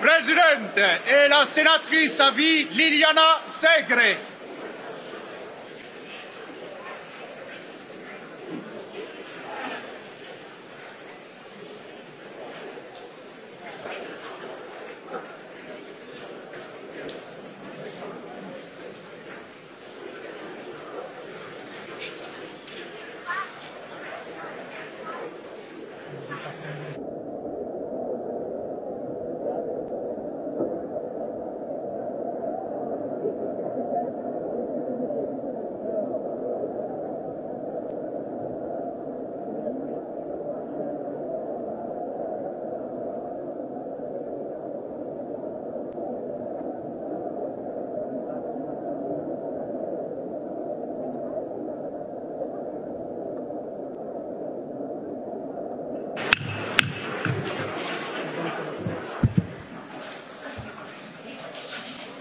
presidente e la senatrice a vita Liliana Segre.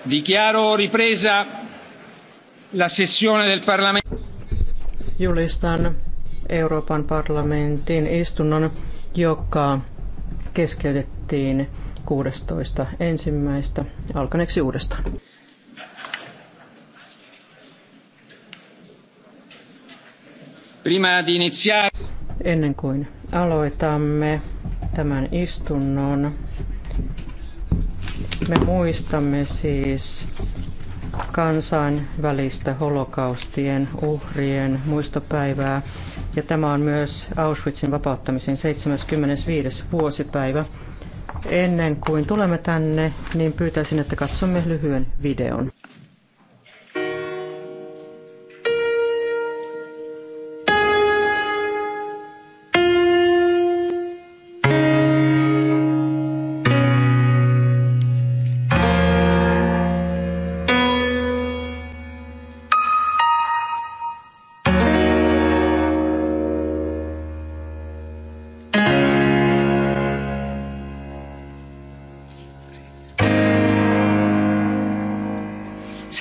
Dichiaro ripresa la sessione del Parlamento. Julistan Euroopan parlamentin istunnon, joka keskeytettiin 16. ensimmäistä alkaneeksi uudestaan. Prima di iniziare. Ennen kuin aloitamme tämän istunnon, me muistamme siis kansainvälistä holokaustien uhrien muistopäivää. Ja tämä on myös Auschwitzin vapauttamisen 75. vuosipäivä. Ennen kuin tulemme tänne, niin pyytäisin, että katsomme lyhyen videon.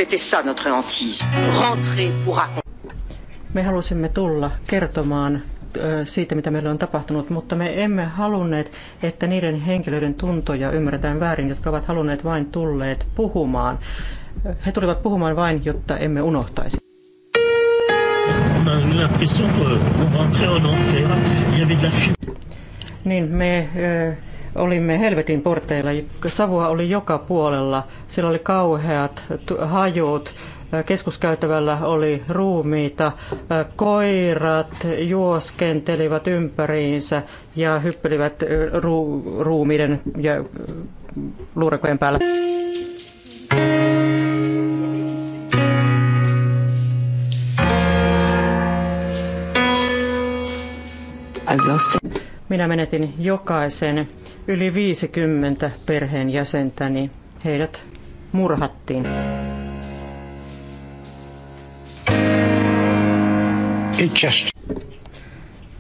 C'était ça notre hantise. Rentrer pour raconter. Me halusimme tulla kertomaan siitä, mitä meillä on tapahtunut, mutta me emme halunneet, että niiden henkilöiden tuntoja ymmärretään väärin, jotka ovat halunneet vain tulleet puhumaan. He tulivat puhumaan vain, jotta emme unohtaisi. Niin me olimme helvetin porteilla. Savua oli joka puolella. Siellä oli kauheat hajut. Keskuskäytävällä oli ruumiita, koirat juoskentelivat ympäriinsä ja hyppelivät ru- ruumiiden ja luurekojen päällä. I've lost it. Minä menetin jokaisen yli 50 perheenjäsentäni. Heidät murhattiin. It just...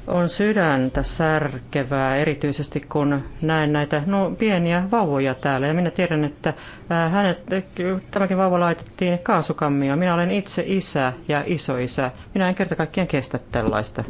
On sydäntä särkevää, erityisesti kun näen näitä no, pieniä vauvoja täällä. Ja minä tiedän, että hänet, tämäkin vauva laitettiin kaasukammioon. Minä olen itse isä ja isoisä. Minä en kerta kaikkiaan kestä tällaista.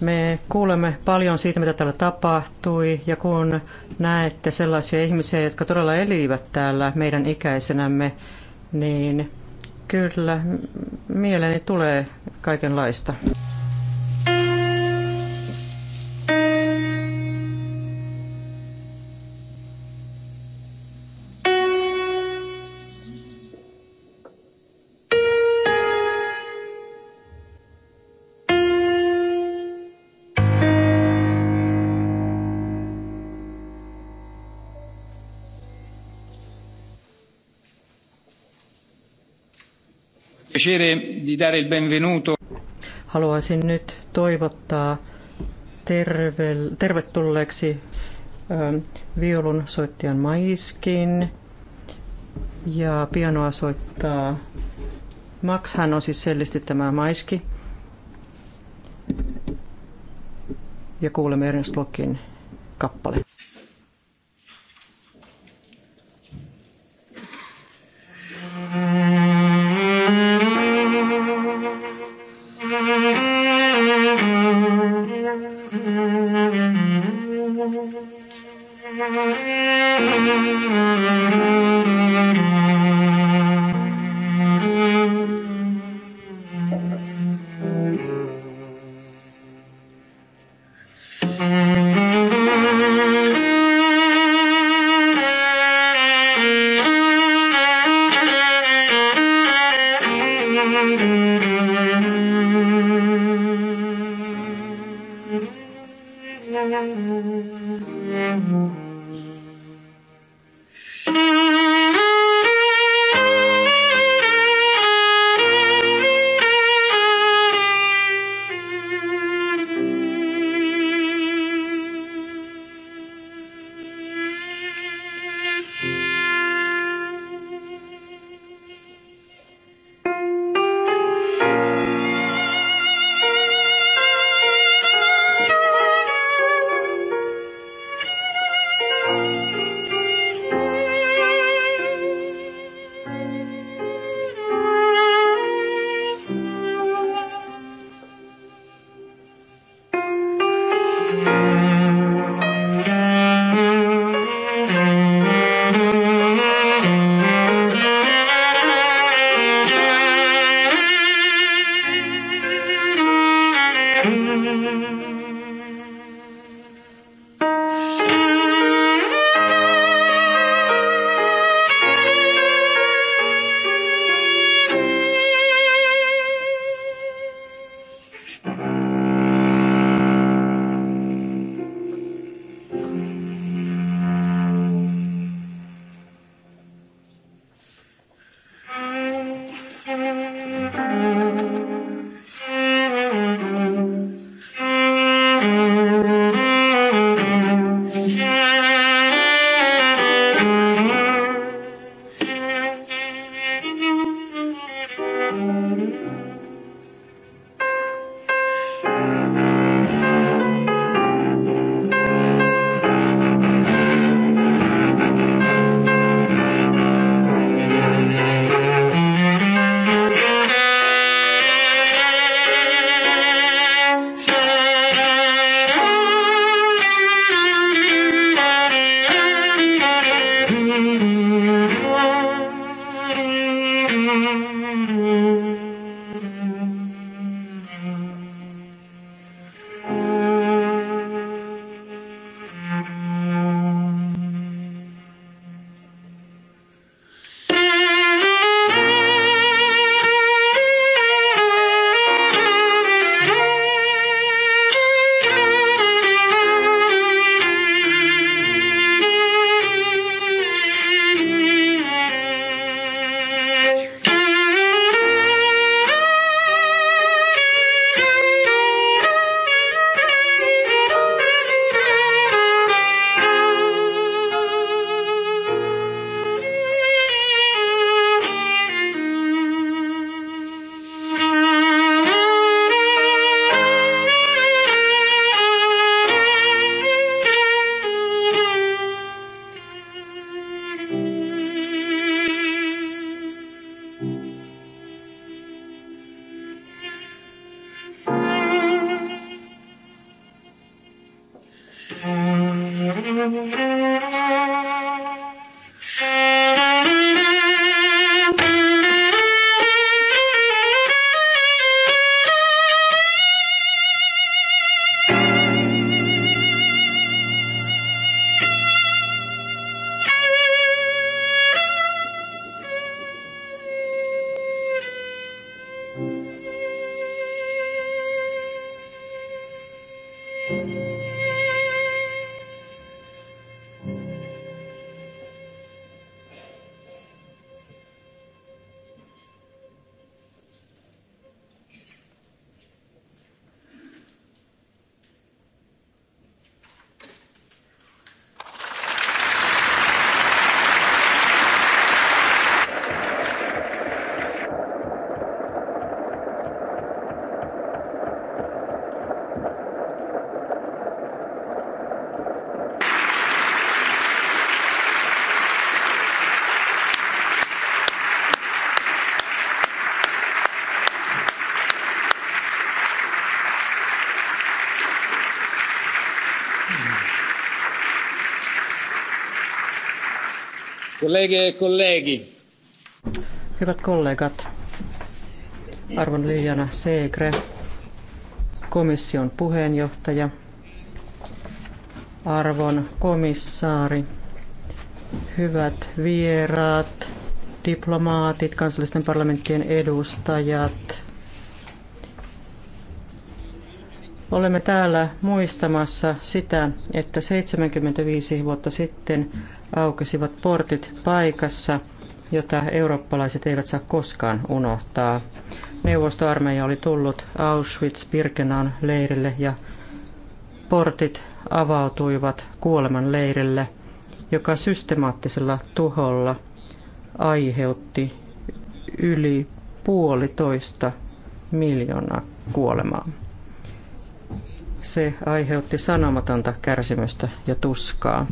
me kuulemme paljon siitä, mitä täällä tapahtui, ja kun näette sellaisia ihmisiä, jotka todella elivät täällä meidän ikäisenämme, niin kyllä, mieleeni tulee kaikenlaista. piacere di dare il benvenuto. Haluaisin nyt toivottaa terve, tervetulleeksi viulun soittajan Maiskin ja pianoa soittaa Max. Hän on siis sellisti tämä Maiski. Ja kuulemme Ernst Blockin kappale. kollegi. E hyvät kollegat, arvon Liljana Segre, komission puheenjohtaja, arvon komissaari, hyvät vieraat, diplomaatit, kansallisten parlamenttien edustajat. Olemme täällä muistamassa sitä, että 75 vuotta sitten aukesivat portit paikassa, jota eurooppalaiset eivät saa koskaan unohtaa. Neuvostoarmeija oli tullut Auschwitz-Birkenau leirille ja portit avautuivat kuoleman leirille, joka systemaattisella tuholla aiheutti yli puolitoista miljoonaa kuolemaa. Se aiheutti sanomatonta kärsimystä ja tuskaa.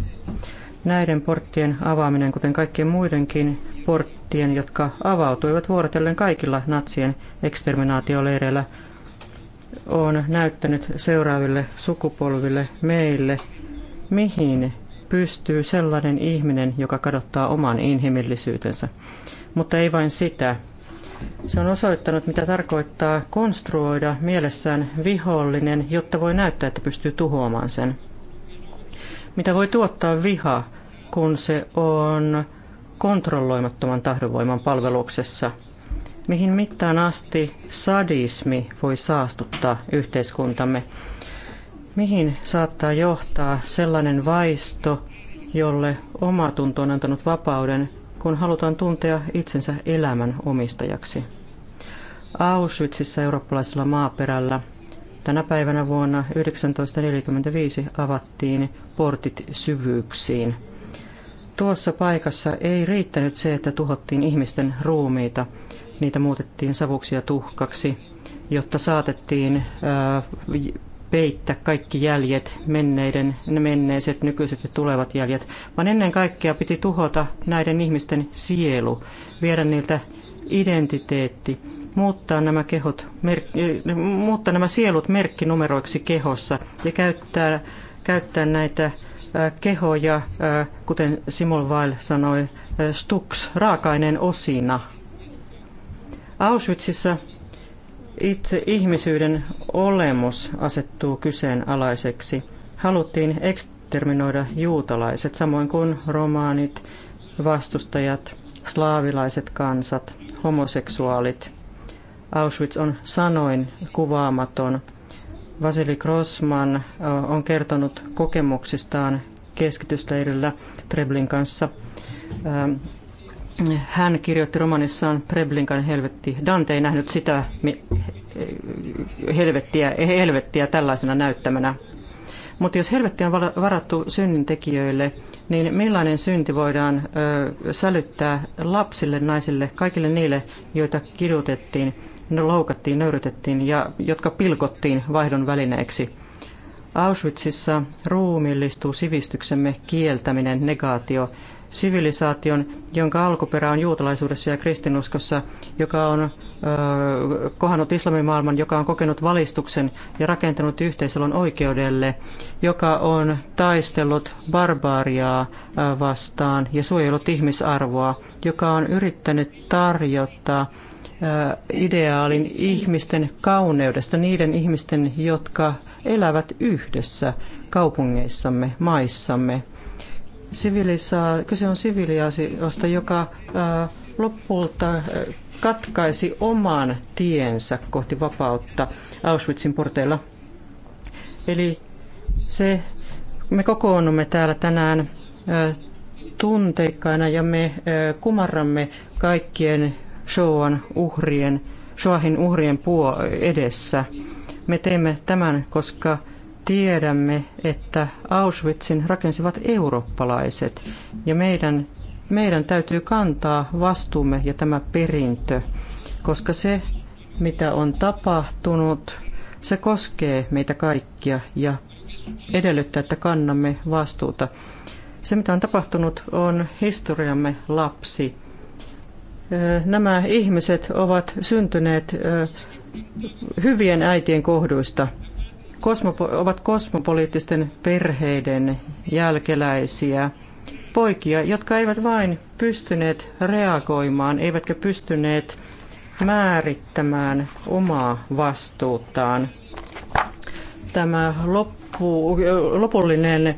Näiden porttien avaaminen, kuten kaikkien muidenkin porttien, jotka avautuivat vuorotellen kaikilla natsien eksterminaatioleireillä, on näyttänyt seuraaville sukupolville meille, mihin pystyy sellainen ihminen, joka kadottaa oman inhimillisyytensä. Mutta ei vain sitä. Se on osoittanut, mitä tarkoittaa konstruoida mielessään vihollinen, jotta voi näyttää, että pystyy tuhoamaan sen. Mitä voi tuottaa viha, kun se on kontrolloimattoman tahdonvoiman palveluksessa. Mihin mittaan asti sadismi voi saastuttaa yhteiskuntamme? Mihin saattaa johtaa sellainen vaisto, jolle tunto on antanut vapauden, kun halutaan tuntea itsensä elämän omistajaksi? Auschwitzissa eurooppalaisella maaperällä tänä päivänä vuonna 1945 avattiin portit syvyyksiin – Tuossa paikassa ei riittänyt se, että tuhottiin ihmisten ruumiita. Niitä muutettiin savuksi ja tuhkaksi, jotta saatettiin peittää kaikki jäljet, menneiden, ne menneiset, nykyiset ja tulevat jäljet, vaan ennen kaikkea piti tuhota näiden ihmisten sielu, viedä niiltä identiteetti, muuttaa nämä, kehot, mer, muuttaa nämä sielut merkkinumeroiksi kehossa ja käyttää, käyttää näitä kehoja, kuten Simulvail sanoi, Stux raakainen osina. Auschwitzissa itse ihmisyyden olemus asettuu kyseenalaiseksi. Haluttiin eksterminoida juutalaiset, samoin kuin romaanit, vastustajat, slaavilaiset kansat, homoseksuaalit. Auschwitz on sanoin kuvaamaton Vasili Grossman on kertonut kokemuksistaan keskitysleirillä Treblin kanssa. Hän kirjoitti romanissaan Treblinkan helvetti. Dante ei nähnyt sitä helvettiä, helvettiä tällaisena näyttämänä. Mutta jos helvetti on varattu synnintekijöille, niin millainen synti voidaan ö, sälyttää lapsille, naisille, kaikille niille, joita kidutettiin? ne loukattiin, nöyrytettiin ja jotka pilkottiin vaihdon välineeksi. Auschwitzissa ruumiillistuu sivistyksemme kieltäminen, negaatio, sivilisaation, jonka alkuperä on juutalaisuudessa ja kristinuskossa, joka on ö, kohannut islamimaailman, joka on kokenut valistuksen ja rakentanut yhteisölon oikeudelle, joka on taistellut barbaariaa vastaan ja suojellut ihmisarvoa, joka on yrittänyt tarjota ideaalin ihmisten kauneudesta, niiden ihmisten, jotka elävät yhdessä kaupungeissamme, maissamme. Sivilisaa, kyse on siviliasiosta, joka lopulta katkaisi oman tiensä kohti vapautta Auschwitzin porteilla. Eli se, me kokoonnumme täällä tänään tunteikkaina ja me kumarramme kaikkien Shoan uhrien, Shoahin uhrien puo edessä. Me teemme tämän, koska tiedämme, että Auschwitzin rakensivat eurooppalaiset ja meidän, meidän täytyy kantaa vastuumme ja tämä perintö, koska se, mitä on tapahtunut, se koskee meitä kaikkia ja edellyttää, että kannamme vastuuta. Se, mitä on tapahtunut, on historiamme lapsi Nämä ihmiset ovat syntyneet hyvien äitien kohduista, Kosmopo ovat kosmopoliittisten perheiden jälkeläisiä poikia, jotka eivät vain pystyneet reagoimaan, eivätkä pystyneet määrittämään omaa vastuuttaan. Tämä loppu, lopullinen,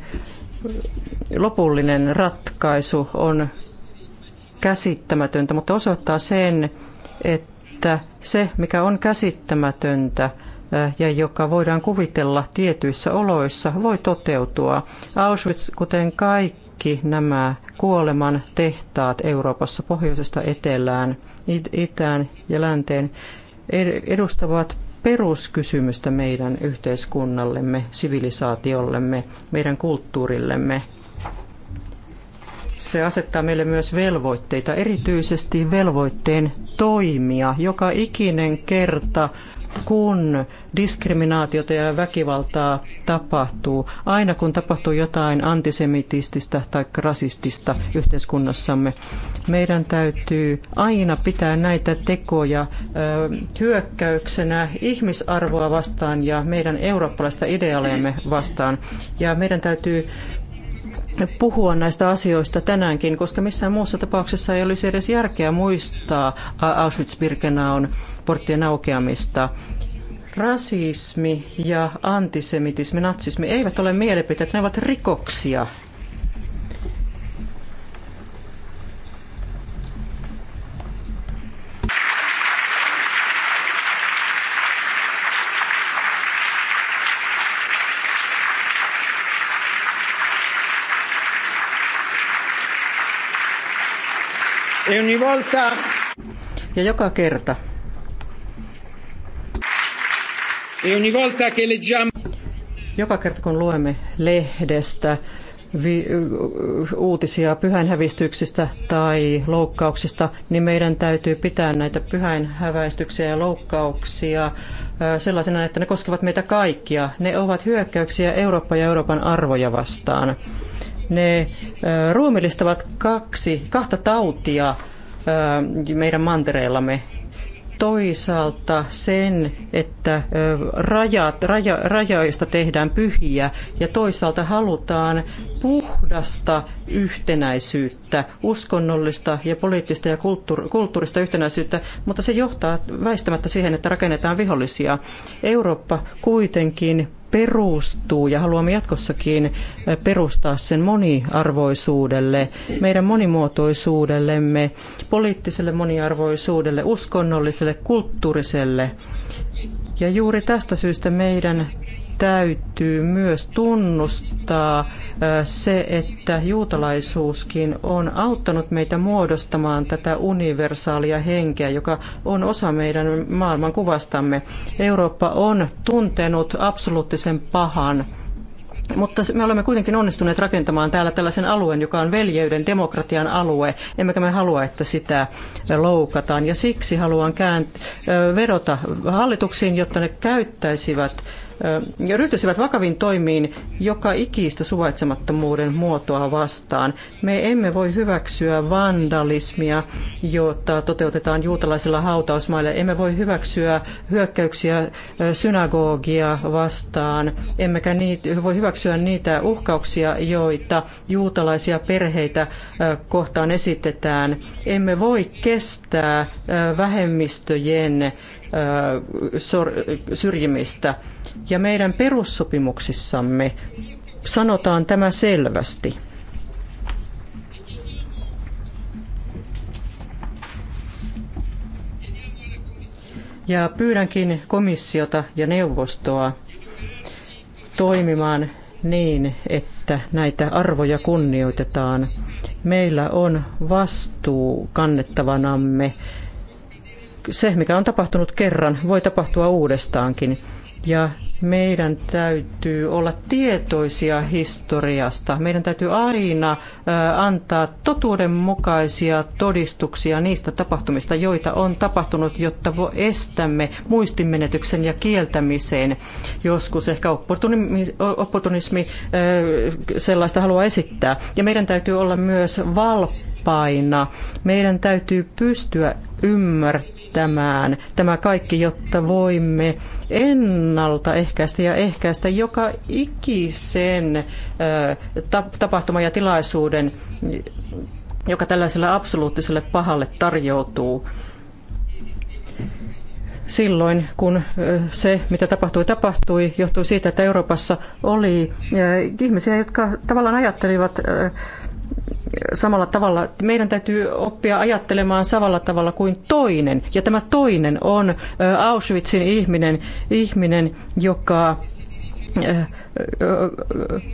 lopullinen ratkaisu on käsittämätöntä, mutta osoittaa sen, että se, mikä on käsittämätöntä äh, ja joka voidaan kuvitella tietyissä oloissa, voi toteutua. Auschwitz, kuten kaikki nämä kuoleman tehtaat Euroopassa pohjoisesta etelään, itään ja länteen, edustavat peruskysymystä meidän yhteiskunnallemme, sivilisaatiollemme, meidän kulttuurillemme – se asettaa meille myös velvoitteita, erityisesti velvoitteen toimia joka ikinen kerta, kun diskriminaatiota ja väkivaltaa tapahtuu, aina kun tapahtuu jotain antisemitististä tai rasistista yhteiskunnassamme, meidän täytyy aina pitää näitä tekoja hyökkäyksenä ihmisarvoa vastaan ja meidän eurooppalaista ideaalejamme vastaan. Ja meidän täytyy puhua näistä asioista tänäänkin, koska missään muussa tapauksessa ei olisi edes järkeä muistaa Auschwitz-Birkenaun porttien aukeamista. Rasismi ja antisemitismi, natsismi eivät ole mielipiteet, ne ovat rikoksia E ogni volta... Ja joka kerta. E ogni volta che leggiamo... Joka kerta kun luemme lehdestä vi- uutisia pyhäinhävistyksistä tai loukkauksista, niin meidän täytyy pitää näitä pyhäinhäväistyksiä ja loukkauksia sellaisena, että ne koskevat meitä kaikkia. Ne ovat hyökkäyksiä Eurooppa ja Euroopan arvoja vastaan. Ne ruumillistavat kaksi, kahta tautia meidän mantereillamme. Toisaalta sen, että rajat, raja, rajoista tehdään pyhiä ja toisaalta halutaan puhdasta yhtenäisyyttä, uskonnollista ja poliittista ja kulttuur, kulttuurista yhtenäisyyttä, mutta se johtaa väistämättä siihen, että rakennetaan vihollisia. Eurooppa kuitenkin perustuu ja haluamme jatkossakin perustaa sen moniarvoisuudelle, meidän monimuotoisuudellemme, poliittiselle moniarvoisuudelle, uskonnolliselle, kulttuuriselle. Ja juuri tästä syystä meidän täytyy myös tunnustaa se, että juutalaisuuskin on auttanut meitä muodostamaan tätä universaalia henkeä, joka on osa meidän maailmankuvastamme. Eurooppa on tuntenut absoluuttisen pahan mutta me olemme kuitenkin onnistuneet rakentamaan täällä tällaisen alueen, joka on veljeyden demokratian alue, emmekä me halua, että sitä loukataan. Ja siksi haluan käänt- vedota hallituksiin, jotta ne käyttäisivät ja ryhtyisivät vakaviin toimiin joka ikistä suvaitsemattomuuden muotoa vastaan. Me emme voi hyväksyä vandalismia, jota toteutetaan juutalaisilla hautausmailla. Emme voi hyväksyä hyökkäyksiä synagogia vastaan. Emmekä niitä, voi hyväksyä niitä uhkauksia, joita juutalaisia perheitä kohtaan esitetään. Emme voi kestää vähemmistöjen syrjimistä. Ja meidän perussopimuksissamme sanotaan tämä selvästi. Ja pyydänkin komissiota ja neuvostoa toimimaan niin, että näitä arvoja kunnioitetaan. Meillä on vastuu kannettavanamme se, mikä on tapahtunut kerran, voi tapahtua uudestaankin. Ja meidän täytyy olla tietoisia historiasta. Meidän täytyy aina antaa totuudenmukaisia todistuksia niistä tapahtumista, joita on tapahtunut, jotta estämme muistinmenetyksen ja kieltämiseen. Joskus ehkä opportunismi, opportunismi sellaista haluaa esittää. Ja meidän täytyy olla myös valppaina. Meidän täytyy pystyä ymmärtämään välttämään tämä kaikki, jotta voimme ennaltaehkäistä ja ehkäistä joka ikisen tapahtuman ja tilaisuuden, joka tällaiselle absoluuttiselle pahalle tarjoutuu silloin, kun se, mitä tapahtui, tapahtui, johtui siitä, että Euroopassa oli ihmisiä, jotka tavallaan ajattelivat samalla tavalla. Meidän täytyy oppia ajattelemaan samalla tavalla kuin toinen. Ja tämä toinen on Auschwitzin ihminen, ihminen joka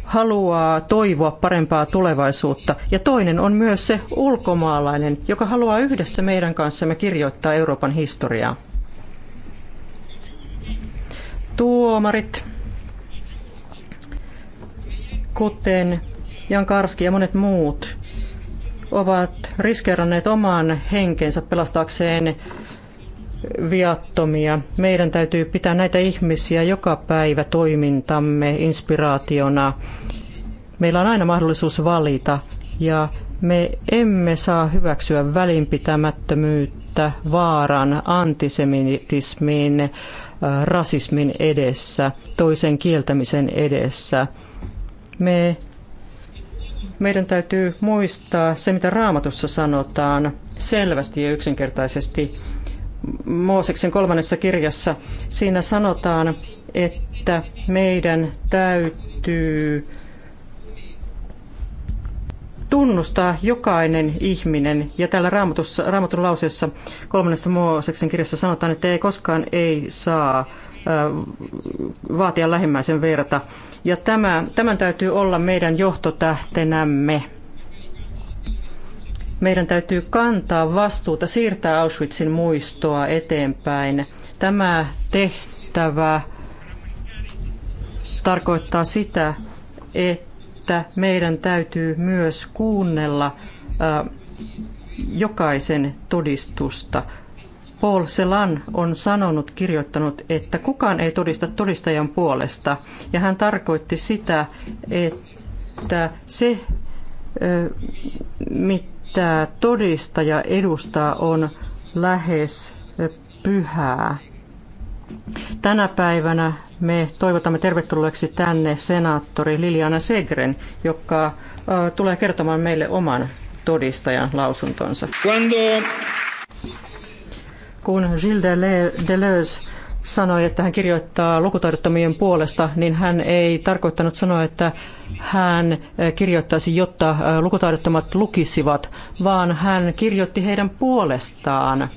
haluaa toivoa parempaa tulevaisuutta. Ja toinen on myös se ulkomaalainen, joka haluaa yhdessä meidän kanssamme kirjoittaa Euroopan historiaa. Tuomarit, kuten Jan Karski ja monet muut ovat riskeeranneet oman henkensä pelastaakseen viattomia. Meidän täytyy pitää näitä ihmisiä joka päivä toimintamme inspiraationa. Meillä on aina mahdollisuus valita ja me emme saa hyväksyä välinpitämättömyyttä vaaran, antisemitismin, äh, rasismin edessä, toisen kieltämisen edessä. Me meidän täytyy muistaa se, mitä raamatussa sanotaan selvästi ja yksinkertaisesti. Mooseksen kolmannessa kirjassa siinä sanotaan, että meidän täytyy tunnustaa jokainen ihminen. Ja täällä raamatussa, raamatun lauseessa kolmannessa Mooseksen kirjassa sanotaan, että ei koskaan ei saa vaatia lähimmäisen verta. Ja tämä, tämän täytyy olla meidän johtotähtenämme. Meidän täytyy kantaa vastuuta, siirtää Auschwitzin muistoa eteenpäin. Tämä tehtävä tarkoittaa sitä, että meidän täytyy myös kuunnella jokaisen todistusta, Paul Celan on sanonut, kirjoittanut, että kukaan ei todista todistajan puolesta. Ja hän tarkoitti sitä, että se, mitä todistaja edustaa, on lähes pyhää. Tänä päivänä me toivotamme tervetulleeksi tänne senaattori Liliana Segren, joka tulee kertomaan meille oman todistajan lausuntonsa. Quando... Kun Gilles Deleuze sanoi, että hän kirjoittaa lukutaidottomien puolesta, niin hän ei tarkoittanut sanoa, että hän eh, kirjoittaisi, jotta eh, lukutaidottomat lukisivat, vaan hän kirjoitti heidän puolestaan –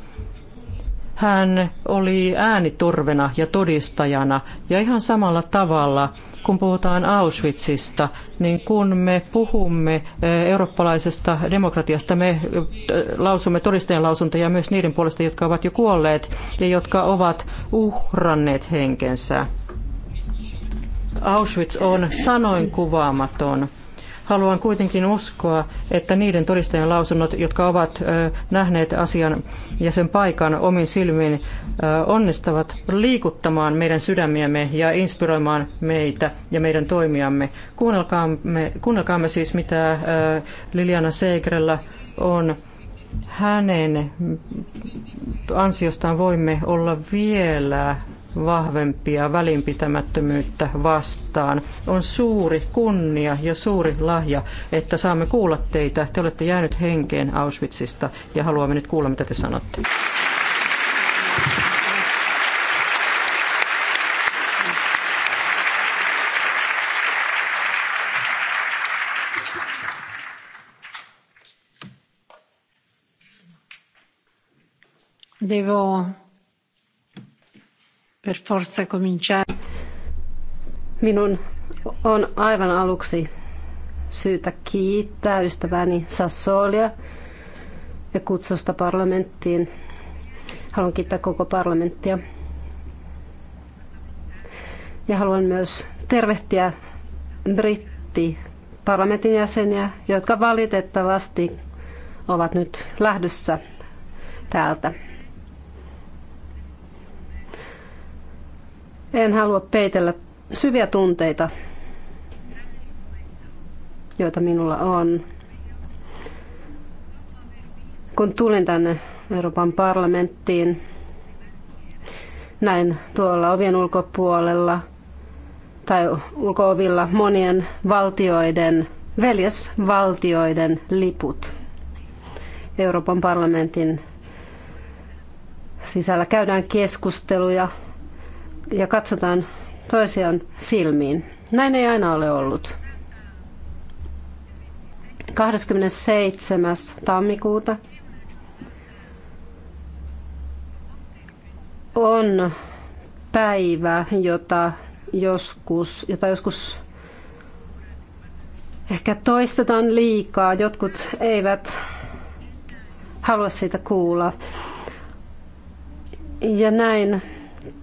hän oli ääniturvena ja todistajana. Ja ihan samalla tavalla, kun puhutaan Auschwitzista, niin kun me puhumme eh, eurooppalaisesta demokratiasta, me eh, lausumme todistajan lausuntoja myös niiden puolesta, jotka ovat jo kuolleet ja jotka ovat uhranneet henkensä. Auschwitz on sanoin kuvaamaton Haluan kuitenkin uskoa, että niiden todistajien lausunnot, jotka ovat nähneet asian ja sen paikan omin silmin, onnistavat liikuttamaan meidän sydämiämme ja inspiroimaan meitä ja meidän toimiamme. Kuunnelkaamme, kuunnelkaamme siis, mitä Liliana Seigrellä on hänen ansiostaan voimme olla vielä vahvempia välinpitämättömyyttä vastaan. On suuri kunnia ja suuri lahja, että saamme kuulla teitä. Te olette jäänyt henkeen Auschwitzista ja haluamme nyt kuulla, mitä te sanotte. Devo Per forza cominciare. Minun on aivan aluksi syytä kiittää ystäväni Sassolia ja kutsusta parlamenttiin. Haluan kiittää koko parlamenttia. Ja haluan myös tervehtiä britti parlamentin jäseniä, jotka valitettavasti ovat nyt lähdössä täältä. En halua peitellä syviä tunteita, joita minulla on. Kun tulin tänne Euroopan parlamenttiin, näin tuolla ovien ulkopuolella tai ulkoovilla monien valtioiden, veljesvaltioiden liput. Euroopan parlamentin sisällä käydään keskusteluja ja katsotaan toisiaan silmiin. Näin ei aina ole ollut. 27. tammikuuta on päivä, jota joskus, jota joskus ehkä toistetaan liikaa. Jotkut eivät halua siitä kuulla. Ja näin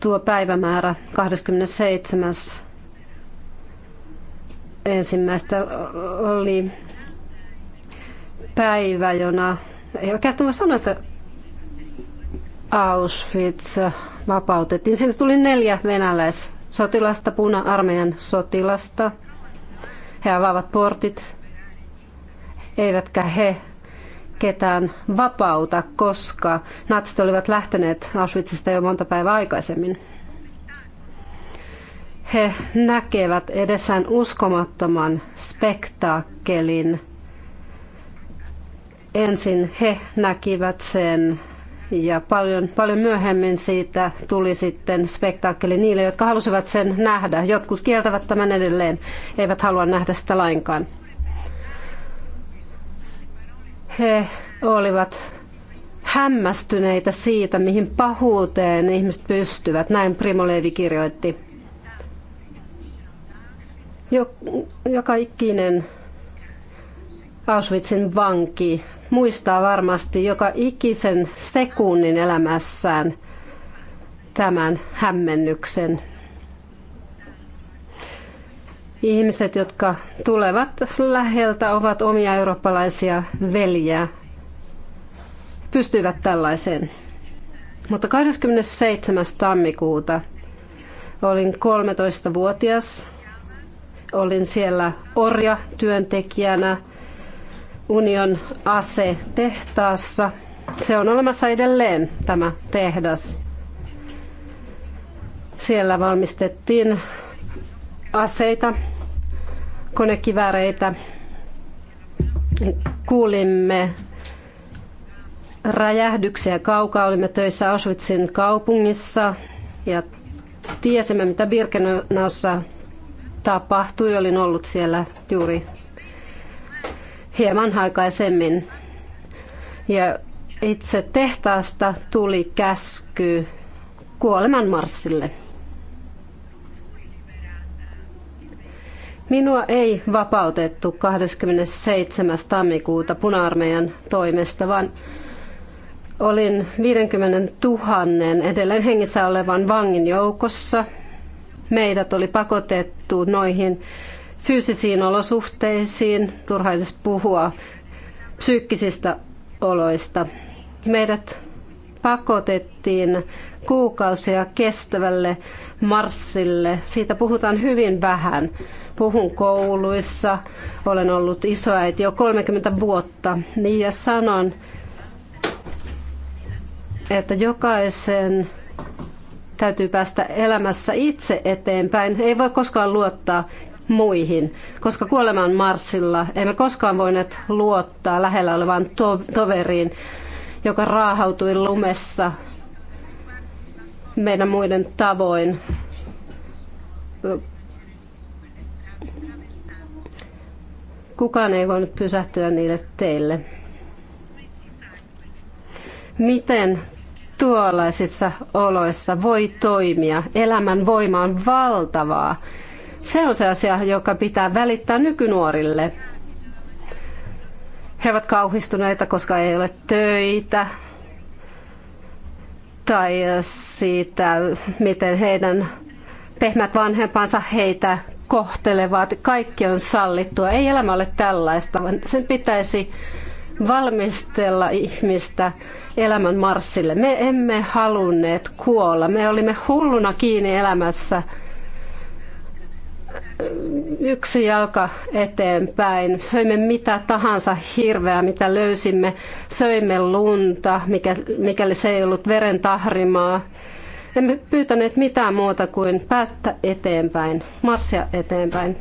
tuo päivämäärä 27. ensimmäistä oli päivä, jona ei oikeastaan voi sanoa, että Auschwitz vapautettiin. Sinne tuli neljä venäläissotilasta, puna-armeijan sotilasta. He avaavat portit, eivätkä he ketään vapauta, koska natsit olivat lähteneet Auschwitzista jo monta päivää aikaisemmin. He näkevät edessään uskomattoman spektaakkelin. Ensin he näkivät sen ja paljon, paljon myöhemmin siitä tuli sitten spektaakkeli niille, jotka halusivat sen nähdä. Jotkut kieltävät tämän edelleen, eivät halua nähdä sitä lainkaan. He olivat hämmästyneitä siitä, mihin pahuuteen ihmiset pystyvät. Näin Primo Levi kirjoitti. Joka ikinen Auschwitzin vanki muistaa varmasti joka ikisen sekunnin elämässään tämän hämmennyksen ihmiset, jotka tulevat läheltä, ovat omia eurooppalaisia veljiä, pystyvät tällaiseen. Mutta 27. tammikuuta olin 13-vuotias. Olin siellä orja työntekijänä Union Ase-tehtaassa. Se on olemassa edelleen tämä tehdas. Siellä valmistettiin aseita konekivääreitä. Kuulimme räjähdyksiä kaukaa. Olimme töissä Auschwitzin kaupungissa ja tiesimme, mitä Birkenaussa tapahtui. Olin ollut siellä juuri hieman aikaisemmin. Ja itse tehtaasta tuli käsky kuoleman marssille. Minua ei vapautettu 27. tammikuuta puna-armeijan toimesta, vaan olin 50 000 edelleen hengissä olevan vangin joukossa. Meidät oli pakotettu noihin fyysisiin olosuhteisiin, turha edes puhua psyykkisistä oloista. Meidät pakotettiin kuukausia kestävälle marssille. Siitä puhutaan hyvin vähän. Puhun kouluissa, olen ollut isoäiti jo 30 vuotta niin ja sanon, että jokaisen täytyy päästä elämässä itse eteenpäin. Ei voi koskaan luottaa muihin, koska kuoleman marssilla emme koskaan voineet luottaa lähellä olevaan to- toveriin, joka raahautui lumessa meidän muiden tavoin. Kukaan ei voinut pysähtyä niille teille. Miten tuollaisissa oloissa voi toimia? Elämän voima on valtavaa. Se on se asia, joka pitää välittää nykynuorille. He ovat kauhistuneita, koska ei ole töitä tai siitä, miten heidän pehmät vanhempansa heitä kohtelevat. Kaikki on sallittua. Ei elämä ole tällaista, vaan sen pitäisi valmistella ihmistä elämän marssille. Me emme halunneet kuolla. Me olimme hulluna kiinni elämässä – yksi jalka eteenpäin. Söimme mitä tahansa hirveää, mitä löysimme. Söimme lunta, mikä, mikäli se ei ollut veren tahrimaa. Emme pyytäneet mitään muuta kuin päästä eteenpäin, marssia eteenpäin.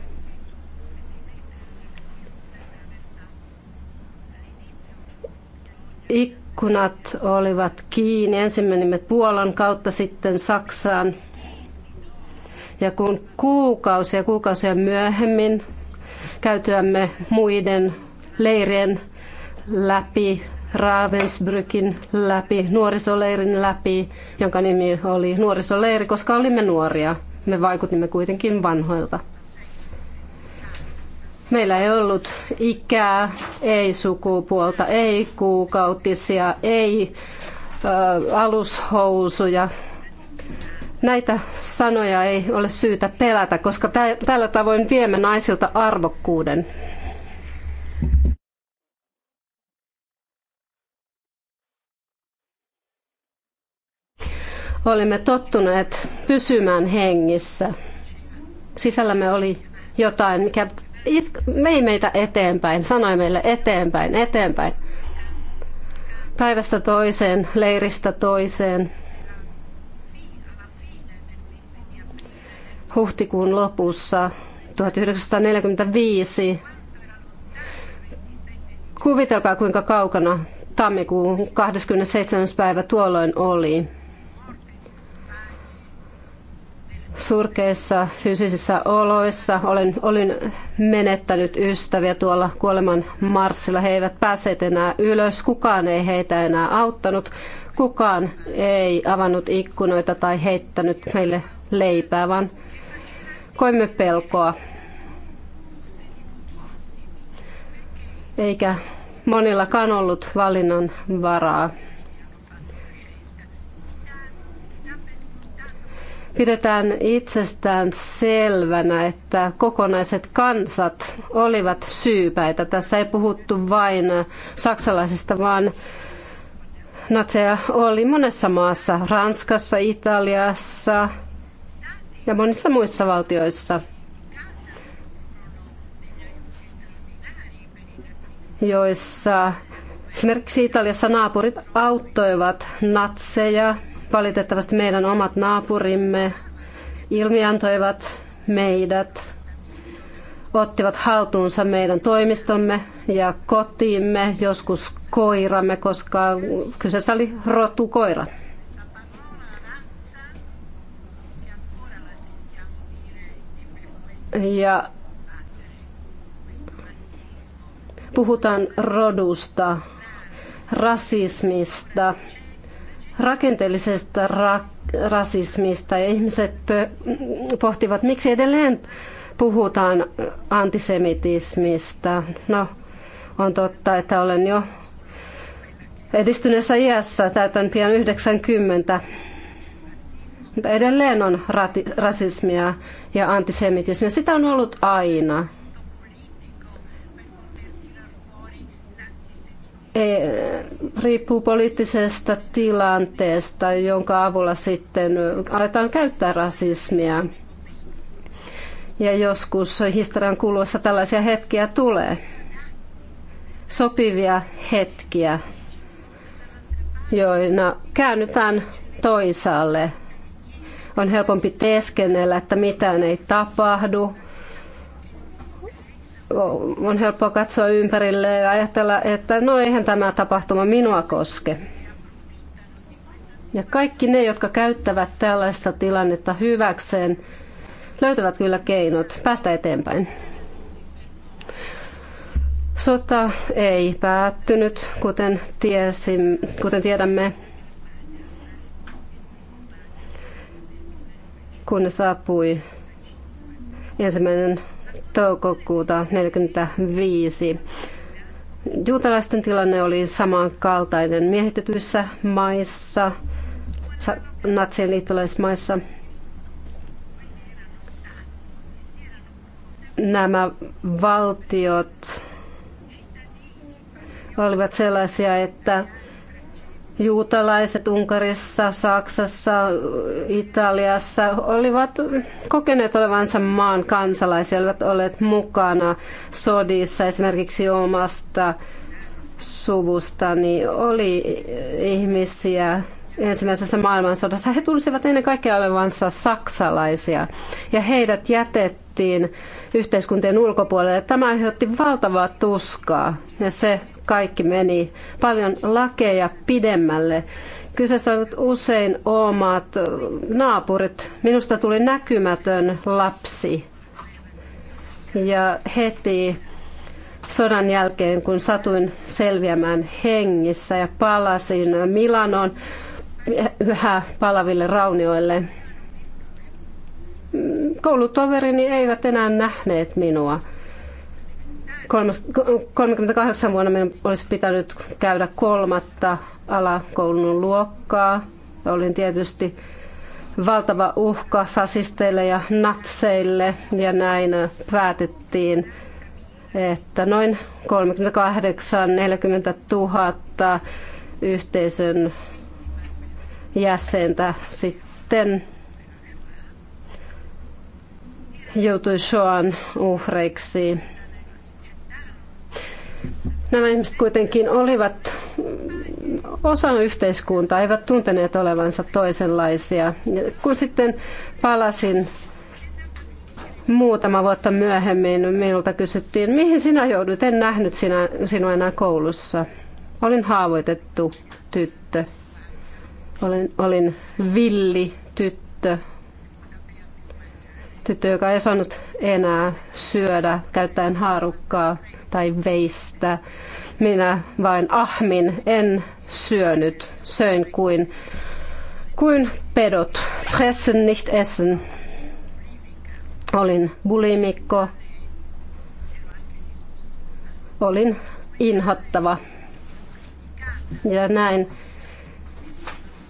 Ikkunat olivat kiinni. Ensin menimme Puolan kautta sitten Saksaan. Ja kun kuukausia kuukausia myöhemmin käytyämme muiden leirien läpi, Ravensbrückin läpi, nuorisoleirin läpi, jonka nimi oli nuorisoleiri, koska olimme nuoria. Me vaikutimme kuitenkin vanhoilta. Meillä ei ollut ikää, ei sukupuolta, ei kuukautisia, ei ä, alushousuja, Näitä sanoja ei ole syytä pelätä, koska tällä tavoin viemme naisilta arvokkuuden. Olimme tottuneet pysymään hengissä. Sisällämme oli jotain, mikä vei meitä eteenpäin, sanoi meille eteenpäin, eteenpäin. Päivästä toiseen, leiristä toiseen – huhtikuun lopussa 1945. Kuvitelkaa kuinka kaukana tammikuun 27. päivä tuolloin oli. Surkeissa fyysisissä oloissa olen, olin menettänyt ystäviä tuolla kuoleman marssilla. He eivät päässeet enää ylös, kukaan ei heitä enää auttanut, kukaan ei avannut ikkunoita tai heittänyt meille leipää, vaan koimme pelkoa. Eikä monillakaan ollut valinnan varaa. Pidetään itsestään selvänä, että kokonaiset kansat olivat syypäitä. Tässä ei puhuttu vain saksalaisista, vaan natseja oli monessa maassa, Ranskassa, Italiassa, ja monissa muissa valtioissa, joissa esimerkiksi Italiassa naapurit auttoivat natseja. Valitettavasti meidän omat naapurimme ilmiantoivat meidät, ottivat haltuunsa meidän toimistomme ja kotiimme, joskus koiramme, koska kyseessä oli rotukoira. koira. Ja puhutaan rodusta, rasismista, rakenteellisesta ra- rasismista ja ihmiset pohtivat, miksi edelleen puhutaan antisemitismista. No, on totta, että olen jo edistyneessä iässä, täytän pian 90 mutta edelleen on rati- rasismia ja antisemitismia. Sitä on ollut aina. E, riippuu poliittisesta tilanteesta, jonka avulla sitten aletaan käyttää rasismia. Ja joskus historian kuluessa tällaisia hetkiä tulee. Sopivia hetkiä, joina käännytään toisaalle – on helpompi teeskennellä, että mitään ei tapahdu. On helppoa katsoa ympärille ja ajatella, että no eihän tämä tapahtuma minua koske. Ja kaikki ne, jotka käyttävät tällaista tilannetta hyväkseen, löytävät kyllä keinot päästä eteenpäin. Sota ei päättynyt, kuten, tiesim, kuten tiedämme. kun saapui ensimmäinen toukokuuta 1945. Juutalaisten tilanne oli samankaltainen miehitetyissä maissa, natsien liittolaismaissa. Nämä valtiot olivat sellaisia, että juutalaiset Unkarissa, Saksassa, Italiassa olivat kokeneet olevansa maan kansalaisia, olivat olleet mukana sodissa esimerkiksi omasta suvustani oli ihmisiä ensimmäisessä maailmansodassa. He tulisivat ennen kaikkea olevansa saksalaisia ja heidät jätettiin yhteiskuntien ulkopuolelle. Tämä aiheutti valtavaa tuskaa ja se kaikki meni paljon lakeja pidemmälle. Kyseessä ovat usein omat naapurit. Minusta tuli näkymätön lapsi. Ja heti sodan jälkeen, kun satuin selviämään hengissä ja palasin Milanon yhä palaville raunioille, koulutoverini eivät enää nähneet minua – 38 vuonna minun olisi pitänyt käydä kolmatta alakoulun luokkaa. Olin tietysti valtava uhka fasisteille ja natseille ja näin päätettiin, että noin 38-40 000 yhteisön jäsentä sitten joutui Shoan uhreiksi. Nämä ihmiset kuitenkin olivat osa yhteiskuntaa, eivät tunteneet olevansa toisenlaisia. Kun sitten palasin muutama vuotta myöhemmin, minulta kysyttiin, mihin sinä joudut, en nähnyt sinä, sinua enää koulussa. Olin haavoitettu tyttö, olin, olin villi tyttö, tyttö, joka ei saanut enää syödä käyttäen haarukkaa tai veistä. Minä vain ahmin, en syönyt, söin kuin, kuin pedot. Fressen, nicht essen. Olin bulimikko. Olin inhottava. Ja näin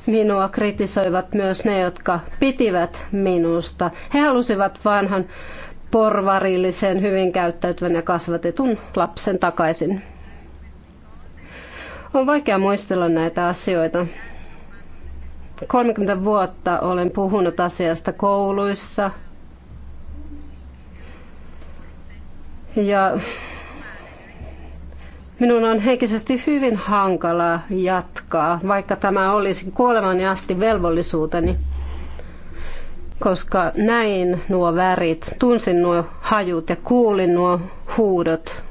Minua kritisoivat myös ne, jotka pitivät minusta. He halusivat vanhan porvarillisen, hyvin käyttäytyvän ja kasvatetun lapsen takaisin. On vaikea muistella näitä asioita. 30 vuotta olen puhunut asiasta kouluissa. Ja Minun on henkisesti hyvin hankala jatkaa, vaikka tämä olisi kuolemani asti velvollisuuteni, koska näin nuo värit, tunsin nuo hajut ja kuulin nuo huudot.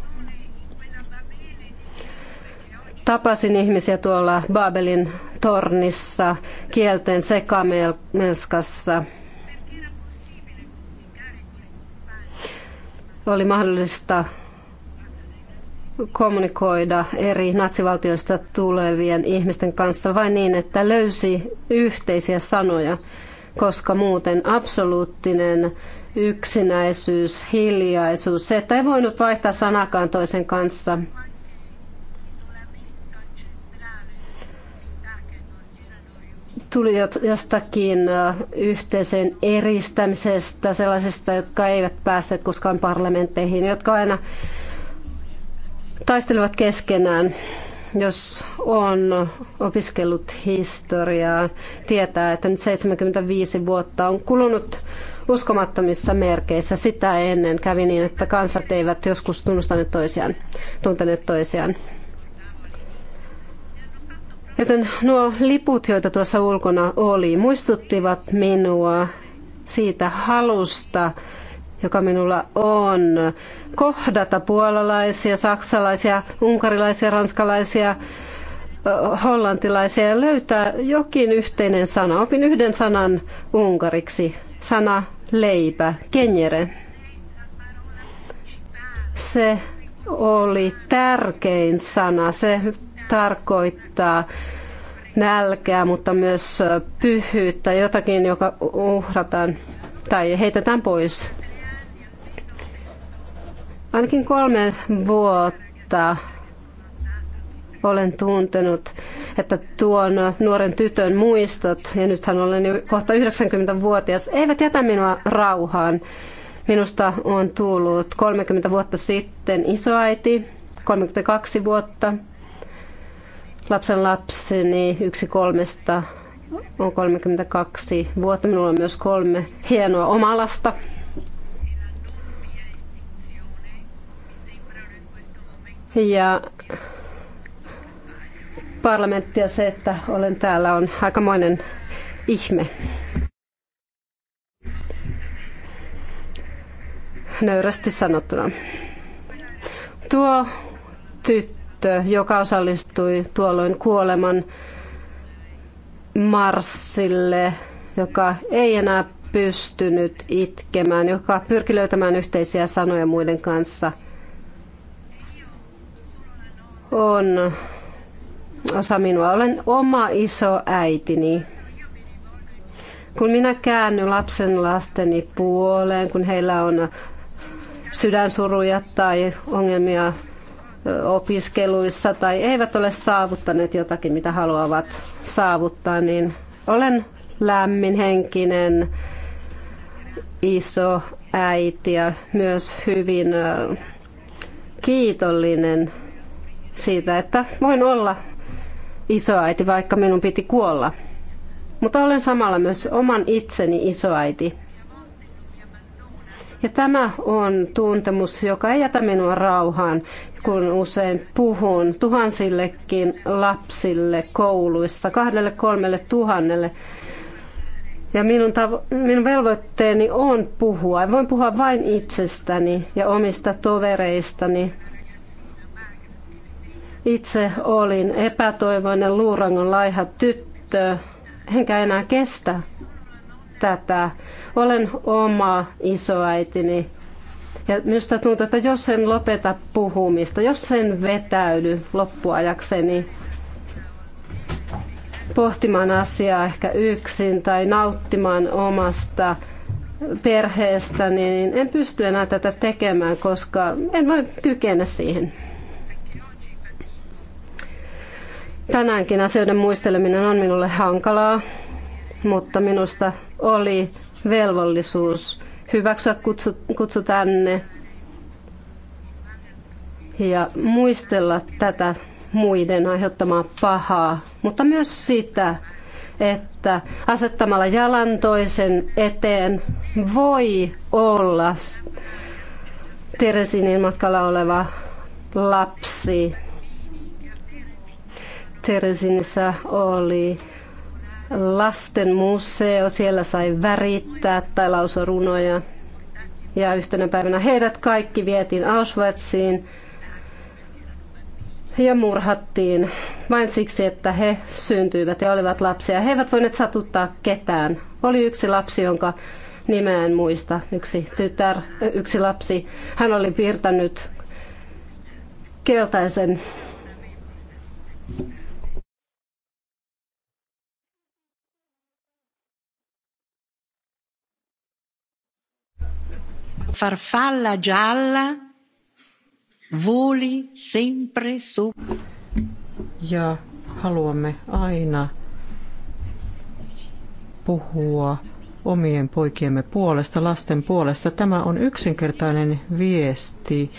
Tapasin ihmisiä tuolla Babelin tornissa, kielten sekamelskassa. Oli mahdollista kommunikoida eri natsivaltioista tulevien ihmisten kanssa vain niin, että löysi yhteisiä sanoja, koska muuten absoluuttinen yksinäisyys, hiljaisuus, se, että ei voinut vaihtaa sanakaan toisen kanssa, tuli jostakin äh, yhteisen eristämisestä, sellaisista, jotka eivät päässeet koskaan parlamentteihin, jotka aina taistelevat keskenään. Jos on opiskellut historiaa, tietää, että nyt 75 vuotta on kulunut uskomattomissa merkeissä. Sitä ennen kävi niin, että kansat eivät joskus tunnustaneet toisiaan, tunteneet toisiaan. Joten nuo liput, joita tuossa ulkona oli, muistuttivat minua siitä halusta joka minulla on, kohdata puolalaisia, saksalaisia, unkarilaisia, ranskalaisia, hollantilaisia ja löytää jokin yhteinen sana. Opin yhden sanan unkariksi. Sana leipä, kenjere. Se oli tärkein sana. Se tarkoittaa nälkää, mutta myös pyhyyttä, jotakin, joka uhrataan tai heitetään pois Ainakin kolme vuotta olen tuntenut, että tuon nuoren tytön muistot, ja nythän olen jo kohta 90-vuotias, eivät jätä minua rauhaan. Minusta on tullut 30 vuotta sitten isoäiti, 32 vuotta. Lapsen lapseni, yksi kolmesta, on 32 vuotta. Minulla on myös kolme hienoa omalasta, ja parlamentti ja se, että olen täällä, on aikamoinen ihme. Nöyrästi sanottuna. Tuo tyttö, joka osallistui tuolloin kuoleman marssille, joka ei enää pystynyt itkemään, joka pyrki löytämään yhteisiä sanoja muiden kanssa – on osa minua. Olen oma iso äitini. Kun minä käänny lapsen lasteni puoleen, kun heillä on sydänsuruja tai ongelmia opiskeluissa tai eivät ole saavuttaneet jotakin, mitä haluavat saavuttaa, niin olen lämminhenkinen, iso äiti ja myös hyvin kiitollinen siitä, että voin olla isoäiti, vaikka minun piti kuolla. Mutta olen samalla myös oman itseni isoäiti. Ja tämä on tuntemus, joka ei jätä minua rauhaan, kun usein puhun tuhansillekin lapsille kouluissa, kahdelle kolmelle tuhannelle. Ja minun, tavo- minun velvoitteeni on puhua. Voin puhua vain itsestäni ja omista tovereistani itse olin epätoivoinen luurangon laiha tyttö, enkä enää kestä tätä. Olen oma isoäitini. Ja minusta tuntuu, että jos en lopeta puhumista, jos en vetäydy loppuajakseni pohtimaan asiaa ehkä yksin tai nauttimaan omasta perheestä, niin en pysty enää tätä tekemään, koska en voi kykene siihen. Tänäänkin asioiden muisteleminen on minulle hankalaa, mutta minusta oli velvollisuus hyväksyä kutsu, kutsu tänne ja muistella tätä muiden aiheuttamaa pahaa, mutta myös sitä, että asettamalla jalan toisen eteen voi olla Teresinin matkalla oleva lapsi Teresinissä oli lasten museo, siellä sai värittää tai lausua runoja. Ja yhtenä päivänä heidät kaikki vietiin Auschwitziin ja murhattiin vain siksi, että he syntyivät ja olivat lapsia. He eivät voineet satuttaa ketään. Oli yksi lapsi, jonka nimeä en muista, yksi tytär, yksi lapsi. Hän oli piirtänyt keltaisen farfalla gialla voli sempre su. Ja haluamme aina puhua omien poikiemme puolesta, lasten puolesta. Tämä on yksinkertainen viesti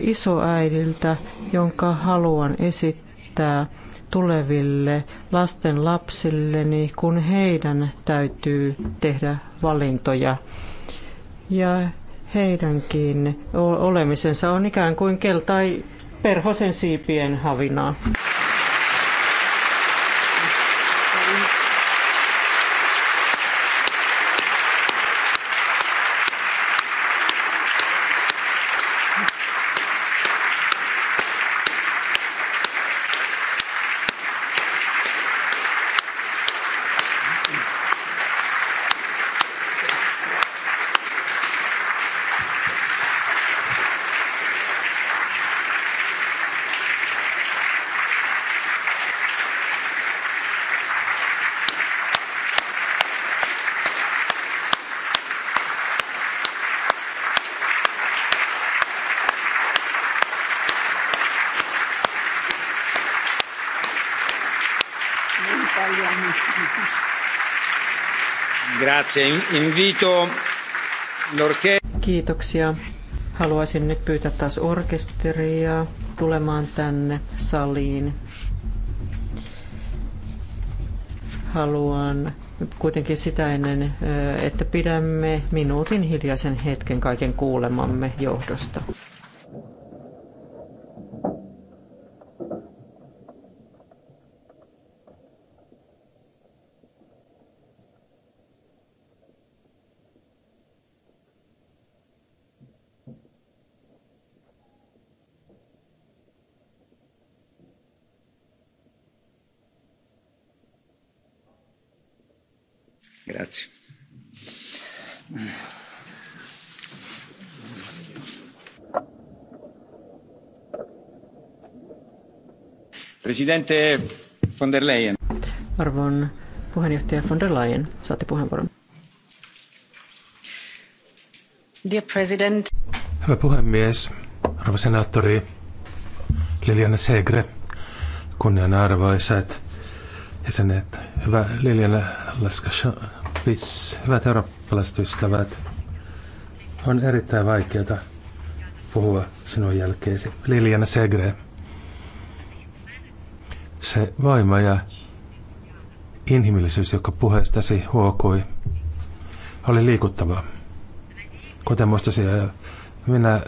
isoäidiltä, jonka haluan esittää tuleville lasten lapsilleni, kun heidän täytyy tehdä valintoja. Ja heidänkin olemisensa on ikään kuin keltai perhosen siipien havinaa. Kiitoksia. Haluaisin nyt pyytää taas orkesteria tulemaan tänne saliin. Haluan kuitenkin sitä ennen, että pidämme minuutin hiljaisen hetken kaiken kuulemamme johdosta. Grazie. Presidente von der Leyen. Arvon puheenjohtaja von der Leyen, saatte puheenvuoron. Dear President. Hyvä puhemies, arvo senaattori Liliana Segre, kunnianarvoisat jäsenet, hyvä Liliana Laskashan Please, hyvät eurooppalaiset ystävät, on erittäin vaikeaa puhua sinun jälkeesi. Liliana Segre. Se voima ja inhimillisyys, joka puheestasi huokui, oli liikuttavaa. Kuten muistasi, minä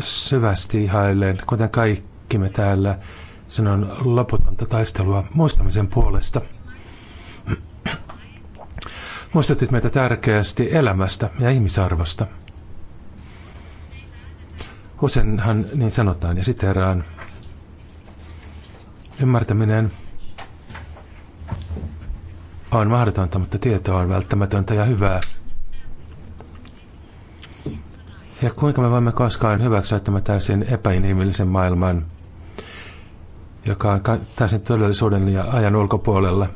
syvästi ihailen, kuten kaikki me täällä, sinun loputonta taistelua muistamisen puolesta – Muistutit meitä tärkeästi elämästä ja ihmisarvosta. Useinhan niin sanotaan ja siteraan. Ymmärtäminen on mahdotonta, mutta tieto on välttämätöntä ja hyvää. Ja kuinka me voimme koskaan hyväksyä tämän täysin epäinhimillisen maailman, joka on täysin todellisuuden ja ajan ulkopuolella.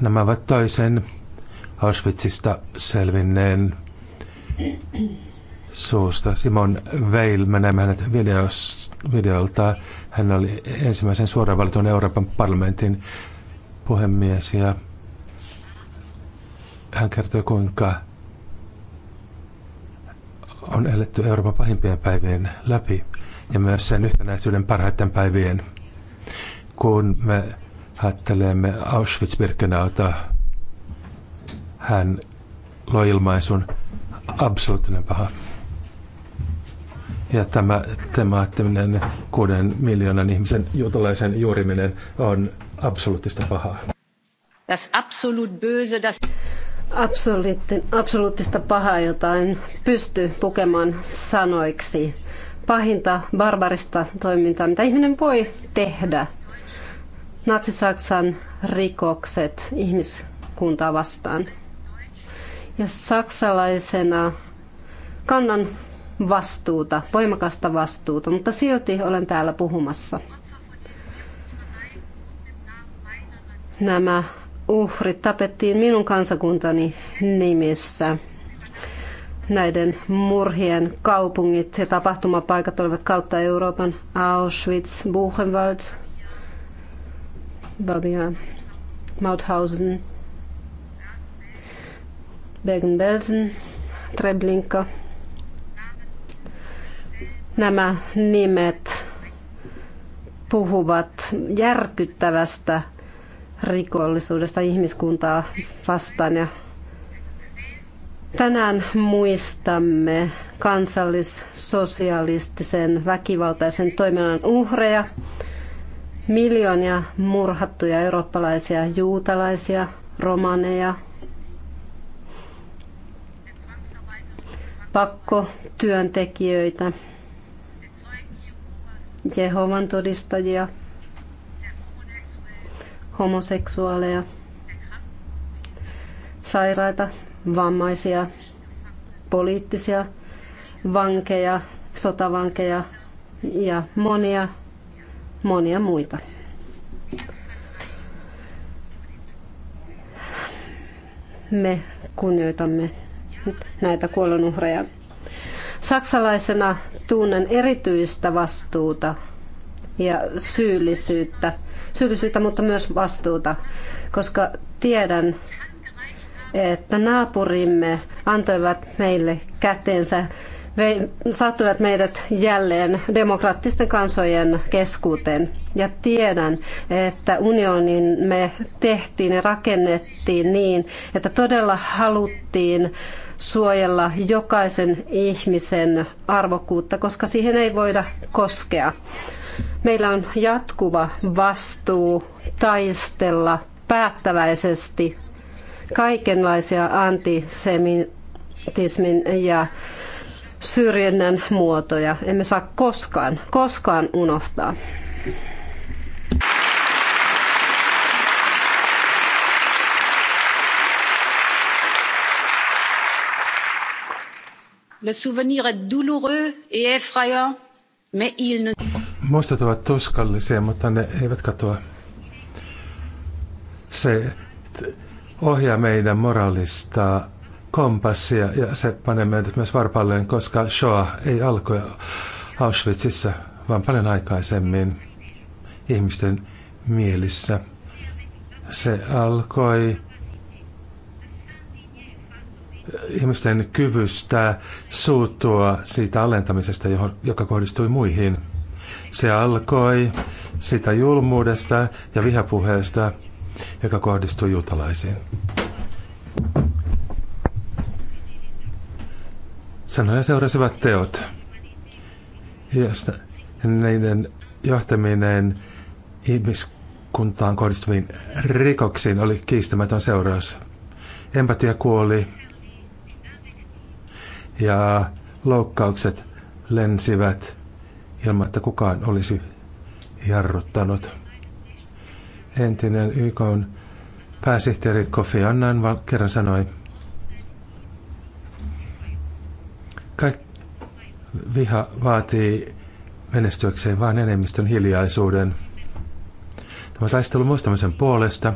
Nämä ovat toisen Auschwitzista selvinneen suusta. Simon Veil, me näemme hänet videos, videolta. Hän oli ensimmäisen suoraan valitun Euroopan parlamentin puhemies ja hän kertoi kuinka on eletty Euroopan pahimpien päivien läpi ja myös sen yhtenäisyyden parhaiten päivien. Kun me ajattelemme Auschwitz-Birkenauta, hän loi ilmaisun absoluuttinen paha. Ja tämä temaattinen kuuden miljoonan ihmisen juutalaisen juuriminen on absoluuttista pahaa. Das absolut böse, das absoluuttista pahaa, jota en pysty pukemaan sanoiksi. Pahinta, barbarista toimintaa, mitä ihminen voi tehdä. Natsi-Saksan rikokset ihmiskuntaa vastaan. Ja saksalaisena kannan vastuuta, voimakasta vastuuta, mutta silti olen täällä puhumassa. Nämä uhrit tapettiin minun kansakuntani nimissä. Näiden murhien kaupungit ja tapahtumapaikat olivat kautta Euroopan, Auschwitz, Buchenwald, Babia, Mauthausen, Bergen-Belsen, Treblinka. Nämä nimet puhuvat järkyttävästä rikollisuudesta ihmiskuntaa vastaan ja Tänään muistamme kansallissosialistisen väkivaltaisen toiminnan uhreja, miljoonia murhattuja eurooppalaisia juutalaisia, romaneja, pakkotyöntekijöitä, Jehovan todistajia, homoseksuaaleja, sairaita, vammaisia, poliittisia vankeja, sotavankeja ja monia, monia muita. Me kunnioitamme näitä kuolonuhreja. Saksalaisena tunnen erityistä vastuuta ja syyllisyyttä, syyllisyyttä, mutta myös vastuuta, koska tiedän, että naapurimme antoivat meille kätensä, vei, saattoivat meidät jälleen demokraattisten kansojen keskuuteen. Ja tiedän, että unionin me tehtiin ja rakennettiin niin, että todella haluttiin suojella jokaisen ihmisen arvokkuutta, koska siihen ei voida koskea. Meillä on jatkuva vastuu taistella päättäväisesti kaikenlaisia antisemitismin ja syrjinnän muotoja. Emme saa koskaan, koskaan unohtaa. Le souvenir est douloureux et effrayant, mais il ne... Muistot ovat tuskallisia, mutta ne eivät katoa. Se ohjaa meidän moraalista kompassia ja se panee meidät myös varpalleen, koska Shoah ei alkoi Auschwitzissa, vaan paljon aikaisemmin ihmisten mielissä. Se alkoi ihmisten kyvystä suuttua siitä alentamisesta, johon, joka kohdistui muihin. Se alkoi sitä julmuudesta ja vihapuheesta, joka kohdistui juutalaisiin. Sanoja seurasivat teot, Ja niiden johtaminen ihmiskuntaan kohdistuviin rikoksiin oli kiistämätön seuraus. Empatia kuoli, ja loukkaukset lensivät ilman, että kukaan olisi jarruttanut. Entinen YK on pääsihteeri Kofi Annan kerran sanoi, Kaik viha vaatii menestyäkseen vain enemmistön hiljaisuuden. Tämä taistelu muistamisen puolesta,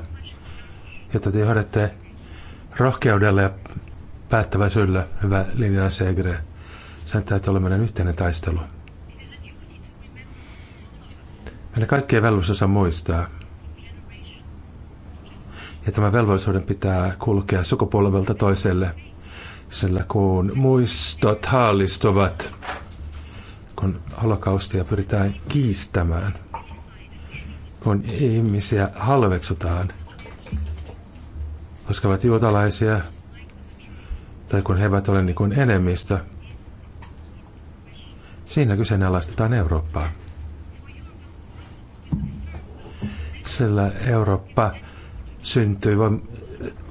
jota te johdatte rohkeudella ja syllä, hyvä linja Segre. Sen täytyy olla meidän yhteinen taistelu. Meidän kaikkien velvollisuus on muistaa. Ja tämä velvollisuuden pitää kulkea sukupolvelta toiselle, sillä kun muistot haalistuvat, kun holokaustia pyritään kiistämään, kun ihmisiä halveksutaan, koska ovat juutalaisia, tai kun he eivät ole niin kuin enemmistö. Siinä kyseenalaistetaan Eurooppaa. Sillä Eurooppa syntyi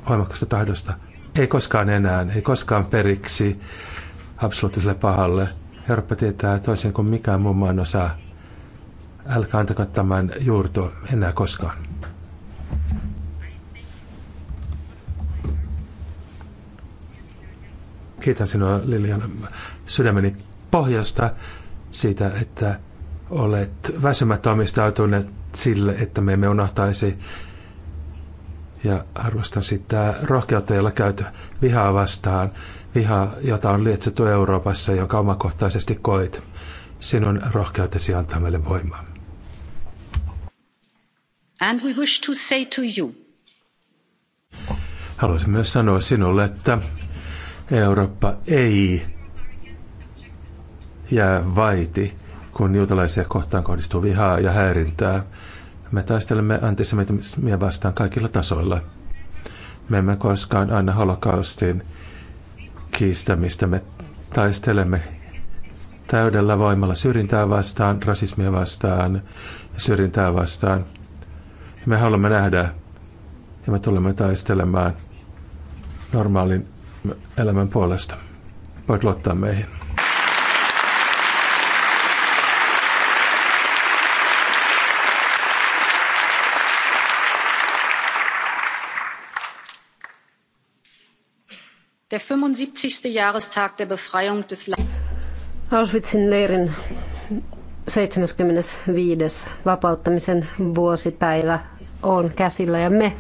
voimakkaasta tahdosta. Ei koskaan enää, ei koskaan periksi absoluuttiselle pahalle. Eurooppa tietää toisin kuin mikään muun maan osa. Älkää antako tämän juurto enää koskaan. kiitän sinua Lilian sydämeni pohjasta siitä, että olet väsymättä omistautunut sille, että me emme unohtaisi ja arvostan sitä rohkeutta, jolla käyt vihaa vastaan, vihaa, jota on lietsetty Euroopassa, jonka omakohtaisesti koit. Sinun rohkeutesi antaa meille voimaa. And we wish to say to you. Haluaisin myös sanoa sinulle, että Eurooppa ei jää vaiti, kun juutalaisia kohtaan kohdistuu vihaa ja häirintää. Me taistelemme antisemitismia vastaan kaikilla tasoilla. Me emme koskaan anna holokaustin kiistämistä. Me taistelemme täydellä voimalla syrjintää vastaan, rasismia vastaan ja syrjintää vastaan. Me haluamme nähdä ja me tulemme taistelemaan normaalin elämän puolesta. Voit luottaa meihin. Der 75. Jahrestag der Befreiung des Auschwitzin leirin 75. vapauttamisen vuosipäivä on käsillä ja me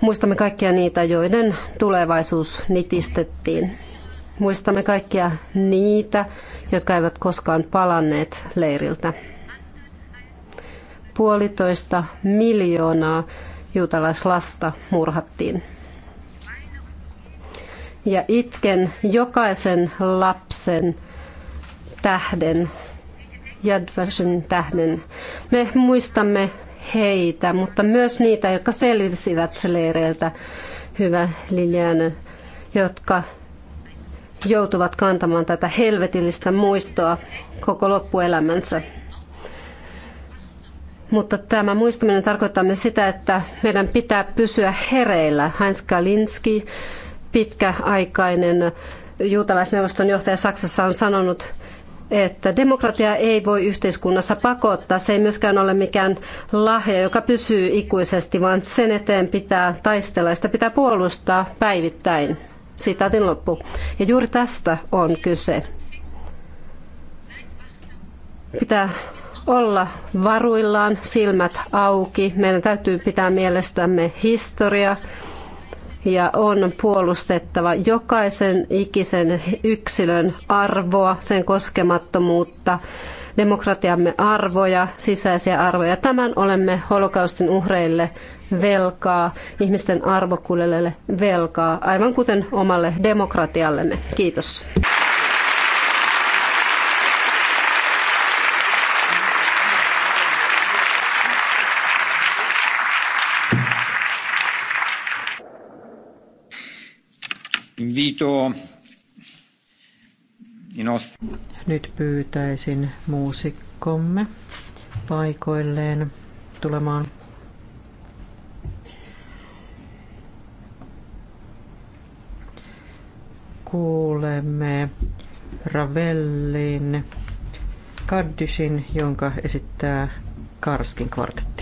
Muistamme kaikkia niitä, joiden tulevaisuus nitistettiin. Muistamme kaikkia niitä, jotka eivät koskaan palanneet leiriltä. Puolitoista miljoonaa juutalaislasta murhattiin. Ja itken jokaisen lapsen tähden, Jadvashin tähden. Me muistamme heitä, mutta myös niitä, jotka selvisivät leireiltä, hyvä Lilian, jotka joutuvat kantamaan tätä helvetillistä muistoa koko loppuelämänsä. Mutta tämä muistaminen tarkoittaa myös sitä, että meidän pitää pysyä hereillä. Heinz Kalinski, pitkäaikainen juutalaisneuvoston johtaja Saksassa, on sanonut, että demokratia ei voi yhteiskunnassa pakottaa. Se ei myöskään ole mikään lahja, joka pysyy ikuisesti, vaan sen eteen pitää taistella ja sitä pitää puolustaa päivittäin. Sitaatin loppu. Ja juuri tästä on kyse. Pitää olla varuillaan, silmät auki. Meidän täytyy pitää mielestämme historia, ja on puolustettava jokaisen ikisen yksilön arvoa, sen koskemattomuutta, demokratiamme arvoja, sisäisiä arvoja. Tämän olemme holokaustin uhreille velkaa, ihmisten arvokuljelle velkaa, aivan kuten omalle demokratiallemme. Kiitos. Invito Nyt pyytäisin muusikkomme paikoilleen tulemaan. Kuulemme Ravellin Kaddishin, jonka esittää Karskin kvartetti.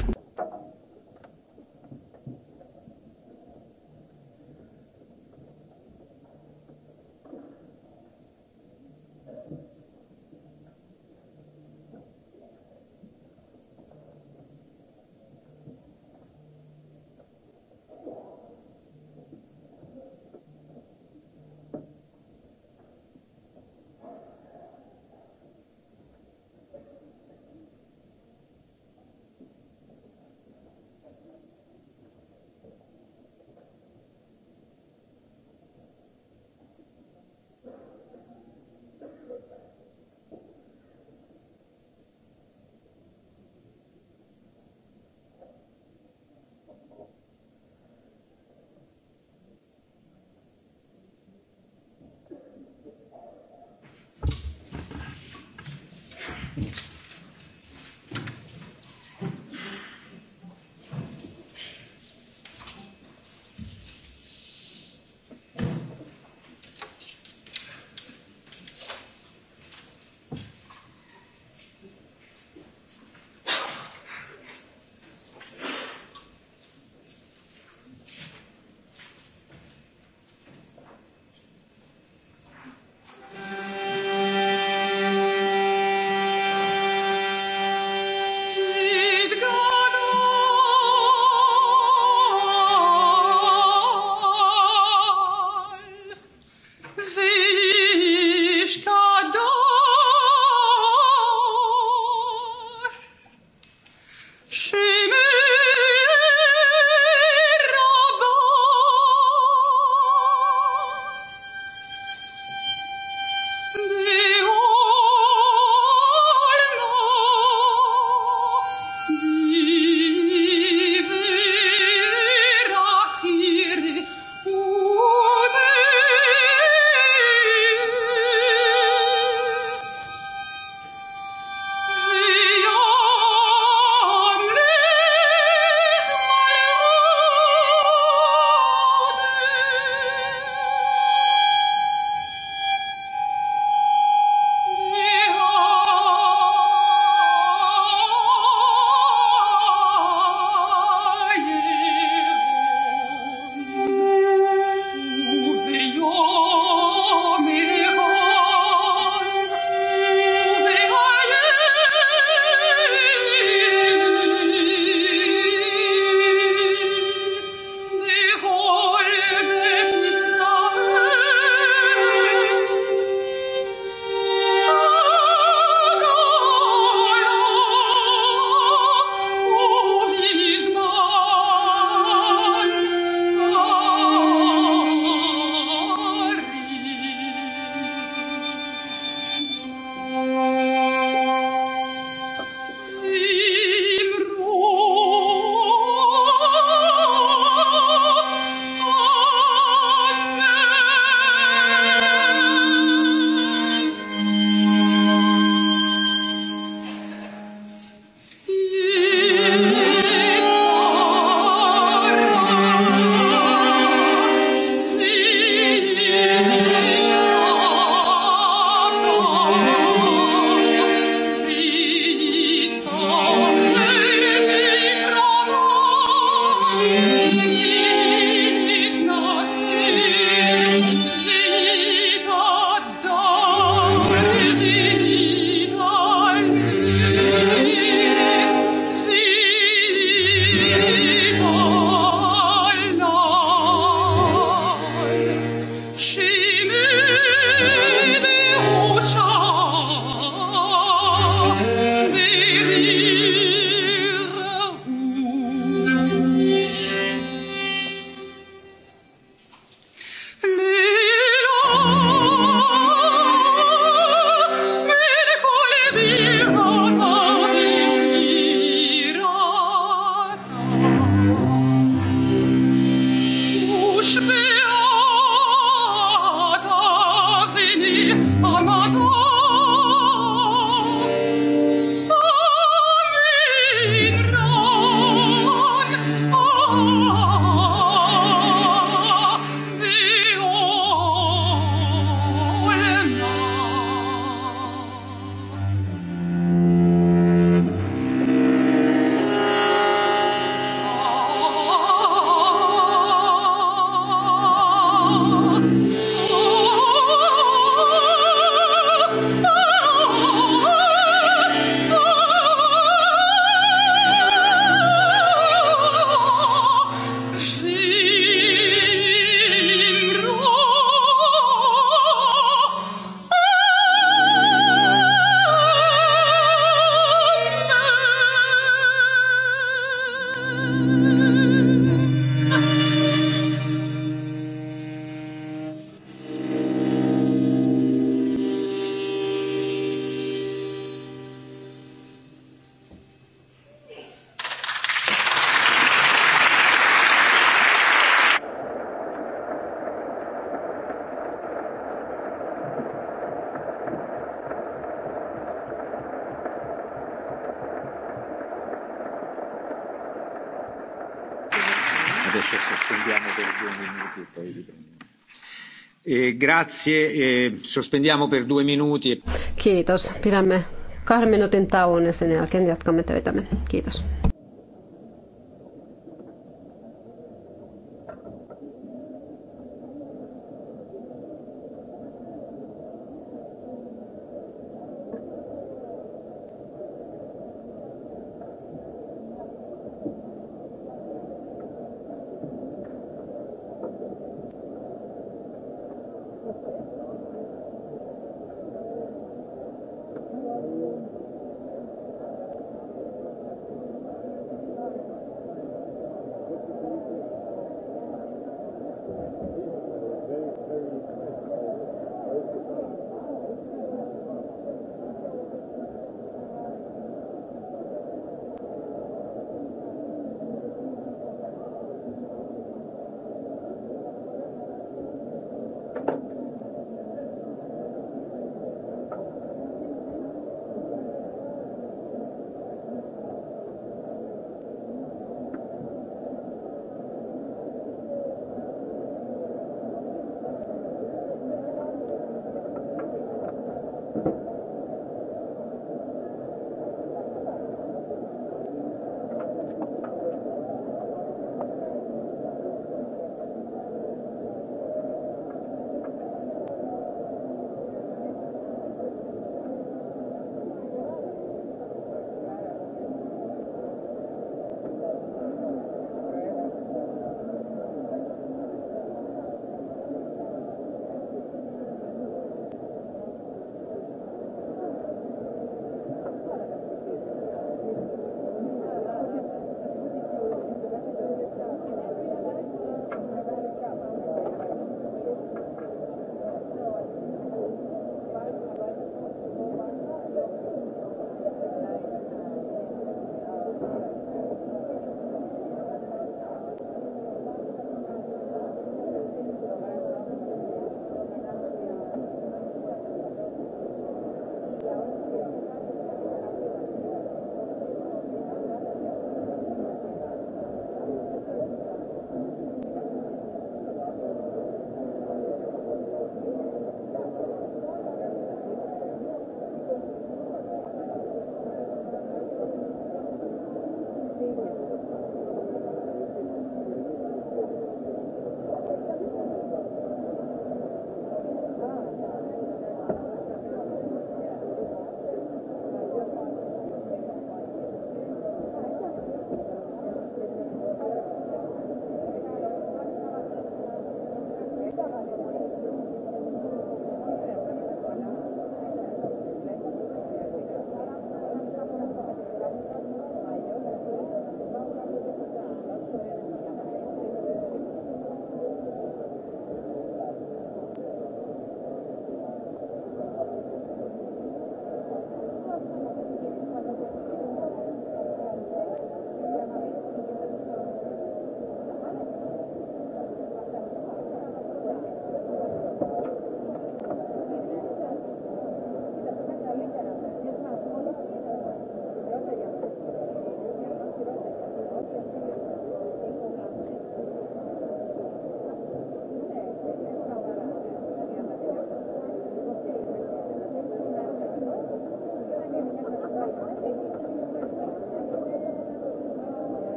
E, grazie. E, sospendiamo per due minuti. Kiitos. Pidämme kahden minuutin tauon ja sen jälkeen jatkamme töitämme. Kiitos.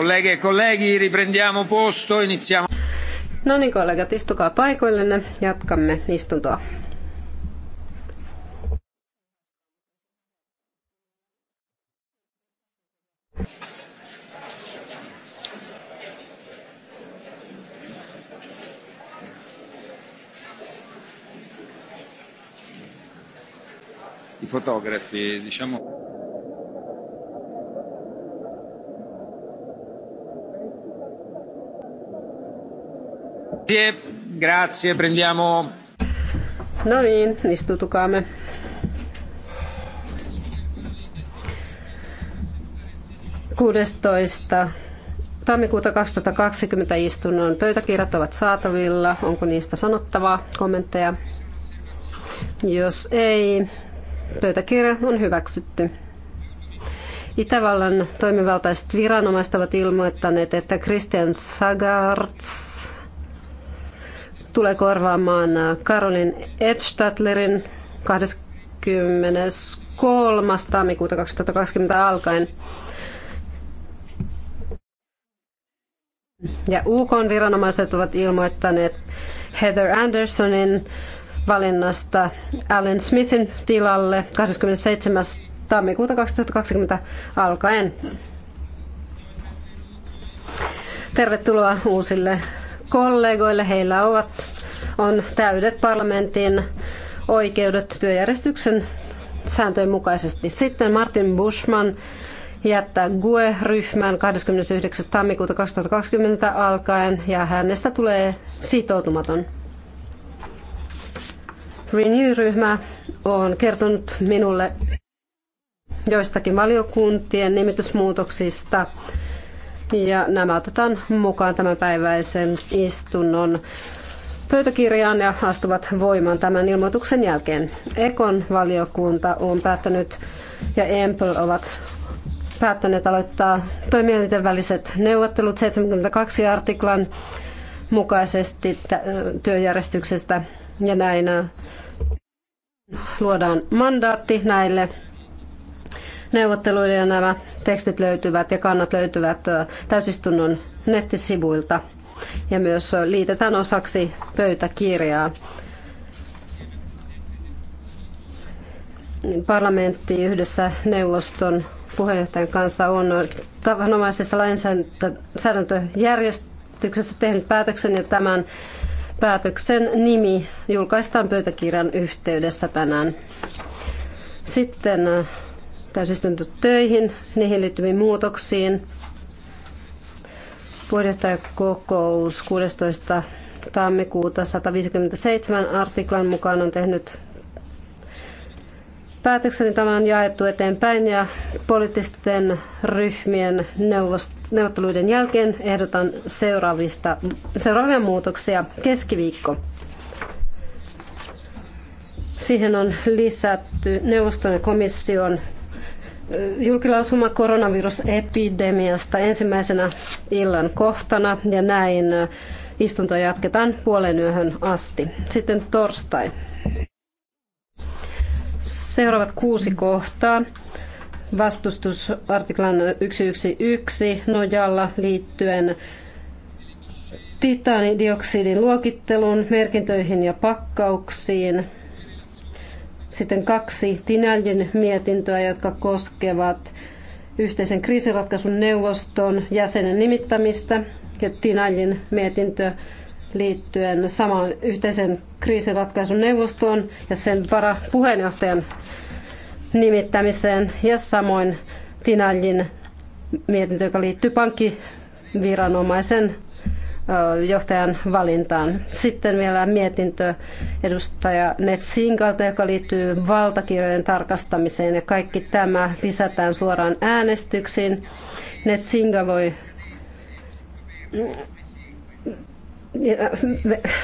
Kolleghe ja e kollegi, riprendiamo posto, iniziamo. No niin, kollegat, istukaa paikoillenne. Jatkamme istuntoa. I fotografi, diciamo Grazie, grazie, prendiamo. No niin, istutukaamme. Kuudestoista tammikuuta 2020 istunnon pöytäkirjat ovat saatavilla. Onko niistä sanottavaa kommentteja? Jos ei, pöytäkirja on hyväksytty. Itävallan toimivaltaiset viranomaiset ovat ilmoittaneet, että Christian Sagarts tulee korvaamaan äh, Karolin Edstadlerin 23. tammikuuta 2020 alkaen. Ja UK-viranomaiset ovat ilmoittaneet Heather Andersonin valinnasta Alan Smithin tilalle 27. tammikuuta 2020 alkaen. Tervetuloa uusille kollegoille. Heillä ovat on täydet parlamentin oikeudet työjärjestyksen sääntöjen mukaisesti. Sitten Martin Bushman jättää GUE-ryhmän 29. tammikuuta 2020 alkaen ja hänestä tulee sitoutumaton. Renew-ryhmä on kertonut minulle joistakin valiokuntien nimitysmuutoksista ja nämä otetaan mukaan tämänpäiväisen istunnon pöytäkirjaan ja astuvat voimaan tämän ilmoituksen jälkeen. Ekon valiokunta on päättänyt ja EMPL ovat päättäneet aloittaa toimielinten väliset neuvottelut 72 artiklan mukaisesti työjärjestyksestä ja näin luodaan mandaatti näille neuvotteluille ja nämä tekstit löytyvät ja kannat löytyvät täysistunnon nettisivuilta ja myös liitetään osaksi pöytäkirjaa. Parlamentti yhdessä neuvoston puheenjohtajan kanssa on tavanomaisessa lainsäädäntöjärjestyksessä tehnyt päätöksen ja tämän päätöksen nimi julkaistaan pöytäkirjan yhteydessä tänään. Sitten äh, töihin, niihin liittyviin muutoksiin. Puheenjohtajakokous 16. tammikuuta 157 artiklan mukaan on tehnyt päätökseni. Tämä on jaettu eteenpäin ja poliittisten ryhmien neuvotteluiden jälkeen ehdotan seuraavista, seuraavia muutoksia. Keskiviikko. Siihen on lisätty neuvoston ja komission julkilausuma koronavirusepidemiasta ensimmäisenä illan kohtana ja näin istunto jatketaan puolen yöhön asti. Sitten torstai. Seuraavat kuusi kohtaa vastustusartiklan 111 nojalla liittyen titaanidioksidin luokitteluun, merkintöihin ja pakkauksiin – sitten kaksi Tinäljen mietintöä, jotka koskevat yhteisen kriisiratkaisun neuvoston jäsenen nimittämistä ja Tinäljen mietintö liittyen samaan yhteisen kriisiratkaisun neuvostoon ja sen varapuheenjohtajan nimittämiseen ja samoin Tinalin mietintö, joka liittyy pankkiviranomaisen johtajan valintaan. Sitten vielä mietintö edustaja Netsinkalta, joka liittyy valtakirjojen tarkastamiseen ja kaikki tämä lisätään suoraan äänestyksiin. Netsinga voi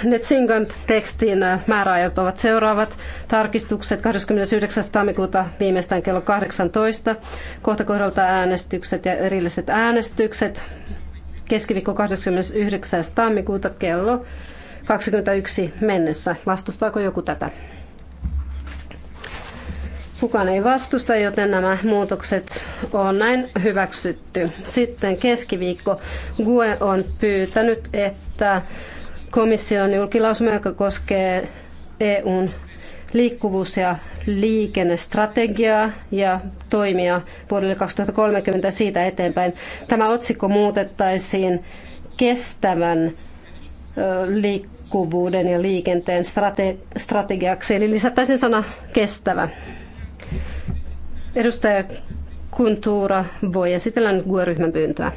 Netsingan tekstin määräajat ovat seuraavat. Tarkistukset 29. tammikuuta viimeistään kello 18. Kohta kohdalta äänestykset ja erilliset äänestykset keskiviikko 29. tammikuuta kello 21 mennessä. Vastustaako joku tätä? Kukaan ei vastusta, joten nämä muutokset on näin hyväksytty. Sitten keskiviikko GUE on pyytänyt, että komission julkilausuma, joka koskee EUn liikkuvuus- ja liikennestrategiaa ja toimia vuodelle 2030 siitä eteenpäin. Tämä otsikko muutettaisiin kestävän liikkuvuuden ja liikenteen strate- strategiaksi, eli lisättäisiin sana kestävä. Edustaja Kuntuura voi esitellä nyt GUE-ryhmän pyyntöä.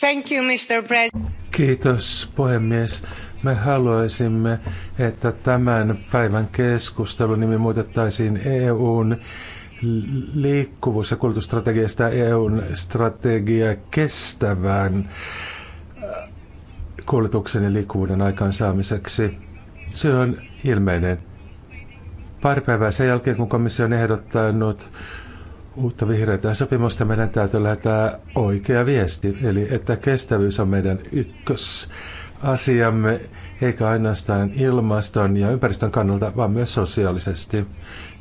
Thank you, Mr. President. Kiitos, puhemies. Me haluaisimme, että tämän päivän keskustelun nimi muutettaisiin EUn liikkuvuus- ja kulutusstrategiasta EUn strategia kestävään kulutuksen ja liikkuvuuden aikaansaamiseksi. Se on ilmeinen. Pari päivää sen jälkeen, kun komissio on ehdottanut uutta vihreätä sopimusta, meidän täytyy lähettää oikea viesti, eli että kestävyys on meidän ykkös asiamme, eikä ainoastaan ilmaston ja ympäristön kannalta, vaan myös sosiaalisesti,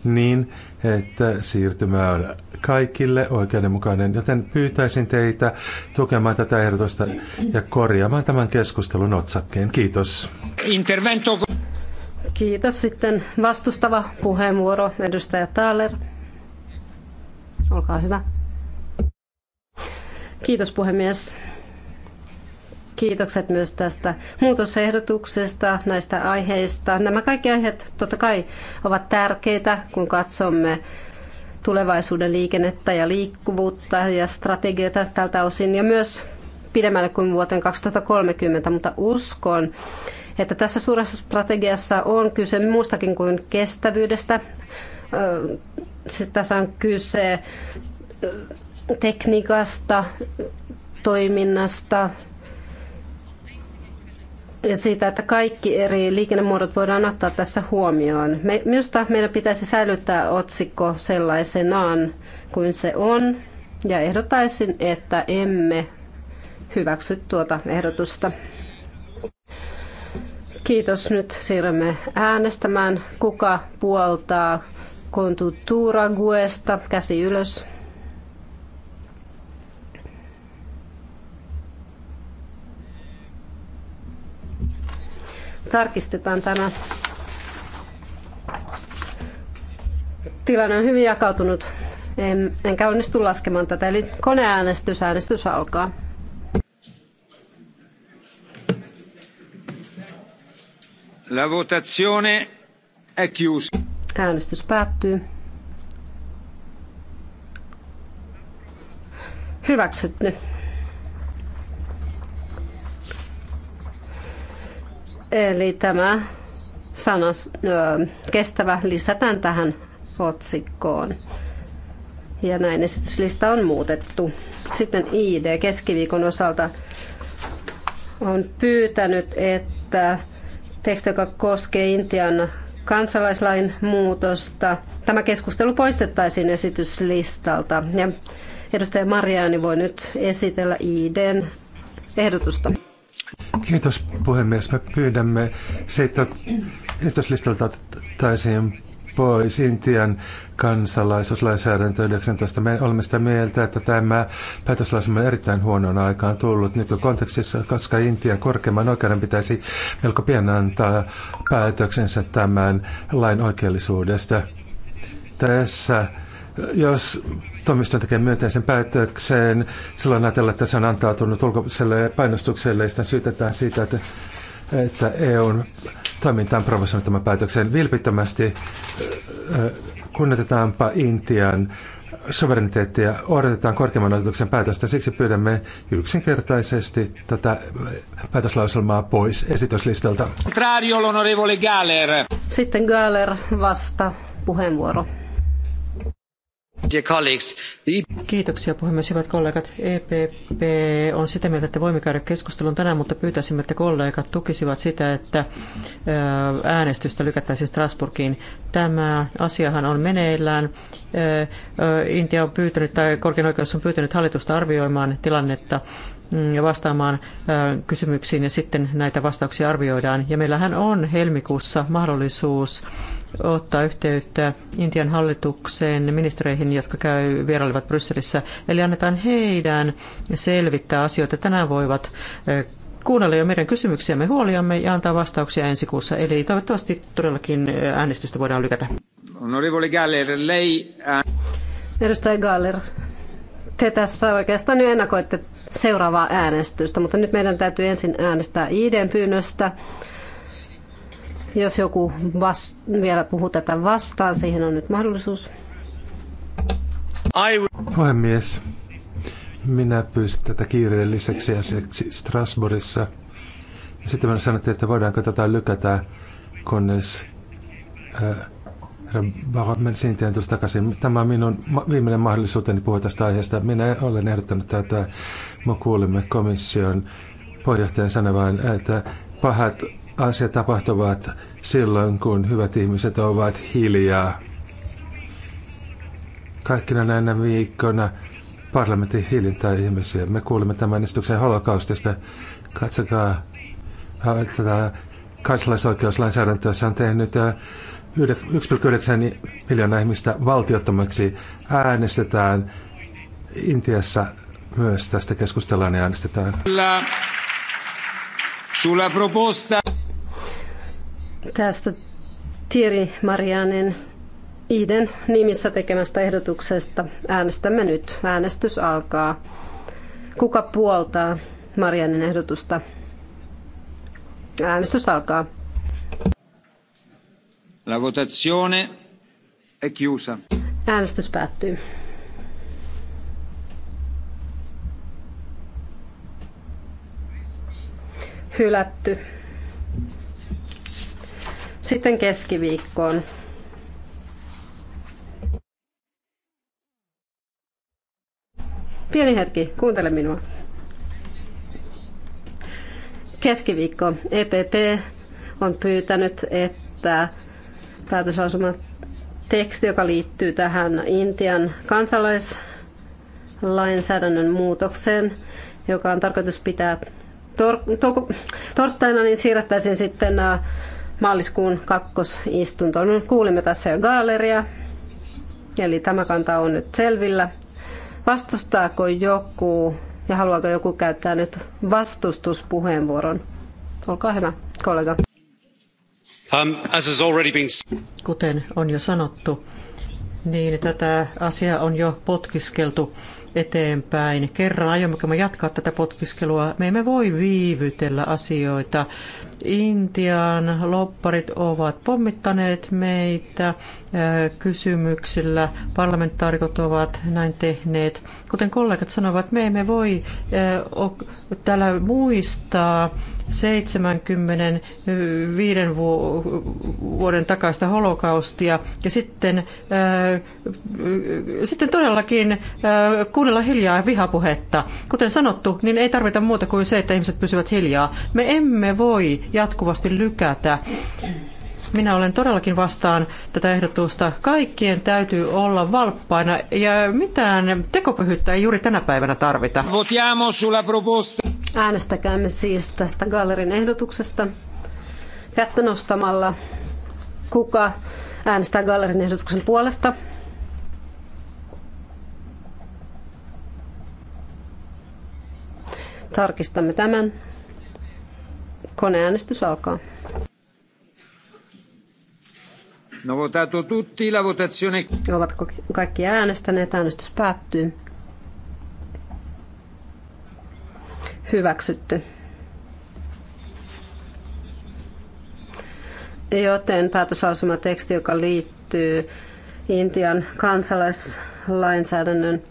niin että siirtymä on kaikille oikeudenmukainen, joten pyytäisin teitä tukemaan tätä ehdotusta ja korjaamaan tämän keskustelun otsakkeen. Kiitos. Intervento. Kiitos. Sitten vastustava puheenvuoro, edustaja Thaler. Olkaa hyvä. Kiitos puhemies. Kiitokset myös tästä muutosehdotuksesta, näistä aiheista. Nämä kaikki aiheet totta kai ovat tärkeitä, kun katsomme tulevaisuuden liikennettä ja liikkuvuutta ja strategioita tältä osin ja myös pidemmälle kuin vuoteen 2030, mutta uskon, että tässä suuressa strategiassa on kyse muustakin kuin kestävyydestä. Sitten tässä on kyse tekniikasta, toiminnasta, siitä, että kaikki eri liikennemuodot voidaan ottaa tässä huomioon. Me, minusta meidän pitäisi säilyttää otsikko sellaisenaan kuin se on, ja ehdottaisin, että emme hyväksy tuota ehdotusta. Kiitos. Nyt siirrymme äänestämään. Kuka puoltaa Kontutura Guesta? Käsi ylös. tarkistetaan tämä. Tilanne on hyvin jakautunut. En, enkä onnistu laskemaan tätä. Eli koneäänestys, äänestys alkaa. La votazione è chiusa. Äänestys päättyy. Hyväksytty. Eli tämä sana kestävä lisätään tähän otsikkoon. Ja näin esityslista on muutettu. Sitten ID keskiviikon osalta on pyytänyt, että teksti, joka koskee Intian kansalaislain muutosta, tämä keskustelu poistettaisiin esityslistalta. Ja edustaja Mariani voi nyt esitellä IDn ehdotusta. Kiitos puhemies. Me pyydämme siitä esityslistalta taisiin pois Intian kansalaisuuslainsäädäntö 19. Me olemme sitä mieltä, että tämä päätöslausuma on erittäin huonoon aikaan tullut nykykontekstissa, koska Intian korkeimman oikeuden pitäisi melko pian antaa päätöksensä tämän lain oikeellisuudesta. Tässä, jos tuomioistuin tekee myönteisen päätöksen, silloin ajatellaan, että se on antautunut ulkoiselle painostukselle ja sitten syytetään siitä, että, että EUn toiminta on provosoinut tämän päätöksen vilpittömästi. Äh, kunnioitetaanpa Intian suvereniteettia, odotetaan korkeimman oikeutuksen päätöstä. Siksi pyydämme yksinkertaisesti tätä päätöslauselmaa pois esityslistalta. Sitten Galler vasta puheenvuoro. E Kiitoksia puhemies, hyvät kollegat. EPP on sitä mieltä, että voimme käydä keskustelun tänään, mutta pyytäisimme, että kollegat tukisivat sitä, että äänestystä lykättäisiin Strasburgiin. Tämä asiahan on meneillään. Intia on pyytänyt, tai korkein oikeus on pyytänyt hallitusta arvioimaan tilannetta mm, ja vastaamaan kysymyksiin ja sitten näitä vastauksia arvioidaan. Ja meillähän on helmikuussa mahdollisuus ottaa yhteyttä Intian hallitukseen ministereihin, jotka käy vierailevat Brysselissä. Eli annetaan heidän selvittää asioita. Tänään voivat kuunnella jo meidän kysymyksiämme, huoliamme ja antaa vastauksia ensi kuussa. Eli toivottavasti todellakin äänestystä voidaan lykätä. Honorevole Galler, lei... Edustaja Galler, te tässä oikeastaan jo ennakoitte seuraavaa äänestystä, mutta nyt meidän täytyy ensin äänestää IDn pyynnöstä. Jos joku vast, vielä puhuu tätä vastaan, siihen on nyt mahdollisuus. Puhemies, minä pyysin tätä kiireelliseksi asiaksi Strasbourgissa. Ja sitten minä sanottiin, että voidaanko tätä lykätä, kunnes äh, herra äh, tien takaisin. Tämä on minun viimeinen mahdollisuuteni puhua tästä aiheesta. Minä olen ehdottanut tätä. Me kuulimme komission puheenjohtajan sanovan, että pahat asiat tapahtuvat silloin, kun hyvät ihmiset ovat hiljaa. Kaikkina näinä viikkoina parlamentin hiljentää ihmisiä. Me kuulimme tämän istuksen holokaustista. Katsokaa tätä kansalaisoikeuslainsäädäntöä. Se on tehnyt 1,9 äh, miljoonaa ihmistä valtiottomaksi. Äänestetään Intiassa myös tästä keskustellaan ja äänestetään. sulla proposta tästä Tieri Marianen Iiden nimissä tekemästä ehdotuksesta äänestämme nyt. Äänestys alkaa. Kuka puoltaa Marianen ehdotusta? Äänestys alkaa. La votazione è chiusa. Äänestys päättyy. Hylätty. Sitten keskiviikkoon. Pieni hetki, kuuntele minua. Keskiviikko EPP on pyytänyt, että päätöslausuma teksti, joka liittyy tähän Intian kansalaislainsäädännön muutokseen, joka on tarkoitus pitää tor- to- torstaina, niin siirrettäisiin sitten äh, maaliskuun kakkosistunto. Nyt kuulimme tässä jo galleria, eli tämä kanta on nyt selvillä. Vastustaako joku ja haluaako joku käyttää nyt vastustuspuheenvuoron? Olkaa hyvä, kollega. Um, Kuten on jo sanottu, niin tätä asiaa on jo potkiskeltu eteenpäin. Kerran aiommeko me jatkaa tätä potkiskelua? Me emme voi viivytellä asioita. Intian lopparit ovat pommittaneet meitä kysymyksillä. Parlamentaarikot ovat näin tehneet. Kuten kollegat sanovat, me emme voi täällä muistaa 75 vuoden takaista holokaustia ja sitten, sitten todellakin kuunnella hiljaa vihapuhetta. Kuten sanottu, niin ei tarvita muuta kuin se, että ihmiset pysyvät hiljaa. Me emme voi jatkuvasti lykätä. Minä olen todellakin vastaan tätä ehdotusta. Kaikkien täytyy olla valppaina ja mitään tekopyhyyttä ei juuri tänä päivänä tarvita. Votiamo sulla proposta. Äänestäkäämme siis tästä gallerin ehdotuksesta kättä nostamalla. Kuka äänestää gallerin ehdotuksen puolesta? Tarkistamme tämän. Koneäänestys alkaa. No votato tutti la votazione. Ovatko kaikki äänestäneet? Äänestys päättyy. Hyväksytty. Joten teksti, joka liittyy Intian kansalaislainsäädännön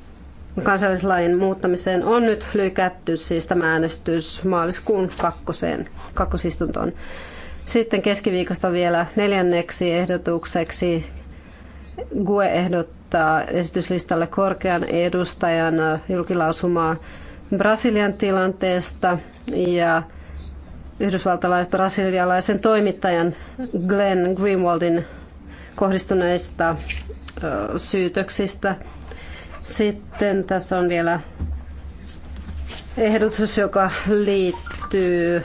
kansallislain muuttamiseen on nyt lykätty siis tämä äänestys maaliskuun kakkoseen, kakkosistuntoon. Sitten keskiviikosta vielä neljänneksi ehdotukseksi GUE ehdottaa esityslistalle korkean edustajan julkilausumaa Brasilian tilanteesta ja yhdysvaltalais-brasilialaisen toimittajan Glenn Greenwaldin kohdistuneista syytöksistä – sitten tässä on vielä ehdotus, joka liittyy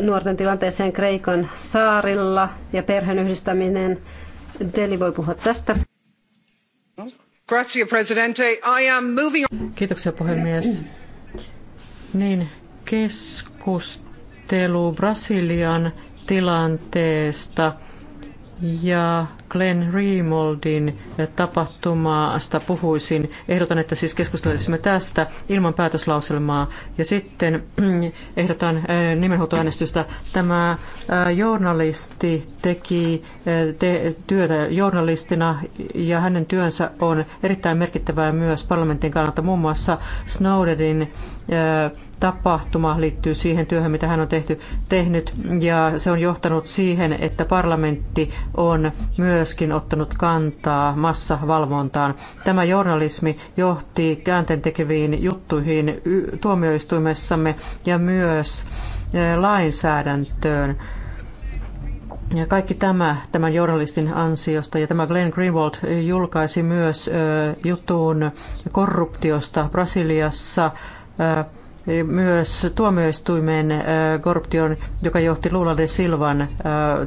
nuorten tilanteeseen Kreikan saarilla ja perheen yhdistäminen. Deli voi puhua tästä. presidente. I am moving... Kiitoksia puhemies. Niin, keskustelu Brasilian tilanteesta – ja Glenn Remoldin tapahtumasta puhuisin. Ehdotan, että siis keskustelisimme tästä ilman päätöslauselmaa. Ja sitten ehdotan äh, nimenhuutoäänestystä. Tämä äh, journalisti teki äh, te, työtä journalistina ja hänen työnsä on erittäin merkittävää myös parlamentin kannalta. Muun muassa Snowdenin tapahtuma liittyy siihen työhön, mitä hän on tehty, tehnyt, ja se on johtanut siihen, että parlamentti on myöskin ottanut kantaa massavalvontaan. Tämä journalismi johti käänteentekeviin juttuihin tuomioistuimessamme ja myös e, lainsäädäntöön. Ja kaikki tämä tämän journalistin ansiosta. Ja tämä Glenn Greenwald julkaisi myös e, jutun korruptiosta Brasiliassa. E, myös tuomioistuimen äh, korruption, joka johti Lula de Silvan äh,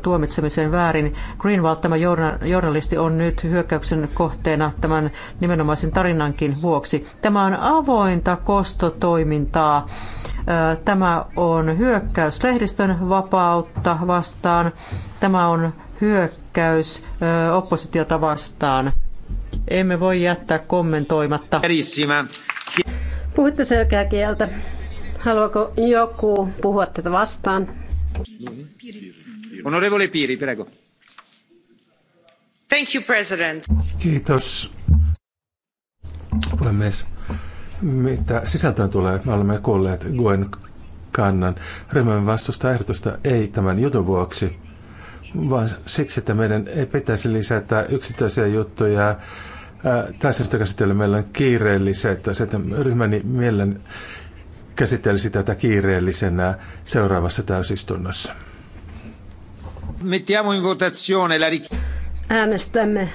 tuomitsemiseen väärin. Greenwald, tämä journalisti, on nyt hyökkäyksen kohteena tämän nimenomaisen tarinankin vuoksi. Tämä on avointa kostotoimintaa. Äh, tämä on hyökkäys lehdistön vapautta vastaan. Tämä on hyökkäys oppositiota vastaan. Emme voi jättää kommentoimatta. Puhuitte selkeää kieltä. Haluaako joku puhua tätä vastaan? Honorevoli Piiri, prego. Thank you, President. Kiitos, puhemies. Mitä sisältöön tulee, me olemme kuulleet Gwen kannan. Ryhmämme vastusta ehdotusta ei tämän jutun vuoksi, vaan siksi, että meidän ei pitäisi lisätä yksittäisiä juttuja tässä täysistökäsittely meillä on kiireelliset, että se, että ryhmäni mielen käsittelisi tätä kiireellisenä seuraavassa täysistunnossa. Mettiamo in votazione la Äänestämme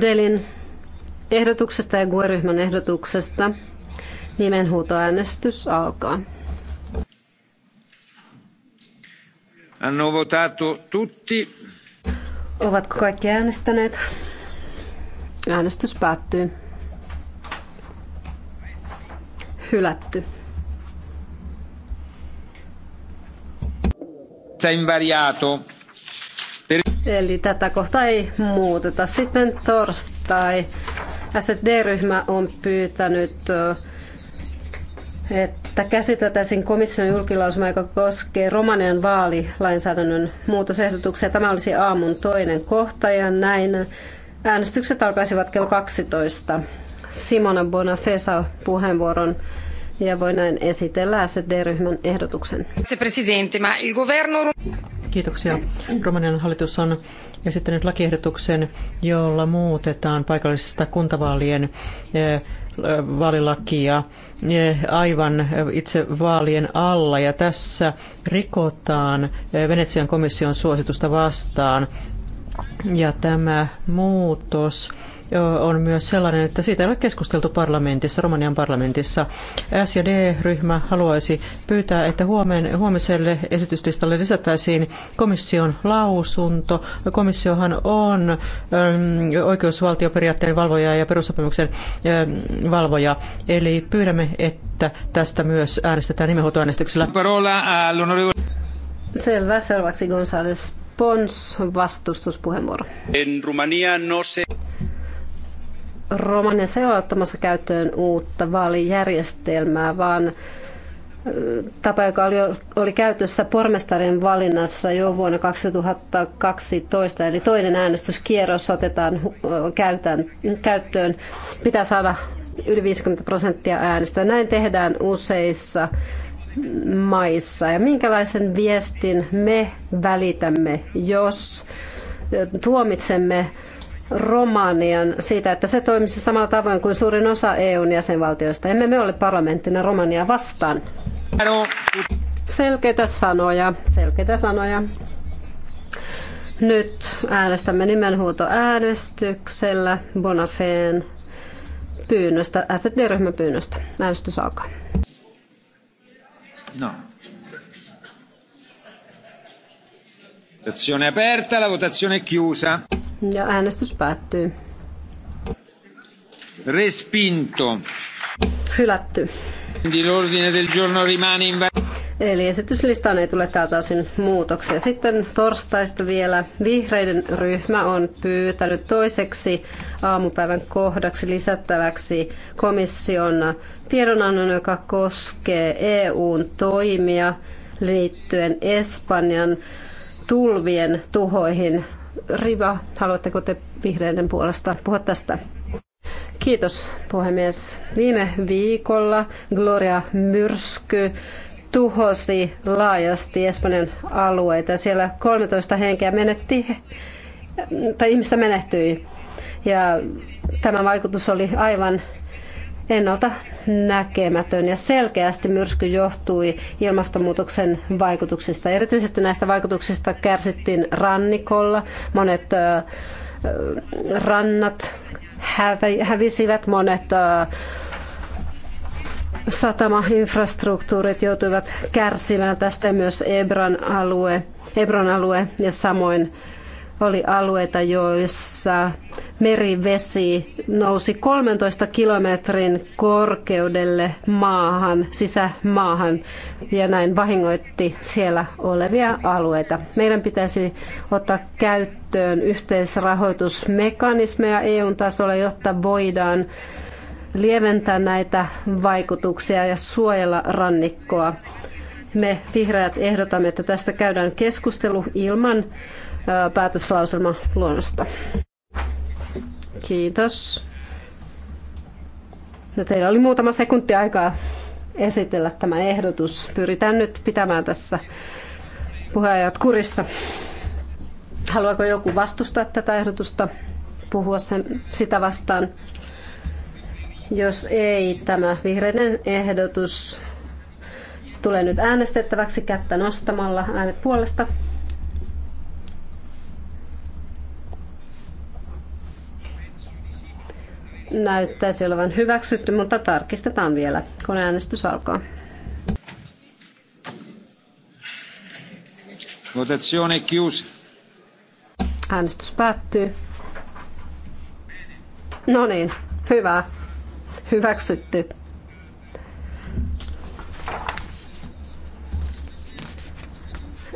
Delin ehdotuksesta ja GUE-ryhmän ehdotuksesta. Nimenhuutoäänestys alkaa. Hanno votato tutti. Ovatko kaikki äänestäneet? Äänestys päättyy. Hylätty. Eli tätä kohtaa ei muuteta. Sitten torstai. SD-ryhmä on pyytänyt, että käsiteltäisiin komission julkilausuma, joka koskee Romanian vaalilainsäädännön muutosehdotuksia. Tämä olisi aamun toinen kohta ja näin Äänestykset alkaisivat kello 12. Simona Bonafesa puheenvuoron ja voi näin esitellä SD-ryhmän ehdotuksen. Kiitoksia. Romanian hallitus on esittänyt lakiehdotuksen, jolla muutetaan paikallisista kuntavaalien eh, vaalilakia eh, aivan itse vaalien alla ja tässä rikotaan eh, Venetsian komission suositusta vastaan ja tämä muutos on myös sellainen, että siitä ei ole keskusteltu parlamentissa, Romanian parlamentissa. S- ja D-ryhmä haluaisi pyytää, että huomen, huomiselle esityslistalle lisättäisiin komission lausunto. Komissiohan on äm, oikeusvaltioperiaatteen valvoja ja perussopimuksen äm, valvoja. Eli pyydämme, että tästä myös äänestetään nimenhuutoäänestyksellä. Selvä, selväksi Gonzales Pons, vastustuspuheenvuoro. En Rumania no se... Romania se on ottamassa käyttöön uutta vaalijärjestelmää, vaan tapa, joka oli, oli käytössä pormestarin valinnassa jo vuonna 2012, eli toinen äänestyskierros otetaan käytän, käyttöön, pitää saada yli 50 prosenttia äänestä. Näin tehdään useissa maissa ja minkälaisen viestin me välitämme, jos tuomitsemme Romanian siitä, että se toimisi samalla tavoin kuin suurin osa EUn jäsenvaltioista. Emme me ole parlamenttina Romania vastaan. Selkeitä sanoja, selkeitä sanoja. Nyt äänestämme nimenhuuto äänestyksellä Bonafeen pyynnöstä, SD-ryhmän pyynnöstä. Äänestys alkaa. No. Votazione aperta, la votazione è chiusa. Ja äänestys päättyy. Respinto. Hylätty. Quindi l'ordine del giorno rimane invalido. Eli esityslistaan ei tule tältä osin muutoksia. Sitten torstaista vielä. Vihreiden ryhmä on pyytänyt toiseksi aamupäivän kohdaksi lisättäväksi komission tiedonannon, joka koskee EUn toimia liittyen Espanjan tulvien tuhoihin. Riva, haluatteko te vihreiden puolesta puhua tästä? Kiitos puhemies. Viime viikolla Gloria Myrsky tuhosi laajasti Espanjan alueita. Siellä 13 henkeä menetti, tai ihmistä menehtyi. Ja tämä vaikutus oli aivan ennalta näkemätön ja selkeästi myrsky johtui ilmastonmuutoksen vaikutuksista. Erityisesti näistä vaikutuksista kärsittiin rannikolla. Monet rannat hävisivät, monet satamainfrastruktuurit joutuivat kärsimään tästä myös ebran alue, Ebron alue ja samoin oli alueita, joissa merivesi nousi 13 kilometrin korkeudelle maahan, sisämaahan, ja näin vahingoitti siellä olevia alueita. Meidän pitäisi ottaa käyttöön yhteisrahoitusmekanismeja EUn tasolla, jotta voidaan lieventää näitä vaikutuksia ja suojella rannikkoa. Me vihreät ehdotamme, että tästä käydään keskustelu ilman päätöslauselman luonnosta. Kiitos. No teillä oli muutama sekunti aikaa esitellä tämä ehdotus. Pyritään nyt pitämään tässä puheajat kurissa. Haluaako joku vastustaa tätä ehdotusta, puhua sen, sitä vastaan? Jos ei, tämä vihreiden ehdotus tulee nyt äänestettäväksi kättä nostamalla äänet puolesta. Näyttäisi olevan hyväksytty, mutta tarkistetaan vielä, kun äänestys alkaa. Votazione chiusa. Äänestys päättyy. No niin, hyvä hyväksytty.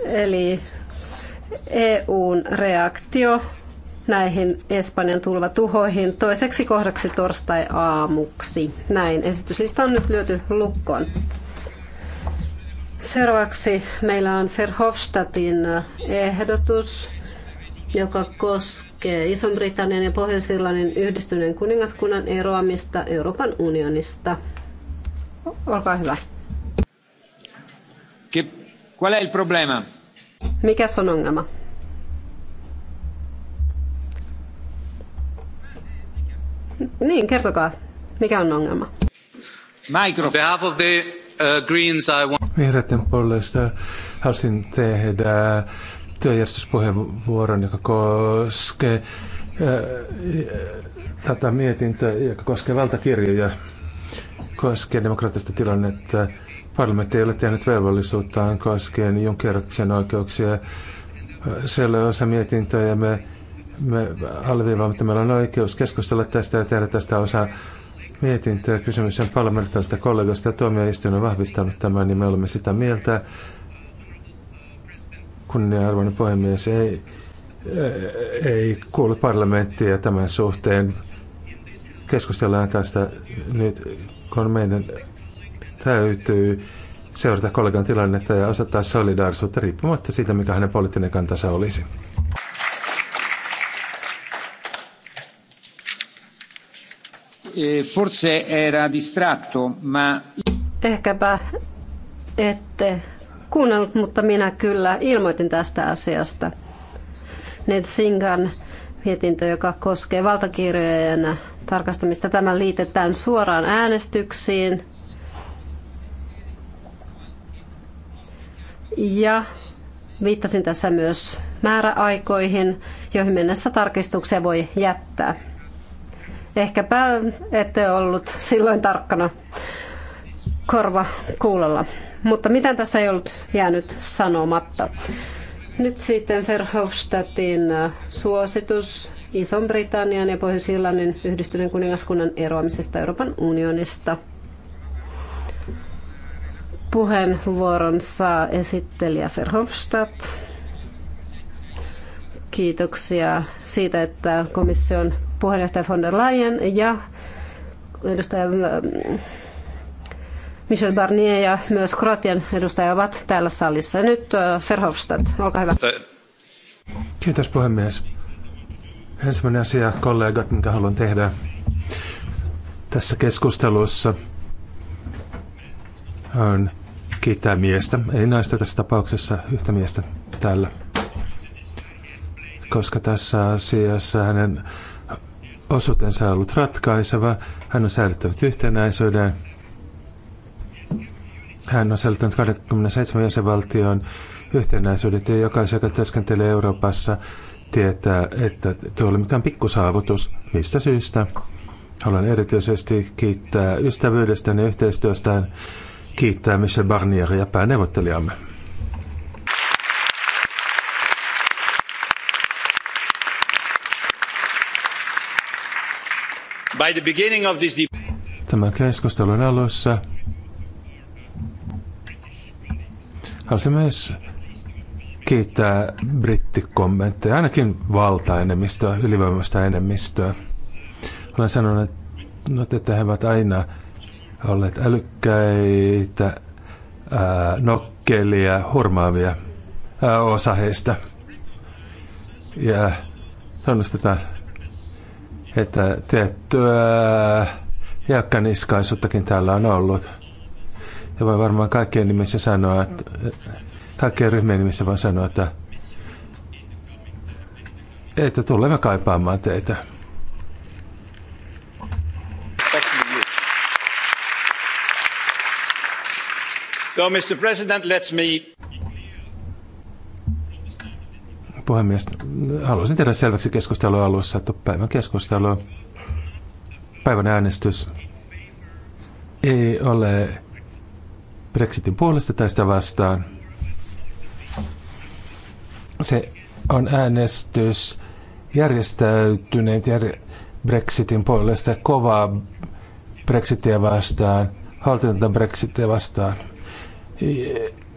Eli EUn reaktio näihin Espanjan tulvatuhoihin toiseksi kohdaksi torstai-aamuksi. Näin esityslista on nyt lyöty lukkoon. Seuraavaksi meillä on Verhofstadtin ehdotus, joka koskee koskee iso britannian ja Pohjois-Irlannin yhdistyneen kuningaskunnan eroamista Euroopan unionista. Olkaa hyvä. Que, qual è il problema? Mikä on ongelma? Niin, kertokaa. Mikä on ongelma? Mikrofoni. behalf of the uh, Greens I want... Vihreiden puolesta halusin tehdä työjärjestyspuheenvuoron, joka koskee äh, tätä mietintöä, joka koskee valtakirjoja, koskee demokraattista tilannetta. Parlamentti ei ole tehnyt velvollisuuttaan koskien Junckeriksen oikeuksia. Se on osa mietintöä ja me, me alviivaamme, että meillä on oikeus keskustella tästä ja tehdä tästä osa mietintöä. Kysymys on parlamentaarista kollegasta ja tuomioistuin on vahvistanut tämän, niin me olemme sitä mieltä, Kunnianarvoinen puhemies, ei, ei kuulu parlamenttia tämän suhteen. Keskustellaan tästä nyt, kun meidän täytyy seurata kollegan tilannetta ja osoittaa solidaarisuutta riippumatta siitä, mikä hänen poliittinen kantansa olisi. Eh, forse era distratto, ma... Ehkäpä ette kuunnellut, mutta minä kyllä ilmoitin tästä asiasta. Ned Singan mietintö, joka koskee valtakirjojen tarkastamista. Tämä liitetään suoraan äänestyksiin. Ja viittasin tässä myös määräaikoihin, joihin mennessä tarkistuksia voi jättää. Ehkäpä ette ollut silloin tarkkana korva kuulolla mutta mitään tässä ei ollut jäänyt sanomatta. Nyt sitten Verhofstadtin äh, suositus iso britannian ja Pohjois-Irlannin yhdistyneen kuningaskunnan eroamisesta Euroopan unionista. Puheenvuoron saa esittelijä Verhofstadt. Kiitoksia siitä, että komission puheenjohtaja von der Leyen ja edustaja äh, Michel Barnier ja myös Kroatian edustaja ovat täällä salissa. Nyt äh, Verhofstadt, olkaa hyvä. Kiitos puhemies. Ensimmäinen asia, kollegat, mitä haluan tehdä tässä keskustelussa on kiittää miestä, ei naista tässä tapauksessa, yhtä miestä täällä. Koska tässä asiassa hänen osuutensa on ollut ratkaiseva, hän on säilyttänyt yhtenäisyyden, hän on säilyttänyt 27 jäsenvaltion yhtenäisyydet ja jokaisen, joka työskentelee Euroopassa, tietää, että tuo oli mikään pikkusaavutus. Mistä syystä? Haluan erityisesti kiittää ystävyydestä ja yhteistyöstään. Kiittää Michel Barnieria pääneuvottelijamme. By the beginning of this Tämän keskustelun alussa Haluaisin myös kiittää brittikommentteja, ainakin valtaenemmistöä, ylivoimasta enemmistöä. Olen sanonut, että he ovat aina olleet älykkäitä, ää, nokkelia, hurmaavia ää, osa heistä. Ja tunnustetaan, että tiettyä jäykkäniskaisuuttakin täällä on ollut. Ja voi varmaan kaikkien nimissä sanoa, että, kaikkien ryhmien nimissä voi sanoa, että, että tulemme kaipaamaan teitä. So, Mr. President, let's me... Puhemies, haluaisin tehdä selväksi keskustelua alussa, että päivän keskustelu, päivän äänestys ei ole Brexitin puolesta tai sitä vastaan. Se on äänestys järjestäytyneet jär- Brexitin puolesta, kovaa Brexitia vastaan, haltinta Brexitia vastaan.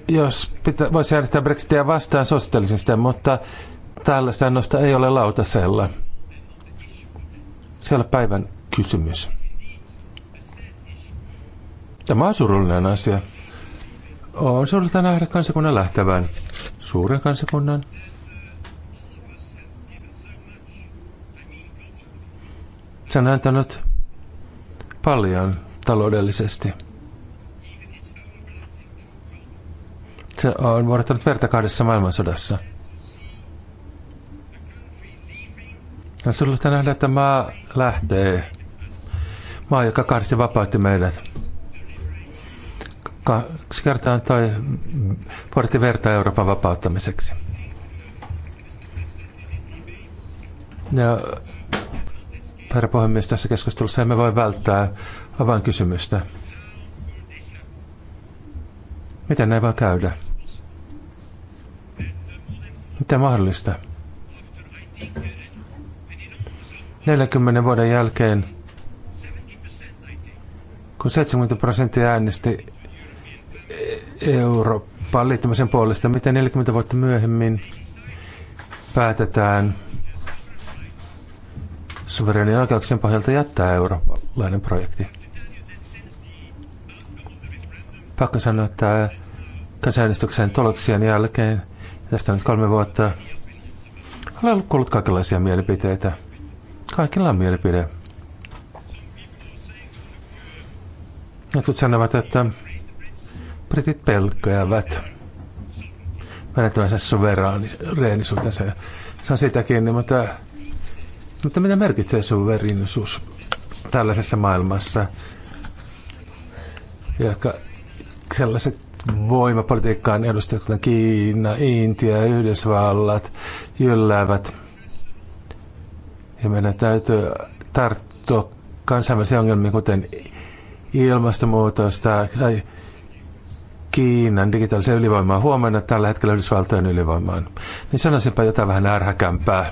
Jos pitä, voisi järjestää Brexitia vastaan, suosittelisin sitä, mutta tällaista annosta ei ole lautasella. Se on päivän kysymys. Tämä on surullinen asia. On surullista nähdä kansakunnan lähtevän. Suuren kansakunnan. Se on antanut paljon taloudellisesti. Se on vuorottanut verta kahdessa maailmansodassa. On surullista nähdä, että maa lähtee. Maa, joka kahdesti vapautti meidät kaksi kertaa toi portti verta Euroopan vapauttamiseksi. Ja herra puhemies, tässä keskustelussa emme voi välttää kysymystä. Miten näin voi käydä? Miten mahdollista? 40 vuoden jälkeen, kun 70 prosenttia äänesti Eurooppaan liittymisen puolesta, miten 40 vuotta myöhemmin päätetään suverenin oikeuksien pohjalta jättää eurooppalainen projekti. Pakko sanoa, että kansanäänestyksen tuloksien jälkeen, tästä nyt kolme vuotta, olen kuullut kaikenlaisia mielipiteitä. Kaikilla on mielipide. Jotkut sanovat, että Britit pelkäävät menettävänsä suvereenisuutensa. Se on sitäkin, niin mutta, mutta mitä merkitsee suverinisuus tällaisessa maailmassa? Jotka sellaiset voimapolitiikkaan edustajat, kuten Kiina, Intia ja Yhdysvallat, jylläävät. Ja meidän täytyy tarttua kansainvälisiin ongelmiin, kuten ilmastonmuutosta tai Kiinan digitaaliseen ylivoimaan huomenna, tällä hetkellä Yhdysvaltojen ylivoimaan, niin sanoisinpa jotain vähän ärhäkämpää.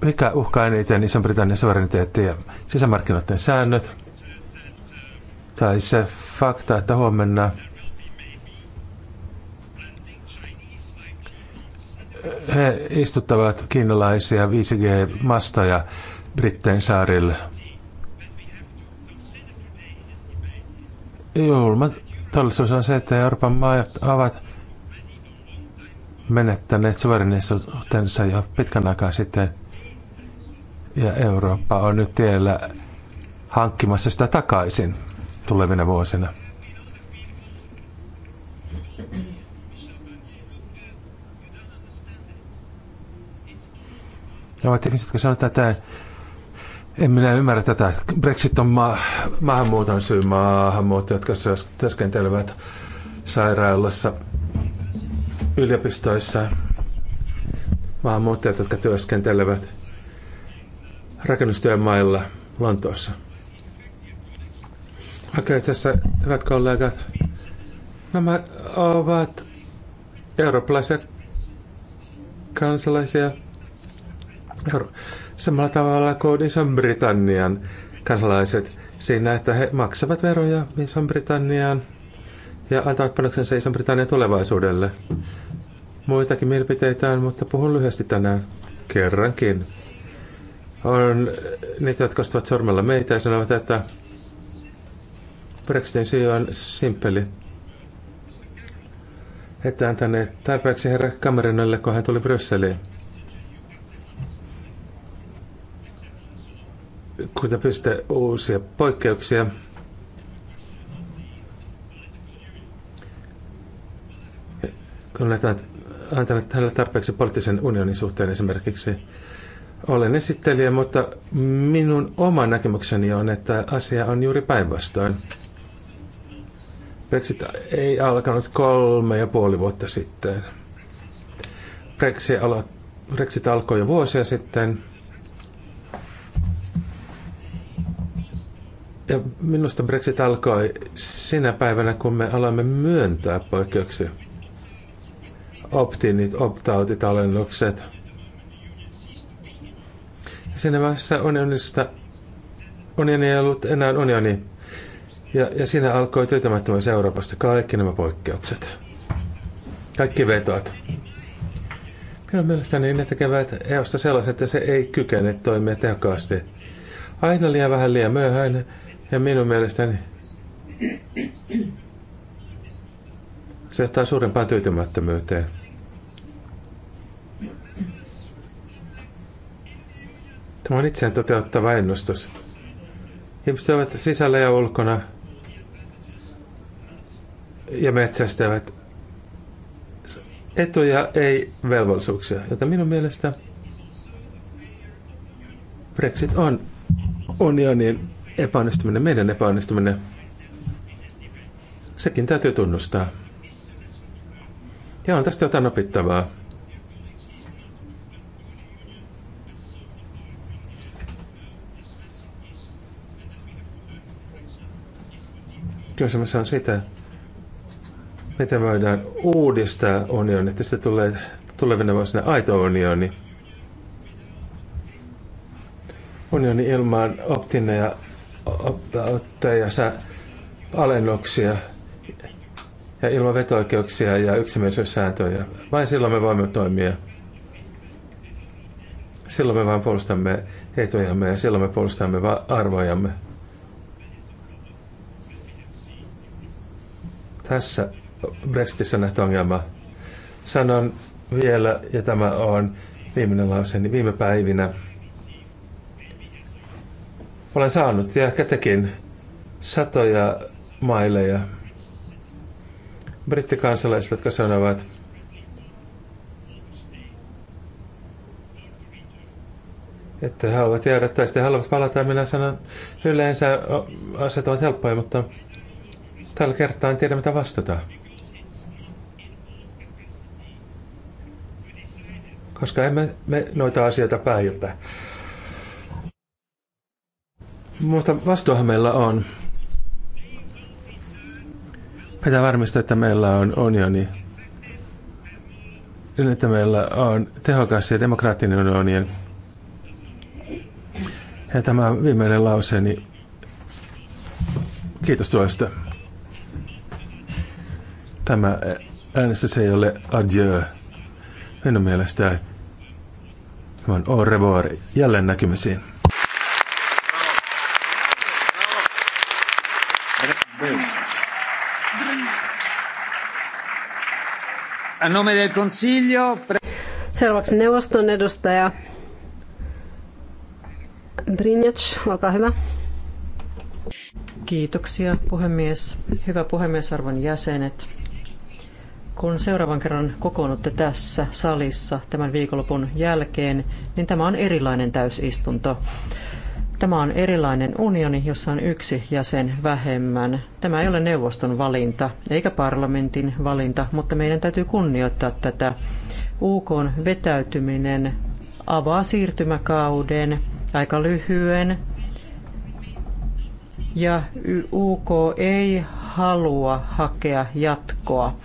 Mikä uhkaa eniten Iso-Britannian ja Sisämarkkinoiden säännöt tai se fakta, että huomenna he istuttavat kiinalaisia 5G-mastoja Britteen saarille – Julma todellisuus on se, että Euroopan maat ovat menettäneet suverenisuutensa jo pitkän aikaa sitten. Ja Eurooppa on nyt tiellä hankkimassa sitä takaisin tulevina vuosina. Ja ovat ihmiset, jotka sanotaan, että en minä ymmärrä tätä. Brexit on ma- maahanmuuton syy. Maahanmuuttajat, jotka työskentelevät sairaalassa, yliopistoissa. Maahanmuuttajat, jotka työskentelevät rakennustyömailla Lontoossa. Okei, tässä hyvät kollegat, nämä ovat eurooppalaisia kansalaisia, euro- samalla tavalla kuin Ison-Britannian kansalaiset siinä, että he maksavat veroja Ison-Britanniaan ja antavat panoksensa Ison-Britannian tulevaisuudelle. Muitakin mielipiteitä on, mutta puhun lyhyesti tänään kerrankin. On niitä, jotka ostavat sormella meitä ja sanovat, että Brexitin syy on simppeli. Että antaneet tarpeeksi herra Cameronille, kun hän tuli Brysseliin. kuten pystytte uusia poikkeuksia. Kun näitä antaneet tällä tarpeeksi poliittisen unionin suhteen esimerkiksi. Olen esittelijä, mutta minun oma näkemykseni on, että asia on juuri päinvastoin. Brexit ei alkanut kolme ja puoli vuotta sitten. Brexit, alo- Brexit alkoi jo vuosia sitten – Ja minusta Brexit alkoi sinä päivänä, kun me aloimme myöntää poikkeuksia. Optinit, optautit, alennukset. Siinä vaiheessa unionista, unioni ei ollut enää unioni. Ja, ja siinä alkoi tyytymättömyys Euroopasta. Kaikki nämä poikkeukset. Kaikki vetoat. Minun mielestäni ne tekevät EOsta sellaiset, että se ei kykene toimia tehokkaasti. Aina liian vähän liian myöhäinen ja minun mielestäni se johtaa suurempaan tyytymättömyyteen. Tämä on itseään toteuttava ennustus. Ihmiset ovat sisällä ja ulkona ja metsästävät etuja, ei velvollisuuksia. Joten minun mielestä Brexit on unionin epäonnistuminen, meidän epäonnistuminen, sekin täytyy tunnustaa. Ja on tästä jotain opittavaa. Kysymys on sitä, miten voidaan uudistaa unioni, että sitä tulee tulevina vuosina aito unioni. Unioni ilman optineja otteja, alennuksia ja ilman vetoikeuksia ja yksimielisyyssääntöjä. Vain silloin me voimme toimia. Silloin me vain puolustamme etujamme ja silloin me puolustamme arvojamme. Tässä Brexitissä nähty ongelma. Sanon vielä, ja tämä on viimeinen lause, niin viime päivinä olen saanut ja kätekin satoja maileja brittikansalaiset, jotka sanovat, että he haluavat jäädä tai sitten haluavat palata. Minä sanon, yleensä asiat ovat helppoja, mutta tällä kertaa en tiedä mitä vastata. Koska emme me noita asioita päätä. Mutta vastuuhan meillä on. Pitää varmistaa, että meillä on unioni. Niin, että meillä on tehokas ja demokraattinen unioni. Ja tämä viimeinen lause, niin Kiitos tuosta. Tämä äänestys ei ole adieu. Minun mielestäni tämä on au revoir. Jälleen näkymisiin. A nome del consiglio... Seuraavaksi neuvoston edustaja Brinjac, olkaa hyvä. Kiitoksia puhemies. Hyvä puhemies, arvon jäsenet. Kun seuraavan kerran kokoonnutte tässä salissa tämän viikonlopun jälkeen, niin tämä on erilainen täysistunto. Tämä on erilainen unioni, jossa on yksi jäsen vähemmän. Tämä ei ole neuvoston valinta eikä parlamentin valinta, mutta meidän täytyy kunnioittaa tätä. UK vetäytyminen avaa siirtymäkauden, aika lyhyen, ja UK ei halua hakea jatkoa.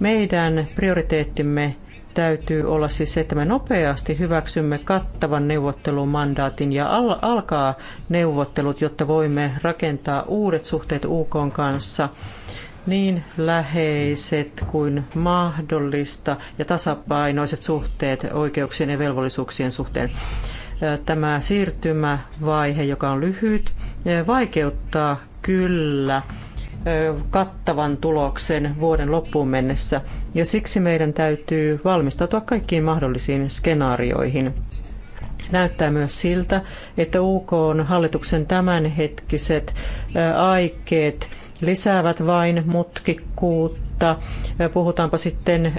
Meidän prioriteettimme täytyy olla siis se, että me nopeasti hyväksymme kattavan neuvottelumandaatin ja al- alkaa neuvottelut, jotta voimme rakentaa uudet suhteet UK kanssa niin läheiset kuin mahdollista ja tasapainoiset suhteet oikeuksien ja velvollisuuksien suhteen. Tämä siirtymävaihe, joka on lyhyt, vaikeuttaa kyllä kattavan tuloksen vuoden loppuun mennessä, ja siksi meidän täytyy valmistautua kaikkiin mahdollisiin skenaarioihin. Näyttää myös siltä, että UK on hallituksen tämänhetkiset aikeet lisäävät vain mutkikkuutta. Puhutaanpa sitten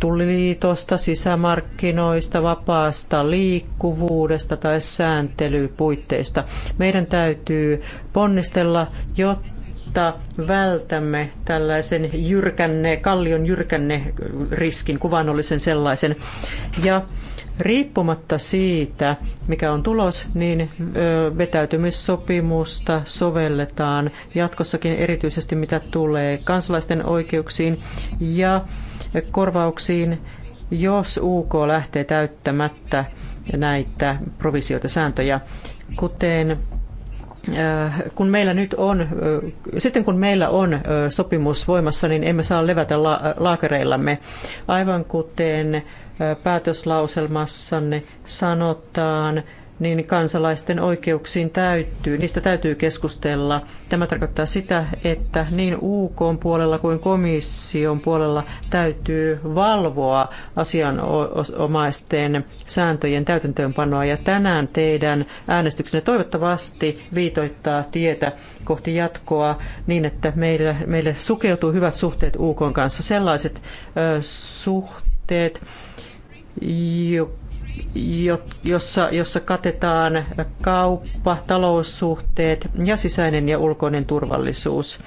tulliliitosta, sisämarkkinoista, vapaasta liikkuvuudesta tai sääntelypuitteista. Meidän täytyy ponnistella, jotta jotta vältämme tällaisen jyrkänne, kallion jyrkänne riskin, kuvanollisen sellaisen. Ja riippumatta siitä, mikä on tulos, niin vetäytymissopimusta sovelletaan jatkossakin erityisesti mitä tulee kansalaisten oikeuksiin ja korvauksiin, jos UK lähtee täyttämättä näitä provisioita sääntöjä. Kuten Äh, kun meillä nyt on, äh, sitten kun meillä on äh, sopimus voimassa, niin emme saa levätä la- laakereillamme. Aivan kuten päätöslauselmassanne sanotaan, niin kansalaisten oikeuksiin täytyy, niistä täytyy keskustella. Tämä tarkoittaa sitä, että niin UK puolella kuin komission puolella täytyy valvoa asianomaisten sääntöjen täytäntöönpanoa. Ja tänään teidän äänestyksenne toivottavasti viitoittaa tietä kohti jatkoa niin, että meille, meille sukeutuu hyvät suhteet UK kanssa. Sellaiset ö, suhteet, jossa, jossa katetaan kauppa, taloussuhteet ja sisäinen ja ulkoinen turvallisuus.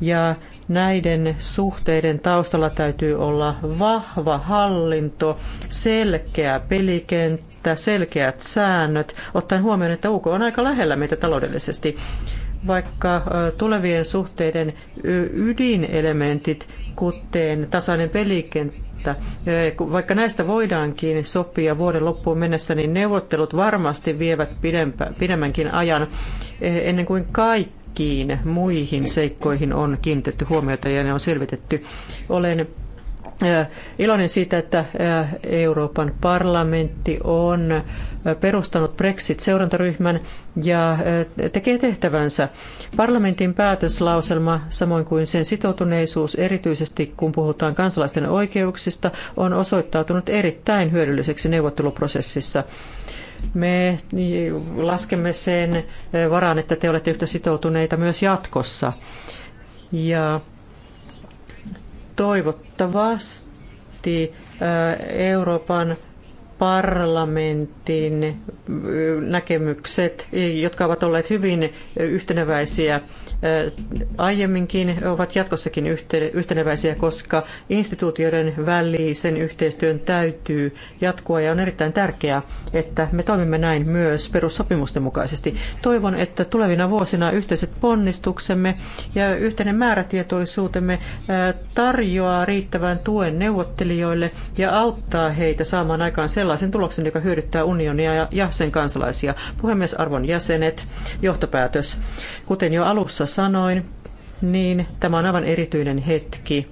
Ja näiden suhteiden taustalla täytyy olla vahva hallinto, selkeä pelikenttä, selkeät säännöt, ottaen huomioon, että UK on aika lähellä meitä taloudellisesti. Vaikka tulevien suhteiden ydinelementit, kuten tasainen pelikenttä, että e, vaikka näistä voidaankin sopia vuoden loppuun mennessä, niin neuvottelut varmasti vievät pidemmänkin ajan e, ennen kuin kaikkiin muihin seikkoihin on kiinnitetty huomiota ja ne on selvitetty. Olen iloinen siitä, että Euroopan parlamentti on perustanut Brexit-seurantaryhmän ja tekee tehtävänsä. Parlamentin päätöslauselma, samoin kuin sen sitoutuneisuus, erityisesti kun puhutaan kansalaisten oikeuksista, on osoittautunut erittäin hyödylliseksi neuvotteluprosessissa. Me laskemme sen varaan, että te olette yhtä sitoutuneita myös jatkossa. Ja Toivottavasti Euroopan parlamentin näkemykset, jotka ovat olleet hyvin yhteneväisiä aiemminkin ovat jatkossakin yhteneväisiä, koska instituutioiden välisen yhteistyön täytyy jatkua ja on erittäin tärkeää, että me toimimme näin myös perussopimusten mukaisesti. Toivon, että tulevina vuosina yhteiset ponnistuksemme ja yhteinen määrätietoisuutemme tarjoaa riittävän tuen neuvottelijoille ja auttaa heitä saamaan aikaan sellaisen tuloksen, joka hyödyttää unionia ja sen kansalaisia. Puhemies, arvon jäsenet, johtopäätös. Kuten jo alussa sanoin, niin tämä on aivan erityinen hetki.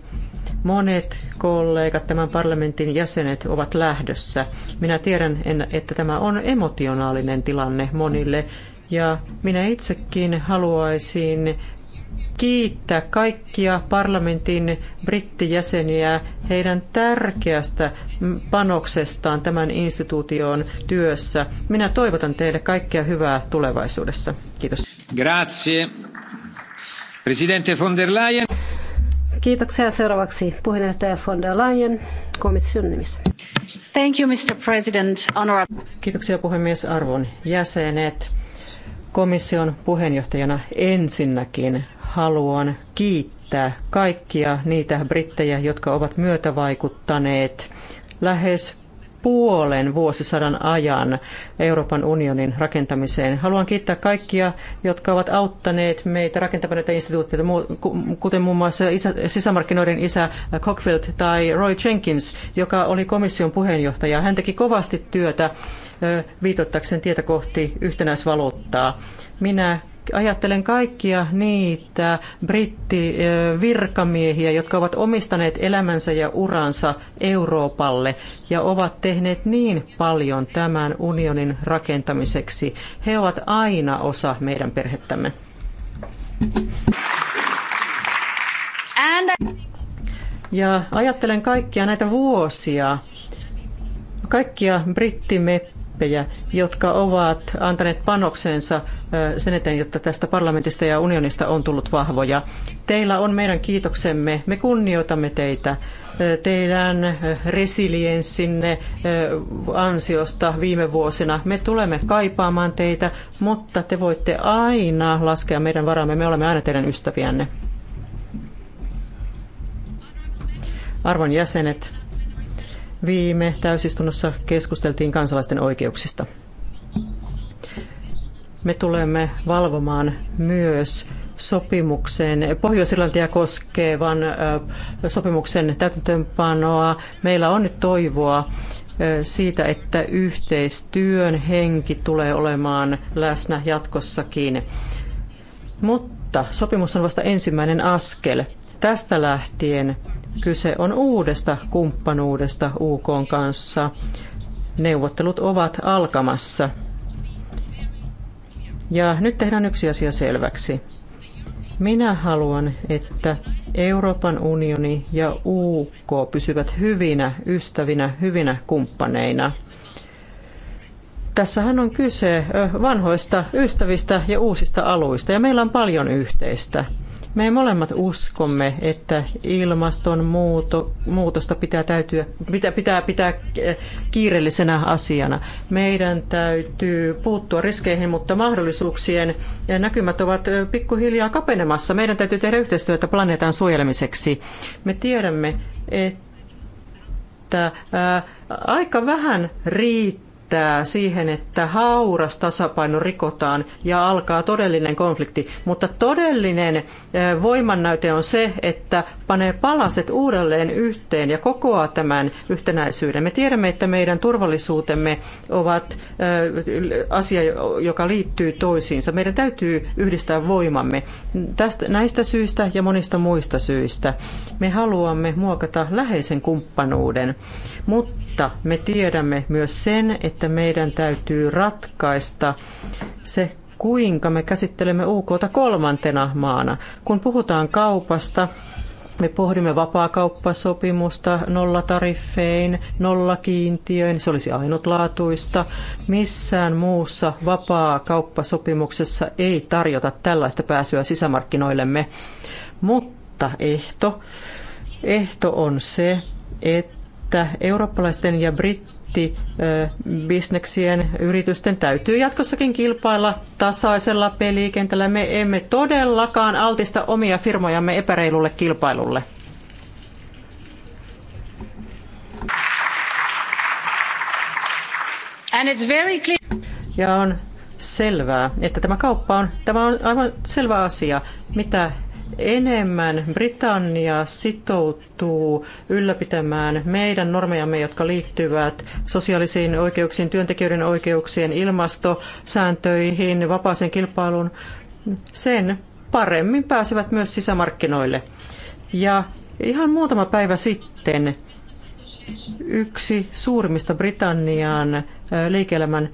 Monet kollegat, tämän parlamentin jäsenet ovat lähdössä. Minä tiedän, että tämä on emotionaalinen tilanne monille ja minä itsekin haluaisin kiittää kaikkia parlamentin brittijäseniä heidän tärkeästä panoksestaan tämän instituution työssä. Minä toivotan teille kaikkea hyvää tulevaisuudessa. Kiitos. Grazie. Presidente von der Leyen. Kiitoksia. Seuraavaksi puheenjohtaja von der Leyen komission nimissä. Thank you, Mr. President. Honorable. Kiitoksia puhemies arvon jäsenet. Komission puheenjohtajana ensinnäkin haluan kiittää kaikkia niitä brittejä, jotka ovat myötävaikuttaneet lähes puolen vuosisadan ajan Euroopan unionin rakentamiseen. Haluan kiittää kaikkia, jotka ovat auttaneet meitä rakentamaan näitä instituutioita, kuten muun muassa isä, sisämarkkinoiden isä Cockfield tai Roy Jenkins, joka oli komission puheenjohtaja. Hän teki kovasti työtä viitoittakseen tietä kohti yhtenäisvaluuttaa. Minä ajattelen kaikkia niitä brittivirkamiehiä, jotka ovat omistaneet elämänsä ja uransa Euroopalle ja ovat tehneet niin paljon tämän unionin rakentamiseksi. He ovat aina osa meidän perhettämme. Ja ajattelen kaikkia näitä vuosia, kaikkia brittimeppejä tyyppejä, jotka ovat antaneet panoksensa sen eteen, jotta tästä parlamentista ja unionista on tullut vahvoja. Teillä on meidän kiitoksemme. Me kunnioitamme teitä. Teidän resilienssinne ansiosta viime vuosina. Me tulemme kaipaamaan teitä, mutta te voitte aina laskea meidän varamme. Me olemme aina teidän ystäviänne. Arvon jäsenet, Viime täysistunnossa keskusteltiin kansalaisten oikeuksista. Me tulemme valvomaan myös sopimuksen, Pohjois-Irlantia koskevan sopimuksen täytäntöönpanoa. Meillä on nyt toivoa siitä, että yhteistyön henki tulee olemaan läsnä jatkossakin. Mutta sopimus on vasta ensimmäinen askel. Tästä lähtien Kyse on uudesta kumppanuudesta UK kanssa. Neuvottelut ovat alkamassa. Ja nyt tehdään yksi asia selväksi. Minä haluan, että Euroopan unioni ja UK pysyvät hyvinä ystävinä, hyvinä kumppaneina. Tässähän on kyse vanhoista ystävistä ja uusista aluista, ja meillä on paljon yhteistä. Me molemmat uskomme, että ilmastonmuutosta pitää, täytyä, pitää, pitää pitää eh, kiireellisenä asiana. Meidän täytyy puuttua riskeihin, mutta mahdollisuuksien eh, näkymät ovat eh, pikkuhiljaa kapenemassa. Meidän täytyy tehdä yhteistyötä planeetan suojelemiseksi. Me tiedämme, että aika vähän riittää riittää siihen, että hauras tasapaino rikotaan ja alkaa todellinen konflikti. Mutta todellinen eh, voimannäyte on se, että panee palaset uudelleen yhteen ja kokoaa tämän yhtenäisyyden. Me tiedämme, että meidän turvallisuutemme ovat eh, asia, joka liittyy toisiinsa. Meidän täytyy yhdistää voimamme Tästä, näistä syistä ja monista muista syistä. Me haluamme muokata läheisen kumppanuuden, mutta mutta me tiedämme myös sen, että meidän täytyy ratkaista se, kuinka me käsittelemme UKta kolmantena maana. Kun puhutaan kaupasta, me pohdimme vapaakauppasopimusta nollatariffein, nollakiintiöin, se olisi ainutlaatuista. Missään muussa vapaakauppasopimuksessa ei tarjota tällaista pääsyä sisämarkkinoillemme. Mutta ehto, ehto on se, että että eurooppalaisten ja brittibisneksien yritysten täytyy jatkossakin kilpailla tasaisella pelikentällä. Me emme todellakaan altista omia firmojamme epäreilulle kilpailulle. And it's very clear. Ja on selvää, että tämä kauppa on, tämä on aivan selvä asia, mitä enemmän Britannia sitoutuu ylläpitämään meidän normejamme, jotka liittyvät sosiaalisiin oikeuksiin, työntekijöiden oikeuksien, ilmastosääntöihin, vapaaseen kilpailuun, sen paremmin pääsevät myös sisämarkkinoille. Ja ihan muutama päivä sitten yksi suurimmista Britannian liike-elämän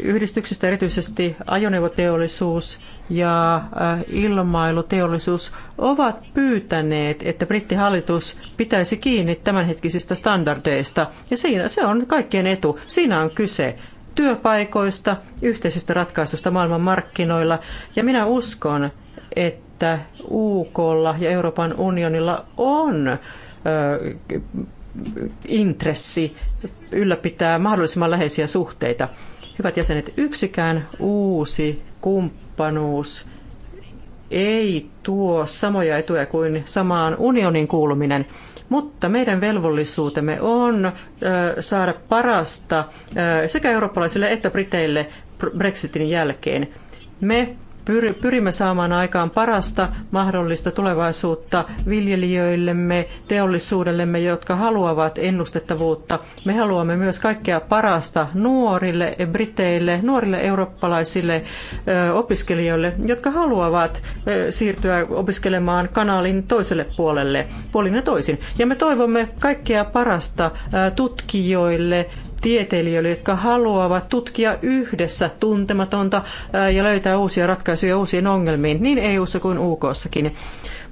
yhdistyksistä erityisesti ajoneuvoteollisuus ja äh, ilmailuteollisuus ovat pyytäneet, että brittihallitus pitäisi kiinni tämänhetkisistä standardeista. Ja siinä, se on kaikkien etu. Siinä on kyse työpaikoista, yhteisistä ratkaisuista, maailmanmarkkinoilla. Ja minä uskon, että UKlla ja Euroopan unionilla on ö, äh, intressi ylläpitää mahdollisimman läheisiä suhteita. Hyvät jäsenet, yksikään uusi kumppanuus ei tuo samoja etuja kuin samaan unionin kuuluminen, mutta meidän velvollisuutemme on saada parasta sekä eurooppalaisille että briteille Brexitin jälkeen. Me pyrimme saamaan aikaan parasta mahdollista tulevaisuutta viljelijöillemme, teollisuudellemme, jotka haluavat ennustettavuutta. Me haluamme myös kaikkea parasta nuorille briteille, nuorille eurooppalaisille opiskelijoille, jotka haluavat siirtyä opiskelemaan kanaalin toiselle puolelle, puolin ja toisin. Ja me toivomme kaikkea parasta tutkijoille, tieteilijöille, jotka haluavat tutkia yhdessä tuntematonta ja löytää uusia ratkaisuja uusiin ongelmiin, niin EU-ssa kuin UK-ssakin.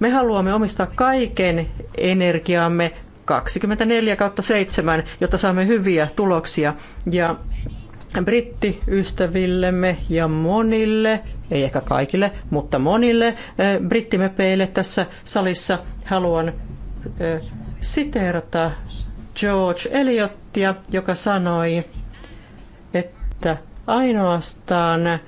Me haluamme omistaa kaiken energiamme 24 7, jotta saamme hyviä tuloksia. Ja brittiystävillemme ja monille, ei ehkä kaikille, mutta monille brittimepeille tässä salissa haluan siteerata George Eliottia, joka sanoi, että ainoastaan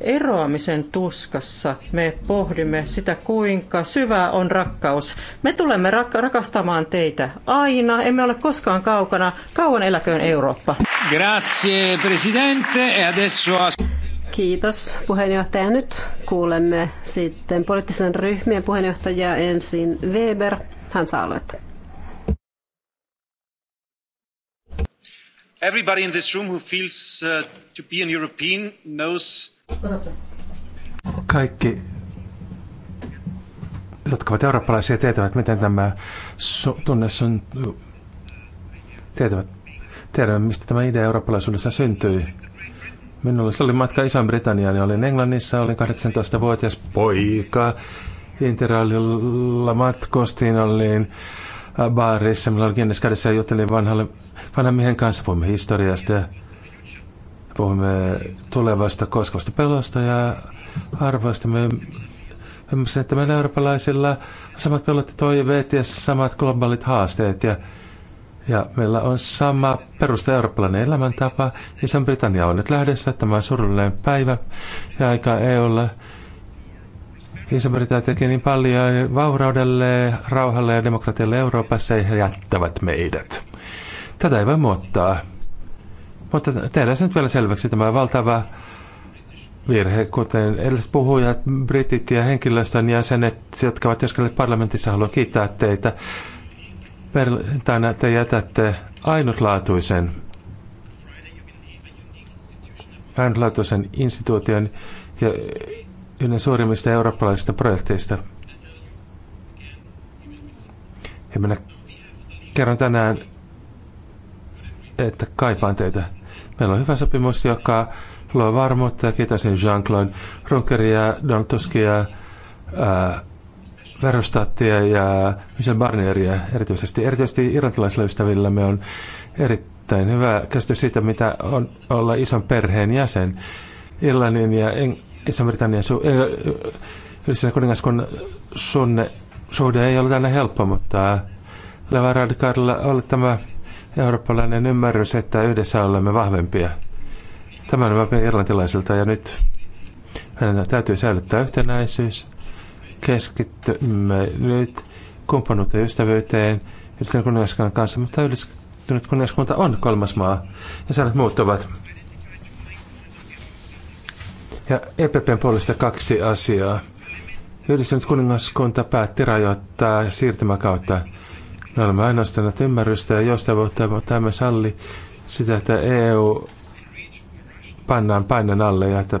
eroamisen tuskassa me pohdimme sitä, kuinka syvä on rakkaus. Me tulemme rak- rakastamaan teitä aina, emme ole koskaan kaukana. Kauan eläköön Eurooppa. Grazie, presidente. E adesso... Kiitos puheenjohtaja. Nyt kuulemme sitten poliittisen ryhmien puheenjohtajaa ensin Weber. Hän saa aloittaa. Everybody in this room who feels uh, to be an European knows... Kaikki, jotka ovat eurooppalaisia, tietävät, miten tämä so, tunne on... Tietävät, tiedämme, mistä tämä idea eurooppalaisuudessa syntyi. Minulla se oli matka Iso-Britanniaan ja niin olin Englannissa, olin 18-vuotias poika. Interraililla matkostiin, olin äh, baarissa, minulla oli kädessä ja juttelin vanhalle vanhan miehen kanssa, puhumme historiasta ja puhumme tulevasta koskevasta pelosta ja arvoista. Me ymmärsin, että meillä eurooppalaisilla samat pelot ja toiveet ja samat globaalit haasteet ja ja meillä on sama perusta eurooppalainen elämäntapa. Iso-Britannia on nyt lähdössä. Tämä on surullinen päivä ja aika olla. Iso-Britannia teki niin paljon vauraudelle, rauhalle ja demokratialle Euroopassa ja he jättävät meidät. Tätä ei voi muuttaa. Mutta tehdään se nyt vielä selväksi tämä valtava virhe, kuten edelliset puhujat, britit ja henkilöstön jäsenet, jotka ovat työskennelleet parlamentissa, haluan kiittää teitä. Perjantaina te jätätte ainutlaatuisen, ainutlaatuisen instituution ja yhden suurimmista eurooppalaisista projekteista. Ja minä kerron tänään että kaipaan teitä. Meillä on hyvä sopimus, joka luo varmuutta ja kiitäisin Jean-Claude Runkeria, Donald Tuskia, Verostattia ja Michel Barnieria erityisesti. Erityisesti irlantilaisilla me on erittäin hyvä käsitys siitä, mitä on olla ison perheen jäsen. Irlannin ja Eng- Iso-Britannian su- Yhdistyneen kuningaskunnan sunne suhde ei ole aina helppo, mutta Levarad Karilla tämä eurooppalainen ymmärrys, että yhdessä olemme vahvempia. Tämä on irlantilaisilta ja nyt meidän täytyy säilyttää yhtenäisyys. Keskittymme nyt kumppanuuteen ja ystävyyteen yhdistyneen kuningaskunnan kanssa, mutta yhdistynyt kuningaskunta on kolmas maa ja säännöt muuttuvat. Ja EPPn puolesta kaksi asiaa. Yhdistynyt kuningaskunta päätti rajoittaa siirtymäkautta kautta me olemme ainoastaan ymmärrystä ja joustavuutta, mutta tämä salli sitä, että EU pannaan painan alle ja että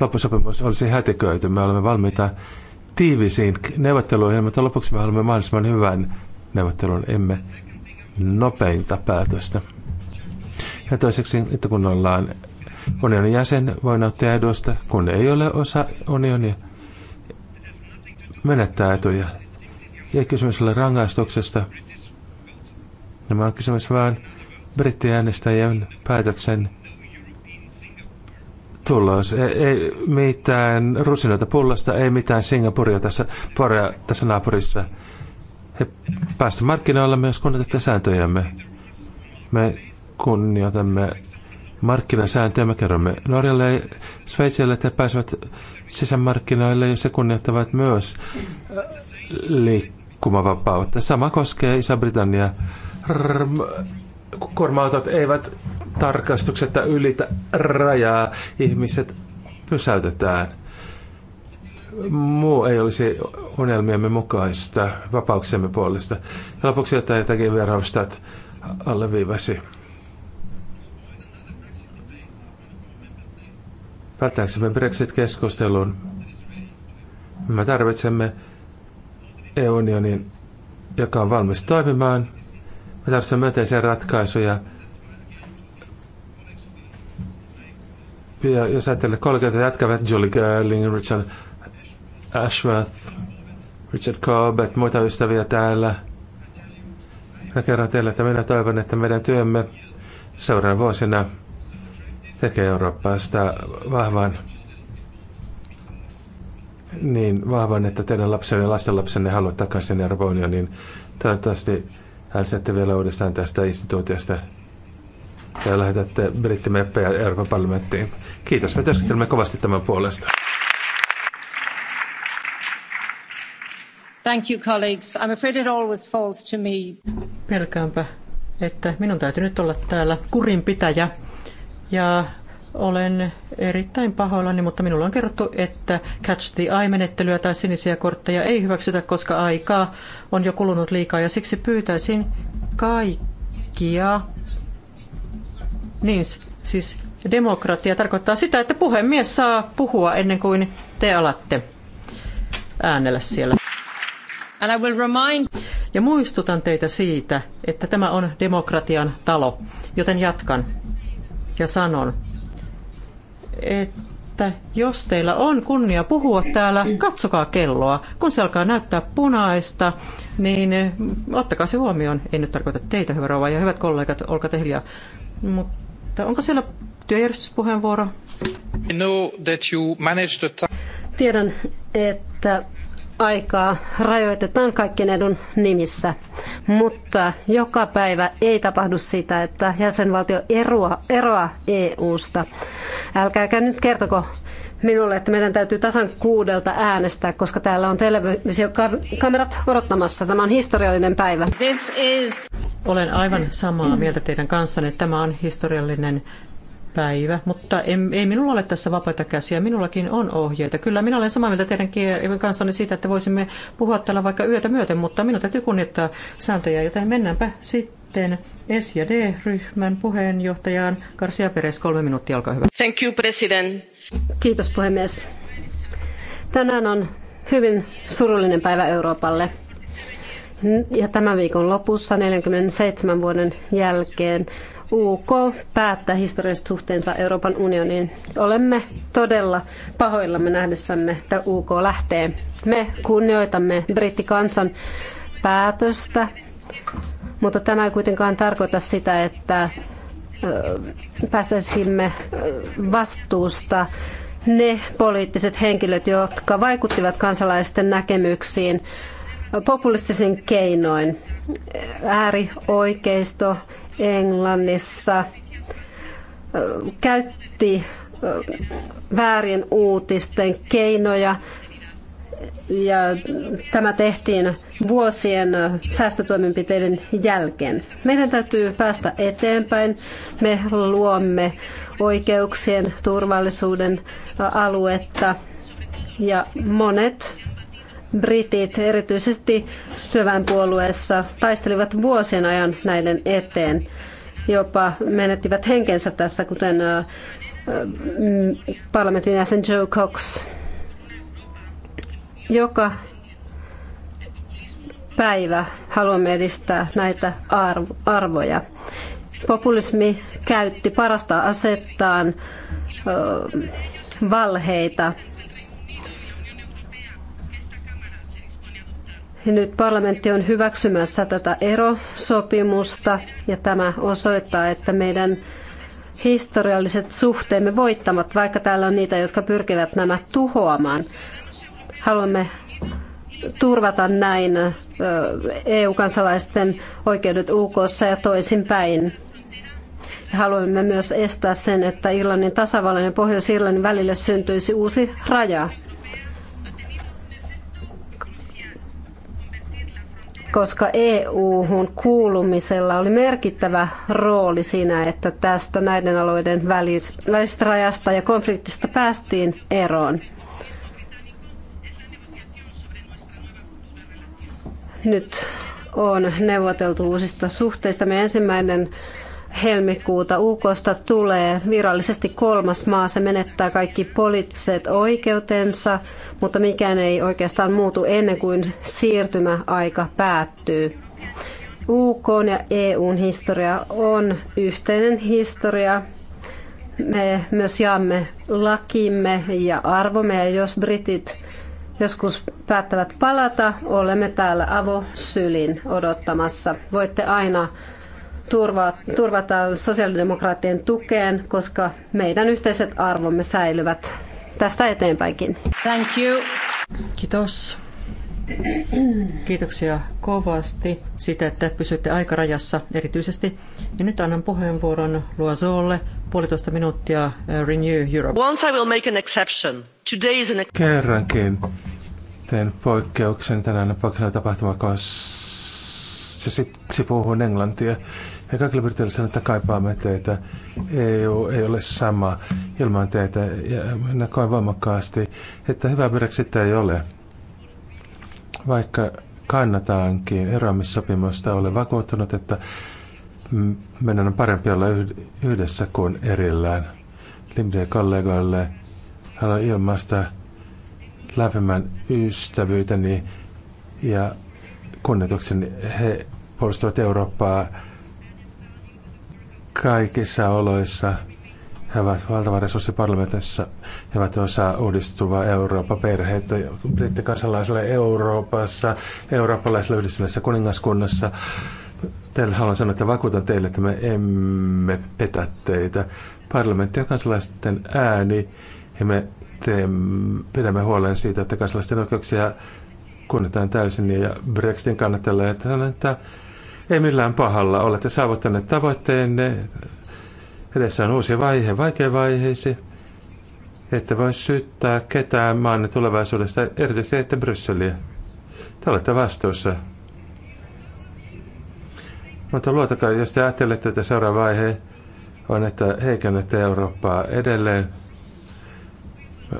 loppusopimus olisi hätiköity. Me olemme valmiita tiivisiin neuvotteluihin, mutta lopuksi me haluamme mahdollisimman hyvän neuvottelun, emme nopeinta päätöstä. Ja toiseksi, että kun ollaan unionin jäsen, voi nauttia edusta, kun ei ole osa unionia, menettää etuja ei kysymys ole rangaistuksesta. Nämä on kysymys vain brittiäänestäjien päätöksen tulos. Ei, ei mitään rusinoita pullosta, ei mitään Singapuria tässä, Porea, tässä naapurissa. He päästä markkinoilla myös kunnioitatte sääntöjämme. Me kunnioitamme markkinasääntöjä. Me kerromme Norjalle ja Sveitsille, että he pääsevät sisämarkkinoille, jos he kunnioittavat myös äh, liikkeelle liikkumavapautta. Sama koskee Iso-Britannia. Kuorma-autot eivät tarkastuksetta ylitä rajaa. Ihmiset pysäytetään. Muu ei olisi unelmiemme mukaista vapauksemme puolesta. Ja lopuksi jotain jotakin Verhofstadt alleviivasi. Päättääksemme Brexit-keskustelun me tarvitsemme EU-unionin, joka on valmis toimimaan. Me tarvitsemme myönteisiä ratkaisuja. Ja jos ajattelee kollegoita, jatkavat Julie Gerling, Richard Ashworth, Richard Corbett, muita ystäviä täällä. Mä kerron teille, että minä toivon, että meidän työmme seuraavana vuosina tekee sitä vahvan niin vahvan, että teidän lapsenne ja lastenlapsenne haluavat takaisin Euroopan niin Toivottavasti äänestätte vielä uudestaan tästä instituutiosta ja lähetätte brittimeppejä Euroopan parlamenttiin. Kiitos, me työskentelemme kovasti tämän puolesta. Thank you, colleagues. I'm afraid it always falls to me. Pelkäänpä, että minun täytyy nyt olla täällä kurinpitäjä. Ja olen erittäin pahoillani, mutta minulle on kerrottu, että catch the eye-menettelyä tai sinisiä kortteja ei hyväksytä, koska aikaa on jo kulunut liikaa ja siksi pyytäisin kaikkia. Niin, siis demokratia tarkoittaa sitä, että puhemies saa puhua ennen kuin te alatte äänellä siellä. And I will remind... Ja muistutan teitä siitä, että tämä on demokratian talo, joten jatkan ja sanon, että jos teillä on kunnia puhua täällä, katsokaa kelloa. Kun se alkaa näyttää punaista, niin eh, ottakaa se huomioon. En nyt tarkoita teitä, hyvä rouva, ja hyvät kollegat, olkaa tehliä. Mutta onko siellä työjärjestyspuheenvuoro? Tiedän, että aikaa rajoitetaan kaikkien edun nimissä, mutta joka päivä ei tapahdu sitä, että jäsenvaltio eroa, eroa EU-sta. Älkääkä nyt kertoko minulle, että meidän täytyy tasan kuudelta äänestää, koska täällä on televisiokamerat odottamassa. Tämä on historiallinen päivä. Is... Olen aivan samaa mieltä teidän kanssanne. Tämä on historiallinen päivä, mutta en, ei minulla ole tässä vapaita käsiä, minullakin on ohjeita. Kyllä minä olen samaa mieltä teidän kanssanne siitä, että voisimme puhua täällä vaikka yötä myöten, mutta minun täytyy kunnioittaa sääntöjä, joten mennäänpä sitten S- ja D-ryhmän puheenjohtajaan. Karsia Peres, kolme minuuttia, olkaa hyvä. Thank you, president. Kiitos puhemies. Tänään on hyvin surullinen päivä Euroopalle. Ja tämän viikon lopussa 47 vuoden jälkeen UK päättää historialliset suhteensa Euroopan unioniin. Olemme todella pahoillamme nähdessämme, että UK lähtee. Me kunnioitamme brittikansan päätöstä, mutta tämä ei kuitenkaan tarkoita sitä, että päästäisimme vastuusta ne poliittiset henkilöt, jotka vaikuttivat kansalaisten näkemyksiin populistisin keinoin. Äärioikeisto, Englannissa käytti väärin uutisten keinoja ja tämä tehtiin vuosien säästötoimenpiteiden jälkeen. Meidän täytyy päästä eteenpäin. Me luomme oikeuksien turvallisuuden aluetta ja monet britit erityisesti syvän puolueessa taistelivat vuosien ajan näiden eteen. Jopa menettivät henkensä tässä, kuten mm, parlamentin jäsen Joe Cox. Joka päivä haluamme edistää näitä arvoja. Populismi käytti parasta asettaan valheita Nyt parlamentti on hyväksymässä tätä erosopimusta ja tämä osoittaa, että meidän historialliset suhteemme voittamat, vaikka täällä on niitä, jotka pyrkivät nämä tuhoamaan. Haluamme turvata näin EU-kansalaisten oikeudet UKssa ja toisinpäin. Haluamme myös estää sen, että Irlannin tasavallan ja Pohjois-Irlannin välille syntyisi uusi raja. koska EU-hun kuulumisella oli merkittävä rooli siinä, että tästä näiden alueiden välisestä rajasta ja konfliktista päästiin eroon. Nyt on neuvoteltu uusista suhteista. Me ensimmäinen helmikuuta UKsta tulee virallisesti kolmas maa. Se menettää kaikki poliittiset oikeutensa, mutta mikään ei oikeastaan muutu ennen kuin siirtymäaika päättyy. UK ja EUn historia on yhteinen historia. Me myös jaamme lakimme ja arvomme ja jos britit joskus päättävät palata, olemme täällä avosylin odottamassa. Voitte aina turvata sosiaalidemokraattien tukeen, koska meidän yhteiset arvomme säilyvät tästä eteenpäinkin. Thank you. Kiitos. Kiitoksia kovasti siitä, että pysytte aikarajassa erityisesti. Ja nyt annan puheenvuoron Luazolle puolitoista minuuttia eh, Renew Europe. Once I will make an exception. Today is an... Kerrankin teen poikkeuksen tänään poikkeuksena tapahtuma, koska se puhuu englantia. Ja kaikille Briteille että kaipaamme teitä. EU ei ole sama ilman teitä. Ja minä koen voimakkaasti, että hyvä Brexit ei ole. Vaikka kannataankin eroamissopimusta, olen vakuuttunut, että meidän on parempi olla yhdessä kuin erillään. Limden kollegoille haluan ilmaista lämpimän ystävyyteni ja kunnioitukseni. He puolustavat Eurooppaa kaikissa oloissa. He ovat valtava resurssi parlamentissa. He ovat osa uudistuvaa Eurooppa-perhettä. Brittikansalaisille Euroopassa, eurooppalaisille yhdistyneessä kuningaskunnassa. Teille haluan sanoa, että vakuutan teille, että me emme petä teitä. Parlamentti on kansalaisten ääni ja me teemme, pidämme huolen siitä, että kansalaisten oikeuksia kunnetaan täysin ja Brexitin kannattelee, että, että ei millään pahalla. Olette saavuttaneet tavoitteenne. Edessä on uusi vaihe, vaikea vaiheisi. Ette voi syyttää ketään maanne tulevaisuudesta, erityisesti ette Brysseliä. Te olette vastuussa. Mutta luotakaa, jos te ajattelette, että seuraava vaihe on, että heikennätte Eurooppaa edelleen.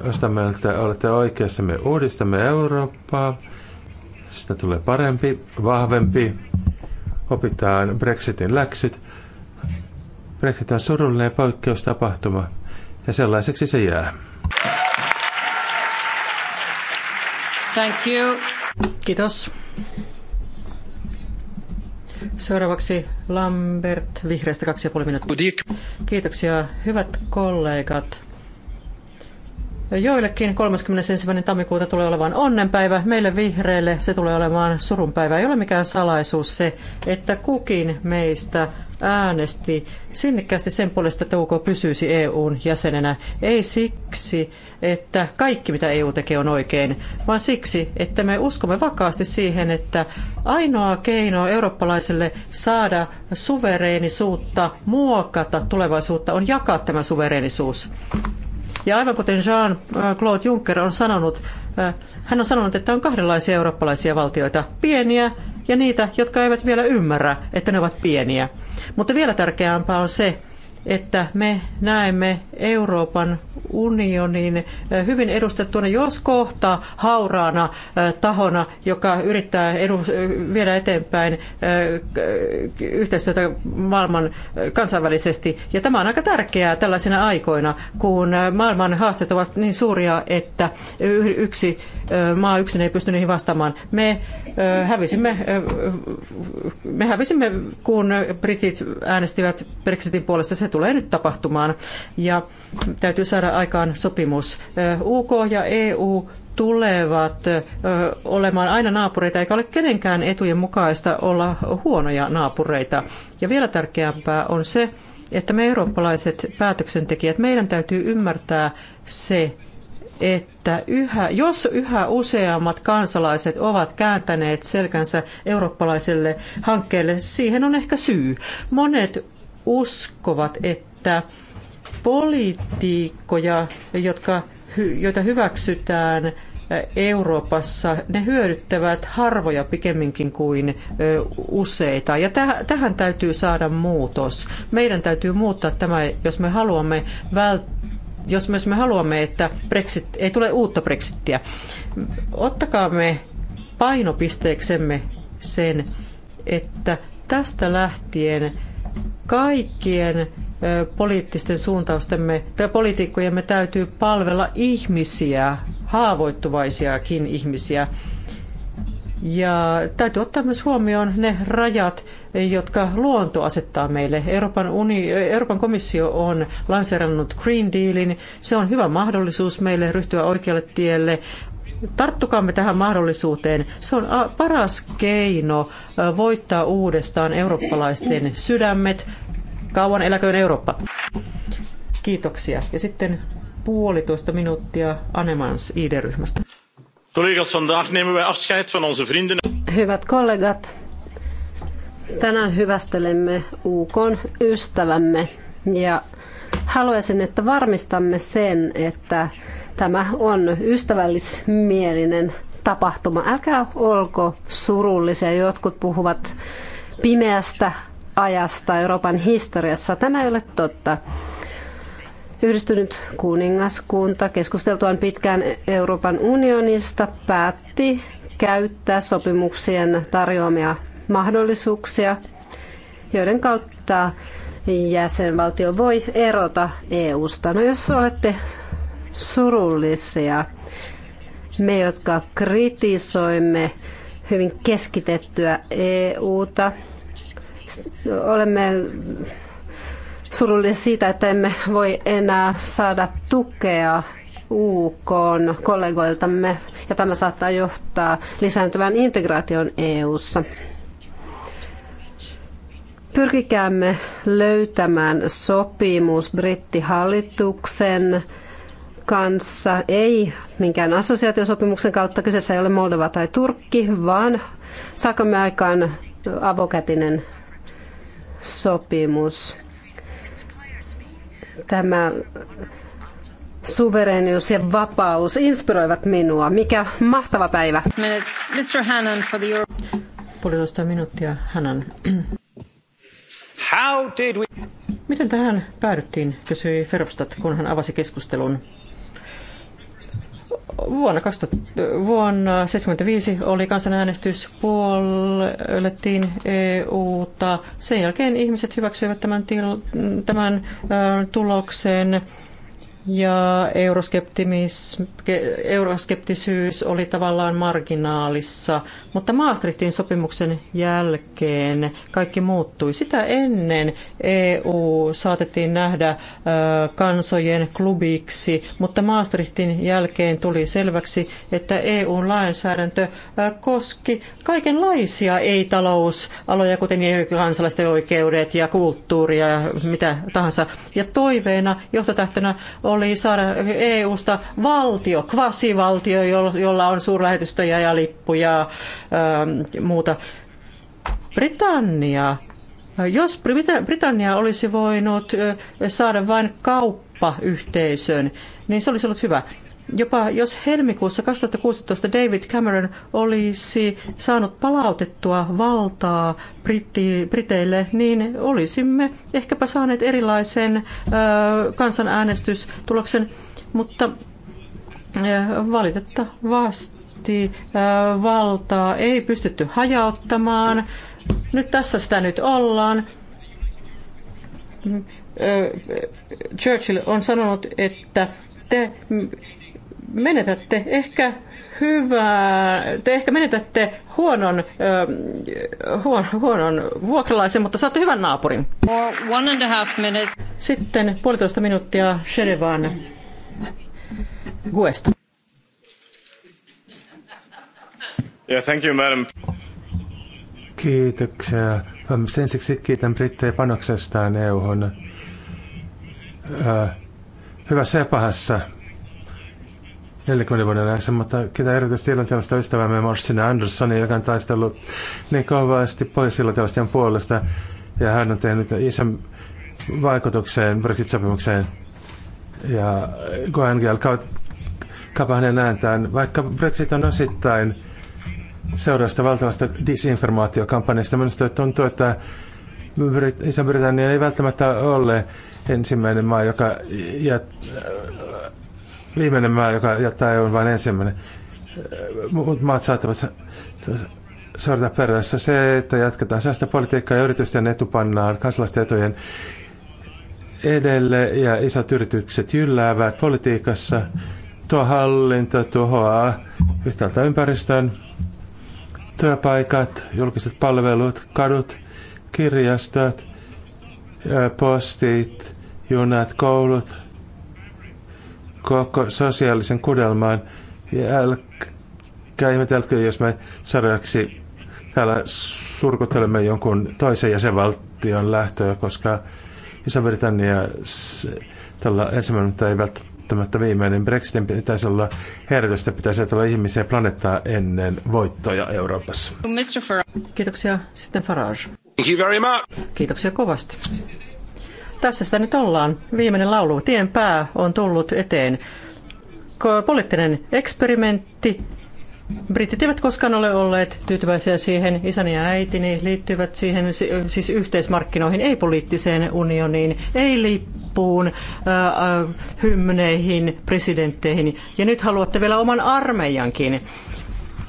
ostamme, että olette oikeassa, me uudistamme Eurooppaa. Sitä tulee parempi, vahvempi, opitaan Brexitin läksyt. Brexit on surullinen poikkeustapahtuma ja sellaiseksi se jää. Thank you. Kiitos. Seuraavaksi Lambert Vihreästä 2,5 minuuttia. Kiitoksia hyvät kollegat. Joillekin 31. tammikuuta tulee olemaan onnenpäivä, meille vihreille se tulee olemaan surunpäivä. Ei ole mikään salaisuus se, että kukin meistä äänesti sinnikkäästi sen puolesta, että UK pysyisi EUn jäsenenä. Ei siksi, että kaikki mitä EU tekee on oikein, vaan siksi, että me uskomme vakaasti siihen, että ainoa keino eurooppalaiselle saada suvereenisuutta, muokata tulevaisuutta on jakaa tämä suvereenisuus. Ja aivan kuten Jean-Claude Juncker on sanonut, eh, hän on sanonut, että on kahdenlaisia eurooppalaisia valtioita. Pieniä ja niitä, jotka eivät vielä ymmärrä, että ne ovat pieniä. Mutta vielä tärkeämpää on se, että me näemme Euroopan unionin eh, hyvin edustettuna, jos kohta hauraana eh, tahona, joka yrittää edu, eh, viedä eteenpäin yhteistyötä maailman kansainvälisesti. Ja tämä on aika tärkeää tällaisina aikoina, kun maailman haasteet ovat niin suuria, että yksi maa yksin ei pysty niihin vastaamaan. Me hävisimme, me hävisimme kun britit äänestivät Brexitin puolesta. Se tulee nyt tapahtumaan ja täytyy saada aikaan sopimus. UK ja EU tulevat olemaan aina naapureita, eikä ole kenenkään etujen mukaista olla huonoja naapureita. Ja vielä tärkeämpää on se, että me eurooppalaiset päätöksentekijät, meidän täytyy ymmärtää se, että yhä, jos yhä useammat kansalaiset ovat kääntäneet selkänsä eurooppalaiselle hankkeelle, siihen on ehkä syy. Monet uskovat, että poliitikkoja, jotka, joita hyväksytään Euroopassa, ne hyödyttävät harvoja pikemminkin kuin useita. Ja tähän täytyy saada muutos. Meidän täytyy muuttaa tämä, jos me haluamme välttää jos myös me haluamme, että Brexit, ei tule uutta Brexittiä, ottakaamme painopisteeksemme sen, että tästä lähtien kaikkien poliittisten suuntaustemme tai poliitikkojemme täytyy palvella ihmisiä, haavoittuvaisiakin ihmisiä. Ja täytyy ottaa myös huomioon ne rajat, jotka luonto asettaa meille. Euroopan, uni, Euroopan komissio on lanseerannut Green Dealin. Se on hyvä mahdollisuus meille ryhtyä oikealle tielle, Tarttukaamme tähän mahdollisuuteen. Se on äh, paras keino äh, voittaa uudestaan eurooppalaisten sydämet. Kauan eläköön Eurooppa. Kiitoksia. Ja sitten puolitoista minuuttia Anemans ID-ryhmästä. Collega's, vandaag nemen wij afscheid van onze vrienden. Hyvät kollegat, tänään hyvästelemme UK ystävämme ja haluaisin, että varmistamme sen, että Tämä on ystävällismielinen tapahtuma. Älkää olko surullisia. Jotkut puhuvat pimeästä ajasta Euroopan historiassa. Tämä ei ole totta. Yhdistynyt kuningaskunta keskusteltuaan pitkään Euroopan unionista päätti käyttää sopimuksien tarjoamia mahdollisuuksia, joiden kautta jäsenvaltio voi erota EUsta. No jos olette surullisia. Me, jotka kritisoimme hyvin keskitettyä EUta, olemme surullisia siitä, että emme voi enää saada tukea UK kollegoiltamme, ja tämä saattaa johtaa lisääntyvään integraation EU:ssa. Pyrkikäämme löytämään sopimus brittihallituksen kanssa, ei minkään assosiaatiosopimuksen kautta, kyseessä ei ole Moldova tai Turkki, vaan saakamme aikaan avokätinen sopimus. Tämä suvereenius ja vapaus inspiroivat minua. Mikä mahtava päivä. Mr. for the Euro- Puolitoista minuuttia Hannan. How did we... Miten tähän päädyttiin, kysyi Verhofstadt, kun hän avasi keskustelun. Vuonna, 2000, vuonna 1975 oli kansanäänestys, puolettiin EUta. Sen jälkeen ihmiset hyväksyivät tämän, til, tämän tuloksen ja euroskeptisyys oli tavallaan marginaalissa, mutta Maastrichtin sopimuksen jälkeen kaikki muuttui. Sitä ennen EU saatettiin nähdä kansojen klubiksi, mutta Maastrichtin jälkeen tuli selväksi, että EUn lainsäädäntö koski kaikenlaisia ei-talousaloja, kuten kansalaisten oikeudet ja kulttuuria ja mitä tahansa. Ja toiveena, johtotähtönä oli saada EU-sta valtio, kvasivaltio, jolla on suurlähetystöjä ja lippuja ja ähm, muuta. Britannia jos Britannia olisi voinut äh, saada vain kauppayhteisön, niin se olisi ollut hyvä. Jopa jos helmikuussa 2016 David Cameron olisi saanut palautettua valtaa Britti, Briteille, niin olisimme ehkäpä saaneet erilaisen ö, kansanäänestystuloksen, mutta ö, valitettavasti ö, valtaa ei pystytty hajauttamaan. Nyt tässä sitä nyt ollaan. Churchill on sanonut, että te menetätte ehkä hyvää, te ehkä menetätte huonon, huon, huonon vuokralaisen, mutta saatte hyvän naapurin. Sitten puolitoista minuuttia Sherevan Guesta. Yeah, thank you, madam. Kiitoksia. Ensiksi kiitän brittejä panoksestaan EU-hon. Hyvä pahassa, 40 vuoden ajan, mutta ketä erityisesti irlantilaista ystävämme Morsin Anderssonia, joka on taistellut niin kovasti pois irlantilaisten puolesta, ja hän on tehnyt isän vaikutukseen Brexit-sopimukseen. Ja Goengel kautta hänen ääntään, vaikka Brexit on osittain seurausta valtavasta disinformaatiokampanjasta. Minusta tuntuu, että Iso-Britannia ei välttämättä ole ensimmäinen maa, joka jät, viimeinen maa, joka jättää EU vain ensimmäinen. Äh, muut maat saattavat sorta perässä. Se, että jatketaan politiikkaa ja yritysten etupannaan kansalaisten etujen edelle ja isot yritykset jylläävät politiikassa. Tuo hallinto tuhoaa yhtäältä ympäristön, työpaikat, julkiset palvelut, kadut, kirjastot, postit, junat, koulut, koko sosiaalisen kudelmaan. Ja älkää ihmetelkö, jos me sarjaksi täällä surkuttelemme jonkun toisen jäsenvaltion lähtöä, koska Iso-Britannia tällä ensimmäinen tai välttämättä viimeinen Brexitin pitäisi olla herätystä, pitäisi olla ihmisiä planeettaa ennen voittoja Euroopassa. Kiitoksia. Sitten Farage. Thank you very much. Kiitoksia kovasti. Tässä sitä nyt ollaan. Viimeinen laulu. Tien pää on tullut eteen. Poliittinen eksperimentti. Britit eivät koskaan ole olleet tyytyväisiä siihen. Isäni ja äitini liittyvät siihen siis yhteismarkkinoihin, ei poliittiseen unioniin, ei lippuun, äh, äh, hymneihin, presidentteihin. Ja nyt haluatte vielä oman armeijankin.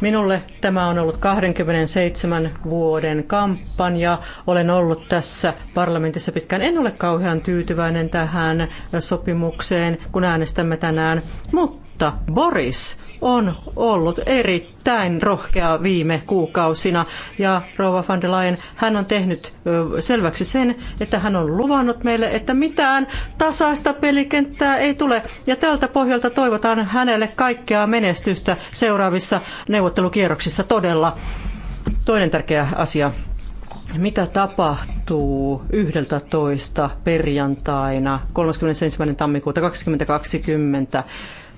Minulle tämä on ollut 27 vuoden kampanja. Olen ollut tässä parlamentissa pitkään. En ole kauhean tyytyväinen tähän sopimukseen, kun äänestämme tänään, mutta Boris on ollut erittäin rohkea viime kuukausina. Ja Rova van der Leyen, hän on tehnyt selväksi sen, että hän on luvannut meille, että mitään tasaista pelikenttää ei tule. Ja tältä pohjalta toivotan hänelle kaikkea menestystä seuraavissa neuvottelukierroksissa todella. Toinen tärkeä asia mitä tapahtuu 11. perjantaina 31. tammikuuta 2020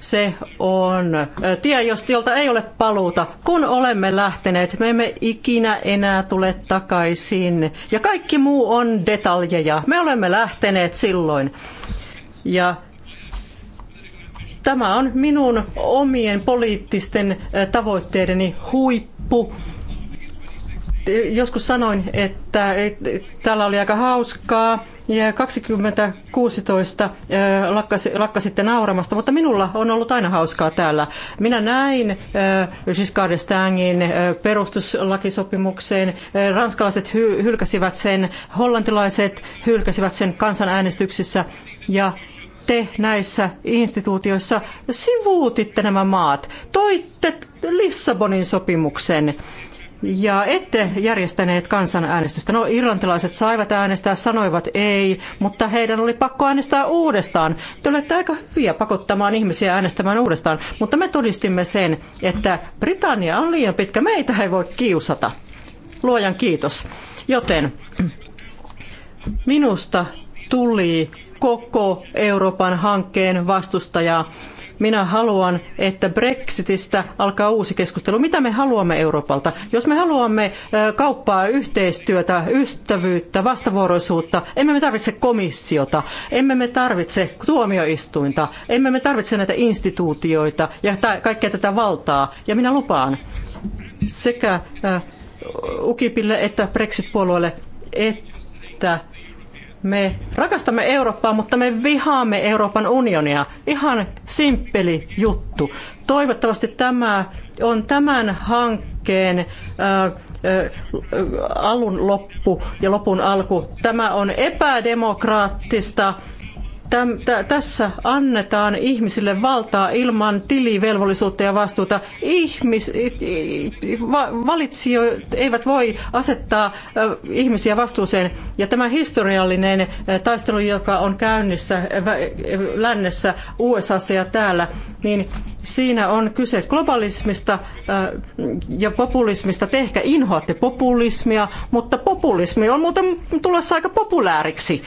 se on tie, jolta ei ole paluuta. Kun olemme lähteneet, me emme ikinä enää tule takaisin. Ja kaikki muu on detaljeja. Me olemme lähteneet silloin. Ja tämä on minun omien poliittisten tavoitteideni huippu joskus sanoin, että täällä oli aika hauskaa ja 2016 lakkasi, lakkasitte nauramasta, mutta minulla on ollut aina hauskaa täällä. Minä näin Giscard d'Estaingin perustuslakisopimukseen, ranskalaiset hylkäsivät sen, hollantilaiset hylkäsivät sen kansanäänestyksissä ja te näissä instituutioissa sivuutitte nämä maat, toitte Lissabonin sopimuksen ja ette järjestäneet kansanäänestystä. No irlantilaiset saivat äänestää, sanoivat ei, mutta heidän oli pakko äänestää uudestaan. Te olette aika hyviä pakottamaan ihmisiä äänestämään uudestaan, mutta me todistimme sen, että Britannia on liian pitkä, meitä ei voi kiusata. Luojan kiitos. Joten minusta tuli koko Euroopan hankkeen vastustaja minä haluan, että Brexitistä alkaa uusi keskustelu. Mitä me haluamme Euroopalta? Jos me haluamme kauppaa, yhteistyötä, ystävyyttä, vastavuoroisuutta, emme me tarvitse komissiota, emme me tarvitse tuomioistuinta, emme me tarvitse näitä instituutioita ja kaikkea tätä valtaa. Ja minä lupaan sekä UKIPille että Brexit-puolueelle, että me rakastamme Eurooppaa, mutta me vihaamme Euroopan unionia. Ihan simppeli juttu. Toivottavasti tämä on tämän hankkeen alun loppu ja lopun alku. Tämä on epädemokraattista tässä annetaan ihmisille valtaa ilman tilivelvollisuutta ja vastuuta. Ihmis, valitsijat eivät voi asettaa ihmisiä vastuuseen. Ja tämä historiallinen taistelu, joka on käynnissä lännessä, USAssa ja täällä, niin siinä on kyse globalismista ja populismista. Te ehkä inhoatte populismia, mutta populismi on muuten tulossa aika populaariksi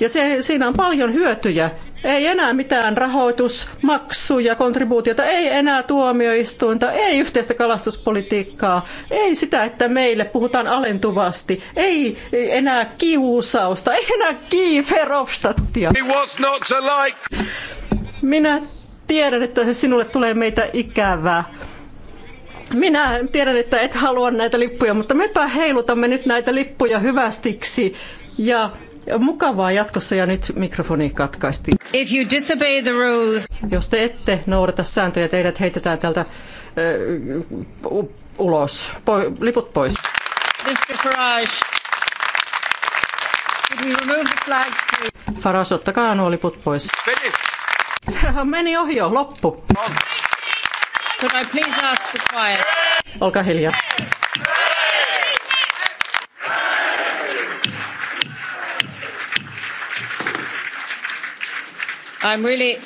ja se, siinä on paljon hyötyjä. Ei enää mitään rahoitusmaksuja, kontribuutiota, ei enää tuomioistuinta, ei yhteistä kalastuspolitiikkaa, ei sitä, että meille puhutaan alentuvasti, ei enää kiusausta, ei enää kiiferofstattia. Like. Minä tiedän, että sinulle tulee meitä ikävää. Minä tiedän, että et halua näitä lippuja, mutta mepä heilutamme nyt näitä lippuja hyvästiksi ja Mukavaa jatkossa ja nyt mikrofoni katkaistiin. If you disobey the rules. Jos te ette noudata sääntöjä, teidät heitetään tältä äh, ulos. Po, liput pois. Mr. Farage. Could we remove the flags, please? Farage, ottakaa nuo liput pois. Meni ohi jo, loppu. Could I please ask for quiet? Olkaa hiljaa. I'm really...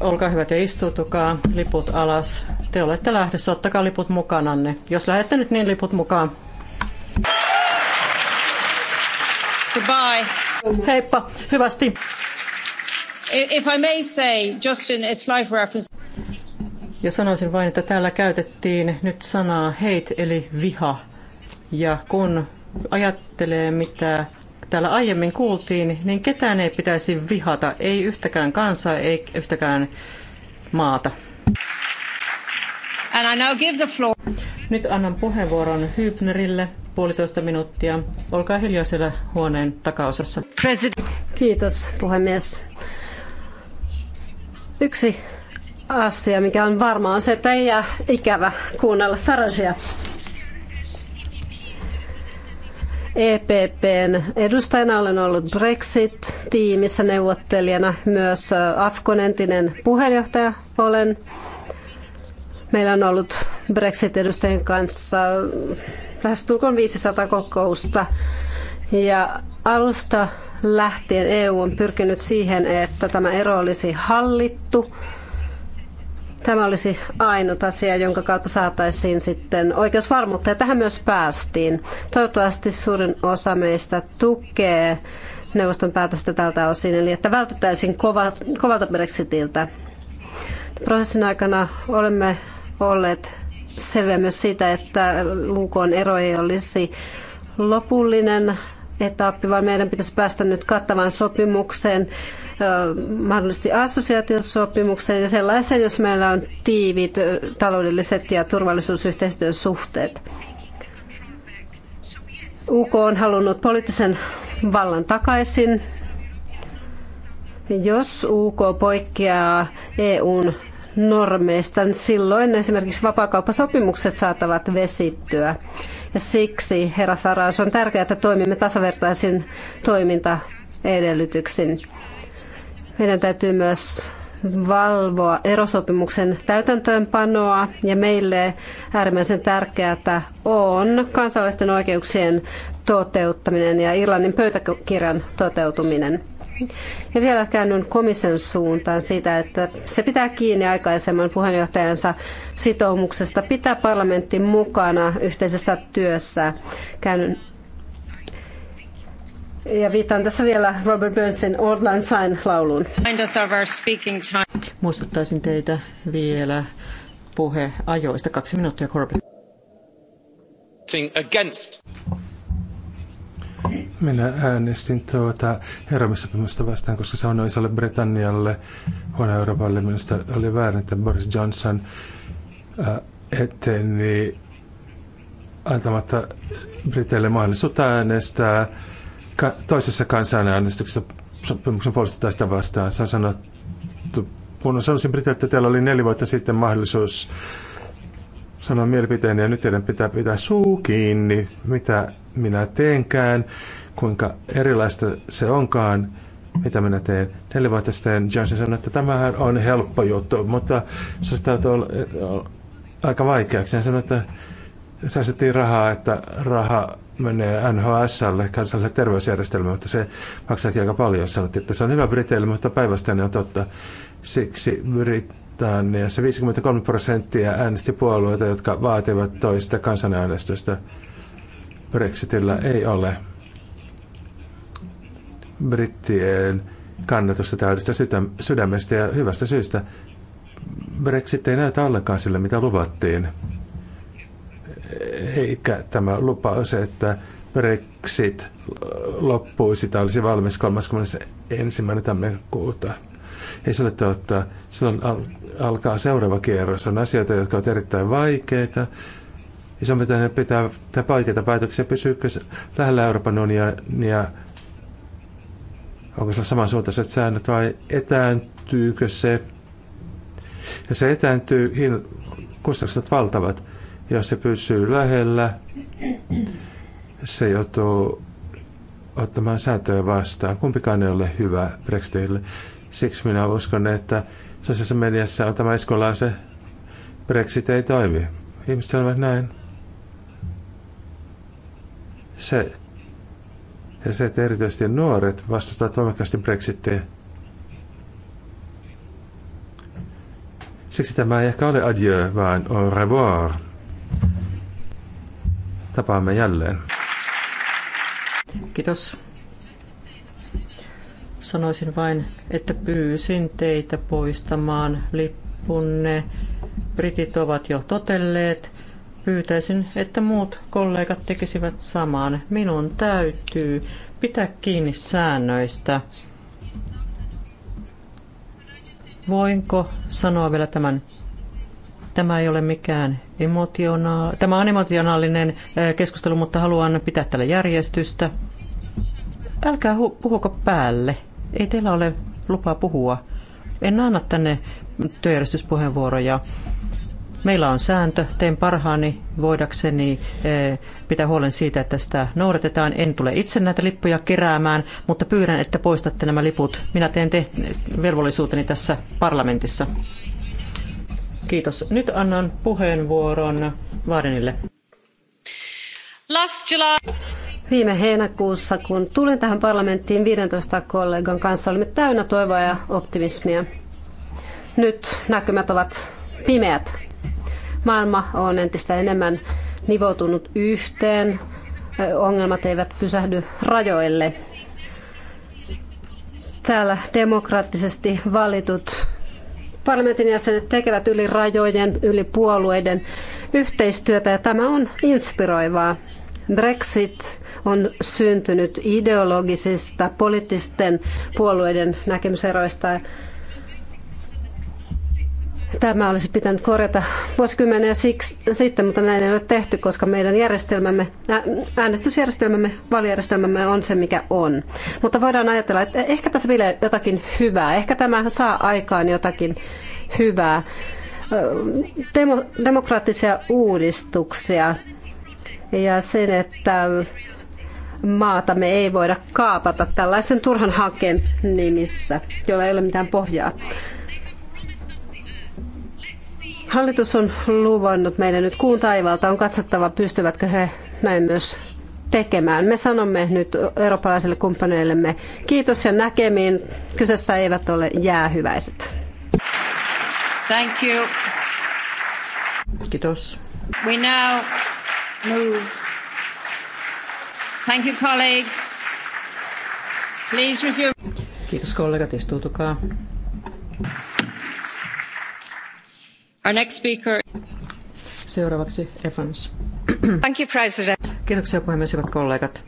Olkaa hyvät ja istutukaa. Liput alas. Te olette lähdössä. Ottakaa liput mukananne. Jos lähdette nyt, niin liput mukaan. Goodbye. Heippa. Hyvästi. If I may say, just in a slight reference. Ja sanoisin vain, että täällä käytettiin nyt sanaa hate eli viha. Ja kun ajattelee, mitä täällä aiemmin kuultiin, niin ketään ei pitäisi vihata, ei yhtäkään kansaa, ei yhtäkään maata. Nyt annan puheenvuoron Hübnerille puolitoista minuuttia. Olkaa hiljaa siellä huoneen takaosassa. President. Kiitos puhemies. Yksi asia, mikä on varmaa, on se, että ei jää ikävä kuunnella Faragea. EPPn edustajana olen ollut Brexit-tiimissä neuvottelijana, myös Afkonentinen entinen puheenjohtaja olen. Meillä on ollut Brexit-edustajien kanssa lähestulkoon 500 kokousta ja alusta lähtien EU on pyrkinyt siihen, että tämä ero olisi hallittu Tämä olisi ainut asia, jonka kautta saataisiin sitten oikeusvarmuutta, ja tähän myös päästiin. Toivottavasti suurin osa meistä tukee neuvoston päätöstä tältä osin, eli että vältyttäisiin kovalta Brexitiltä. Prosessin aikana olemme olleet selviä myös siitä, että lukoon ero ei olisi lopullinen etappi, vaan meidän pitäisi päästä nyt kattavaan sopimukseen mahdollisesti assosiaatiosopimukseen ja sellaiseen, jos meillä on tiiviit taloudelliset ja turvallisuusyhteistyön suhteet. UK on halunnut poliittisen vallan takaisin. Jos UK poikkeaa EUn normeista, niin silloin esimerkiksi vapaakauppasopimukset saattavat vesittyä. Ja siksi, herra Farage, on tärkeää, että toimimme tasavertaisin toimintaedellytyksin. Meidän täytyy myös valvoa erosopimuksen täytäntöönpanoa ja meille äärimmäisen tärkeää on kansalaisten oikeuksien toteuttaminen ja Irlannin pöytäkirjan toteutuminen. Ja vielä käännyn komission suuntaan siitä, että se pitää kiinni aikaisemman puheenjohtajansa sitoumuksesta pitää parlamentti mukana yhteisessä työssä. Käännyn ja viitaan tässä vielä Robert Burnsin Old Land Sign lauluun. Muistuttaisin teitä vielä puheajoista. Kaksi minuuttia, Corbyn. Minä äänestin tuota heräämissopimusta vastaan, koska se on isolle Britannialle, huono Euroopalle. Minusta oli väärin, että Boris Johnson äh, eteni antamatta Briteille mahdollisuutta äänestää ka- toisessa kansanäänestyksessä sopimuksen puolesta tästä vastaan. Se on sanottu, kun sanoisin Briteiltä, että teillä oli neljä vuotta sitten mahdollisuus sanoa mielipiteeni ja nyt teidän pitää pitää suu kiinni, mitä minä teenkään, kuinka erilaista se onkaan, mitä minä teen. Neljä vuotta sitten Johnson sanoi, että tämähän on helppo juttu, mutta se täytyy olla aika vaikeaksi. Hän sanoi, että säästettiin rahaa, että raha menee NHSlle, kansalliselle terveysjärjestelmä, mutta se maksaakin aika paljon. Sanottiin, että se on hyvä Briteille, mutta päivästä ne on totta. Siksi Britanniassa 53 prosenttia äänesti puolueita, jotka vaativat toista kansanäänestystä. Brexitillä ei ole brittien kannatusta täydestä sydämestä ja hyvästä syystä. Brexit ei näytä ollenkaan sille, mitä luvattiin eikä tämä lupaus, että Brexit loppuisi tai olisi valmis 31. tammikuuta. Ei se ole totta. Silloin al- alkaa seuraava kierros. On asioita, jotka ovat erittäin vaikeita. Iso-Britannia pitää vaikeita päätöksiä. Pysyykö lähellä Euroopan unionia? Onko sillä samansuuntaiset säännöt vai etääntyykö se? Ja se etääntyy, kustannukset valtavat. Jos se pysyy lähellä, se joutuu ottamaan sääntöjä vastaan. Kumpikaan ei ole hyvä Brexitille. Siksi minä uskon, että sosiaalisessa mediassa on tämä se Brexit ei toimi. Ihmiset ovat näin. Se, ja se, että erityisesti nuoret vastustavat voimakkaasti Brexittiä. Siksi tämä ei ehkä ole adieu, vaan au revoir. Tapaamme jälleen. Kiitos. Sanoisin vain, että pyysin teitä poistamaan lippunne. Britit ovat jo totelleet. Pyytäisin, että muut kollegat tekisivät saman. Minun täytyy pitää kiinni säännöistä. Voinko sanoa vielä tämän Tämä ei ole mikään emotionaal... Tämä on emotionaalinen keskustelu, mutta haluan pitää tällä järjestystä. Älkää hu- puhuko päälle. Ei teillä ole lupaa puhua. En anna tänne työjärjestyspuheenvuoroja. Meillä on sääntö, teen parhaani voidakseni pitää huolen siitä, että sitä noudatetaan. En tule itse näitä lippuja keräämään, mutta pyydän, että poistatte nämä liput. Minä teen teht- velvollisuuteni tässä parlamentissa. Kiitos. Nyt annan puheenvuoron Vaadenille. Last July. Viime heinäkuussa, kun tulin tähän parlamenttiin 15 kollegan kanssa, olimme täynnä toivoa ja optimismia. Nyt näkymät ovat pimeät. Maailma on entistä enemmän nivoutunut yhteen. Ongelmat eivät pysähdy rajoille. Täällä demokraattisesti valitut parlamentin jäsenet tekevät yli rajojen, yli puolueiden yhteistyötä ja tämä on inspiroivaa. Brexit on syntynyt ideologisista poliittisten puolueiden näkemyseroista Tämä olisi pitänyt korjata vuosikymmeniä siksi, sitten, mutta näin ei ole tehty, koska meidän järjestelmämme, äänestysjärjestelmämme, vaalijärjestelmämme on se, mikä on. Mutta voidaan ajatella, että ehkä tässä vielä jotakin hyvää, ehkä tämä saa aikaan jotakin hyvää. Demo, demokraattisia uudistuksia ja sen, että maatamme ei voida kaapata tällaisen turhan hankkeen nimissä, jolla ei ole mitään pohjaa. Hallitus on luvannut meille nyt kuun taivaalta, on katsottava pystyvätkö he näin myös tekemään. Me sanomme nyt eurooppalaisille kumppaneillemme kiitos ja näkemiin. Kyseessä eivät ole jäähyväiset. Thank you. Kiitos. We now move. Thank you colleagues. Please resume. Kiitos kollegat, istuutukaa. Our next speaker... Seuraavaksi Evans. Thank you, President. Kiitoksia puhemies, hyvät kollegat.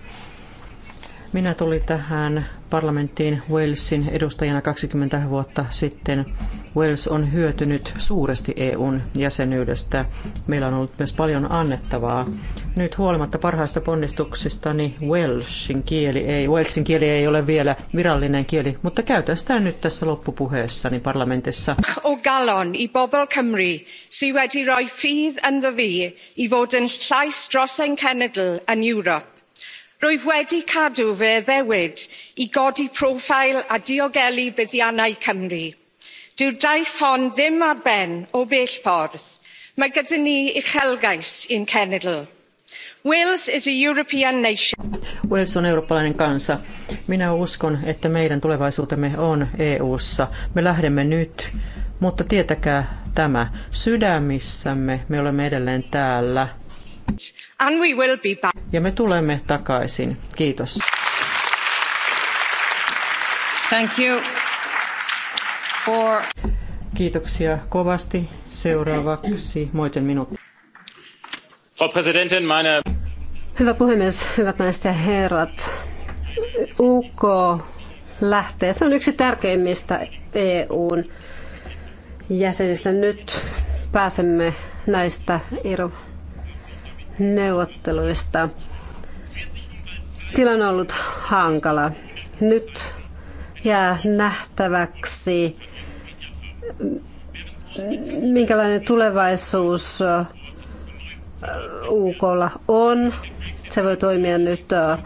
Minä tulin tähän parlamenttiin Walesin edustajana 20 vuotta sitten. Wales on hyötynyt suuresti EUn jäsenyydestä. Meillä on ollut myös paljon annettavaa. Nyt huolimatta parhaista ponnistuksistani niin Welshin kieli ei, Walesin kieli ei ole vielä virallinen kieli, mutta käytän sitä nyt tässä loppupuheessani parlamentissa. O galon i bobl Cymru wedi roi ffydd i fod yn llais dros ein cenedl yn rwyf wedi cadw fy addewid i godi proffeil a diogelu buddiannau cymru. dyw'r daith hon ddim ar ben o bell ffordd mae gyda ni uchelgais i'n cenedl. Wales is a European nation. Wales on eurooppalainen kansa. Minä uskon, että meidän tulevaisuutemme on EU:ssa. Me lähdemme nyt, mutta tietäkää tämä, sydämissämme me olemme edelleen täällä. And we will be back. Ja me tulemme takaisin. Kiitos. Thank you for... Kiitoksia kovasti. Seuraavaksi moiten minuutti. Frau Präsidentin, meine... Hyvä puhemies, hyvät naiset ja herrat. UK lähtee. Se on yksi tärkeimmistä EUn jäsenistä. Nyt pääsemme näistä eroon neuvotteluista. Tilanne on ollut hankala. Nyt jää nähtäväksi, minkälainen tulevaisuus UKlla uh, on. Se voi toimia nyt uh,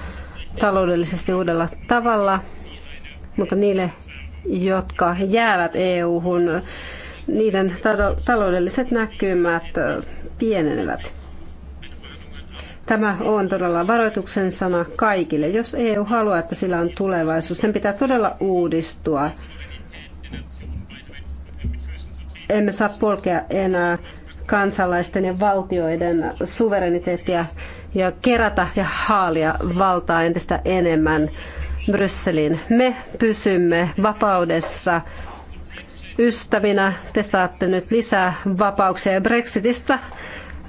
taloudellisesti uudella tavalla, mutta niille, jotka jäävät EU-hun, niiden taloudelliset näkymät uh, pienenevät. Tämä on todella varoituksen sana kaikille. Jos EU haluaa, että sillä on tulevaisuus, sen pitää todella uudistua. Emme saa polkea enää kansalaisten ja valtioiden suvereniteettia ja kerätä ja haalia valtaa entistä enemmän Brysseliin. Me pysymme vapaudessa ystävinä. Te saatte nyt lisää vapauksia Brexitistä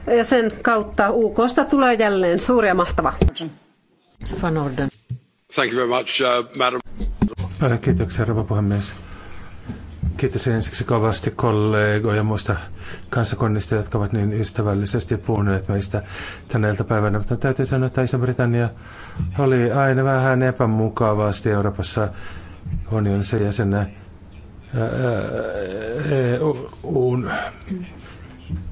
ja sen kautta UKsta tulee jälleen suuri ja mahtava. Van Orden. Thank you very much, uh, madam. Äh, kiitoksia, rouva puhemies. Kiitos ensiksi kovasti kollegoja muista kansakunnista, jotka ovat niin ystävällisesti puhuneet meistä tänä iltapäivänä. Mutta täytyy sanoa, että Iso-Britannia oli aina vähän epämukavasti Euroopassa unionissa jäsenä äh, äh, EUn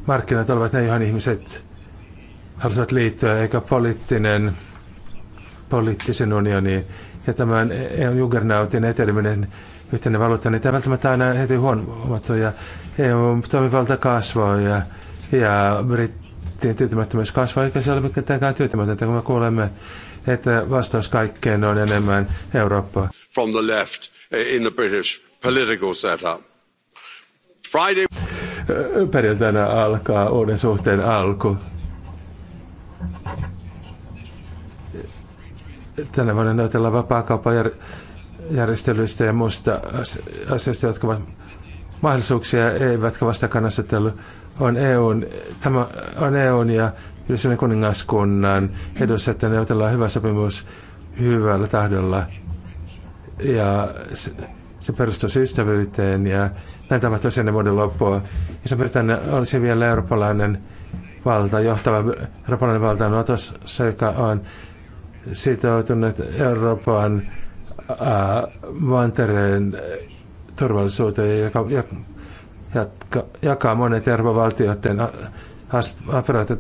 markkinat olivat ne, johon ihmiset halusivat liittyä, eikä poliittinen, poliittisen unioniin. Ja tämän EUn juggernautin eteneminen yhteinen valuutta, niin tämä välttämättä aina heti huomattu. Ja eu toimivalta kasvoi ja, ja brittien tyytymättömyys kasvoi, eikä se ole mitenkään tyytymätöntä, kun me kuulemme, että vastaus kaikkeen on enemmän Eurooppaa. From the left eh, in the British political setup. Friday perjantaina alkaa uuden suhteen alku. Tänä vuonna näytellään vapaakauppajärjestelyistä ja muista asioista, jotka ovat mahdollisuuksia, eivätkä vastakkainasettelu. On EUn, tämä on EUn ja Yhdysvallan kuningaskunnan edussa, että neuvotellaan hyvä sopimus hyvällä tahdolla. Ja se perustuisi ystävyyteen ja näin tapahtui sen vuoden loppua. Iso-Britannia olisi vielä eurooppalainen valta, johtava eurooppalainen valta on se, joka on sitoutunut Euroopan äh, mantereen turvallisuuteen, joka, jatka, jakaa monet Euroopan valtioiden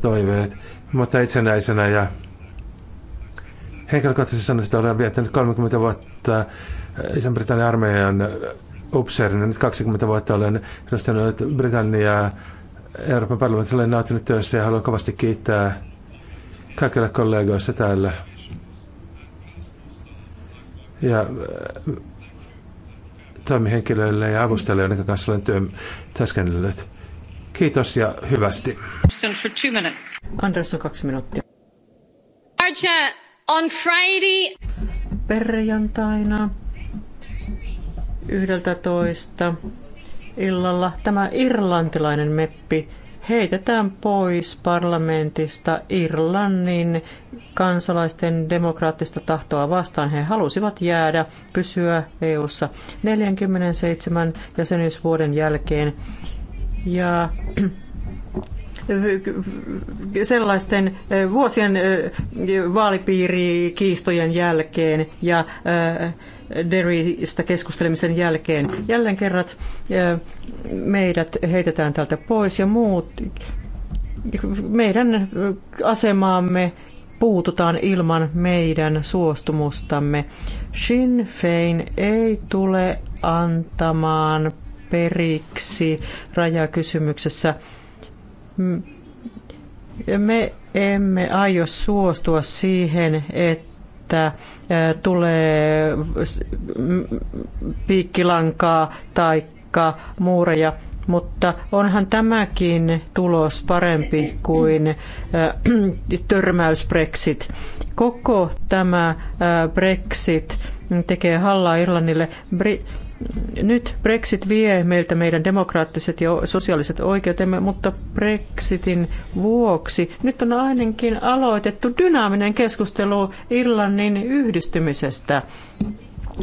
toiveet, mutta itsenäisenä ja henkilökohtaisesti sanoisin, että olen viettänyt 30 vuotta Ison-Britannian armeijan äh, upseerina. Nyt 20 vuotta olen edustanut Britanniaa Euroopan parlamentissa. Olen nauttinut työssä ja haluan kovasti kiittää kaikille kollegoissa täällä. Ja äh, toimihenkilöille ja avustajille, joiden kanssa olen työn työskennellyt. Kiitos ja hyvästi. Andersson kaksi minuuttia. On Friday. Perjantaina 11 illalla tämä irlantilainen meppi heitetään pois parlamentista Irlannin kansalaisten demokraattista tahtoa vastaan. He halusivat jäädä, pysyä EU-ssa 47 jäsenyysvuoden jälkeen. Ja sellaisten vuosien vaalipiirikiistojen jälkeen ja Derrystä keskustelemisen jälkeen. Jälleen kerran meidät heitetään täältä pois ja muut, meidän asemaamme puututaan ilman meidän suostumustamme. Sinn Fein ei tule antamaan periksi rajakysymyksessä. Me emme aio suostua siihen, että tulee piikkilankaa tai muureja, mutta onhan tämäkin tulos parempi kuin törmäys Brexit. Koko tämä Brexit tekee hallaa Irlannille nyt Brexit vie meiltä meidän demokraattiset ja sosiaaliset oikeutemme, mutta Brexitin vuoksi nyt on ainakin aloitettu dynaaminen keskustelu Irlannin yhdistymisestä.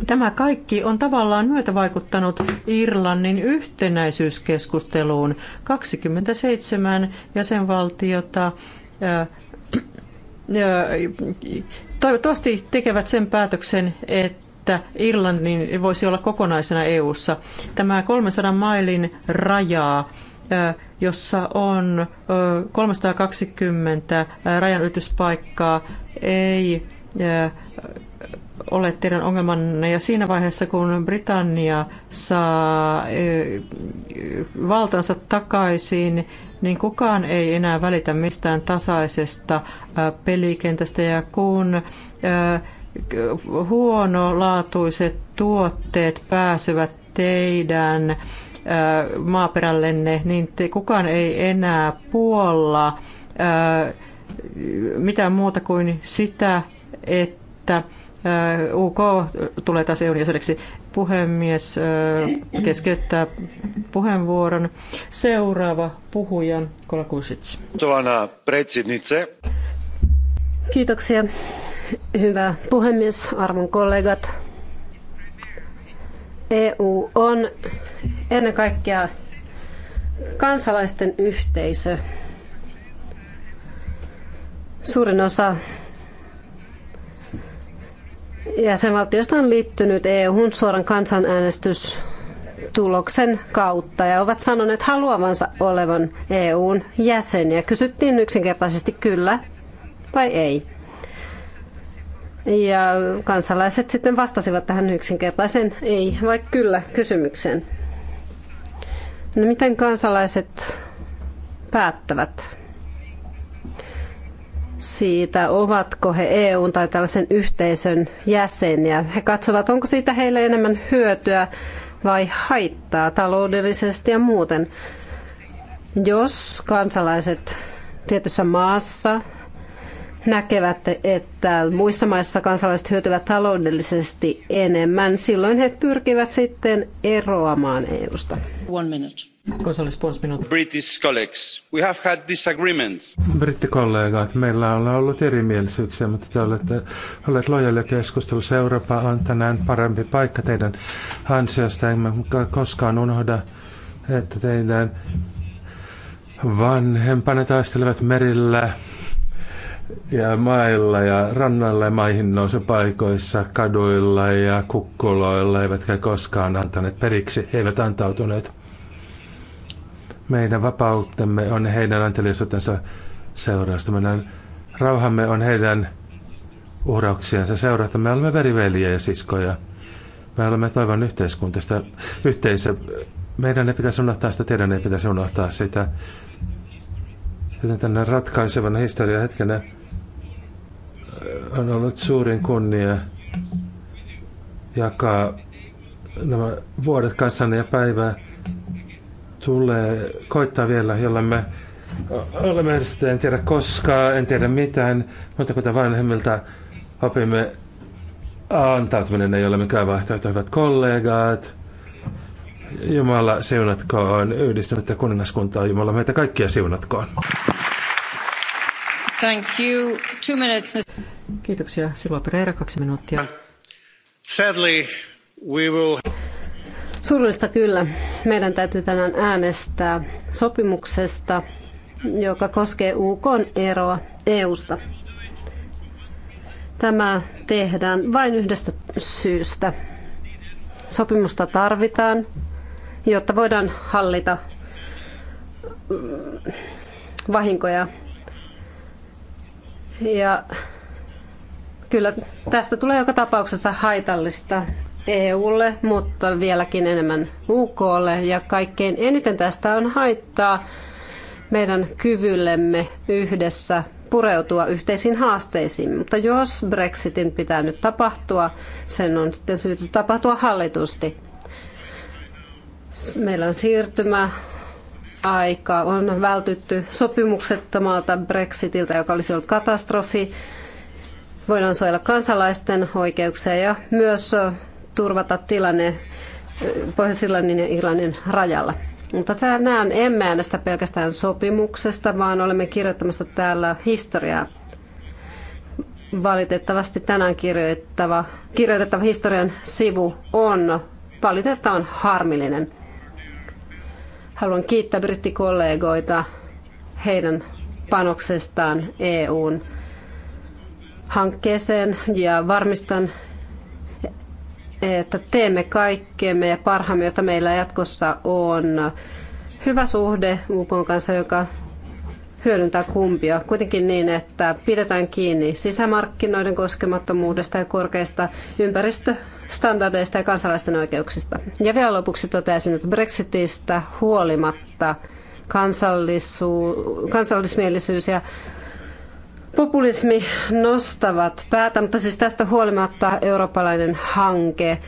Tämä kaikki on tavallaan myötävaikuttanut Irlannin yhtenäisyyskeskusteluun. 27 jäsenvaltiota äh, äh, toivottavasti tekevät sen päätöksen, että että Irlannin voisi olla kokonaisena EU:ssa. Tämä 300 mailin rajaa jossa on 320 rajanylityspaikkaa, ei ole teidän ongelmanne. Ja siinä vaiheessa, kun Britannia saa valtansa takaisin, niin kukaan ei enää välitä mistään tasaisesta pelikentästä. Ja kun huonolaatuiset tuotteet pääsevät teidän maaperällenne, niin te, kukaan ei enää puolla mitään muuta kuin sitä, että UK tulee taas EUn jäseneksi. Puhemies keskeyttää puheenvuoron. Seuraava puhuja Kolakusic. Tuona Kiitoksia Hyvä puhemies, arvon kollegat. EU on ennen kaikkea kansalaisten yhteisö. Suurin osa jäsenvaltioista on liittynyt EU-hun suoran kansanäänestystuloksen kautta ja ovat sanoneet haluavansa olevan EUn jäseniä. Kysyttiin yksinkertaisesti kyllä vai ei. Ja kansalaiset sitten vastasivat tähän yksinkertaisen ei vai kyllä kysymykseen. No miten kansalaiset päättävät siitä, ovatko he EUn tai tällaisen yhteisön jäseniä? He katsovat, onko siitä heille enemmän hyötyä vai haittaa taloudellisesti ja muuten. Jos kansalaiset tietyssä maassa näkevät, että muissa maissa kansalaiset hyötyvät taloudellisesti enemmän, silloin he pyrkivät sitten eroamaan EUsta. One minute. British colleagues, we have had disagreements. Brittikollegat, meillä on ollut erimielisyyksiä, mutta te olette olleet lojalle keskustelussa. Eurooppa on tänään parempi paikka teidän ansiosta. Emme koskaan unohda, että teidän vanhempanne taistelevat merillä ja mailla ja rannalla ja maihin nousupaikoissa, kaduilla ja kukkuloilla, eivätkä koskaan antaneet periksi, he eivät antautuneet. Meidän vapautemme on heidän anteliaisuutensa seurausta. Meidän rauhamme on heidän uhrauksiensa seurausta. Me olemme veriveliä ja siskoja. Me olemme toivon yhteiskuntasta yhteisö. Meidän ei pitäisi unohtaa sitä, teidän ei pitäisi unohtaa sitä. Joten tänne ratkaisevana historiahetkenä hetkenä on ollut suurin kunnia jakaa nämä vuodet kanssanne ja päivää tulee koittaa vielä, jolla me olemme edessä, en tiedä koskaan, en tiedä mitään, mutta kuten vanhemmilta opimme antautuminen ei ole mikään vaihtoehto, hyvät kollegat. Jumala siunatkoon yhdistynyttä kuningaskuntaa, Jumala meitä kaikkia siunatkoon. Thank you. Two minutes, Kiitoksia. Silva Pereira, kaksi minuuttia. Sadly, we will... Surullista kyllä. Meidän täytyy tänään äänestää sopimuksesta, joka koskee UK eroa EUsta. Tämä tehdään vain yhdestä syystä. Sopimusta tarvitaan, jotta voidaan hallita mm, vahinkoja ja kyllä tästä tulee joka tapauksessa haitallista EUlle, mutta vieläkin enemmän UKlle. Ja kaikkein eniten tästä on haittaa meidän kyvyllemme yhdessä pureutua yhteisiin haasteisiin. Mutta jos Brexitin pitää nyt tapahtua, sen on sitten syytä tapahtua hallitusti. Meillä on siirtymä aikaa. On vältytty sopimuksettomalta Brexitiltä, joka olisi ollut katastrofi. Voidaan suojella kansalaisten oikeuksia ja myös turvata tilanne Pohjois-Irlannin ja Irlannin rajalla. Mutta tänään emme äänestä pelkästään sopimuksesta, vaan olemme kirjoittamassa täällä historiaa. Valitettavasti tänään kirjoittava, kirjoitettava historian sivu on valitettavan harmillinen. Haluan kiittää brittikollegoita heidän panoksestaan EUn hankkeeseen ja varmistan, että teemme kaikkemme ja parhaamme, jota meillä jatkossa on hyvä suhde UK kanssa, joka hyödyntää kumpia. Kuitenkin niin, että pidetään kiinni sisämarkkinoiden koskemattomuudesta ja korkeista ympäristö- standardeista ja kansalaisten oikeuksista. Ja vielä lopuksi toteaisin, että Brexitistä huolimatta kansallismielisyys ja populismi nostavat päätä, mutta siis tästä huolimatta eurooppalainen hanke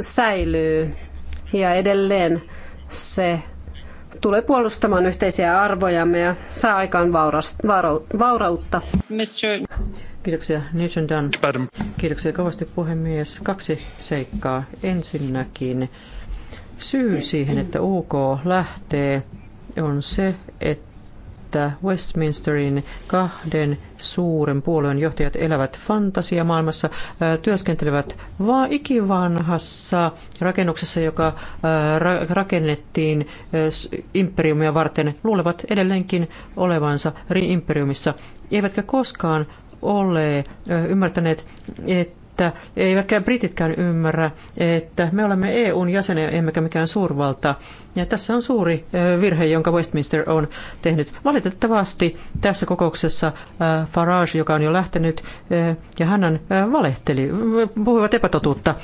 säilyy ja edelleen se tulee puolustamaan yhteisiä arvojamme ja saa aikaan vaurautta. Mr. Kiitoksia Newton Dunn. Kiitoksia kovasti puhemies. Kaksi seikkaa. Ensinnäkin syy siihen, että UK lähtee, on se, että että Westminsterin kahden suuren puolueen johtajat elävät fantasiamaailmassa, työskentelevät vaan ikivanhassa rakennuksessa, joka rakennettiin imperiumia varten, luulevat edelleenkin olevansa imperiumissa, eivätkä koskaan ole ymmärtäneet, että eivätkä brititkään ymmärrä, että me olemme EUn jäseniä emmekä mikään suurvalta. Ja tässä on suuri virhe, jonka Westminster on tehnyt. Valitettavasti tässä kokouksessa Farage, joka on jo lähtenyt, ja hän valehteli, puhuivat epätotuutta.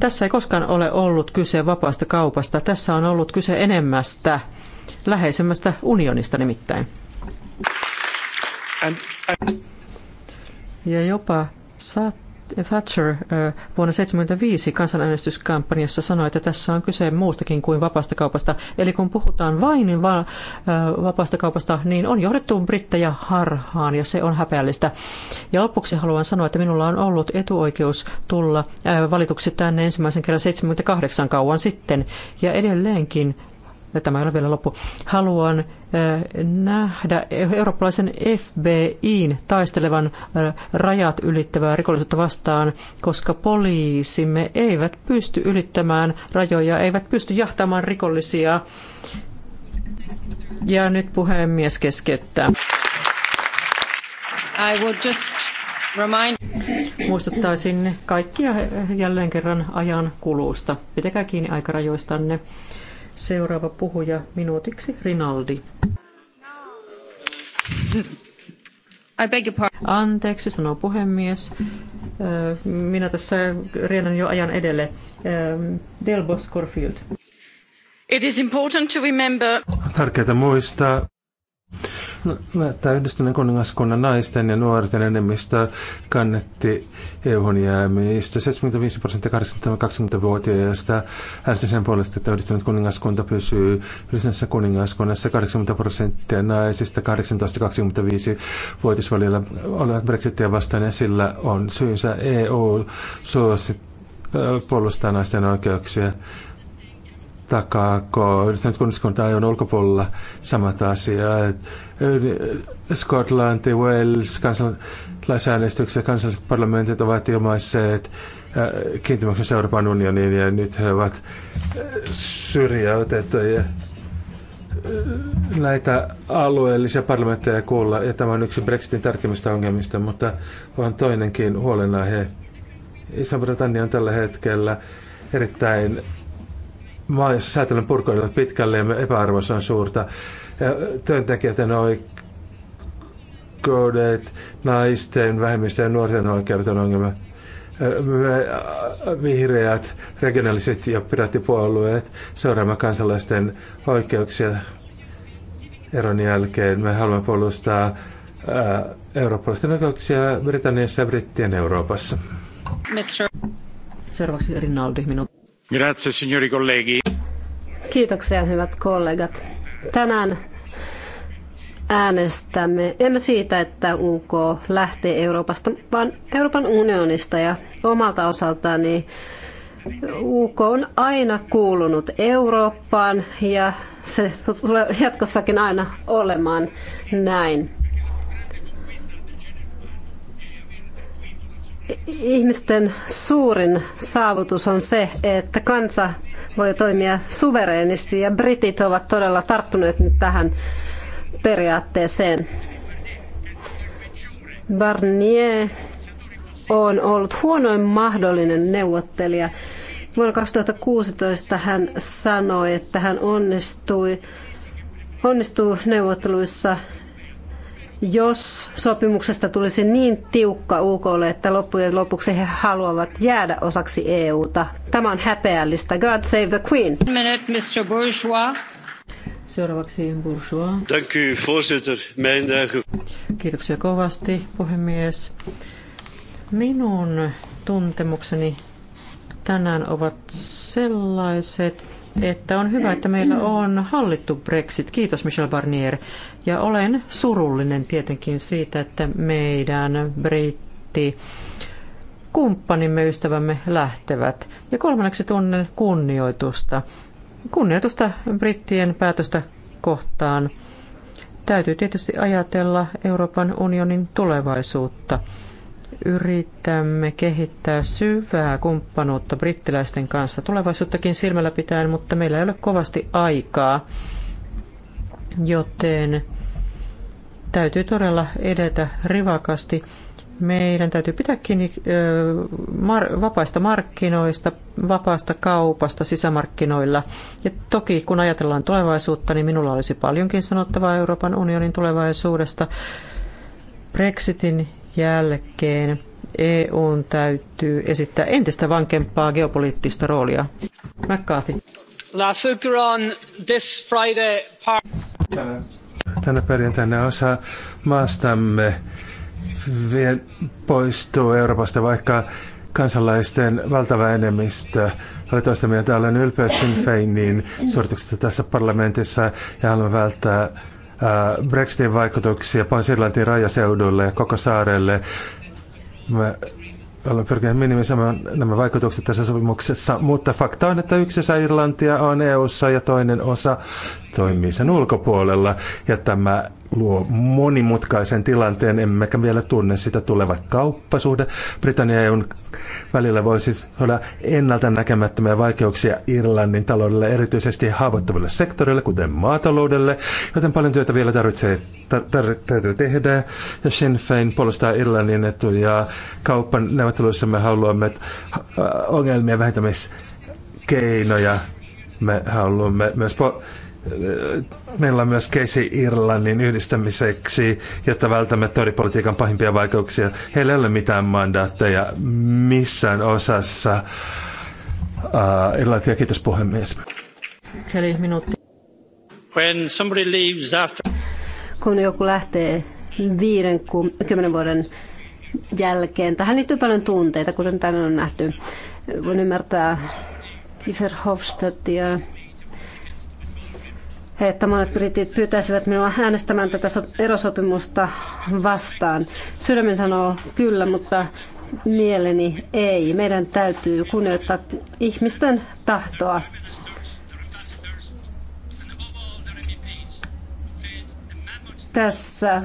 Tässä ei koskaan ole ollut kyse vapaasta kaupasta, tässä on ollut kyse enemmästä, läheisemmästä unionista nimittäin. And, and ja jopa Thatcher vuonna 1975 kansanäänestyskampanjassa sanoi, että tässä on kyse muustakin kuin vapaasta kaupasta. Eli kun puhutaan vain va- vapaasta kaupasta, niin on johdettu brittejä harhaan ja se on häpeällistä. Ja lopuksi haluan sanoa, että minulla on ollut etuoikeus tulla valituksi tänne ensimmäisen kerran 78 kauan sitten ja edelleenkin No, tämä ei ole vielä loppu, haluan nähdä eurooppalaisen FBIin taistelevan rajat ylittävää rikollisuutta vastaan, koska poliisimme eivät pysty ylittämään rajoja, eivät pysty jahtamaan rikollisia. Ja nyt puhemies keskeyttää. I will just remind... Muistuttaisin kaikkia jälleen kerran ajan kulusta. Pitäkää kiinni aikarajoistanne. Seuraava puhuja minuutiksi Rinaldi. I beg your Anteeksi, sanoo puhemies. Minä tässä riennän jo ajan edelle. Delbos Corfield. It is important to remember. tärkeää muistaa, No, tämä yhdistyneen kuningaskunnan naisten ja nuorten enemmistö kannetti EUhun jäämistä. 75 prosenttia 20 vuotiaista äänesti sen puolesta, että yhdistynyt kuningaskunta pysyy yhdistyneessä kuningaskunnassa. 80 prosenttia naisista 18-25-vuotisvälillä olivat brexittiä vastaan ja sillä on syynsä EU suosi puolustaa naisten oikeuksia takaako yhdistynyt kuningaskunta ajon ulkopuolella samat asiat Eh, Skotlanti, Wales, kansalaisäänestykset, kansalliset parlamentit ovat ilmaisseet eh, kiintymyksensä Euroopan unioniin ja nyt he ovat eh, syrjäytettyjä. Näitä alueellisia parlamentteja kuulla ja tämä on yksi Brexitin tärkeimmistä ongelmista, mutta on toinenkin huolenaihe. Iso-Britannia on tällä hetkellä erittäin maa, jossa säätelyn purkoilevat pitkälle ja epäarvoisuus on suurta työntekijöiden oikeudet, naisten, vähemmistöjen ja nuorten oikeudet on ongelma. Me vihreät, regionaaliset ja pirattipuolueet seuraamme kansalaisten oikeuksia eron jälkeen. Me haluamme puolustaa eurooppalaisten oikeuksia Britanniassa ja brittien Euroopassa. Mr. Seuraavaksi Rinaldi, minun. Grazie, signori colleghi. Kiitoksia, hyvät kollegat. Tänään äänestämme emme siitä, että UK lähtee Euroopasta, vaan Euroopan unionista ja omalta osaltani UK on aina kuulunut Eurooppaan ja se tulee jatkossakin aina olemaan näin. ihmisten suurin saavutus on se, että kansa voi toimia suvereenisti ja britit ovat todella tarttuneet nyt tähän periaatteeseen. Barnier on ollut huonoin mahdollinen neuvottelija. Vuonna 2016 hän sanoi, että hän onnistui, onnistuu neuvotteluissa jos sopimuksesta tulisi niin tiukka UKlle, että loppujen lopuksi he haluavat jäädä osaksi EUta. Tämä on häpeällistä. God save the Queen. Minute, Mr. Bourgeois. Seuraavaksi Bourgeois. Thank you, eh, Kiitoksia kovasti, puhemies. Minun tuntemukseni tänään ovat sellaiset, että on hyvä, että meillä on hallittu Brexit. Kiitos Michel Barnier. Ja olen surullinen tietenkin siitä, että meidän britti kumppanimme, ystävämme lähtevät. Ja kolmanneksi tunnen kunnioitusta. Kunnioitusta brittien päätöstä kohtaan. Täytyy tietysti ajatella Euroopan unionin tulevaisuutta yritämme kehittää syvää kumppanuutta brittiläisten kanssa tulevaisuuttakin silmällä pitäen, mutta meillä ei ole kovasti aikaa, joten täytyy todella edetä rivakasti. Meidän täytyy pitää kiinni vapaista markkinoista, vapaasta kaupasta sisämarkkinoilla. Ja toki kun ajatellaan tulevaisuutta, niin minulla olisi paljonkin sanottavaa Euroopan unionin tulevaisuudesta. Brexitin jälkeen EU täytyy esittää entistä vankempaa geopoliittista roolia. McCarthy. Tänä perjantaina osa maastamme poistuu Euroopasta, vaikka kansalaisten valtava enemmistö oli toista mieltä. Olen ylpeä Sinn Feinin suorituksesta tässä parlamentissa ja haluan välttää Äh, Brexitin vaikutuksia Pohjois-Irlantiin rajaseudulle ja koko saarelle. Me olen pyrkinyt minimisemään nämä vaikutukset tässä sopimuksessa, mutta fakta on, että yksi osa Irlantia on eu ja toinen osa toimii sen ulkopuolella ja tämä luo monimutkaisen tilanteen, emmekä vielä tunne sitä tuleva kauppasuhde. Britannia ja välillä voisi siis olla ennalta näkemättömiä vaikeuksia Irlannin taloudelle, erityisesti haavoittuville sektoreille, kuten maataloudelle, joten paljon työtä vielä tarvitsee, tar- tar- täytyy tehdä. Ja Sinn Fein puolustaa Irlannin etuja. Kauppan neuvotteluissa me haluamme äh, ongelmien vähentämiskeinoja. Me haluamme myös po- Meillä on myös keisi Irlannin yhdistämiseksi, jotta vältämme toripolitiikan pahimpia vaikeuksia. Heillä ei ole mitään mandaatteja missään osassa. Uh, Irlantia, kiitos puhemies. Kelly, minuutti. When somebody leaves after... Kun joku lähtee 50 vuoden jälkeen. Tähän liittyy paljon tunteita, kuten tänään on nähty. Voin ymmärtää Kiefer Hofstadtia, että monet britit pyytäisivät minua äänestämään tätä erosopimusta vastaan. Sydämen sanoo kyllä, mutta mieleni ei. Meidän täytyy kunnioittaa ihmisten tahtoa. Tässä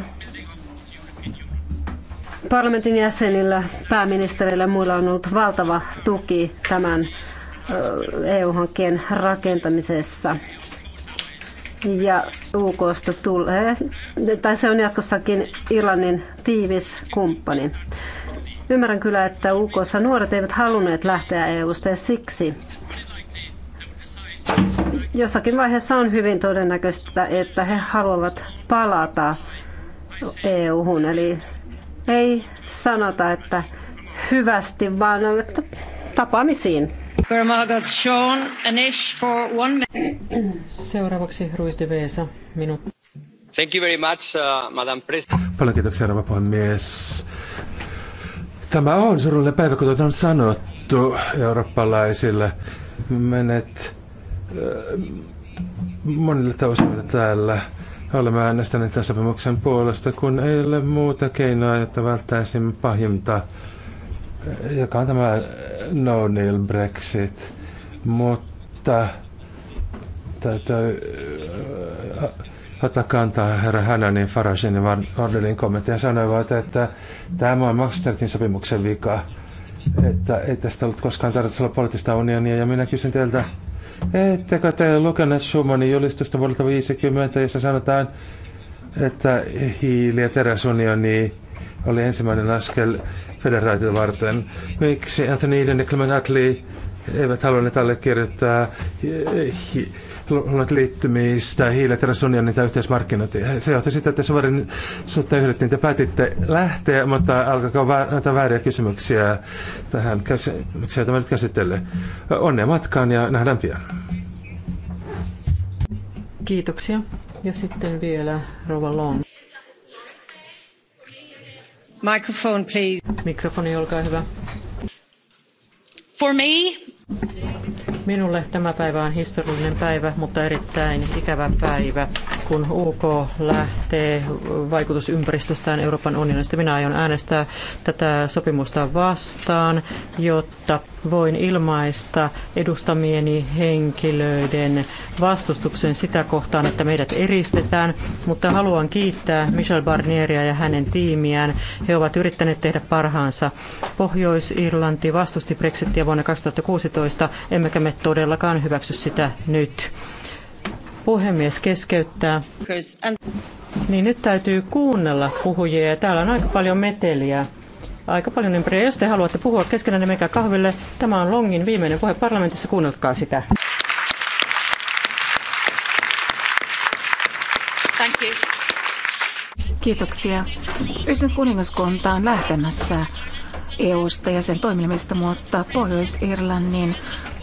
parlamentin jäsenillä, pääministerillä ja muilla on ollut valtava tuki tämän EU-hankkeen rakentamisessa ja UKsta tulee, tai se on jatkossakin Irlannin tiivis kumppani. Ymmärrän kyllä, että UKssa nuoret eivät halunneet lähteä EUsta ja siksi jossakin vaiheessa on hyvin todennäköistä, että he haluavat palata EU:hun, Eli ei sanota, että hyvästi, vaan että tapaamisiin. Seuraavaksi Ruiz de Vesa, minuutti. Thank you very much, uh, Madam President. Paljon kiitoksia, rouva puhemies. Tämä on surullinen päivä, kuten on sanottu eurooppalaisille. Menet äh, monille taustoille täällä. Olemme äänestäneet tämän sopimuksen puolesta, kun ei ole muuta keinoa, että välttäisimme pahinta joka on tämä no-nil Brexit, mutta täytyy äh, ottaa kantaa herra Hananin, Farajin ja Vardelin kommentteja sanoivat, että tämä on Maastrichtin sopimuksen vika, että ei tästä ollut koskaan tarvitse olla poliittista unionia ja minä kysyn teiltä, ettekö te lukeneet Schumannin julistusta vuodelta 50, jossa sanotaan, että hiili- ja teräsunioni oli ensimmäinen askel federaatiota varten. Miksi Anthony Eden ja Clement Attlee eivät halunneet allekirjoittaa liittymistä hiileterasunion tai yhteismarkkinointia. Se johti sitä, että suverin suhteen yhdettiin. Te päätitte lähteä, mutta alkakaa antaa vääriä kysymyksiä tähän kysymykseen, jota nyt käsittelen. Onnea matkaan ja nähdään pian. Kiitoksia. Ja sitten vielä Rova Long. Microphone, please. Mikrofoni, olkaa hyvä. For me, Minulle tämä päivä on historiallinen päivä, mutta erittäin ikävä päivä, kun UK lähtee vaikutusympäristöstään Euroopan unionista. Minä aion äänestää tätä sopimusta vastaan, jotta voin ilmaista edustamieni henkilöiden vastustuksen sitä kohtaan, että meidät eristetään, mutta haluan kiittää Michel Barnieria ja hänen tiimiään. He ovat yrittäneet tehdä parhaansa. Pohjois-Irlanti vastusti Brexitia vuonna 2016 asioista, emmekä me todellakaan hyväksy sitä nyt. Puhemies keskeyttää. Niin nyt täytyy kuunnella puhujia ja täällä on aika paljon meteliä. Aika paljon ympärillä. Jos te haluatte puhua keskenään, niin menkää kahville. Tämä on Longin viimeinen puhe parlamentissa. Kuunnelkaa sitä. Thank you. Kiitoksia. Yhdyn kuningaskuntaan lähtemässä EU-sta ja sen toimimista, mutta Pohjois-Irlannin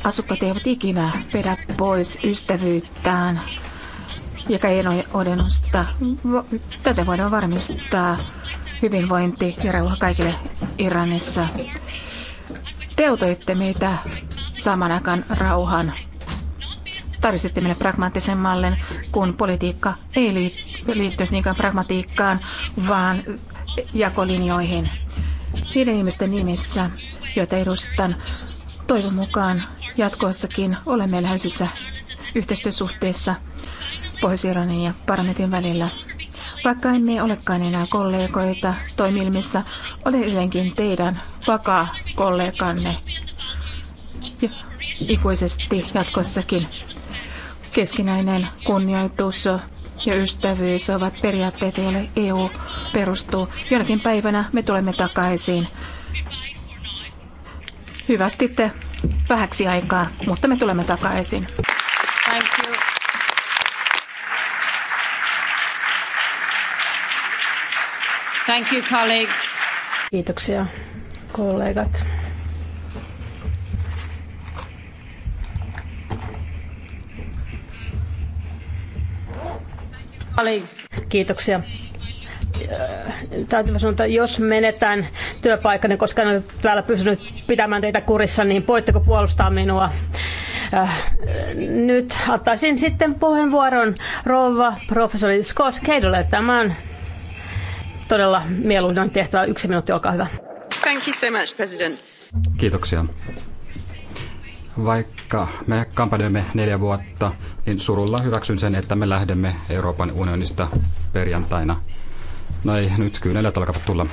asukkaat eivät ikinä vedä pois ystävyyttään ja odennusta. Tätä voidaan varmistaa hyvinvointi ja rauha kaikille Irannissa. Te autoitte meitä saman aikaan rauhan. Tarvitsitte meille pragmaattisen mallin, kun politiikka ei liittynyt niinkään pragmatiikkaan, vaan jakolinjoihin niiden ihmisten nimissä, joita edustan. Toivon mukaan jatkossakin olemme läheisissä yhteistyösuhteissa Pohjois-Iranin ja parlamentin välillä. Vaikka emme olekaan enää kollegoita toimilmissa, olen edelleenkin teidän vakaa kolleganne ja ikuisesti jatkossakin. Keskinäinen kunnioitus ja ystävyys ovat periaatteita, joille EU perustuu. Jonakin päivänä me tulemme takaisin. Hyvästitte vähäksi aikaa, mutta me tulemme takaisin. Thank you. Thank you, colleagues. Kiitoksia kollegat. Kiitoksia äh, täytyy sanoa, että jos menetään työpaikkanne, niin koska en ole täällä pysynyt pitämään teitä kurissa, niin voitteko puolustaa minua? Äh, nyt antaisin sitten puheenvuoron rouva professori Scott Cadolle. Tämä on todella mieluinen tehtävä. Yksi minuutti, olkaa hyvä. Thank you so much, President. Kiitoksia. Vaikka me kampanjoimme neljä vuotta, niin surulla hyväksyn sen, että me lähdemme Euroopan unionista perjantaina. No ei, nyt kyynelät alkavat tulla.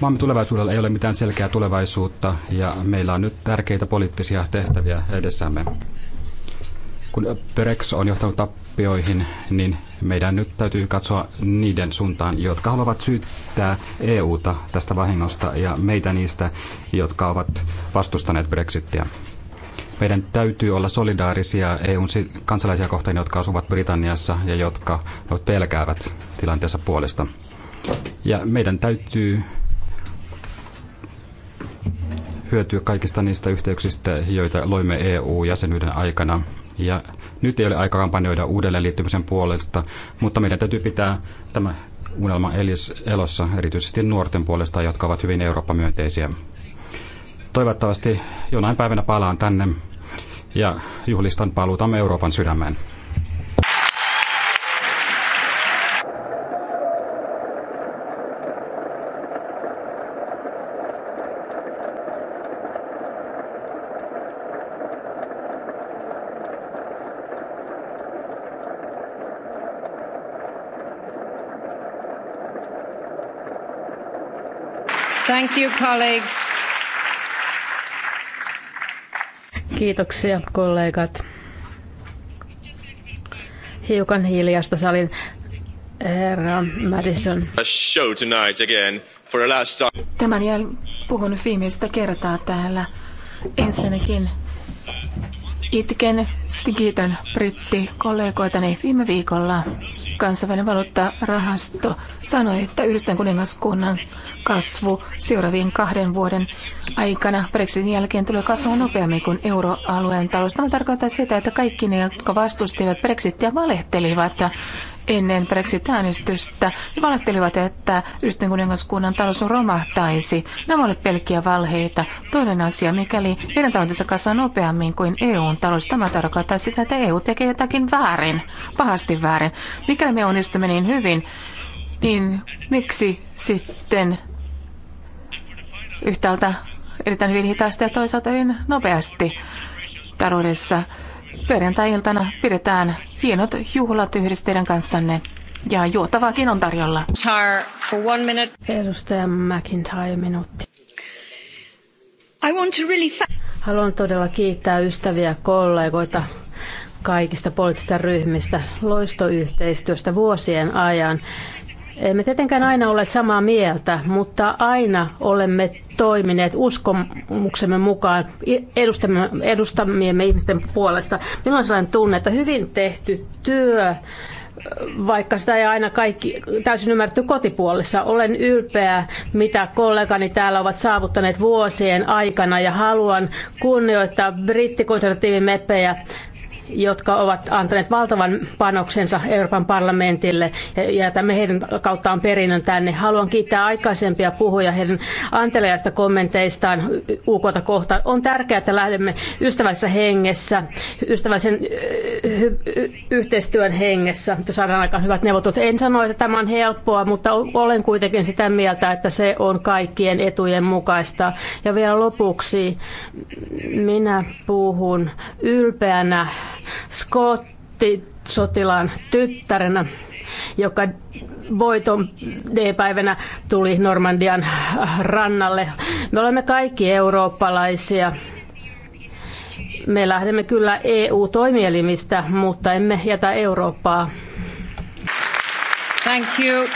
Maamme tulevaisuudella ei ole mitään selkeää tulevaisuutta ja meillä on nyt tärkeitä poliittisia tehtäviä edessämme. Kun Perex on johtanut tappioihin, niin meidän nyt täytyy katsoa niiden suuntaan, jotka haluavat syyttää EUta tästä vahingosta ja meitä niistä, jotka ovat vastustaneet Brexittiä. Meidän täytyy olla solidaarisia EUn kansalaisia kohtaan, jotka asuvat Britanniassa ja jotka pelkäävät tilanteessa puolesta. Ja meidän täytyy hyötyä kaikista niistä yhteyksistä, joita loimme EU-jäsenyyden aikana – ja nyt ei ole aika kampanjoida uudelleen liittymisen puolesta, mutta meidän täytyy pitää tämä unelma elossa erityisesti nuorten puolesta, jotka ovat hyvin Eurooppa-myönteisiä. Toivottavasti jonain päivänä palaan tänne ja juhlistan paluutamme Euroopan sydämeen. Thank you, colleagues. Kiitoksia kollegat. Hiukan hiljasta salin herra Madison. A show tonight again for the last time. Tämän jälkeen puhun viimeistä kertaa täällä. Ensinnäkin Itken, Britti brittikollegoitani viime viikolla. Kansainvälinen valuuttarahasto sanoi, että yhdistön kuningaskunnan kasvu seuraavien kahden vuoden aikana Brexitin jälkeen tulee kasvamaan nopeammin kuin euroalueen talous. Tämä tarkoittaa sitä, että kaikki ne, jotka vastustivat Brexitia, valehtelivat ennen Brexit-äänestystä ja valittelivat, että yhdistön kuningaskunnan talous romahtaisi. Nämä olivat pelkkiä valheita. Toinen asia, mikäli heidän taloutensa kasvaa nopeammin kuin EUn talous, tämä tarkoittaa sitä, että EU tekee jotakin väärin, pahasti väärin. Mikäli me onnistumme niin hyvin, niin miksi sitten yhtäältä erittäin hyvin hitaasti ja toisaalta hyvin nopeasti taloudessa perjantai-iltana pidetään hienot juhlat yhdessä teidän kanssanne. Ja juotavaakin on tarjolla. For one minute. Edustaja McIntyre, minuutti. I want to really Haluan todella kiittää ystäviä kollegoita kaikista poliittisista ryhmistä loistoyhteistyöstä vuosien ajan emme tietenkään aina ole samaa mieltä, mutta aina olemme toimineet uskomuksemme mukaan edustamiemme ihmisten puolesta. Minulla on sellainen tunne, että hyvin tehty työ, vaikka sitä ei aina kaikki täysin ymmärretty kotipuolessa. Olen ylpeä, mitä kollegani täällä ovat saavuttaneet vuosien aikana ja haluan kunnioittaa brittikonservatiivimeppejä jotka ovat antaneet valtavan panoksensa Euroopan parlamentille ja jätämme heidän kauttaan perinnön tänne. Haluan kiittää aikaisempia puhuja heidän anteliaista kommenteistaan UKta kohtaan. On tärkeää, että lähdemme ystävällisessä hengessä, ystävällisen yhteistyön hengessä, että saadaan aika hyvät neuvottelut. En sano, että tämä on helppoa, mutta olen kuitenkin sitä mieltä, että se on kaikkien etujen mukaista. Ja vielä lopuksi minä puhun ylpeänä Scotti sotilaan tyttärenä, joka voiton D-päivänä tuli Normandian rannalle. Me olemme kaikki eurooppalaisia. Me lähdemme kyllä EU-toimielimistä, mutta emme jätä Eurooppaa. Thank you.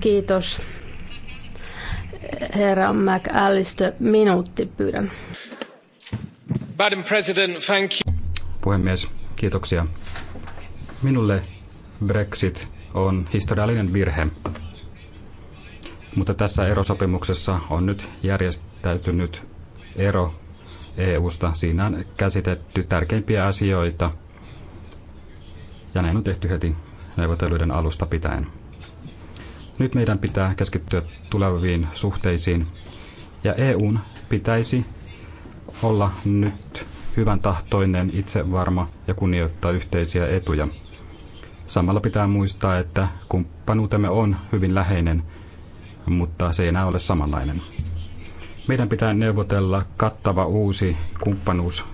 Kiitos. Herra McAllister, minuutti pyydän. Madam President, thank you puhemies. Kiitoksia. Minulle Brexit on historiallinen virhe. Mutta tässä erosopimuksessa on nyt järjestäytynyt ero EUsta. Siinä on käsitetty tärkeimpiä asioita ja näin on tehty heti neuvotteluiden alusta pitäen. Nyt meidän pitää keskittyä tuleviin suhteisiin ja EUn pitäisi olla nyt hyvän tahtoinen, itsevarma ja kunnioittaa yhteisiä etuja. Samalla pitää muistaa, että kumppanuutemme on hyvin läheinen, mutta se ei enää ole samanlainen. Meidän pitää neuvotella kattava uusi kumppanuus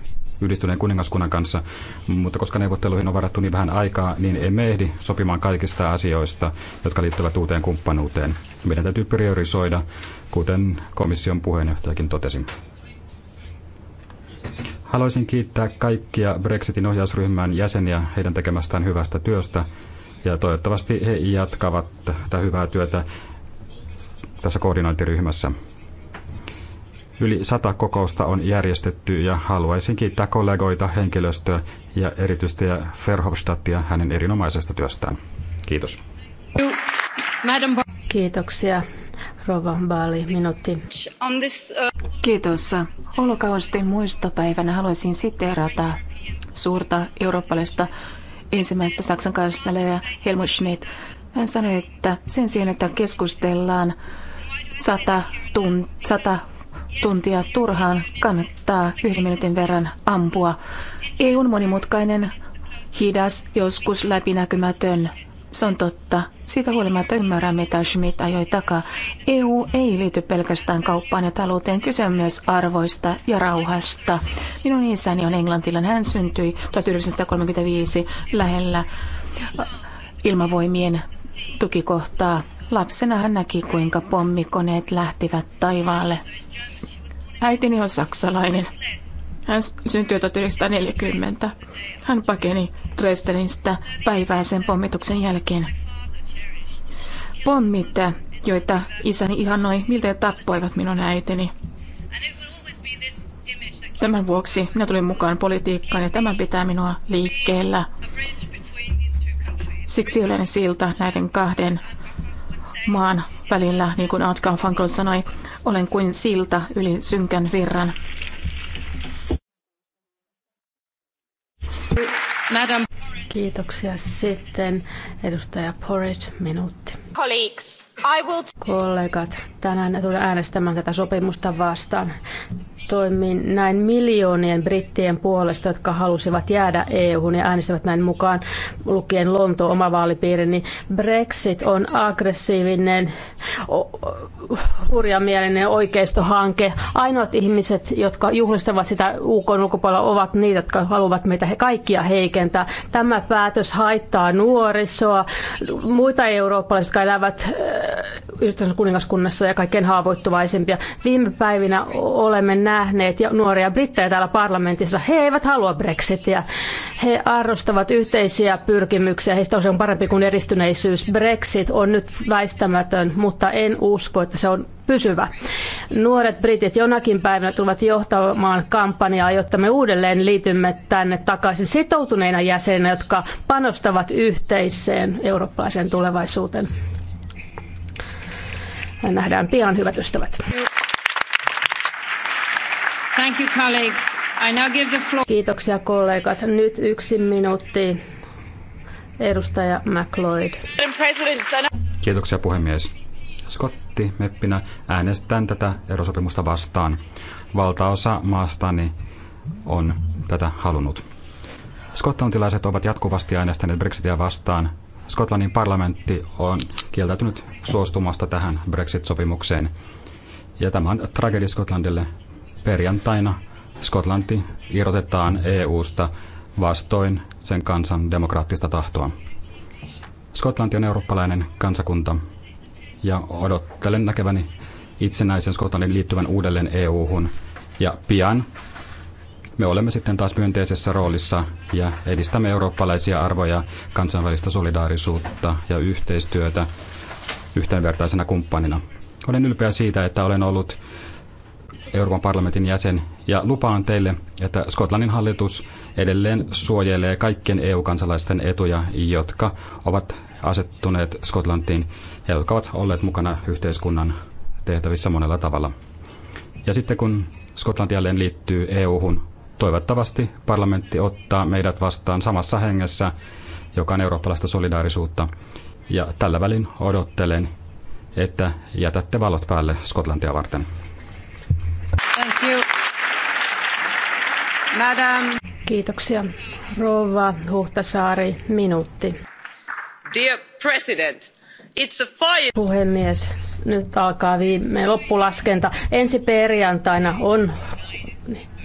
yhdistyneen kuningaskunnan kanssa, mutta koska neuvotteluihin on varattu niin vähän aikaa, niin emme ehdi sopimaan kaikista asioista, jotka liittyvät uuteen kumppanuuteen. Meidän täytyy priorisoida, kuten komission puheenjohtajakin totesi. Haluaisin kiittää kaikkia Brexitin ohjausryhmän jäseniä heidän tekemästään hyvästä työstä ja toivottavasti he jatkavat tätä hyvää työtä tässä koordinointiryhmässä. Yli sata kokousta on järjestetty ja haluaisin kiittää kollegoita, henkilöstöä ja erityisesti Verhofstadtia hänen erinomaisesta työstään. Kiitos. Kiitoksia. Baali, minuutti. Uh, Kiitos. Holokaustin muistopäivänä haluaisin siteerata suurta eurooppalaista ensimmäistä Saksan kansleria Helmut Schmidt. Hän sanoi, että sen sijaan, että keskustellaan sata, tun, sata tuntia turhaan, kannattaa yhden minuutin verran ampua. on e monimutkainen, hidas, joskus läpinäkymätön. Se on totta. Siitä huolimatta ymmärrän, mitä Schmidt ajoi takaa. EU ei liity pelkästään kauppaan ja talouteen, kyse on myös arvoista ja rauhasta. Minun isäni on englantilainen. Hän syntyi 1935 lähellä ilmavoimien tukikohtaa. Lapsena hän näki, kuinka pommikoneet lähtivät taivaalle. Äitini on saksalainen. Hän syntyi 1940. Hän pakeni Dresdenistä päivää sen pommituksen jälkeen. Pommit, joita isäni ihannoi, miltä tappoivat minun äitini. Tämän vuoksi minä tulin mukaan politiikkaan ja tämän pitää minua liikkeellä. Siksi olen silta näiden kahden maan välillä, niin kuin Art Garfunkel sanoi, olen kuin silta yli synkän virran. Madam. Kiitoksia. Sitten edustaja Porridge, minuutti. Kollegat, tänään tulen äänestämään tätä sopimusta vastaan toimin näin miljoonien brittien puolesta, jotka halusivat jäädä EU-hun ja äänestivät näin mukaan lukien Lonto oma vaalipiiri, niin Brexit on aggressiivinen, hurjamielinen oikeistohanke. Ainoat ihmiset, jotka juhlistavat sitä UK ulkopuolella, ovat niitä, jotka haluavat meitä kaikkia heikentää. Tämä päätös haittaa nuorisoa, muita eurooppalaisia, jotka elävät kuningaskunnassa ja kaikkein haavoittuvaisempia. Viime päivinä olemme nähneet nähneet ja nuoria brittejä täällä parlamentissa. He eivät halua Brexitia. He arvostavat yhteisiä pyrkimyksiä. Heistä on parempi kuin eristyneisyys. Brexit on nyt väistämätön, mutta en usko, että se on pysyvä. Nuoret britit jonakin päivänä tulevat johtamaan kampanjaa, jotta me uudelleen liitymme tänne takaisin sitoutuneina jäseninä, jotka panostavat yhteiseen eurooppalaiseen tulevaisuuteen. Nähdään pian, hyvät ystävät. Thank you, colleagues. I now give the floor. Kiitoksia kollegat. Nyt yksi minuutti. Edustaja McLeod. Kiitoksia puhemies. Skotti meppinä äänestän tätä erosopimusta vastaan. Valtaosa maastani on tätä halunnut. Skotlantilaiset ovat jatkuvasti äänestäneet Brexitia vastaan. Skotlannin parlamentti on kieltäytynyt suostumasta tähän Brexit-sopimukseen. Ja tämä on tragedia Skotlandille perjantaina Skotlanti irrotetaan EU-sta vastoin sen kansan demokraattista tahtoa. Skotlanti on eurooppalainen kansakunta ja odottelen näkeväni itsenäisen Skotlannin liittyvän uudelleen EU-hun ja pian me olemme sitten taas myönteisessä roolissa ja edistämme eurooppalaisia arvoja, kansainvälistä solidaarisuutta ja yhteistyötä yhteenvertaisena kumppanina. Olen ylpeä siitä, että olen ollut Euroopan parlamentin jäsen, ja lupaan teille, että Skotlannin hallitus edelleen suojelee kaikkien EU-kansalaisten etuja, jotka ovat asettuneet Skotlantiin ja jotka ovat olleet mukana yhteiskunnan tehtävissä monella tavalla. Ja sitten kun Skotlanti jälleen liittyy EU-hun, toivottavasti parlamentti ottaa meidät vastaan samassa hengessä, joka on eurooppalaista solidaarisuutta. Ja tällä välin odottelen, että jätätte valot päälle Skotlantia varten. Madam. Kiitoksia. Rouva Huhtasaari, minuutti. Dear President, it's a fire. Puhemies, nyt alkaa viime loppulaskenta. Ensi perjantaina on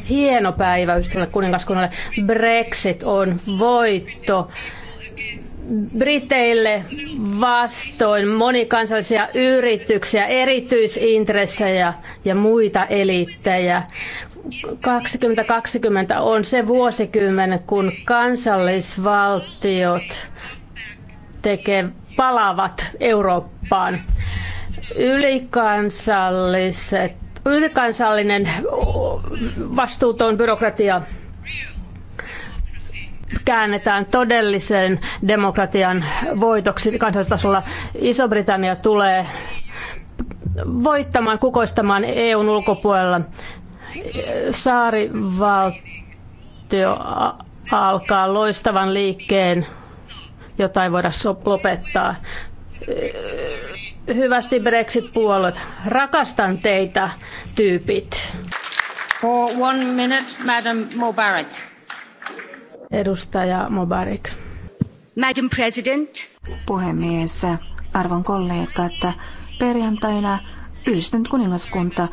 hieno päivä ystävälle kuningaskunnalle. Brexit on voitto. Briteille vastoin monikansallisia yrityksiä, erityisintressejä ja muita eliittejä. 2020 on se vuosikymmen, kun kansallisvaltiot tekee, palavat Eurooppaan. Ylikansalliset, ylikansallinen vastuuton byrokratia käännetään todellisen demokratian voitoksi kansallistasolla. Iso-Britannia tulee voittamaan, kukoistamaan EUn ulkopuolella saarivaltio alkaa loistavan liikkeen, jota ei voida lopettaa. Eh, hyvästi Brexit-puolet. Rakastan teitä, tyypit. For one minute, Madam Mubarak. Edustaja Mubarak. Madam President. Puhemies, arvon kollegat, perjantaina Yhdistynyt kuningaskunta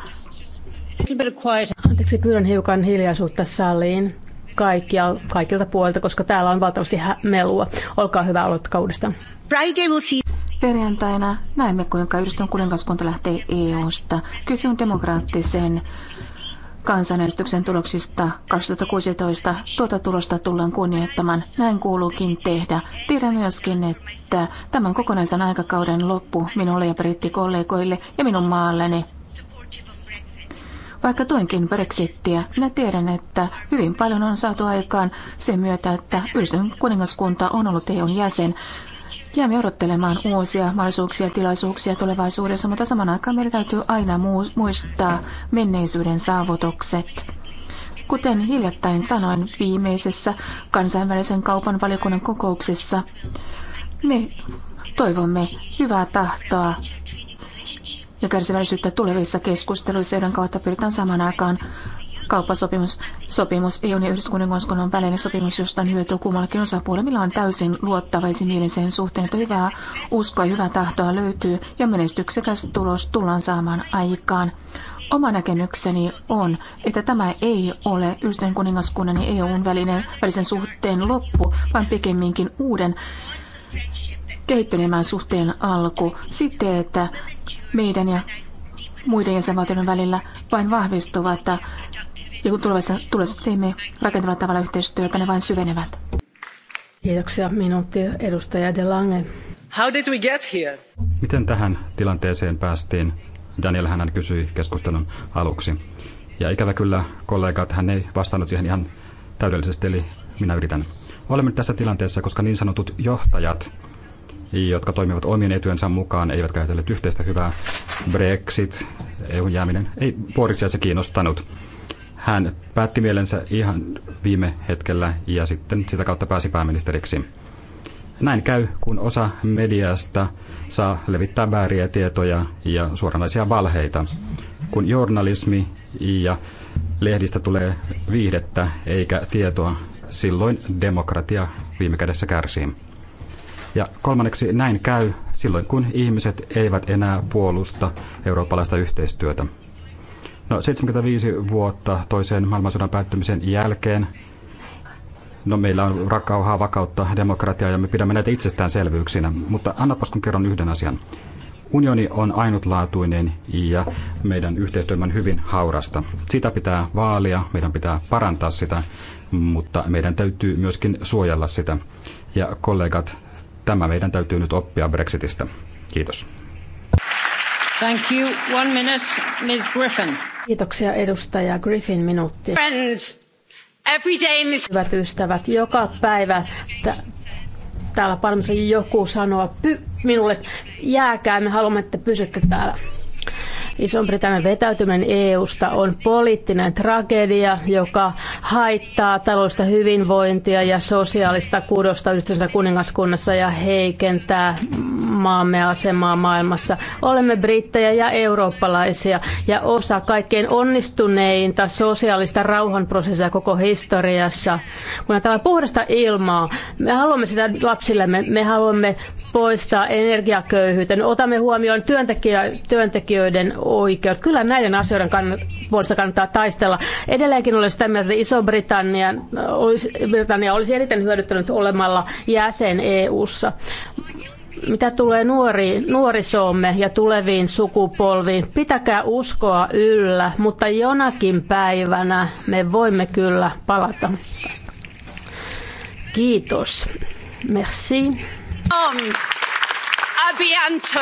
Anteeksi, pyydän hiukan hiljaisuutta saliin kaikkia, kaikilta puolilta, koska täällä on valtavasti melua. Olkaa hyvä, aloittakaa uudestaan. Perjantaina näemme, kuinka yhdistön kuningaskunta lähtee EU-sta. Kyse on demokraattisen kansanäänestyksen tuloksista 2016. Tuota tulosta tullaan kunnioittamaan. Näin kuuluukin tehdä. Tiedän myöskin, että tämän kokonaisen aikakauden loppu minulle ja brittikollegoille ja minun maalleni vaikka tuenkin Brexittiä, minä tiedän, että hyvin paljon on saatu aikaan sen myötä, että Yhdistynyt kuningaskunta on ollut EUn jäsen. Jäämme odottelemaan uusia mahdollisuuksia ja tilaisuuksia tulevaisuudessa, mutta saman aikaan meidän täytyy aina muistaa menneisyyden saavutukset. Kuten hiljattain sanoin viimeisessä kansainvälisen kaupan valiokunnan kokouksessa, me toivomme hyvää tahtoa ja kärsivällisyyttä tulevissa keskusteluissa, joiden kautta pyritään saman aikaan kauppasopimus sopimus EUn ja yhdyskunnan välinen sopimus, josta on hyötyä kummallakin osapuolella, on täysin luottavaisin mielisen suhteen, että hyvää uskoa ja hyvää tahtoa löytyy ja menestyksekäs tulos tullaan saamaan aikaan. Oma näkemykseni on, että tämä ei ole Yhdistyneen kuningaskunnan ja EUn välinen, välisen suhteen loppu, vaan pikemminkin uuden kehittyneemmän suhteen alku, että meidän ja muiden jäsenvaltioiden välillä vain vahvistuvat ja kun tulevaisuudessa teemme rakentavalla tavalla yhteistyötä, ne vain syvenevät. Kiitoksia minuutti edustaja lange. How did we get here? Miten tähän tilanteeseen päästiin? Daniel hän kysyi keskustelun aluksi. Ja ikävä kyllä kollegat, hän ei vastannut siihen ihan täydellisesti, eli minä yritän. Olemme tässä tilanteessa, koska niin sanotut johtajat jotka toimivat omien etujensa mukaan, eivät käytelleet yhteistä hyvää. Brexit, EUn jääminen, ei Boritsia se kiinnostanut. Hän päätti mielensä ihan viime hetkellä ja sitten sitä kautta pääsi pääministeriksi. Näin käy, kun osa mediasta saa levittää vääriä tietoja ja suoranaisia valheita. Kun journalismi ja lehdistä tulee viihdettä eikä tietoa, silloin demokratia viime kädessä kärsii. Ja kolmanneksi näin käy silloin, kun ihmiset eivät enää puolusta eurooppalaista yhteistyötä. No 75 vuotta toisen maailmansodan päättymisen jälkeen No meillä on rakauhaa, vakautta, demokratiaa ja me pidämme näitä itsestäänselvyyksinä. Mutta annapas kun kerron yhden asian. Unioni on ainutlaatuinen ja meidän yhteistyömme on hyvin haurasta. Sitä pitää vaalia, meidän pitää parantaa sitä, mutta meidän täytyy myöskin suojella sitä. Ja kollegat, Tämä meidän täytyy nyt oppia Brexitistä. Kiitos. Thank you. One minute, Ms. Griffin. Kiitoksia edustaja Griffin minuutti. Friends, every day, Ms. Hyvät ystävät, joka päivä täällä varmasti joku sanoa py- minulle, jääkää, me haluamme, että pysytte täällä. Iso-Britannian vetäytyminen EUsta on poliittinen tragedia, joka haittaa taloudellista hyvinvointia ja sosiaalista kudosta yhdistyneessä kuningaskunnassa ja heikentää maamme asemaa maailmassa. Olemme brittejä ja eurooppalaisia ja osa kaikkein onnistuneinta sosiaalista rauhanprosessia koko historiassa. Kun ajatellaan puhdasta ilmaa, me haluamme sitä lapsillemme, me haluamme poistaa energiaköyhyyden, otamme huomioon työntekijöiden oikeudet. Kyllä näiden asioiden kann- puolesta kannattaa taistella. Edelleenkin olen sitä mieltä, että Iso-Britannia olisi, Britannia olisi erittäin hyödyttänyt olemalla jäsen EU-ssa mitä tulee nuori, nuorisoomme ja tuleviin sukupolviin, pitäkää uskoa yllä, mutta jonakin päivänä me voimme kyllä palata. Kiitos. Merci. Um,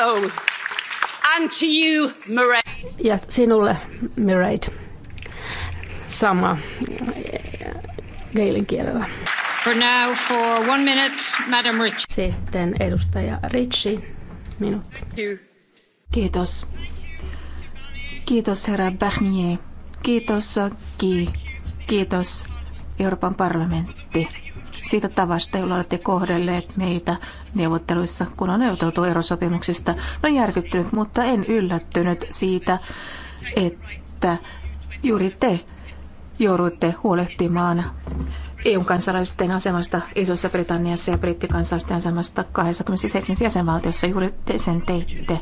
On. And to you, Mairead. Ja sinulle, Mairead. Sama Gaelin kielellä. For now, for one minute, Madam Rich. Sitten edustaja Ritchie, minuutti. Kiitos. Kiitos herra Barnier. Kiitos Ki. Kiitos Euroopan parlamentti siitä tavasta, jolla olette kohdelleet meitä neuvotteluissa, kun on neuvoteltu erosopimuksista. Olen järkyttynyt, mutta en yllättynyt siitä, että juuri te jouduitte huolehtimaan EU-kansalaisten asemasta Isossa Britanniassa ja brittikansalaisten asemasta 27 jäsenvaltiossa. Juuri te sen teitte.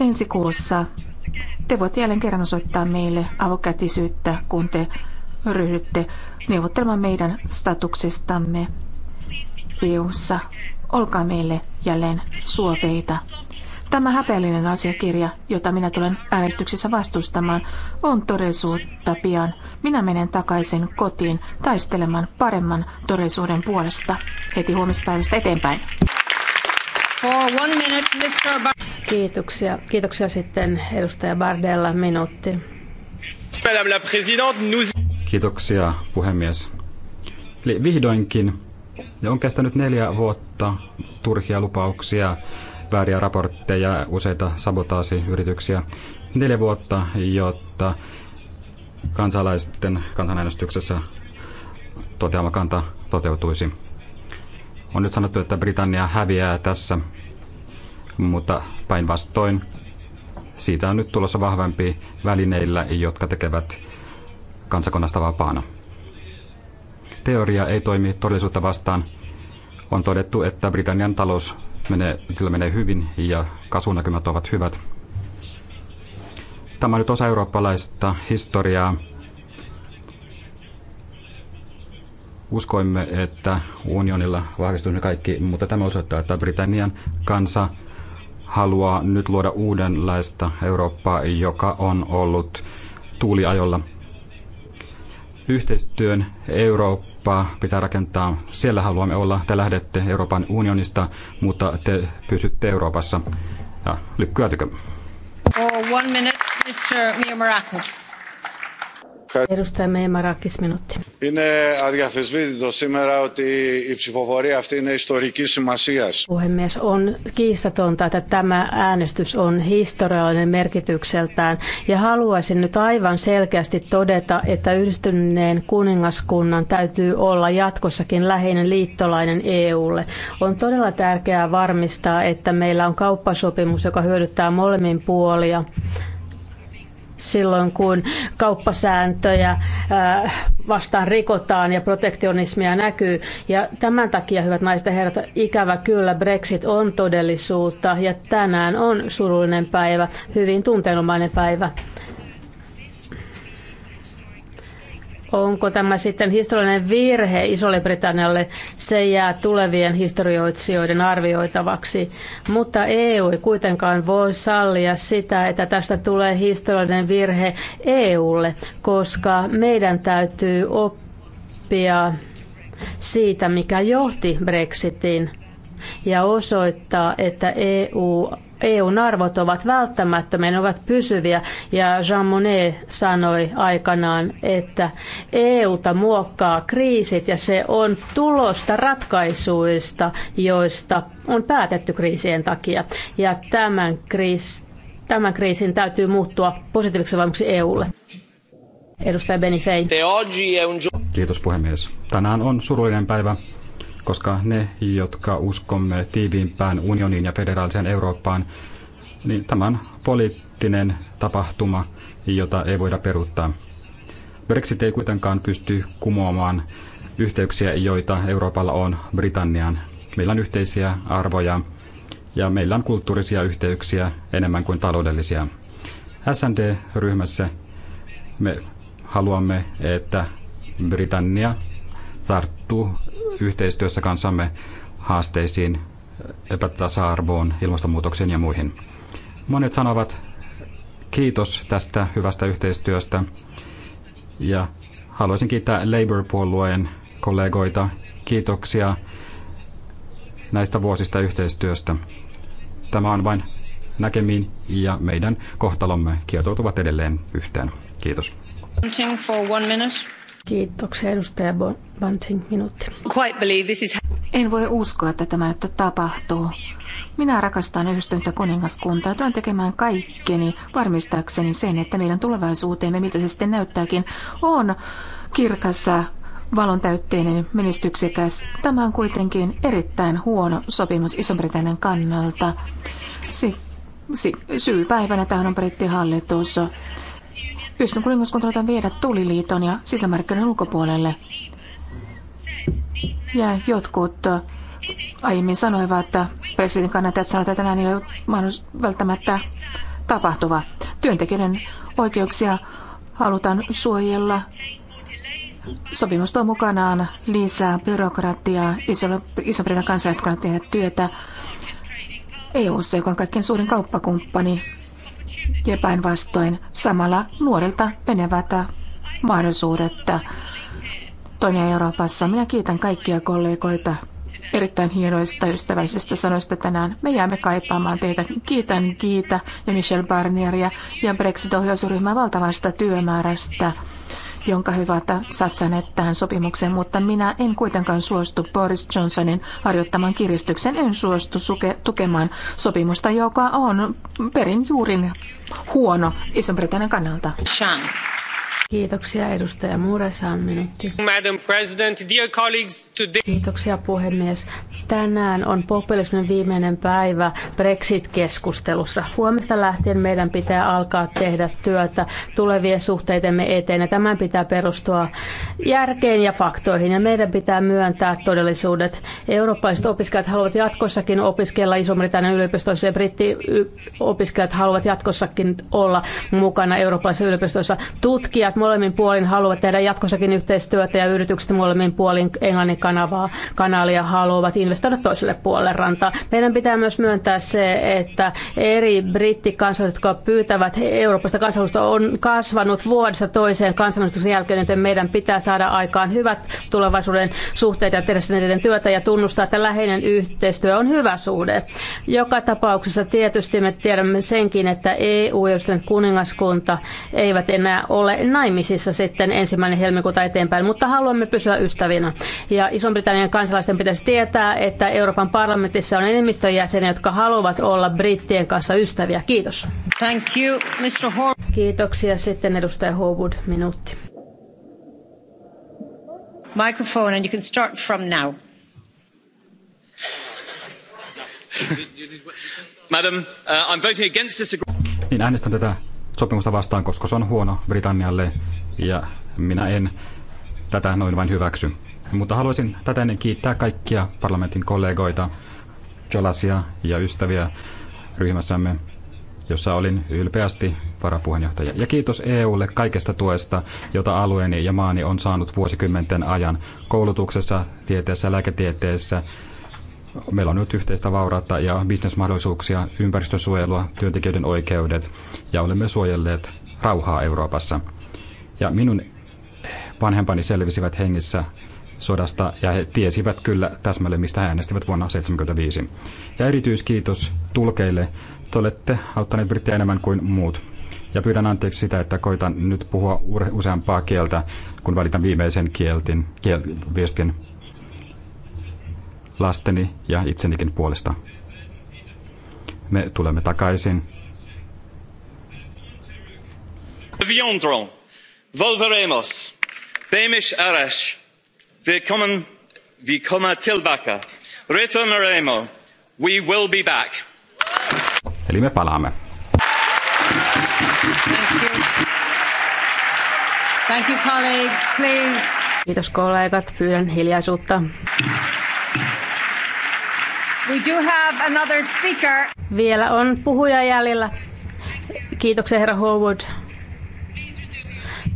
Ensi kuussa te voitte jälleen kerran osoittaa meille avokätisyyttä, kun te ryhdytte neuvottelemaan meidän statuksestamme EU-ssa olkaa meille jälleen suopeita. Tämä häpeällinen asiakirja, jota minä tulen äänestyksessä vastustamaan, on todellisuutta pian. Minä menen takaisin kotiin taistelemaan paremman todellisuuden puolesta heti huomispäivästä eteenpäin. Kiitoksia. Kiitoksia sitten edustaja Bardella minuutti. Kiitoksia puhemies. Eli vihdoinkin ja on kestänyt neljä vuotta turhia lupauksia, vääriä raportteja, useita sabotaasiyrityksiä. Neljä vuotta, jotta kansalaisten kansanäänestyksessä toteama kanta toteutuisi. On nyt sanottu, että Britannia häviää tässä, mutta päinvastoin siitä on nyt tulossa vahvempi välineillä, jotka tekevät kansakunnasta vapaana teoria ei toimi todellisuutta vastaan. On todettu, että Britannian talous menee, sillä menee hyvin ja kasvunäkymät ovat hyvät. Tämä on nyt osa eurooppalaista historiaa. Uskoimme, että unionilla vahvistuisi kaikki, mutta tämä osoittaa, että Britannian kansa haluaa nyt luoda uudenlaista Eurooppaa, joka on ollut tuuliajolla – yhteistyön Eurooppaa pitää rakentaa. Siellä haluamme olla. Te lähdette Euroopan unionista, mutta te pysytte Euroopassa. Ja lykkyätykö? Oh, one minute, Mr. Edustaja Meimarakis, minuutti. Είναι αδιαφεσβήτητο σήμερα ότι η ψηφοφορία αυτή είναι Puhemies, on kiistatonta, että tämä äänestys on historiallinen merkitykseltään. Ja haluaisin nyt aivan selkeästi todeta, että yhdistyneen kuningaskunnan täytyy olla jatkossakin läheinen liittolainen EUlle. On todella tärkeää varmistaa, että meillä on kauppasopimus, joka hyödyttää molemmin puolia silloin, kun kauppasääntöjä äh, vastaan rikotaan ja protektionismia näkyy. Ja tämän takia, hyvät naiset ja herrat, ikävä kyllä Brexit on todellisuutta ja tänään on surullinen päivä, hyvin tunteenomainen päivä. Onko tämä sitten historiallinen virhe Isolle Britannialle? Se jää tulevien historioitsijoiden arvioitavaksi. Mutta EU ei kuitenkaan voi sallia sitä, että tästä tulee historiallinen virhe EUlle, koska meidän täytyy oppia siitä, mikä johti Brexitiin ja osoittaa, että EU EUn arvot ovat välttämättömiä, ne ovat pysyviä. Ja Jean Monnet sanoi aikanaan, että EUta muokkaa kriisit ja se on tulosta ratkaisuista, joista on päätetty kriisien takia. Ja tämän, kriis, tämän kriisin täytyy muuttua positiiviseksi voimaksi EUlle. Edustaja Benifei. Kiitos puhemies. Tänään on surullinen päivä koska ne, jotka uskomme tiiviimpään unioniin ja federaaliseen Eurooppaan, niin tämä on poliittinen tapahtuma, jota ei voida peruuttaa. Brexit ei kuitenkaan pysty kumoamaan yhteyksiä, joita Euroopalla on Britanniaan. Meillä on yhteisiä arvoja ja meillä on kulttuurisia yhteyksiä enemmän kuin taloudellisia. SND-ryhmässä me haluamme, että Britannia tarttuu yhteistyössä kanssamme haasteisiin, epätasa-arvoon, ilmastonmuutokseen ja muihin. Monet sanovat kiitos tästä hyvästä yhteistyöstä ja haluaisin kiittää Labour-puolueen kollegoita. Kiitoksia näistä vuosista yhteistyöstä. Tämä on vain näkemiin ja meidän kohtalomme kietoutuvat edelleen yhteen. Kiitos. For one minute. Kiitoksia edustaja Bunting, minuutti. Quite believe this is... En voi uskoa, että tämä nyt tapahtuu. Minä rakastan yhdistynyttä kuningaskuntaa Tuon tekemään kaikkeni varmistaakseni sen, että meidän tulevaisuuteemme, miltä se sitten näyttääkin, on kirkassa valon täytteinen menestyksekäs. Tämä on kuitenkin erittäin huono sopimus Iso-Britannian kannalta. Si, si, syypäivänä tähän on brittihallitus. Yhdistön kuningaskunta halutaan viedä tuliliiton ja sisämarkkinoiden ulkopuolelle. Ja jotkut aiemmin sanoivat, että presidentin kannattajat sanoivat, että tänään ei ole välttämättä tapahtuva. Työntekijöiden oikeuksia halutaan suojella. Sopimus tuo mukanaan lisää byrokratiaa. Iso-Britannian kansalaiset tehdä työtä. EU, joka on kaikkein suurin kauppakumppani ja päinvastoin samalla nuorilta menevät mahdollisuudet toimia Euroopassa. Minä kiitän kaikkia kollegoita erittäin hienoista ystävällisistä sanoista tänään. Me jäämme kaipaamaan teitä. Kiitän Kiita ja Michel Barnieria ja Brexit-ohjausryhmää valtavasta työmäärästä jonka he ovat satsaneet tähän sopimukseen, mutta minä en kuitenkaan suostu Boris Johnsonin harjoittamaan kiristyksen, en suostu suke, tukemaan sopimusta, joka on perin juurin huono Iso-Britannian kannalta. Sean. Kiitoksia edustaja Muresan minuutti. Madam President, dear colleagues, today... Kiitoksia puhemies. Tänään on populismin viimeinen päivä Brexit-keskustelussa. Huomista lähtien meidän pitää alkaa tehdä työtä tulevien suhteitemme eteen ja tämän pitää perustua järkeen ja faktoihin ja meidän pitää myöntää todellisuudet. Eurooppalaiset opiskelijat haluavat jatkossakin opiskella Iso-Britannian yliopistoissa ja brittiopiskelijat haluavat jatkossakin olla mukana eurooppalaisissa yliopistoissa. Tutkijat että molemmin puolin haluavat tehdä jatkossakin yhteistyötä ja yritykset molemmin puolin Englannin kanavaa, kanalia haluavat investoida toiselle puolelle rantaa. Meidän pitää myös myöntää se, että eri brittikansalaiset, jotka pyytävät Euroopasta kansallista, on kasvanut vuodessa toiseen kansallistuksen jälkeen, joten meidän pitää saada aikaan hyvät tulevaisuuden suhteet ja tehdä sen työtä ja tunnustaa, että läheinen yhteistyö on hyvä suhde. Joka tapauksessa tietysti me tiedämme senkin, että EU ja kuningaskunta eivät enää ole naimisissa sitten ensimmäinen helmikuuta eteenpäin, mutta haluamme pysyä ystävinä. Ja iso britannian kansalaisten pitäisi tietää, että Euroopan parlamentissa on enemmistön jäseniä, jotka haluavat olla brittien kanssa ystäviä. Kiitos. Thank you, Mr. Hor- Kiitoksia. Sitten edustaja Howard, minuutti. Microphone and you can start from now. Madam, uh, I'm voting against this agreement. Niin äänestän tätä sopimusta vastaan, koska se on huono Britannialle ja minä en tätä noin vain hyväksy. Mutta haluaisin tätä ennen kiittää kaikkia parlamentin kollegoita, Jolasia ja ystäviä ryhmässämme, jossa olin ylpeästi varapuheenjohtaja. Ja kiitos EUlle kaikesta tuesta, jota alueeni ja maani on saanut vuosikymmenten ajan koulutuksessa, tieteessä, lääketieteessä, meillä on nyt yhteistä vaurautta ja bisnesmahdollisuuksia, ympäristösuojelua, työntekijöiden oikeudet ja olemme suojelleet rauhaa Euroopassa. Ja minun vanhempani selvisivät hengissä sodasta ja he tiesivät kyllä täsmälleen, mistä he äänestivät vuonna 1975. Ja erityiskiitos tulkeille. Te olette auttaneet brittejä enemmän kuin muut. Ja pyydän anteeksi sitä, että koitan nyt puhua useampaa kieltä, kun välitän viimeisen kieltin, kiel, viestin lasteni ja itsenikin puolesta. Me tulemme takaisin. Viondron, volveremos, beimish arash, vi willkommen tilbaka, retornaremo, we will be back. Eli me palaamme. Thank you. Thank you, colleagues. Please. Kiitos kollegat, pyydän hiljaisuutta. We do have another speaker. Vielä on puhuja jäljellä. Kiitoksia herra Howard.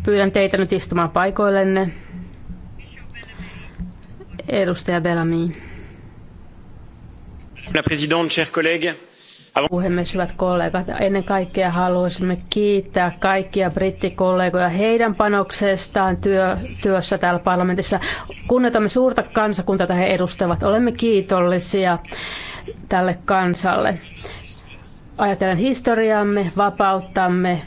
Pyydän teitä nyt istumaan paikoillenne. Edustaja Bellamy. La présidente, chers collègues. Puhemies, hyvät kollegat, ennen kaikkea haluaisimme kiittää kaikkia brittikollegoja heidän panoksestaan työ, työssä täällä parlamentissa. Kunnioitamme suurta kansakuntaa, jota he edustavat. Olemme kiitollisia tälle kansalle. Ajatellen historiaamme, vapauttamme,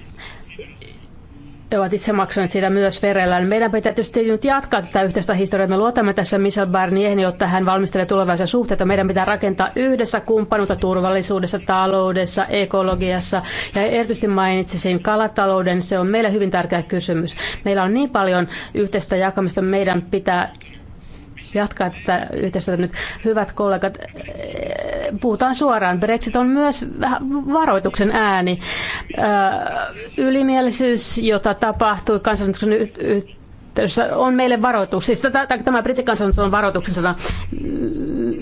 ovat itse maksaneet siitä myös verellä. Meidän pitää tietysti nyt jatkaa tätä yhteistä historiaa. Me luotamme tässä Michel Barnierin, jotta hän valmistelee tulevaisia suhteita. Meidän pitää rakentaa yhdessä kumppanuutta turvallisuudessa, taloudessa, ekologiassa. Ja erityisesti mainitsisin kalatalouden. Se on meille hyvin tärkeä kysymys. Meillä on niin paljon yhteistä jakamista. Meidän pitää jatkaa tätä yhteistyötä nyt. Hyvät kollegat, puhutaan suoraan. Brexit on myös varoituksen ääni. Ylimielisyys, jota tapahtui kansanäänestyksen yhteydessä on meille varoitus. Siis tämä brittikansallisuus on että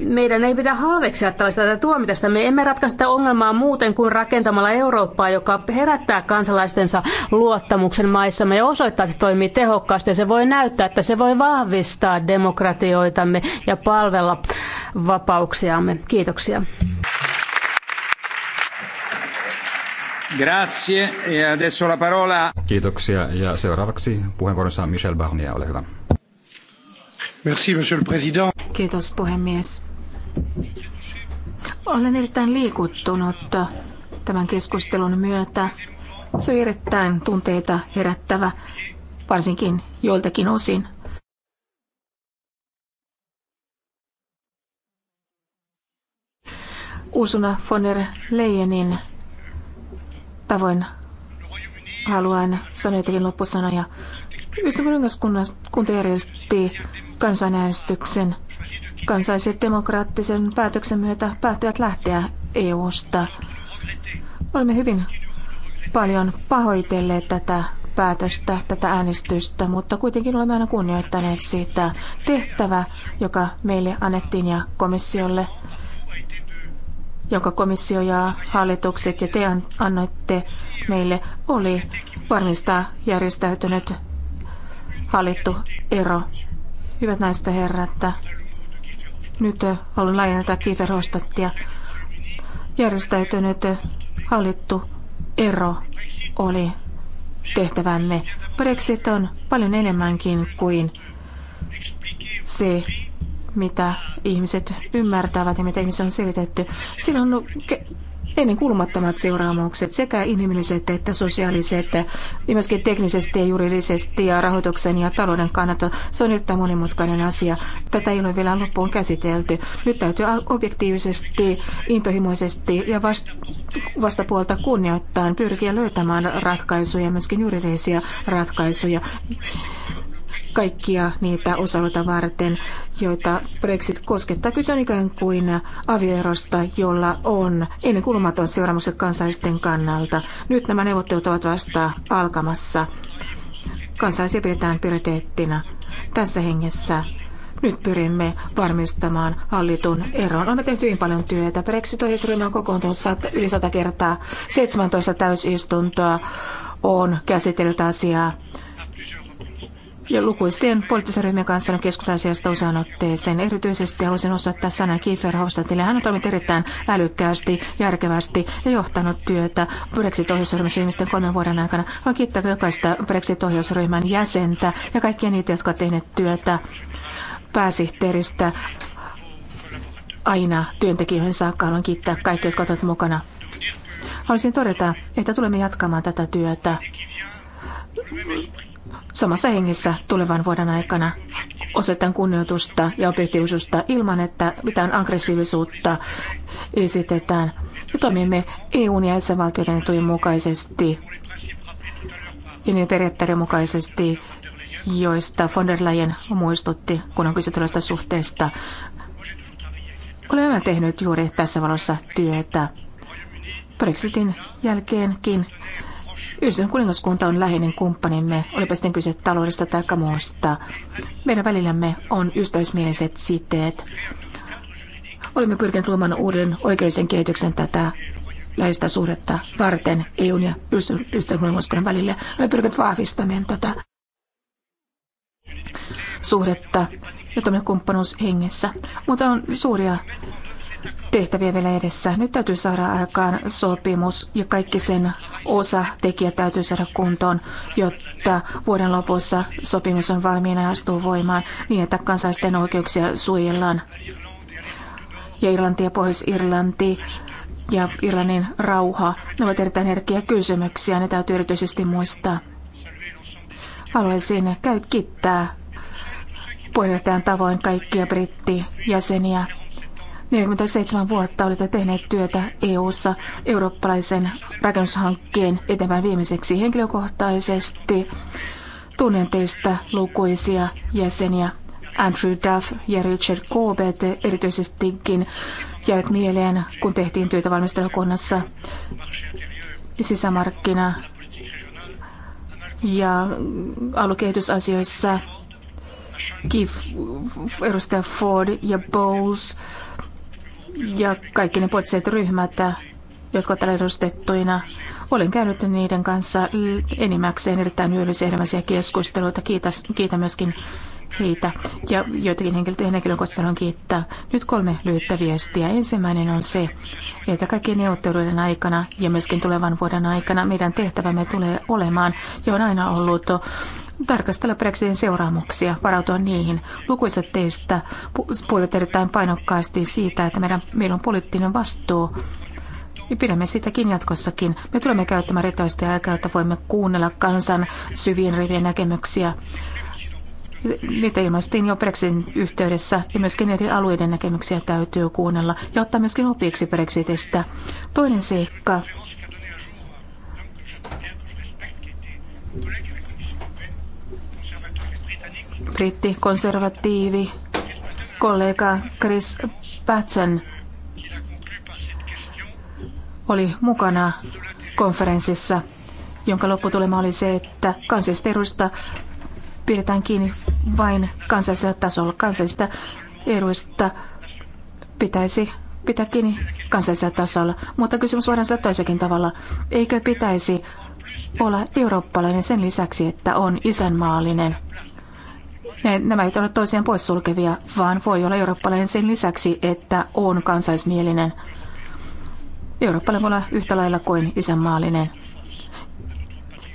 Meidän ei pidä halveksia tällaista tätä tuomitesta. Me emme ratkaise sitä ongelmaa muuten kuin rakentamalla Eurooppaa, joka herättää kansalaistensa luottamuksen maissamme ja osoittaa, että se toimii tehokkaasti. Ja se voi näyttää, että se voi vahvistaa demokratioitamme ja palvella vapauksiamme. Kiitoksia. Grazie. E Kiitoksia. Ja seuraavaksi puheenvuoron saa Michel Barnier. Ole hyvä. Merci, monsieur le président. Kiitos puhemies. Olen erittäin liikuttunut tämän keskustelun myötä. Se oli erittäin tunteita herättävä, varsinkin joiltakin osin. Ursula von der Leyenin tavoin haluan sanoa jotakin loppusanoja. kuningaskunta järjesti kansanäänestyksen. Kansaiset demokraattisen päätöksen myötä päättivät lähteä EU-sta. Olemme hyvin paljon pahoitelleet tätä päätöstä, tätä äänestystä, mutta kuitenkin olemme aina kunnioittaneet siitä tehtävä, joka meille annettiin ja komissiolle jonka komissio ja hallitukset ja te annoitte meille, oli varmistaa järjestäytynyt hallittu ero. Hyvät näistä herrat, nyt haluan laajentaa kiverhostattia. Järjestäytynyt hallittu ero oli tehtävämme. Brexit on paljon enemmänkin kuin se, mitä ihmiset ymmärtävät ja mitä ihmiset on selitetty. Sillä on ennen kulmattomat seuraamukset, sekä inhimilliset että sosiaaliset, ja myöskin teknisesti ja juridisesti ja rahoituksen ja talouden kannalta. Se on erittäin monimutkainen asia. Tätä ei ole vielä loppuun käsitelty. Nyt täytyy objektiivisesti, intohimoisesti ja vastapuolta kunnioittain pyrkiä löytämään ratkaisuja, myöskin juridisia ratkaisuja kaikkia niitä osa varten, joita Brexit koskettaa. Kyse on ikään kuin avioerosta, jolla on ennen seuraamukset kansallisten kannalta. Nyt nämä neuvottelut ovat vasta alkamassa. Kansallisia pidetään prioriteettina. Tässä hengessä nyt pyrimme varmistamaan hallitun eron. Olemme tehneet hyvin paljon työtä. Brexit-ohjausryhmä on kokoontunut yli sata kertaa. 17 täysistuntoa on käsitellyt asiaa ja lukuisten poliittisen ryhmien kanssa on keskusteltu asiasta usean otteeseen. Erityisesti haluaisin osoittaa sanan Kiefer Hofstadille. Hän on toiminut erittäin älykkäästi, järkevästi ja johtanut työtä Brexit-ohjausryhmässä viimeisten kolmen vuoden aikana. Haluan kiittää jokaista Brexit-ohjausryhmän jäsentä ja kaikkia niitä, jotka ovat tehneet työtä pääsihteeristä aina työntekijöihin saakka. Haluan kiittää kaikkia, jotka ovat mukana. Haluaisin todeta, että tulemme jatkamaan tätä työtä samassa hengessä tulevan vuoden aikana osoitan kunnioitusta ja objektiivisuutta ilman, että mitään aggressiivisuutta esitetään. Ja toimimme EUn ja jäsenvaltioiden etujen mukaisesti ja niiden periaatteiden mukaisesti, joista von der Leyen muistutti, kun on kyse tällaista suhteesta. Olen tehnyt juuri tässä valossa työtä. Brexitin jälkeenkin Yhdistön kuningaskunta on läheinen kumppanimme, olipa sitten kyse taloudesta tai muusta. Meidän välillämme on ystävällismieliset siteet. Olemme pyrkineet luomaan uuden oikeudellisen kehityksen tätä läheistä suhdetta varten EUn ja yhdistön kuningaskunnan välillä. Olemme pyrkineet vahvistamaan tätä suhdetta ja toiminnan kumppanuus hengessä. Mutta on suuria tehtäviä vielä edessä. Nyt täytyy saada aikaan sopimus ja kaikki sen osa tekijät täytyy saada kuntoon, jotta vuoden lopussa sopimus on valmiina ja astuu voimaan niin, että kansalaisten oikeuksia suojellaan. Ja Irlanti ja Pohjois-Irlanti ja Irlannin rauha, ne ovat erittäin herkkiä kysymyksiä, ne täytyy erityisesti muistaa. Haluaisin käy kiittää puheenjohtajan tavoin kaikkia brittijäseniä 47 vuotta olette tehneet työtä EU-ssa eurooppalaisen rakennushankkeen eteenpäin viimeiseksi henkilökohtaisesti. Tunnen teistä lukuisia jäseniä. Andrew Duff ja Richard Corbett erityisestikin jäivät mieleen, kun tehtiin työtä valmistelukunnassa sisämarkkina ja alukehitysasioissa. Keith, edustaja Ford ja Bowles ja kaikki ne poliittiset ryhmät, jotka ovat edustettuina. Olen käynyt niiden kanssa enimmäkseen erittäin hyödyllisiä keskusteluita. Kiitos, kiitän myöskin heitä ja joitakin henkilökohtaisesti haluan kiittää. Nyt kolme lyhyttä viestiä. Ensimmäinen on se, että kaikkien neuvotteluiden aikana ja myöskin tulevan vuoden aikana meidän tehtävämme tulee olemaan ja on aina ollut tarkastella Brexitin seuraamuksia, varautua niihin. Lukuisat teistä puhuivat erittäin painokkaasti siitä, että meidän, meillä on poliittinen vastuu ja pidämme sitäkin jatkossakin. Me tulemme käyttämään riittävästi aikaa, että voimme kuunnella kansan syvien rivien näkemyksiä. Niitä ilmaistiin jo Brexitin yhteydessä ja myöskin eri alueiden näkemyksiä täytyy kuunnella ja ottaa myöskin opiksi Brexitistä. Toinen seikka brittikonservatiivi kollega Chris Batson oli mukana konferenssissa, jonka lopputulema oli se, että kansallisista pidetään kiinni vain kansallisella tasolla. Kansallisista eruista pitäisi pitää kiinni kansallisella tasolla, mutta kysymys voidaan sitä toisekin tavalla. Eikö pitäisi olla eurooppalainen sen lisäksi, että on isänmaallinen? Ne, nämä eivät ole toiseen poissulkevia, vaan voi olla eurooppalainen sen lisäksi, että on kansaismielinen. Eurooppalainen voi olla yhtä lailla kuin isänmaallinen.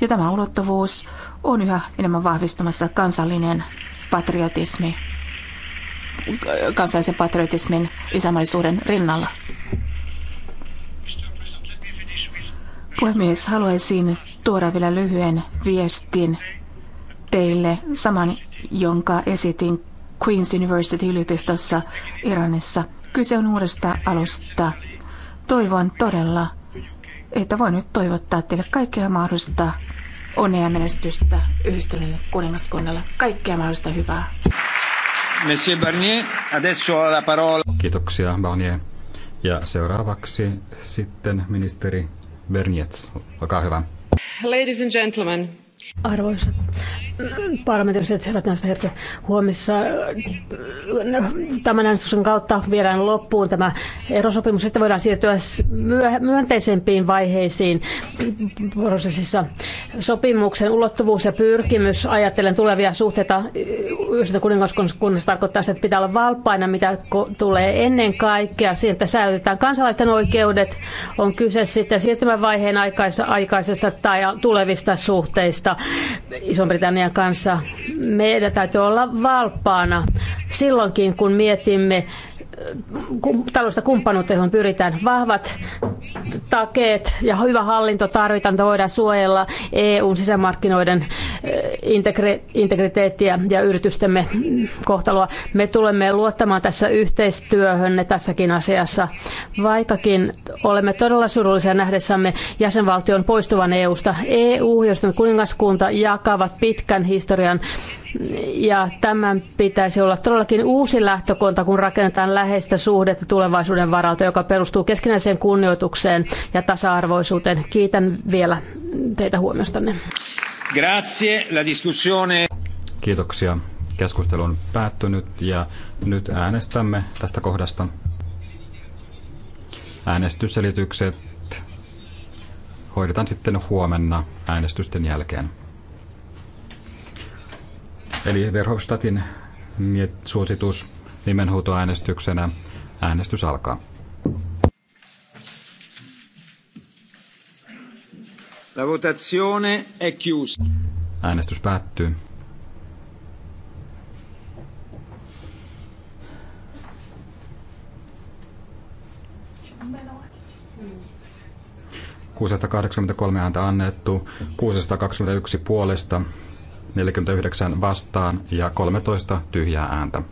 Ja tämä ulottuvuus on yhä enemmän vahvistumassa kansallinen patriotismi, kansallisen patriotismin isänmaallisuuden rinnalla. Puhemies, haluaisin tuoda vielä lyhyen viestin teille saman jonka esitin Queen's University-yliopistossa Iranissa. Kyse on uudesta alusta. Toivon todella, että voin nyt toivottaa teille kaikkea mahdollista onnea ja menestystä yhdistyneelle kuningaskunnalle. Kaikkea mahdollista hyvää. Monsieur Barnier, adesso la parola. Kiitoksia Barnier. Ja seuraavaksi sitten ministeri Bernietz, olkaa hyvä. Ladies and gentlemen, Arvoisa, parlamentaariset herrat näistä herrat, huomissa tämän äänestyksen kautta viedään loppuun tämä erosopimus. Sitten voidaan siirtyä myönteisempiin vaiheisiin prosessissa. Sopimuksen ulottuvuus ja pyrkimys ajatellen tulevia suhteita yhdessä kuningaskunnassa tarkoittaa sitä, että pitää olla valppaina, mitä tulee ennen kaikkea. Sieltä säilytetään kansalaisten oikeudet. On kyse sitten siirtymävaiheen aikaisesta tai tulevista suhteista sopimusta Iso-Britannian kanssa. Meidän täytyy olla valppaana silloinkin, kun mietimme taloudellista kumppanuutta, johon pyritään. Vahvat takeet ja hyvä hallinto tarvitaan, että voidaan suojella EUn sisämarkkinoiden eh, integre- integriteettiä ja yritystemme kohtaloa. Me tulemme luottamaan tässä yhteistyöhön tässäkin asiassa, vaikkakin olemme todella surullisia nähdessämme jäsenvaltion poistuvan EUsta. EU, josta kuningaskunta jakavat pitkän historian ja tämän pitäisi olla todellakin uusi lähtökohta, kun rakennetaan läheistä suhdetta tulevaisuuden varalta, joka perustuu keskinäiseen kunnioitukseen ja tasa-arvoisuuteen. Kiitän vielä teitä huomiostanne. Grazie, la discussione. Kiitoksia. Keskustelu on päättynyt ja nyt äänestämme tästä kohdasta. Äänestysselitykset hoidetaan sitten huomenna äänestysten jälkeen. Eli Verhofstadtin suositus nimenhuutoäänestyksenä. Äänestys alkaa. La votazione è chiusa. Äänestys päättyy. Kuusesta 83 ääntä annettu, 621 puolesta, 49 vastaan ja 13 tyhjää ääntä.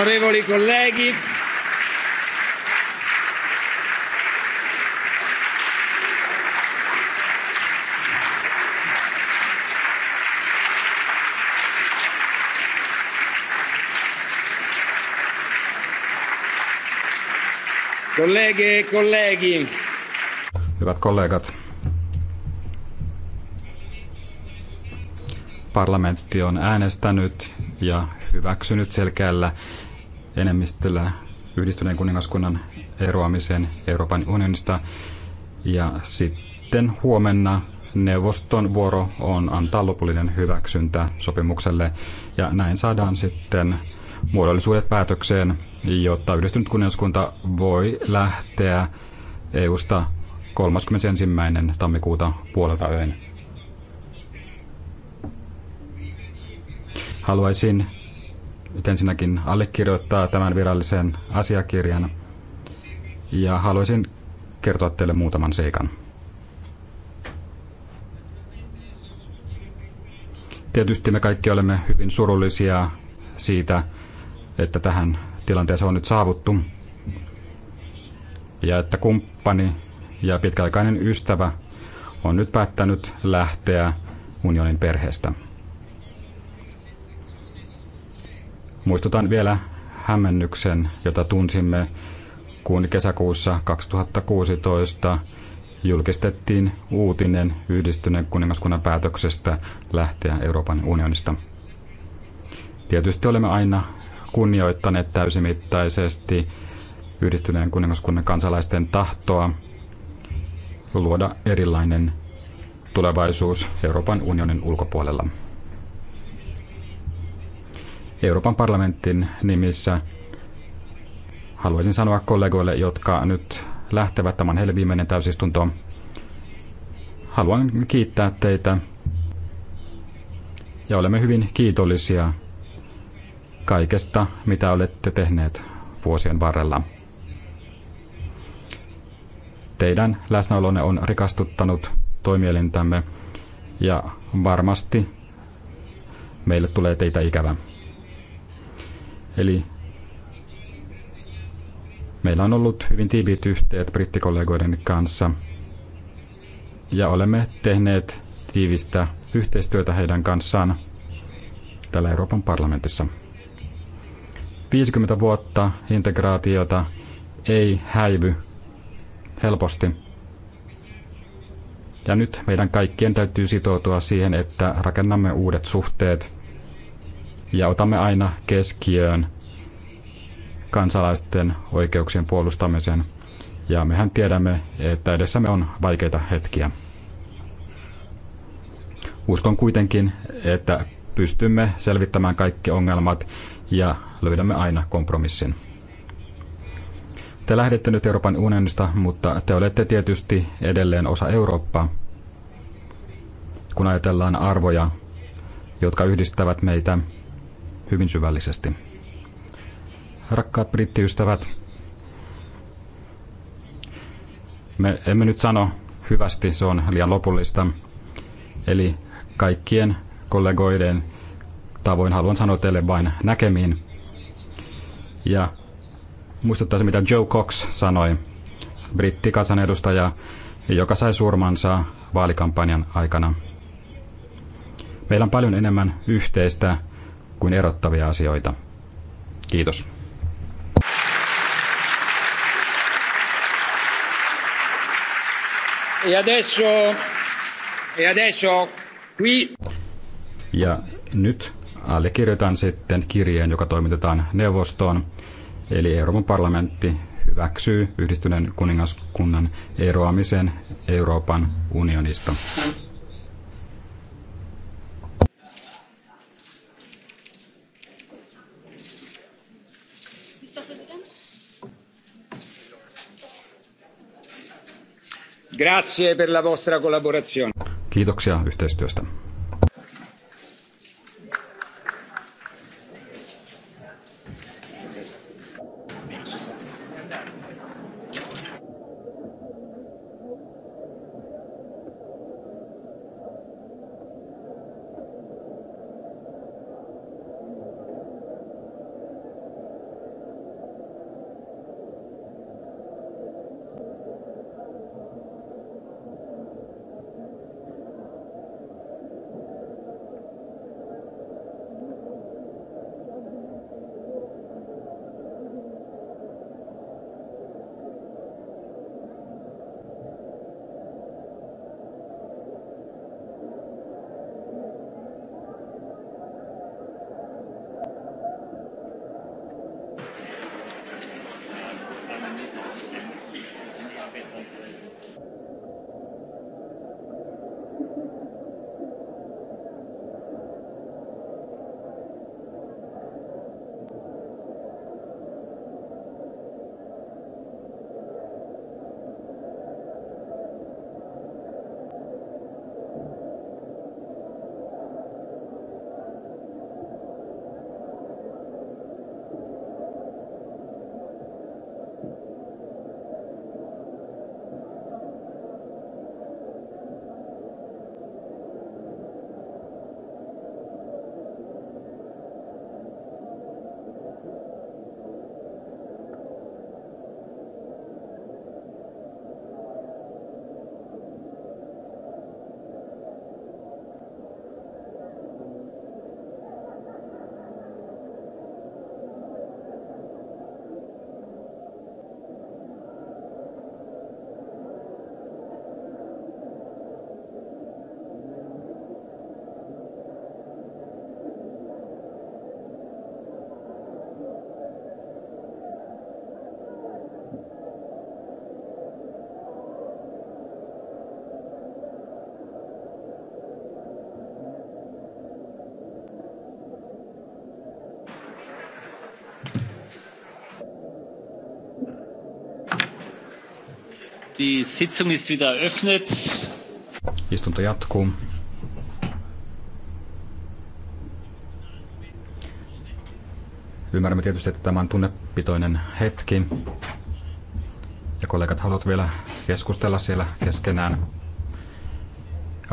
Onorevoli colleghi, Kolleghe e kollegi. Hyvät kollegat. Parlamentti on äänestänyt ja hyväksynyt selkeällä enemmistöllä yhdistyneen kuningaskunnan eroamiseen Euroopan unionista. Ja sitten huomenna neuvoston vuoro on antaa lopullinen hyväksyntä sopimukselle ja näin saadaan sitten muodollisuudet päätökseen, jotta yhdistynyt kuningaskunta voi lähteä EUsta 31. tammikuuta puolelta yön. Haluaisin nyt ensinnäkin allekirjoittaa tämän virallisen asiakirjan ja haluaisin kertoa teille muutaman seikan. Tietysti me kaikki olemme hyvin surullisia siitä, että tähän tilanteeseen on nyt saavuttu ja että kumppani ja pitkäaikainen ystävä on nyt päättänyt lähteä unionin perheestä. Muistutan vielä hämmennyksen, jota tunsimme, kun kesäkuussa 2016 julkistettiin uutinen yhdistyneen kuningaskunnan päätöksestä lähteä Euroopan unionista. Tietysti olemme aina kunnioittaneet täysimittaisesti yhdistyneen kuningaskunnan kansalaisten tahtoa luoda erilainen tulevaisuus Euroopan unionin ulkopuolella. Euroopan parlamentin nimissä haluaisin sanoa kollegoille, jotka nyt lähtevät tämän heille viimeinen täysistunto. Haluan kiittää teitä ja olemme hyvin kiitollisia kaikesta, mitä olette tehneet vuosien varrella. Teidän läsnäolonne on rikastuttanut toimielintämme ja varmasti meille tulee teitä ikävä. Eli meillä on ollut hyvin tiiviit yhteet brittikollegoiden kanssa ja olemme tehneet tiivistä yhteistyötä heidän kanssaan täällä Euroopan parlamentissa. 50 vuotta integraatiota ei häivy helposti. Ja nyt meidän kaikkien täytyy sitoutua siihen, että rakennamme uudet suhteet ja otamme aina keskiöön kansalaisten oikeuksien puolustamisen. Ja mehän tiedämme, että edessämme on vaikeita hetkiä. Uskon kuitenkin, että pystymme selvittämään kaikki ongelmat ja löydämme aina kompromissin. Te lähdette nyt Euroopan unionista, mutta te olette tietysti edelleen osa Eurooppaa. Kun ajatellaan arvoja, jotka yhdistävät meitä, hyvin syvällisesti. Rakkaat brittiystävät, me emme nyt sano hyvästi, se on liian lopullista. Eli kaikkien kollegoiden tavoin haluan sanoa teille vain näkemiin. Ja muistuttaisin, mitä Joe Cox sanoi, brittikansanedustaja, joka sai surmansa vaalikampanjan aikana. Meillä on paljon enemmän yhteistä kuin erottavia asioita. Kiitos. E adesso, e adesso qui... Ja nyt allekirjoitan sitten kirjeen, joka toimitetaan neuvostoon. Eli Euroopan parlamentti hyväksyy yhdistyneen kuningaskunnan eroamisen Euroopan unionista. Grazie per la vostra collaborazione. Kiitoksia yhteistyöstä. Die Sitzung ist wieder eröffnet. Istunto jatkuu. Ymmärrämme tietysti, että tämä on tunnepitoinen hetki. Ja kollegat haluavat vielä keskustella siellä keskenään.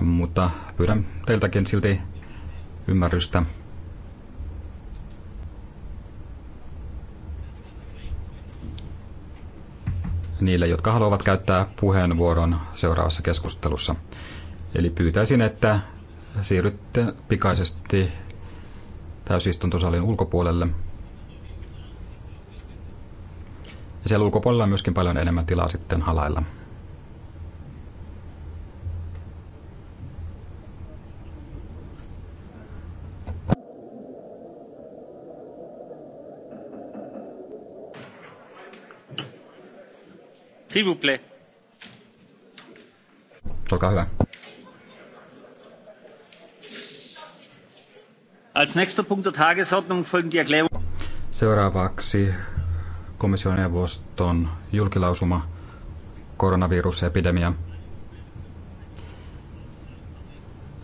Mutta pyydän teiltäkin silti ymmärrystä niille, jotka haluavat käyttää puheenvuoron seuraavassa keskustelussa. Eli pyytäisin, että siirrytte pikaisesti täysistuntosalin ulkopuolelle. Ja siellä ulkopuolella on myöskin paljon enemmän tilaa sitten halailla. S'il vous Olkaa hyvä. Seuraavaksi komission neuvoston julkilausuma koronavirusepidemia.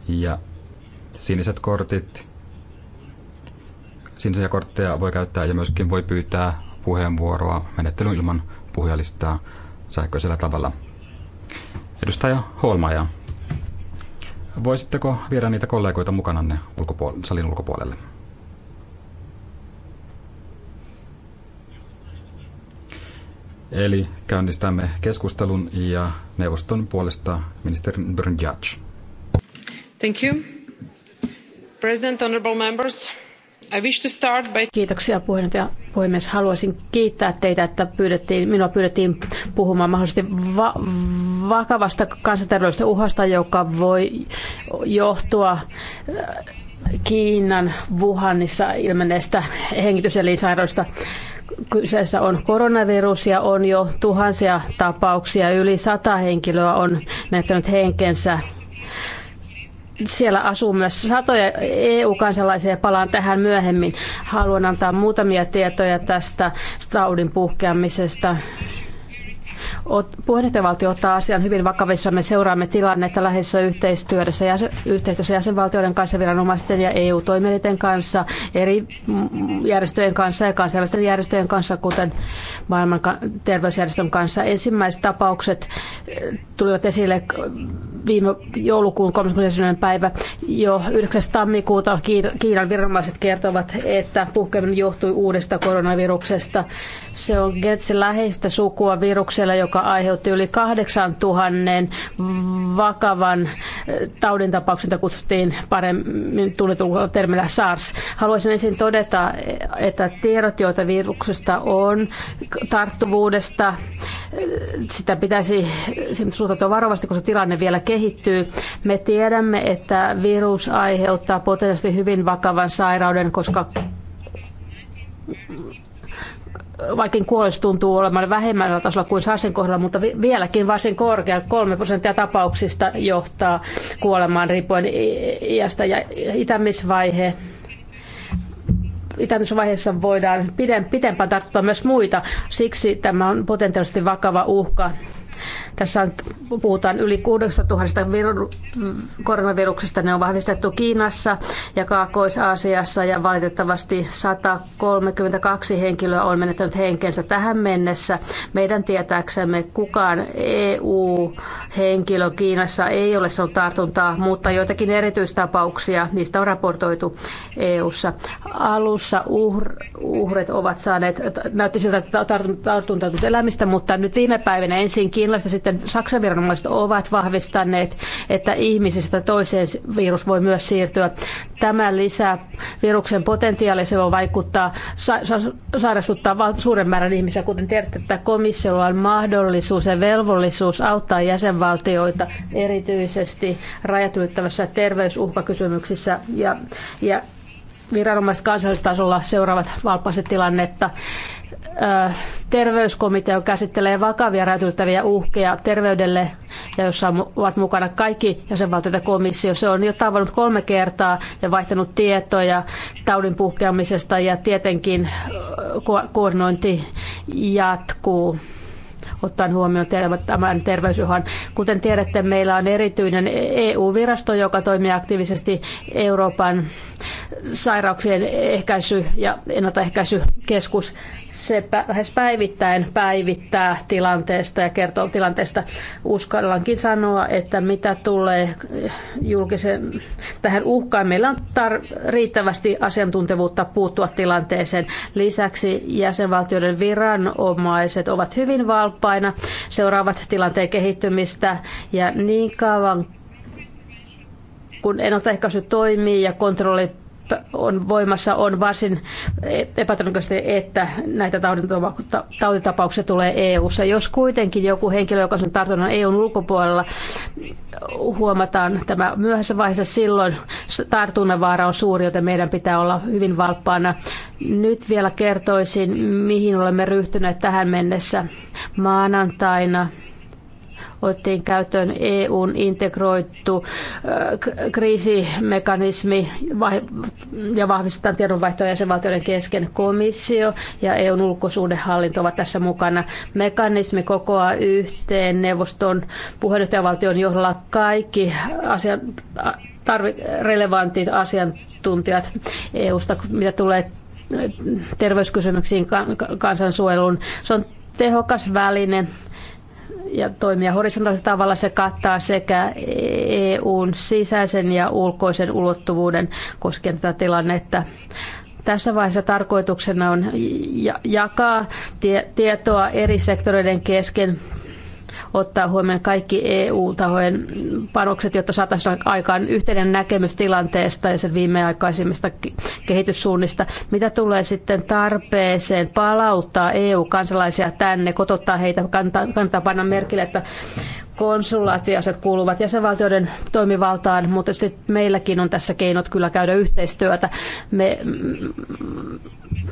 Ja siniset kortit, sinisiä kortteja voi käyttää ja myöskin voi pyytää puheenvuoroa menettelyn ilman puhujalistaa sähköisellä tavalla. Edustaja Holmaja, voisitteko viedä niitä kollegoita mukananne ulkopuol- salin ulkopuolelle? Eli käynnistämme keskustelun ja neuvoston puolesta ministeri Brnjac. Thank you. President, honorable members, I wish to start by... Kiitoksia puheenjohtaja Puhemies, haluaisin kiittää teitä, että pyydettiin, minua pyydettiin puhumaan mahdollisesti va- vakavasta kansanterveydellisestä uhasta, joka voi johtua äh, Kiinan Wuhanissa ilmenneestä hengityselinsairaudesta kyseessä on koronavirus ja on jo tuhansia tapauksia. Yli sata henkilöä on menettänyt henkensä siellä asuu myös satoja EU-kansalaisia. Palaan tähän myöhemmin. Haluan antaa muutamia tietoja tästä taudin puhkeamisesta. Puheenjohtajavaltio ottaa asian hyvin vakavissa. Me seuraamme tilannetta lähes yhteistyössä, jäsen, yhteistyössä jäsenvaltioiden kanssa, viranomaisten ja EU-toimielinten kanssa, eri järjestöjen kanssa ja kansainvälisten järjestöjen kanssa, kuten maailman terveysjärjestön kanssa. Ensimmäiset tapaukset eh, tulivat esille viime joulukuun 31. päivä jo 9. tammikuuta Kiinan viranomaiset kertovat, että puhkeaminen johtui uudesta koronaviruksesta. Se on Getsin läheistä sukua viruksella, joka aiheutti yli 8000 vakavan eh, taudin tapauksen, jota kutsuttiin paremmin tunnetulla termillä SARS. Haluaisin ensin todeta, eh, että tiedot, joita viruksesta on, tarttuvuudesta, eh, sitä pitäisi suhtautua varovasti, koska tilanne vielä kehittyy. Me tiedämme, että virus aiheuttaa potentiaalisesti hyvin vakavan sairauden, koska vaikin kuolleisuus tuntuu olemaan vähemmällä tasolla kuin SARSin kohdalla, mutta vieläkin varsin korkea. 3 prosenttia tapauksista johtaa kuolemaan riippuen iästä ja itämisvaihe. Itämisvaiheessa voidaan pidempään tarttua myös muita. Siksi tämä on potentiaalisesti vakava uhka tässä on, puhutaan yli 6000 koronaviruksesta. Ne on vahvistettu Kiinassa ja Kaakois-Aasiassa ja valitettavasti 132 henkilöä on menettänyt henkensä tähän mennessä. Meidän tietääksemme kukaan EU-henkilö Kiinassa ei ole saanut tartuntaa, mutta joitakin erityistapauksia, niistä on raportoitu EU-ssa. Alussa uhr, uhret ovat saaneet, näytti siltä, että tartunta elämistä, mutta nyt viime päivinä ensin Kiina Millaista sitten Saksan viranomaiset ovat vahvistaneet, että ihmisistä toiseen virus voi myös siirtyä. Tämä lisää viruksen potentiaalia, se voi vaikuttaa, sa- sa- sairastuttaa suuren määrän ihmisiä. Kuten tiedätte, että komissiolla on mahdollisuus ja velvollisuus auttaa jäsenvaltioita erityisesti rajat ylittävässä terveysuhkakysymyksissä ja, ja viranomaiset kansallistasolla seuraavat valppaasti tilannetta terveyskomitea käsittelee vakavia räätyltäviä uhkia terveydelle ja jossa ovat mukana kaikki jäsenvaltioita komissio. Se on jo tavannut kolme kertaa ja vaihtanut tietoja taudin puhkeamisesta ja tietenkin koordinointi jatkuu ottaen huomioon tämän terveysuhan. Kuten tiedätte, meillä on erityinen EU-virasto, joka toimii aktiivisesti Euroopan sairauksien ehkäisy- ja ennaltaehkäisykeskus. Se lähes päivittäin päivittää tilanteesta ja kertoo tilanteesta. Uskallankin sanoa, että mitä tulee julkisen tähän uhkaan, meillä on tar- riittävästi asiantuntevuutta puuttua tilanteeseen. Lisäksi jäsenvaltioiden viranomaiset ovat hyvin valppaita aina seuraavat tilanteen kehittymistä ja niin kauan kun ennaltaehkäisy toimii ja kontrolli on voimassa, on varsin epätodennäköistä, että näitä tautitapauksia tulee EU-ssa. Jos kuitenkin joku henkilö, joka on tartunnan EUn ulkopuolella, huomataan tämä myöhässä vaiheessa, silloin tartunnan vaara on suuri, joten meidän pitää olla hyvin valppaana. Nyt vielä kertoisin, mihin olemme ryhtyneet tähän mennessä maanantaina otettiin käyttöön EUn integroittu kriisimekanismi ja vahvistetaan tiedonvaihtoa jäsenvaltioiden kesken. Komissio ja EUn ulkosuhdehallinto ovat tässä mukana. Mekanismi kokoaa yhteen neuvoston puheenjohtajavaltion johdolla kaikki asian, tarvi- relevantit asiantuntijat EUsta, mitä tulee terveyskysymyksiin, kansansuojeluun. Se on tehokas väline ja toimia horisontaalisella tavalla. Se kattaa sekä EUn sisäisen ja ulkoisen ulottuvuuden koskien tätä tilannetta. Tässä vaiheessa tarkoituksena on jakaa tietoa eri sektoreiden kesken ottaa huomioon kaikki EU-tahojen panokset, jotta saataisiin aikaan yhteinen näkemys tilanteesta ja sen viimeaikaisimmista kehityssuunnista. Mitä tulee sitten tarpeeseen palauttaa EU-kansalaisia tänne, kotottaa heitä, kannattaa, panna merkille, että konsulaatiaset kuuluvat jäsenvaltioiden toimivaltaan, mutta sitten meilläkin on tässä keinot kyllä käydä yhteistyötä. Me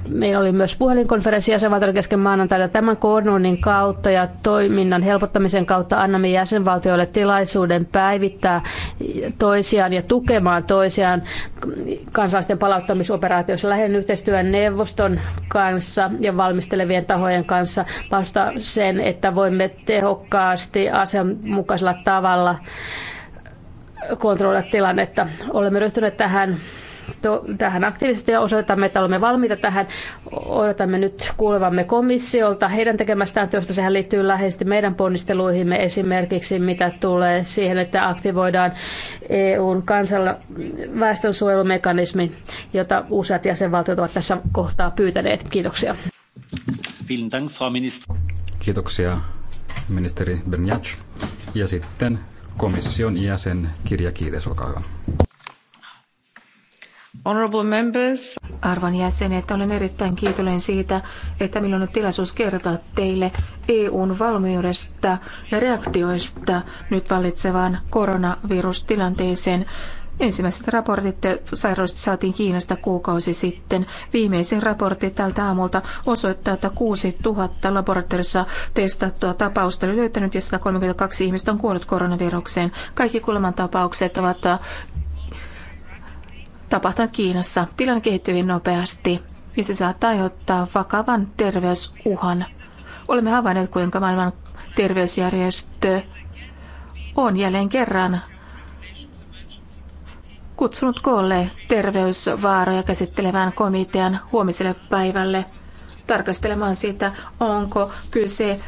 Meillä oli myös puhelinkonferenssi jäsenvaltioiden kesken maanantaina tämän koordinoinnin kautta ja toiminnan helpottamisen kautta annamme jäsenvaltioille tilaisuuden päivittää toisiaan ja tukemaan toisiaan kansalaisten palauttamisoperaatioissa lähinnä yhteistyön neuvoston kanssa ja valmistelevien tahojen kanssa vasta sen, että voimme tehokkaasti asianmukaisella tavalla kontrolloida tilannetta. Olemme ryhtyneet tähän to, tähän aktiivisesti ja osoitamme, että olemme valmiita tähän. Odotamme nyt kuulevamme komissiolta heidän tekemästään työstä. Sehän liittyy läheisesti meidän ponnisteluihimme esimerkiksi, mitä tulee siihen, että aktivoidaan EUn kansalla väestönsuojelumekanismi, jota useat jäsenvaltiot ovat tässä kohtaa pyytäneet. Kiitoksia. Kiitoksia ministeri Benjac. Ja sitten komission jäsen Kirja Kiites, olkaa hyvä. Arvon jäsenet, olen erittäin kiitollinen siitä, että minulla on tilaisuus kertoa teille EUn valmiudesta ja reaktioista nyt vallitsevaan koronavirustilanteeseen. Ensimmäiset raportit sairaudesta saatiin Kiinasta kuukausi sitten. Viimeisin raportti tältä aamulta osoittaa, että 6000 laboratoriossa testattua tapausta oli löytänyt ja 132 ihmistä on kuollut koronavirukseen. Kaikki kuolemantapaukset ovat tapahtuvat Kiinassa. Tilanne kehittyy hyvin nopeasti ja se saattaa aiheuttaa vakavan terveysuhan. Olemme havainneet, kuinka maailman terveysjärjestö on jälleen kerran kutsunut koolle terveysvaaroja käsittelevän komitean huomiselle päivälle – tarkastelemaan sitä, onko kyse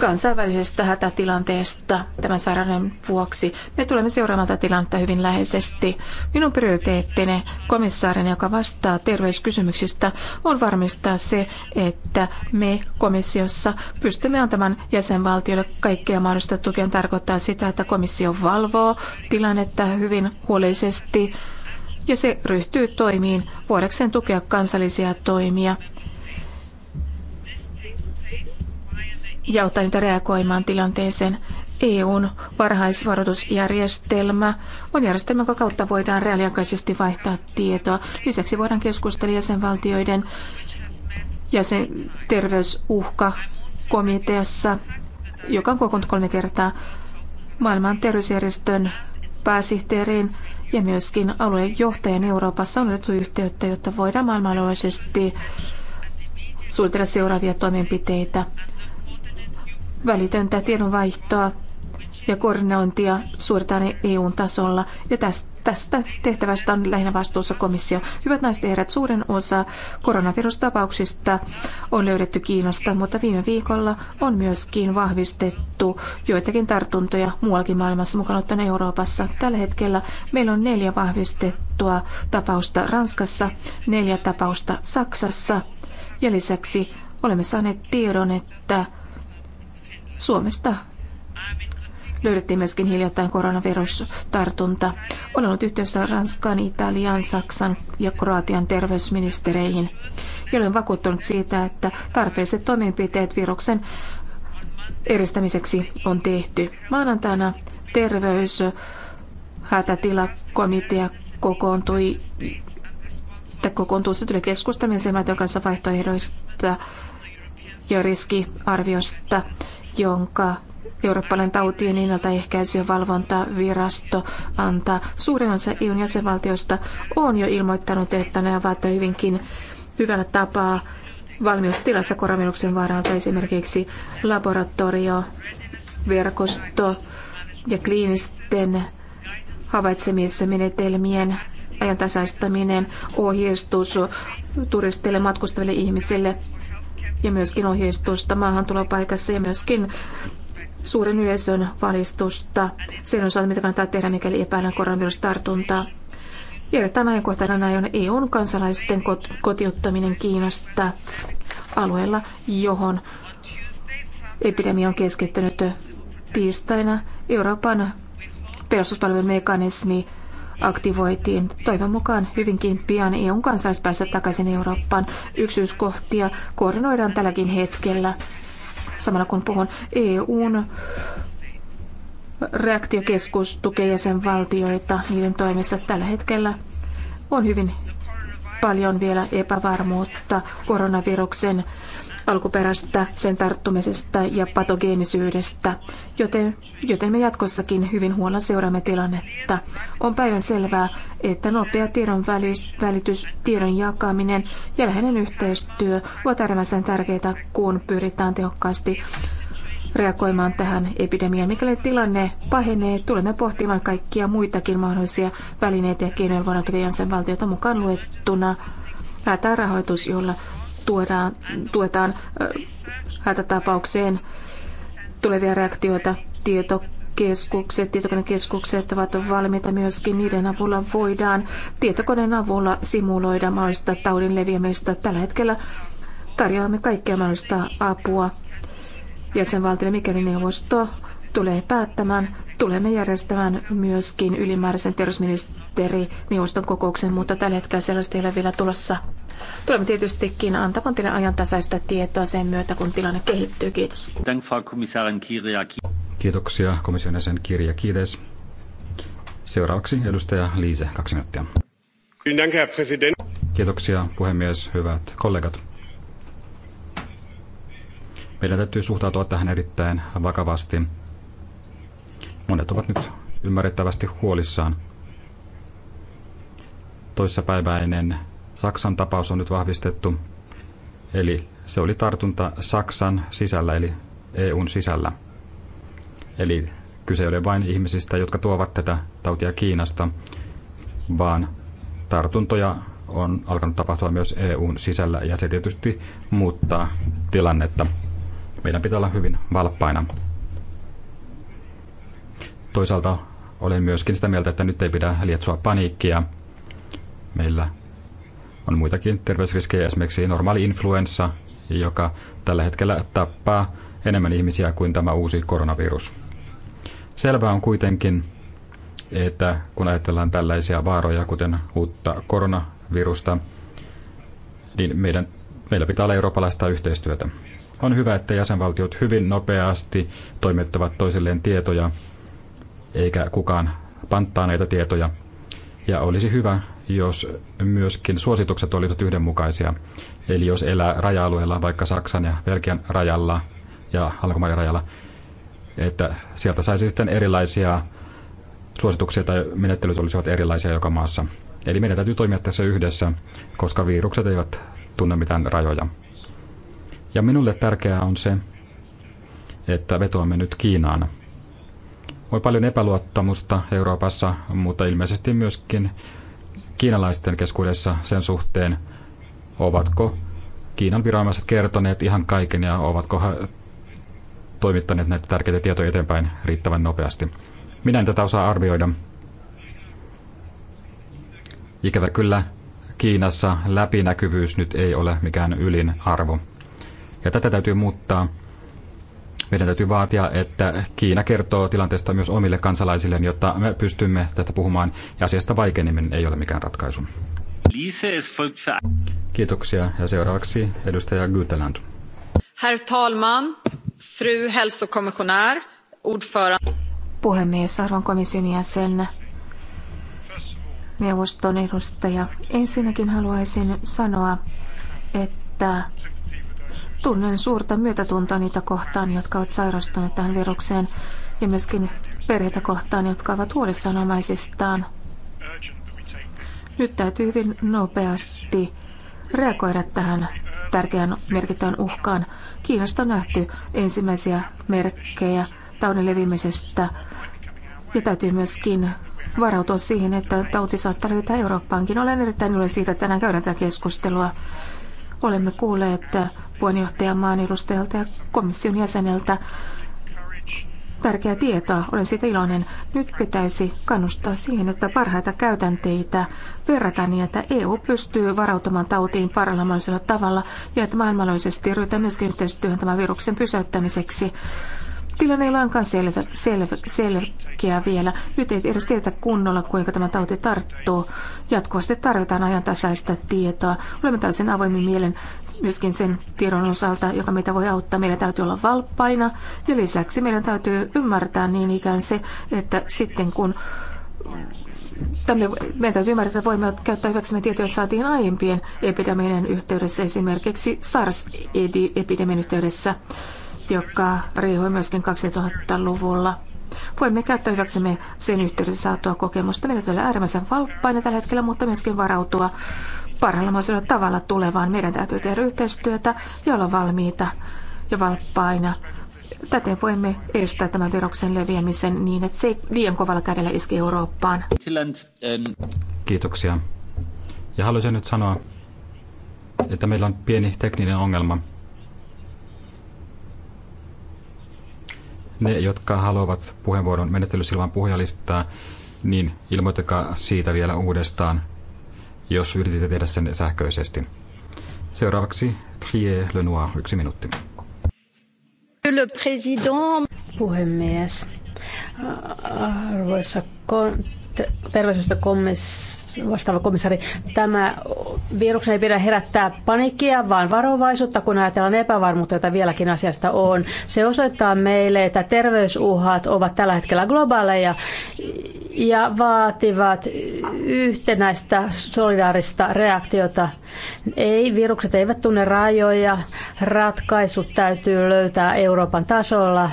kansainvälisestä hätätilanteesta tämän sairauden vuoksi. Me tulemme seuraamaan tätä tilannetta hyvin läheisesti. Minun prioriteettini komissaarin, joka vastaa terveyskysymyksistä, on varmistaa se, että me komissiossa pystymme antamaan jäsenvaltioille kaikkea mahdollista tukea. Tarkoittaa sitä, että komissio valvoo tilannetta hyvin huolellisesti ja se ryhtyy toimiin voidakseen tukea kansallisia toimia ja auttaa niitä reagoimaan tilanteeseen. EUn varhaisvaroitusjärjestelmä on järjestelmä, jonka kautta voidaan reaaliaikaisesti vaihtaa tietoa. Lisäksi voidaan keskustella jäsenvaltioiden jäsen terveysuhka komiteassa, joka on kokoontunut kolme kertaa maailman terveysjärjestön pääsihteeriin ja myöskin aluejohtajan Euroopassa on otettu yhteyttä, jotta voidaan maailmanlaajuisesti suunnitella seuraavia toimenpiteitä välitöntä tiedonvaihtoa ja koordinointia suoritetaan eu tasolla ja tästä tehtävästä on lähinnä vastuussa komissio. Hyvät naiset ja herrat, suurin osa koronavirustapauksista on löydetty Kiinasta, mutta viime viikolla on myöskin vahvistettu joitakin tartuntoja muuallakin maailmassa, mukaan ottaen Euroopassa. Tällä hetkellä meillä on neljä vahvistettua tapausta Ranskassa, neljä tapausta Saksassa ja lisäksi olemme saaneet tiedon, että Suomesta löydettiin myöskin hiljattain koronavirustartunta. Olen ollut yhteydessä Ranskan, Italian, Saksan ja Kroatian terveysministereihin ja olen vakuuttunut siitä, että tarpeelliset toimenpiteet viruksen eristämiseksi on tehty. Maanantaina terveys hätätilakomitea kokoontui kokoontuu se tuli keskustamisen kanssa vaihtoehdoista ja riskiarviosta jonka Eurooppalainen tautien ennaltaehkäisy- ja valvontavirasto antaa. Suurin osa EUn jäsenvaltioista on jo ilmoittanut, että ne ovat hyvinkin hyvänä tapaa valmiustilassa koronaviruksen varalta esimerkiksi laboratorio, verkosto ja kliinisten menetelmien ajantasaistaminen, ohjeistus turisteille, matkustaville ihmisille ja myöskin ohjeistusta maahantulopaikassa ja myöskin suuren yleisön valistusta sen osalta, mitä kannattaa tehdä, mikäli epäillään koronavirustartuntaa. Järjestetään ajankohtana on EUn kansalaisten kotiuttaminen Kiinasta alueella, johon epidemia on keskittynyt tiistaina. Euroopan perustuspalvelumekanismi mekanismi aktivoitiin. Toivon mukaan hyvinkin pian EUn kansalaispäässä takaisin Eurooppaan. Yksityiskohtia koordinoidaan tälläkin hetkellä. Samalla kun puhun EUn reaktiokeskus tukee jäsenvaltioita niiden toimissa tällä hetkellä on hyvin paljon vielä epävarmuutta koronaviruksen alkuperästä, sen tarttumisesta ja patogeenisyydestä, joten, joten me jatkossakin hyvin huolella seuraamme tilannetta. On päivän selvää, että nopea tiedon välitys, tiedon jakaminen ja läheinen yhteistyö ovat äärimmäisen tärkeitä, kun pyritään tehokkaasti reagoimaan tähän epidemiaan. Mikäli tilanne pahenee, tulemme pohtimaan kaikkia muitakin mahdollisia välineitä ja keinoja voidaan tukea jäsenvaltiota mukaan luettuna rahoitus, jolla tuodaan, tuetaan hätätapaukseen tulevia reaktioita. Tietokeskukset, tietokonekeskukset ovat valmiita myöskin. Niiden avulla voidaan tietokoneen avulla simuloida mahdollista taudin leviämistä. Tällä hetkellä tarjoamme kaikkea mahdollista apua jäsenvaltioille, mikäli neuvosto tulee päättämään. Tulemme järjestämään myöskin ylimääräisen terveysministerineuvoston kokouksen, mutta tällä hetkellä sellaista ei ole vielä tulossa. Tulemme tietystikin antamaan teille ajantasaista tietoa sen myötä, kun tilanne kehittyy. Kiitos. Kiitoksia komission jäsen Kirja Kiides. Seuraavaksi edustaja Liise, kaksi minuuttia. Kiitoksia puhemies, hyvät kollegat. Meidän täytyy suhtautua tähän erittäin vakavasti Monet ovat nyt ymmärrettävästi huolissaan. Toissapäiväinen Saksan tapaus on nyt vahvistettu, eli se oli tartunta Saksan sisällä, eli EUn sisällä. Eli kyse ei ole vain ihmisistä, jotka tuovat tätä tautia Kiinasta, vaan tartuntoja on alkanut tapahtua myös EUn sisällä ja se tietysti muuttaa tilannetta. Meidän pitää olla hyvin valppaina. Toisaalta olen myöskin sitä mieltä, että nyt ei pidä lietsoa paniikkia. Meillä on muitakin terveysriskejä, esimerkiksi normaali influenssa, joka tällä hetkellä tappaa enemmän ihmisiä kuin tämä uusi koronavirus. Selvää on kuitenkin, että kun ajatellaan tällaisia vaaroja, kuten uutta koronavirusta, niin meidän, meillä pitää olla eurooppalaista yhteistyötä. On hyvä, että jäsenvaltiot hyvin nopeasti toimittavat toisilleen tietoja eikä kukaan panttaa näitä tietoja. Ja olisi hyvä, jos myöskin suositukset olivat yhdenmukaisia. Eli jos elää raja-alueella, vaikka Saksan ja Belgian rajalla ja Alkomaiden rajalla, että sieltä saisi sitten erilaisia suosituksia tai menettelyt olisivat erilaisia joka maassa. Eli meidän täytyy toimia tässä yhdessä, koska virukset eivät tunne mitään rajoja. Ja minulle tärkeää on se, että vetoamme nyt Kiinaan voi paljon epäluottamusta Euroopassa, mutta ilmeisesti myöskin kiinalaisten keskuudessa sen suhteen, ovatko Kiinan viranomaiset kertoneet ihan kaiken ja ovatko he toimittaneet näitä tärkeitä tietoja eteenpäin riittävän nopeasti. Minä en tätä osaa arvioida. Ikävä kyllä Kiinassa läpinäkyvyys nyt ei ole mikään ylin arvo. Ja tätä täytyy muuttaa meidän täytyy vaatia, että Kiina kertoo tilanteesta myös omille kansalaisille, jotta me pystymme tästä puhumaan ja asiasta vaikeneminen ei ole mikään ratkaisu. Kiitoksia ja seuraavaksi edustaja Gyteland. Herr talman, fru hälsokommissionär, ordförande. Puhemies, arvon komission jäsen, neuvoston edustaja. Ensinnäkin haluaisin sanoa, että Tunnen suurta myötätuntoa niitä kohtaan, jotka ovat sairastuneet tähän virukseen ja myöskin perheitä kohtaan, jotka ovat huolissaan omaisistaan. Nyt täytyy hyvin nopeasti reagoida tähän tärkeään merkittävän uhkaan. Kiinasta on nähty ensimmäisiä merkkejä taudin levimisestä ja täytyy myöskin varautua siihen, että tauti saattaa löytää Eurooppaankin. Olen erittäin iloinen siitä, että tänään käydään tätä keskustelua. Olemme kuulleet puheenjohtajamaan edustajalta ja komission jäseneltä tärkeää tietoa. Olen siitä iloinen. Nyt pitäisi kannustaa siihen, että parhaita käytänteitä verrataan niin, että EU pystyy varautumaan tautiin parhaalla tavalla ja että maailmanlaajuisesti ryhdytään myöskin yhteistyöhön tämän viruksen pysäyttämiseksi. Tilanne ei lainkaan selvä, selvä, selkeä vielä. Nyt ei edes tiedetä kunnolla, kuinka tämä tauti tarttuu. Jatkuvasti tarvitaan ajantasaista tietoa. Olemme täysin avoimin mielen myöskin sen tiedon osalta, joka meitä voi auttaa. Meidän täytyy olla valppaina ja lisäksi meidän täytyy ymmärtää niin ikään se, että sitten kun Tämme, meidän täytyy ymmärtää, että voimme käyttää hyväksemme tietoja, että saatiin aiempien epidemian yhteydessä, esimerkiksi SARS-epidemian yhteydessä joka riihui myöskin 2000-luvulla. Voimme käyttää hyväksemme sen yhteydessä saatua kokemusta. Meidän tulee äärimmäisen valppaina tällä hetkellä, mutta myöskin varautua parhaalla mahdollisella tavalla tulevaan. Meidän täytyy tehdä yhteistyötä ja olla valmiita ja valppaina. Täten voimme estää tämän viruksen leviämisen niin, että se ei liian kovalla kädellä iski Eurooppaan. Kiitoksia. Ja haluaisin nyt sanoa, että meillä on pieni tekninen ongelma – Ne, jotka haluavat puheenvuoron menettelysilman puhujalistaa, niin ilmoittakaa siitä vielä uudestaan, jos yritit tehdä sen sähköisesti. Seuraavaksi Trier Lenoir, yksi minuutti. Le président. Puhemies, arvoisa terveysjärjestö komiss- vastaava komissari, tämä viruksen ei pidä herättää paniikkia, vaan varovaisuutta, kun ajatellaan epävarmuutta, jota vieläkin asiasta on. Se osoittaa meille, että terveysuhat ovat tällä hetkellä globaaleja ja vaativat yhtenäistä solidaarista reaktiota. Ei, virukset eivät tunne rajoja, ratkaisut täytyy löytää Euroopan tasolla.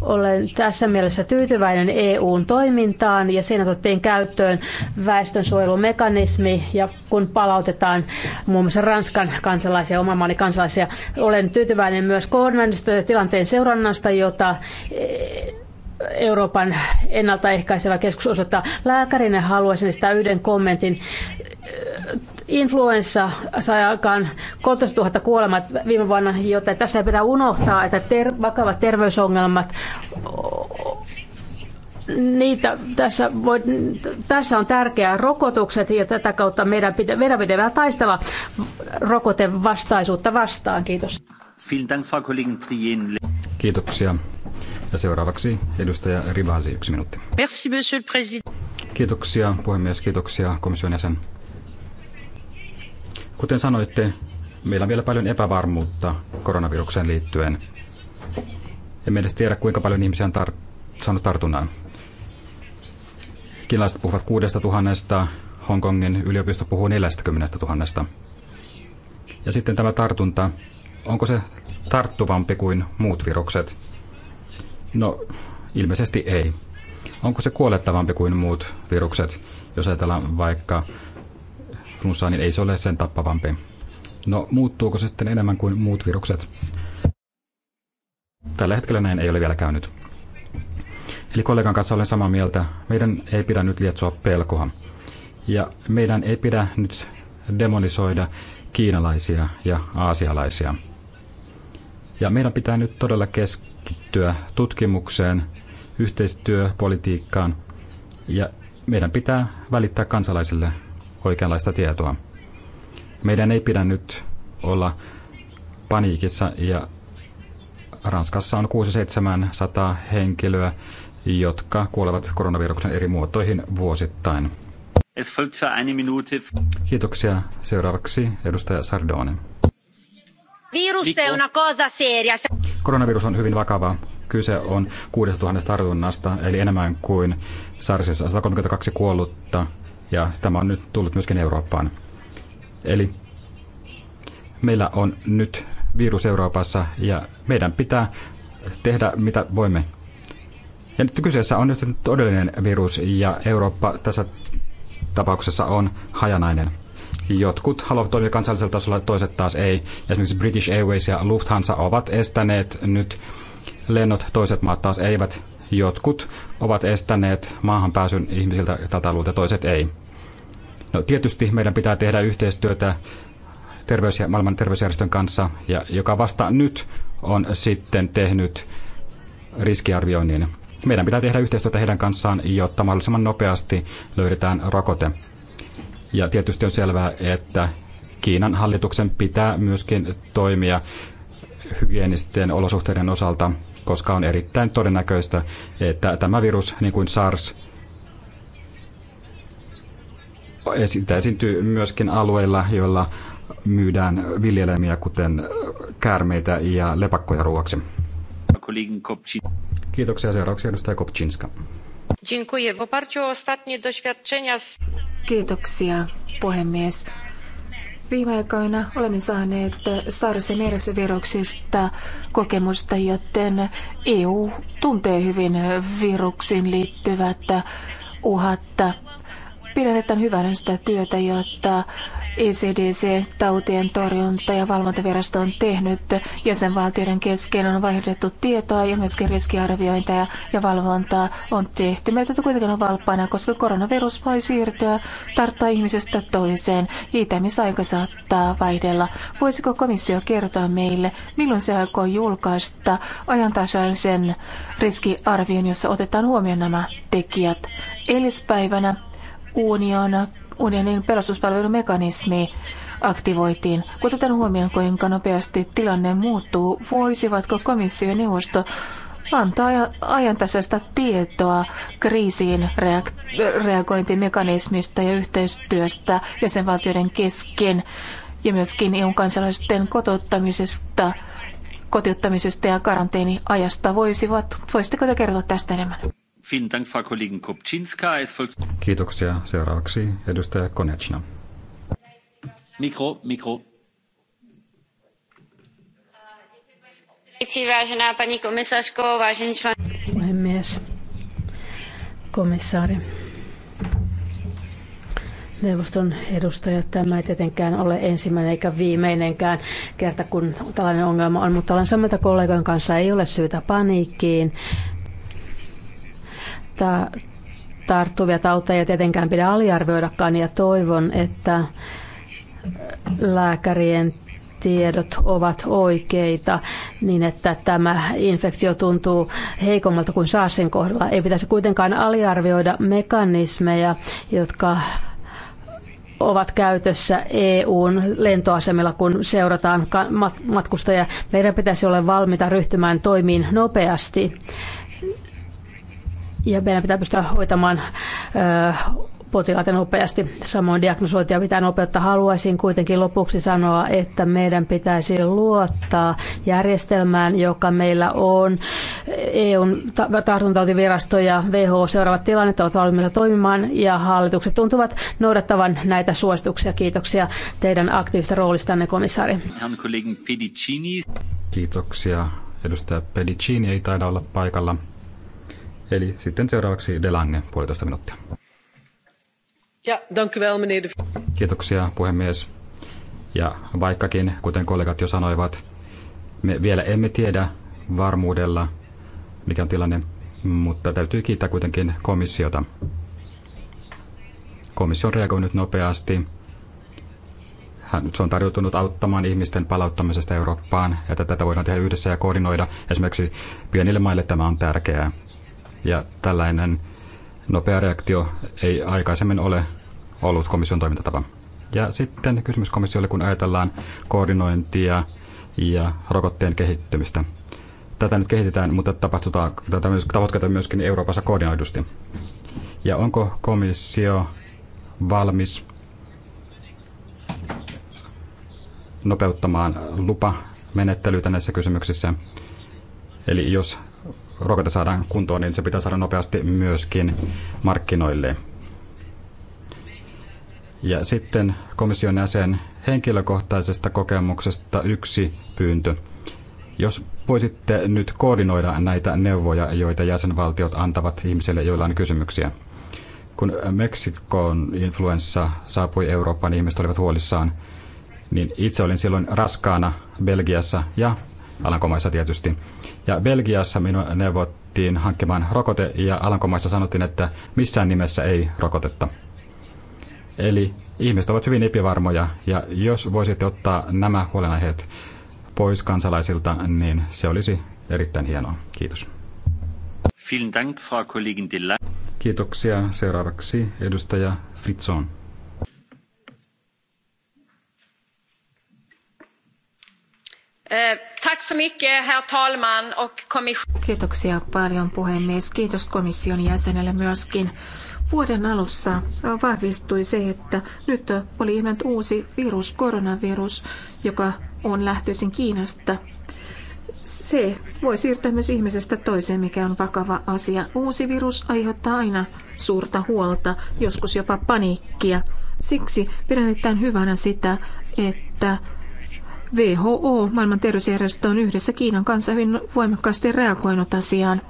Olen tässä mielessä tyytyväinen EUn toimintaan aikaan ja siinä otettiin käyttöön väestönsuojelumekanismi ja kun palautetaan muun muassa Ranskan kansalaisia, oman maani kansalaisia, olen tyytyväinen myös koordinaatista ja tilanteen seurannasta, jota eh, Euroopan ennaltaehkäisevä keskus osoittaa lääkärinä. Haluaisin sitä yhden kommentin. Influenssa sai aikaan 13 000 kuolemat viime vuonna, joten tässä ei pidä unohtaa, että ter- vakavat terveysongelmat niitä tässä, voi, tässä on tärkeää rokotukset ja tätä kautta meidän, meidän pitää taistella rokotevastaisuutta vastaan. Kiitos. Kiitoksia. Ja seuraavaksi edustaja Rivasi, yksi minuutti. Merci, monsieur le président. Kiitoksia puhemies, kiitoksia komission jäsen. Kuten sanoitte, meillä on vielä paljon epävarmuutta koronavirukseen liittyen. Emme edes tiedä, kuinka paljon ihmisiä on tar- saanut tartunnan. Kiinalaiset puhuvat kuudesta tuhannesta, Hongkongin yliopisto puhuu 40 000. Ja sitten tämä tartunta, onko se tarttuvampi kuin muut virukset? No, ilmeisesti ei. Onko se kuolettavampi kuin muut virukset? Jos ajatellaan vaikka flunssaa, niin ei se ole sen tappavampi. No, muuttuuko se sitten enemmän kuin muut virukset? Tällä hetkellä näin ei ole vielä käynyt. Eli kollegan kanssa olen samaa mieltä. Meidän ei pidä nyt lietsoa pelkoa. Ja meidän ei pidä nyt demonisoida kiinalaisia ja aasialaisia. Ja meidän pitää nyt todella keskittyä tutkimukseen, yhteistyöpolitiikkaan ja meidän pitää välittää kansalaisille oikeanlaista tietoa. Meidän ei pidä nyt olla paniikissa ja Ranskassa on 6 henkilöä, jotka kuolevat koronaviruksen eri muotoihin vuosittain. Es folgt für eine Minute. Kiitoksia. Seuraavaksi edustaja Sardone. Virus è una cosa seria. Koronavirus on hyvin vakava. Kyse on 6000 tartunnasta, eli enemmän kuin SARSissa 132 kuollutta, ja tämä on nyt tullut myöskin Eurooppaan. Eli meillä on nyt virus Euroopassa, ja meidän pitää tehdä mitä voimme. Ja nyt kyseessä on nyt todellinen virus ja Eurooppa tässä tapauksessa on hajanainen. Jotkut haluavat toimia kansallisella tasolla, toiset taas ei. Esimerkiksi British Airways ja Lufthansa ovat estäneet nyt lennot, toiset maat taas eivät. Jotkut ovat estäneet maahanpääsyn ihmisiltä tätä luulta, toiset ei. No, tietysti meidän pitää tehdä yhteistyötä terveys- ja maailman terveysjärjestön kanssa, ja joka vasta nyt on sitten tehnyt riskiarvioinnin meidän pitää tehdä yhteistyötä heidän kanssaan, jotta mahdollisimman nopeasti löydetään rokote. Ja tietysti on selvää, että Kiinan hallituksen pitää myöskin toimia hygienisten olosuhteiden osalta, koska on erittäin todennäköistä, että tämä virus, niin kuin SARS, sitä esiintyy myöskin alueilla, joilla myydään viljelemiä, kuten käärmeitä ja lepakkoja ruoaksi. Kollegin Kopczyn. Kiitoksia. Seuraavaksi edustaja Kopczynska. Dziękuję. W oparciu o ostatnie doświadczenia... Kiitoksia, puhemies. Viime aikoina olemme saaneet SARS- ja viruksista kokemusta, joten EU tuntee hyvin viruksiin liittyvät uhat. Pidän erittäin hyvänä sitä työtä, jotta ECDC-tautien torjunta- ja valvontavirasto on tehnyt. Jäsenvaltioiden kesken on vaihdettu tietoa ja myöskin riskiarviointeja ja valvontaa on tehty. Meiltä kuitenkin on valppaana, koska koronavirus voi siirtyä, tarttua ihmisestä toiseen. Itämisaika saattaa vaihdella. Voisiko komissio kertoa meille, milloin se aikoo julkaista ajantasaisen riskiarvion, jossa otetaan huomioon nämä tekijät? Eilispäivänä Uniona unionin pelastuspalvelumekanismi aktivoitiin. Kun otetaan huomioon, kuinka nopeasti tilanne muuttuu, voisivatko komissio ja neuvosto antaa ajantasaista tietoa kriisiin reak- reagointimekanismista ja yhteistyöstä jäsenvaltioiden kesken ja myöskin EU-kansalaisten kotouttamisesta, kotiuttamisesta ja karanteeniajasta. Voisivat, voisitteko te kertoa tästä enemmän? Kiitoksia. Seuraavaksi edustaja Konechna. Mikro, mikro. Vážená paní komisařko, vážení člen... Puhemies, komissaari, Neuvoston edustajat, tämä ei tietenkään ole ensimmäinen eikä viimeinenkään kerta, kun tällainen ongelma on, mutta olen samalta kollegan kanssa, ei ole syytä paniikkiin ta- tarttuvia tauteja tietenkään pidä aliarvioidakaan ja toivon, että lääkärien tiedot ovat oikeita, niin että tämä infektio tuntuu heikommalta kuin SARSin kohdalla. Ei pitäisi kuitenkaan aliarvioida mekanismeja, jotka ovat käytössä EUn lentoasemilla, kun seurataan matkustajia. Meidän pitäisi olla valmiita ryhtymään toimiin nopeasti ja meidän pitää pystyä hoitamaan potilaita nopeasti. Samoin diagnosointia pitää nopeutta. Haluaisin kuitenkin lopuksi sanoa, että meidän pitäisi luottaa järjestelmään, joka meillä on. EUn tartuntatautivirasto ja WHO seuraavat tilannetta ovat valmiita toimimaan ja hallitukset tuntuvat noudattavan näitä suosituksia. Kiitoksia teidän aktiivista roolistanne, komissaari. Kiitoksia. Edustaja Pedicini ei taida olla paikalla. Eli sitten seuraavaksi Delange, puolitoista minuuttia. Ja, dank u wel, meneer de... Kiitoksia, puhemies. Ja vaikkakin, kuten kollegat jo sanoivat, me vielä emme tiedä varmuudella, mikä on tilanne, mutta täytyy kiittää kuitenkin komissiota. Komissio on reagoinut nopeasti. Hän, se on tarjoutunut auttamaan ihmisten palauttamisesta Eurooppaan, ja tätä voidaan tehdä yhdessä ja koordinoida. Esimerkiksi pienille maille tämä on tärkeää. Ja tällainen nopea reaktio ei aikaisemmin ole ollut komission toimintatapa. Ja sitten kysymys komissiolle, kun ajatellaan koordinointia ja rokotteen kehittymistä. Tätä nyt kehitetään, mutta tapahtuuko myöskin Euroopassa koordinoidusti? Ja onko komissio valmis nopeuttamaan lupamenettelyitä näissä kysymyksissä? Eli jos rokote saadaan kuntoon, niin se pitää saada nopeasti myöskin markkinoille. Ja sitten komission jäsen henkilökohtaisesta kokemuksesta yksi pyyntö. Jos voisitte nyt koordinoida näitä neuvoja, joita jäsenvaltiot antavat ihmisille, joilla on kysymyksiä. Kun Meksikon influenssa saapui Eurooppaan, niin ihmiset olivat huolissaan, niin itse olin silloin raskaana Belgiassa ja Alankomaissa tietysti. Ja Belgiassa minua neuvottiin hankkimaan rokote ja Alankomaissa sanottiin, että missään nimessä ei rokotetta. Eli ihmiset ovat hyvin epivarmoja ja jos voisitte ottaa nämä huolenaiheet pois kansalaisilta, niin se olisi erittäin hienoa. Kiitos. Vielen Dank, Frau Kollegin Kiitoksia. Seuraavaksi edustaja Fritzon. Eh, Kiitoksia paljon puhemies. Kiitos komission jäsenelle myöskin. Vuoden alussa vahvistui se, että nyt oli ilmennyt uusi virus, koronavirus, joka on lähtöisin Kiinasta. Se voi siirtyä myös ihmisestä toiseen, mikä on vakava asia. Uusi virus aiheuttaa aina suurta huolta, joskus jopa paniikkia. Siksi pidän erittäin hyvänä sitä, että WHO, maailman terveysjärjestö, on yhdessä Kiinan kanssa hyvin voimakkaasti reagoinut asiaan.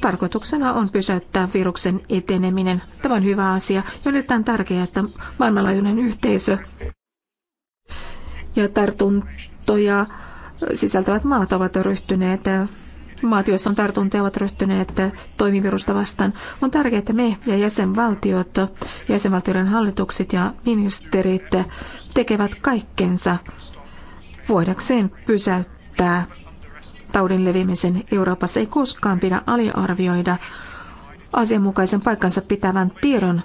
Tarkoituksena on pysäyttää viruksen eteneminen. Tämä on hyvä asia ja on erittäin tärkeää, että maailmanlaajuinen yhteisö ja tartuntoja sisältävät maat ovat ryhtyneet maat, joissa on tartuntoja, ovat ryhtyneet toimivirusta vastaan. On tärkeää, että me ja jäsenvaltiot, jäsenvaltioiden hallitukset ja ministerit tekevät kaikkensa voidakseen pysäyttää taudin levimisen Euroopassa. Ei koskaan pidä aliarvioida asianmukaisen paikkansa pitävän tiedon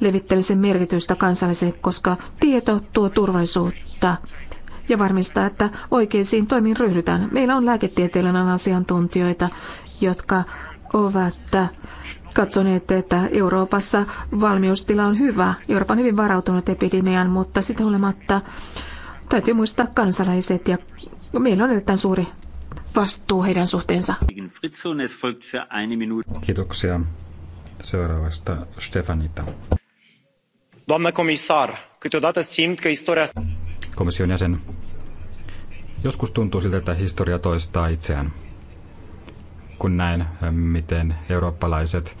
levittelemisen merkitystä kansalliseen, koska tieto tuo turvallisuutta ja varmistaa, että oikeisiin toimiin ryhdytään. Meillä on lääketieteellinen asiantuntijoita, jotka ovat katsoneet, että Euroopassa valmiustila on hyvä. Eurooppa on hyvin varautunut epidemiaan, mutta sitä olematta täytyy muistaa kansalaiset ja meillä on erittäin suuri vastuu heidän suhteensa. Kiitoksia. Seuraavasta Stefanita. Doamna komissar, câteodată simt că istoria... Komission jäsen. Joskus tuntuu siltä, että historia toistaa itseään kun näen, miten eurooppalaiset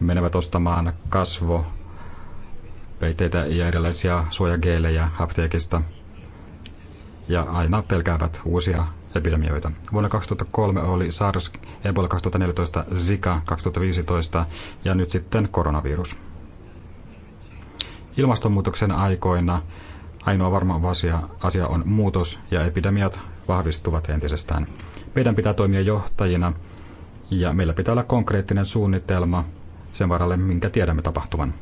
menevät ostamaan kasvopeitteitä ja erilaisia suojageelejä apteekista ja aina pelkäävät uusia epidemioita. Vuonna 2003 oli SARS, Ebola 2014, Zika 2015 ja nyt sitten koronavirus. Ilmastonmuutoksen aikoina ainoa varma asia, asia on muutos ja epidemiat vahvistuvat entisestään. Meidän pitää toimia johtajina ja meillä pitää olla konkreettinen suunnitelma sen varalle, minkä tiedämme tapahtuvan.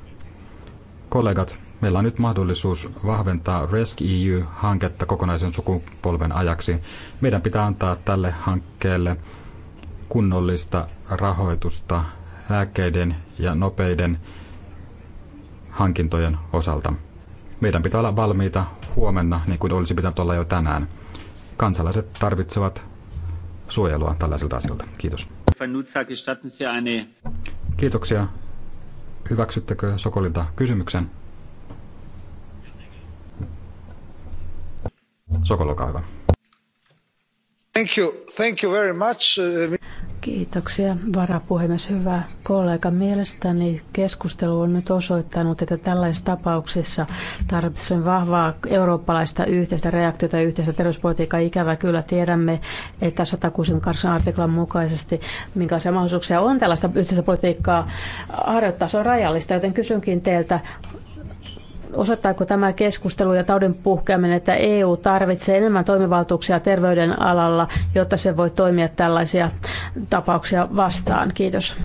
Kollegat, meillä on nyt mahdollisuus vahventaa RESC-EU-hanketta kokonaisen sukupolven ajaksi. Meidän pitää antaa tälle hankkeelle kunnollista rahoitusta lääkkeiden ja nopeiden hankintojen osalta. Meidän pitää olla valmiita huomenna, niin kuin olisi pitänyt olla jo tänään. Kansalaiset tarvitsevat suojelua tällaisilta asioilta. Kiitos. Kiitoksia. Hyväksyttekö Sokolilta kysymyksen? Sokol, olkaa hyvä. Thank you. Thank you very much. Uh, Kiitoksia varapuhemies. Hyvä kollega. Mielestäni keskustelu on nyt osoittanut, että tällaisissa tapauksissa tarvitsemme vahvaa eurooppalaista yhteistä reaktiota ja yhteistä terveyspolitiikkaa. Ikävä kyllä tiedämme, että 168 artiklan mukaisesti minkälaisia mahdollisuuksia on tällaista yhteistä politiikkaa harjoittaa. Se on rajallista, joten kysynkin teiltä, osoittaako tämä keskustelu ja taudin puhkeaminen, että EU tarvitsee enemmän toimivaltuuksia terveyden alalla, jotta se voi toimia tällaisia tapauksia vastaan? Kiitos.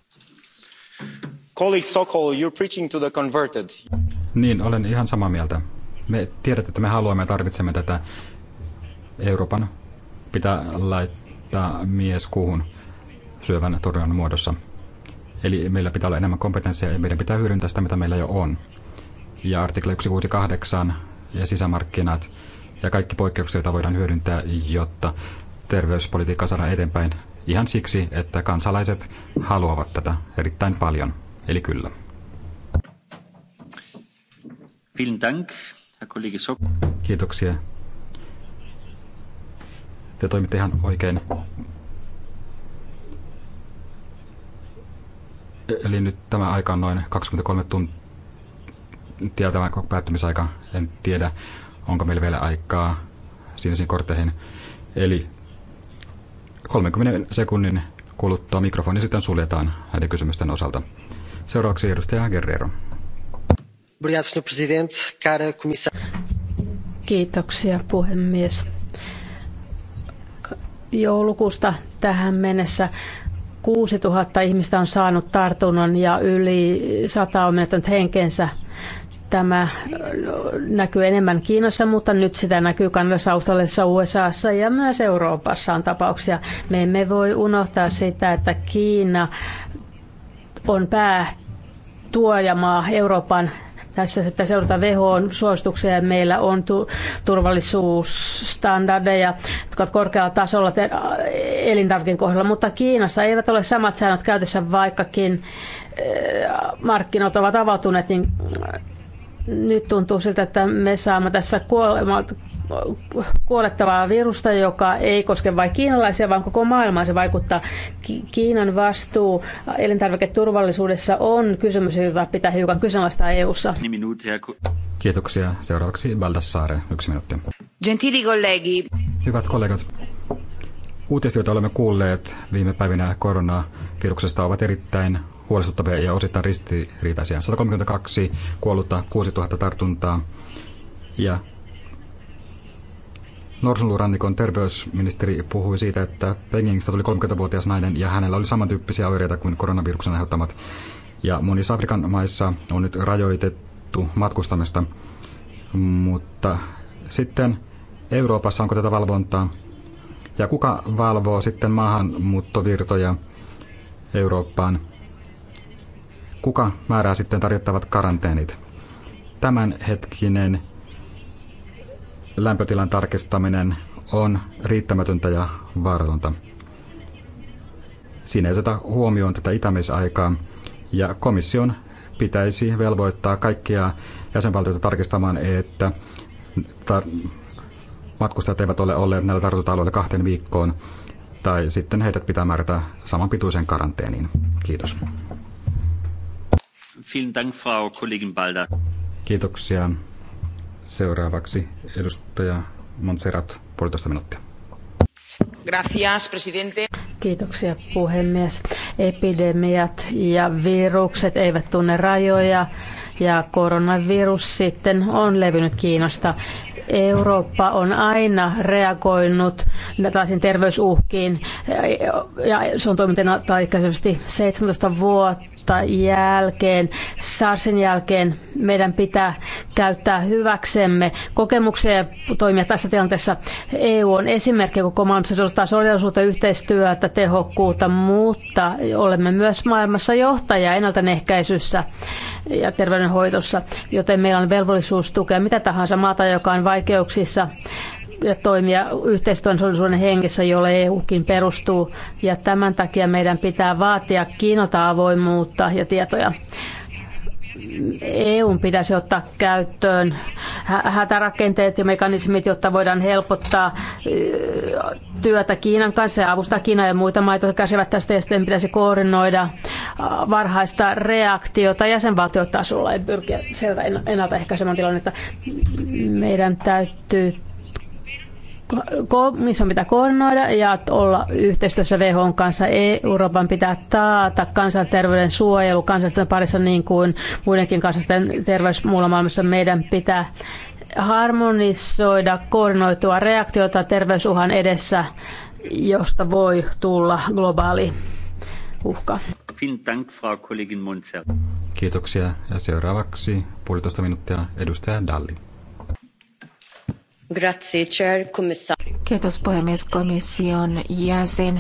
Colleague Sokol, you're preaching to the converted. Niin, olen ihan samaa mieltä. Me tiedät, että me haluamme ja tarvitsemme tätä. Euroopan pitää laittaa mies kuuhun syövän torjunnan muodossa. Eli meillä pitää olla enemmän kompetenssia ja meidän pitää hyödyntää sitä, mitä meillä jo on ja artikla 168 ja sisämarkkinat ja kaikki poikkeukset, voidaan hyödyntää, jotta terveyspolitiikka saadaan eteenpäin ihan siksi, että kansalaiset haluavat tätä erittäin paljon. Eli kyllä. Kiitoksia. Te toimitte ihan oikein. Eli nyt tämä aika on noin 23 tuntia Tietää tämä päättymisaika. En tiedä, onko meillä vielä aikaa sinisiin kortteihin. Eli 30 sekunnin kuluttua mikrofoni sitten suljetaan näiden kysymysten osalta. Seuraavaksi edustaja Guerrero. Kiitoksia puhemies. Joulukuusta tähän mennessä 6000 ihmistä on saanut tartunnan ja yli 100 on menettänyt henkensä. Tämä näkyy enemmän Kiinassa, mutta nyt sitä näkyy Kanadassa, Australiassa, USAssa ja myös Euroopassa on tapauksia. Me emme voi unohtaa sitä, että Kiina on päätuojamaa Euroopan tässä sitten seurataan who suosituksia ja meillä on tu- turvallisuusstandardeja, jotka ovat korkealla tasolla te- kohdalla, mutta Kiinassa eivät ole samat säännöt käytössä, vaikkakin markkinat ovat avautuneet, niin nyt tuntuu siltä, että me saamme tässä kuolemalta kuolettavaa virusta, joka ei koske vain kiinalaisia, vaan koko maailmaa. Se vaikuttaa Kiinan vastuu. Elintarviketurvallisuudessa on kysymys, jota pitää hiukan kyseenalaistaa EU-ssa. Kiitoksia. Seuraavaksi Baldassare, yksi minuutti. Gentili kollegi. Hyvät kollegat, uutiset, joita olemme kuulleet viime päivinä koronaviruksesta, ovat erittäin huolestuttavia ja osittain ristiriitaisia. 132 kuollutta, 6000 tartuntaa ja Norsunluurannikon terveysministeri puhui siitä, että Pekingistä tuli 30-vuotias nainen ja hänellä oli samantyyppisiä oireita kuin koronaviruksen aiheuttamat. Ja monissa Afrikan maissa on nyt rajoitettu matkustamista. Mutta sitten Euroopassa onko tätä valvontaa? Ja kuka valvoo sitten maahanmuuttovirtoja Eurooppaan? kuka määrää sitten tarjottavat karanteenit? Tämänhetkinen lämpötilan tarkistaminen on riittämätöntä ja vaaratonta. Siinä ei oteta huomioon tätä itämisaikaa ja komission pitäisi velvoittaa kaikkia jäsenvaltioita tarkistamaan, että tar- matkustajat eivät ole olleet näillä tartunta-alueilla kahteen viikkoon, tai sitten heidät pitää määrätä samanpituisen karanteeniin. Kiitos. Kiitoksia. Seuraavaksi edustaja Montserrat, puolitoista minuuttia. Gracias, presidente. Kiitoksia puhemies. Epidemiat ja virukset eivät tunne rajoja ja koronavirus sitten on levinnyt Kiinasta. Eurooppa on aina reagoinut tällaisiin terveysuhkiin ja se on toiminut taikaisesti 17 vuotta vuotta jälkeen, SARSin jälkeen, meidän pitää käyttää hyväksemme kokemuksia ja toimia tässä tilanteessa. EU on esimerkki koko maailmassa, se osoittaa solidarisuutta, yhteistyötä, tehokkuutta, mutta olemme myös maailmassa johtaja ennaltaehkäisyssä ja terveydenhoidossa, joten meillä on velvollisuus tukea mitä tahansa maata, joka on vaikeuksissa ja toimia yhteistyön hengessä, jolle EUkin perustuu. Ja tämän takia meidän pitää vaatia kiinota avoimuutta ja tietoja. EUn pitäisi ottaa käyttöön hätärakenteet ja mekanismit, jotta voidaan helpottaa työtä Kiinan kanssa ja avustaa Kiinaa ja muita maita, jotka käsivät tästä ja sitten pitäisi koordinoida varhaista reaktiota jäsenvaltiotasolla ja pyrkiä sieltä ennaltaehkäisemään tilannetta. Meidän täytyy komission pitää koordinoida ja olla yhteistyössä WHO kanssa. Euroopan pitää taata kansanterveyden suojelu kansallisten parissa niin kuin muidenkin kansallisten terveys muulla maailmassa. Meidän pitää harmonisoida koordinoitua reaktiota terveysuhan edessä, josta voi tulla globaali uhka. Kiitoksia ja seuraavaksi puolitoista minuuttia edustaja Dalli. Grazie, chair, Kiitos puhemies komission jäsen.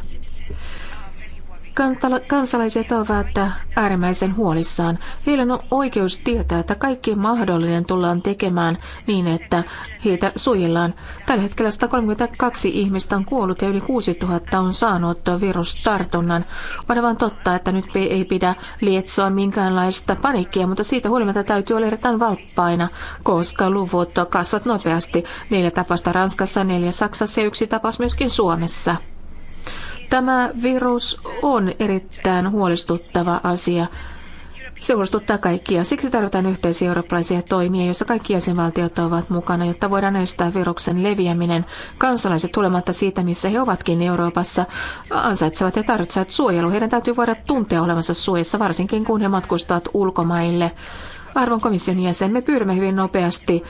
Kansalaiset ovat äärimmäisen huolissaan. Heillä on oikeus tietää, että kaikki mahdollinen tullaan tekemään niin, että heitä suojellaan. Tällä hetkellä 132 ihmistä on kuollut ja yli 6000 on saanut virustartunnan. On aivan totta, että nyt ei pidä lietsoa minkäänlaista panikkia, mutta siitä huolimatta täytyy olla erittäin valppaina, koska luvut kasvavat nopeasti. Neljä tapausta Ranskassa, neljä Saksassa ja yksi tapaus myöskin Suomessa. Tämä virus on erittäin huolestuttava asia. Se huolestuttaa kaikkia. Siksi tarvitaan yhteisiä eurooppalaisia toimia, joissa kaikki jäsenvaltiot ovat mukana, jotta voidaan estää viruksen leviäminen. Kansalaiset tulematta siitä, missä he ovatkin Euroopassa, ansaitsevat ja tarvitsevat suojelua. Heidän täytyy voida tuntea olevansa suojassa, varsinkin kun he matkustavat ulkomaille. Arvon komission jäsen, me pyydämme hyvin nopeasti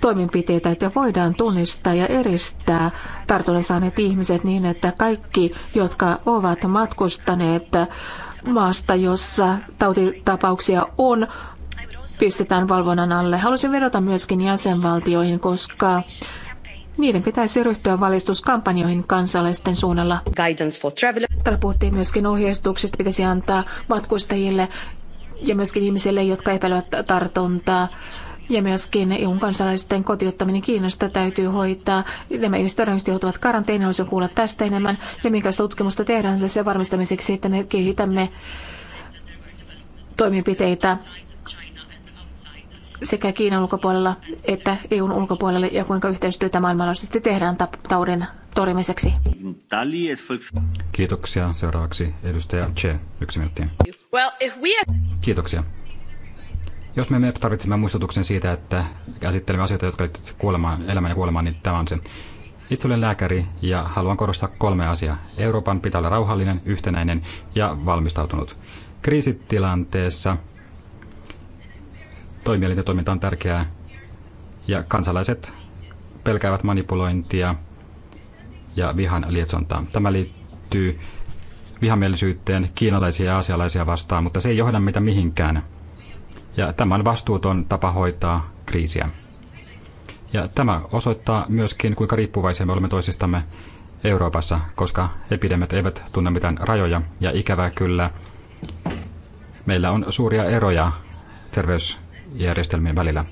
toimenpiteitä, että voidaan tunnistaa ja eristää tartunnan saaneet ihmiset niin, että kaikki, jotka ovat matkustaneet maasta, jossa tautitapauksia on, pistetään valvonnan alle. Haluaisin vedota myöskin jäsenvaltioihin, koska niiden pitäisi ryhtyä valistuskampanjoihin kansalaisten suunnalla. Täällä puhuttiin myöskin ohjeistuksista, pitäisi antaa matkustajille ja myöskin ihmisille, jotka epäilevät tartuntaa ja myöskin EUn kansalaisten kotiuttaminen Kiinasta täytyy hoitaa. Nämä ihmiset todennäköisesti joutuvat karanteeniin, olisi kuulla tästä enemmän. Ja minkälaista tutkimusta tehdään sen varmistamiseksi, että me kehitämme toimenpiteitä sekä Kiinan ulkopuolella että EUn ulkopuolella ja kuinka yhteistyötä maailmanlaajuisesti tehdään taudin torjumiseksi. Kiitoksia. Seuraavaksi edustaja Che, yksi minuutti. Kiitoksia jos me emme tarvitsemme muistutuksen siitä, että käsittelemme asioita, jotka liittyvät kuolemaan, elämään ja kuolemaan, niin tämä on se. Itse olen lääkäri ja haluan korostaa kolme asiaa. Euroopan pitää olla rauhallinen, yhtenäinen ja valmistautunut. Kriisitilanteessa toimielinten toiminta on tärkeää ja kansalaiset pelkäävät manipulointia ja vihan lietsontaa. Tämä liittyy vihamielisyyteen kiinalaisia ja asialaisia vastaan, mutta se ei johda meitä mihinkään. Ja tämä on vastuuton tapa hoitaa kriisiä. Ja tämä osoittaa myöskin, kuinka riippuvaisia me olemme toisistamme Euroopassa, koska epidemiat eivät tunne mitään rajoja. Ja ikävää kyllä, meillä on suuria eroja terveysjärjestelmien välillä.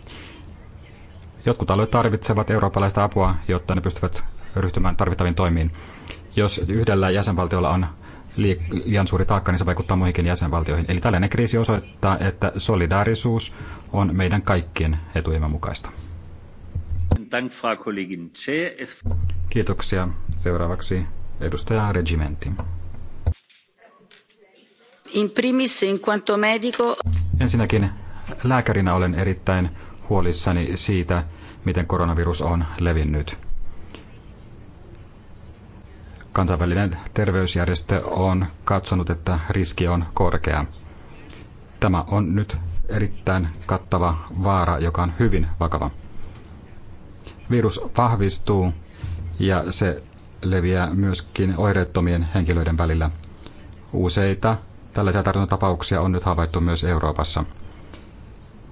Jotkut alueet tarvitsevat eurooppalaista apua, jotta ne pystyvät ryhtymään tarvittaviin toimiin. Jos yhdellä jäsenvaltiolla on liian suuri taakka, niin se vaikuttaa muihinkin jäsenvaltioihin. Eli tällainen kriisi osoittaa, että solidaarisuus on meidän kaikkien etujemme mukaista. Kiitoksia. Seuraavaksi edustaja Regimenti. In primis, in quanto medico... Ensinnäkin lääkärinä olen erittäin huolissani siitä, miten koronavirus on levinnyt. Kansainvälinen terveysjärjestö on katsonut, että riski on korkea. Tämä on nyt erittäin kattava vaara, joka on hyvin vakava. Virus vahvistuu ja se leviää myöskin oireettomien henkilöiden välillä. Useita tällaisia tartuntatapauksia on nyt havaittu myös Euroopassa.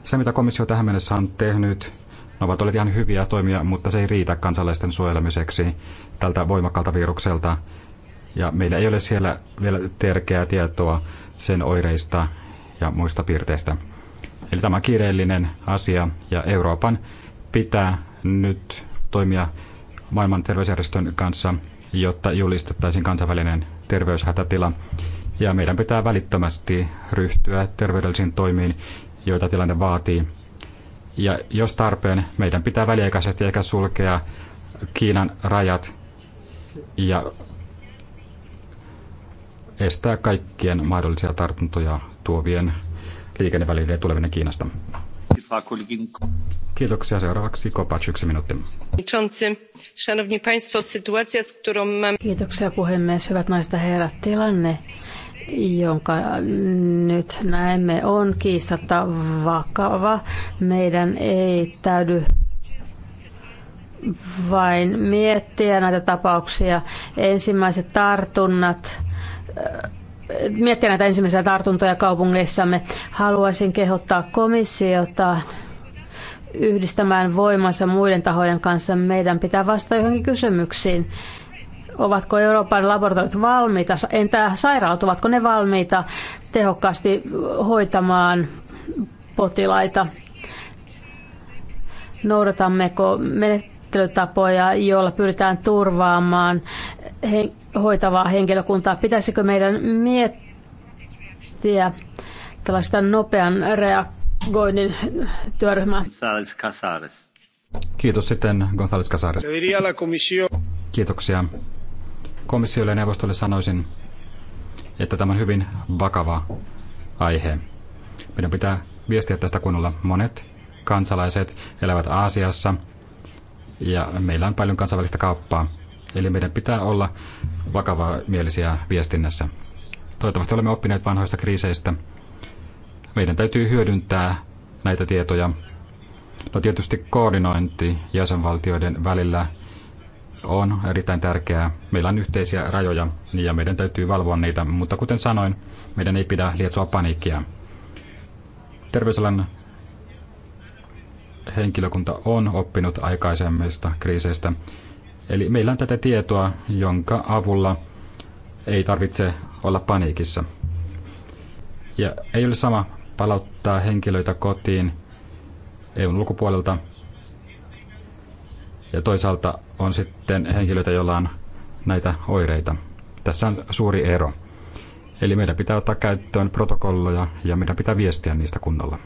Se, mitä komissio tähän mennessä on tehnyt, ne ovat olleet ihan hyviä toimia, mutta se ei riitä kansalaisten suojelemiseksi tältä voimakkaalta virukselta. Ja meillä ei ole siellä vielä tärkeää tietoa sen oireista ja muista piirteistä. Eli tämä on kiireellinen asia ja Euroopan pitää nyt toimia maailman terveysjärjestön kanssa, jotta julistettaisiin kansainvälinen terveyshätätila. Ja meidän pitää välittömästi ryhtyä terveydellisiin toimiin, joita tilanne vaatii. Ja jos tarpeen, meidän pitää väliaikaisesti eikä sulkea Kiinan rajat ja estää kaikkien mahdollisia tartuntoja tuovien liikennevälineiden tulevina Kiinasta. Kiitoksia. Seuraavaksi Kopacz, yksi minuutti. Kiitoksia puhemies. Hyvät naiset ja herrat, tilanne, jonka nyt näemme, on kiistatta vakava. Meidän ei täydy vain miettiä näitä tapauksia. Ensimmäiset tartunnat, äh, miettiä näitä ensimmäisiä tartuntoja kaupungeissamme. Haluaisin kehottaa komissiota yhdistämään voimansa muiden tahojen kanssa. Meidän pitää vastata johonkin kysymyksiin. Ovatko Euroopan laboratoriot valmiita? Entä sairaalat, ovatko ne valmiita tehokkaasti hoitamaan potilaita? Noudatammeko menet- menettelytapoja, joilla pyritään turvaamaan hoitavaa henkilökuntaa. Pitäisikö meidän miettiä tällaista nopean reagoinnin työryhmää? González Casares. Kiitos sitten González Casares. Kiitoksia. Komissiolle ja neuvostolle sanoisin, että tämä on hyvin vakava aihe. Meidän pitää viestiä tästä kunnolla. Monet kansalaiset elävät Aasiassa, ja meillä on paljon kansainvälistä kauppaa. Eli meidän pitää olla vakavaa mielisiä viestinnässä. Toivottavasti olemme oppineet vanhoista kriiseistä. Meidän täytyy hyödyntää näitä tietoja. No tietysti koordinointi jäsenvaltioiden välillä on erittäin tärkeää. Meillä on yhteisiä rajoja ja meidän täytyy valvoa niitä, mutta kuten sanoin, meidän ei pidä lietsoa paniikkia. Terveysalan henkilökunta on oppinut aikaisemmista kriiseistä. Eli meillä on tätä tietoa, jonka avulla ei tarvitse olla paniikissa. Ja ei ole sama palauttaa henkilöitä kotiin EUn ulkopuolelta. Ja toisaalta on sitten henkilöitä, joilla on näitä oireita. Tässä on suuri ero. Eli meidän pitää ottaa käyttöön protokolloja ja meidän pitää viestiä niistä kunnolla.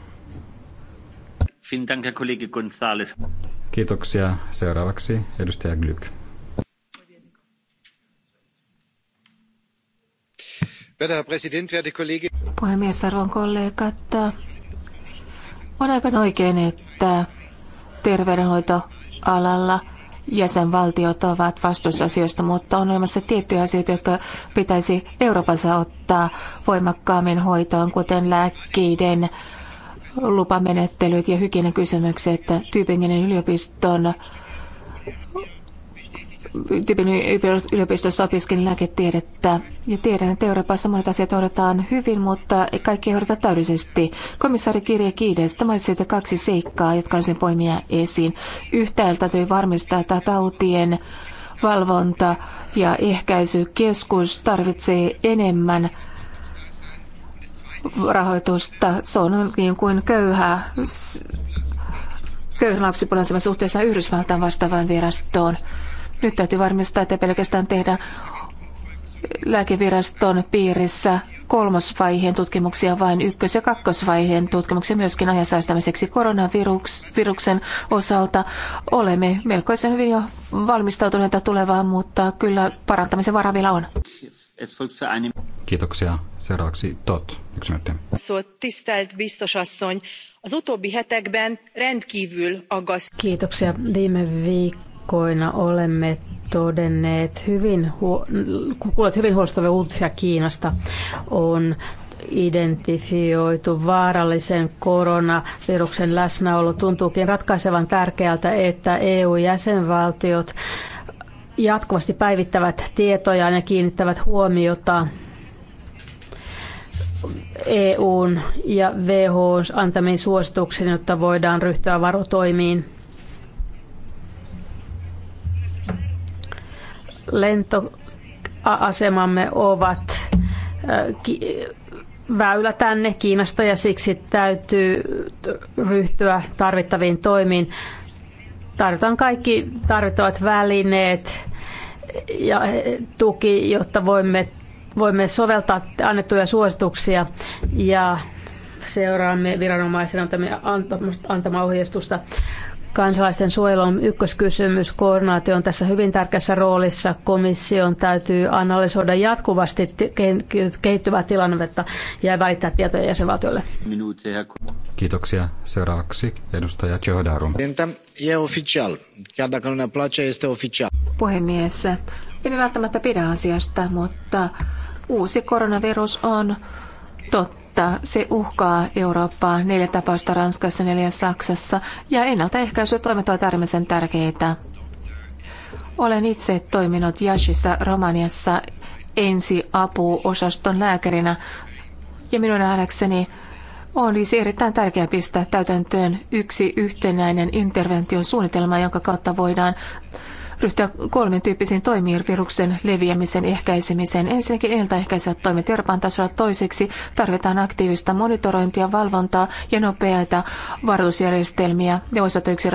Kiitoksia. Seuraavaksi edustaja Glück. Puhemies, arvon kollegat, on aivan oikein, että terveydenhoitoalalla jäsenvaltiot ovat vastuussa asioista, mutta on olemassa tiettyjä asioita, jotka pitäisi Euroopassa ottaa voimakkaammin hoitoon, kuten lääkkeiden lupamenettelyt ja hygieniakysymykset Tyypingenin yliopiston Tyypin yliopistossa opiskelin lääketiedettä ja tiedän, että Euroopassa monet asiat hoidetaan hyvin, mutta kaikki ei hoideta täydellisesti. Komissaari Kirja Kiides, tämä oli siitä kaksi seikkaa, jotka olisin poimia esiin. Yhtäältä täytyy varmistaa, että tautien valvonta ja ehkäisykeskus tarvitsee enemmän rahoitusta. Se on niin kuin köyhää, köyhän lapsipuolen suhteessa Yhdysvaltain vastaavaan virastoon. Nyt täytyy varmistaa, että pelkästään tehdä lääkeviraston piirissä kolmosvaiheen tutkimuksia, vain ykkös- ja kakkosvaiheen tutkimuksia myöskin ajan säästämiseksi koronaviruksen osalta. Olemme melkoisen hyvin jo valmistautuneita tulevaan, mutta kyllä parantamisen varaa vielä on. Kiitoksia. Seuraavaksi Tot. Yksi minuutti. Tisztelt biztos az utóbbi hetekben rendkívül aggaszt. Kiitoksia. Viime viikkoina olemme todenneet hyvin, kuulet hyvin huolestuttavia uutisia Kiinasta. On identifioitu vaarallisen koronaviruksen läsnäolo tuntuukin ratkaisevan tärkeältä, että EU-jäsenvaltiot jatkuvasti päivittävät tietoja ja kiinnittävät huomiota EUn ja WHOn antamiin suosituksiin, jotta voidaan ryhtyä varotoimiin. Lentoasemamme ovat väylä tänne Kiinasta ja siksi täytyy ryhtyä tarvittaviin toimiin. Tarvitaan kaikki tarvittavat välineet ja tuki, jotta voimme, voimme soveltaa annettuja suosituksia ja seuraamme viranomaisen antamaa ohjeistusta. Kansalaisten suojelu on ykköskysymys. Koordinaatio on tässä hyvin tärkeässä roolissa. Komission täytyy analysoida jatkuvasti kehittyvää tilannetta ja välittää tietoja jäsenvaltioille. Kiitoksia. Seuraavaksi edustaja Cehodaru. E oficial. official. dacă nu place, este oficial puhemies. Emme välttämättä pidä asiasta, mutta uusi koronavirus on totta. Se uhkaa Eurooppaa. Neljä tapausta Ranskassa, neljä Saksassa ja ennaltaehkäisytoimet ovat äärimmäisen tärkeitä. Olen itse toiminut Jashissa Romaniassa ensiapuosaston lääkärinä ja minun nähdäkseni on siis erittäin tärkeää pistää täytäntöön yksi yhtenäinen intervention suunnitelma, jonka kautta voidaan ryhtyä kolmen tyyppisiin toimiin viruksen leviämisen ehkäisemiseen. Ensinnäkin ennaltaehkäisevät toimet Euroopan tasolla toiseksi tarvitaan aktiivista monitorointia, valvontaa ja nopeita varoitusjärjestelmiä ja osatoiksi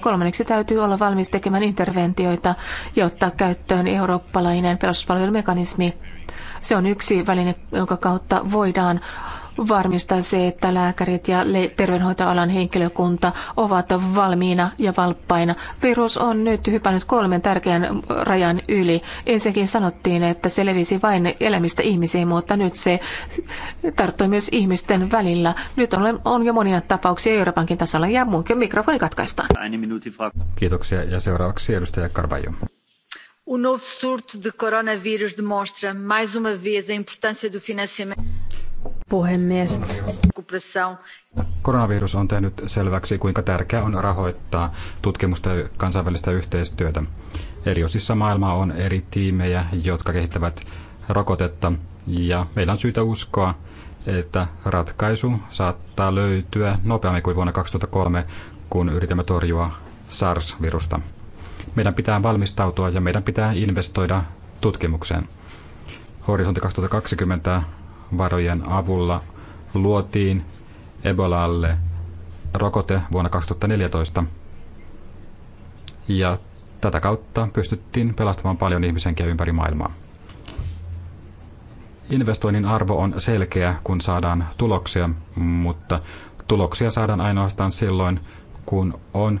Kolmanneksi täytyy olla valmis tekemään interventioita ja ottaa käyttöön eurooppalainen pelastuspalvelumekanismi. Se on yksi väline, jonka kautta voidaan varmistaa se, että lääkärit ja terveydenhoitoalan henkilökunta ovat valmiina ja valppaina. Virus on nyt hypännyt kolmen tärkeän rajan yli. Ensinnäkin sanottiin, että se levisi vain elämistä ihmisiin, mutta nyt se tarttui myös ihmisten välillä. Nyt on, on jo monia tapauksia Euroopankin tasolla ja muunkin mikrofoni katkaistaan. Kiitoksia ja seuraavaksi edustaja Carvalho. O novo surto de coronavírus demonstra mais uma vez a importância do financiamento puhemies. Koronavirus on tehnyt selväksi, kuinka tärkeää on rahoittaa tutkimusta ja kansainvälistä yhteistyötä. Eri osissa maailmaa on eri tiimejä, jotka kehittävät rokotetta, ja meillä on syytä uskoa, että ratkaisu saattaa löytyä nopeammin kuin vuonna 2003, kun yritimme torjua SARS-virusta. Meidän pitää valmistautua ja meidän pitää investoida tutkimukseen. Horisontti 2020 varojen avulla luotiin Ebolalle rokote vuonna 2014. Ja tätä kautta pystyttiin pelastamaan paljon ihmisenkiä ympäri maailmaa. Investoinnin arvo on selkeä, kun saadaan tuloksia, mutta tuloksia saadaan ainoastaan silloin, kun on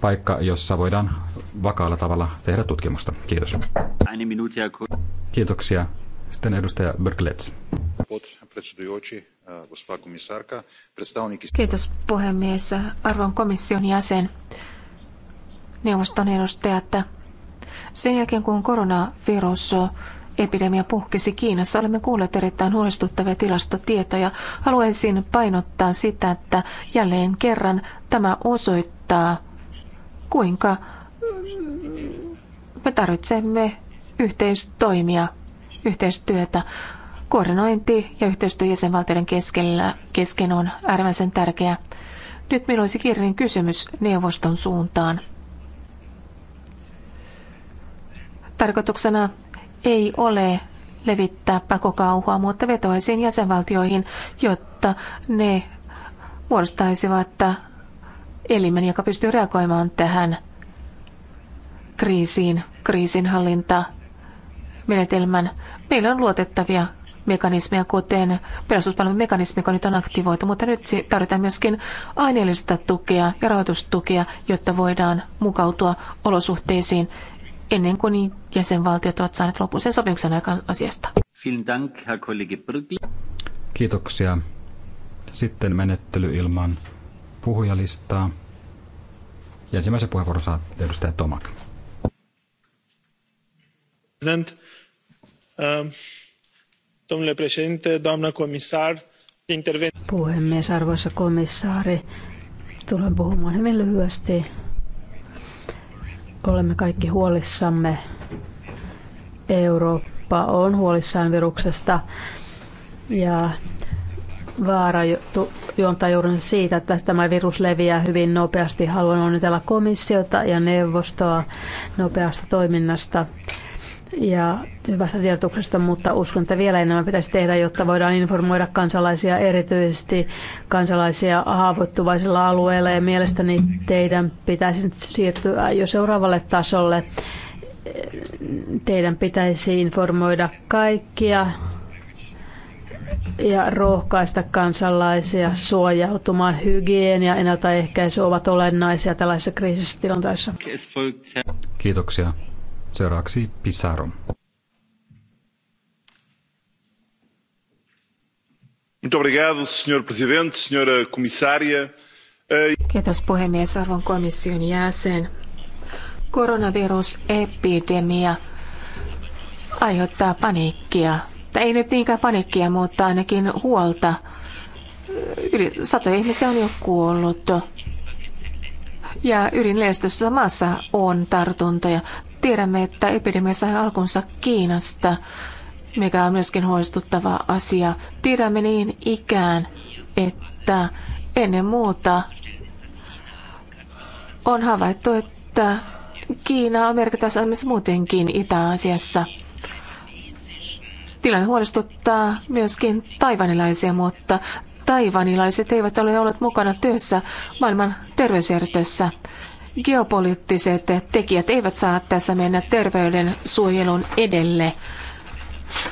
paikka, jossa voidaan vakaalla tavalla tehdä tutkimusta. Kiitos. Kiitoksia. Sitten edustaja Berglets. Eh, Kiitos puhemies. Arvon komission jäsen, neuvoston edustajat. Sen jälkeen kun koronavirus epidemia puhkesi Kiinassa, olemme kuulleet erittäin huolestuttavia tilastotietoja. Haluaisin painottaa sitä, että jälleen kerran tämä osoittaa, kuinka me tarvitsemme yhteistoimia yhteistyötä. Koordinointi ja yhteistyö jäsenvaltioiden keskellä, kesken on äärimmäisen tärkeää. Nyt minulla olisi kirjallinen kysymys neuvoston suuntaan. Tarkoituksena ei ole levittää pakokauhua, mutta vetoaisin jäsenvaltioihin, jotta ne muodostaisivat elimen, joka pystyy reagoimaan tähän kriisiin, kriisinhallinta menetelmän. Meillä on luotettavia mekanismeja, kuten pelastuspalvelun mekanismi, joka nyt on aktivoitu, mutta nyt tarvitaan myöskin aineellista tukea ja rahoitustukea, jotta voidaan mukautua olosuhteisiin ennen kuin jäsenvaltiot ovat saaneet lopullisen sopimuksen aikaan asiasta. Kiitoksia. Sitten menettely ilman puhujalistaa. Ja ensimmäisen puheenvuoron saa edustaja Tomak. President. Ehm, domnule președinte, doamnă comisar, Puhemies, arvoisa komissaari, tulen puhumaan hyvin lyhyesti. Olemme kaikki huolissamme. Eurooppa on huolissaan viruksesta ja vaara juontaa juuri siitä, että tämä virus leviää hyvin nopeasti. Haluan onnitella komissiota ja neuvostoa nopeasta toiminnasta ja hyvästä tiedotuksesta, mutta uskon, että vielä enemmän pitäisi tehdä, jotta voidaan informoida kansalaisia, erityisesti kansalaisia haavoittuvaisilla alueilla. Ja mielestäni teidän pitäisi nyt siirtyä jo seuraavalle tasolle. Teidän pitäisi informoida kaikkia ja rohkaista kansalaisia suojautumaan. Hygienia ja ennaltaehkäisy ovat olennaisia tällaisessa tilanteessa. Kiitoksia. Seuraavaksi Pisaro. Eh, Kiitos puhemies, arvon komission jäsen. Koronavirusepidemia aiheuttaa paniikkia. Tai ei nyt niinkään paniikkia, mutta ainakin huolta. Eh, yli sato ihmisiä on jo kuollut. Ja ydinleistössä maassa on tartuntoja. Tiedämme, että epidemia sai alkunsa Kiinasta, mikä on myöskin huolestuttava asia. Tiedämme niin ikään, että ennen muuta on havaittu, että Kiina on merkittävässä asemassa muutenkin itä aasiassa Tilanne huolestuttaa myöskin taivanilaisia, mutta taivanilaiset eivät ole olleet mukana työssä maailman terveysjärjestössä. Geopoliittiset tekijät eivät saa tässä mennä terveyden suojelun edelle.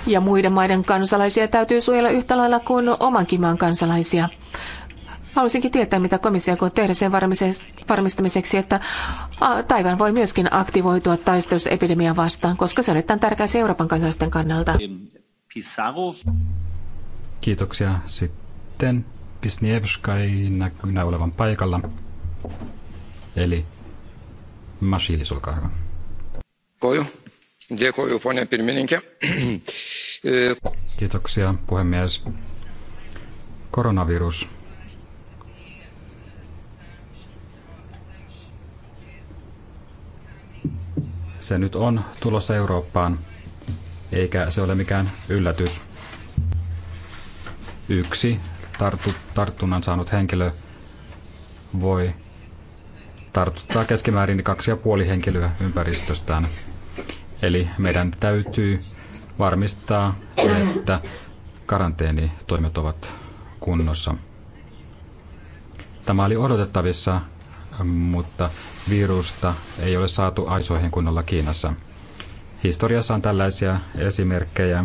Ja muiden maiden kansalaisia täytyy suojella yhtä lailla kuin omankin maan kansalaisia. Haluaisinkin tietää, mitä komissio voi tehdä sen varmistamiseksi, että Taivan voi myöskin aktivoitua taistelussa epidemiaa vastaan, koska se on erittäin tärkeää Euroopan kansalaisten kannalta. Kiitoksia. Sitten Pisnievska näkynä olevan paikalla. Eli Masiilis, olkaa hyvä. Koju. Dėkoju, ponė pirmininkė. Kiitoksia, puhemies. Koronavirus se nyt on tulossa Eurooppaan, eikä se ole mikään yllätys. Yksi tartu, tartunnan saanut henkilö voi tartuttaa keskimäärin kaksi ja puoli henkilöä ympäristöstään. Eli meidän täytyy varmistaa, että karanteenitoimet ovat kunnossa. Tämä oli odotettavissa, mutta virusta ei ole saatu aisoihin kunnolla Kiinassa. Historiassa on tällaisia esimerkkejä.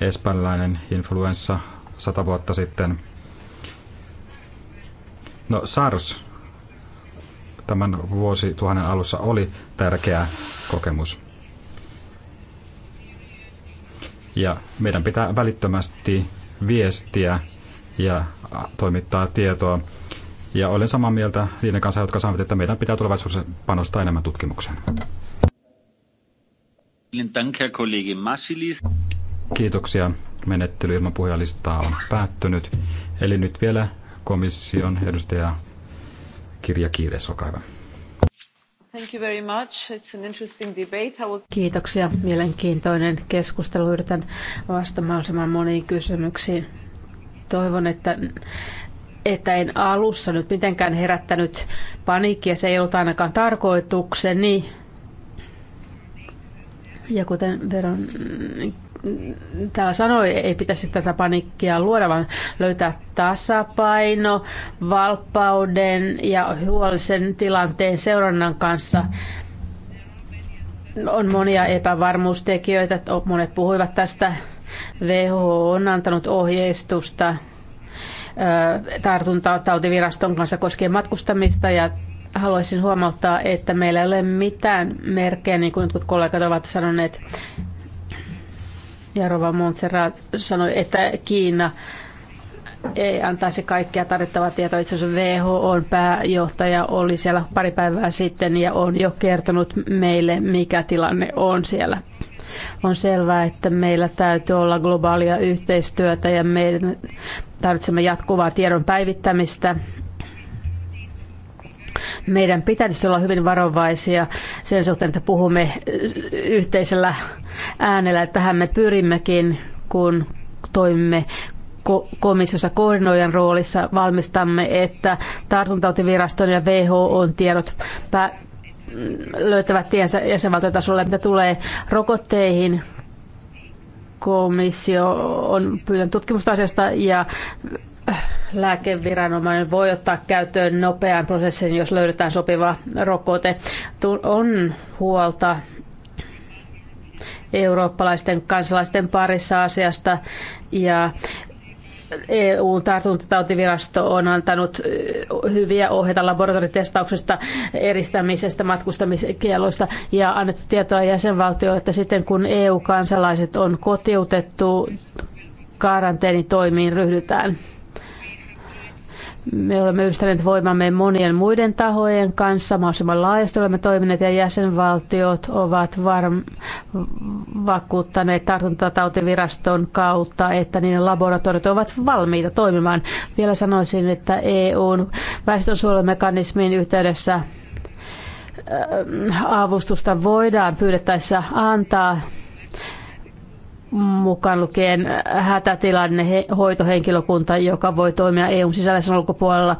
Espanjalainen influenssa sata vuotta sitten. No SARS tämän vuosituhannen alussa oli tärkeä kokemus. Ja meidän pitää välittömästi viestiä ja toimittaa tietoa. Ja olen samaa mieltä niiden kanssa, jotka sanovat, että meidän pitää tulevaisuudessa panostaa enemmän tutkimukseen. Kiitoksia. Menettely ilman puhujalistaa on päättynyt. Eli nyt vielä komission edustaja Kirja Kiides, olkaa hyvä. Thank you very much. It's an interesting debate. Will... Kiitoksia. Mielenkiintoinen keskustelu. Yritän vastata mahdollisimman moniin kysymyksiin. Toivon, että että en alussa nyt mitenkään herättänyt paniikkia, se ei ollut ainakaan tarkoitukseni. Ja kuten veron täällä sanoi, ei pitäisi tätä panikkia luoda, vaan löytää tasapaino valppauden ja huolisen tilanteen seurannan kanssa. On monia epävarmuustekijöitä, monet puhuivat tästä. WHO on antanut ohjeistusta tartuntatautiviraston kanssa koskien matkustamista ja haluaisin huomauttaa, että meillä ei ole mitään merkkejä, niin kuin jotkut kollegat ovat sanoneet, Jarova Montserrat sanoi, että Kiina ei antaisi kaikkia tarvittavaa tietoa. Itse asiassa WHOn pääjohtaja oli siellä pari päivää sitten ja on jo kertonut meille, mikä tilanne on siellä. On selvää, että meillä täytyy olla globaalia yhteistyötä ja meidän tarvitsemme jatkuvaa tiedon päivittämistä meidän pitäisi olla hyvin varovaisia sen suhteen, että puhumme yhteisellä äänellä. että Tähän me pyrimmekin, kun toimimme komissiossa koordinoijan roolissa valmistamme, että tartuntautiviraston ja who tiedot löytävät tiensä jäsenvaltiotasolle, mitä tulee rokotteihin. Komissio on pyytänyt tutkimusta asiasta ja lääkeviranomainen voi ottaa käyttöön nopean prosessin, jos löydetään sopiva rokote. On huolta eurooppalaisten kansalaisten parissa asiasta ja EU-tartuntatautivirasto on antanut hyviä ohjeita laboratoritestauksesta, eristämisestä, matkustamiskieloista ja annettu tietoa jäsenvaltioille, että sitten kun EU-kansalaiset on kotiutettu, karanteenitoimiin ryhdytään. Me olemme yhdistäneet voimamme monien muiden tahojen kanssa, mahdollisimman laajasti olemme toimineet ja jäsenvaltiot ovat varm- vakuuttaneet tartuntatautiviraston kautta, että niiden laboratoriot ovat valmiita toimimaan. Vielä sanoisin, että EUn väestönsuojelumekanismin yhteydessä äh, avustusta voidaan pyydettäessä antaa mukaan lukien hätätilanne hoitohenkilökunta, joka voi toimia EUn sisäisen ulkopuolella.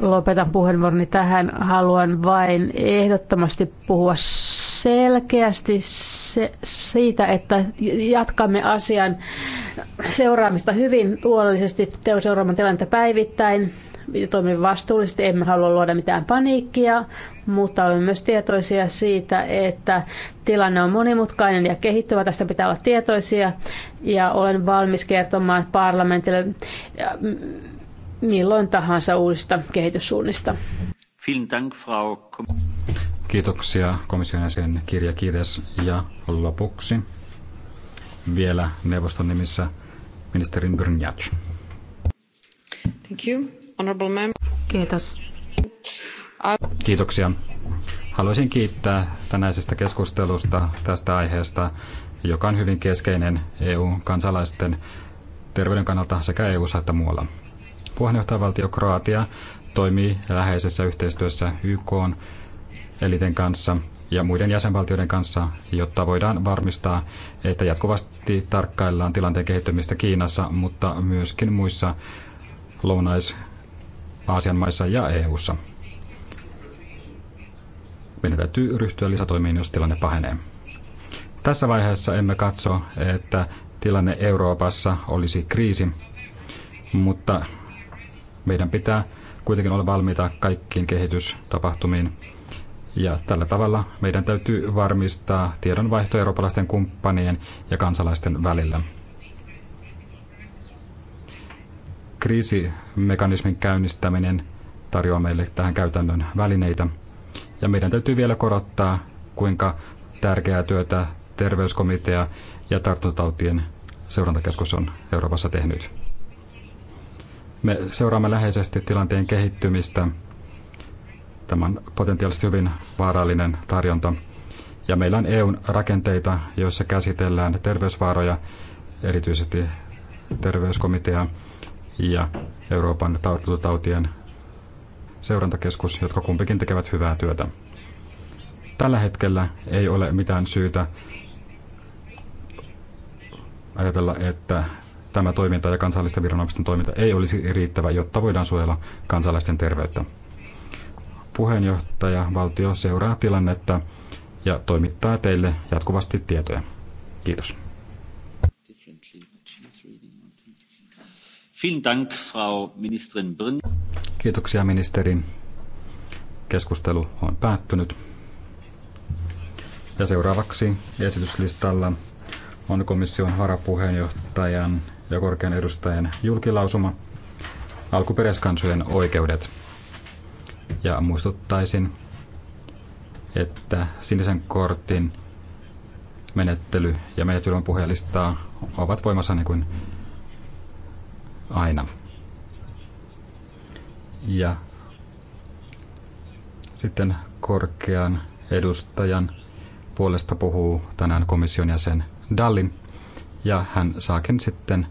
Lopetan puheenvuoroni tähän. Haluan vain ehdottomasti puhua selkeästi se, siitä, että jatkamme asian seuraamista hyvin huolellisesti, teo seuraamaan tilannetta päivittäin, toimimme vastuullisesti, emme halua luoda mitään paniikkia, mutta olemme myös tietoisia siitä, että tilanne on monimutkainen ja kehittyvä. Tästä pitää olla tietoisia ja olen valmis kertomaan parlamentille milloin tahansa uusista kehityssuunnista. Kiitoksia komission jäsen Kirja Kiides ja lopuksi vielä neuvoston nimissä ministerin Brynjac. Thank you, honorable Kiitos Kiitoksia. Haluaisin kiittää tänäisestä keskustelusta tästä aiheesta, joka on hyvin keskeinen EU-kansalaisten terveyden kannalta sekä eu että muualla. Puheenjohtajavaltio Kroatia toimii läheisessä yhteistyössä YK eliten kanssa ja muiden jäsenvaltioiden kanssa, jotta voidaan varmistaa, että jatkuvasti tarkkaillaan tilanteen kehittymistä Kiinassa, mutta myöskin muissa lounais-Aasian maissa ja EU:ssa. ssa meidän täytyy ryhtyä lisätoimiin, jos tilanne pahenee. Tässä vaiheessa emme katso, että tilanne Euroopassa olisi kriisi, mutta meidän pitää kuitenkin olla valmiita kaikkiin kehitystapahtumiin. Ja tällä tavalla meidän täytyy varmistaa tiedonvaihto eurooppalaisten kumppanien ja kansalaisten välillä. Kriisimekanismin käynnistäminen tarjoaa meille tähän käytännön välineitä – ja meidän täytyy vielä korottaa, kuinka tärkeää työtä terveyskomitea ja tartuntatautien seurantakeskus on Euroopassa tehnyt. Me seuraamme läheisesti tilanteen kehittymistä. Tämä on potentiaalisesti hyvin vaarallinen tarjonta. Ja meillä on EUn rakenteita, joissa käsitellään terveysvaaroja, erityisesti terveyskomitea ja Euroopan tartuntatautien seurantakeskus, jotka kumpikin tekevät hyvää työtä. Tällä hetkellä ei ole mitään syytä ajatella, että tämä toiminta ja kansallisten viranomaisten toiminta ei olisi riittävä, jotta voidaan suojella kansalaisten terveyttä. Puheenjohtaja valtio seuraa tilannetta ja toimittaa teille jatkuvasti tietoja. Kiitos. Kiitoksia ministeri. Keskustelu on päättynyt. Ja seuraavaksi esityslistalla on komission varapuheenjohtajan ja korkean edustajan julkilausuma alkuperäiskansojen oikeudet. Ja muistuttaisin, että sinisen kortin menettely ja menettelyn puhelistaa ovat voimassa niin kuin aina. Ja sitten korkean edustajan puolesta puhuu tänään komission jäsen Dallin ja hän saakin sitten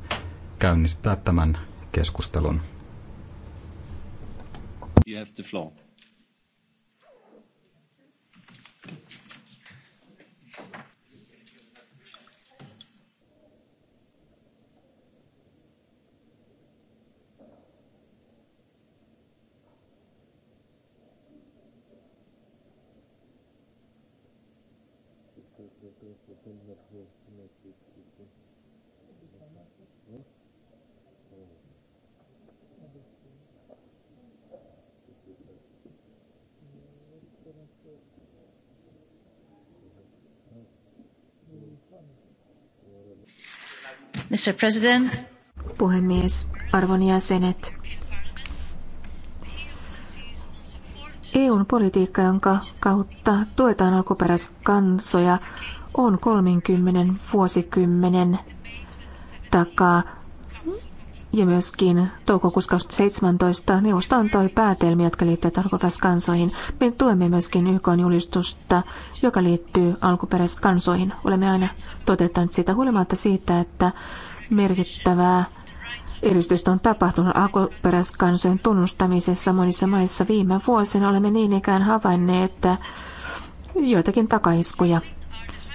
käynnistää tämän keskustelun. You have the floor. Mr. President. Puhemies, arvon jäsenet. EUn politiikka, jonka kautta tuetaan alkuperäiskansoja, on 30 vuosikymmenen takaa ja myöskin toukokuussa 2017 neuvosto antoi päätelmiä, jotka liittyvät alkuperäiskansoihin. Me tuemme myöskin YK julistusta, joka liittyy alkuperäiskansoihin. Olemme aina toteuttaneet sitä huolimatta siitä, että merkittävää edistystä on tapahtunut alkuperäiskansojen tunnustamisessa monissa maissa viime vuosina. Olemme niin ikään havainneet, että joitakin takaiskuja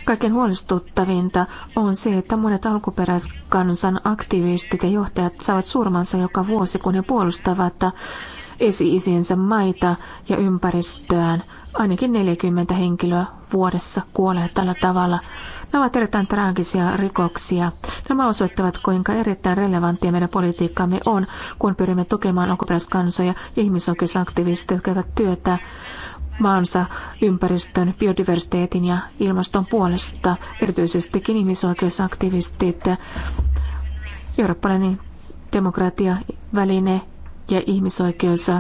Kaiken huolestuttavinta on se, että monet alkuperäiskansan aktivistit ja johtajat saavat surmansa joka vuosi, kun he puolustavat esi-isiensä maita ja ympäristöään. Ainakin 40 henkilöä vuodessa kuolee tällä tavalla. Nämä ovat erittäin traagisia rikoksia. Nämä osoittavat, kuinka erittäin relevanttia meidän politiikkaamme on, kun pyrimme tukemaan alkuperäiskansoja ja ihmisoikeusaktivisteja, jotka tekevät työtä maansa ympäristön, biodiversiteetin ja ilmaston puolesta, erityisestikin ihmisoikeusaktivistit. Eurooppalainen demokratia, väline ja ihmisoikeus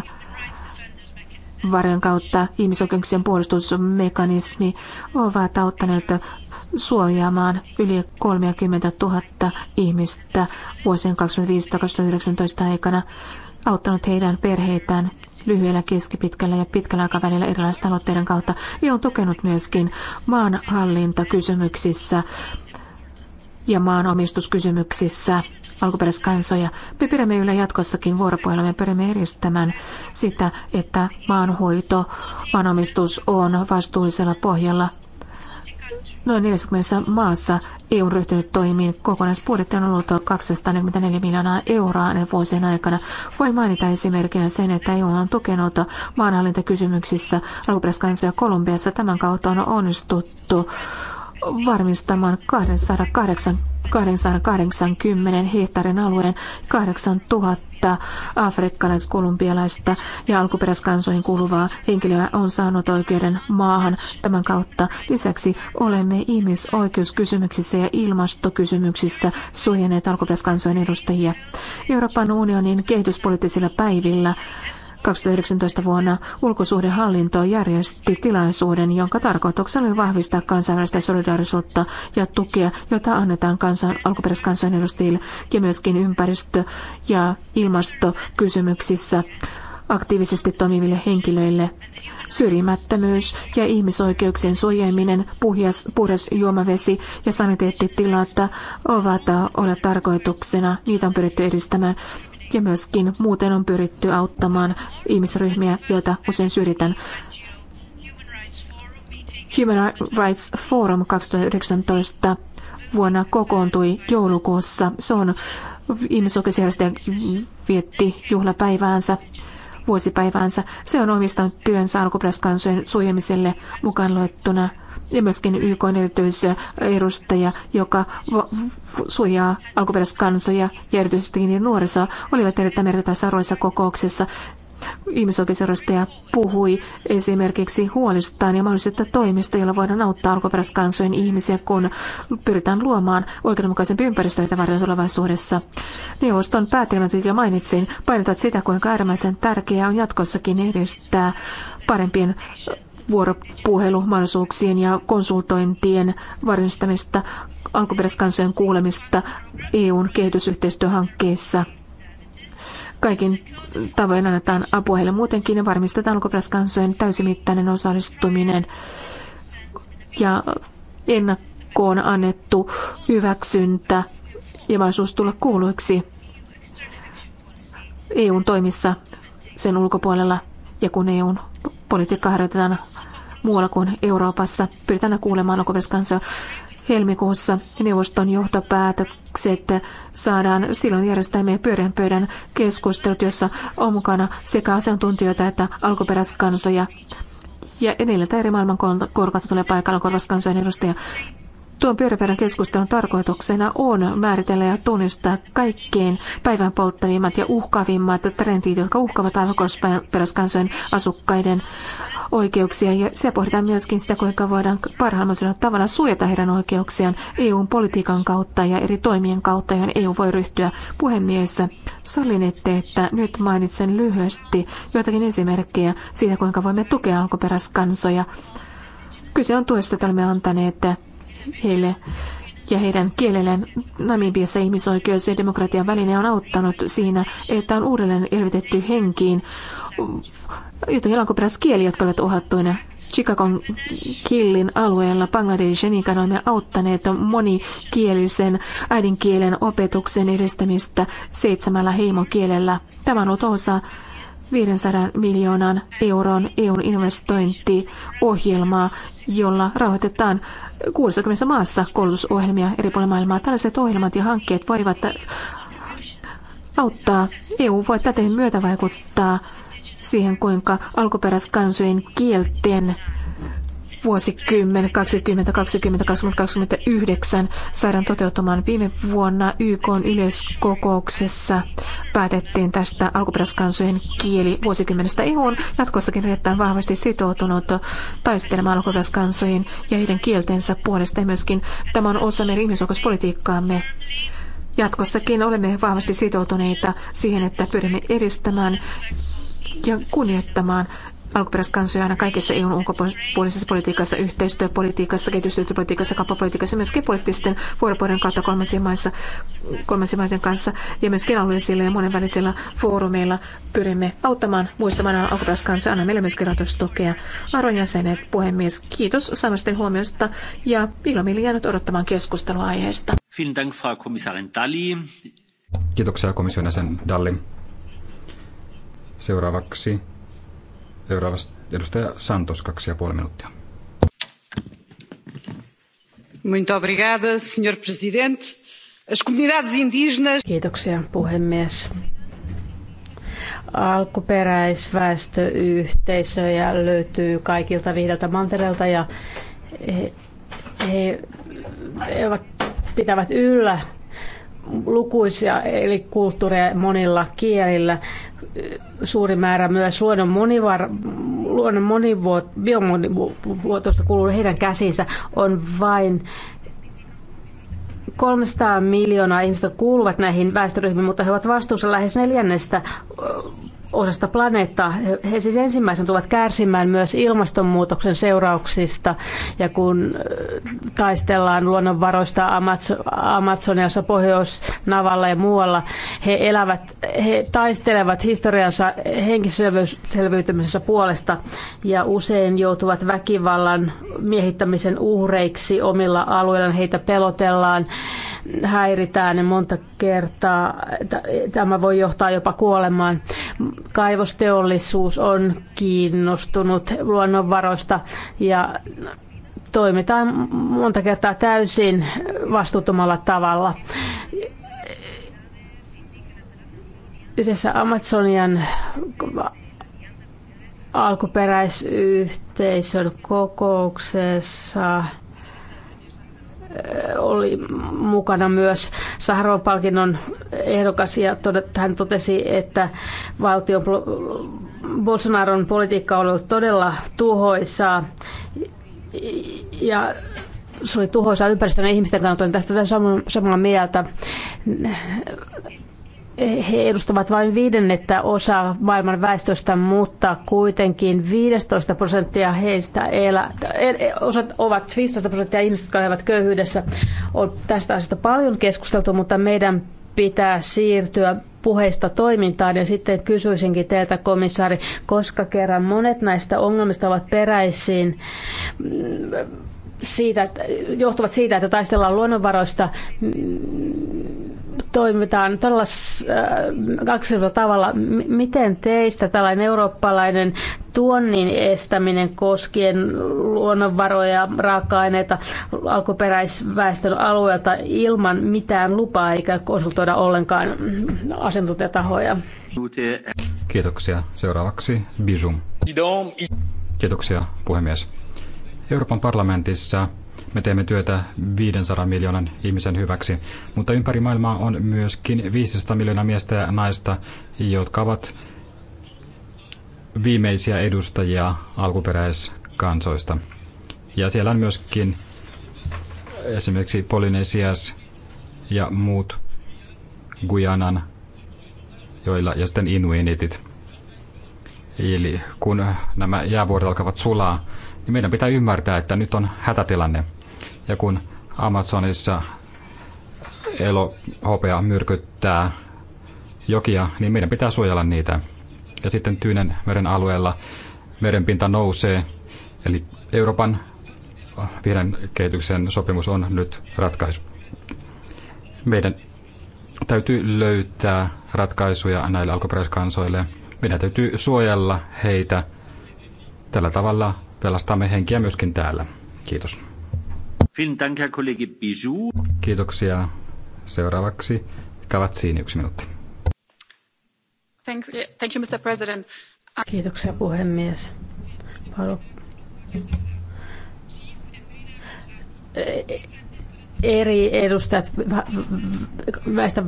varjon kautta ihmisoikeuksien puolustusmekanismi ovat auttaneet suojaamaan yli 30 000 ihmistä vuosien 2015-2019 aikana auttanut heidän perheitään lyhyellä, keskipitkällä ja pitkällä aikavälillä erilaisten aloitteiden kautta ja on tukenut myöskin maanhallintakysymyksissä ja maanomistuskysymyksissä alkuperäiskansoja. Me pidämme yllä jatkossakin vuoropuhelua. ja pyrimme edistämään sitä, että maanhoito, maanomistus on vastuullisella pohjalla Noin 40 maassa EU on ryhtynyt toimiin. Kokonaisbudjetti on ollut 244 miljoonaa euroa vuosien aikana. Voi mainita esimerkkinä sen, että EU on tukenut maanhallintakysymyksissä alkuperäiskansoja Kolumbiassa. Tämän kautta on onnistuttu varmistamaan 208, 280 hehtaarin alueen 8000 afrikkalaiskolumbialaista ja alkuperäiskansoihin kuuluvaa henkilöä on saanut oikeuden maahan tämän kautta. Lisäksi olemme ihmisoikeuskysymyksissä ja ilmastokysymyksissä suojanneet alkuperäiskansojen edustajia. Euroopan unionin kehityspoliittisilla päivillä 2019 vuonna ulkosuhdehallinto järjesti tilaisuuden, jonka tarkoituksena oli vahvistaa kansainvälistä solidaarisuutta ja tukea, jota annetaan kansan, alkuperäiskansan edustajille ja myöskin ympäristö- ja ilmastokysymyksissä aktiivisesti toimiville henkilöille. Syrjimättömyys ja ihmisoikeuksien suojeminen, puhjas, puhdas juomavesi ja saniteettitilat ovat olleet tarkoituksena. Niitä on pyritty edistämään ja myöskin muuten on pyritty auttamaan ihmisryhmiä, joita usein syrjitään. Human Rights Forum 2019 vuonna kokoontui joulukuussa. Se on ihmisoikeusjärjestö vietti juhlapäiväänsä vuosipäiväänsä. Se on omistanut työnsä alkuperäiskansojen suojelemiselle mukaan luettuna ja myöskin YK erityisedustaja, joka suojaa alkuperäiskansoja ja erityisesti niiden nuorisoa, olivat erittäin merkittävässä roolissa kokouksessa ihmisoikeusjärjestäjä puhui esimerkiksi huolistaan ja mahdollisista toimista, joilla voidaan auttaa alkuperäiskansojen ihmisiä, kun pyritään luomaan oikeudenmukaisempi ympäristö heitä varten tulevaisuudessa. Neuvoston päätelmät, jotka mainitsin, painotat sitä, kuinka äärimmäisen tärkeää on jatkossakin edistää parempien vuoropuhelumahdollisuuksien ja konsultointien varmistamista alkuperäiskansojen kuulemista EUn kehitysyhteistyöhankkeissa – Kaikin tavoin annetaan apua heille muutenkin ja varmistetaan alkuperäiskansojen täysimittainen osallistuminen ja ennakkoon annettu hyväksyntä ja mahdollisuus tulla kuuluiksi EUn toimissa sen ulkopuolella ja kun EUn politiikkaa harjoitetaan muualla kuin Euroopassa. Pyritään kuulemaan alkuperäiskansoja. Helmikuussa neuvoston johtopäätökset saadaan silloin järjestämme pyörän pöydän keskustelut, jossa on mukana sekä asiantuntijoita että alkuperäiskansoja. Ja neljältä eri maailman korkat tulee paikalla korvaskansojen edustajia. Tuon pyöräpäivän keskustelun tarkoituksena on määritellä ja tunnistaa kaikkein päivän polttavimmat ja uhkaavimmat trendit, jotka uhkaavat alkuperäiskansojen asukkaiden oikeuksia. Ja se pohditaan myöskin sitä, kuinka voidaan parhaimmaisella tavalla suojata heidän oikeuksiaan eu politiikan kautta ja eri toimien kautta, joihin EU voi ryhtyä. Puhemies, sallinette, että nyt mainitsen lyhyesti joitakin esimerkkejä siitä, kuinka voimme tukea alkuperäiskansoja. Kyse on tuesta, jota olemme antaneet heille ja heidän kielellään Namibiassa ihmisoikeus ja demokratian väline on auttanut siinä, että on uudelleen elvytetty henkiin joita kieli, jotka olivat uhattuina. Chicagon killin alueella Bangladeshin ikään olemme auttaneet monikielisen äidinkielen opetuksen edistämistä seitsemällä heimokielellä. Tämä on ollut osa 500 miljoonan euron EUn investointiohjelmaa, jolla rahoitetaan 60 maassa koulutusohjelmia eri puolilla maailmaa. Tällaiset ohjelmat ja hankkeet voivat auttaa. EU voi täten myötävaikuttaa siihen, kuinka alkuperäiskansojen kielten vuosikymmen 2020-2029 saadaan toteuttamaan. Viime vuonna YK yleiskokouksessa päätettiin tästä alkuperäiskansojen kieli vuosikymmenestä. EU on jatkossakin erittäin vahvasti sitoutunut taistelemaan alkuperäiskansojen ja heidän kieltensä puolesta ja myöskin tämä on osa meidän ihmisoikeuspolitiikkaamme. Jatkossakin olemme vahvasti sitoutuneita siihen, että pyrimme edistämään ja kunnioittamaan alkuperäiskansoja aina kaikessa EUn ulkopuolisessa politiikassa, yhteistyöpolitiikassa, kehitysyhteistyöpolitiikassa, kauppapolitiikassa, myöskin poliittisten vuoropuolen kautta kolmansien maiden kanssa ja myöskin alueellisilla ja monenvälisillä foorumeilla pyrimme auttamaan muistamaan alkuperäiskansoja. Anna meille myöskin rahoitustukea. Arvon jäsenet, puhemies, kiitos saamasta huomiosta ja ilomielin jäänyt odottamaan keskustelua aiheesta. Kiitoksia komission jäsen Dalli. Seuraavaksi Seuraavasti edustaja Santos, kaksi ja puoli minuuttia. Muito obrigada, senhor presidente. As comunidades indígenas... Kiitoksia, puhemies alkuperäisväestöyhteisöjä löytyy kaikilta viideltä mantereelta ja he, he, he pitävät yllä lukuisia eli kulttuureja monilla kielillä suuri määrä myös luonnon, monivar, luonnon monivuot, biomonivuotoista kuuluu heidän käsinsä, on vain 300 miljoonaa ihmistä kuuluvat näihin väestöryhmiin, mutta he ovat vastuussa lähes neljännestä osasta planeettaa. He siis ensimmäisen tulevat kärsimään myös ilmastonmuutoksen seurauksista ja kun äh, taistellaan luonnonvaroista Amazoniassa, Pohjois-Navalla ja muualla, he elävät, he taistelevat historiansa henkiselvyytymisessä puolesta ja usein joutuvat väkivallan miehittämisen uhreiksi omilla alueillaan. Heitä pelotellaan häiritään, niin monta kertaa tämä voi johtaa jopa kuolemaan. Kaivosteollisuus on kiinnostunut luonnonvaroista ja toimitaan monta kertaa täysin vastuuttomalla tavalla. Yhdessä Amazonian alkuperäisyhteisön kokouksessa oli mukana myös Saharov-palkinnon ehdokas ja hän totesi, että valtion Bolsonaron politiikka on ollut todella tuhoisaa ja se oli tuhoisaa ympäristön ja ihmisten kannalta, olen niin tästä samaa mieltä he edustavat vain viidennettä osa maailman väestöstä, mutta kuitenkin 15 prosenttia heistä elä, e- e- osat ovat 15 prosenttia ihmistä, jotka elävät köyhyydessä. On tästä asiasta paljon keskusteltu, mutta meidän pitää siirtyä puheista toimintaan ja sitten kysyisinkin teiltä komissaari, koska kerran monet näistä ongelmista ovat peräisin siitä, johtuvat siitä, että taistellaan luonnonvaroista, toimitaan todella kaksisella äh, tavalla. Miten teistä tällainen eurooppalainen tuonnin estäminen koskien luonnonvaroja, raaka-aineita alkuperäisväestön alueelta ilman mitään lupaa eikä konsultoida ollenkaan asiantuntijatahoja? Kiitoksia. Seuraavaksi Bijum. Kiitoksia, puhemies Euroopan parlamentissa me teemme työtä 500 miljoonan ihmisen hyväksi, mutta ympäri maailmaa on myöskin 500 miljoonaa miestä ja naista, jotka ovat viimeisiä edustajia alkuperäiskansoista. Ja siellä on myöskin esimerkiksi Polynesias ja muut Guyanan, joilla, ja sitten Inuinitit. Eli kun nämä jäävuoret alkavat sulaa, niin meidän pitää ymmärtää, että nyt on hätätilanne. Ja kun Amazonissa elohopea myrkyttää jokia, niin meidän pitää suojella niitä. Ja sitten Tyynen meren alueella merenpinta nousee, eli Euroopan vihreän kehityksen sopimus on nyt ratkaisu. Meidän täytyy löytää ratkaisuja näille alkuperäiskansoille. Meidän täytyy suojella heitä. Tällä tavalla pelastamme henkiä myöskin täällä. Kiitos. Kiitoksia. Seuraavaksi Kavatsiin yksi minuutti. Thank you, Mr. President. Uh, Kiitoksia puhemies. Palo. Eh, eh, eri edustajat väistä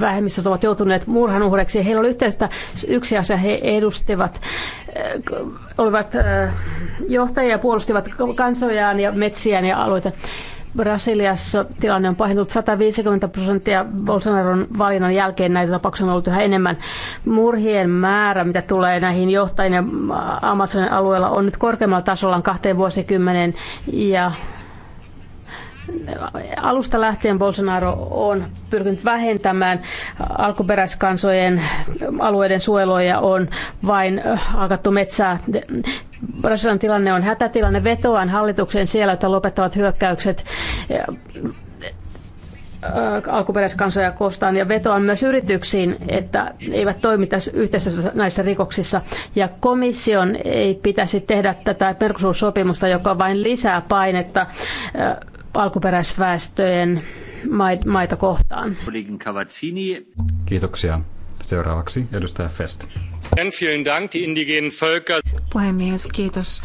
vähemmistöistä ovat joutuneet murhan uhreiksi. Heillä oli yhteistä yksi asia, he edustivat, äh, olivat äh, johtajia ja puolustivat kansojaan ja metsiään ja alueita. Brasiliassa tilanne on pahentunut 150 prosenttia Bolsonaron valinnan jälkeen. Näitä tapauksia on ollut yhä enemmän. Murhien määrä, mitä tulee näihin johtajien ja Amazonin alueella, on nyt korkeammalla tasolla kahteen vuosikymmeneen. Ja Alusta lähtien Bolsonaro on pyrkinyt vähentämään alkuperäiskansojen alueiden suojelua ja on vain äh, hakattu metsää. Brasilian tilanne on hätätilanne. Vetoan hallituksen siellä, että lopettavat hyökkäykset äh, alkuperäiskansoja kostaan ja vetoan myös yrityksiin, että eivät toimi tässä yhteistyössä näissä rikoksissa. Ja komission ei pitäisi tehdä tätä Mercosur-sopimusta, joka vain lisää painetta äh, alkuperäisväestöjen maita kohtaan. Kiitoksia. Seuraavaksi edustaja Fest. Puhemies, kiitos.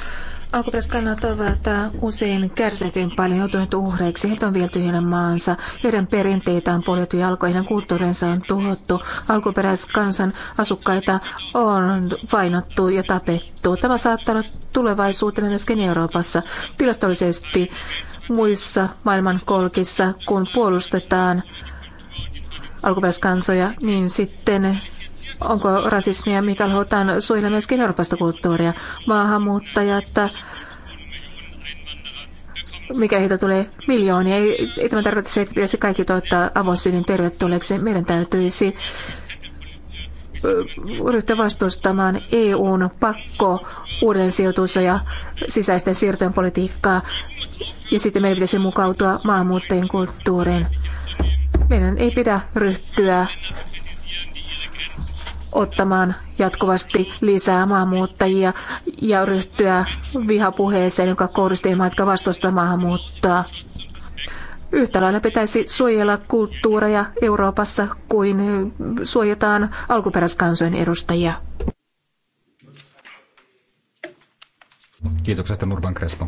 Alkuperäiset kannat ovat äh, usein kärsineet paljon joutuneet uhreiksi. Heitä on viety heidän maansa, heidän perinteitä on poljettu jalko, heidän kulttuurinsa on tuhottu. Alkuperäiskansan asukkaita on vainottu ja tapettu. Tämä saattaa olla tulevaisuutemme myöskin Euroopassa. Tilastollisesti muissa maailmankolkissa, kun puolustetaan alkuperäiskansoja, niin sitten onko rasismia, mikä halutaan suojella myöskin Euroopasta kulttuuria, maahanmuuttajat, mikä heitä tulee miljoonia. Ei, ei tämä tarkoita se, että pitäisi kaikki toivottaa avosylin tervetulleeksi. Meidän täytyisi ryhtyä vastustamaan EUn pakko uuden sijoitus- ja sisäisten siirtojen politiikkaa ja sitten meidän pitäisi mukautua maahanmuuttajien kulttuuriin. Meidän ei pidä ryhtyä ottamaan jatkuvasti lisää maahanmuuttajia ja ryhtyä vihapuheeseen, joka kohdistuu jotka vastustaa maahanmuuttoa. Yhtä lailla pitäisi suojella kulttuureja Euroopassa kuin suojataan alkuperäiskansojen edustajia. Kiitoksia, Nurban Crespo.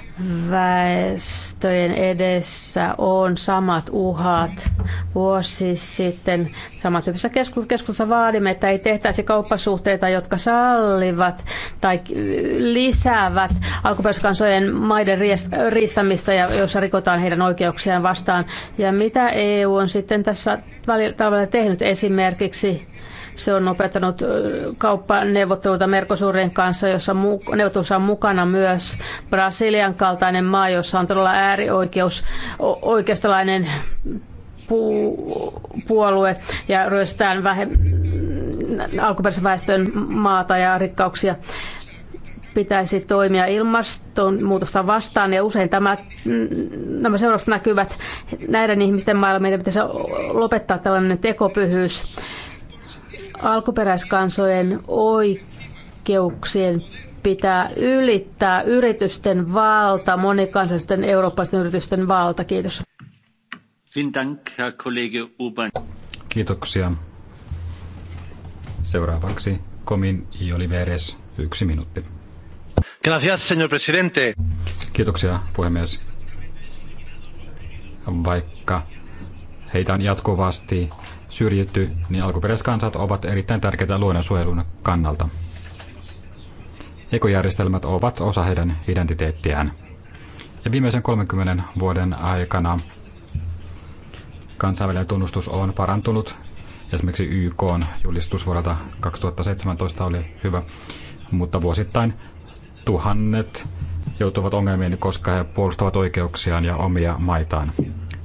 väestöjen edessä on samat uhat. Vuosi sitten samantyyppisessä keskustelussa vaadimme, että ei tehtäisi kauppasuhteita, jotka sallivat tai lisäävät alkuperäiskansojen maiden riistämistä, ja jossa rikotaan heidän oikeuksiaan vastaan. Ja mitä EU on sitten tässä tavalla tehnyt esimerkiksi se on opettanut kauppaneuvotteluita Merkosuurien kanssa, jossa neuvottelussa on mukana myös Brasilian kaltainen maa, jossa on todella äärioikeus, oikeistolainen puolue ja ryöstään alkuperäisen väestön maata ja rikkauksia pitäisi toimia ilmastonmuutosta vastaan ja usein tämä, nämä seuraukset näkyvät näiden ihmisten maailma. Meidän pitäisi lopettaa tällainen tekopyhyys alkuperäiskansojen oikeuksien pitää ylittää yritysten valta, monikansallisten eurooppalaisten yritysten valta. Kiitos. Kiitoksia. Seuraavaksi Komin i Oliveres, yksi minuutti. Gracias, señor presidente. Kiitoksia, puhemies. Vaikka heitä on jatkuvasti syrjitty, niin alkuperäiskansat ovat erittäin tärkeitä luonnonsuojelun kannalta. Ekojärjestelmät ovat osa heidän identiteettiään. Ja viimeisen 30 vuoden aikana kansainvälinen tunnustus on parantunut. Esimerkiksi YK on julistus vuodelta 2017 oli hyvä, mutta vuosittain tuhannet joutuvat ongelmiin, koska he puolustavat oikeuksiaan ja omia maitaan.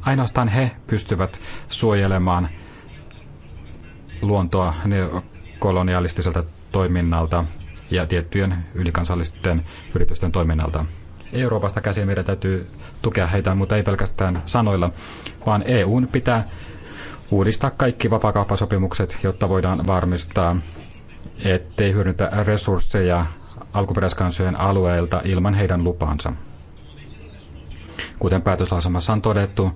Ainoastaan he pystyvät suojelemaan luontoa kolonialistiselta toiminnalta ja tiettyjen ylikansallisten yritysten toiminnalta. Euroopasta käsin meidän täytyy tukea heitä, mutta ei pelkästään sanoilla, vaan EUn pitää uudistaa kaikki vapaakauppasopimukset, jotta voidaan varmistaa, ettei hyödyntä resursseja alkuperäiskansojen alueelta ilman heidän lupaansa. Kuten päätöslausamassa on todettu,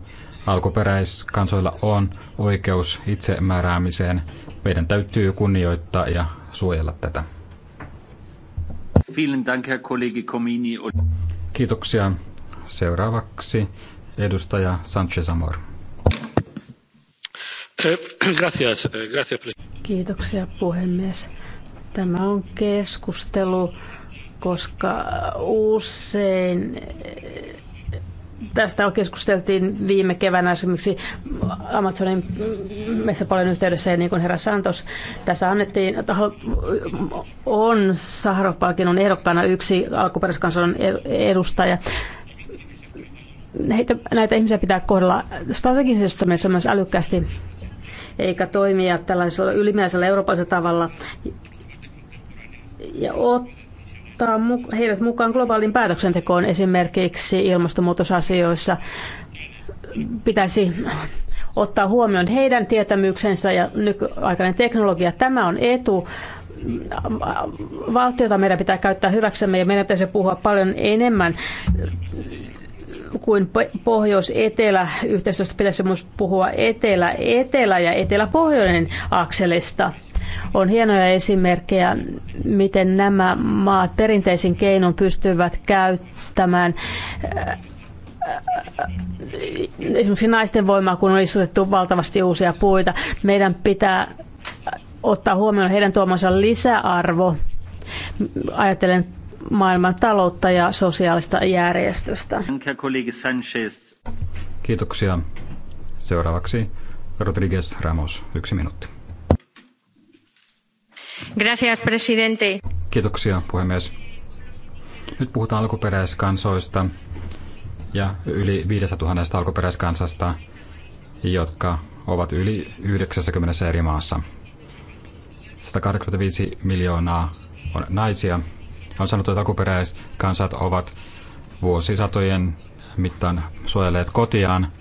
alkuperäiskansoilla on oikeus itsemääräämiseen. Meidän täytyy kunnioittaa ja suojella tätä. Kiitoksia. Seuraavaksi edustaja Sanchez Amor. Eh, eh, Kiitoksia puhemies. Tämä on keskustelu, koska usein Tästä keskusteltiin viime keväänä esimerkiksi Amazonin metsäpalon yhteydessä, ja niin kuin herra Santos tässä annettiin, on Saharov-palkinnon ehdokkaana yksi alkuperäiskansan er- edustaja näitä, näitä ihmisiä pitää kohdella strategisessa mielessä myös älykkäästi, eikä toimia tällaisella ylimääräisellä eurooppalaisella tavalla ja ottaa ottaa heidät mukaan globaalin päätöksentekoon esimerkiksi ilmastonmuutosasioissa. Pitäisi ottaa huomioon heidän tietämyksensä ja nykyaikainen teknologia. Tämä on etu valtiota meidän pitää käyttää hyväksemme ja meidän pitäisi puhua paljon enemmän kuin pohjois-etelä. Yhteistyöstä pitäisi myös puhua etelä-etelä ja etelä-pohjoinen akselista. On hienoja esimerkkejä, miten nämä maat perinteisin keinon pystyvät käyttämään äh, äh, esimerkiksi naisten voimaa, kun on istutettu valtavasti uusia puita. Meidän pitää ottaa huomioon heidän tuomansa lisäarvo, ajatellen maailman taloutta ja sosiaalista järjestystä. Kiitoksia. Seuraavaksi Rodriguez Ramos, yksi minuutti. Gracias, presidente. Kiitoksia, puhemies. Nyt puhutaan alkuperäiskansoista ja yli 000 alkuperäiskansasta, jotka ovat yli 90 eri maassa. 185 miljoonaa on naisia. On sanottu, että alkuperäiskansat ovat vuosisatojen mittaan suojelleet kotiaan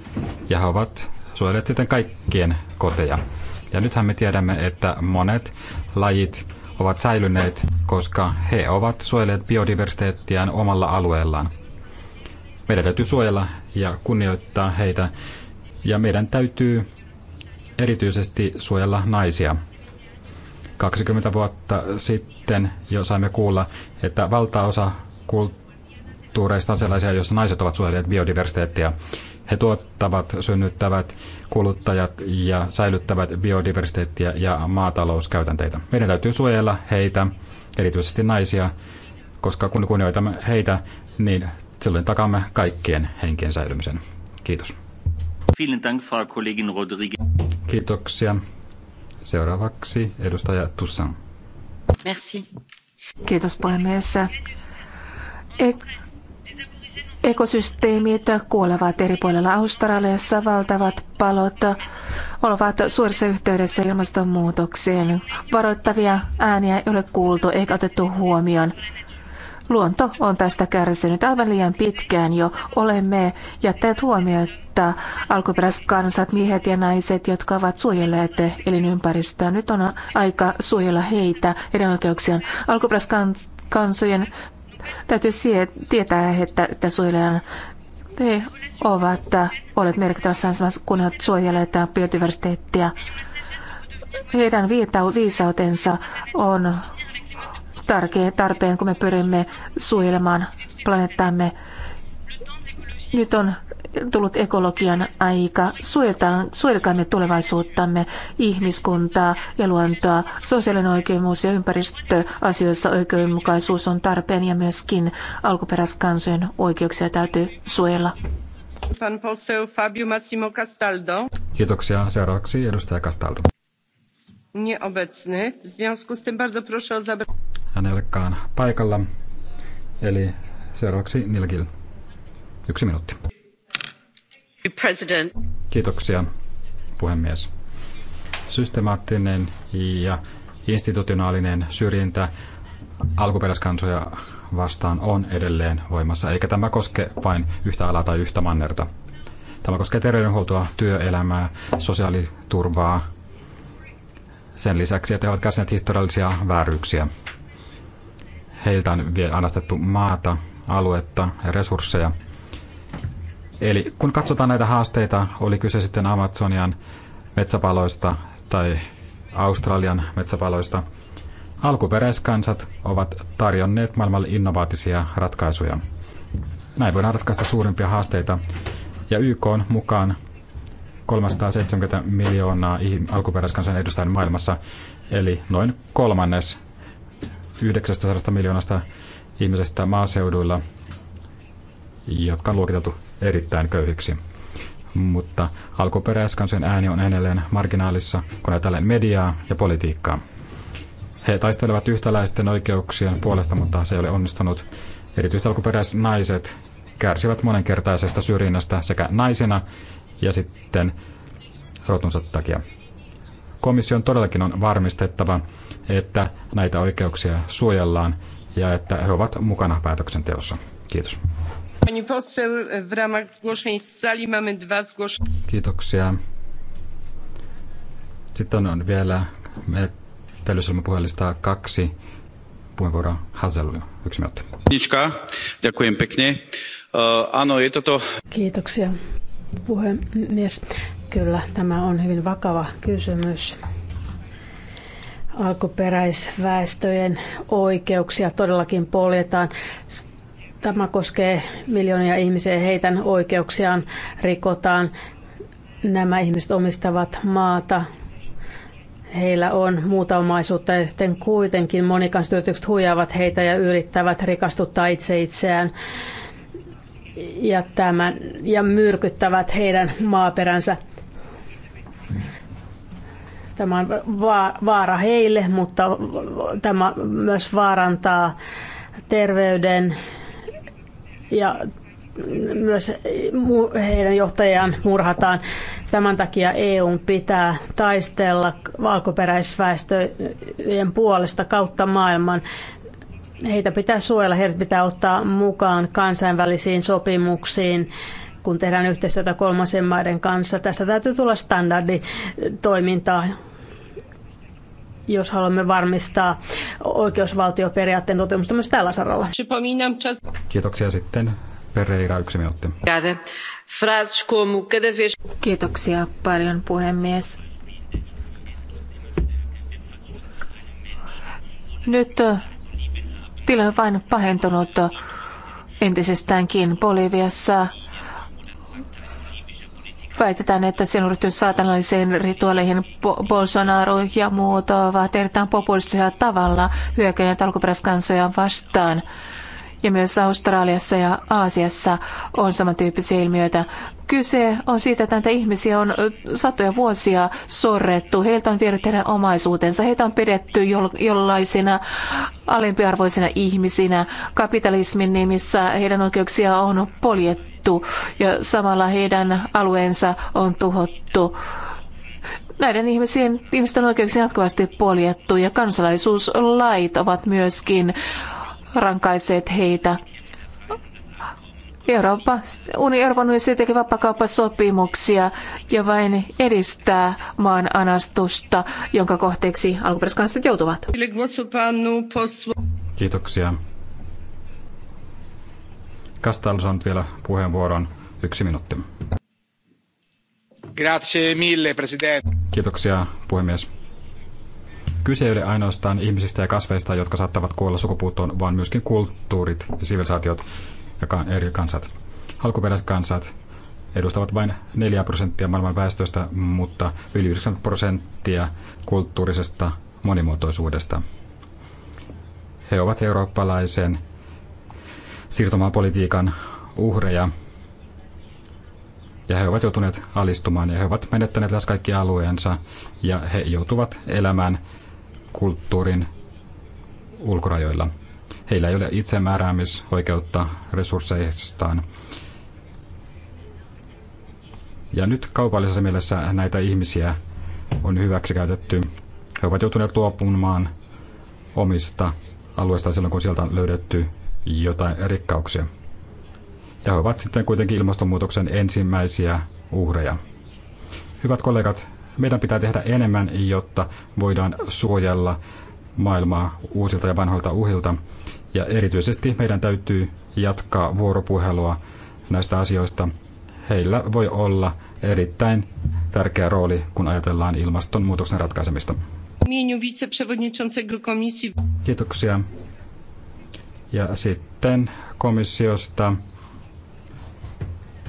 ja he ovat suojelleet sitten kaikkien koteja. Ja nythän me tiedämme, että monet lajit ovat säilyneet, koska he ovat suojelleet biodiversiteettiään omalla alueellaan. Meidän täytyy suojella ja kunnioittaa heitä, ja meidän täytyy erityisesti suojella naisia. 20 vuotta sitten jo saimme kuulla, että valtaosa kulttuureista on sellaisia, joissa naiset ovat suojelleet biodiversiteettia. He tuottavat, synnyttävät kuluttajat ja säilyttävät biodiversiteettiä ja maatalouskäytänteitä. Meidän täytyy suojella heitä, erityisesti naisia, koska kun kunnioitamme heitä, niin silloin takaamme kaikkien henkien säilymisen. Kiitos. Kiitoksia. Seuraavaksi edustaja Tussan. Merci. Kiitos puhemies. E- Ekosysteemit kuolevat eri puolilla Australiassa, valtavat palot ovat suurissa yhteydessä ilmastonmuutokseen. Varoittavia ääniä ei ole kuultu eikä otettu huomioon. Luonto on tästä kärsinyt aivan liian pitkään jo. Olemme jättäneet huomiota alkuperäiskansat, miehet ja naiset, jotka ovat suojelleet elinympäristöä. Nyt on aika suojella heitä heidän oikeuksiaan. Alkuperäiskansojen Täytyy tietää, että, että suojelijan ne ovat äh, olleet merkittävässä asemassa, kun he suojelevat äh, biodiversiteettia. Heidän viisautensa on tarpeen, kun me pyrimme suojelemaan planeettamme. Nyt on tullut ekologian aika. Suojeltaan, suojelkaamme tulevaisuuttamme, ihmiskuntaa ja luontoa. Sosiaalinen oikeus ja ympäristöasioissa oikeudenmukaisuus on tarpeen ja myöskin alkuperäiskansojen oikeuksia täytyy suojella. Pan poseł Fabio Massimo Castaldo. Kiitoksia. Seuraavaksi edustaja Castaldo. Nieobecny. W związku z tym bardzo proszę o zabranie... Hän ei olekaan paikalla. Eli seuraavaksi Nilgil. Yksi minuutti. President. Kiitoksia, puhemies. Systemaattinen ja institutionaalinen syrjintä alkuperäiskansoja vastaan on edelleen voimassa, eikä tämä koske vain yhtä alaa tai yhtä mannerta. Tämä koskee terveydenhuoltoa, työelämää, sosiaaliturvaa, sen lisäksi, että he ovat kärsineet historiallisia vääryyksiä. Heiltä on anastettu maata, aluetta ja resursseja – Eli kun katsotaan näitä haasteita, oli kyse sitten Amazonian metsäpaloista tai Australian metsäpaloista, alkuperäiskansat ovat tarjonneet maailmalle innovaatisia ratkaisuja. Näin voidaan ratkaista suurimpia haasteita. Ja YK on mukaan 370 miljoonaa alkuperäiskansan edustajan maailmassa, eli noin kolmannes 900 miljoonasta ihmisestä maaseuduilla, jotka on luokiteltu erittäin köyhiksi. Mutta alkuperäiskansojen ääni on edelleen marginaalissa, kun ajatellaan mediaa ja politiikkaa. He taistelevat yhtäläisten oikeuksien puolesta, mutta se ei ole onnistunut. Erityisesti alkuperäisnaiset kärsivät monenkertaisesta syrjinnästä sekä naisena ja sitten rotunsa takia. Komission todellakin on varmistettava, että näitä oikeuksia suojellaan ja että he ovat mukana päätöksenteossa. Kiitos. Kiitoksia. Sitten on vielä menettelysilmä puhelista kaksi puheenvuoroa Haselu, yksi minuutti. E, Kiitoksia puhemies. Kyllä, tämä on hyvin vakava kysymys alkuperäisväestöjen oikeuksia todellakin poljetaan. Tämä koskee miljoonia ihmisiä, heidän oikeuksiaan rikotaan. Nämä ihmiset omistavat maata, heillä on muuta omaisuutta ja sitten kuitenkin monikansalliset huijaavat heitä ja yrittävät rikastuttaa itse itseään ja, tämän, ja myrkyttävät heidän maaperänsä. Tämä on vaara heille, mutta tämä myös vaarantaa terveyden ja myös heidän johtajiaan murhataan. Tämän takia EU pitää taistella valkoperäisväestöjen puolesta kautta maailman. Heitä pitää suojella, heidät pitää ottaa mukaan kansainvälisiin sopimuksiin, kun tehdään yhteistyötä kolmansien maiden kanssa. Tästä täytyy tulla standarditoimintaa jos haluamme varmistaa oikeusvaltioperiaatteen toteutumista myös tällä saralla. Kiitoksia sitten. Pereira, yksi minuutti. Kiitoksia paljon puhemies. Nyt tilanne on vain pahentunut entisestäänkin Boliviassa Väitetään, että sen on ryhtynyt saatanallisiin rituaaleihin. Bolsonaro ja muut ovat erittäin populistisella tavalla hyökänneet alkuperäiskansoja vastaan. Ja myös Australiassa ja Aasiassa on samantyyppisiä ilmiöitä. Kyse on siitä, että näitä ihmisiä on satoja vuosia sorrettu. Heiltä on viety heidän omaisuutensa. Heitä on pidetty jollaisina alempiarvoisina ihmisinä. Kapitalismin nimissä heidän oikeuksia on poljettu tapettu ja samalla heidän alueensa on tuhottu. Näiden ihmisien, ihmisten oikeuksia jatkuvasti poljettu ja kansalaisuuslait ovat myöskin rankaiseet heitä. Eurooppa, Euroopan unioni tekee vapakauppasopimuksia ja vain edistää maan anastusta, jonka kohteeksi alkuperäiskansat joutuvat. Kiitoksia. Castaldo saanut vielä puheenvuoron. Yksi minuutti. Grazie mille, president. Kiitoksia, puhemies. Kyse ei ole ainoastaan ihmisistä ja kasveista, jotka saattavat kuolla sukupuuttoon, vaan myöskin kulttuurit ja sivilisaatiot ja eri kansat. Alkuperäiset kansat edustavat vain 4 prosenttia maailman väestöstä, mutta yli 90 prosenttia kulttuurisesta monimuotoisuudesta. He ovat eurooppalaisen siirtomaapolitiikan uhreja. Ja he ovat joutuneet alistumaan ja he ovat menettäneet lähes kaikki alueensa ja he joutuvat elämään kulttuurin ulkorajoilla. Heillä ei ole itsemääräämisoikeutta resursseistaan. Ja nyt kaupallisessa mielessä näitä ihmisiä on hyväksikäytetty. He ovat joutuneet luopumaan omista alueista silloin, kun sieltä on löydetty jotain rikkauksia. Ja he ovat sitten kuitenkin ilmastonmuutoksen ensimmäisiä uhreja. Hyvät kollegat, meidän pitää tehdä enemmän, jotta voidaan suojella maailmaa uusilta ja vanhoilta uhilta. Ja erityisesti meidän täytyy jatkaa vuoropuhelua näistä asioista. Heillä voi olla erittäin tärkeä rooli, kun ajatellaan ilmastonmuutoksen ratkaisemista. Kiitoksia. Ja sitten komissiosta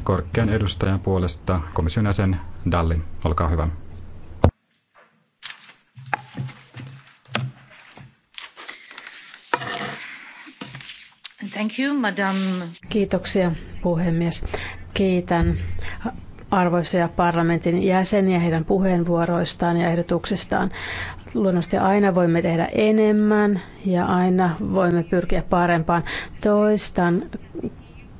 korkean edustajan puolesta komission jäsen Dalli. Olkaa hyvä. Thank you, madam. Kiitoksia, puhemies. Kiitän arvoisia parlamentin jäseniä heidän puheenvuoroistaan ja ehdotuksistaan. Luonnollisesti aina voimme tehdä enemmän ja aina voimme pyrkiä parempaan. Toistan,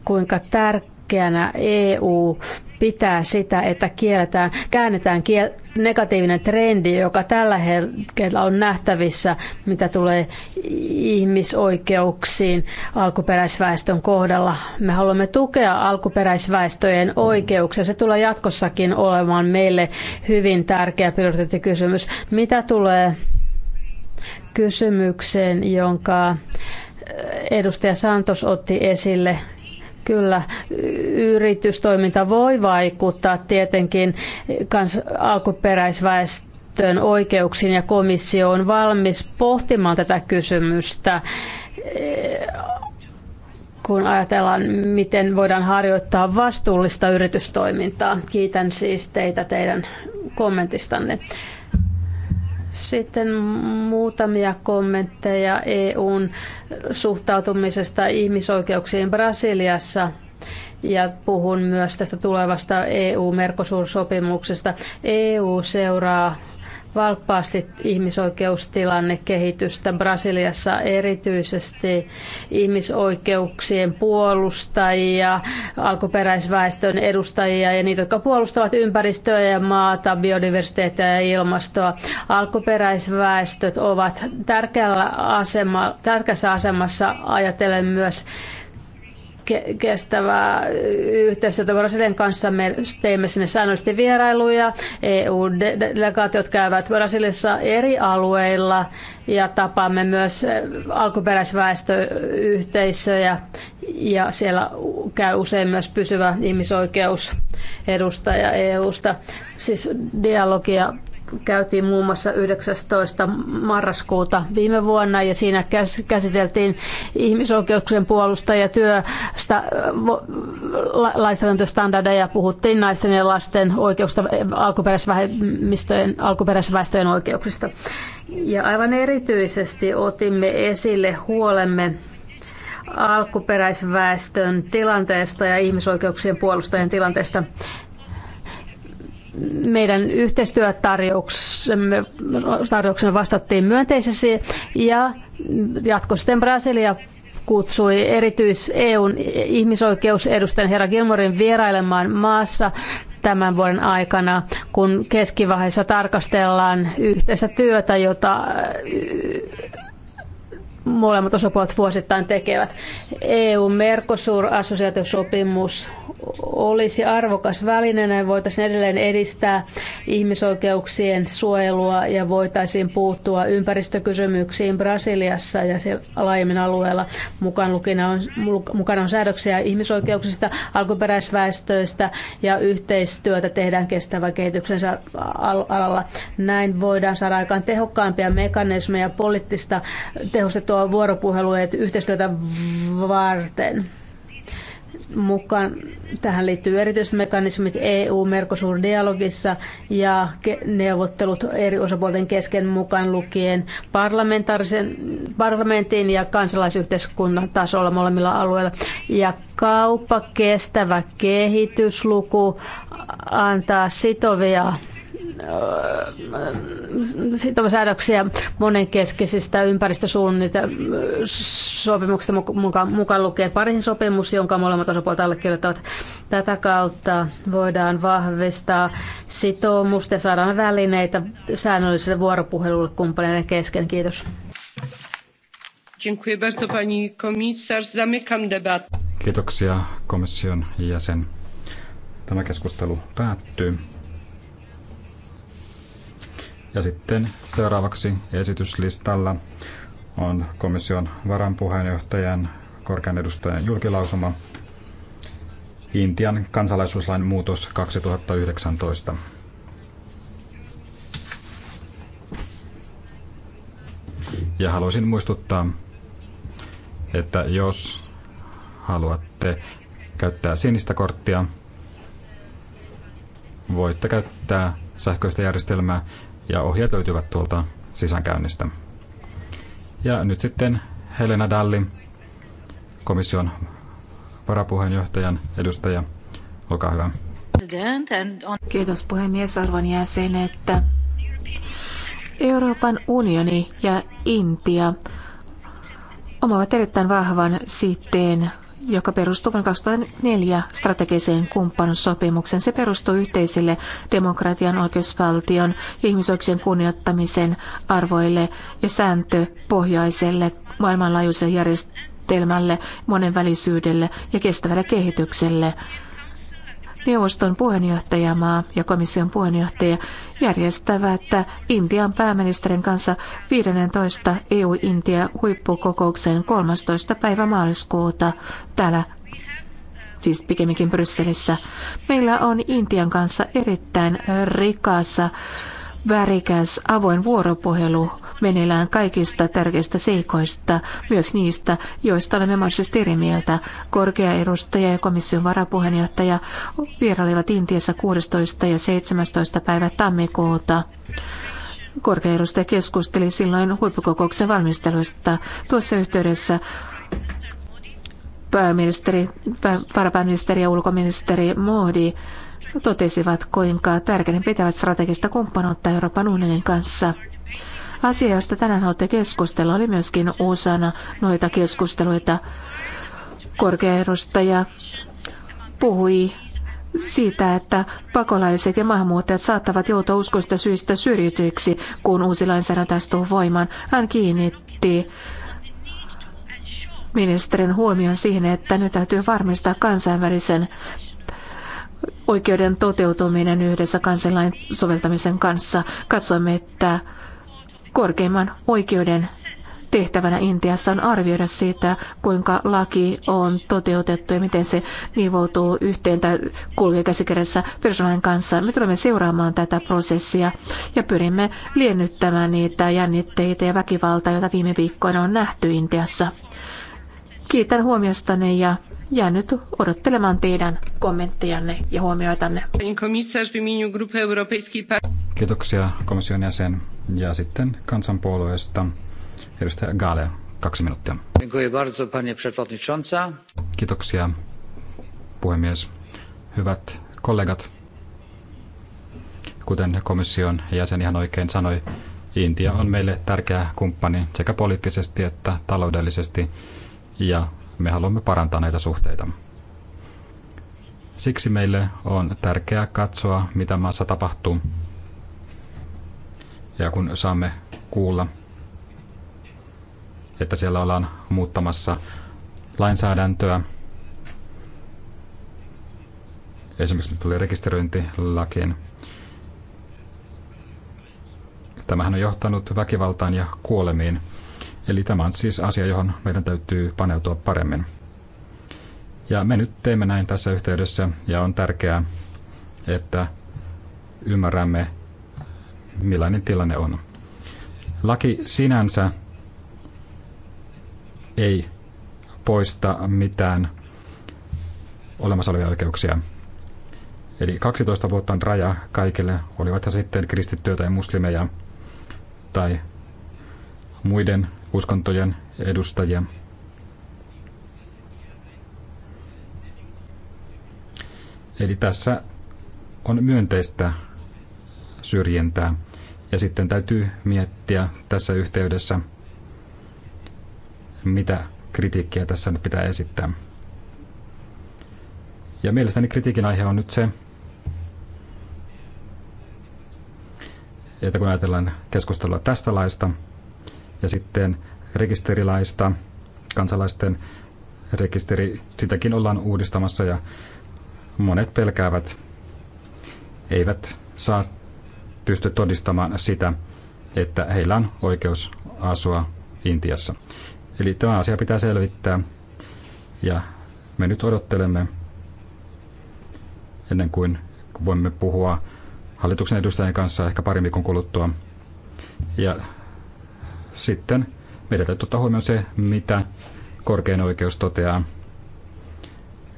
kuinka tärkeänä EU pitää sitä, että kielletään, käännetään kiel- negatiivinen trendi, joka tällä hetkellä on nähtävissä, mitä tulee ihmisoikeuksiin alkuperäisväestön kohdalla. Me haluamme tukea alkuperäisväestöjen oikeuksia. Se tulee jatkossakin olemaan meille hyvin tärkeä prioriteettikysymys. Mitä tulee kysymykseen, jonka edustaja Santos otti esille Kyllä, yritystoiminta voi vaikuttaa tietenkin kans alkuperäisväestön oikeuksiin ja komissio on valmis pohtimaan tätä kysymystä kun ajatellaan, miten voidaan harjoittaa vastuullista yritystoimintaa. Kiitän siis teitä teidän kommentistanne. Sitten muutamia kommentteja EUn suhtautumisesta ihmisoikeuksiin Brasiliassa ja puhun myös tästä tulevasta EU-merkosuursopimuksesta. EU seuraa valppaasti ihmisoikeustilannekehitystä Brasiliassa erityisesti ihmisoikeuksien puolustajia, alkuperäisväestön edustajia ja niitä, jotka puolustavat ympäristöä ja maata, biodiversiteettiä ja ilmastoa. Alkuperäisväestöt ovat tärkeällä asema, tärkeässä asemassa ajatellen myös ke- kestävää yhteistyötä Brasilian kanssa. Me teemme sinne säännöllisesti vierailuja. EU-delegaatiot käyvät Brasilissa eri alueilla ja tapaamme myös e, alkuperäisväestöyhteisöjä ja siellä käy usein myös pysyvä ihmisoikeusedustaja EUsta. Siis dialogia käytiin muun muassa 19. marraskuuta viime vuonna ja siinä käsiteltiin ihmisoikeuksien ja työstä, lainsäädäntöstandardeja, puhuttiin naisten ja lasten oikeuksista, alkuperäisväestöjen, alkuperäisväestöjen oikeuksista. Ja aivan erityisesti otimme esille huolemme alkuperäisväestön tilanteesta ja ihmisoikeuksien puolustajien tilanteesta meidän yhteistyötarjouksemme vastattiin myönteisesti ja jatko sitten Brasilia kutsui erityis EUn ihmisoikeusedustajan herra Gilmorin vierailemaan maassa tämän vuoden aikana, kun keskivaiheessa tarkastellaan yhteistä työtä, jota molemmat osapuolet vuosittain tekevät. EU-Mercosur-assosiaatiosopimus olisi arvokas väline, ja voitaisiin edelleen edistää ihmisoikeuksien suojelua ja voitaisiin puuttua ympäristökysymyksiin Brasiliassa ja laajemmin alueella. Mukaan, on, mukana on säädöksiä ihmisoikeuksista, alkuperäisväestöistä ja yhteistyötä tehdään kestävän kehityksen alalla. Näin voidaan saada aikaan tehokkaampia mekanismeja, poliittista tehostettua johtoa vuoropuheluja yhteistyötä varten. Mukaan tähän liittyy mekanismit EU-Mercosur-dialogissa ja neuvottelut eri osapuolten kesken mukaan lukien parlamentaarisen, parlamentin ja kansalaisyhteiskunnan tasolla molemmilla alueilla. Ja kauppa, kestävä kehitysluku antaa sitovia sitoumissäädöksiä monenkeskisistä ympäristösuunnitelmista mukaan, mukaan lukee Pariisin sopimus, jonka molemmat osapuolet allekirjoittavat. Tätä kautta voidaan vahvistaa sitoumusta ja saadaan välineitä säännölliselle vuoropuhelulle kumppaneiden kesken. Kiitos. Kiitoksia komission jäsen. Tämä keskustelu päättyy. Ja sitten seuraavaksi esityslistalla on komission varanpuheenjohtajan korkean edustajan julkilausuma Intian kansalaisuuslain muutos 2019. Ja haluaisin muistuttaa, että jos haluatte käyttää sinistä korttia, voitte käyttää sähköistä järjestelmää ja ohjeet löytyvät tuolta sisäänkäynnistä. Ja nyt sitten Helena Dalli, komission varapuheenjohtajan edustaja. Olkaa hyvä. Kiitos puhemies arvon jäsen, että Euroopan unioni ja Intia omavat erittäin vahvan siteen joka perustuu vuonna 2004 strategiseen kumppanussopimukseen. Se perustuu yhteisille demokratian, oikeusvaltion, ihmisoikeuksien kunnioittamisen arvoille ja sääntöpohjaiselle maailmanlaajuiselle järjestelmälle, monenvälisyydelle ja kestävälle kehitykselle neuvoston puheenjohtajamaa ja komission puheenjohtaja järjestävät Intian pääministerin kanssa 15. EU-Intia huippukokouksen 13. päivä maaliskuuta täällä siis pikemminkin Brysselissä. Meillä on Intian kanssa erittäin rikas värikäs avoin vuoropuhelu meneillään kaikista tärkeistä seikoista, myös niistä, joista olemme mahdollisesti eri mieltä. Korkea edustaja ja komission varapuheenjohtaja vierailivat Intiassa 16. ja 17. päivä tammikuuta. Korkea edustaja keskusteli silloin huippukokouksen valmisteluista. Tuossa yhteydessä pääministeri, varapääministeri ja ulkoministeri Moodi totesivat, kuinka tärkeänä pitävät strategista kumppanuutta Euroopan unionin kanssa. Asia, josta tänään haluatte keskustella, oli myöskin osana noita keskusteluita. Korkea edustaja puhui siitä, että pakolaiset ja maahanmuuttajat saattavat joutua uskoista syistä syrjityiksi, kun uusi lainsäädäntö astuu voimaan. Hän kiinnitti ministerin huomion siihen, että nyt täytyy varmistaa kansainvälisen oikeuden toteutuminen yhdessä kansalain soveltamisen kanssa. Katsoimme, että korkeimman oikeuden tehtävänä Intiassa on arvioida siitä, kuinka laki on toteutettu ja miten se nivoutuu yhteen tai kulkee käsikädessä perustuslain kanssa. Me tulemme seuraamaan tätä prosessia ja pyrimme liennyttämään niitä jännitteitä ja väkivaltaa, joita viime viikkoina on nähty Intiassa. Kiitän huomiostanne ja jäänyt odottelemaan teidän kommenttejanne ja huomioitanne. Kiitoksia komission jäsen. Ja sitten kansanpuolueesta edustaja Gale, kaksi minuuttia. Kiitoksia, puhemies. Hyvät kollegat, kuten komission jäsen ihan oikein sanoi, Intia on meille tärkeä kumppani sekä poliittisesti että taloudellisesti ja me haluamme parantaa näitä suhteita. Siksi meille on tärkeää katsoa, mitä maassa tapahtuu. Ja kun saamme kuulla, että siellä ollaan muuttamassa lainsäädäntöä, esimerkiksi tuli rekisteröintilakiin. Tämähän on johtanut väkivaltaan ja kuolemiin Eli tämä on siis asia, johon meidän täytyy paneutua paremmin. Ja me nyt teemme näin tässä yhteydessä ja on tärkeää, että ymmärrämme, millainen tilanne on. Laki sinänsä ei poista mitään olemassa olevia oikeuksia. Eli 12 vuotta on raja kaikille, olivat he sitten kristittyjä tai muslimeja tai muiden uskontojen edustajia. Eli tässä on myönteistä syrjintää. Ja sitten täytyy miettiä tässä yhteydessä, mitä kritiikkiä tässä nyt pitää esittää. Ja mielestäni kritiikin aihe on nyt se, että kun ajatellaan keskustelua tästä laista, ja sitten rekisterilaista, kansalaisten rekisteri, sitäkin ollaan uudistamassa ja monet pelkäävät, eivät saa pysty todistamaan sitä, että heillä on oikeus asua Intiassa. Eli tämä asia pitää selvittää ja me nyt odottelemme ennen kuin voimme puhua hallituksen edustajien kanssa ehkä parin viikon kuluttua. Ja sitten meidän täytyy ottaa huomioon se, mitä korkein oikeus toteaa.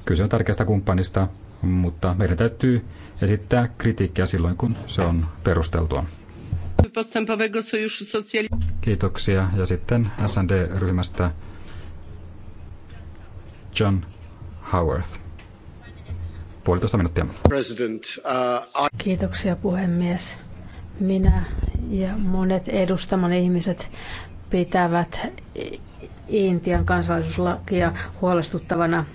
Kyse on tärkeästä kumppanista, mutta meidän täytyy esittää kritiikkiä silloin, kun se on perusteltua. Kiitoksia. Ja sitten SND-ryhmästä John Howarth. Puolitoista minuuttia. Uh, Kiitoksia puhemies. Minä ja monet edustamani ihmiset pitävät Intian kansallisuuslakia huolestuttavana.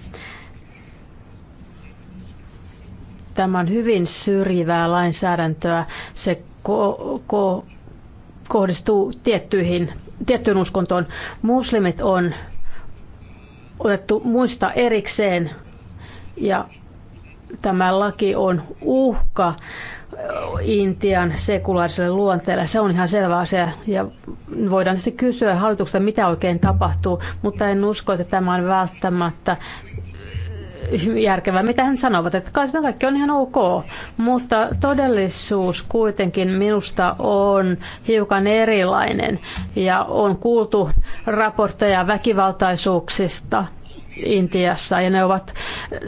Tämä on hyvin syrjivää lainsäädäntöä. Se ko- ko- kohdistuu tiettyihin, tiettyyn uskontoon. Muslimit on otettu muista erikseen ja tämä laki on uhka Intian sekulaariselle luonteelle. Se on ihan selvä asia ja voidaan tietysti kysyä hallitukselta, mitä oikein tapahtuu, mutta en usko, että tämä on välttämättä järkevää, mitä hän sanovat, että kaikki on ihan ok, mutta todellisuus kuitenkin minusta on hiukan erilainen ja on kuultu raportteja väkivaltaisuuksista Intiassa ja ne ovat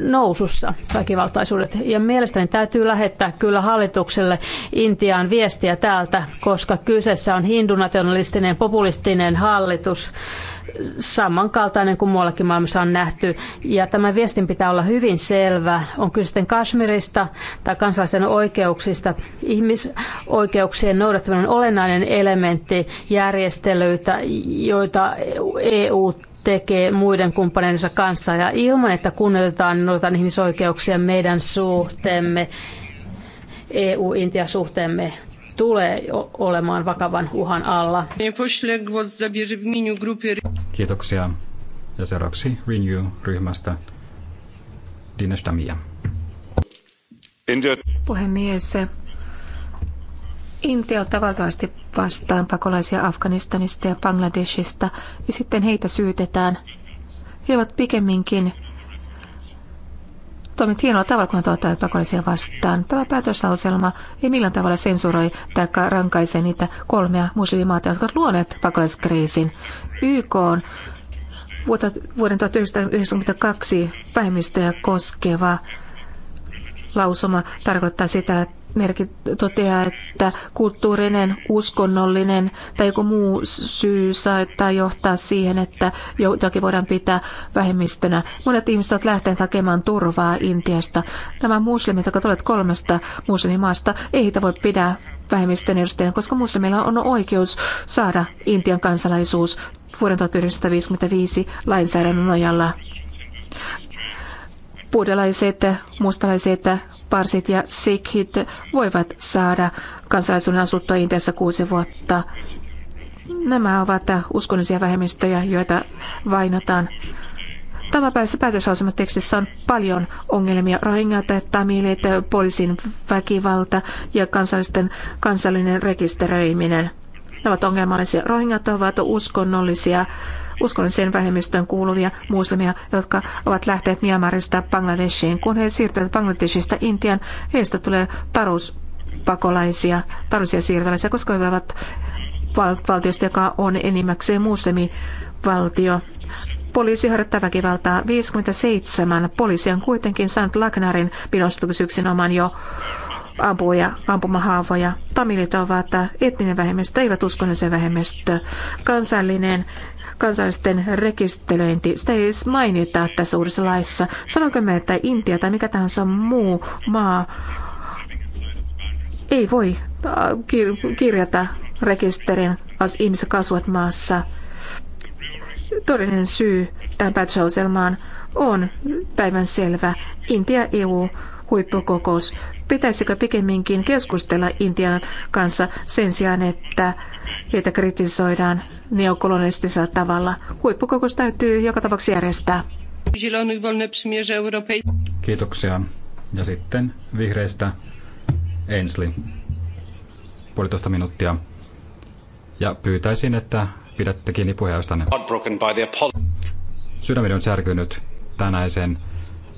nousussa väkivaltaisuudet. Ja mielestäni täytyy lähettää kyllä hallitukselle Intiaan viestiä täältä, koska kyseessä on hindunationalistinen populistinen hallitus samankaltainen kuin muuallakin maailmassa on nähty. Ja tämän viestin pitää olla hyvin selvä. On kyse sitten Kashmirista tai kansalaisten oikeuksista. Ihmisoikeuksien noudattaminen on olennainen elementti järjestelyitä, joita EU tekee muiden kumppaneidensa kanssa ja ilman, että kunnioitetaan noita ihmisoikeuksia meidän suhteemme, EU-Intia-suhteemme tulee olemaan vakavan uhan alla. Kiitoksia. Ja seuraavaksi Renew-ryhmästä Dinesh Damia. Puhemies, Intia ottaa valtavasti vastaan pakolaisia Afganistanista ja Bangladeshista ja sitten heitä syytetään. He ovat pikemminkin toimit hienolla tavalla, kun tuottaa pakolaisia vastaan. Tämä päätöslauselma ei millään tavalla sensuroi tai rankaise niitä kolmea muslimimaata, jotka ovat luoneet pakolaiskriisin. YK on vuoden 1992 vähemmistöjä koskeva lausuma tarkoittaa sitä, että merkit toteaa, että kulttuurinen, uskonnollinen tai joku muu syy saattaa johtaa siihen, että jotakin voidaan pitää vähemmistönä. Monet ihmiset ovat lähteneet hakemaan turvaa Intiasta. Nämä muslimit, jotka tulevat kolmesta muslimimaasta, ei heitä voi pidä vähemmistön edustajana, koska muslimilla on oikeus saada Intian kansalaisuus vuoden 1955 lainsäädännön nojalla buudalaiset, mustalaiset, parsit ja sikhit voivat saada kansalaisuuden asuttua Intiassa kuusi vuotta. Nämä ovat uskonnollisia vähemmistöjä, joita vainotaan. Tämänpäiväisessä päätöslausumatekstissä on paljon ongelmia. Rohingyat, tamilit, poliisin väkivalta ja kansallisten, kansallinen rekisteröiminen. Ne ovat ongelmallisia. Rohingat ovat uskonnollisia uskonnolliseen vähemmistöön kuuluvia muslimeja, jotka ovat lähteet Myanmarista Bangladeshiin. Kun he siirtyvät Bangladeshista Intian, heistä tulee taruspakolaisia, tarusia siirtolaisia, koska he ovat val- valtiosta, joka on enimmäkseen muslimivaltio. Poliisi harjoittaa väkivaltaa. 57 poliisi on kuitenkin saanut Lagnarin pidostukseksi oman jo ampuja, ampumahaavoja. Tamilit ovat etninen vähemmistö, eivät uskonnollisen vähemmistö. Kansallinen kansallisten rekisteröinti, sitä ei edes mainita tässä uudessa laissa. Sanoinko me, että Intia tai mikä tahansa muu maa ei voi äh, kirjata rekisterin ihmiset kasvat maassa. Todellinen syy tähän päätösauselmaan on päivän selvä. Intia-EU huippukokous. Pitäisikö pikemminkin keskustella Intian kanssa sen sijaan, että joita kritisoidaan neokolonialistisella tavalla. Huippukokous täytyy joka tapauksessa järjestää. Kiitoksia. Ja sitten vihreistä Ainsley. Puolitoista minuuttia. Ja pyytäisin, että pidätte kiinni puheenjohtajanne. Sydämeni on särkynyt tänäisen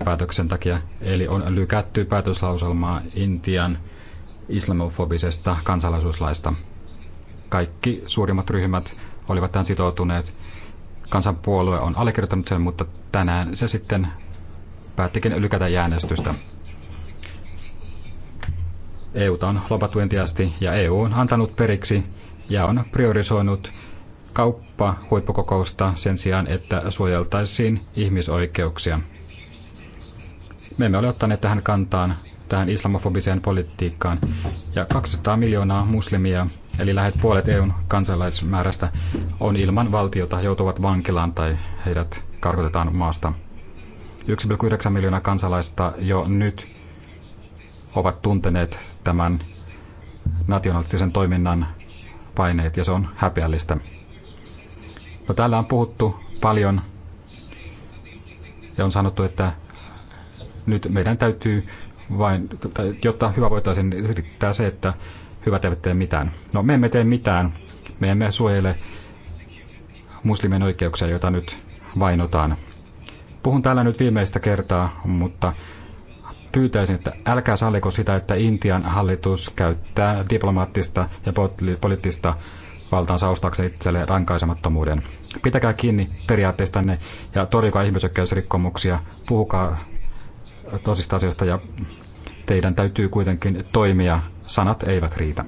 päätöksen takia, eli on lykätty päätöslauselmaa Intian islamofobisesta kansalaisuuslaista kaikki suurimmat ryhmät olivat tähän sitoutuneet. Kansanpuolue on allekirjoittanut sen, mutta tänään se sitten päättikin lykätä jäänestystä. EU on lopattu entiästi ja EU on antanut periksi ja on priorisoinut kauppa huippukokousta sen sijaan, että suojeltaisiin ihmisoikeuksia. Me emme ole ottaneet tähän kantaan, tähän islamofobiseen politiikkaan. Ja 200 miljoonaa muslimia, eli lähes puolet EUn kansalaismäärästä, on ilman valtiota, joutuvat vankilaan tai heidät karkotetaan maasta. 1,9 miljoonaa kansalaista jo nyt ovat tunteneet tämän nationalistisen toiminnan paineet, ja se on häpeällistä. No, täällä on puhuttu paljon, ja on sanottu, että nyt meidän täytyy vain, tai jotta hyvä voitaisiin yrittää se, että hyvät eivät tee mitään. No me emme tee mitään. Me emme suojele muslimien oikeuksia, joita nyt vainotaan. Puhun täällä nyt viimeistä kertaa, mutta pyytäisin, että älkää salliko sitä, että Intian hallitus käyttää diplomaattista ja poliittista valtaansa ostakseen itselle rankaisemattomuuden. Pitäkää kiinni periaatteistanne ja torjukaa ihmisoikeusrikkomuksia, puhukaa tosista asioista ja teidän täytyy kuitenkin toimia. Sanat eivät riitä.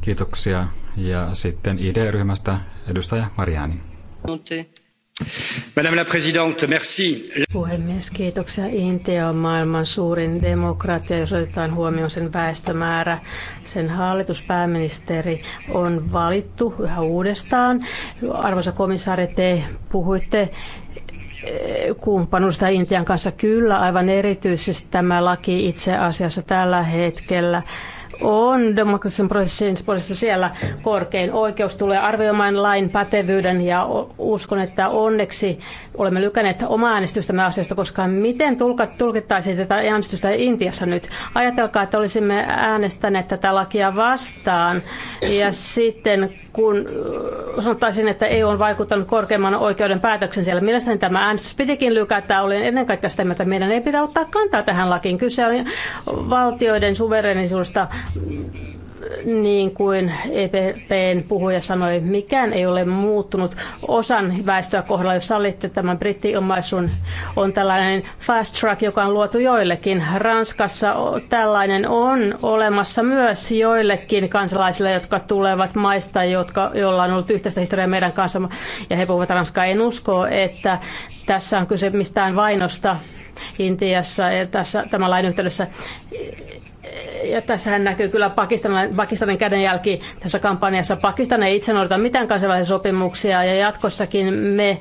Kiitoksia. Ja sitten ID-ryhmästä edustaja Mariani. Minuutti puhemies kiitoksia. Intia on maailman suurin demokratia, jos otetaan huomioon sen väestömäärä. Sen hallituspääministeri on valittu yhä uudestaan. Arvoisa komissaari, te puhuitte eh, kumppanuudesta Intian kanssa. Kyllä, aivan erityisesti tämä laki itse asiassa tällä hetkellä on prosessin prosessissa siellä korkein oikeus tulee arvioimaan lain pätevyyden ja uskon, että onneksi olemme lykänneet omaa äänestystämme asiasta, koska miten tulkittaisiin tätä äänestystä Intiassa nyt? Ajatelkaa, että olisimme äänestäneet tätä lakia vastaan ja sitten kun sanottaisin, että EU on vaikuttanut korkeimman oikeuden päätöksen siellä. Mielestäni tämä äänestys pitikin lykätä. Olin ennen kaikkea sitä, että meidän ei pidä ottaa kantaa tähän lakiin. Kyse on valtioiden suverenisuudesta niin kuin EPPn puhuja sanoi, mikään ei ole muuttunut osan väestöä kohdalla. Jos sallitte tämän brittiilmaisun, on tällainen fast track, joka on luotu joillekin. Ranskassa tällainen on olemassa myös joillekin kansalaisille, jotka tulevat maista, jotka, joilla on ollut yhteistä historiaa meidän kanssa, ja he puhuvat ranskaa. En usko, että tässä on kyse mistään vainosta Intiassa ja tässä, tämän lain yhteydessä ja tässähän näkyy kyllä Pakistanin, Pakistanin kädenjälki tässä kampanjassa. Pakistan ei itse noudata mitään kansainvälisiä sopimuksia ja jatkossakin me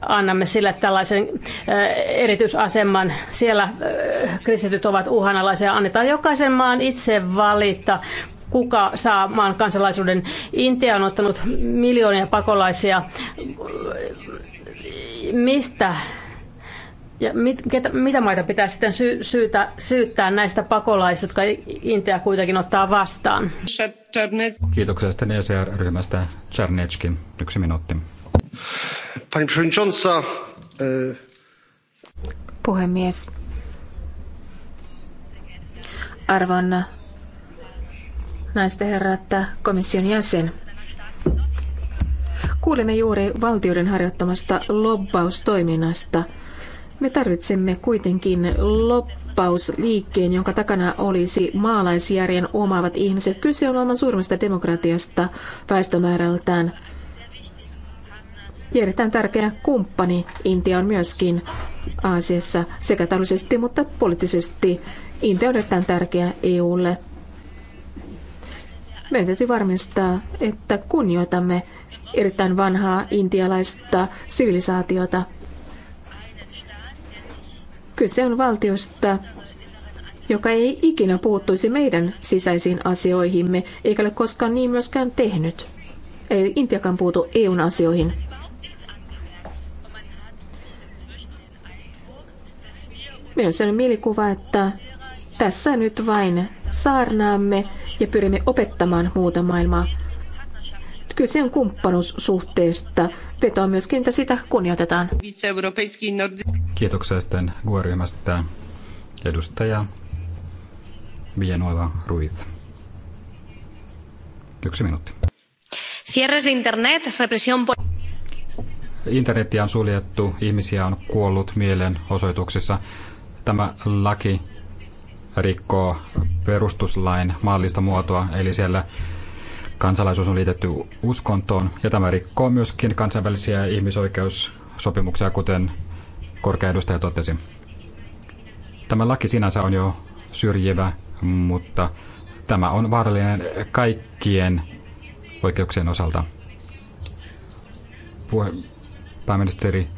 annamme sille tällaisen äh, erityisaseman. Siellä äh, kristityt ovat uhanalaisia. Annetaan jokaisen maan itse valita, kuka saa maan kansalaisuuden. Intia on ottanut miljoonia pakolaisia. Mistä ja mit, ketä, mitä maita pitää sitten sy, syytä, syyttää näistä pakolaisista, jotka Intia kuitenkin ottaa vastaan? Kiitoksia sitten ECR-ryhmästä. Czarneckin, yksi minuutti. E, Puhemies. Arvon naisten ja herrat, komission jäsen. Kuulimme juuri valtioiden harjoittamasta lobbaustoiminnasta – me tarvitsemme kuitenkin loppausliikkeen, jonka takana olisi maalaisjärjen omaavat ihmiset. Kyse on maailman suurimmasta demokratiasta väestömäärältään. Järjestään tärkeä kumppani. Intia on myöskin Aasiassa sekä taloudellisesti mutta poliittisesti. Intia on erittäin tärkeä EUlle. Meidän täytyy varmistaa, että kunnioitamme erittäin vanhaa intialaista sivilisaatiota. Kyse on valtiosta, joka ei ikinä puuttuisi meidän sisäisiin asioihimme, eikä ole koskaan niin myöskään tehnyt. Ei Intiakaan puutu EUn asioihin. Meillä on sellainen mielikuva, että tässä nyt vain saarnaamme ja pyrimme opettamaan muuta maailmaa. Kyse on kumppanuussuhteesta. Vetoa myöskin, että sitä kunnioitetaan. Kiitoksia sitten gue edustaja Villanueva Ruiz. Yksi minuutti. Cierres de internet, represión Internetiä on suljettu, ihmisiä on kuollut mielenosoituksissa. Tämä laki rikkoo perustuslain maallista muotoa, eli siellä Kansalaisuus on liitetty uskontoon ja tämä rikkoo myöskin kansainvälisiä ihmisoikeussopimuksia, kuten korkea edustaja totesi. Tämä laki sinänsä on jo syrjivä, mutta tämä on vaarallinen kaikkien oikeuksien osalta. Puhe- pääministeri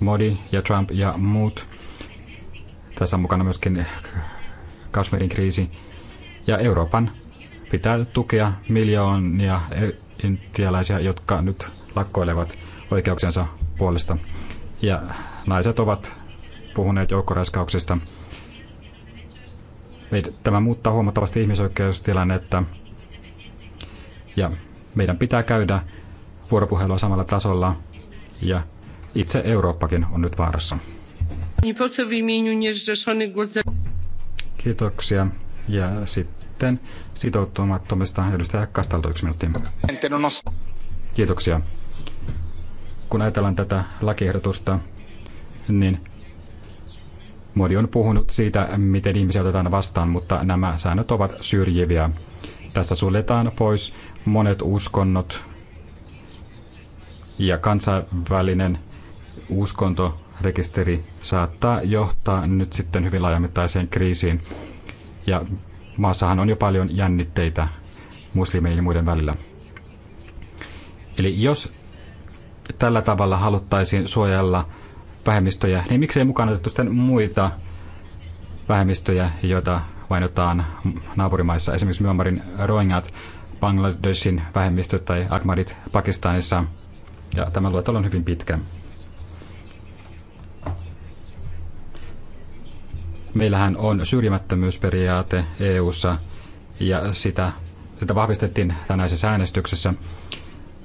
Modi ja Trump ja muut. Tässä on mukana myöskin Kashmirin kriisi. Ja Euroopan pitää tukea miljoonia intialaisia, jotka nyt lakkoilevat oikeuksensa puolesta. Ja naiset ovat puhuneet joukkoraiskauksista. Tämä muuttaa huomattavasti ihmisoikeustilannetta. Ja meidän pitää käydä vuoropuhelua samalla tasolla ja itse Eurooppakin on nyt vaarassa. Kiitoksia. Ja sitten sitten sitoutumattomista edustaja Kastalto yksi minuutti. Kiitoksia. Kun ajatellaan tätä lakiehdotusta, niin Modi on puhunut siitä, miten ihmisiä otetaan vastaan, mutta nämä säännöt ovat syrjiviä. Tässä suljetaan pois monet uskonnot ja kansainvälinen uskontorekisteri saattaa johtaa nyt sitten hyvin laajamittaiseen kriisiin. Ja maassahan on jo paljon jännitteitä muslimien ja muiden välillä. Eli jos tällä tavalla haluttaisiin suojella vähemmistöjä, niin miksei mukaan otettu sitten muita vähemmistöjä, joita vainotaan naapurimaissa, esimerkiksi Myanmarin roingat, Bangladesin vähemmistöt tai Ahmadit Pakistanissa. Ja tämä luettelo on hyvin pitkä. Meillähän on syrjimättömyysperiaate EU:ssa ja sitä, sitä vahvistettiin tänäisessä äänestyksessä.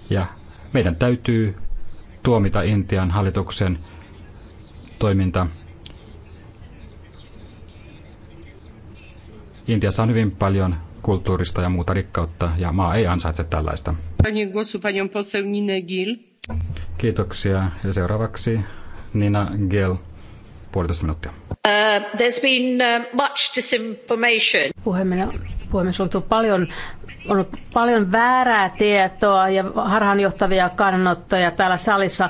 Ja meidän täytyy tuomita Intian hallituksen toiminta. Intiassa on hyvin paljon kulttuurista ja muuta rikkautta, ja maa ei ansaitse tällaista. Kiitoksia. Ja seuraavaksi Nina Gell Puolitoista minuuttia. Uh, there's been uh, much disinformation. Puhemies, Puhemies, on paljon, on paljon väärää tietoa ja harhaanjohtavia kannanottoja täällä salissa.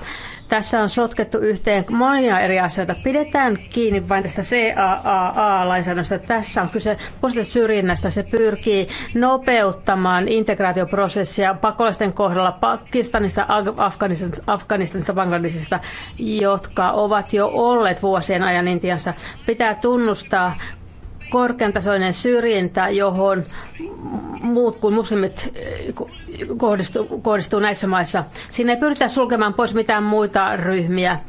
Tässä on sotkettu yhteen monia eri asioita. Pidetään kiinni vain tästä CAAA-lainsäädännöstä. Tässä on kyse positiivisesta syrjinnästä. Se pyrkii nopeuttamaan integraatioprosessia pakolaisten kohdalla Pakistanista, Afganistanista, Afganistanista Bangladesista, jotka ovat jo olleet vuosien ajan Intiassa. Pitää tunnustaa korkeantasoinen syrjintä, johon muut kuin muslimit kohdistuu, kohdistuu näissä maissa. Siinä ei pyritä sulkemaan pois mitään muita ryhmiä.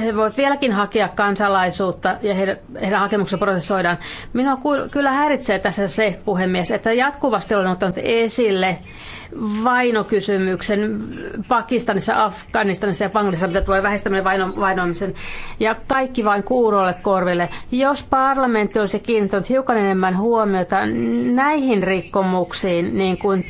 He voivat vieläkin hakea kansalaisuutta ja heidän, heidän hakemuksensa prosessoidaan. Minua kyllä häiritsee tässä se, puhemies, että jatkuvasti olen ottanut esille vainokysymyksen Pakistanissa, Afganistanissa ja Bangladesissa, mitä tulee vähestäminen vaino, vainoamisen. Ja kaikki vain kuuroille korville. Jos parlamentti olisi kiinnittänyt hiukan enemmän huomiota näihin rikkomuksiin, niin kuin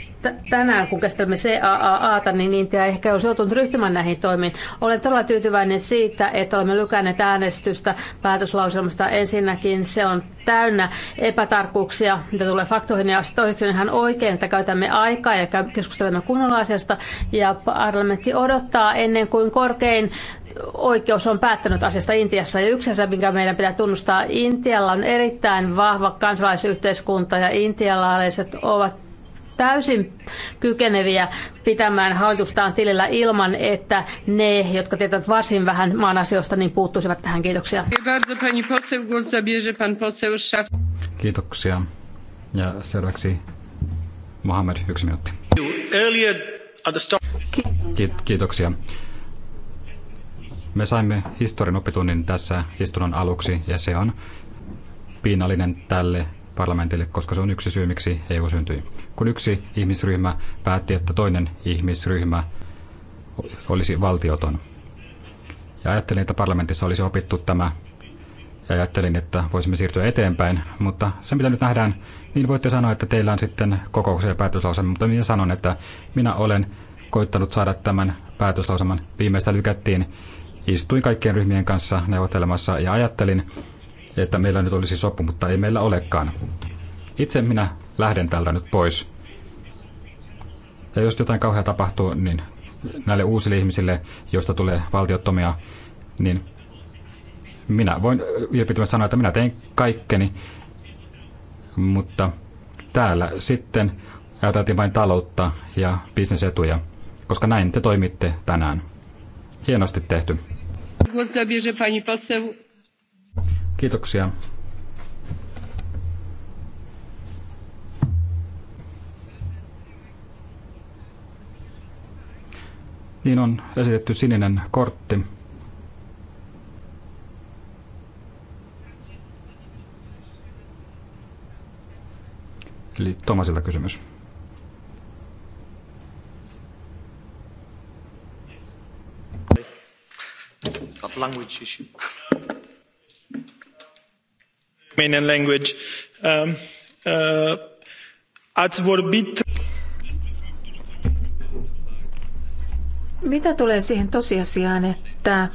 tänään, kun käsittelemme CAAAta, niin Intia ehkä olisi joutunut ryhtymään näihin toimiin. Olen todella tyytyväinen siitä, että olemme lykänneet äänestystä päätöslauselmasta. Ensinnäkin se on täynnä epätarkkuuksia, mitä tulee faktoihin, ja toiseksi ihan oikein, että käytämme aikaa ja keskustelemme kunnolla asiasta, ja parlamentti odottaa ennen kuin korkein oikeus on päättänyt asiasta Intiassa. Ja yksi asia, minkä meidän pitää tunnustaa, Intialla on erittäin vahva kansalaisyhteiskunta ja intialaiset ovat täysin kykeneviä pitämään hallitustaan tilillä ilman, että ne, jotka tietävät varsin vähän maan asioista, niin puuttuisivat tähän. Kiitoksia. Kiitoksia. Ja seuraavaksi Mohamed, yksi minuutti. Kiitoksia. Me saimme historian opetunnin tässä istunnon aluksi ja se on piinallinen tälle parlamentille, koska se on yksi syy, miksi EU syntyi. Kun yksi ihmisryhmä päätti, että toinen ihmisryhmä olisi valtioton. Ja ajattelin, että parlamentissa olisi opittu tämä ja ajattelin, että voisimme siirtyä eteenpäin, mutta se mitä nyt nähdään, niin voitte sanoa, että teillä on sitten kokouksia ja päätöslauselma, mutta minä sanon, että minä olen koittanut saada tämän päätöslauselman. Viimeistä lykättiin. Istuin kaikkien ryhmien kanssa neuvottelemassa ja ajattelin, että meillä nyt olisi sopu, mutta ei meillä olekaan. Itse minä lähden täältä nyt pois. Ja jos jotain kauhea tapahtuu, niin näille uusille ihmisille, joista tulee valtiottomia, niin minä voin vilpittömästi sanoa, että minä tein kaikkeni, mutta täällä sitten ajateltiin vain taloutta ja bisnesetuja, koska näin te toimitte tänään. Hienosti tehty. Kiitoksia. Niin on esitetty sininen kortti. Eli Tomasilta kysymys. language issue romanian language. Um, uh, ați vorbit Mitä tulee siihen tosiasiaan, että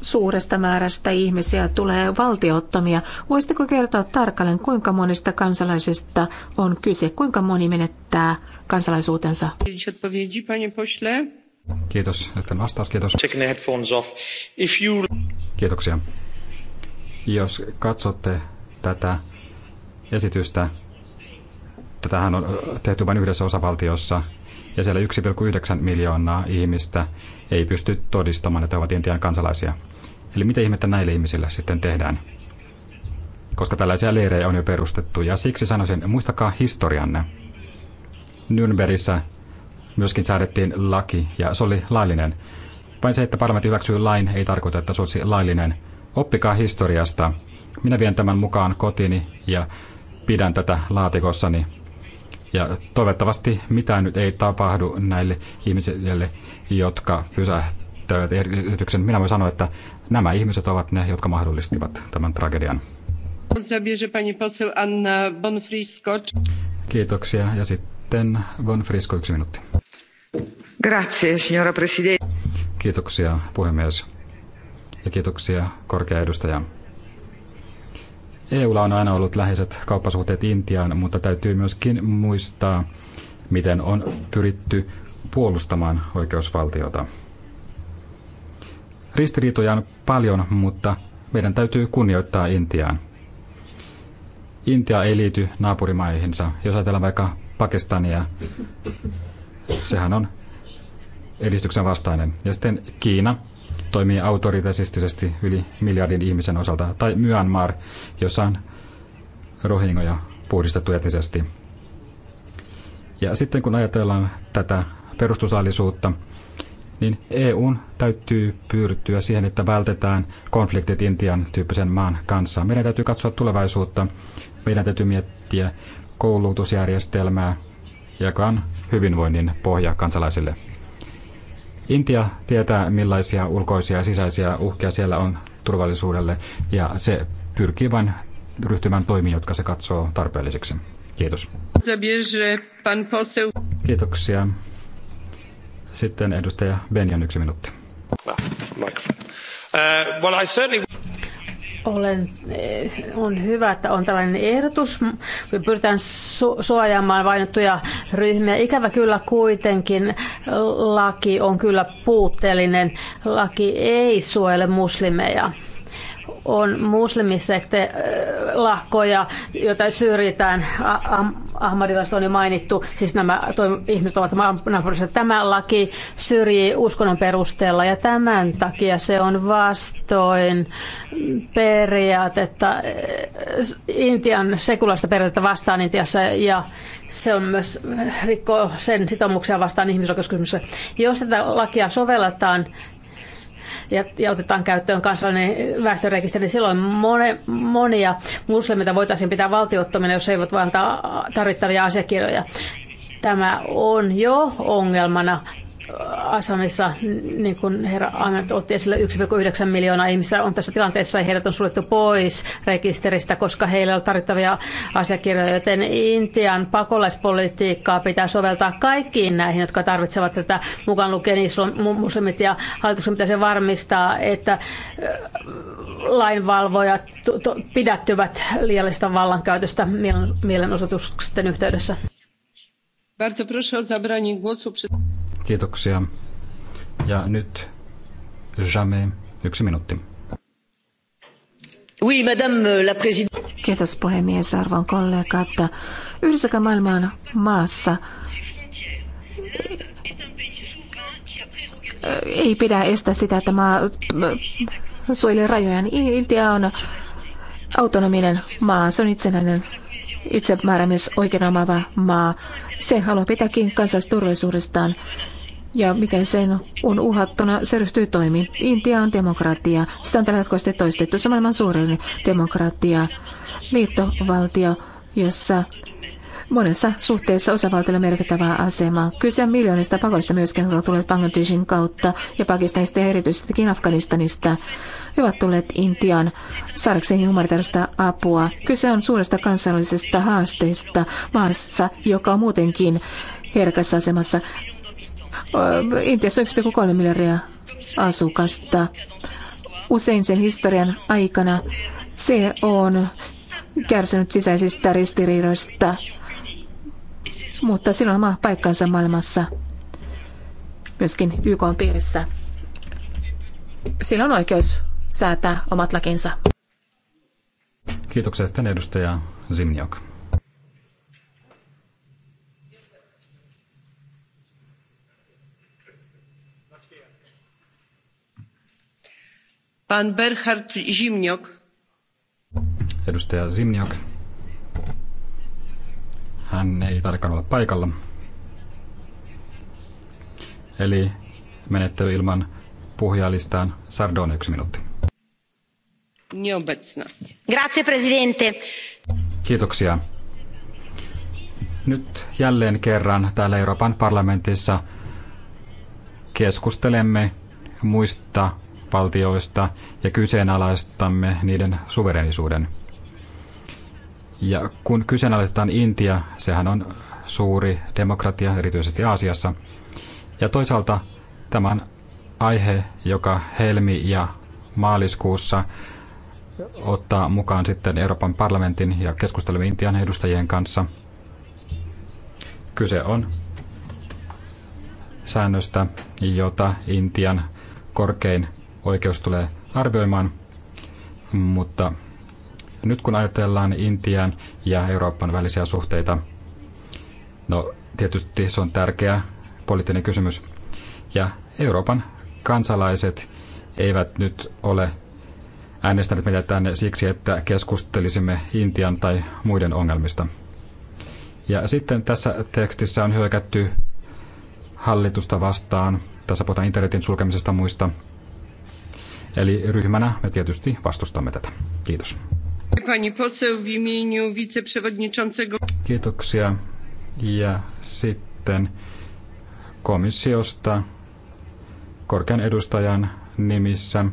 suuresta määrästä ihmisiä tulee valtiottomia. Voisitteko kertoa tarkalleen, kuinka monista kansalaisista on kyse? Kuinka moni menettää kansalaisuutensa? Kiitos. Sitten vastaus, kiitos. Kiitoksia. Jos katsotte tätä esitystä. Tätähän on tehty vain yhdessä osavaltiossa, ja siellä 1,9 miljoonaa ihmistä ei pysty todistamaan, että he ovat Intian kansalaisia. Eli mitä ihmettä näille ihmisille sitten tehdään? Koska tällaisia leirejä on jo perustettu, ja siksi sanoisin, muistakaa historianne. Nürnbergissä myöskin säädettiin laki, ja se oli laillinen. Vain se, että parlamentti hyväksyy lain, ei tarkoita, että se olisi laillinen. Oppikaa historiasta. Minä vien tämän mukaan kotini ja pidän tätä laatikossani. Ja toivottavasti mitään nyt ei tapahdu näille ihmisille, jotka pysähtävät erityksen. Minä voin sanoa, että nämä ihmiset ovat ne, jotka mahdollistivat tämän tragedian. Kiitoksia. Ja sitten Bonfrisco yksi minuutti. Grazie, signora Presidente. Kiitoksia, puhemies. Ja kiitoksia, korkea edustaja. EUlla on aina ollut läheiset kauppasuhteet Intiaan, mutta täytyy myöskin muistaa, miten on pyritty puolustamaan oikeusvaltiota. Ristiriitoja on paljon, mutta meidän täytyy kunnioittaa Intiaan. Intia ei liity naapurimaihinsa. Jos ajatellaan vaikka Pakistania, sehän on edistyksen vastainen. Ja sitten Kiina, toimii autoritasistisesti yli miljardin ihmisen osalta, tai Myanmar, jossa on rohingoja puhdistettu etnisesti. Ja sitten kun ajatellaan tätä perustusallisuutta, niin EUn täytyy pyrtyä siihen, että vältetään konfliktit Intian tyyppisen maan kanssa. Meidän täytyy katsoa tulevaisuutta, meidän täytyy miettiä koulutusjärjestelmää, joka on hyvinvoinnin pohja kansalaisille. Intia tietää, millaisia ulkoisia ja sisäisiä uhkia siellä on turvallisuudelle, ja se pyrkii vain ryhtymään toimiin, jotka se katsoo tarpeelliseksi. Kiitos. Kiitoksia. Sitten edustaja Benjan yksi minuutti. Well, I certainly olen, eh, on hyvä, että on tällainen ehdotus. Me pyritään suojaamaan vainottuja ryhmiä. Ikävä kyllä kuitenkin laki on kyllä puutteellinen. Laki ei suojele muslimeja on äh, lahkoja, joita syrjitään. Ahmadilaiset on jo mainittu, siis nämä ihmiset ovat naapurissa. Tämä laki syrjii uskonnon perusteella ja tämän takia se on vastoin periaatetta äh, Intian sekulaista periaatetta vastaan Intiassa ja se on myös äh, rikko sen sitoumuksia vastaan ihmisoikeuskysymyksessä. Jos tätä lakia sovelletaan, ja, ja otetaan käyttöön kansallinen väestörekisteri, niin silloin moni, monia muslimita voitaisiin pitää valtiottomina, jos he eivät vain antaa tarvittavia asiakirjoja. Tämä on jo ongelmana asemissa, niin kuin herra Annert otti esille, 1,9 miljoonaa ihmistä on tässä tilanteessa ja heidät on suljettu pois rekisteristä, koska heillä on tarvittavia asiakirjoja, joten Intian pakolaispolitiikkaa pitää soveltaa kaikkiin näihin, jotka tarvitsevat tätä mukaan lukien muslimit ja hallituksen pitäisi varmistaa, että lainvalvojat pidättyvät liiallista vallankäytöstä mielenosoitusten yhteydessä. Bardzo proszę o zabranie głosu. Kiitoksia. Ja nyt Jame, yksi minuutti. Oui, madame la présidente. Kiitos puhemies, arvon kollegat. Yhdessäkään maailman maassa eh, ei pidä estää sitä, että maa eh, suojelee rajojaan. Niin Intia on autonominen maa, se on itsenäinen itsemääräämisoikeuden omaava maa. Se haluaa pitääkin kansallisturvallisuudestaan ja mikäli sen on uhattuna, se ryhtyy toimiin. Intia on demokratia. Sitä on tällä hetkellä toistettu. Se on maailman suurin demokratia, liittovaltio, jossa monessa suhteessa osavaltiolla merkittävää asemaa. Kyse on miljoonista pakollista myöskin, jotka tulevat Bangladeshin kautta ja Pakistanista ja erityisesti Afganistanista. He ovat tulleet Intian saadakseen humanitaarista apua. Kyse on suuresta kansainvälisestä haasteesta maassa, joka on muutenkin herkässä asemassa. Intiassa on 1,3 miljardia asukasta. Usein sen historian aikana se on kärsinyt sisäisistä ristiriidoista mutta sillä on oma paikkansa maailmassa, myöskin YK on piirissä. Sillä on oikeus säätää omat lakinsa. Kiitoksia sitten edustaja Zimniok. Pan Berhard Zimniok. Edustaja Zimniok. Hän ei tarkkaan ole paikalla. Eli menettely ilman puhujalistaan. Sardone, yksi minuutti. Grazie, presidente. Kiitoksia. Nyt jälleen kerran täällä Euroopan parlamentissa keskustelemme muista valtioista ja kyseenalaistamme niiden suverenisuuden. Ja kun kyseenalaistetaan Intia, sehän on suuri demokratia, erityisesti Aasiassa. Ja toisaalta tämän aihe, joka helmi- ja maaliskuussa ottaa mukaan sitten Euroopan parlamentin ja keskustelemme Intian edustajien kanssa. Kyse on säännöstä, jota Intian korkein oikeus tulee arvioimaan, mutta nyt kun ajatellaan Intian ja Euroopan välisiä suhteita, no tietysti se on tärkeä poliittinen kysymys. Ja Euroopan kansalaiset eivät nyt ole äänestäneet meitä tänne siksi, että keskustelisimme Intian tai muiden ongelmista. Ja sitten tässä tekstissä on hyökätty hallitusta vastaan. Tässä puhutaan internetin sulkemisesta muista. Eli ryhmänä me tietysti vastustamme tätä. Kiitos. Pani poseł w imieniu wiceprzewodniczącego. Kiitoksia. Ja sitten komissiosta korkean edustajan nimissä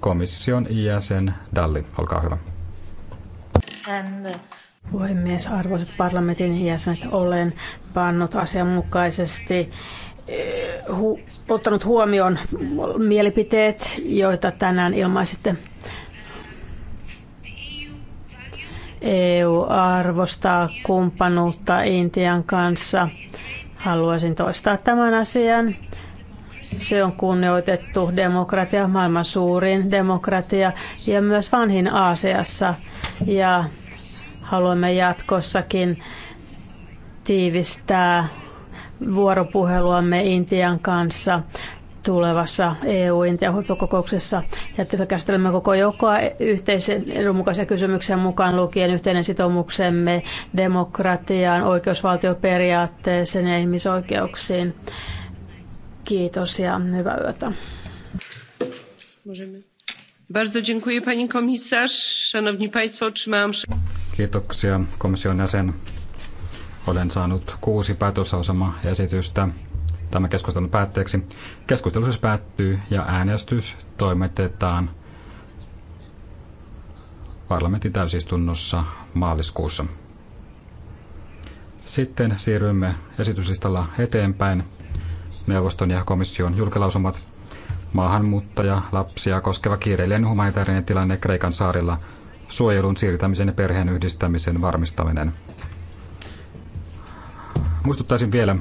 komission jäsen Dalli. Olkaa hyvä. Uh, Puhemies, arvoisat parlamentin jäsenet, olen pannut asianmukaisesti eh, hu- ottanut huomioon mielipiteet, joita tänään ilmaisitte EU arvostaa kumppanuutta Intian kanssa. Haluaisin toistaa tämän asian. Se on kunnioitettu demokratia, maailman suurin demokratia ja myös vanhin Aasiassa. Ja haluamme jatkossakin tiivistää vuoropuheluamme Intian kanssa tulevassa EU-Intia-huippukokouksessa. Ja käsittelemme koko joukkoa yhteisen edunmukaisia kysymyksiä mukaan lukien yhteinen sitoumuksemme demokratiaan, oikeusvaltioperiaatteeseen ja ihmisoikeuksiin. Kiitos ja hyvää yötä. Bardzo dziękuję pani komisarz. Szanowni państwo, otrzymałam... Kiitoksia komission jäsen. Olen saanut kuusi päätösasema esitystä Tämä keskustelun päätteeksi. Keskustelu siis päättyy ja äänestys toimitetaan parlamentin täysistunnossa maaliskuussa. Sitten siirrymme esityslistalla eteenpäin. Neuvoston ja komission julkilausumat maahanmuuttaja lapsia koskeva kiireellinen humanitaarinen tilanne Kreikan saarilla, suojelun siirtämisen ja perheen yhdistämisen varmistaminen. Muistuttaisin vielä,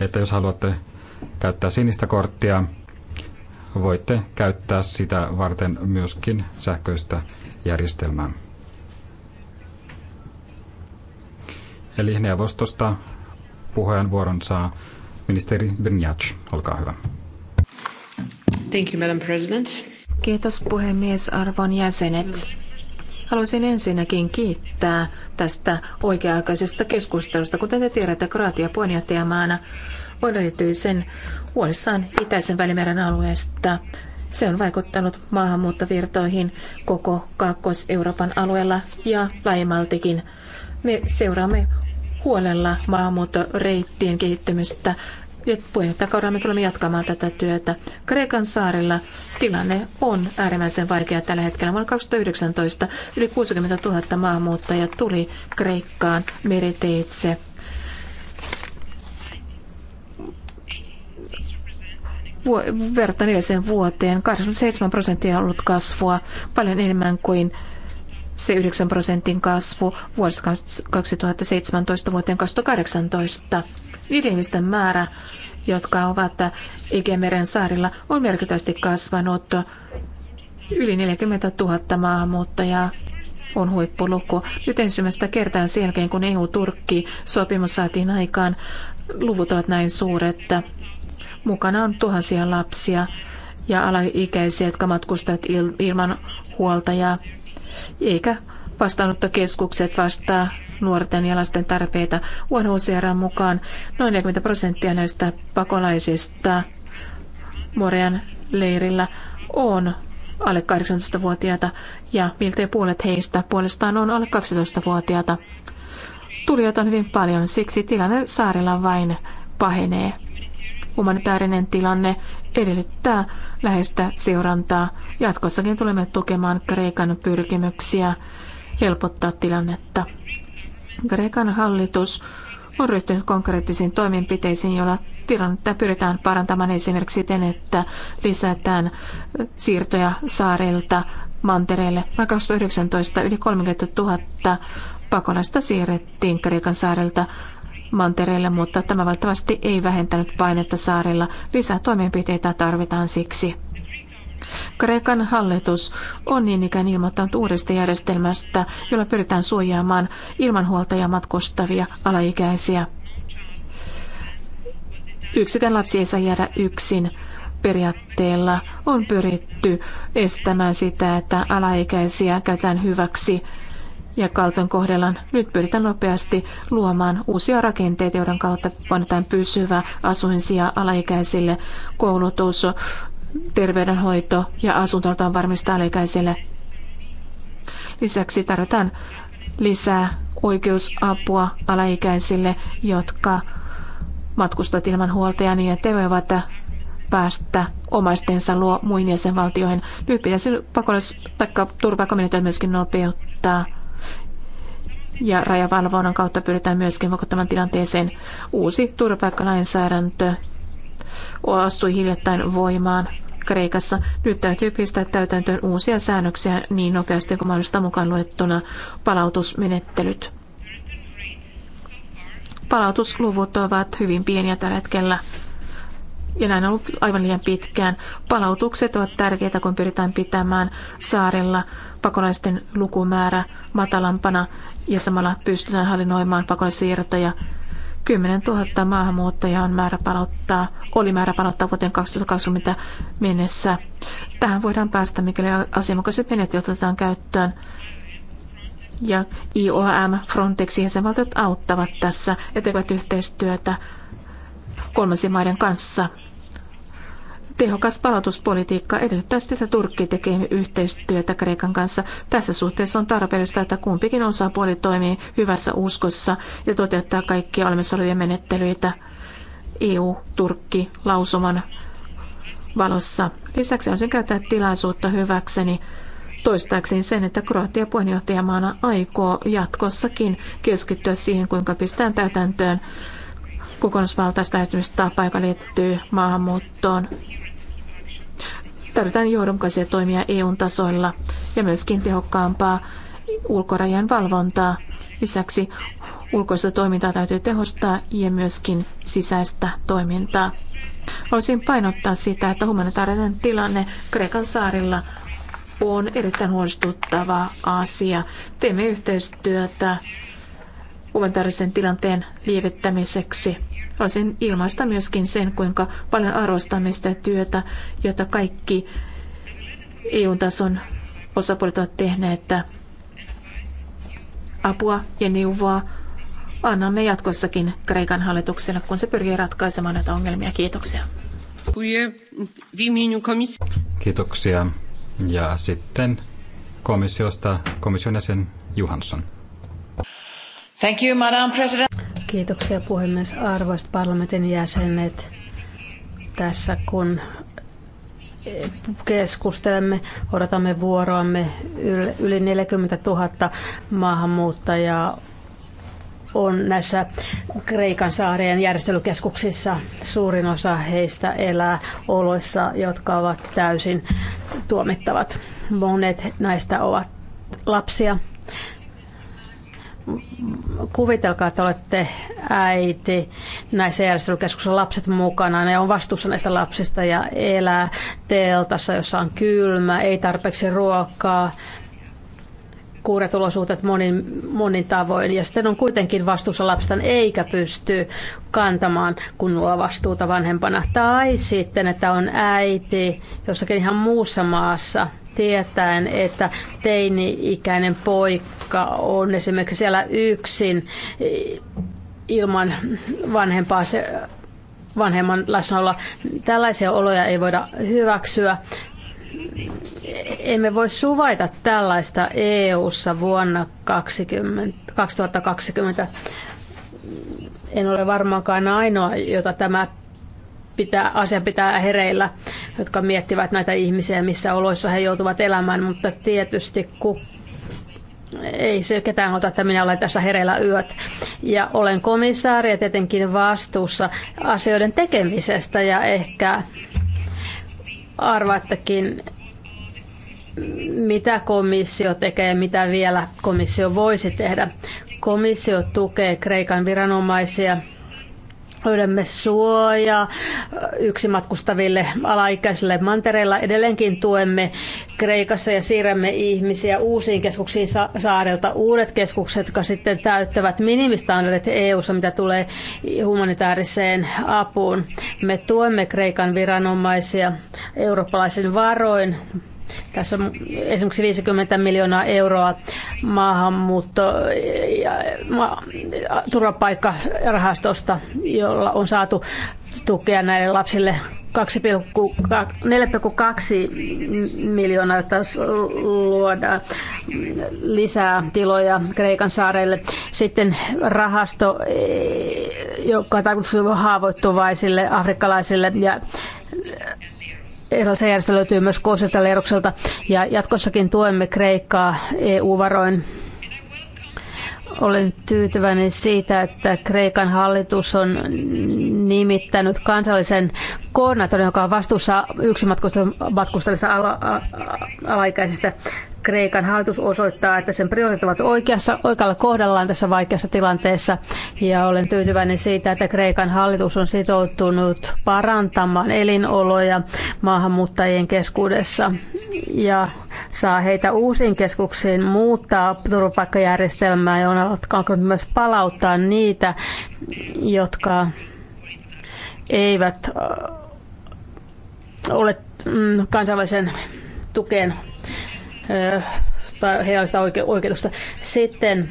että jos haluatte käyttää sinistä korttia, voitte käyttää sitä varten myöskin sähköistä järjestelmää. Eli neuvostosta puheenvuoron saa ministeri Brnjac. Olkaa hyvä. Thank you, Madam President. Kiitos puhemies, arvon jäsenet. Haluaisin ensinnäkin kiittää tästä oikea-aikaisesta keskustelusta. Kuten te tiedätte, Kroatia puheenjohtajamaana on erityisen huolissaan itäisen välimeren alueesta. Se on vaikuttanut maahanmuuttovirtoihin koko Kaakkois-Euroopan alueella ja laajemmaltikin. Me seuraamme huolella maahanmuuttoreittien kehittymistä Puheenjohtajakaudella me tulemme jatkamaan tätä työtä. Kreikan saarella tilanne on äärimmäisen vaikea tällä hetkellä. Vuonna 2019 yli 60 000 maahanmuuttajia tuli Kreikkaan meriteitse. verrattuna edelliseen vuoteen 87 prosenttia on ollut kasvua, paljon enemmän kuin se 9 prosentin kasvu vuodesta 2017 vuoteen 2018. Niiden ihmisten määrä, jotka ovat Egemeren saarilla, on merkittävästi kasvanut. Yli 40 000 maahanmuuttajaa on huippuluku. Nyt ensimmäistä kertaa sen jälkeen, kun EU-Turkki-sopimus saatiin aikaan, luvut ovat näin suuret. Mukana on tuhansia lapsia ja alaikäisiä, jotka matkustavat ilman huoltajaa, eikä vastaanottokeskukset vastaa nuorten ja lasten tarpeita. UNHCRn mukaan noin 40 prosenttia näistä pakolaisista Morean leirillä on alle 18-vuotiaita ja miltei puolet heistä puolestaan on alle 12-vuotiaita. Tulijoita on hyvin paljon, siksi tilanne saarella vain pahenee. Humanitaarinen tilanne edellyttää läheistä seurantaa. Jatkossakin tulemme tukemaan Kreikan pyrkimyksiä helpottaa tilannetta. Kreikan hallitus on ryhtynyt konkreettisiin toimenpiteisiin, joilla tilannetta pyritään parantamaan esimerkiksi siten, että lisätään siirtoja saarilta mantereelle. Vuonna 2019 yli 30 000 pakolaista siirrettiin Kreikan saarilta mantereelle, mutta tämä valtavasti ei vähentänyt painetta saarilla. Lisää toimenpiteitä tarvitaan siksi. Kreikan hallitus on niin ikään ilmoittanut uudesta järjestelmästä, jolla pyritään suojaamaan ilmanhuoltajia matkustavia alaikäisiä. Yksikään lapsi ei saa jäädä yksin periaatteella on pyritty estämään sitä, että alaikäisiä käytetään hyväksi ja kalton kohdellaan. Nyt pyritään nopeasti luomaan uusia rakenteita, joiden kautta annetaan pysyvä asuinsija alaikäisille, koulutus, terveydenhoito ja asuntoltaan varmistaa alaikäisille. Lisäksi tarvitaan lisää oikeusapua alaikäisille, jotka matkustavat ilman huoltajaa niin, että voivat päästä omaistensa luo muihin jäsenvaltioihin. Nyt pitäisi pakolais- tai turvapaikkamenetelmä myöskin nopeuttaa. Ja rajavalvonnan kautta pyritään myöskin vaikuttamaan tilanteeseen uusi turvapaikkalainsäädäntö astui hiljattain voimaan Kreikassa. Nyt täytyy pistää täytäntöön uusia säännöksiä niin nopeasti kuin mahdollista mukaan luettuna palautusmenettelyt. Palautusluvut ovat hyvin pieniä tällä hetkellä ja näin on ollut aivan liian pitkään. Palautukset ovat tärkeitä, kun pyritään pitämään saarella pakolaisten lukumäärä matalampana ja samalla pystytään hallinnoimaan pakolaisvirtoja 10 000 maahanmuuttajaa on määrä palauttaa, oli määrä palauttaa vuoteen 2020 mennessä. Tähän voidaan päästä, mikäli asianmukaiset menettelyt otetaan käyttöön. Ja IOM, Frontex ja jäsenvaltiot auttavat tässä ja tekevät yhteistyötä kolmansien maiden kanssa Tehokas palautuspolitiikka edellyttää sitä, että Turkki tekee yhteistyötä Kreikan kanssa. Tässä suhteessa on tarpeellista, että kumpikin osapuoli toimii hyvässä uskossa ja toteuttaa kaikkia olemassa olevia menettelyitä EU-Turkki-lausuman valossa. Lisäksi olisin käyttää tilaisuutta hyväkseni toistaakseni sen, että Kroatia puheenjohtajamaana aikoo jatkossakin keskittyä siihen, kuinka pistetään täytäntöön kokonaisvaltaista lähestymistapaa, joka liittyy maahanmuuttoon Tarvitaan johdonmukaisia toimia eu tasolla ja myöskin tehokkaampaa ulkorajan valvontaa. Lisäksi ulkoista toimintaa täytyy tehostaa ja myöskin sisäistä toimintaa. Haluaisin painottaa sitä, että humanitaarinen tilanne Kreikan saarilla on erittäin huolestuttava asia. Teemme yhteistyötä humanitaarisen tilanteen lievittämiseksi. Haluaisin ilmaista myöskin sen, kuinka paljon arvostamme sitä työtä, jota kaikki EU-tason osapuolet ovat tehneet, että apua ja neuvoa annamme jatkossakin Kreikan hallitukselle, kun se pyrkii ratkaisemaan näitä ongelmia. Kiitoksia. Kiitoksia. Ja sitten komissiosta komission jäsen Johansson. Thank you, Madam President. Kiitoksia puhemies arvoisat parlamentin jäsenet. Tässä kun keskustelemme, odotamme vuoroamme. Yli 40 000 maahanmuuttajaa on näissä Kreikan saarien järjestelykeskuksissa. Suurin osa heistä elää oloissa, jotka ovat täysin tuomittavat. Monet näistä ovat lapsia kuvitelkaa, että olette äiti näissä järjestelykeskuksissa lapset mukana. Ne on vastuussa näistä lapsista ja elää teltassa, jossa on kylmä, ei tarpeeksi ruokaa, kuuret olosuhteet monin, monin tavoin. Ja sitten on kuitenkin vastuussa lapsista, eikä pysty kantamaan kunnolla vastuuta vanhempana. Tai sitten, että on äiti jossakin ihan muussa maassa – tietäen, että teini-ikäinen poika on esimerkiksi siellä yksin ilman vanhempaa se, vanhemman läsnäoloa. Tällaisia oloja ei voida hyväksyä. Emme voi suvaita tällaista EU-ssa vuonna 2020. En ole varmaankaan ainoa, jota tämä pitää, asian pitää hereillä, jotka miettivät näitä ihmisiä, missä oloissa he joutuvat elämään, mutta tietysti kun ei se ketään ota, että minä olen tässä hereillä yöt. Ja olen komissaari ja tietenkin vastuussa asioiden tekemisestä ja ehkä arvattakin mitä komissio tekee, mitä vielä komissio voisi tehdä. Komissio tukee Kreikan viranomaisia löydämme suojaa yksimatkustaville matkustaville alaikäisille mantereilla. Edelleenkin tuemme Kreikassa ja siirrämme ihmisiä uusiin keskuksiin saarelta. Uudet keskukset, jotka sitten täyttävät minimistandardit EU-ssa, mitä tulee humanitaariseen apuun. Me tuemme Kreikan viranomaisia eurooppalaisen varoin tässä on esimerkiksi 50 miljoonaa euroa maahanmuutto- ja ma- turvapaikkarahastosta, jolla on saatu tukea näille lapsille 4,2 miljoonaa, jotta luodaan lisää tiloja Kreikan saarelle. Sitten rahasto, joka on haavoittuvaisille afrikkalaisille ja Erilaisia järjestöjä löytyy myös Koosilta leirukselta ja jatkossakin tuemme Kreikkaa EU-varoin. Olen tyytyväinen siitä, että Kreikan hallitus on nimittänyt kansallisen koordinaattorin, joka on vastuussa yksimatkustavista alaikäisistä. Kreikan hallitus osoittaa, että sen prioriteetit ovat oikeassa, oikealla kohdallaan tässä vaikeassa tilanteessa. Ja olen tyytyväinen siitä, että Kreikan hallitus on sitoutunut parantamaan elinoloja maahanmuuttajien keskuudessa ja saa heitä uusiin keskuksiin muuttaa turvapaikkajärjestelmää ja on alkanut myös palauttaa niitä, jotka eivät äh, ole mm, kansainvälisen tukeen tai heillä sitä oikeutusta. Sitten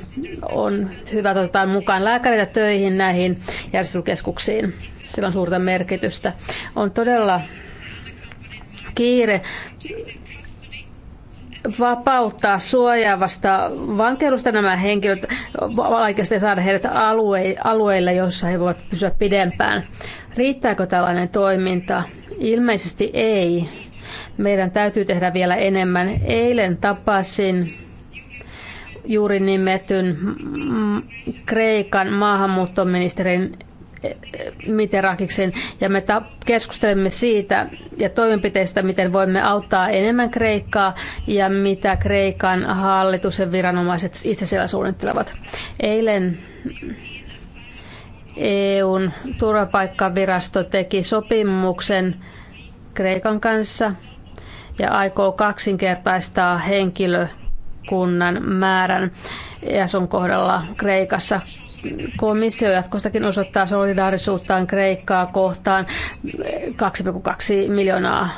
on hyvä ottaa mukaan lääkäreitä töihin näihin järjestelykeskuksiin. Sillä on suurta merkitystä. On todella kiire vapauttaa suojaavasta vankeudesta nämä henkilöt, vaikeasti saada heidät alue, alueille, joissa he voivat pysyä pidempään. Riittääkö tällainen toiminta? Ilmeisesti ei meidän täytyy tehdä vielä enemmän. Eilen tapasin juuri nimetyn mm, Kreikan maahanmuuttoministerin eh, Miterakiksen ja me keskustelemme siitä ja toimenpiteistä, miten voimme auttaa enemmän Kreikkaa ja mitä Kreikan hallitus ja viranomaiset itse siellä suunnittelevat. Eilen EUn turvapaikkavirasto teki sopimuksen Kreikan kanssa ja aikoo kaksinkertaistaa henkilökunnan määrän ja sun kohdalla Kreikassa. Komissio jatkostakin osoittaa solidaarisuuttaan Kreikkaa kohtaan 2,2 miljoonaa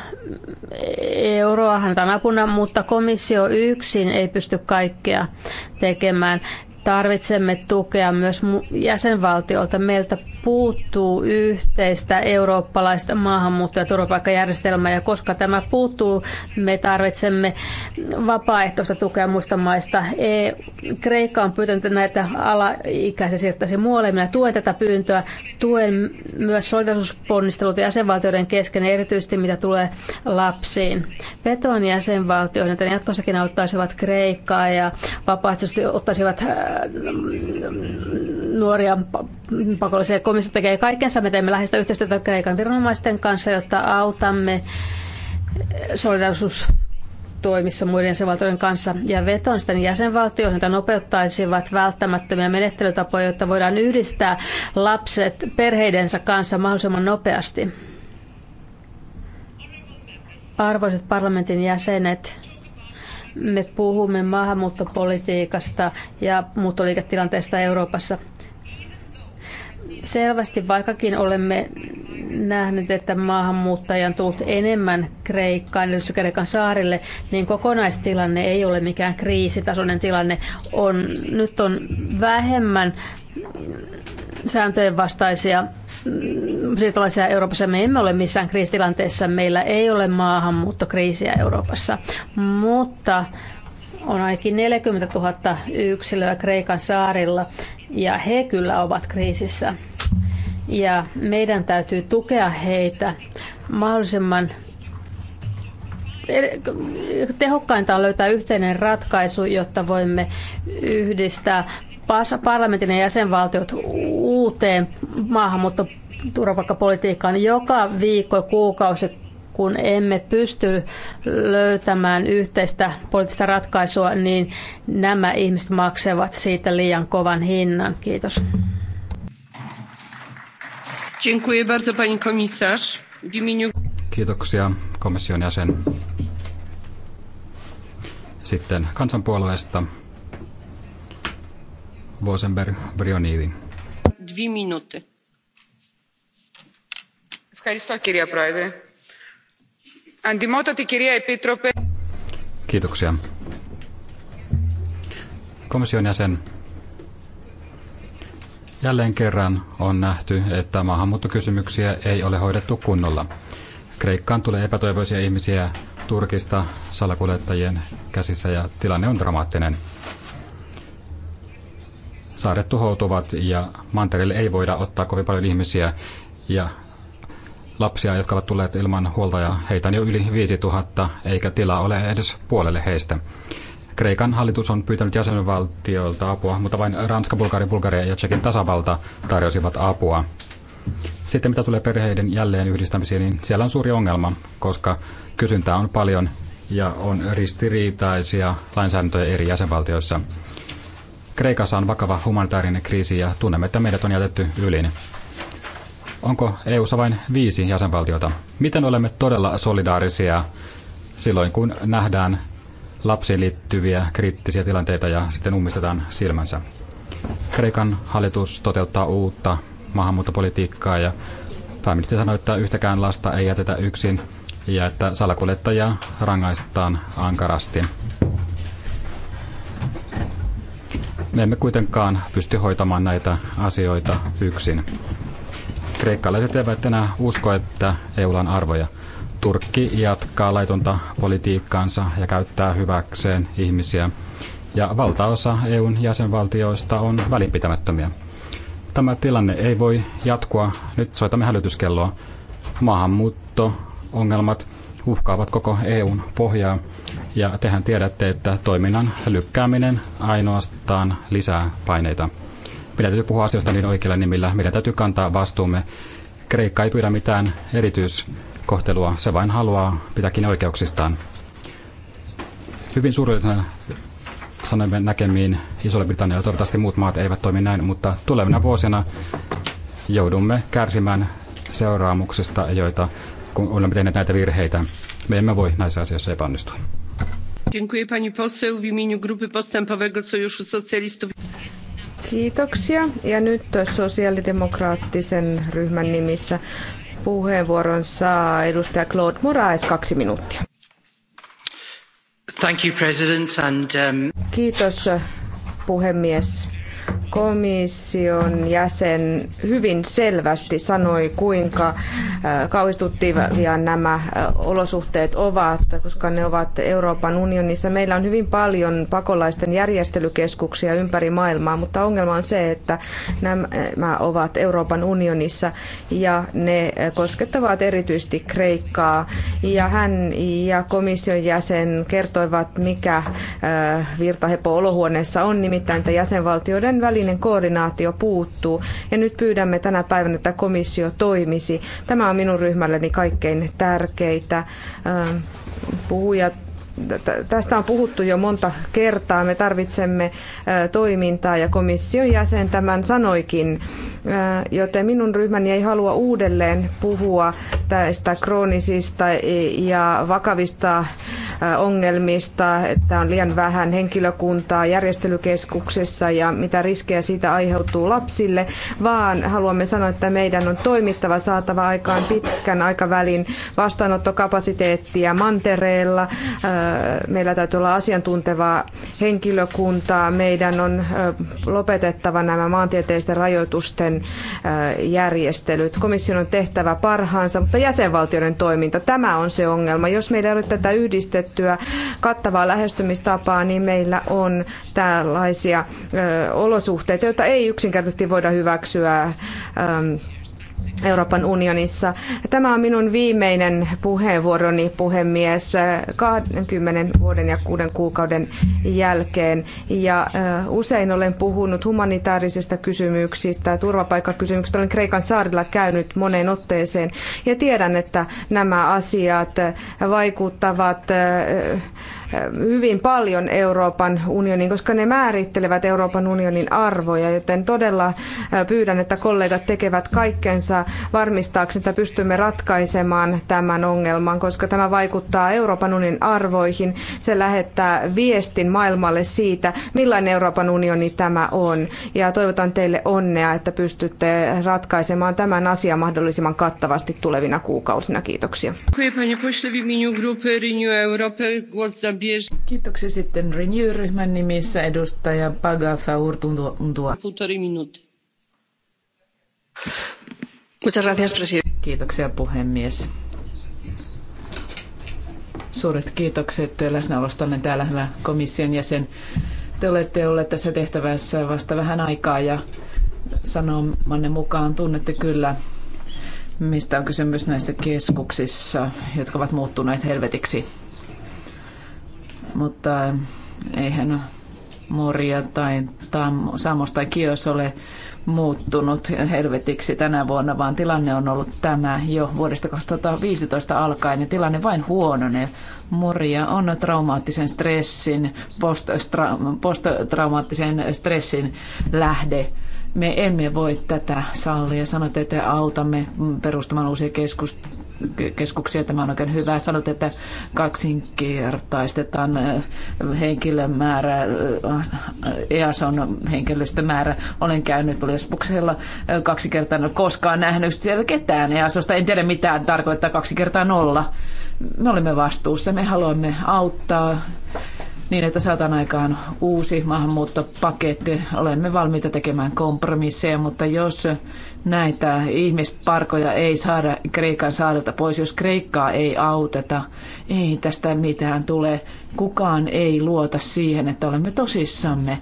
euroa häntä apuna, mutta komissio yksin ei pysty kaikkea tekemään. Tarvitsemme tukea myös jäsenvaltioilta. Meiltä puuttuu yhteistä eurooppalaista maahanmuutto- ja turvapaikkajärjestelmää, ja koska tämä puuttuu, me tarvitsemme vapaaehtoista tukea muista maista. E- Kreikka on pyytänyt näitä alaikäisiä siirtäisi muualle. Minä tuen tätä pyyntöä. Tuen myös solidarisuusponnistelut jäsenvaltioiden kesken, erityisesti mitä tulee lapsiin. Peton jäsenvaltioiden, että jatkossakin auttaisivat Kreikkaa ja vapaaehtoisesti ottaisivat nuoria pakollisia komissio tekee kaikkensa. Me teemme läheistä yhteistyötä Kreikan viranomaisten kanssa, jotta autamme solidarisuus toimissa muiden jäsenvaltioiden kanssa ja veton sitten jäsenvaltioihin, jotka nopeuttaisivat välttämättömiä menettelytapoja, jotta voidaan yhdistää lapset perheidensä kanssa mahdollisimman nopeasti. Arvoisat parlamentin jäsenet, me puhumme maahanmuuttopolitiikasta ja muuttoliiketilanteesta Euroopassa. Selvästi, vaikkakin olemme nähneet, että maahanmuuttajia on tullut enemmän Kreikkaan, eli Kreikan saarille, niin kokonaistilanne ei ole mikään kriisitasoinen tilanne. On, nyt on vähemmän sääntöjen vastaisia mm, siirtolaisia Euroopassa. Me emme ole missään kriisitilanteessa. Meillä ei ole maahanmuuttokriisiä Euroopassa. Mutta on ainakin 40 000 yksilöä Kreikan saarilla ja he kyllä ovat kriisissä. Ja meidän täytyy tukea heitä mahdollisimman tehokkainta on löytää yhteinen ratkaisu, jotta voimme yhdistää parlamentin ja jäsenvaltiot uuteen maahanmuutto turvapaikkapolitiikkaan. Joka viikko, kuukausi kun emme pysty löytämään yhteistä poliittista ratkaisua, niin nämä ihmiset maksavat siitä liian kovan hinnan. Kiitos. Kiitoksia komission jäsen. Sitten kansanpuolueesta Vosenberg Brioniidi. Kaksi minuuttia. Kiitos, κυρία Πρόεδρε. Kiitoksia. Komission jäsen, jälleen kerran on nähty, että maahanmuuttokysymyksiä ei ole hoidettu kunnolla. Kreikkaan tulee epätoivoisia ihmisiä Turkista salakuljettajien käsissä ja tilanne on dramaattinen. Saaret tuhoutuvat ja mantereelle ei voida ottaa kovin paljon ihmisiä ja lapsia, jotka ovat tulleet ilman huoltajaa. Heitä on jo yli 5000, eikä tilaa ole edes puolelle heistä. Kreikan hallitus on pyytänyt jäsenvaltioilta apua, mutta vain Ranska, Bulgaria, Bulgaria ja Tsekin tasavalta tarjosivat apua. Sitten mitä tulee perheiden jälleen yhdistämisiin, niin siellä on suuri ongelma, koska kysyntää on paljon ja on ristiriitaisia lainsäädäntöjä eri jäsenvaltioissa. Kreikassa on vakava humanitaarinen kriisi ja tunnemme, että meidät on jätetty ylin. Onko EU vain viisi jäsenvaltiota? Miten olemme todella solidaarisia silloin, kun nähdään lapsiin liittyviä kriittisiä tilanteita ja sitten ummistetaan silmänsä? Kreikan hallitus toteuttaa uutta maahanmuuttopolitiikkaa ja pääministeri sanoi, että yhtäkään lasta ei jätetä yksin ja että salakuljettajia rangaistaan ankarasti. Me emme kuitenkaan pysty hoitamaan näitä asioita yksin. Kreikkalaiset eivät enää usko, että EUlla on arvoja. Turkki jatkaa laitonta politiikkaansa ja käyttää hyväkseen ihmisiä. Ja valtaosa EUn jäsenvaltioista on välinpitämättömiä. Tämä tilanne ei voi jatkua. Nyt soitamme hälytyskelloa. Maahanmuutto-ongelmat uhkaavat koko EUn pohjaa. Ja tehän tiedätte, että toiminnan lykkääminen ainoastaan lisää paineita. Meidän täytyy puhua asioista niin oikeilla nimillä. Meidän täytyy kantaa vastuumme. Kreikka ei pyydä mitään erityiskohtelua. Se vain haluaa pitääkin oikeuksistaan. Hyvin suurellisena sanoimme näkemiin isolle britannialle Toivottavasti muut maat eivät toimi näin, mutta tulevina vuosina joudumme kärsimään seuraamuksista, joita kun olemme tehneet näitä virheitä. Me emme voi näissä asioissa epäonnistua. Dziękuję pani poseł w imieniu Grupy Postępowego Sojuszu Socjalistów. Kiitoksia. Ja nyt sosiaalidemokraattisen ryhmän nimissä puheenvuoron saa edustaja Claude Moraes, kaksi minuuttia. Thank you, President, and, um... Kiitos puhemies komission jäsen hyvin selvästi sanoi, kuinka äh, kauhistuttavia nämä äh, olosuhteet ovat, koska ne ovat Euroopan unionissa. Meillä on hyvin paljon pakolaisten järjestelykeskuksia ympäri maailmaa, mutta ongelma on se, että nämä ovat Euroopan unionissa ja ne äh, koskettavat erityisesti Kreikkaa. Ja hän ja komission jäsen kertoivat, mikä virtahepo olohuoneessa on, nimittäin että jäsenvaltioiden Toimielinten välinen koordinaatio puuttuu ja nyt pyydämme tänä päivänä, että komissio toimisi. Tämä on minun ryhmälleni kaikkein tärkeintä. Ähm, puhujat Tästä on puhuttu jo monta kertaa. Me tarvitsemme toimintaa ja komission jäsen tämän sanoikin, joten minun ryhmäni ei halua uudelleen puhua tästä kroonisista ja vakavista ongelmista, että on liian vähän henkilökuntaa järjestelykeskuksessa ja mitä riskejä siitä aiheutuu lapsille, vaan haluamme sanoa, että meidän on toimittava saatava aikaan pitkän aikavälin vastaanottokapasiteettia mantereella, meillä täytyy olla asiantuntevaa henkilökuntaa, meidän on lopetettava nämä maantieteellisten rajoitusten järjestelyt. Komission on tehtävä parhaansa, mutta jäsenvaltioiden toiminta, tämä on se ongelma. Jos meillä ei ole tätä yhdistettyä kattavaa lähestymistapaa, niin meillä on tällaisia olosuhteita, joita ei yksinkertaisesti voida hyväksyä. Euroopan unionissa. Tämä on minun viimeinen puheenvuoroni, puhemies, 20 vuoden ja kuuden kuukauden jälkeen. Ja usein olen puhunut humanitaarisista kysymyksistä, turvapaikkakysymyksistä. Olen Kreikan saarilla käynyt moneen otteeseen ja tiedän, että nämä asiat vaikuttavat Ähm, hyvin paljon Euroopan unionin, koska ne määrittelevät Euroopan unionin arvoja, joten todella äh, pyydän, että kollegat tekevät kaikkensa varmistaakseen, että pystymme ratkaisemaan tämän ongelman, koska tämä vaikuttaa Euroopan unionin arvoihin. Se lähettää viestin maailmalle siitä, millainen Euroopan unioni tämä on. Ja toivotan teille onnea, että pystytte ratkaisemaan tämän asian mahdollisimman kattavasti tulevina kuukausina. Kiitoksia. Kiitoksia sitten Renew-ryhmän nimissä edustaja Pagatha Urtuntua. minuutti. Muchas gracias, presidente. Kiitoksia puhemies. Suuret kiitokset läsnäolostanne täällä, hyvä komission jäsen. Te olette olleet tässä tehtävässä vasta vähän aikaa ja sanomanne mukaan tunnette kyllä, mistä on kysymys näissä keskuksissa, jotka ovat muuttuneet helvetiksi mutta eihän Moria tai Samos tai Kios ole muuttunut helvetiksi tänä vuonna, vaan tilanne on ollut tämä jo vuodesta 2015 alkaen ja tilanne vain huononee. Moria on traumaattisen stressin, posttraumaattisen stressin lähde me emme voi tätä sallia. Sanoit, että autamme perustamaan uusia keskus, keskuksia. Tämä on oikein hyvä. Sanoit, että kaksinkertaistetaan äh, henkilömäärä, äh, EASON henkilöstömäärä. Olen käynyt Lesboksella äh, kaksi kertaa. En ole koskaan nähnyt siellä ketään EASOsta. En tiedä mitään tarkoittaa kaksi kertaa nolla. Me olemme vastuussa. Me haluamme auttaa niin, että saadaan aikaan uusi maahanmuuttopaketti. Olemme valmiita tekemään kompromisseja, mutta jos näitä ihmisparkoja ei saada Kreikan saarelta pois, jos Kreikkaa ei auteta, ei tästä mitään tule. Kukaan ei luota siihen, että olemme tosissamme.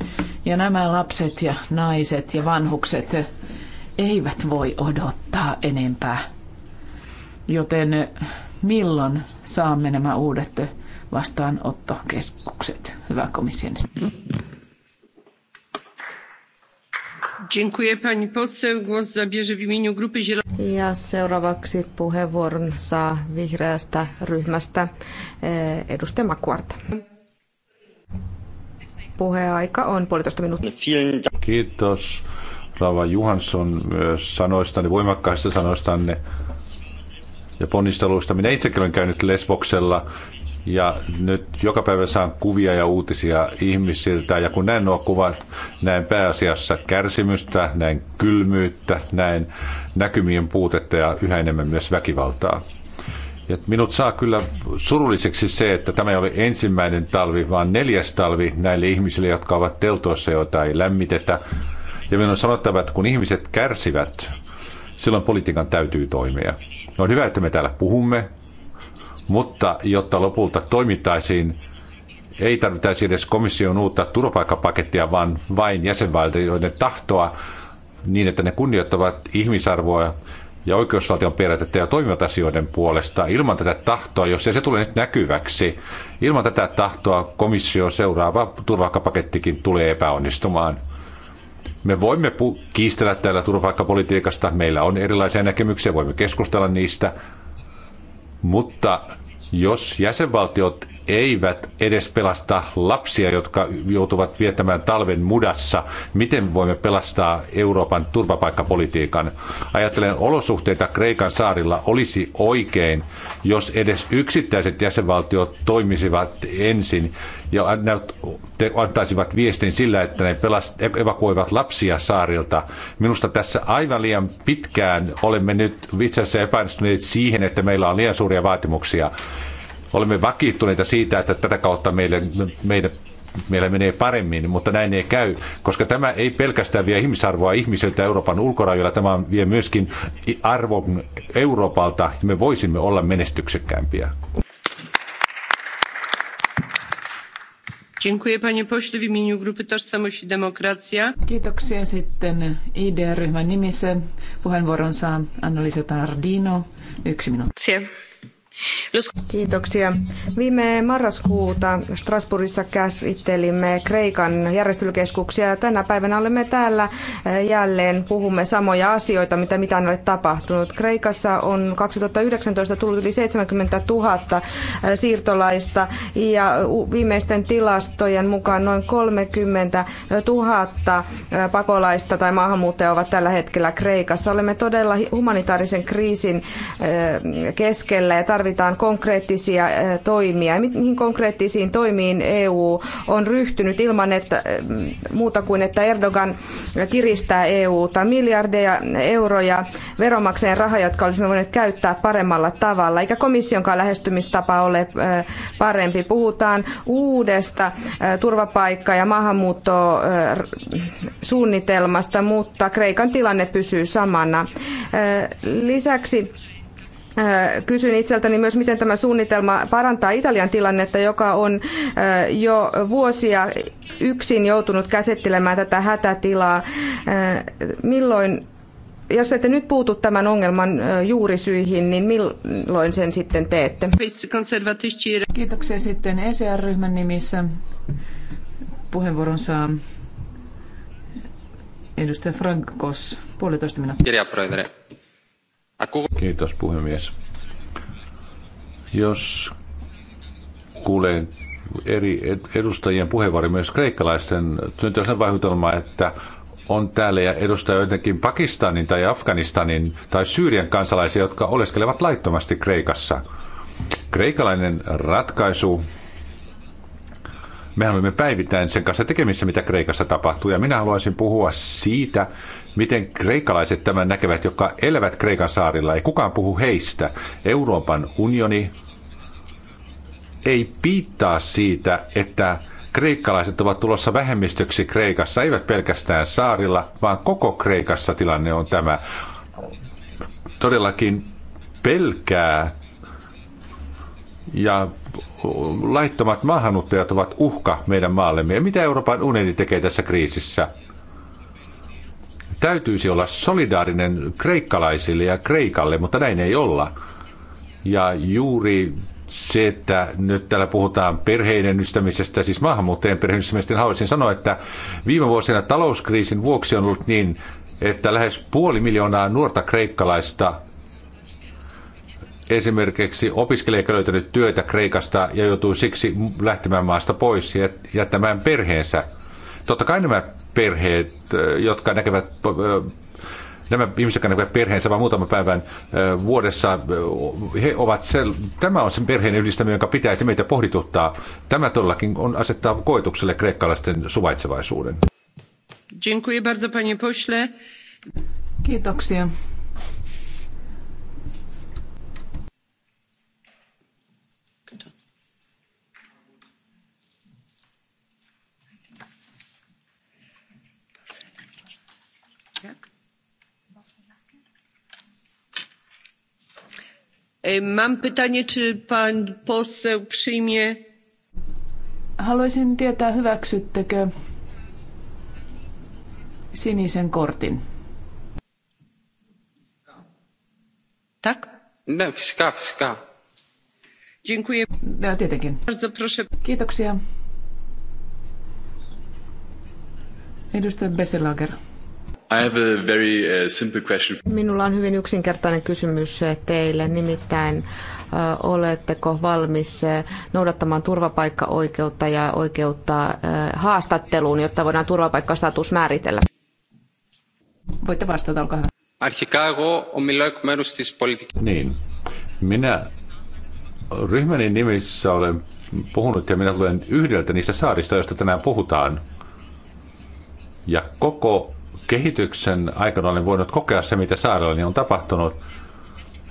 Ja nämä lapset ja naiset ja vanhukset eivät voi odottaa enempää. Joten milloin saamme nämä uudet vastaanottokeskukset. Hyvä komission. Dziękuję pani poseł. Głos zabierze w imieniu grupy Zielonych. Ja seuraavaksi puheenvuoron saa vihreästä ryhmästä eh, edustaja Makuarta. Puheaika on puolitoista minuuttia. Kiitos Rava Johansson myös sanoistanne, voimakkaista sanoistanne ja ponnisteluista. Minä itsekin olen käynyt Lesboksella ja nyt joka päivä saan kuvia ja uutisia ihmisiltä, ja kun näen nuo kuvat, näen pääasiassa kärsimystä, näen kylmyyttä, näen näkymien puutetta ja yhä enemmän myös väkivaltaa. Ja minut saa kyllä surulliseksi se, että tämä ei ole ensimmäinen talvi, vaan neljäs talvi näille ihmisille, jotka ovat teltoissa, joita ei lämmitetä. Ja minun on sanottava, että kun ihmiset kärsivät, silloin politiikan täytyy toimia. On hyvä, että me täällä puhumme, mutta jotta lopulta toimittaisiin, ei tarvittaisi edes komission uutta turvapaikkapakettia, vaan vain jäsenvaltioiden tahtoa niin, että ne kunnioittavat ihmisarvoa ja oikeusvaltion periaatetta ja toimivat asioiden puolesta. Ilman tätä tahtoa, jos ei se tule nyt näkyväksi, ilman tätä tahtoa komissio seuraava turvapaikkapakettikin tulee epäonnistumaan. Me voimme kiistellä täällä turvapaikkapolitiikasta, meillä on erilaisia näkemyksiä, voimme keskustella niistä, mutta jos jäsenvaltiot eivät edes pelasta lapsia, jotka joutuvat viettämään talven mudassa. Miten voimme pelastaa Euroopan turvapaikkapolitiikan? Ajattelen olosuhteita Kreikan saarilla olisi oikein, jos edes yksittäiset jäsenvaltiot toimisivat ensin ja antaisivat viestin sillä, että ne pelast- e- evakuoivat lapsia saarilta. Minusta tässä aivan liian pitkään olemme nyt itse asiassa epäonnistuneet siihen, että meillä on liian suuria vaatimuksia olemme vakiintuneita siitä, että tätä kautta meille, meille meillä menee paremmin, mutta näin ei käy, koska tämä ei pelkästään vie ihmisarvoa ihmisiltä Euroopan ulkorajoilla, tämä vie myöskin arvon Euroopalta, ja me voisimme olla menestyksekkäämpiä. Dziękuję panie pośle w imieniu grupy Tożsamość i Demokracja. Kiitoksia sitten ID-ryhmän nimissä. Puheenvuoron saa Anna-Lisa Tardino. Yksi minuutti. Kiitoksia. Viime marraskuuta Strasbourgissa käsittelimme Kreikan järjestelykeskuksia ja tänä päivänä olemme täällä eh, jälleen puhumme samoja asioita, mitä mitään ei ole tapahtunut. Kreikassa on 2019 tullut yli 70 000 eh, siirtolaista ja viimeisten tilastojen mukaan noin 30 000 eh, pakolaista tai maahanmuuttajaa ovat tällä hetkellä Kreikassa. Olemme todella humanitaarisen kriisin keskellä ja tarvitsemme tarvitaan konkreettisia eh, toimia. Mihin konkreettisiin toimiin EU on ryhtynyt ilman että, eh, muuta kuin, että Erdogan kiristää EUta miljardeja euroja veronmaksajien rahaa, jotka olisimme voineet käyttää paremmalla tavalla. Eikä komissionkaan lähestymistapa ole eh, parempi. Puhutaan uudesta turvapaikka- ja maahanmuuttosuunnitelmasta, mutta Kreikan tilanne pysyy samana. Lisäksi Kysyn itseltäni myös, miten tämä suunnitelma parantaa Italian tilannetta, joka on jo vuosia yksin joutunut käsittelemään tätä hätätilaa. Milloin, jos ette nyt puutu tämän ongelman juurisyihin, niin milloin sen sitten teette? Kiitoksia sitten ECR-ryhmän nimissä. Puheenvuoron saa edustaja Frankos, puolitoista minuuttia. Kiitos puhemies. Jos kuulen eri edustajien puheenvuoron myös kreikkalaisten, syntyy sen vaikutelma, että on täällä ja edustaa jotenkin Pakistanin tai Afganistanin tai Syyrian kansalaisia, jotka oleskelevat laittomasti Kreikassa. Kreikalainen ratkaisu, mehän olemme päivittäin sen kanssa tekemissä, mitä Kreikassa tapahtuu, ja minä haluaisin puhua siitä, miten kreikalaiset tämän näkevät, jotka elävät Kreikan saarilla. Ei kukaan puhu heistä. Euroopan unioni ei piittaa siitä, että kreikkalaiset ovat tulossa vähemmistöksi Kreikassa, eivät pelkästään saarilla, vaan koko Kreikassa tilanne on tämä. Todellakin pelkää ja laittomat maahanmuuttajat ovat uhka meidän maallemme. Ja mitä Euroopan unioni tekee tässä kriisissä? täytyisi olla solidaarinen kreikkalaisille ja Kreikalle, mutta näin ei olla. Ja juuri se, että nyt täällä puhutaan ystämisestä, siis maahanmuuttajien ystämisestä, niin haluaisin sanoa, että viime vuosina talouskriisin vuoksi on ollut niin, että lähes puoli miljoonaa nuorta kreikkalaista esimerkiksi opiskelee eikä löytänyt työtä Kreikasta ja joutuu siksi lähtemään maasta pois ja jättämään perheensä. Totta kai nämä perheet, jotka näkevät nämä ihmiset, jotka näkevät perheensä vain muutaman päivän vuodessa, he ovat sel- tämä on sen perheen yhdistäminen, joka pitäisi meitä pohdituttaa. Tämä todellakin on asettaa koetukselle kreikkalaisten suvaitsevaisuuden. Dziękuję bardzo, panie pośle. Kiitoksia, Mam pytanie, czy pan poseł przyjmie... Haluaisin tietää, hyväksyttekö sinisen kortin? Tak? No, wska, wska. Dziękuję. No, tietenkin. Bardzo proszę. Kiitoksia. Edustaja Besselager. Uh, Minulla on hyvin yksinkertainen kysymys teille, nimittäin oletteko valmis noudattamaan turvapaikkaoikeutta ja oikeutta haastatteluun, jotta voidaan turvapaikkastatus määritellä? Voitte vastata, olkaa hyvä. Αρχικά Niin. Minä ryhmäni nimissä olen puhunut ja minä tulen yhdeltä niistä saarista, joista tänään puhutaan. Ja koko kehityksen aikana olen voinut kokea se, mitä saarellani niin on tapahtunut.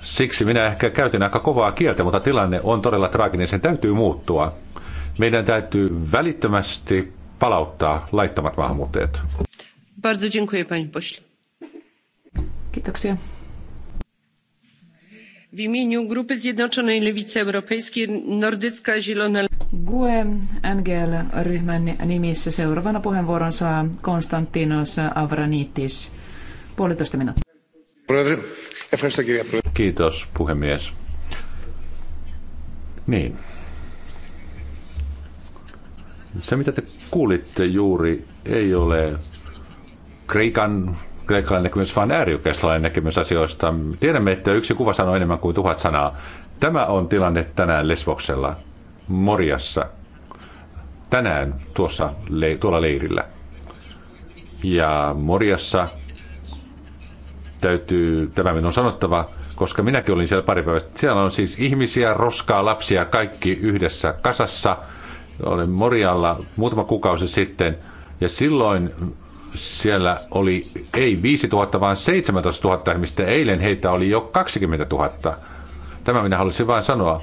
Siksi minä ehkä käytin aika kovaa kieltä, mutta tilanne on todella traaginen. Sen täytyy muuttua. Meidän täytyy välittömästi palauttaa laittomat maahanmuuttajat. Bardzo dziękuję, pani pośle. Kiitoksia. W imieniu Grupy Zjednoczonej Lewicy Europejskiej Nordycka Zielona GUE NGL-ryhmän nimissä seuraavana puheenvuoron saa Konstantinos Avranitis. Puolitoista minuuttia. Kiitos puhemies. Niin. Se mitä te kuulitte juuri ei ole Kreikan kreikkalainen näkemys, vaan äärioikeistolainen näkemys asioista. Tiedämme, että yksi kuva sanoo enemmän kuin tuhat sanaa. Tämä on tilanne tänään Lesboksella. Moriassa tänään tuossa, tuolla leirillä. Ja Moriassa täytyy, tämä minun on sanottava, koska minäkin olin siellä pari päivää. Siellä on siis ihmisiä, roskaa, lapsia, kaikki yhdessä kasassa. Olin Morialla muutama kuukausi sitten ja silloin siellä oli ei 5000, vaan 17 000 ihmistä. Eilen heitä oli jo 20 000. Tämä minä halusin vain sanoa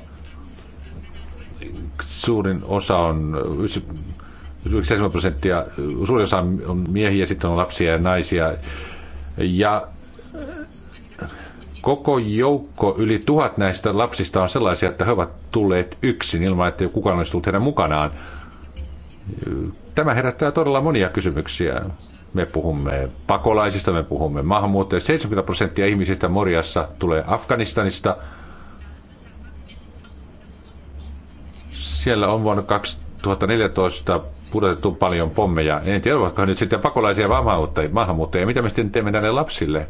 suurin osa on 97 prosenttia, suurin osa on miehiä, sitten on lapsia ja naisia. Ja koko joukko, yli tuhat näistä lapsista on sellaisia, että he ovat tulleet yksin ilman, että kukaan olisi tullut heidän mukanaan. Tämä herättää todella monia kysymyksiä. Me puhumme pakolaisista, me puhumme maahanmuuttajista. 70 prosenttia ihmisistä Moriassa tulee Afganistanista – Siellä on vuonna 2014 pudotettu paljon pommeja. En tiedä, ovatko nyt sitten pakolaisia vai maahanmuuttajia. Mitä me sitten teemme näille lapsille?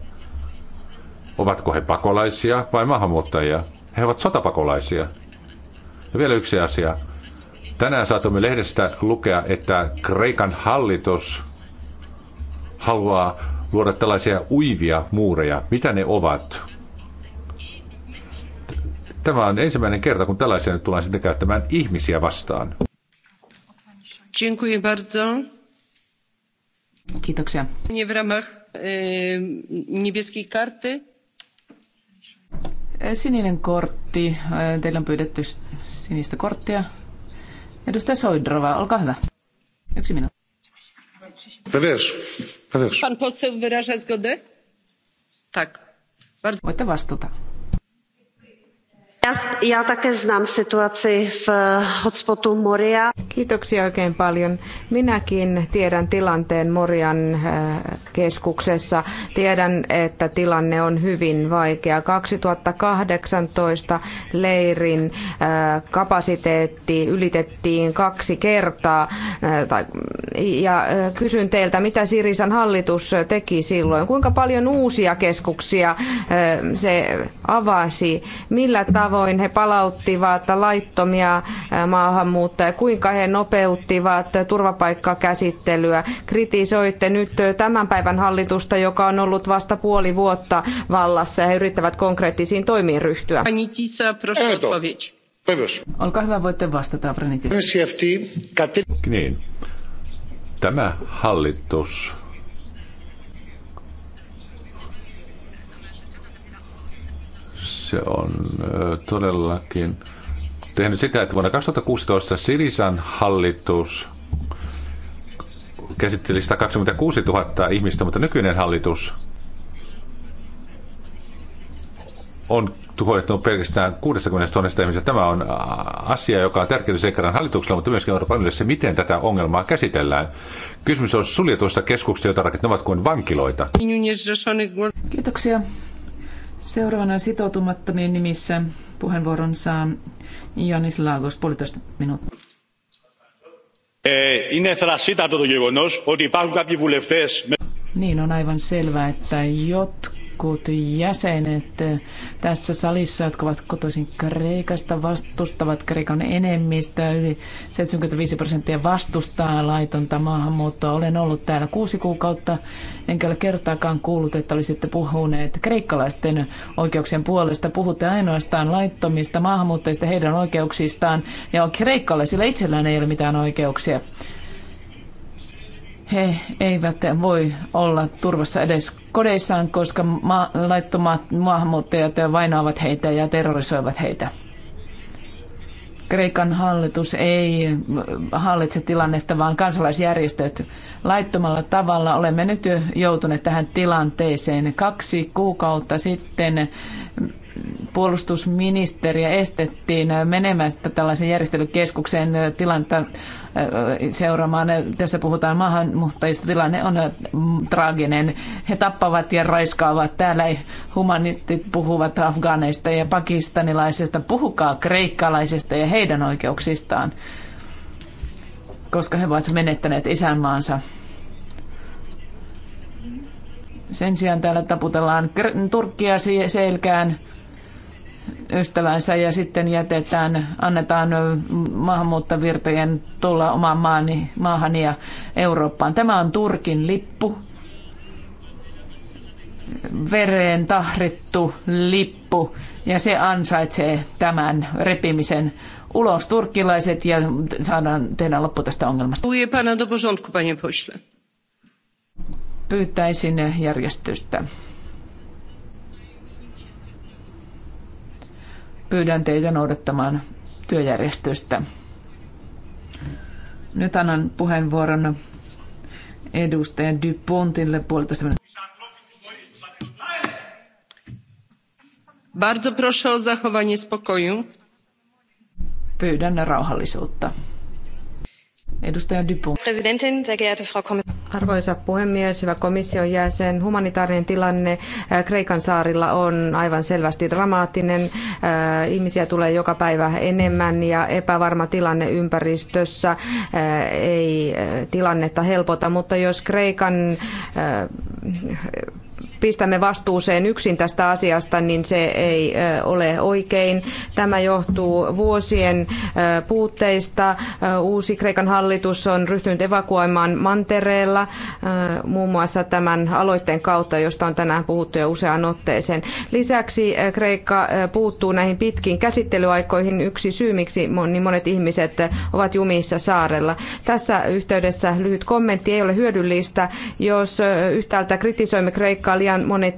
Ovatko he pakolaisia vai maahanmuuttajia? He ovat sotapakolaisia. Ja vielä yksi asia. Tänään saatamme lehdestä lukea, että Kreikan hallitus haluaa luoda tällaisia uivia muureja. Mitä ne ovat? Tämä on ensimmäinen kerta, kun tällaisia nyt tullaan sitten käyttämään ihmisiä vastaan. Dziękuję bardzo. Kiitoksia. Nie w ramach e, niebieskiej karty. E, sininen kortti. E, teillä on pyydetty sinistä korttia. Edustaja Soidrova, olkaa hyvä. Yksi minuutti. Pewierz. Pewierz. Pan poseł wyraża zgodę? Tak. Bardzo. Voitte vastata. Eh, Kiitoksia oikein paljon. Minäkin tiedän tilanteen Morian eh, keskuksessa. Tiedän, että tilanne on hyvin vaikea. 2018 leirin eh, kapasiteetti ylitettiin kaksi kertaa. Ja kysyn teiltä, mitä Sirisan hallitus teki silloin? Kuinka paljon uusia keskuksia se avasi? Millä tavalla tavoin he palauttivat laittomia maahanmuuttajia, kuinka he nopeuttivat turvapaikkakäsittelyä. Kritisoitte nyt tämän päivän hallitusta, joka on ollut vasta puoli vuotta vallassa ja he yrittävät konkreettisiin toimiin ryhtyä. Olkaa hyvä, voitte vastata, Franitis. Niin. Tämä hallitus se on todellakin tehnyt sitä, että vuonna 2016 Sirisan hallitus käsitteli 126 000 ihmistä, mutta nykyinen hallitus on huolehtinut pelkästään 60 000 ihmistä. Tämä on asia, joka on tärkeä sekä hallituksella, mutta myöskin Euroopan yleensä, miten tätä ongelmaa käsitellään. Kysymys on suljetuista keskuksista, joita rakennetaan kuin vankiloita. Kiitoksia. Seuraavana sitoutumattomien nimissä puheenvuoron saa Janis Lagos, puolitoista minuuttia. Είναι θρασίτατο το γεγονός ότι υπάρχουν κάποιοι βουλευτές... Niin on aivan selvää, että jotkut jotkut jäsenet tässä salissa, jotka ovat kotoisin Kreikasta, vastustavat Kreikan enemmistöä. Yli 75 prosenttia vastustaa laitonta maahanmuuttoa. Olen ollut täällä kuusi kuukautta, enkä ole kertaakaan kuullut, että olisitte puhuneet kreikkalaisten oikeuksien puolesta. Puhutte ainoastaan laittomista maahanmuuttajista, heidän oikeuksistaan, ja kreikkalaisilla itsellään ei ole mitään oikeuksia he eivät voi olla turvassa edes kodeissaan, koska ma- laittomat maahanmuuttajat vainoavat heitä ja terrorisoivat heitä. Kreikan hallitus ei hallitse tilannetta, vaan kansalaisjärjestöt laittomalla tavalla. Olemme nyt jo joutuneet tähän tilanteeseen. Kaksi kuukautta sitten puolustusministeriä estettiin menemästä tällaisen järjestelykeskukseen tilannetta seuraamaan. Tässä puhutaan maahanmuuttajista. Tilanne on äh, traaginen. He tappavat ja raiskaavat. Täällä humanistit puhuvat afgaaneista ja pakistanilaisista. Puhukaa kreikkalaisista ja heidän oikeuksistaan, koska he ovat menettäneet isänmaansa. Sen sijaan täällä taputellaan Turkkia selkään – ystävänsä ja sitten jätetään, annetaan maahanmuuttavirtojen tulla omaan maani, maahan ja Eurooppaan. Tämä on Turkin lippu, vereen tahrittu lippu ja se ansaitsee tämän repimisen ulos turkkilaiset ja saadaan tehdä loppu tästä ongelmasta. Pyytäisin järjestystä. Pyydän teitä noudattamaan työjärjestystä. Nyt annan puheenvuoron edustaja Dupontille puolitoista minuuttia. Bardzo proszę o zachowanie spokoju. Pyydän rauhallisuutta. Edustaja Dupont. Presidentin, Arvoisa puhemies, hyvä komission jäsen. Humanitaarinen tilanne äh, Kreikan saarilla on aivan selvästi dramaattinen. Äh, ihmisiä tulee joka päivä enemmän ja epävarma tilanne ympäristössä äh, ei tilannetta helpota, mutta jos Kreikan pistämme vastuuseen yksin tästä asiasta, niin se ei ole oikein. Tämä johtuu vuosien puutteista. Uusi Kreikan hallitus on ryhtynyt evakuoimaan mantereella muun muassa tämän aloitteen kautta, josta on tänään puhuttu jo useaan otteeseen. Lisäksi Kreikka puuttuu näihin pitkiin käsittelyaikoihin. Yksi syy, miksi niin monet ihmiset ovat jumissa saarella. Tässä yhteydessä lyhyt kommentti ei ole hyödyllistä, jos yhtäältä kritisoimme Kreikkaa liian monet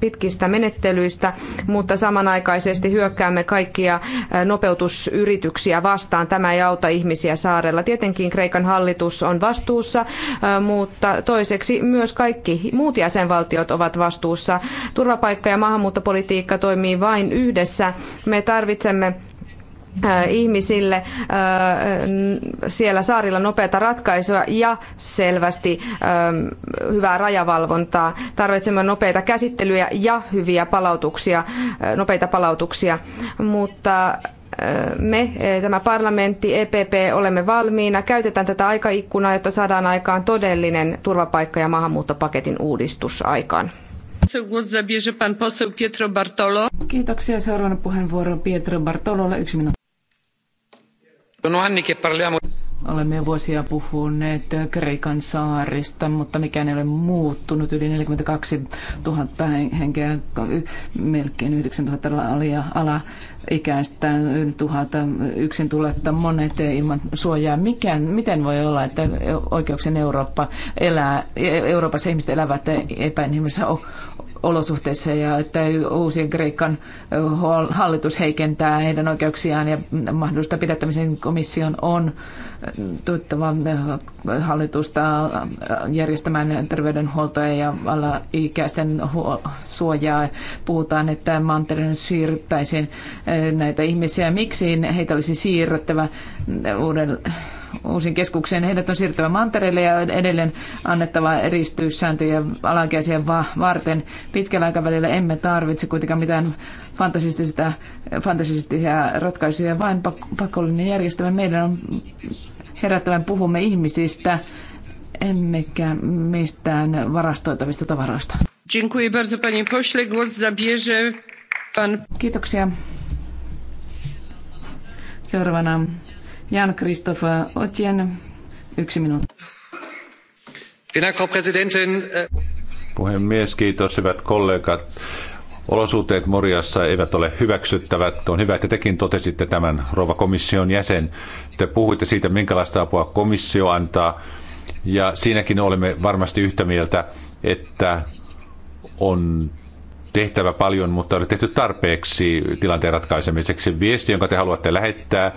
pitkistä menettelyistä, mutta samanaikaisesti hyökkäämme kaikkia nopeutusyrityksiä vastaan. Tämä ei auta ihmisiä saarella. Tietenkin Kreikan hallitus on vastuussa, mutta toiseksi myös kaikki muut jäsenvaltiot ovat vastuussa. Turvapaikka- ja maahanmuuttopolitiikka toimii vain yhdessä. Me tarvitsemme Äh, ihmisille äh, siellä saarilla nopeata ratkaisua ja selvästi ähm, hyvää rajavalvontaa. Tarvitsemme nopeita käsittelyjä ja hyviä palautuksia, äh, nopeita palautuksia, mutta me, e, tämä parlamentti, EPP, olemme valmiina. Käytetään tätä aikaikkunaa, jotta saadaan aikaan todellinen turvapaikka- ja maahanmuuttopaketin uudistus aikaan. Kiitoksia. Seuraavana puheenvuoro Pietro Bartololle. Yksi minuutti. Olemme jo vuosia puhuneet Kreikan saarista, mutta mikään ei ole muuttunut. Yli 42 000 henkeä, melkein 9 000 alia, ala ikäistä, tuhatta yksin tuletta, monet ilman suojaa. Mikään, miten voi olla, että oikeuksien Eurooppa elää, Euroopassa ihmiset elävät epäinhimillisissä olosuhteissa ja että uusien Kreikan hallitus heikentää heidän oikeuksiaan ja mahdollista pidättämisen komission on tuottava hallitusta järjestämään terveydenhuoltoa ja alaikäisten suojaa. Puhutaan, että mantereen siirryttäisiin näitä ihmisiä. Miksi heitä olisi siirrettävä uuden uusiin keskukseen. Heidät on siirtävä mantereille ja edelleen annettava eristyyssääntöjä alakäisiä va- varten. Pitkällä aikavälillä emme tarvitse kuitenkaan mitään fantasistista, fantasistisia ratkaisuja, vain pak- pakollinen järjestelmä. Meidän on herättävän puhumme ihmisistä, emmekä mistään varastoitavista tavaroista. Kiitoksia. Seuraavana Jan Christoph Otjen, yksi minuutti. Puhemies, kiitos hyvät kollegat. Olosuhteet Moriassa eivät ole hyväksyttävät. On hyvä, että tekin totesitte tämän, rouva komission jäsen. Te puhuitte siitä, minkälaista apua komissio antaa. Ja siinäkin olemme varmasti yhtä mieltä, että on tehtävä paljon, mutta ei ole tehty tarpeeksi tilanteen ratkaisemiseksi. Viesti, jonka te haluatte lähettää,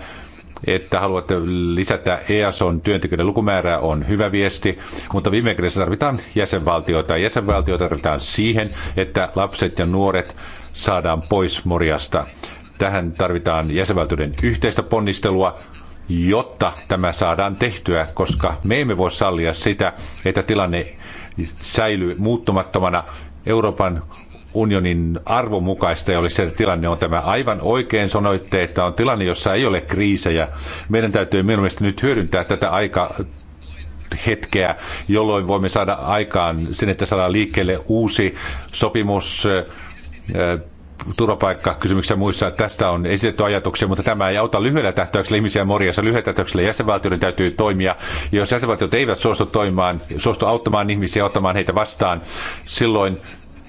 että haluatte lisätä EASOn työntekijöiden lukumäärää on hyvä viesti, mutta viime kädessä tarvitaan jäsenvaltioita. Jäsenvaltioita tarvitaan siihen, että lapset ja nuoret saadaan pois morjasta. Tähän tarvitaan jäsenvaltioiden yhteistä ponnistelua, jotta tämä saadaan tehtyä, koska me emme voi sallia sitä, että tilanne säilyy muuttumattomana. Euroopan unionin arvomukaista ja oli se tilanne on tämä. Aivan oikein sanoitte, että on tilanne, jossa ei ole kriisejä. Meidän täytyy mielestäni nyt hyödyntää tätä aika hetkeä, jolloin voimme saada aikaan sen, että saadaan liikkeelle uusi sopimus turvapaikkakysymyksissä muissa. Tästä on esitetty ajatuksia, mutta tämä ei auta lyhyellä tähtäyksellä ihmisiä morjassa. Lyhyellä tähtäyksellä jäsenvaltioiden täytyy toimia. Ja jos jäsenvaltiot eivät suostu toimimaan, suostu auttamaan ihmisiä, ottamaan heitä vastaan, silloin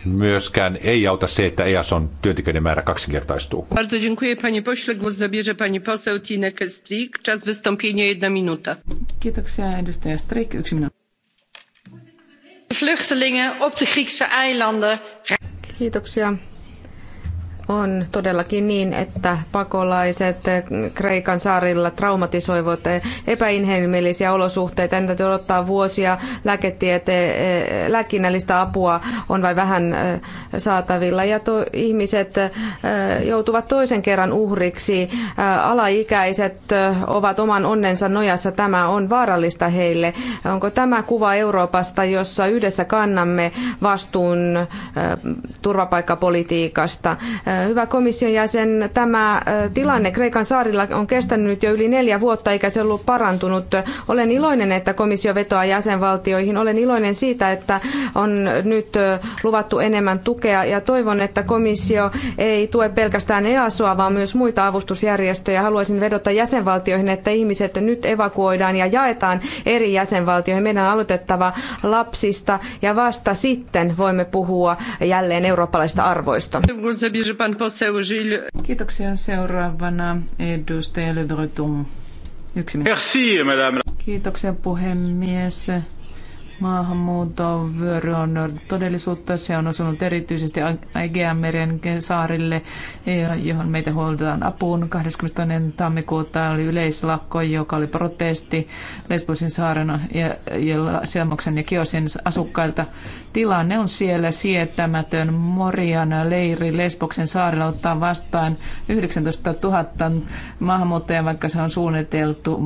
myöskään ei auta se, että EASON työntekijöiden määrä kaksinkertaistuu. Bardzo dziękuję panie pośle. Głos zabierze pani poseł Tineke Strik. Czas wystąpienia jedna minuta. Kiitoksia edustaja Strik. Yksi minuutti. Vluchtelingen op de Griekse eilanden. Kiitoksia on todellakin niin, että pakolaiset Kreikan saarilla traumatisoivat epäinhimillisiä olosuhteita. Entä täytyy odottaa vuosia lääketiete, eh, lääkinnällistä apua on vain vähän eh, saatavilla. Ja to, ihmiset eh, joutuvat toisen kerran uhriksi. Alaikäiset ovat oman onnensa nojassa. Tämä on vaarallista heille. Onko tämä kuva Euroopasta, jossa yhdessä kannamme vastuun turvapaikkapolitiikasta? Hyvä komission jäsen, tämä tilanne Kreikan saarilla on kestänyt jo yli neljä vuotta eikä se ollut parantunut. Olen iloinen, että komissio vetoaa jäsenvaltioihin. Olen iloinen siitä, että on nyt luvattu enemmän tukea ja toivon, että komissio ei tue pelkästään EASOa, vaan myös muita avustusjärjestöjä. Haluaisin vedota jäsenvaltioihin, että ihmiset nyt evakuoidaan ja jaetaan eri jäsenvaltioihin. Meidän on aloitettava lapsista ja vasta sitten voimme puhua jälleen eurooppalaisista arvoista. Gilles. Kiitoksia seuraavana edustaja Le Breton. Yksi Merci, madame. Kiitoksia puhemies. Maahanmuuton vyöry on todellisuutta. Se on osunut erityisesti Aegeanmeren saarille, johon meitä huoltaan apuun. 22. tammikuuta oli yleislakko, joka oli protesti Lesbosin saaren ja, ja Selmoksen ja Kiosin asukkailta. Tilanne on siellä sietämätön. Morian leiri Lesboksen saarella ottaa vastaan 19 000 maahanmuuttajaa, vaikka se on suunniteltu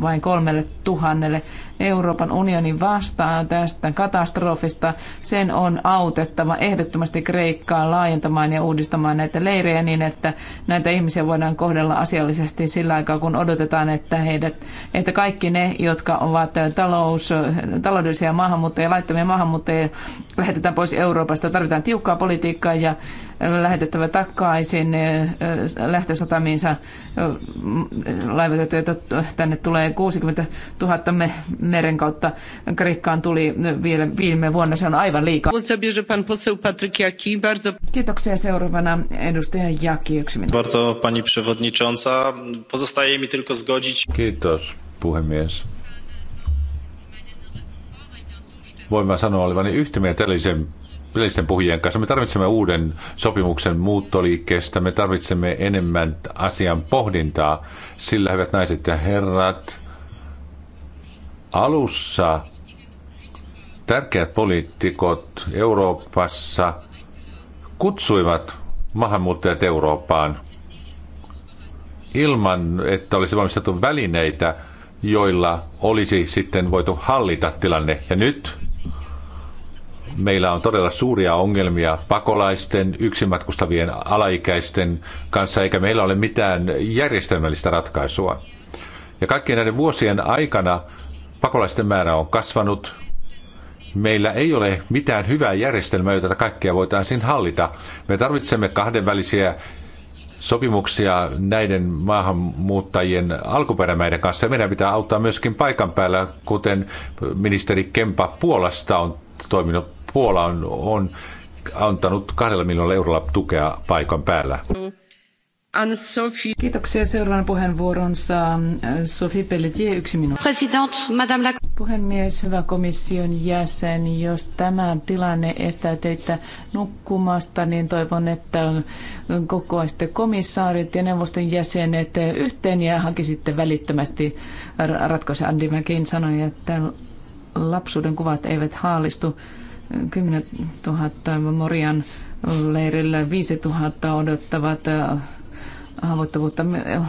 vain kolmelle tuhannelle Euroopan unionin vastaan tästä katastrofista. Sen on autettava ehdottomasti Kreikkaa laajentamaan ja uudistamaan näitä leirejä niin, että näitä ihmisiä voidaan kohdella asiallisesti sillä aikaa, kun odotetaan, että, heidät, että kaikki ne, jotka ovat talous, taloudellisia maahanmuuttajia, laittomia maahanmuuttajia, lähetetään pois Euroopasta. Tarvitaan tiukkaa politiikkaa ja lähetettävä takaisin lähtösatamiinsa laivatettuja. Tänne tulee 60 000 meren kautta. Kreikkaan tuli vielä viime vuonna, se on aivan liikaa. Kiitoksia seuraavana edustaja Jaki, yksi minuutti. mi tylko zgodzić. Kiitos puhemies. Voin mä sanoa olevani yhtä mieltä yleisten puhujien kanssa. Me tarvitsemme uuden sopimuksen muuttoliikkeestä, me tarvitsemme enemmän asian pohdintaa, sillä hyvät naiset ja herrat, alussa tärkeät poliitikot Euroopassa kutsuivat maahanmuuttajat Eurooppaan ilman, että olisi valmistettu välineitä, joilla olisi sitten voitu hallita tilanne. Ja nyt meillä on todella suuria ongelmia pakolaisten, yksimatkustavien alaikäisten kanssa, eikä meillä ole mitään järjestelmällistä ratkaisua. Ja kaikkien näiden vuosien aikana pakolaisten määrä on kasvanut. Meillä ei ole mitään hyvää järjestelmää, jota kaikkea voitaisiin hallita. Me tarvitsemme kahdenvälisiä sopimuksia näiden maahanmuuttajien alkuperämäiden kanssa. meidän pitää auttaa myöskin paikan päällä, kuten ministeri Kempa Puolasta on toiminut Puola on, on antanut kahdella miljoonalla eurolla tukea paikan päällä. Kiitoksia. Seuraavan puheenvuoron saa äh, Sophie Pelletier, yksi minuutti. la... Puhemies, hyvä komission jäsen, jos tämä tilanne estää teitä nukkumasta, niin toivon, että kokoaisitte komissaarit ja neuvoston jäsenet yhteen ja hakisitte välittömästi ratkaisuja. Andy McCain sanoi, että lapsuuden kuvat eivät haalistu 10 000 Morian leirillä 5 000 odottavat äh, haavoittuvuutta. Äh,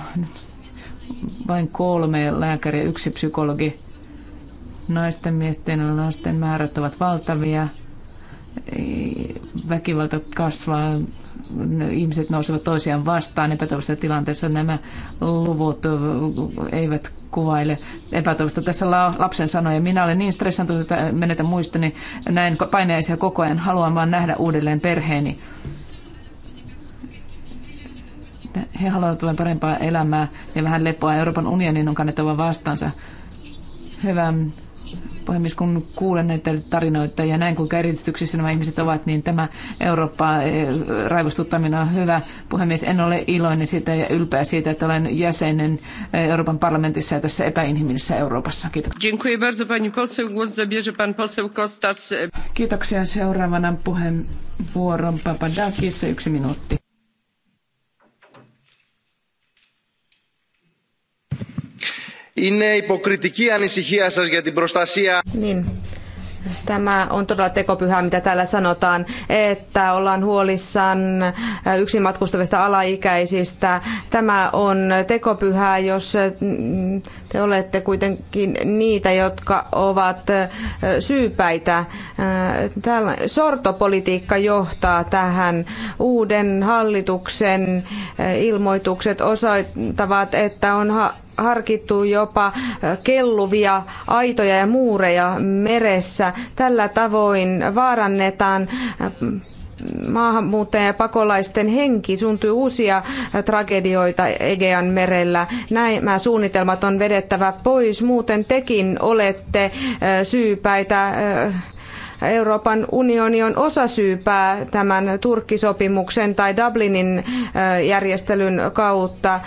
vain kolme lääkäriä, yksi psykologi. Naisten, miesten ja lasten määrät ovat valtavia väkivalta kasvaa, ihmiset nousevat toisiaan vastaan epätoivoisessa tilanteessa. Nämä luvut eivät kuvaile epätoivoista. Tässä lapsen sanoja minä olen niin stressantunut, että menetän muistini, näin paineisia koko ajan, haluan vaan nähdä uudelleen perheeni. He haluavat vain parempaa elämää ja vähän lepoa. Euroopan unionin on kannettava vastansa. Hyvä puhemies, kun kuulen näitä tarinoita ja näin kuinka eristyksissä nämä ihmiset ovat, niin tämä eurooppa eh, raivostuttaminen on hyvä. Puhemies, en ole iloinen siitä ja ylpeä siitä, että olen jäsenen eh, Euroopan parlamentissa ja tässä epäinhimillisessä Euroopassa. Kiitos. Kiitoksia. Seuraavana puheenvuoron Papadakis, yksi minuutti. Είναι υποκριτική ανησυχία σας για την προστασία... Niin. Tämä on todella tekopyhää, mitä täällä sanotaan, että ollaan huolissaan äh, yksin matkustavista alaikäisistä. Tämä on tekopyhää, jos mm, te olette kuitenkin niitä, jotka ovat syypäitä. Täällä sortopolitiikka johtaa tähän. Uuden hallituksen ilmoitukset osoittavat, että on harkittu jopa kelluvia aitoja ja muureja meressä. Tällä tavoin vaarannetaan maahanmuuttajien ja pakolaisten henki, syntyy uusia tragedioita Egean merellä. Nämä suunnitelmat on vedettävä pois, muuten tekin olette syypäitä Euroopan unioni on osasyypää tämän Turkkisopimuksen tai Dublinin järjestelyn kautta.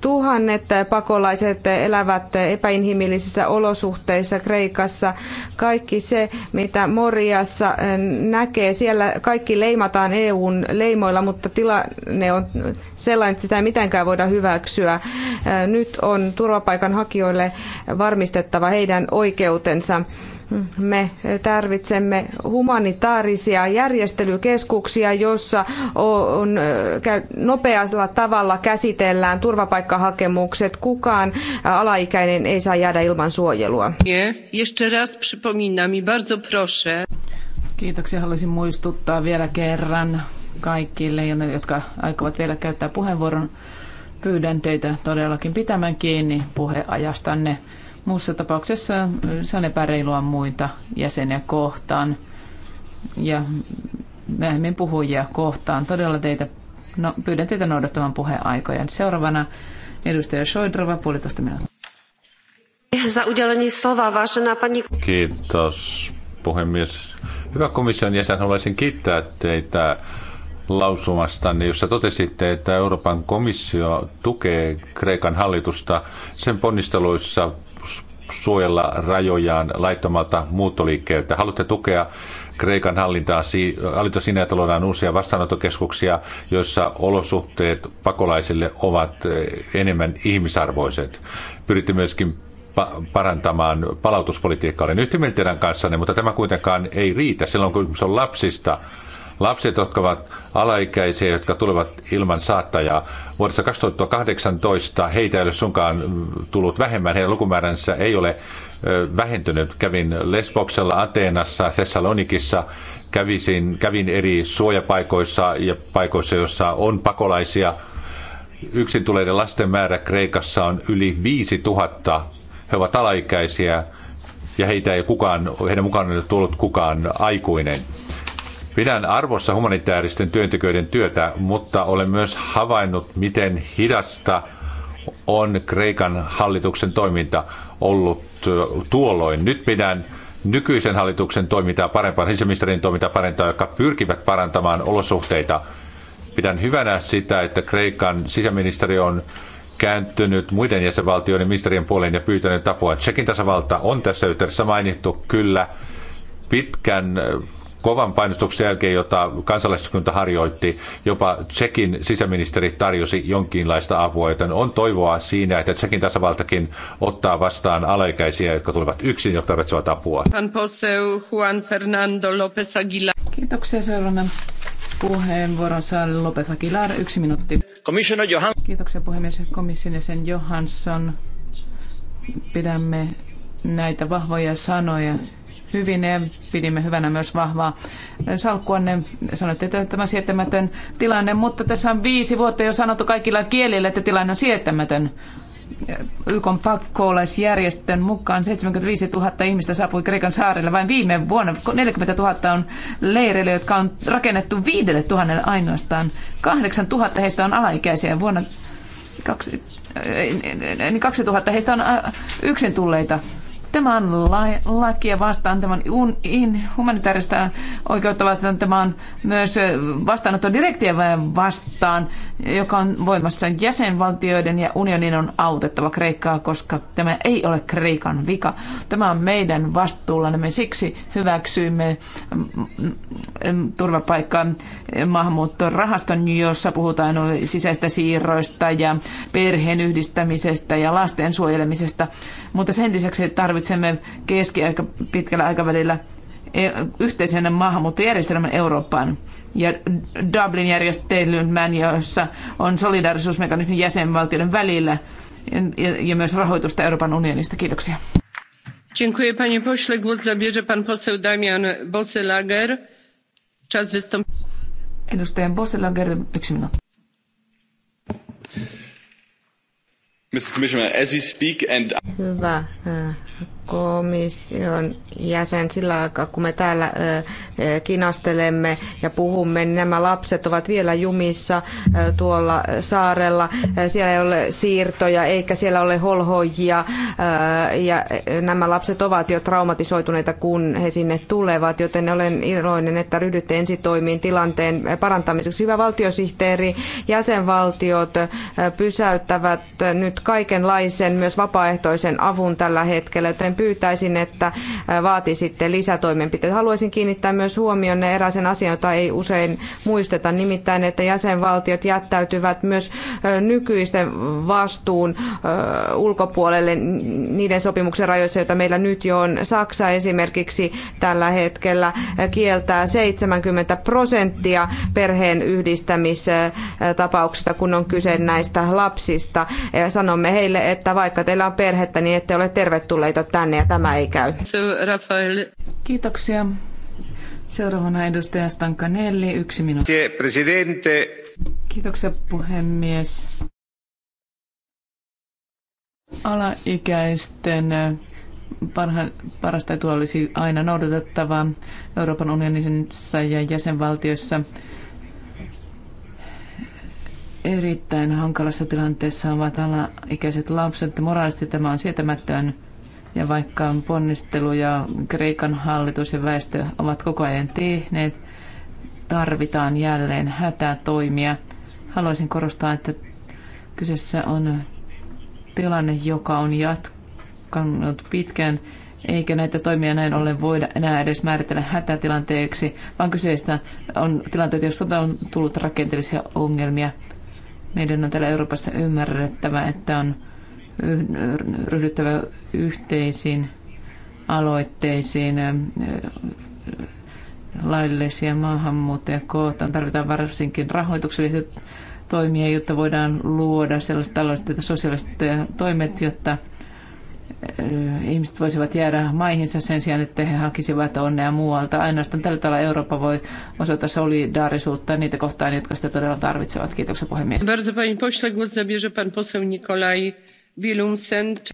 Tuhannet pakolaiset elävät epäinhimillisissä olosuhteissa Kreikassa. Kaikki se, mitä Moriassa näkee, siellä kaikki leimataan EUn leimoilla, mutta tilanne on sellainen, että sitä ei mitenkään voida hyväksyä. Nyt on turvapaikanhakijoille varmistettava heidän oikeutensa. Me tarvitsemme humanitaarisia järjestelykeskuksia, jossa on, nopealla tavalla käsitellään turvapaikkahakemukset. Kukaan alaikäinen ei saa jäädä ilman suojelua. Kiitoksia. Haluaisin muistuttaa vielä kerran kaikille, jotka aikovat vielä käyttää puheenvuoron. Pyydän teitä todellakin pitämään kiinni puheajastanne. Muussa tapauksessa se on epäreilua muita jäseniä kohtaan ja myöhemmin puhujia kohtaan. Todella teitä, no, pyydän teitä noudattamaan puheaikoja. Seuraavana edustaja Shoidrova, puolitoista minuuttia. Kiitos, puhemies. Hyvä komission jäsen, haluaisin kiittää teitä lausumasta, jossa totesitte, että Euroopan komissio tukee Kreikan hallitusta sen ponnisteluissa suojella rajojaan laittomalta muuttoliikkeeltä. Haluatte tukea Kreikan hallintaa, hallinto siinä, että luodaan uusia vastaanottokeskuksia, joissa olosuhteet pakolaisille ovat eh, enemmän ihmisarvoiset. Pyritte myöskin parantamaan palautuspolitiikkaa. Olen yhtä teidän kanssanne, mutta tämä kuitenkaan ei riitä silloin, kun se on lapsista Lapset, jotka ovat alaikäisiä, jotka tulevat ilman saattajaa. Vuodessa 2018 heitä ei ole sunkaan tullut vähemmän. Heidän lukumääränsä ei ole vähentynyt. Kävin Lesboksella, Ateenassa, Thessalonikissa, kävisin, kävin eri suojapaikoissa ja paikoissa, joissa on pakolaisia. Yksin tuleiden lasten määrä Kreikassa on yli 5000. He ovat alaikäisiä ja heitä ei kukaan, heidän mukaan ei tullut kukaan aikuinen. Pidän arvossa humanitaaristen työntekijöiden työtä, mutta olen myös havainnut, miten hidasta on Kreikan hallituksen toiminta ollut tuolloin. Nyt pidän nykyisen hallituksen toimintaa parempaan, sisäministerin toimintaa parempaa, jotka pyrkivät parantamaan olosuhteita. Pidän hyvänä sitä, että Kreikan sisäministeri on kääntynyt muiden jäsenvaltioiden ministerien puoleen ja pyytänyt apua. Tsekin tasavalta on tässä yhteydessä mainittu kyllä pitkän kovan painostuksen jälkeen, jota kansalaiskunta harjoitti, jopa Tsekin sisäministeri tarjosi jonkinlaista apua, joten on toivoa siinä, että Tsekin tasavaltakin ottaa vastaan alaikäisiä, jotka tulevat yksin, jotka tarvitsevat apua. Juan Fernando López Aguilar. Kiitoksia seuraavana puheenvuoron saa López Aguilar. Yksi minuutti. Johan... Kiitoksia puhemies komission jäsen Johansson. Pidämme näitä vahvoja sanoja hyvin ja pidimme hyvänä myös vahvaa salkkuanne. Sanoitte, että tämä on sietämätön tilanne, mutta tässä on viisi vuotta jo sanottu kaikilla kielillä, että tilanne on sietämätön. YK pakkoolaisjärjestön mukaan 75 000 ihmistä saapui Kreikan saarelle vain viime vuonna. 40 000 on leireille, jotka on rakennettu 5 000 ainoastaan. 8 000 heistä on alaikäisiä vuonna 2000 eh, eh, eh, niin heistä on yksin tulleita Tämä on la- lakia vastaan, tämän un- in, humanitaarista oikeutta vastaan, tämä on myös vastaanottodirektiivien vastaan, joka on voimassa jäsenvaltioiden ja unionin on autettava Kreikkaa, koska tämä ei ole Kreikan vika. Tämä on meidän vastuullamme, siksi hyväksyimme mm, mm, mm, turvapaikkaa maahanmuuttorahaston, jossa puhutaan sisäistä siirroista ja perheen yhdistämisestä ja lasten suojelemisesta. Mutta sen lisäksi tarvitsemme ja pitkällä aikavälillä e- yhteisen maahanmuuttojärjestelmän Eurooppaan ja Dublin järjestelmän, jossa on solidarisuusmekanismi jäsenvaltioiden välillä ja myös rahoitusta Euroopan unionista. Kiitoksia. Dziękuję panie pośle. Głos zabierze pan poseł Damian Bosselager. Czas wystąpienia Edustaja Bosselager, yksi minuutti. Mr. Commissioner, as we speak and... Hyvä äh, komission jäsen sillä aikaa, kun me täällä kinastelemme ja puhumme, niin nämä lapset ovat vielä jumissa tuolla saarella. Siellä ei ole siirtoja eikä siellä ole holhoijia ja nämä lapset ovat jo traumatisoituneita, kun he sinne tulevat, joten olen iloinen, että ryhdytte ensitoimiin tilanteen parantamiseksi. Hyvä valtiosihteeri, jäsenvaltiot pysäyttävät nyt kaikenlaisen, myös vapaaehtoisen avun tällä hetkellä, joten pyytäisin, että äh, vaatisitte lisätoimenpiteitä. Haluaisin kiinnittää myös huomioon eräisen asian, jota ei usein muisteta, nimittäin, että jäsenvaltiot jättäytyvät myös äh, nykyisten vastuun äh, ulkopuolelle niiden sopimuksen rajoissa, joita meillä nyt jo on. Saksa esimerkiksi tällä hetkellä kieltää 70 prosenttia perheen yhdistämistapauksista, kun on kyse näistä lapsista. Sanomme heille, että vaikka teillä on perhettä, niin ette ole tervetulleita tänne äänne ja tämä ei käy. Rafael. Kiitoksia. Seuraavana edustaja Stankanelli, yksi minuutti. Presidente. Kiitoksia puhemies. Alaikäisten parha, parasta etua olisi aina noudatettava Euroopan unionissa ja jäsenvaltioissa erittäin hankalassa tilanteessa ovat alaikäiset lapset. Moraalisesti tämä on sietämätön ja vaikka ponnistelu ja Kreikan hallitus ja väestö ovat koko ajan tehneet, tarvitaan jälleen hätätoimia. Haluaisin korostaa, että kyseessä on tilanne, joka on jatkanut pitkään, eikä näitä toimia näin ollen voida enää edes määritellä hätätilanteeksi, vaan kyseistä on tilanteet, joissa on tullut rakenteellisia ongelmia. Meidän on täällä Euroopassa ymmärrettävä, että on ryhdyttävä yhteisiin aloitteisiin laillisia maahanmuuttajia kohtaan. Tarvitaan varsinkin rahoituksellisia toimia, jotta voidaan luoda sellaiset taloudelliset ja sosiaaliset toimet, jotta ihmiset voisivat jäädä maihinsa sen sijaan, että he hakisivat onnea muualta. Ainoastaan tällä tavalla Eurooppa voi osoittaa solidaarisuutta niitä kohtaan, jotka sitä todella tarvitsevat. Kiitoksia puhemies. Bardzo pani pośle, głos zabierze pan poseł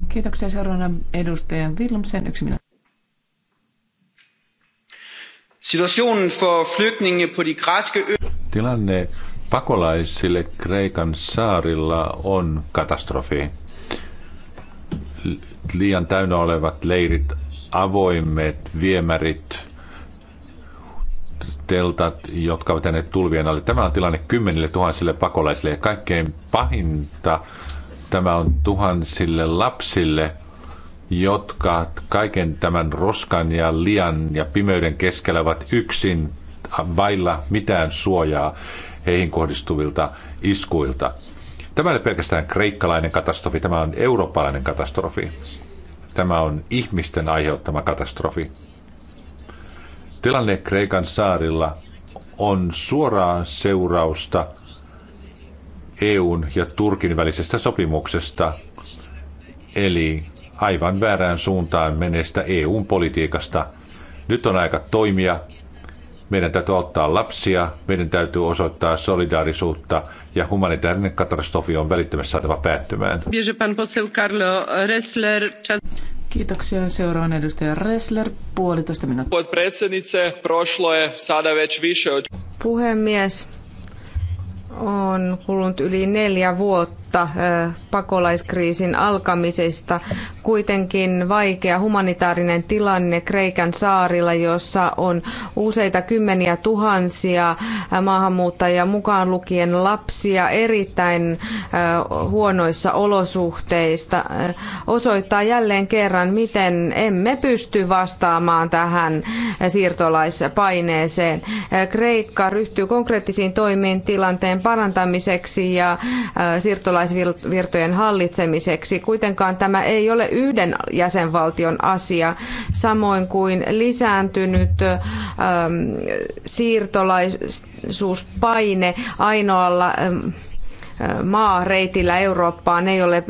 Kiitoksia seuraavana edustajan Yksi minuutti. Situationen for flygtninge på de græske ø- Tilanne pakolaisille Kreikan saarilla on katastrofi. Liian täynnä olevat leirit, avoimet viemärit, teltat, jotka ovat tänne tulvien alle. Tämä on tilanne kymmenille tuhansille pakolaisille ja kaikkein pahinta Tämä on tuhansille lapsille, jotka kaiken tämän roskan ja lian ja pimeyden keskellä ovat yksin vailla mitään suojaa heihin kohdistuvilta iskuilta. Tämä ei ole pelkästään kreikkalainen katastrofi, tämä on eurooppalainen katastrofi. Tämä on ihmisten aiheuttama katastrofi. Tilanne Kreikan saarilla on suoraa seurausta – EUn ja Turkin välisestä sopimuksesta, eli aivan väärään suuntaan menestä EUn politiikasta. Nyt on aika toimia. Meidän täytyy auttaa lapsia, meidän täytyy osoittaa solidaarisuutta ja humanitaarinen katastrofi on välittömästi saatava päättymään. Kiitoksia. Seuraan edustaja Ressler, puolitoista minuuttia. Puhemies, on kulunut yli neljä vuotta vuotta pakolaiskriisin alkamisesta. Kuitenkin vaikea humanitaarinen tilanne Kreikan saarilla, jossa on useita kymmeniä tuhansia maahanmuuttajia mukaan lukien lapsia erittäin huonoissa olosuhteista, osoittaa jälleen kerran, miten emme pysty vastaamaan tähän siirtolaispaineeseen. Kreikka ryhtyy konkreettisiin toimiin tilanteen parantamiseksi ja siirtolaispaineeseen pakolaisvirtojen hallitsemiseksi. Kuitenkaan tämä ei ole yhden jäsenvaltion asia, samoin kuin lisääntynyt äm, siirtolaisuuspaine ainoalla ähm, äh, maareitillä Eurooppaan ei ole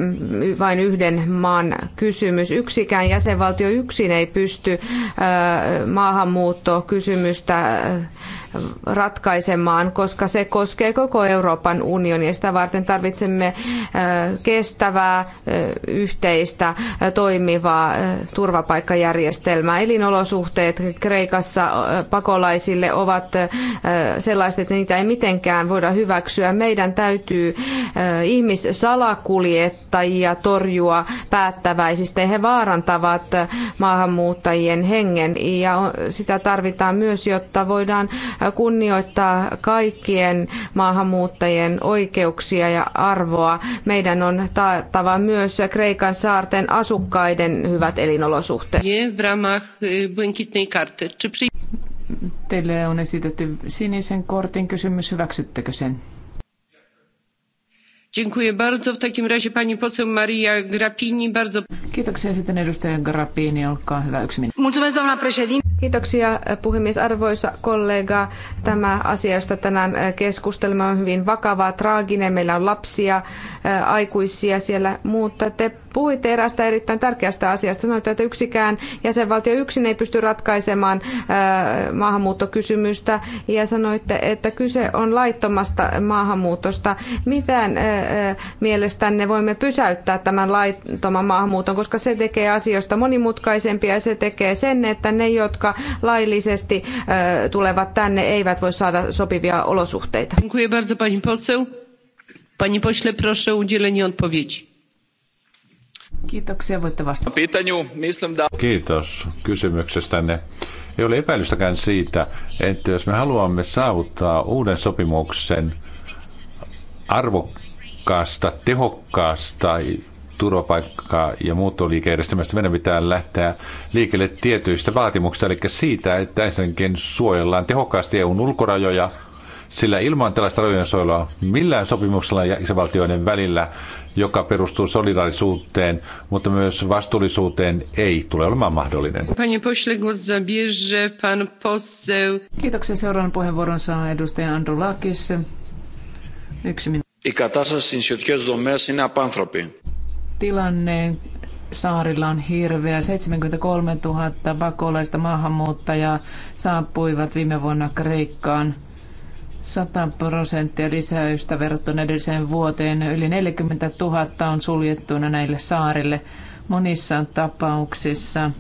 vain yhden maan kysymys. Yksikään jäsenvaltio yksin ei pysty äh, maahanmuuttokysymystä äh, ratkaisemaan, koska se koskee koko Euroopan unionia. Sitä varten tarvitsemme kestävää, yhteistä, toimivaa turvapaikkajärjestelmää. Elinolosuhteet Kreikassa pakolaisille ovat sellaiset, että niitä ei mitenkään voida hyväksyä. Meidän täytyy ihmissalakuljettajia torjua päättäväisesti. He vaarantavat maahanmuuttajien hengen ja sitä tarvitaan myös, jotta voidaan kunnioittaa kaikkien maahanmuuttajien oikeuksia ja arvoa. Meidän on taattava myös Kreikan saarten asukkaiden hyvät elinolosuhteet. Teille on esitetty sinisen kortin kysymys. Hyväksyttekö sen? Kiitoksia olkaa Kiitoksia eh, puhemies. Arvoisa kollega, tämä asia, josta tänään eh, keskustelemme, on hyvin vakava, traaginen. Meillä on lapsia, eh, aikuisia siellä, mutta te Puhuitte eräästä erittäin tärkeästä asiasta. Sanoitte, että yksikään jäsenvaltio yksin ei pysty ratkaisemaan äh, maahanmuuttokysymystä ja sanoitte, että kyse on laittomasta maahanmuutosta. Miten äh, äh, mielestänne voimme pysäyttää tämän laittoman maahanmuuton, koska se tekee asioista monimutkaisempia ja se tekee sen, että ne, jotka laillisesti tulevat tänne, eivät voi saada sopivia olosuhteita. Dziękuję bardzo pani poseł. pośle, proszę o udzielenie odpowiedzi. Kiitoksia, voitte vastata. Kiitos kysymyksestänne. Ei ole epäilystäkään siitä, että jos me haluamme saavuttaa uuden sopimuksen arvokkaasta, tehokkaasta turvapaikka- ja muuttoliikejärjestelmästä meidän pitää lähteä liikkeelle tietyistä vaatimuksista, eli siitä, että ensinnäkin suojellaan tehokkaasti EUn ulkorajoja – sillä ilman tällaista rajojen suojelua millään sopimuksella jäsenvaltioiden välillä, joka perustuu solidaarisuuteen, mutta myös vastuullisuuteen, ei tule olemaan mahdollinen. Panie Kiitoksia. Seuraavan puheenvuoron saa edustaja Andrew Lakis. Yksi minuutti. Tilanne saarilla on hirveä. 73 000 pakolaista maahanmuuttajaa saapuivat viime vuonna Kreikkaan. 100 prosenttia lisäystä verrattuna edelliseen vuoteen. Yli 40 000 on suljettuna näille saarille. Monissa tapauksissa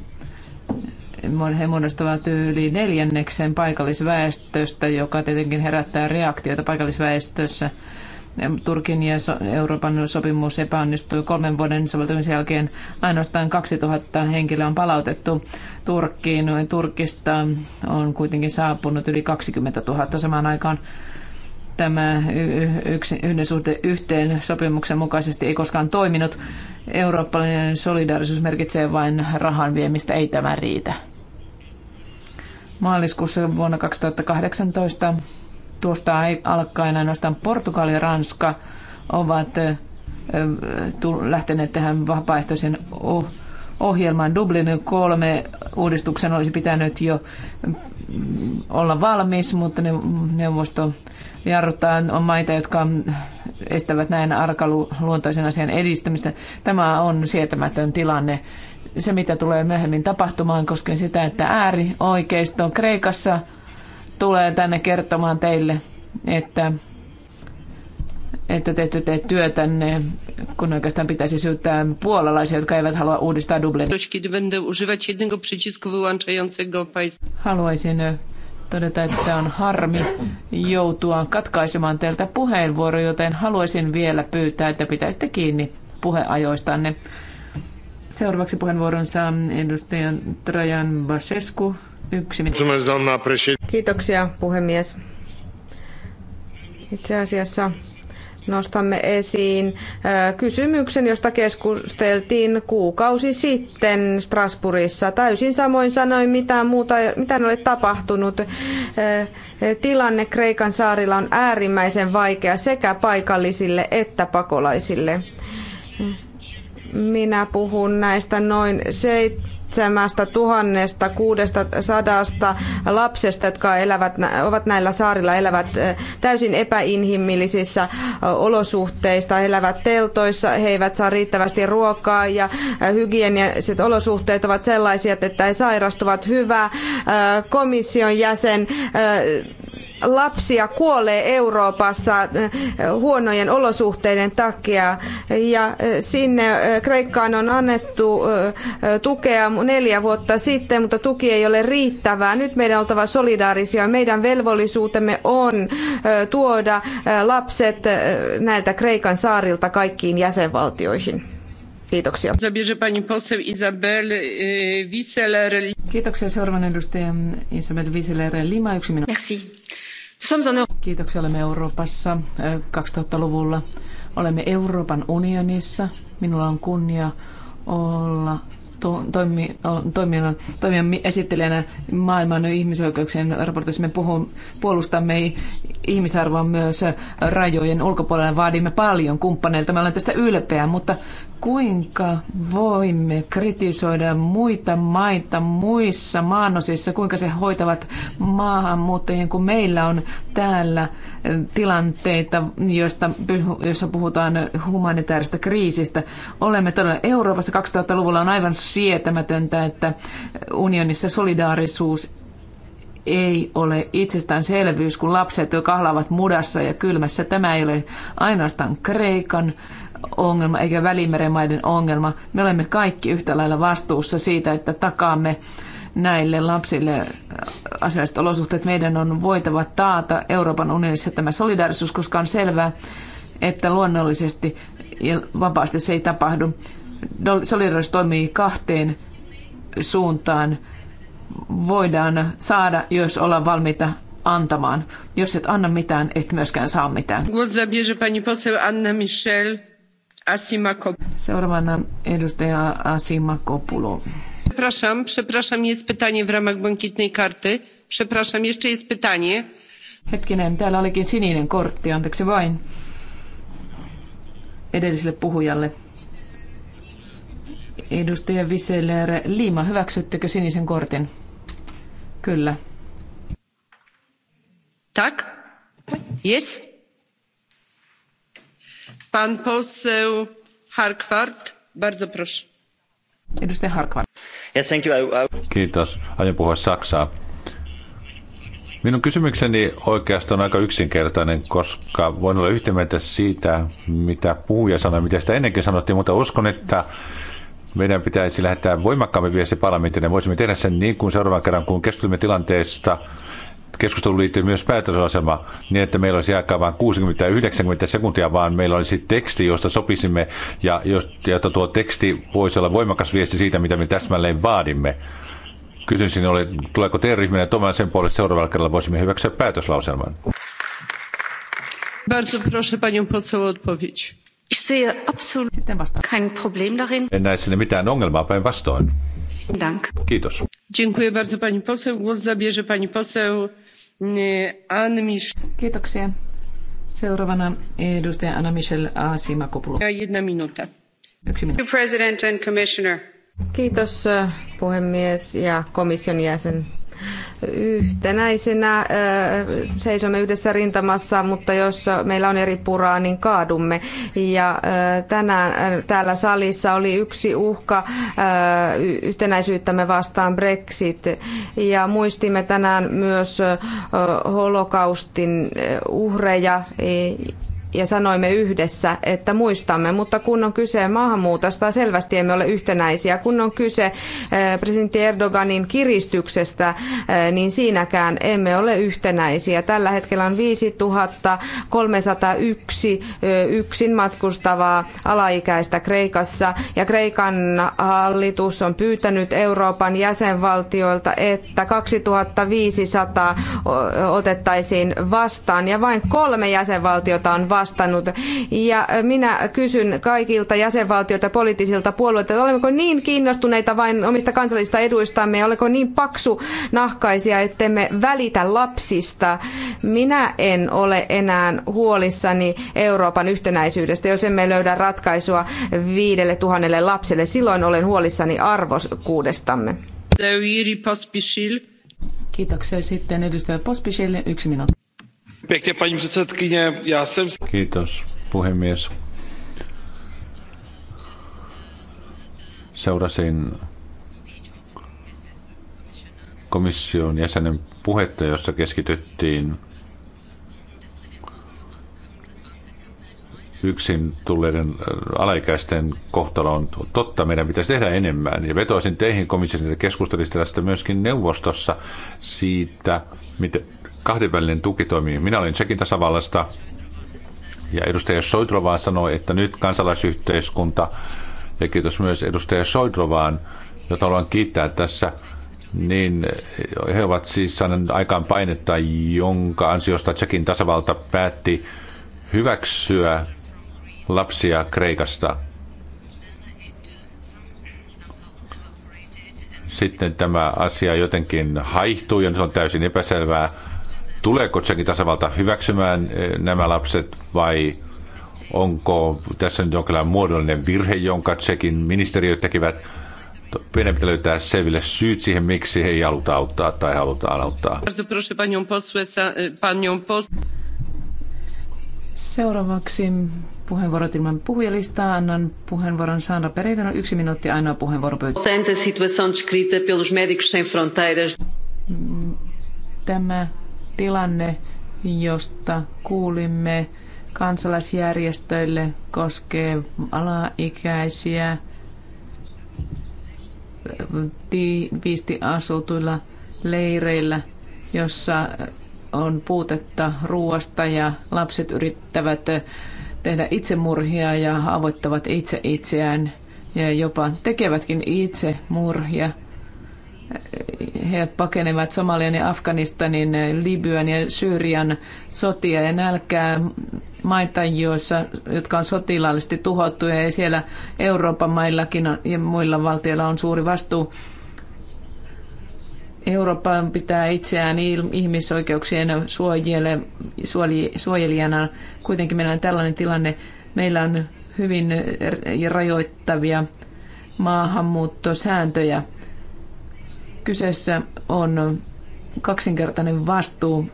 he muodostavat yli neljänneksen paikallisväestöstä, joka tietenkin herättää reaktioita paikallisväestössä. Turkin ja Euroopan sopimus epäonnistui kolmen vuoden soveltamisen jälkeen. Ainoastaan 2000 henkilöä on palautettu Turkkiin. Turkista on kuitenkin saapunut yli 20 000 samaan aikaan. Tämä yhden suhde yhteen sopimuksen mukaisesti ei koskaan toiminut. Eurooppalainen solidaarisuus merkitsee vain rahan viemistä, ei tämä riitä. Maaliskuussa vuonna 2018 tuosta alkaen ainoastaan Portugali ja Ranska ovat lähteneet tähän vapaaehtoisen ohjelmaan. Dublinin kolme uudistuksen olisi pitänyt jo mm, olla valmis, mutta neuvosto jarruttaa on maita, jotka estävät näin arkaluontoisen asian edistämistä. Tämä on sietämätön tilanne. Se, mitä tulee myöhemmin tapahtumaan, koskee sitä, että äärioikeisto Kreikassa – tulee tänne kertomaan teille, että, että te ette tee työtänne, kun oikeastaan pitäisi syyttää puolalaisia, jotka eivät halua uudistaa Dublinia. Haluaisin todeta, että on harmi joutua katkaisemaan teiltä puheenvuoro, joten haluaisin vielä pyytää, että pitäisitte kiinni puheajoistanne. Seuraavaksi puheenvuoron saa edustajan Trajan Basescu. Yksi minuutti. Kiitoksia puhemies. Itse asiassa nostamme esiin kysymyksen, josta keskusteltiin kuukausi sitten Strasbourgissa. Täysin samoin sanoin, mitä muuta, mitä ole tapahtunut. Tilanne Kreikan saarilla on äärimmäisen vaikea sekä paikallisille että pakolaisille. Minä puhun näistä noin seit tuhannesta sadasta lapsesta, jotka elävät, ovat näillä saarilla, elävät täysin epäinhimillisissä olosuhteissa, he elävät teltoissa, he eivät saa riittävästi ruokaa ja hygieniset olosuhteet ovat sellaisia, että he sairastuvat. Hyvä komission jäsen, lapsia kuolee Euroopassa äh, huonojen olosuhteiden takia ja äh, sinne äh, Kreikkaan on annettu tukea neljä vuotta sitten, mutta tuki ei ole riittävää. Nyt meidän on oltava solidaarisia. Meidän velvollisuutemme on tuoda lapset näiltä Kreikan saarilta kaikkiin jäsenvaltioihin. Kiitoksia. Zabierze pani poseł Isabel Kiitoksia seuraavan edustajan Isabel Lima, yksi minuutti. Merci. Kiitoksia. Olemme Euroopassa 2000-luvulla. Olemme Euroopan unionissa. Minulla on kunnia olla toimia, esittelijänä maailman ihmisoikeuksien raportissa. Me puhun, puolustamme ihmisarvoa myös rajojen ulkopuolella. Vaadimme paljon kumppaneilta. Me ollaan tästä ylpeä, mutta kuinka voimme kritisoida muita maita muissa maanosissa, kuinka se hoitavat maahanmuuttajien, kun meillä on täällä eh, tilanteita, joista, joissa puhutaan humanitaarista kriisistä. Olemme todella Euroopassa 2000-luvulla on aivan sietämätöntä, että unionissa solidaarisuus ei ole itsestäänselvyys, kun lapset kahlaavat mudassa ja kylmässä. Tämä ei ole ainoastaan Kreikan ongelma eikä Välimeren maiden ongelma. Me olemme kaikki yhtä lailla vastuussa siitä, että takaamme näille lapsille asialliset olosuhteet. Meidän on voitava taata Euroopan unionissa tämä solidaarisuus, koska on selvää, että luonnollisesti ja vapaasti se ei tapahdu. Solidaarisuus toimii kahteen suuntaan. Voidaan saada, jos ollaan valmiita antamaan. Jos et anna mitään, et myöskään saa mitään. Głos zabierze pani poseł Anna Michel. Seuraavana edustaja Asima Kopulo. Przepraszam, przepraszam, jest pytanie w ramach błękitnej karty. Przepraszam, jeszcze jest pytanie. Hetkinen, täällä olikin sininen kortti, anteeksi vain. Edelliselle puhujalle. Edustaja Viseler Liima, hyväksyttekö sinisen kortin? Kyllä. Tak? Yes? Edustaja Harkwart. Kiitos. Aion puhua Saksaa. Minun kysymykseni oikeastaan on aika yksinkertainen, koska voin olla yhtä mieltä siitä, mitä puhuja sanoi, mitä sitä ennenkin sanottiin, mutta uskon, että meidän pitäisi lähettää voimakkaammin viesti parlamentille. Voisimme tehdä sen niin kuin seuraavan kerran, kun keskustelemme tilanteesta, keskustelu liittyy myös päätösasema niin, että meillä olisi aikaa vain 60-90 sekuntia, vaan meillä olisi teksti, josta sopisimme, ja, jos, että tuo teksti voisi olla voimakas viesti siitä, mitä me täsmälleen vaadimme. Kysyn sinulle, tuleeko terrorisminen Toman sen puolesta seuraavalla kerralla voisimme hyväksyä päätöslauselman? Bardzo proszę panią poseł o odpowiedź. Ich sehe absolut kein Problem darin. En näe sinne mitään ongelmaa päinvastoin. Kiitos. Dziękuję bardzo pani poseł. Głos zabierze pani poseł Anne Michel. Kiitoksia. Seuraavana edustaja Anna Michel Aasimakopulu. Jedna minuutta. Yksi minuutti. President Kiitos äh, puhemies ja komission jäsen yhtenäisenä seisomme yhdessä rintamassa, mutta jos meillä on eri puraa, niin kaadumme. Ja tänään täällä salissa oli yksi uhka yhtenäisyyttämme vastaan Brexit. Ja muistimme tänään myös holokaustin uhreja ja sanoimme yhdessä, että muistamme, mutta kun on kyse maahanmuutosta, selvästi emme ole yhtenäisiä. Kun on kyse eh, presidentti Erdoganin kiristyksestä, eh, niin siinäkään emme ole yhtenäisiä. Tällä hetkellä on 5301 eh, yksin matkustavaa alaikäistä Kreikassa ja Kreikan hallitus on pyytänyt Euroopan jäsenvaltioilta, että 2500 otettaisiin vastaan ja vain kolme jäsenvaltiota on vastaan vastannut. Ja äh, minä kysyn kaikilta jäsenvaltioilta poliittisilta puolueilta, olemmeko niin kiinnostuneita vain omista kansallisista eduistamme ja oleko niin paksu nahkaisia, ettemme välitä lapsista. Minä en ole enää huolissani Euroopan yhtenäisyydestä, jos emme löydä ratkaisua viidelle tuhannelle lapselle. Silloin olen huolissani arvoskuudestamme. Kiitoksia. Sitten edustaja Pospisille. yksi minuutti. Kiitos, puhemies. Seurasin komission jäsenen puhetta, jossa keskityttiin yksin tulleiden äh, alaikäisten kohtaloon. on totta. Meidän pitäisi tehdä enemmän. Ja vetoisin teihin komission, että keskustelisitte tästä myöskin neuvostossa siitä, miten kahdenvälinen tuki toimii. Minä olen Tsekin tasavallasta ja edustaja Soitrovaa sanoi, että nyt kansalaisyhteiskunta ja kiitos myös edustaja Soitrovaan, jota haluan kiittää tässä, niin he ovat siis saaneet aikaan painetta, jonka ansiosta Tsekin tasavalta päätti hyväksyä lapsia Kreikasta. Sitten tämä asia jotenkin haihtuu ja nyt on täysin epäselvää, Tuleeko Tsekin tasavalta hyväksymään eh, nämä lapset vai onko tässä nyt jonkinlainen muodollinen virhe, jonka Tsekin ministeriöt tekivät? Meidän pitää löytää selville syyt siihen, miksi he ei haluta auttaa tai halutaan auttaa. Seuraavaksi puheenvuorot ilman puhujalistaa. Annan puheenvuoron Sandra Pereira. Yksi minuutti ainoa puheenvuoro pöytä. Tämä tilanne, josta kuulimme kansalaisjärjestöille, koskee alaikäisiä tiiviisti asutuilla leireillä, jossa on puutetta ruoasta ja lapset yrittävät tehdä itsemurhia ja avoittavat itse itseään ja jopa tekevätkin itsemurhia he pakenevat Somalian ja Afganistanin, Libyan ja Syyrian sotia ja nälkää maita, joissa, jotka on sotilaallisesti tuhottuja ja siellä Euroopan maillakin ja muilla valtioilla on suuri vastuu. Euroopan pitää itseään ihmisoikeuksien suojelijana. Kuitenkin meillä on tällainen tilanne. Meillä on hyvin rajoittavia maahanmuuttosääntöjä Kyseessä on kaksinkertainen vastuu.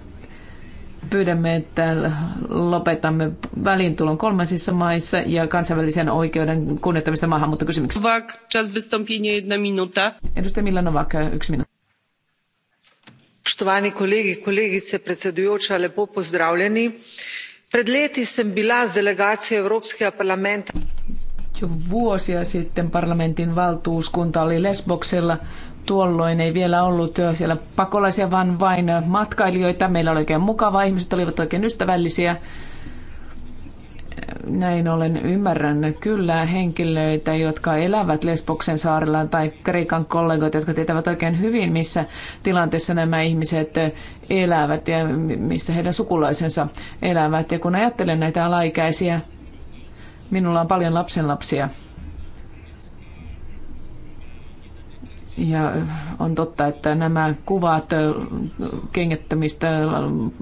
Pyydämme, että lopetamme välintulon kolmansissa maissa ja kansainvälisen oikeuden kunnioittamista maahanmuuttokysymyksiä. Novak, czas wystąpienia jedna minuta. Edustaja Milla Novak, yksi minuutti. Spoštovani kolegi, kolegice, predsedujoča, lepo pozdravljeni. Pred leti sem bila z delegacijo Evropskega parlamenta. Jo vuosia sitten parlamentin valtuuskunta oli Lesboksella tuolloin ei vielä ollut siellä pakolaisia, vaan vain matkailijoita. Meillä oli oikein mukavaa, ihmiset olivat oikein ystävällisiä. Näin olen ymmärrän kyllä henkilöitä, jotka elävät Lesboksen saarella tai Kreikan kollegoita, jotka tietävät oikein hyvin, missä tilanteessa nämä ihmiset elävät ja missä heidän sukulaisensa elävät. Ja kun ajattelen näitä alaikäisiä, minulla on paljon lapsenlapsia. Ja on totta, että nämä kuvat kengettämistä,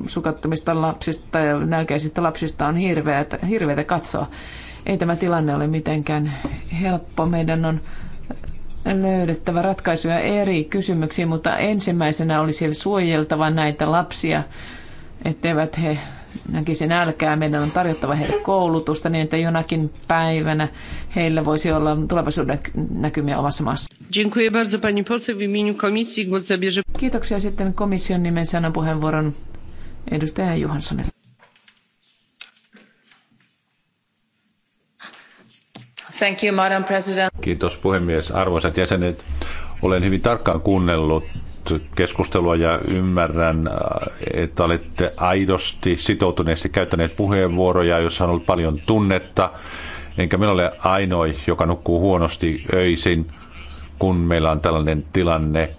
sukattamista lapsista ja nälkäisistä lapsista on hirveätä, hirveätä katsoa. Ei tämä tilanne ole mitenkään helppo. Meidän on löydettävä ratkaisuja eri kysymyksiin, mutta ensimmäisenä olisi suojeltava näitä lapsia, etteivät he näkisin älkää. Meidän on tarjottava heille koulutusta niin, että jonakin päivänä heillä voisi olla tulevaisuuden näkymiä omassa maassa. Kiitoksia sitten komission nimen sanan puheenvuoron edustaja Johanssonille. Thank you, Madam President. Kiitos puhemies. Arvoisat jäsenet, olen hyvin tarkkaan kuunnellut keskustelua ja ymmärrän, että olette aidosti sitoutuneesti käyttäneet puheenvuoroja, joissa on ollut paljon tunnetta. Enkä minä ole ainoa, joka nukkuu huonosti öisin, kun meillä on tällainen tilanne,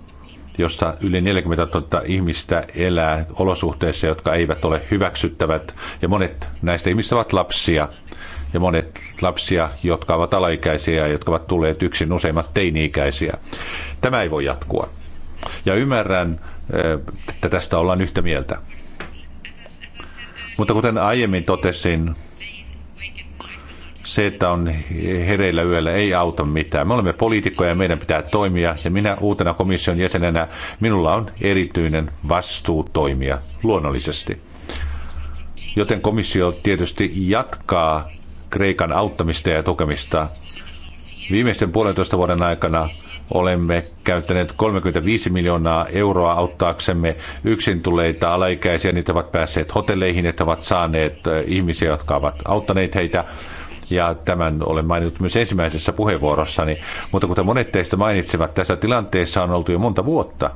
jossa yli 40 000 ihmistä elää olosuhteissa, jotka eivät ole hyväksyttävät. Ja monet näistä ihmistä ovat lapsia. Ja monet lapsia, jotka ovat alaikäisiä ja jotka ovat tulleet yksin useimmat teini-ikäisiä. Tämä ei voi jatkua. Ja ymmärrän, eh, että tästä ollaan yhtä mieltä. Mutta kuten aiemmin totesin, se, että on hereillä yöllä, ei auta mitään. Me olemme poliitikkoja ja meidän pitää toimia. Ja minä uutena komission jäsenenä, minulla on erityinen vastuu toimia, luonnollisesti. Joten komissio tietysti jatkaa Kreikan auttamista ja tukemista. Viimeisten puolentoista vuoden aikana Olemme käyttäneet 35 miljoonaa euroa auttaaksemme yksin tulleita alaikäisiä. Niitä ovat päässeet hotelleihin, että ovat saaneet ihmisiä, jotka ovat auttaneet heitä ja tämän olen maininnut myös ensimmäisessä puheenvuorossani. Mutta kuten monet teistä mainitsevat tässä tilanteessa on oltu jo monta vuotta.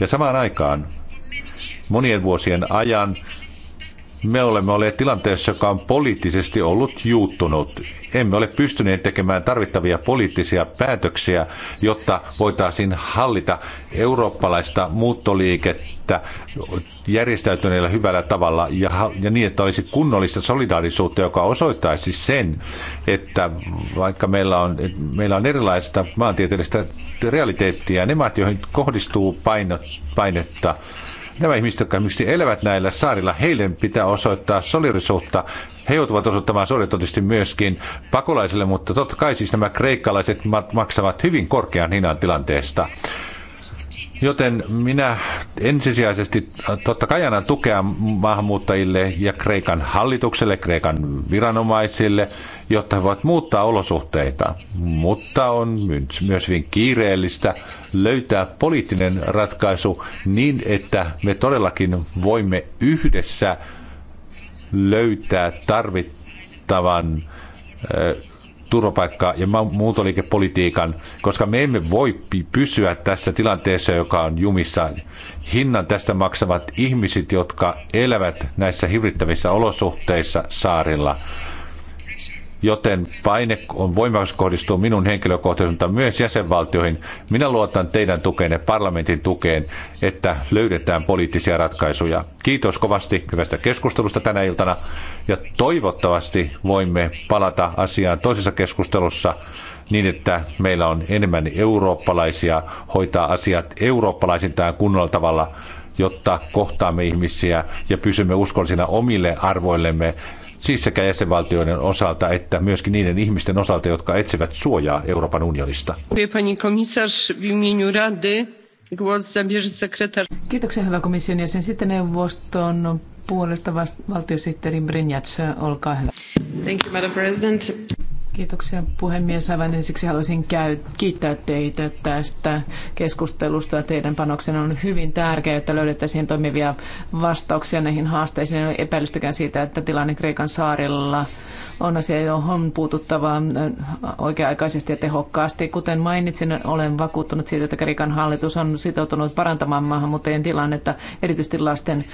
Ja samaan aikaan, monien vuosien ajan, me olemme olleet tilanteessa, joka on poliittisesti ollut juuttunut emme ole pystyneet tekemään tarvittavia poliittisia päätöksiä, jotta voitaisiin hallita eurooppalaista muuttoliikettä järjestäytyneellä hyvällä tavalla ja, ja niin, että olisi kunnollista solidaarisuutta, joka osoittaisi sen, että vaikka meillä on, meillä on erilaista maantieteellistä realiteettia, ne maat, joihin kohdistuu painetta, nämä ihmiset, jotka miksi elävät näillä saarilla, heille pitää osoittaa solidarisuutta. He joutuvat osoittamaan solidarisuutta myöskin pakolaisille, mutta totta kai siis nämä kreikkalaiset maksavat hyvin korkean hinnan tilanteesta. Joten minä ensisijaisesti totta kai annan tukea maahanmuuttajille ja Kreikan hallitukselle, Kreikan viranomaisille, jotta he voivat muuttaa olosuhteita. Mutta on myös hyvin kiireellistä löytää poliittinen ratkaisu niin, että me todellakin voimme yhdessä löytää tarvittavan turvapaikka- ja muutoliikepolitiikan, koska me emme voi pysyä tässä tilanteessa, joka on jumissa. Hinnan tästä maksavat ihmiset, jotka elävät näissä hirvittävissä olosuhteissa saarilla joten paine on voimakas kohdistuu minun henkilökohtaisuutta myös jäsenvaltioihin. Minä luotan teidän tukeenne, parlamentin tukeen, että löydetään poliittisia ratkaisuja. Kiitos kovasti hyvästä keskustelusta tänä iltana ja toivottavasti voimme palata asiaan toisessa keskustelussa niin, että meillä on enemmän eurooppalaisia hoitaa asiat eurooppalaisintaan kunnolla tavalla, jotta kohtaamme ihmisiä ja pysymme uskollisina omille arvoillemme siis sekä jäsenvaltioiden osalta että myöskin niiden ihmisten osalta, jotka etsivät suojaa Euroopan unionista. Kiitoksia hyvä komission jäsen. Sitten neuvoston puolesta valtiosihteeri Brynjats, olkaa hyvä. Thank you, Madam President. Kiitoksia puhemies. Aivan ensiksi haluaisin käy, kiittää teitä tästä keskustelusta. Teidän panoksen on hyvin tärkeää, että löydettäisiin toimivia vastauksia näihin haasteisiin. Ei epäilystäkään siitä, että tilanne Kreikan saarilla on asia, johon on puututtava äh, oikea-aikaisesti ja tehokkaasti. Kuten mainitsin, olen vakuuttunut siitä, että Kreikan hallitus on sitoutunut parantamaan maahanmuuttajien tilannetta, erityisesti lasten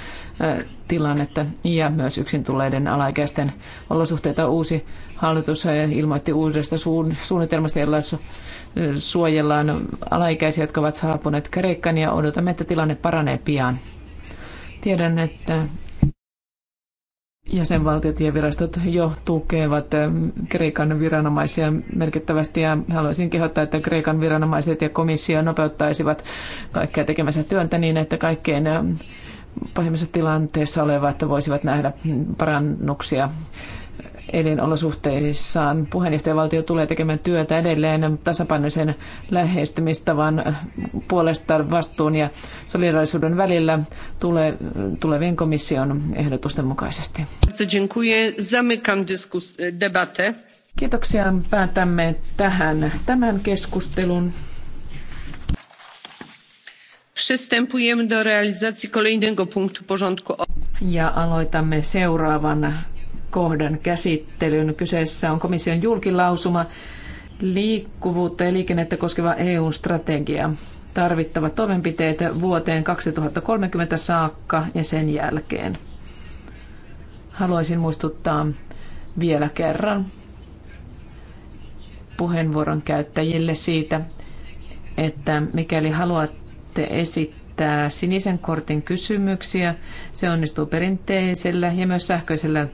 äh, tilannetta ja myös yksin tulleiden alaikäisten olosuhteita uusi Hallitus eh, ilmoitti uudesta suunnitelmasta, jolla suojellaan alaikäisiä, jotka ovat saapuneet Kreikkaan ja odotamme, että tilanne paranee pian. Tiedän, että jäsenvaltiot ja virastot jo tukevat eh, Kreikan viranomaisia merkittävästi ja haluaisin kehottaa, että Kreikan viranomaiset ja komissio nopeuttaisivat kaikkea tekemänsä työntä niin, että kaikkein eh, pahimmassa tilanteessa olevat voisivat nähdä parannuksia elinolosuhteissaan. Puheenjohtajavaltio tulee tekemään työtä edelleen tasapainoisen lähestymistavan puolesta vastuun ja solidaarisuuden välillä tulee tulevien komission ehdotusten mukaisesti. Kiitoksia. Päätämme tähän tämän keskustelun. Przystępujemy do realizacji kolejnego punktu porządku. Ja aloitamme seuraavan kohdan käsittelyn. Kyseessä on komission julkilausuma liikkuvuutta ja liikennettä koskeva EU-strategia. Tarvittavat toimenpiteet vuoteen 2030 saakka ja sen jälkeen. Haluaisin muistuttaa vielä kerran puheenvuoron käyttäjille siitä, että mikäli haluatte esittää sinisen kortin kysymyksiä, se onnistuu perinteisellä ja myös sähköisellä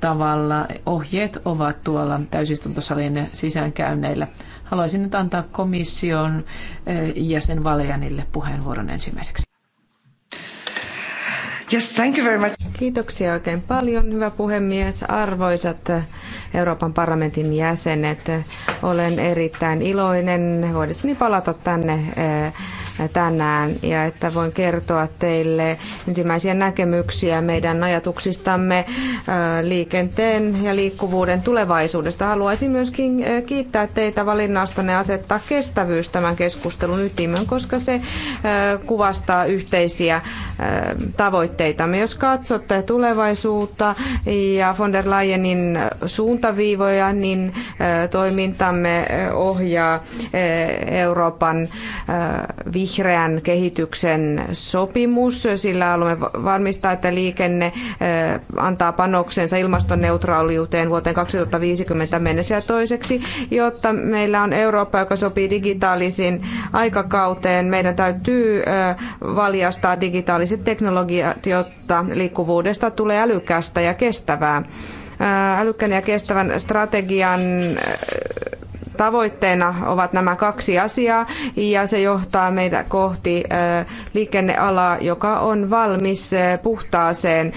tavalla. Ohjeet ovat tuolla täysistuntosalin sisäänkäynneillä. Haluaisin nyt antaa komission eh, jäsen puheenvuoron ensimmäiseksi. Yes, thank you very much. Kiitoksia oikein paljon, hyvä puhemies. Arvoisat eh, Euroopan parlamentin jäsenet, eh, olen erittäin iloinen voidessani palata tänne tänään ja että voin kertoa teille ensimmäisiä näkemyksiä meidän ajatuksistamme äh, liikenteen ja liikkuvuuden tulevaisuudesta. Haluaisin myöskin äh, kiittää teitä valinnastanne asettaa kestävyys tämän keskustelun ytimen, koska se äh, kuvastaa yhteisiä Me Jos katsotte tulevaisuutta ja von der Leyenin suuntaviivoja, niin toimintamme ohjaa Euroopan vihreä vihreän kehityksen sopimus. Sillä haluamme varmistaa, että liikenne antaa panoksensa ilmastoneutraaliuteen vuoteen 2050 mennessä. Ja toiseksi, jotta meillä on Eurooppa, joka sopii digitaalisiin aikakauteen, meidän täytyy valjastaa digitaaliset teknologiat, jotta liikkuvuudesta tulee älykästä ja kestävää älykkään ja kestävän strategian tavoitteena ovat nämä kaksi asiaa ja se johtaa meitä kohti liikennealaa, joka on valmis puhtaaseen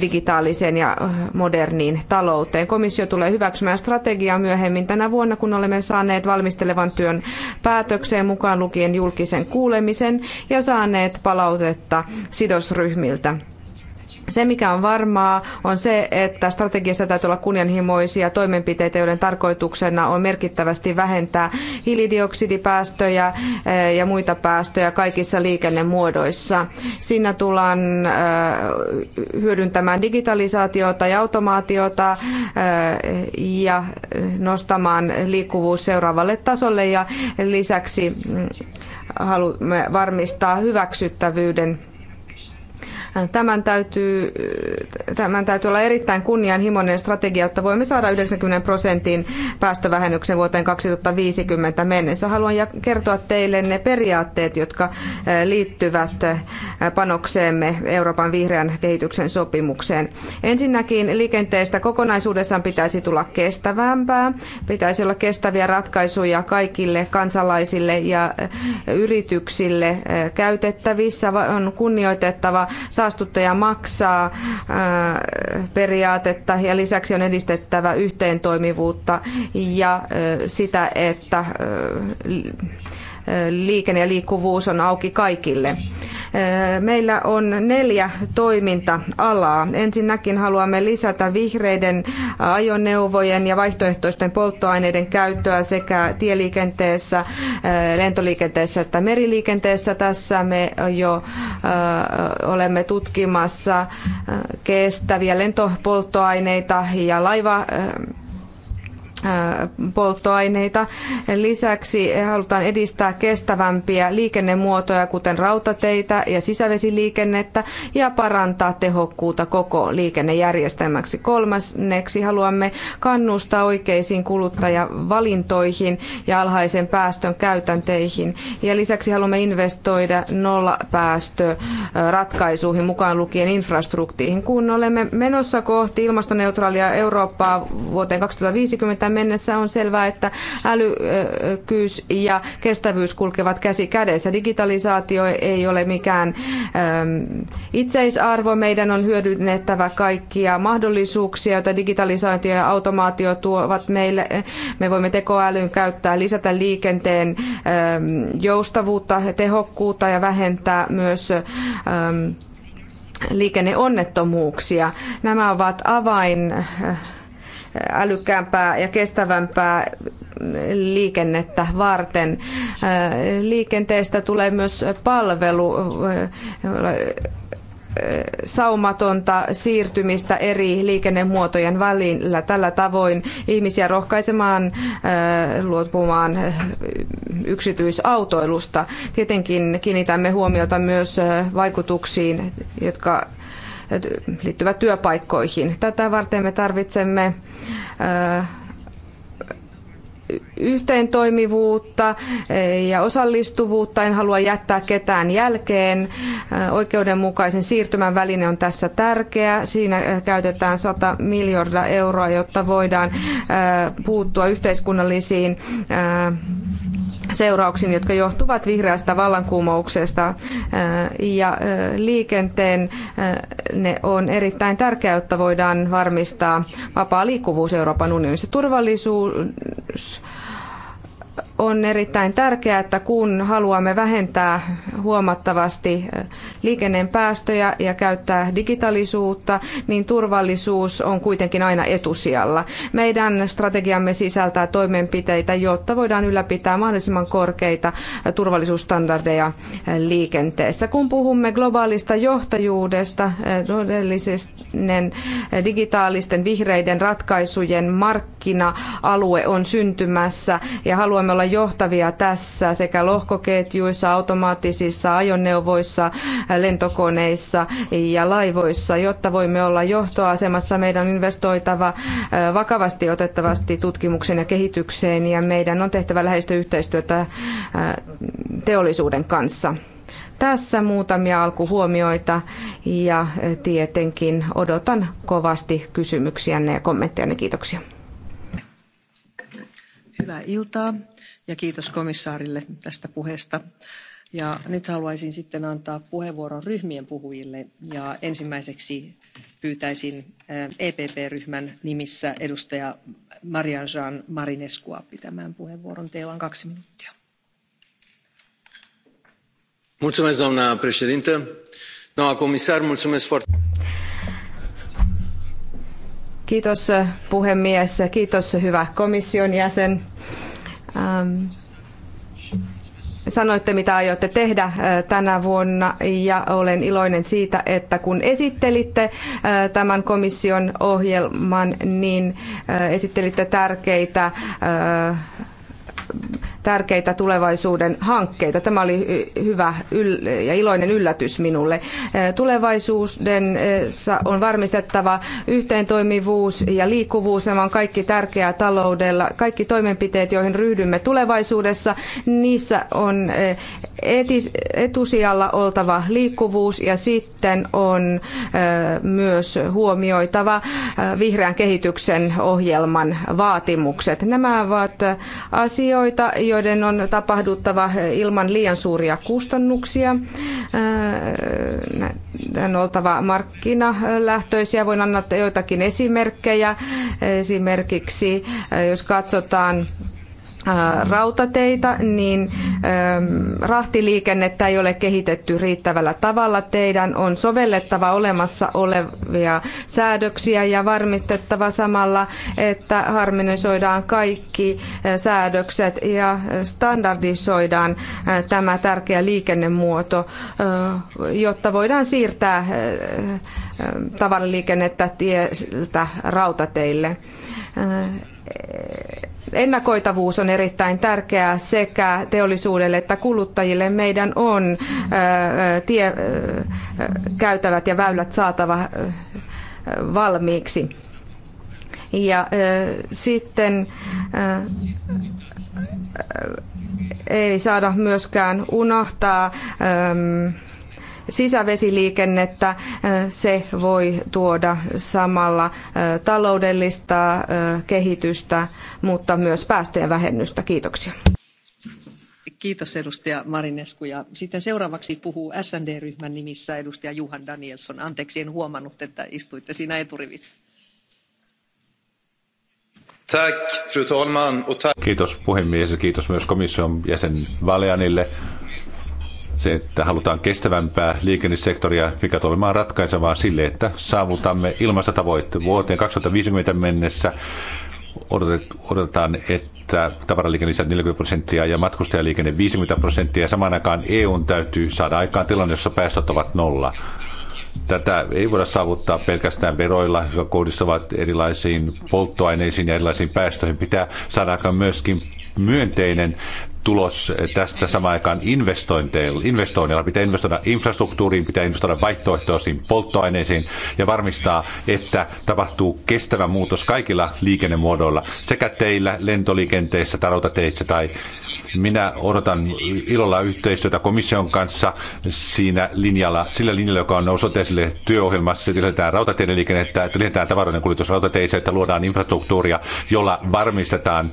digitaaliseen ja moderniin talouteen. Komissio tulee hyväksymään strategiaa myöhemmin tänä vuonna, kun olemme saaneet valmistelevan työn päätökseen mukaan lukien julkisen kuulemisen ja saaneet palautetta sidosryhmiltä se, mikä on varmaa, on se, että strategiassa täytyy olla kunnianhimoisia toimenpiteitä, joiden tarkoituksena on merkittävästi vähentää hiilidioksidipäästöjä eh, ja muita päästöjä kaikissa liikennemuodoissa. Siinä tullaan eh, hyödyntämään digitalisaatiota ja automaatiota eh, ja nostamaan liikkuvuus seuraavalle tasolle ja lisäksi mm, haluamme varmistaa hyväksyttävyyden Tämän täytyy, tämän täytyy olla erittäin kunnianhimoinen strategia, että voimme saada 90 prosentin päästövähennyksen vuoteen 2050 mennessä. Haluan kertoa teille ne periaatteet, jotka eh, liittyvät eh, panokseemme Euroopan vihreän kehityksen sopimukseen. Ensinnäkin liikenteestä kokonaisuudessaan pitäisi tulla kestävämpää, pitäisi olla kestäviä ratkaisuja kaikille kansalaisille ja eh, yrityksille käytettävissä, on kunnioitettava saastuttaja maksaa äh, periaatetta ja lisäksi on edistettävä yhteentoimivuutta ja äh, sitä, että äh, liikenne ja liikkuvuus on auki kaikille. Meillä on neljä toiminta-alaa. Ensinnäkin haluamme lisätä vihreiden ajoneuvojen ja vaihtoehtoisten polttoaineiden käyttöä sekä tieliikenteessä, lentoliikenteessä että meriliikenteessä. Tässä me jo äh, olemme tutkimassa äh, kestäviä lentopolttoaineita ja laiva äh, polttoaineita. Lisäksi halutaan edistää kestävämpiä liikennemuotoja, kuten rautateitä ja sisävesiliikennettä, ja parantaa tehokkuutta koko liikennejärjestelmäksi. Kolmanneksi haluamme kannustaa oikeisiin kuluttajavalintoihin ja alhaisen päästön käytänteihin. Ja lisäksi haluamme investoida nollapäästöratkaisuihin mukaan lukien infrastruktiihin. Kun olemme menossa kohti ilmastoneutraalia Eurooppaa vuoteen 2050 mennessä on selvää, että älykkyys ja kestävyys kulkevat käsi kädessä. Digitalisaatio ei ole mikään ähm, itseisarvo. Meidän on hyödynnettävä kaikkia mahdollisuuksia, joita digitalisaatio ja automaatio tuovat meille. Me voimme tekoälyn käyttää, lisätä liikenteen ähm, joustavuutta, tehokkuutta ja vähentää myös ähm, liikenneonnettomuuksia. Nämä ovat avain äh, älykkäämpää ja kestävämpää liikennettä varten. Liikenteestä tulee myös palvelu saumatonta siirtymistä eri liikennemuotojen välillä. Tällä tavoin ihmisiä rohkaisemaan luopumaan yksityisautoilusta. Tietenkin kiinnitämme huomiota myös vaikutuksiin, jotka liittyvät työpaikkoihin. Tätä varten me tarvitsemme yhteen toimivuutta e, ja osallistuvuutta. En halua jättää ketään jälkeen. Oikeudenmukaisen siirtymän väline on tässä tärkeä. Siinä käytetään 100 miljardia euroa, jotta voidaan puuttua yhteiskunnallisiin seurauksiin, jotka johtuvat vihreästä vallankumouksesta. Äh, ja äh, liikenteen äh, ne on erittäin tärkeää, jotta voidaan varmistaa vapaa liikkuvuus Euroopan unionissa. Turvallisuus on erittäin tärkeää, että kun haluamme vähentää huomattavasti liikennepäästöjä ja käyttää digitaalisuutta, niin turvallisuus on kuitenkin aina etusijalla. Meidän strategiamme sisältää toimenpiteitä, jotta voidaan ylläpitää mahdollisimman korkeita turvallisuusstandardeja liikenteessä. Kun puhumme globaalista johtajuudesta, todellinen digitaalisten vihreiden ratkaisujen markkina-alue on syntymässä ja haluamme olla johtavia tässä sekä lohkoketjuissa, automaattisissa ajoneuvoissa, lentokoneissa ja laivoissa. Jotta voimme olla johtoasemassa, meidän on investoitava vakavasti otettavasti tutkimukseen ja kehitykseen ja meidän on tehtävä läheistä yhteistyötä teollisuuden kanssa. Tässä muutamia alkuhuomioita ja tietenkin odotan kovasti kysymyksiänne ja kommenttejanne. Kiitoksia. Hyvää iltaa ja kiitos komissaarille tästä puheesta. Ja nyt haluaisin sitten antaa puheenvuoron ryhmien puhujille ja ensimmäiseksi pyytäisin epp eh, e ryhmän nimissä edustaja marian jean marinescua pitämään puheenvuoron. teillä on kaksi minuuttia. doamnă președintă doamnă comisar mulțumesc foarte Kiitos eh, puhemies, kiitos hyvä komission jäsen. Ähm, sanoitte, mitä aiotte tehdä äh, tänä vuonna ja olen iloinen siitä, että kun esittelitte äh, tämän komission ohjelman, niin äh, esittelitte tärkeitä tärkeitä tulevaisuuden hankkeita. Tämä oli eh, hyvä ja iloinen yllätys minulle. Eh, tulevaisuudessa eh, on varmistettava yhteentoimivuus ja liikkuvuus. Nämä on kaikki tärkeää taloudella. Kaikki toimenpiteet, joihin ryhdymme tulevaisuudessa, niissä on etusijalla oltava liikkuvuus ja sitten on myös huomioitava vihreän kehityksen ohjelman vaatimukset. Nämä ovat asioita, joita joiden on tapahduttava ilman liian suuria kustannuksia. On oltava markkinalähtöisiä. Voin antaa joitakin esimerkkejä. Esimerkiksi jos katsotaan Äh, rautateitä, niin ähm, rahtiliikennettä ei ole kehitetty riittävällä tavalla. Teidän on sovellettava olemassa olevia säädöksiä ja varmistettava samalla, että harmonisoidaan kaikki äh, säädökset ja standardisoidaan äh, tämä tärkeä liikennemuoto, jotta voidaan siirtää tavaraliikennettä tieltä rautateille ennakoitavuus on erittäin tärkeää sekä teollisuudelle että kuluttajille. Meidän on tie, käytävät ja väylät saatava valmiiksi. Ja sitten ei saada myöskään unohtaa sisävesiliikennettä. Se voi tuoda samalla taloudellista kehitystä, mutta myös päästöjen vähennystä. Kiitoksia. Kiitos edustaja Marinescu. Ja sitten seuraavaksi puhuu SND-ryhmän nimissä edustaja Juhan Danielson. Anteeksi, en huomannut, että istuitte siinä eturivissä. Tack, fru talman. Kiitos puhemies ja kiitos myös komission jäsen Valeanille se, että halutaan kestävämpää liikennesektoria, mikä tulee olemaan ratkaisevaa sille, että saavutamme ilmastotavoitteet vuoteen 2050 mennessä. Odotetaan, että tavaraliikenne lisää 40 prosenttia ja matkustajaliikenne 50 prosenttia. Samaan aikaan EUn täytyy saada aikaan tilanne, jossa päästöt ovat nolla. Tätä ei voida saavuttaa pelkästään veroilla, jotka kohdistuvat erilaisiin polttoaineisiin ja erilaisiin päästöihin. Pitää saada aikaan myöskin myönteinen tulos tästä samaan aikaan investointeilla. investoinneilla. Pitää investoida infrastruktuuriin, pitää investoida vaihtoehtoisiin polttoaineisiin ja varmistaa, että tapahtuu kestävä muutos kaikilla liikennemuodoilla, sekä teillä, lentoliikenteessä tai Tai minä odotan ilolla yhteistyötä komission kanssa siinä linjalla, sillä linjalla, joka on noussut esille työohjelmassa, että lisätään rautateiden liikennettä, että lisätään tavaroiden kuljetus rautateissa, että luodaan infrastruktuuria, jolla varmistetaan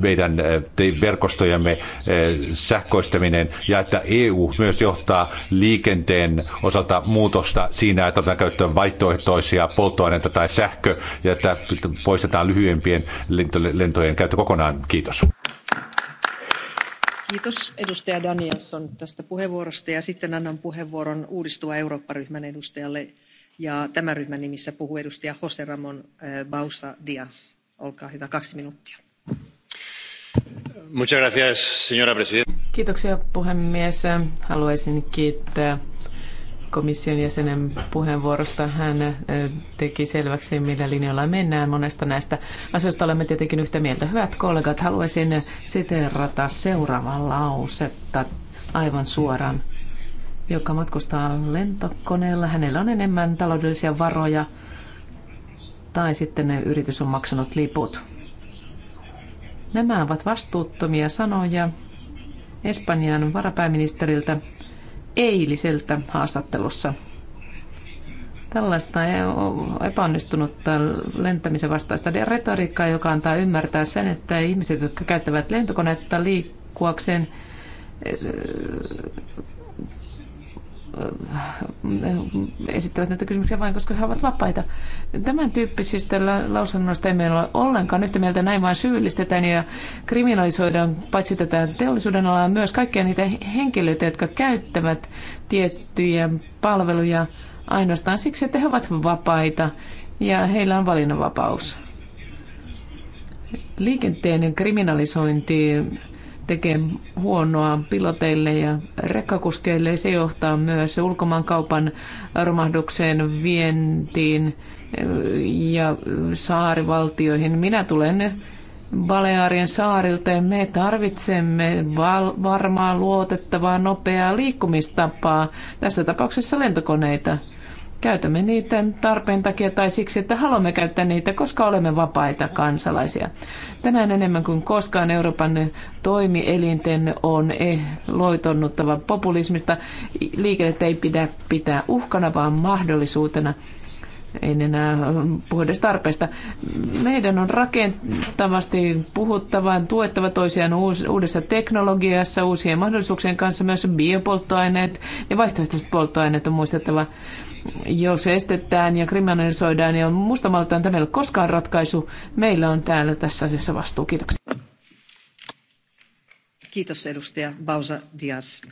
meidän eh, verkostojamme Eh, sähköistäminen ja että EU myös johtaa liikenteen osalta muutosta siinä, että otetaan käyttöön vaihtoehtoisia polttoaineita tai sähkö ja että poistetaan lyhyempien lentojen käyttö kokonaan. Kiitos. Kiitos edustaja Danielson tästä puheenvuorosta ja sitten annan puheenvuoron uudistuva Eurooppa-ryhmän edustajalle ja tämän ryhmän nimissä puhuu edustaja Jose Ramon eh, Bausa Diaz. Olkaa hyvä, kaksi minuuttia. Kiitoksia puhemies. Haluaisin kiittää komission jäsenen puheenvuorosta. Hän eh, teki selväksi, millä linjalla mennään. Monesta näistä asioista olemme tietenkin yhtä mieltä. Hyvät kollegat, haluaisin siteerata seuraavaa lausetta aivan suoraan. Joka matkustaa lentokoneella, hänellä on enemmän taloudellisia varoja tai sitten yritys on maksanut liput Nämä ovat vastuuttomia sanoja Espanjan varapääministeriltä eiliseltä haastattelussa. Tällaista e- epäonnistunutta lentämisen vastaista retoriikkaa, joka antaa ymmärtää sen, että ihmiset, jotka käyttävät lentokonetta liikkuakseen, Äh, esittävät näitä kysymyksiä vain, koska he ovat vapaita. Tämän tyyppisistä lausunnoista meillä ole ollenkaan yhtä mieltä. Näin vain syyllistetään ja kriminalisoidaan paitsi tätä teollisuuden alaa myös kaikkia niitä henkilöitä, jotka käyttävät tiettyjä palveluja ainoastaan siksi, että he ovat vapaita ja heillä on valinnanvapaus. Liikenteen kriminalisointi tekee huonoa piloteille ja rekkakuskeille. Se johtaa myös ulkomaankaupan romahdukseen, vientiin ja saarivaltioihin. Minä tulen Balearien saarilta ja me tarvitsemme val- varmaa, luotettavaa, nopeaa liikkumistapaa, tässä tapauksessa lentokoneita. Käytämme niitä tarpeen takia tai siksi, että haluamme käyttää niitä, koska olemme vapaita kansalaisia. Tänään enemmän kuin koskaan Euroopan toimielinten on eh, loitonnuttava populismista. Liikennettä ei pidä pitää uhkana, vaan mahdollisuutena En enää puhu edes tarpeesta. Meidän on rakentavasti puhuttava, tuettava toisiaan uudessa teknologiassa, uusien mahdollisuuksien kanssa myös biopolttoaineet ja vaihtoehtoiset polttoaineet on muistettava jos estetään ja kriminalisoidaan, niin on mustamaltaan tämä ei ole koskaan ratkaisu. Meillä on täällä tässä asiassa vastuu. Kiitoksia. Kiitos edustaja Bausa Dias.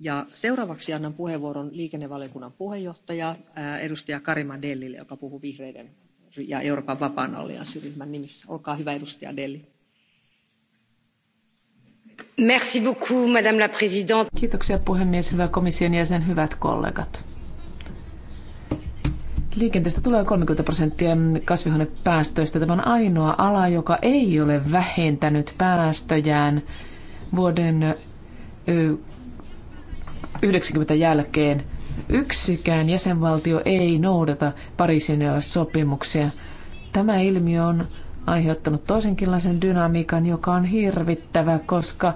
Ja seuraavaksi annan puheenvuoron liikennevaliokunnan puheenjohtaja edustaja Karima Dellille, joka puhuu vihreiden ja Euroopan vapaan allianssiryhmän nimissä. Olkaa hyvä edustaja Delli. Merci beaucoup, madame la présidente. Kiitoksia puhemies, hyvä komission jäsen, hyvät kollegat. Liikenteestä tulee 30 prosenttia kasvihuonepäästöistä. Tämä on ainoa ala, joka ei ole vähentänyt päästöjään vuoden 90 jälkeen. Yksikään jäsenvaltio ei noudata Pariisin sopimuksia. Tämä ilmiö on aiheuttanut toisenkinlaisen dynamiikan, joka on hirvittävä, koska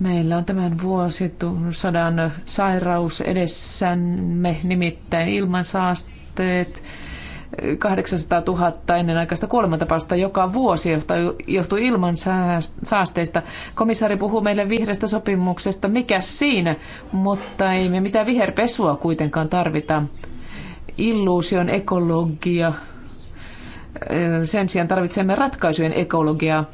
Meillä on tämän vuosisadan sairaus edessämme, nimittäin ilmansaasteet, 800 000 ennenaikaista kuolemantapausta joka vuosi johtuu ilman saasteista. Komissaari puhuu meille vihreästä sopimuksesta, mikä siinä, mutta ei me mitään viherpesua kuitenkaan tarvita. Illuusion ekologia. Sen sijaan tarvitsemme ratkaisujen ekologiaa.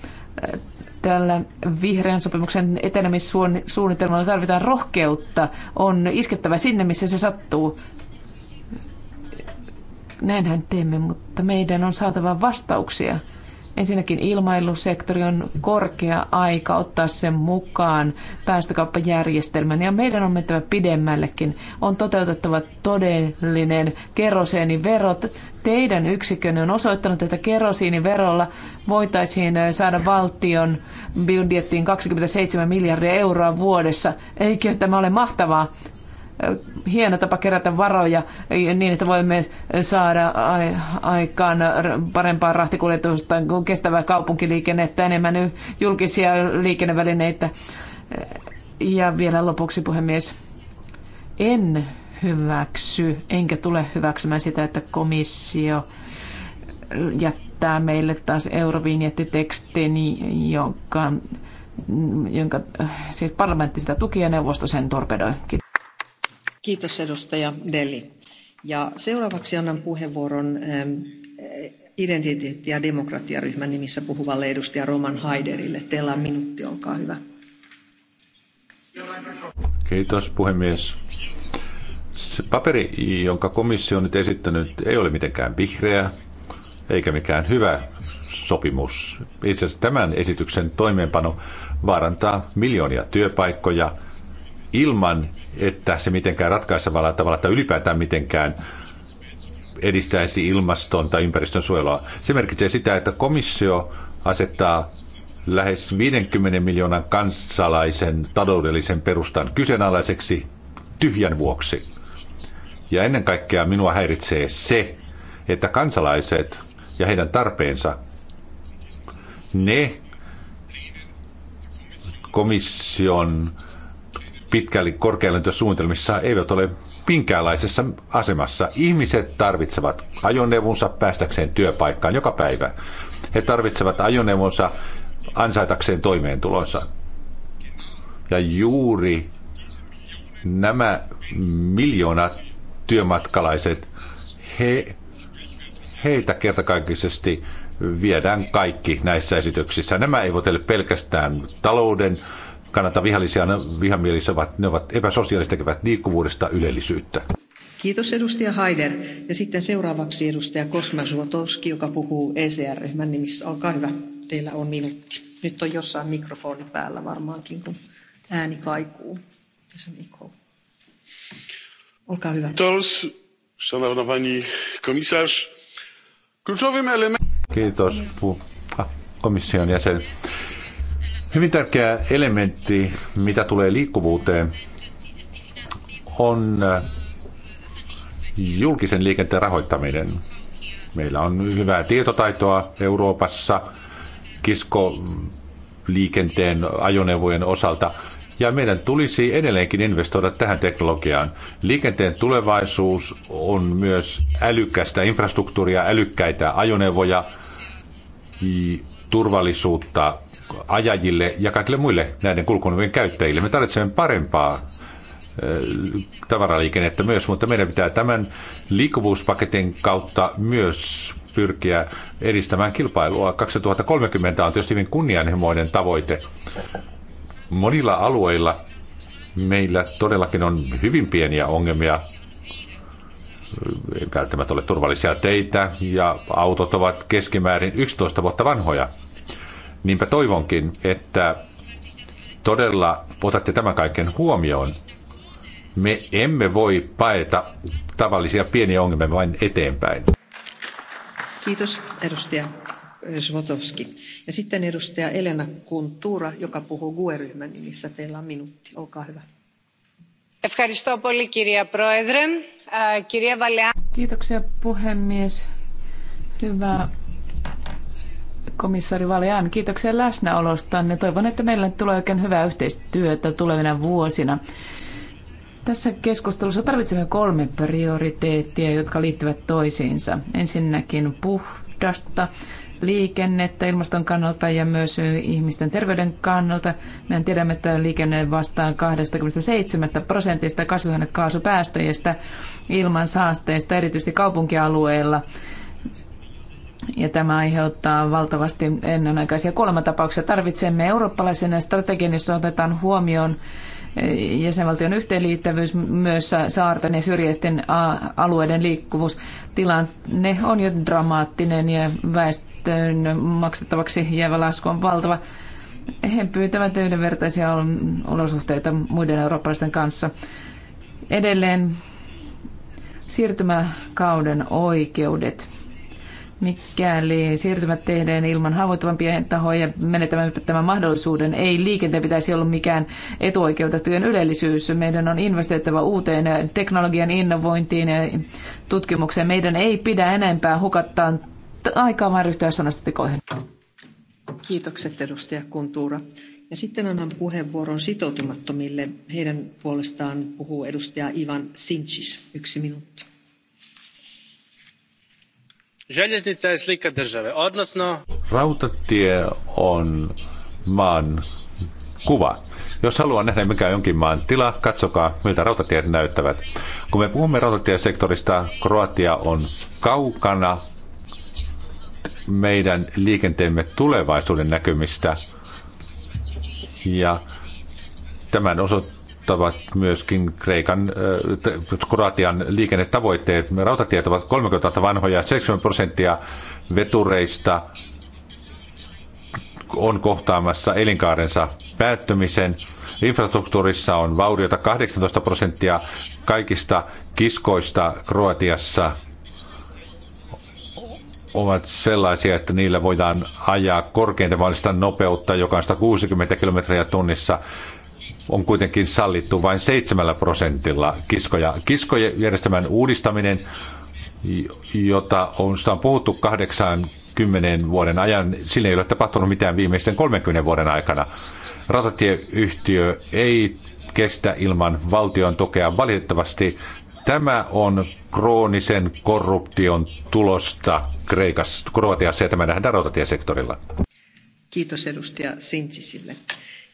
Tällä vihreän sopimuksen etenemissuunnitelmalla tarvitaan rohkeutta. On iskettävä sinne, missä se sattuu. Näinhän teemme, mutta meidän on saatava vastauksia Ensinnäkin ilmailusektori on korkea aika ottaa sen mukaan päästökauppajärjestelmän ja meidän on mentävä pidemmällekin. On toteutettava todellinen kerosiiniverot. Teidän yksikönne on osoittanut, että kerosiiniverolla voitaisiin saada valtion budjettiin 27 miljardia euroa vuodessa. Eikö tämä ole mahtavaa? hieno tapa kerätä varoja e, niin, että voimme saada aikaan parempaa rahtikuljetusta, kestävää kaupunkiliikennettä, enemmän julkisia liikennevälineitä. E, ja vielä lopuksi puhemies, en hyväksy, enkä tule hyväksymään sitä, että komissio jättää meille taas eurovinjettitekstin, jonka, jonka siis parlamentti sitä tuki ja neuvosto sen torpedoi. Kiitos. Kiitos edustaja Ja seuraavaksi annan puheenvuoron ähm, identiteetti- ja demokratiaryhmän nimissä puhuvalle edustaja Roman Heiderille Teillä on minuutti, olkaa hyvä. Kiitos puhemies. Se paperi, jonka komissio on nyt esittänyt, ei ole mitenkään vihreä eikä mikään hyvä sopimus. Itse asiassa tämän esityksen toimeenpano vaarantaa miljoonia työpaikkoja – ilman, että se mitenkään ratkaisevalla tavalla tai ylipäätään mitenkään edistäisi ilmaston tai ympäristön suojelua. Se merkitsee sitä, että komissio asettaa lähes 50 miljoonan kansalaisen taloudellisen perustan kyseenalaiseksi tyhjän vuoksi. Ja ennen kaikkea minua häiritsee se, että kansalaiset ja heidän tarpeensa, ne komission pitkälle korkealentosuunnitelmissa eivät ole minkäänlaisessa asemassa. Ihmiset tarvitsevat ajoneuvonsa päästäkseen työpaikkaan joka päivä. He tarvitsevat ajoneuvonsa ansaitakseen toimeentulonsa. Ja juuri nämä miljoonat työmatkalaiset, he, heiltä kertakaikkisesti viedään kaikki näissä esityksissä. Nämä eivät ole pelkästään talouden kannata vihallisia, ne, vihamielisiä, ovat, ne ovat epäsosiaaliset, tekevät liikkuvuudesta ylellisyyttä. Kiitos edustaja Haider. Ja sitten seuraavaksi edustaja Kosma Zlotowski, joka puhuu ECR-ryhmän nimissä. Olkaa hyvä, teillä on minuutti. Nyt on jossain mikrofoni päällä varmaankin, kun ääni kaikuu. Olkaa hyvä. Kiitos, szanowna pani komisarz. Kluczowym elementem... Kiitos, ah, komission jäsen. Hyvin tärkeä elementti, mitä tulee liikkuvuuteen, on äh, julkisen liikenteen rahoittaminen. Meillä on hyvää tietotaitoa Euroopassa kiskoliikenteen ajoneuvojen osalta, ja meidän tulisi edelleenkin investoida tähän teknologiaan. Liikenteen tulevaisuus on myös älykkästä infrastruktuuria, älykkäitä ajoneuvoja, turvallisuutta ajajille ja kaikille muille näiden kulkuneuvojen käyttäjille. Me tarvitsemme parempaa tavaraliikennettä myös, mutta meidän pitää tämän liikkuvuuspaketin kautta myös pyrkiä edistämään kilpailua. 2030 on tietysti hyvin kunnianhimoinen tavoite. Monilla alueilla meillä todellakin on hyvin pieniä ongelmia. Ei välttämättä ole turvallisia teitä ja autot ovat keskimäärin 11 vuotta vanhoja. Niinpä toivonkin, että todella otatte tämän kaiken huomioon. Me emme voi paeta tavallisia pieniä ongelmia vain eteenpäin. Kiitos edustaja Svotovski. Ja sitten edustaja Elena Kuntura, joka puhuu GUE-ryhmän nimissä. Teillä on minuutti. Olkaa hyvä. Kiitoksia puhemies. Hyvä komissaari Valean, kiitoksia läsnäolostanne. Toivon, että meillä tulee oikein hyvää yhteistyötä tulevina vuosina. Tässä keskustelussa tarvitsemme kolme prioriteettia, jotka liittyvät toisiinsa. Ensinnäkin puhdasta liikennettä ilmaston kannalta ja myös ihmisten terveyden kannalta. Me tiedämme, että liikenne vastaa 27 prosentista kasvihuonekaasupäästöjistä ilman saasteista, erityisesti kaupunkialueilla ja tämä aiheuttaa valtavasti ennenaikaisia kuolematapauksia. Tarvitsemme eurooppalaisen strategian, jossa otetaan huomioon eh, jäsenvaltion yhteenliittävyys, myös saarten ja syrjäisten alueiden liikkuvuus. Tilanne on jo dramaattinen ja väestön maksettavaksi jäävä lasku on valtava. He pyytävät yhdenvertaisia olosuhteita muiden eurooppalaisten kanssa. Edelleen siirtymäkauden oikeudet – Mikäli siirtymät tehdään ilman haavoittuvampia tahoja, menetämme tämän mahdollisuuden. Ei liikenteen pitäisi olla mikään etuoikeutettujen ylellisyys. Meidän on investoitava uuteen teknologian innovointiin ja tutkimukseen. Meidän ei pidä enempää hukattaa aikaa, vaan ryhtyä sanasta tekoihin. Kiitokset edustaja Kuntuura. Ja sitten annan puheenvuoron sitoutumattomille. Heidän puolestaan puhuu edustaja Ivan Sinchis. Yksi minuutti Željeznica je slika države, odnosno... Rautatie on maan kuva. Jos haluaa nähdä mikä on jonkin maan tila, katsokaa miltä rautatiet näyttävät. Kun me puhumme rautatiesektorista, Kroatia on kaukana meidän liikenteemme tulevaisuuden näkymistä. Ja tämän osoittaa kattavat myöskin Kreikan, Kroatian liikennetavoitteet. Rautatiet ovat 30 000 vanhoja, 70 prosenttia vetureista on kohtaamassa elinkaarensa päättymisen. Infrastruktuurissa on vauriota 18 prosenttia kaikista kiskoista Kroatiassa ovat sellaisia, että niillä voidaan ajaa korkeinta mahdollista nopeutta, joka on 160 kilometriä tunnissa on kuitenkin sallittu vain 7 prosentilla kiskoja. Kiskojärjestelmän uudistaminen, jota on, sitä on puhuttu 80 vuoden ajan, sillä ei ole tapahtunut mitään viimeisten 30 vuoden aikana. Ratatieyhtiö ei kestä ilman valtion tukea. Valitettavasti tämä on kroonisen korruption tulosta Kreikassa, Kroatiassa ja tämä nähdään rautatiesektorilla. Kiitos edustaja Sintsisille.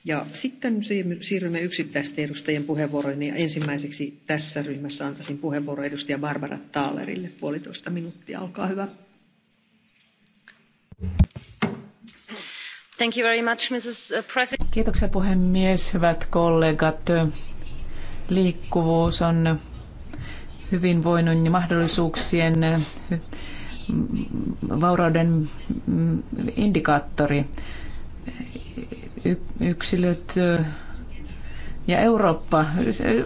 Ja sitten siirrymme yksittäisten edustajien puheenvuoroihin. Ja ensimmäiseksi tässä ryhmässä antaisin puheenvuoro edustaja Barbara Taalerille puolitoista minuuttia. Olkaa hyvä. Thank you very much, Mrs. Uh, President. Kiitoksia puhemies, hyvät kollegat. Liikkuvuus on hyvinvoinnin ja mahdollisuuksien mm, vaurauden mm, indikaattori yksilöt ja Eurooppa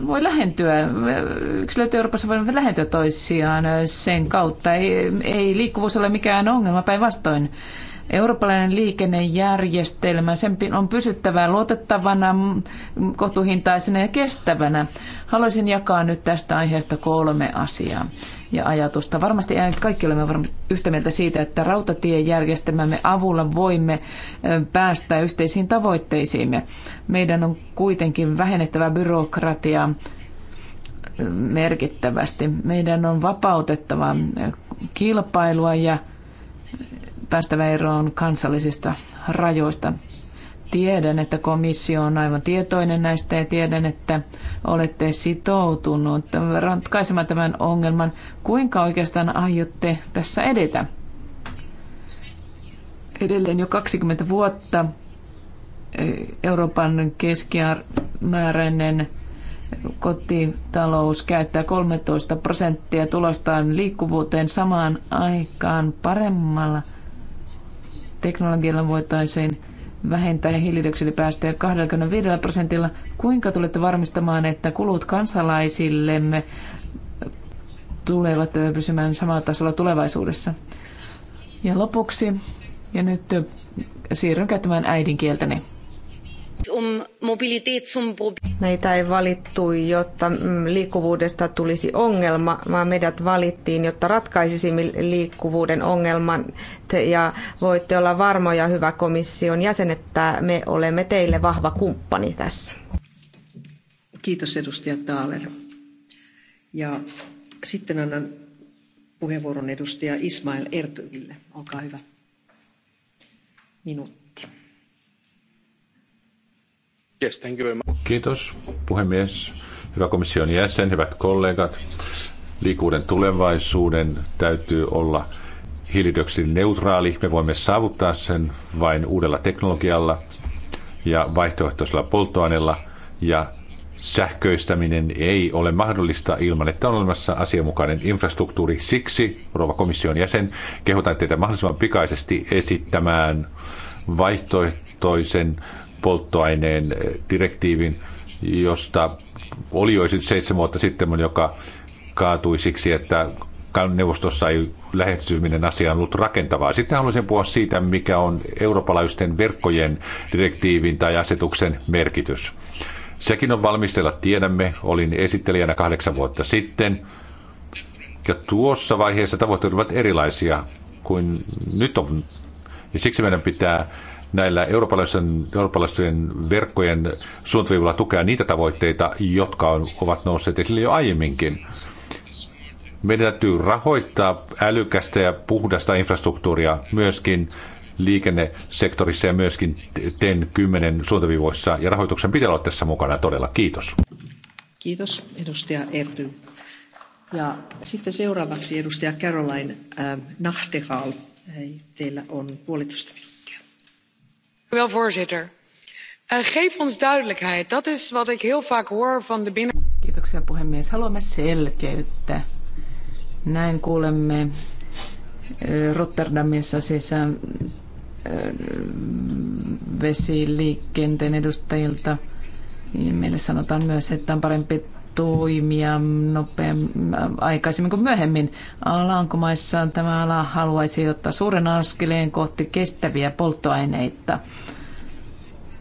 voi lähentyä, yksilöt Euroopassa voi lähentyä toisiaan sen kautta. Ei, ei liikkuvuus ole mikään ongelma, päinvastoin. Eurooppalainen liikennejärjestelmä, sen on pysyttävä luotettavana, kohtuuhintaisena ja kestävänä. Haluaisin jakaa nyt tästä aiheesta kolme asiaa ja ajatusta. Varmasti kaikki olemme varmasti yhtä mieltä siitä, että rautatiejärjestelmämme avulla voimme päästä yhteisiin tavoitteisiimme. Meidän on kuitenkin vähennettävä byrokratiaa merkittävästi. Meidän on vapautettava kilpailua ja päästävä eroon kansallisista rajoista. Tiedän, että komissio on aivan tietoinen näistä ja tiedän, että olette sitoutunut ratkaisemaan tämän ongelman. Kuinka oikeastaan aiotte tässä edetä? Edelleen jo 20 vuotta eh, Euroopan keskimääräinen kotitalous käyttää 13 prosenttia tulostaan liikkuvuuteen samaan aikaan paremmalla teknologialla voitaisiin vähentää hiilidioksidipäästöjä 25 prosentilla. Kuinka tulette varmistamaan, että kulut kansalaisillemme tulevat pysymään samalla tasolla tulevaisuudessa? Ja lopuksi, ja nyt siirryn käyttämään äidinkieltäni. Um Meitä ei valittu, jotta mm, liikkuvuudesta tulisi ongelma, vaan meidät valittiin, jotta ratkaisisimme liikkuvuuden ongelman. Ja voitte olla varmoja, hyvä komission jäsen, että me olemme teille vahva kumppani tässä. Kiitos edustaja Taaler. Ja sitten annan puheenvuoron edustaja Ismail Ertygille. Olkaa hyvä. Minuutti. Yes, thank you very much. Kiitos puhemies, hyvä komission jäsen, hyvät kollegat. Liikkuuden tulevaisuuden täytyy olla hiilidioksidin neutraali. Me voimme saavuttaa sen vain uudella teknologialla ja vaihtoehtoisella polttoaineella. Ja sähköistäminen ei ole mahdollista ilman, että on olemassa asianmukainen infrastruktuuri. Siksi, rouva komission jäsen, kehotan teitä mahdollisimman pikaisesti esittämään vaihtoehtoisen polttoaineen eh, direktiivin, josta oli jo seitsemän vuotta sitten, joka kaatui siksi, että neuvostossa ei lähestyminen on ollut rakentavaa. Sitten haluaisin puhua siitä, mikä on eurooppalaisten verkkojen direktiivin tai asetuksen merkitys. Sekin on valmistella, tiedämme. Olin esittelijänä kahdeksan vuotta sitten. Ja tuossa vaiheessa tavoitteet ovat erilaisia kuin nyt on. Ja siksi meidän pitää näillä eurooppalaisten, eurooppalaisten verkkojen suuntaviivalla tukea niitä tavoitteita, jotka on, ovat nousseet esille jo aiemminkin. Meidän täytyy rahoittaa älykästä ja puhdasta infrastruktuuria myöskin liikennesektorissa ja myöskin TEN 10 suuntaviivoissa. Ja rahoituksen pitää olla tässä mukana todella. Kiitos. Kiitos, edustaja Erty. Ja sitten seuraavaksi edustaja Caroline äh, Nachtehal. Teillä on puolitoista minuuttia voorzitter eh, geef ons duidelijkheid. Dat is wat ik heel vaak hoor van de binnen... Kiitoksia puhemies. Haluamme selkeyttä. Näin kuulemme eh, Rotterdamissa sisään eh, vesiliikenteen edustajilta. Niin meille sanotaan myös, että on parempi toimia nopeammin, aikaisemmin kuin myöhemmin. Alankomaissa tämä ala haluaisi ottaa suuren askeleen kohti kestäviä polttoaineita.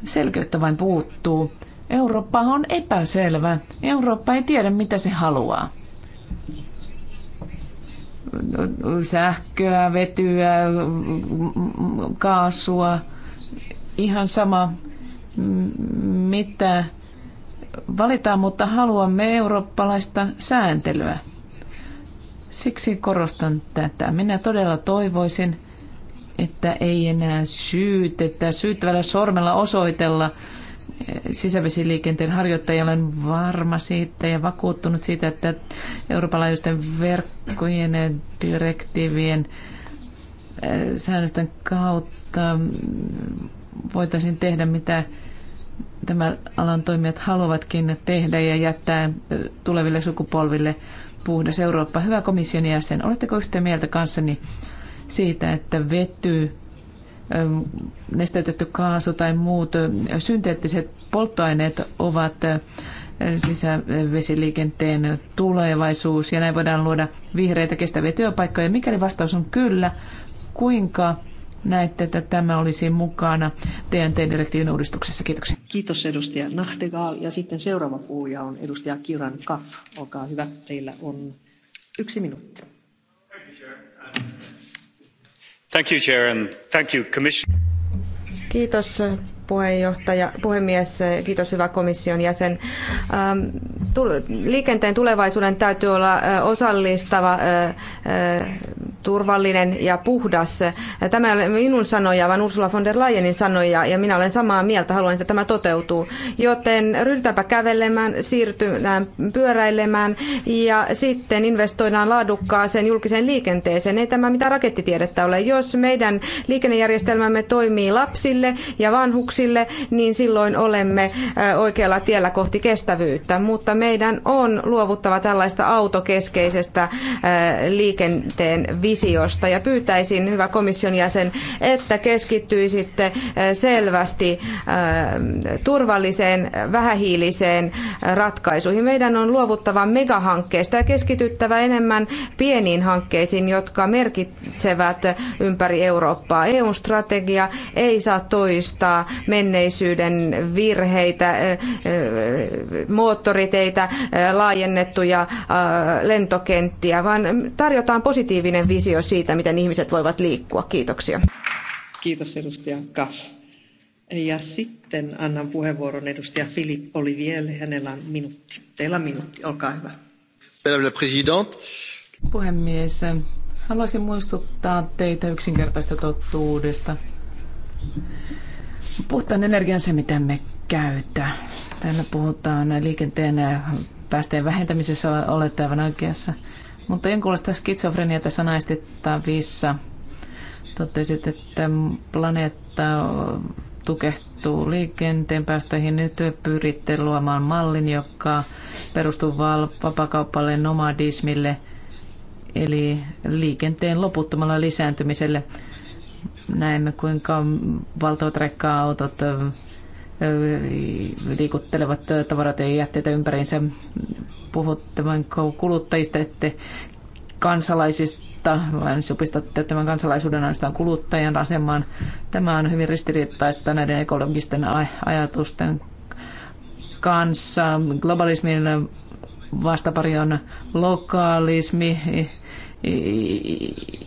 Selkeyttä vain puuttuu. Eurooppa on epäselvä. Eurooppa ei tiedä, mitä se haluaa. Sähköä, vetyä, kaasua, ihan sama mitä valitaan, mutta haluamme eurooppalaista sääntelyä. Siksi korostan tätä. Minä todella toivoisin, että ei enää syytetä, syyttävällä sormella osoitella eh, sisävesiliikenteen harjoittaja. Olen varma siitä ja vakuuttunut siitä, että Euroopan verkkojen ja direktiivien eh, säännösten kautta voitaisiin tehdä mitä tämä alan toimijat haluavatkin tehdä ja jättää tuleville sukupolville puhdas Eurooppa. Hyvä komission jäsen, oletteko yhtä mieltä kanssani siitä, että vety, nesteytetty kaasu tai muut synteettiset polttoaineet ovat sisävesiliikenteen tulevaisuus ja näin voidaan luoda vihreitä kestäviä työpaikkoja. Mikäli vastaus on kyllä, kuinka näette, että tämä olisi mukana TNT-direktiivin uudistuksessa. Kiitoksia. Kiitos edustaja Nahdegaal. Ja sitten seuraava puhuja on edustaja Kiran Kaff. Olkaa hyvä, teillä on yksi minuutti. Thank you, Chair, and thank you, Commission. Kiitos puheenjohtaja, puhemies, kiitos hyvä komission jäsen. Ähm, liikenteen tulevaisuuden täytyy olla äh, osallistava äh, äh, turvallinen ja puhdas. Tämä ei ole minun sanoja, vaan Ursula von der Leyenin sanoja, ja minä olen samaa mieltä, haluan, että tämä toteutuu. Joten ryhdytäänpä kävelemään, siirtymään pyöräilemään, ja sitten investoidaan laadukkaaseen julkiseen liikenteeseen. Ei tämä mitään rakettitiedettä ole. Jos meidän liikennejärjestelmämme toimii lapsille ja vanhuksille, niin silloin olemme oikealla tiellä kohti kestävyyttä. Mutta meidän on luovuttava tällaista autokeskeisestä liikenteen vi- visiosta ja pyytäisin, hyvä komission jäsen, että keskittyisitte äh, selvästi äh, turvalliseen, vähähiiliseen äh, ratkaisuihin. Meidän on luovuttava megahankkeista ja keskityttävä enemmän pieniin hankkeisiin, jotka merkitsevät ympäri Eurooppaa. EU-strategia ei saa toistaa menneisyyden virheitä, moottoriteitä, laajennettuja lentokenttiä, vaan tarjotaan positiivinen visio visio siitä, miten ihmiset voivat liikkua. Kiitoksia. Kiitos edustaja Kaff. Ja sitten annan puheenvuoron edustaja Philippe Olivielle. Hänellä on minuutti. Teillä on minuutti. Olkaa hyvä. Madame la Présidente. Puhemies, haluaisin muistuttaa teitä yksinkertaista totuudesta. Puhtaan energian se, mitä me käytä. Täällä puhutaan liikenteen päästöjen vähentämisessä, olet aivan oikeassa. Mutta jonkunlaista skitsofrenia tässä naistettavissa. Totesit, että planeetta tukehtuu liikenteen päästöihin. Nyt pyritte luomaan mallin, joka perustuu vapakauppalle, nomadismille, eli liikenteen loputtomalla lisääntymiselle. Näemme, kuinka valtavat rekka-autot liikuttelevat tavarat ja jätteitä ympäriinsä. puhuttavan tämän kuluttajista, ette kansalaisista, vaan supistatte tämän kansalaisuuden ainoastaan kuluttajan asemaan. Tämä on hyvin ristiriitaista näiden ekologisten ajatusten kanssa. Globalismin vastapari on lokaalismi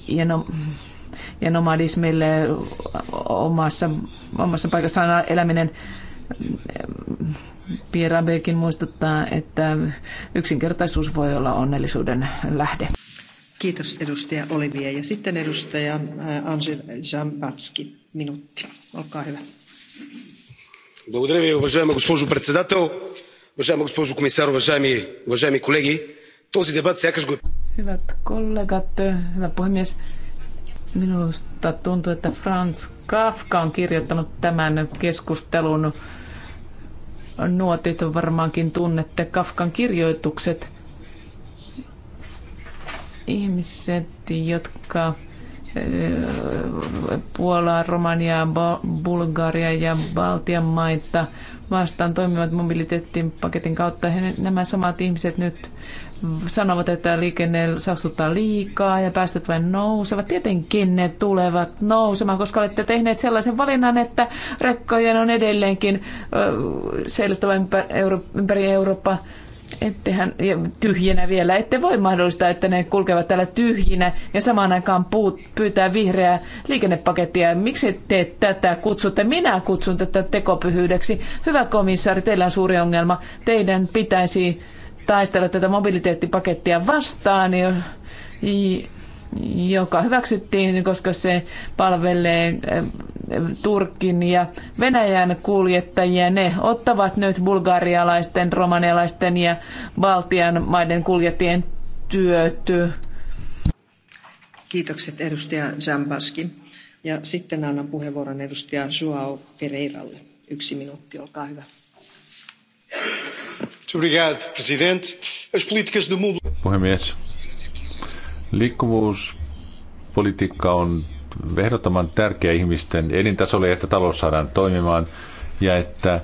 ja, no, ja nomadismille omassa, omassa paikassaan eläminen Pierre Pierabekin muistuttaa, että yksinkertaisuus voi olla onnellisuuden lähde. Kiitos edustaja Olivia. Ja sitten edustaja äh, Angel Jambatski, minuutti. Olkaa hyvä. Благодаря ви, уважаема госпожо председател, уважаема госпожо комисар, уважаеми, уважаеми колеги. Този дебат сякаш го... Hyvät kollegat, hyvä puhemies. Minusta tuntuu, että Franz Kafka on kirjoittanut tämän keskustelun. Nuotit varmaankin tunnette Kafkan kirjoitukset. Ihmiset, jotka eh, Puolaa, Romaniaa, Bulgaria ja Baltian maita vastaan toimivat mobiliteettipaketin kautta. He, nämä samat ihmiset nyt sanovat, että liikenne saastuttaa liikaa ja päästöt vain nousevat. Tietenkin ne tulevat nousemaan, koska olette tehneet sellaisen valinnan, että rekkojen on edelleenkin seiltävä ympäri Eurooppa ettehän, ja tyhjinä vielä, ette voi mahdollistaa, että ne kulkevat täällä tyhjinä ja samaan aikaan puut, pyytää vihreää liikennepakettia. Miksi te tätä kutsutte? Minä kutsun tätä tekopyhyydeksi. Hyvä komissaari, teillä on suuri ongelma. Teidän pitäisi taistella tätä mobiliteettipakettia vastaan, joka hyväksyttiin, koska se palvelee eh, Turkin ja Venäjän kuljettajia. Ne ottavat nyt bulgarialaisten, romanialaisten ja Baltian maiden kuljettajien työt. Kiitokset edustaja Zambarski. Ja sitten annan puheenvuoron edustaja Joao Ferreiralle. Yksi minuutti, olkaa hyvä. Puhemies, liikkuvuuspolitiikka on ehdottoman tärkeä ihmisten elintasolle, että talous saadaan toimimaan ja että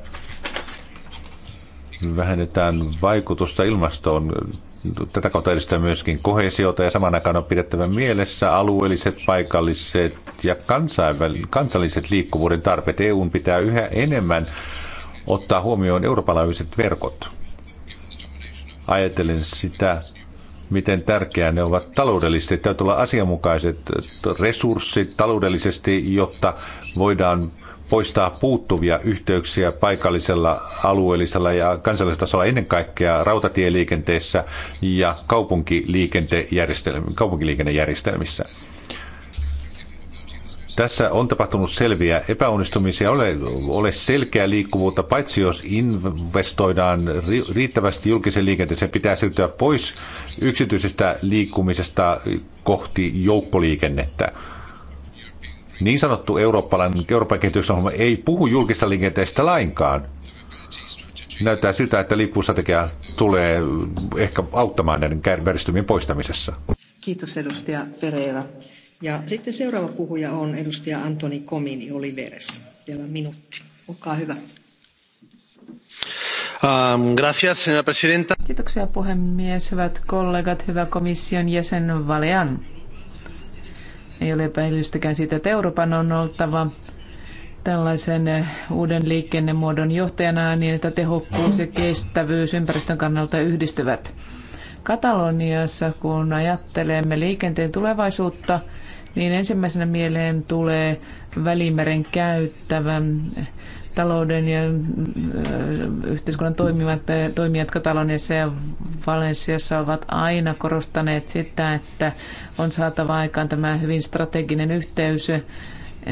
vähennetään vaikutusta ilmastoon. Tätä kautta edistetään myöskin kohesiota ja saman aikaan on pidettävä mielessä alueelliset, paikalliset ja kansalliset liikkuvuuden tarpeet. EUn pitää yhä enemmän ottaa huomioon eurooppalaiset verkot ajatellen sitä, miten tärkeää ne ovat taloudellisesti. Täytyy olla asianmukaiset resurssit taloudellisesti, jotta voidaan poistaa puuttuvia yhteyksiä paikallisella, alueellisella ja kansallisella tasolla ennen kaikkea rautatieliikenteessä ja kaupunkiliikennejärjestelmissä. Tässä on tapahtunut selviä epäonnistumisia, ole, ole selkeä liikkuvuutta, paitsi jos investoidaan riittävästi julkisen liikenteeseen, pitää siirtyä pois yksityisestä liikkumisesta kohti joukkoliikennettä. Niin sanottu eurooppalainen, Euroopan kehitysohjelma ei puhu julkista liikenteestä lainkaan. Näyttää siltä, että liikkuvuusstrategia tulee ehkä auttamaan näiden kärveristymien poistamisessa. Kiitos edustaja Pereira. Ja sitten seuraava puhuja on edustaja Antoni Komini Oliveres. Teillä on minuutti. Olkaa hyvä. Um, gracias, señora presidenta. Kiitoksia puhemies, hyvät kollegat, hyvä komission jäsen Valean. Ei ole epäilystäkään siitä, että Euroopan on oltava tällaisen eh, uuden liikennemuodon johtajana niin, että tehokkuus ja kestävyys ympäristön kannalta yhdistyvät. Kataloniassa, kun ajattelemme liikenteen tulevaisuutta, niin ensimmäisenä mieleen tulee Välimeren käyttävä talouden ja yhteiskunnan toimivat, toimijat Kataloniassa ja Valensiassa ovat aina korostaneet sitä, että on saatava aikaan tämä hyvin strateginen yhteys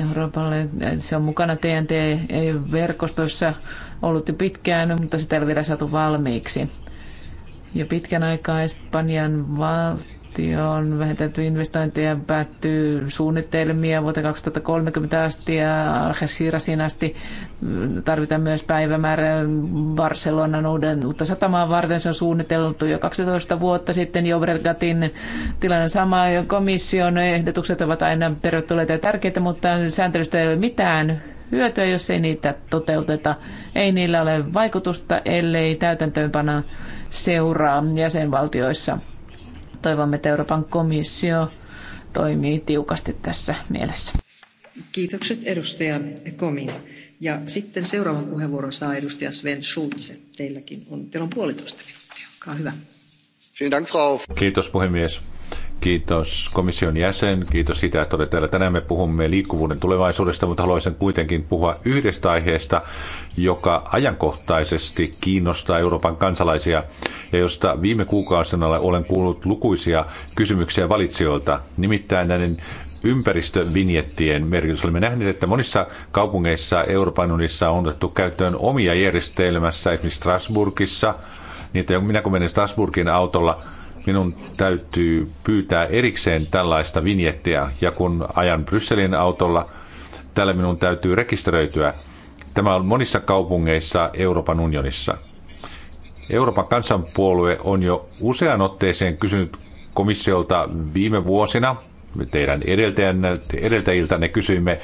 Euroopalle. Se on mukana TNT-verkostoissa ollut jo pitkään, mutta sitä ei ole vielä saatu valmiiksi. Jo pitkän aikaa Espanjan val Komissio on vähentänyt investointeja, päättyy suunnitelmia vuoteen 2030 asti ja Algecirasin asti. Tarvitaan myös päivämäärä Barcelonan uuden, uutta satamaa varten. Se on suunniteltu jo 12 vuotta sitten. Jobregatin tilanne sama. ja Komission ehdotukset ovat aina tervetulleita ja tärkeitä, mutta sääntelystä ei ole mitään hyötyä, jos ei niitä toteuteta. Ei niillä ole vaikutusta, ellei täytäntöönpana seuraa jäsenvaltioissa. Toivomme, että Euroopan komissio toimii tiukasti tässä mielessä. Kiitokset edustaja Komi. Ja sitten seuraavan puheenvuoron saa edustaja Sven Schulze. Teilläkin on, teillä on puolitoista minuuttia. Olkaa hyvä. Kiitos puhemies. Kiitos komission jäsen, kiitos siitä, että olette täällä. Tänään me puhumme liikkuvuuden tulevaisuudesta, mutta haluaisin kuitenkin puhua yhdestä aiheesta, joka ajankohtaisesti kiinnostaa Euroopan kansalaisia ja josta viime kuukausina olen kuullut lukuisia kysymyksiä valitsijoilta, nimittäin näiden ympäristövinjettien merkitys. Olemme nähneet, että monissa kaupungeissa Euroopan unionissa on otettu käyttöön omia järjestelmässä, esimerkiksi Strasbourgissa, niin että minä kun menen Strasbourgin autolla, minun täytyy pyytää erikseen tällaista vinjettiä, ja kun ajan Brysselin autolla, tällä minun täytyy rekisteröityä. Tämä on monissa kaupungeissa Euroopan unionissa. Euroopan kansanpuolue on jo usean otteeseen kysynyt komissiolta viime vuosina, teidän ne kysyimme,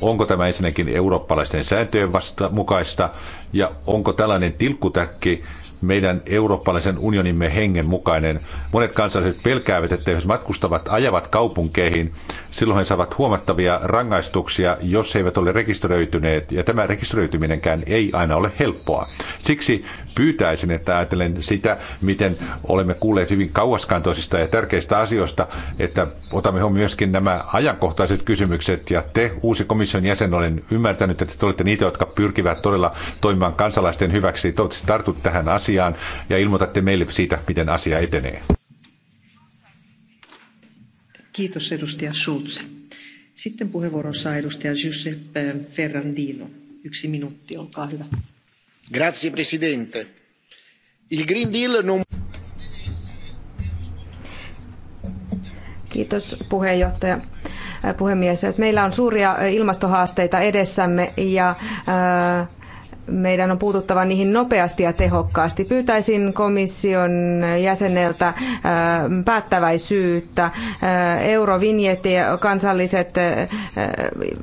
onko tämä ensinnäkin eurooppalaisten sääntöjen vasta mukaista ja onko tällainen tilkkutäkki meidän eurooppalaisen unionimme hengen mukainen. Monet kansalaiset pelkäävät, että jos matkustavat ajavat kaupunkeihin, silloin he saavat huomattavia rangaistuksia, jos he eivät ole rekisteröityneet, ja tämä rekisteröityminenkään ei aina ole helppoa. Siksi pyytäisin, että ajatellen sitä, miten olemme kuulleet hyvin kauaskantoisista ja tärkeistä asioista, että otamme huomioon myöskin nämä ajankohtaiset kysymykset. Ja te, uusi komission jäsen, olen ymmärtänyt, että te olette niitä, jotka pyrkivät todella toimimaan kansalaisten hyväksi. Toivottavasti tartut tähän asiaan ja ilmoitatte meille siitä, miten asia etenee. Kiitos edustaja Schulze. Sitten puheenvuoron saa edustaja Giuseppe Ferrandino. Yksi minuutti, olkaa hyvä signor presidente onorevoli colleghi äh, puhemies. Meillä on suuria äh, ilmastohaasteita edessämme ja äh, meidän on puututtava niihin nopeasti ja tehokkaasti. Pyytäisin komission jäseneltä äh, päättäväisyyttä. Äh, eurovinjetti ja kansalliset äh,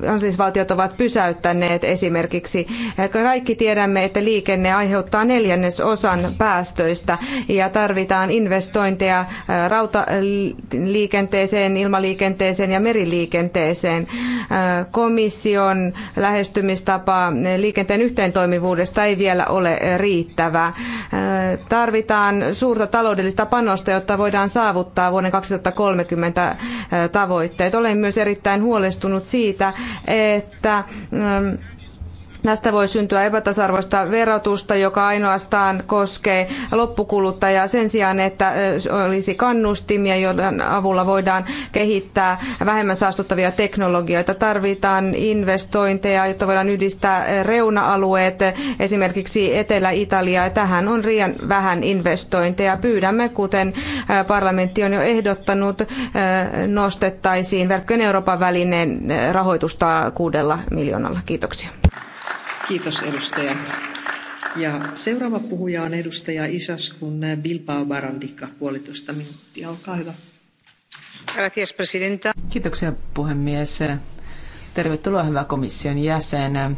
kansallisvaltiot ovat pysäyttäneet esimerkiksi. Kaikki tiedämme, että liikenne aiheuttaa neljännesosan päästöistä ja tarvitaan investointeja rautaliikenteeseen, ilmaliikenteeseen ja meriliikenteeseen. Komission lähestymistapa liikenteen yhteentoimivuuteen toimivuudesta ei vielä ole riittävä. Tarvitaan suurta taloudellista panosta, jotta voidaan saavuttaa vuoden 2030 tavoitteet. Olen myös erittäin huolestunut siitä, että Tästä voi syntyä epätasarvoista verotusta, joka ainoastaan koskee loppukuluttajaa sen sijaan, että olisi kannustimia, joiden avulla voidaan kehittää vähemmän saastuttavia teknologioita. Tarvitaan investointeja, jotta voidaan yhdistää reuna-alueet, esimerkiksi Etelä-Italia. Tähän on liian vähän investointeja. Pyydämme, kuten parlamentti on jo ehdottanut, nostettaisiin verkkojen Euroopan välineen rahoitusta kuudella miljoonalla. Kiitoksia. Kiitos edustaja. Ja seuraava puhuja on edustaja Isaskun Bilbao Barandika, puolitoista minuuttia. Olkaa hyvä. Gracias, presidenta. Kiitoksia puhemies. Tervetuloa hyvä komission jäsen.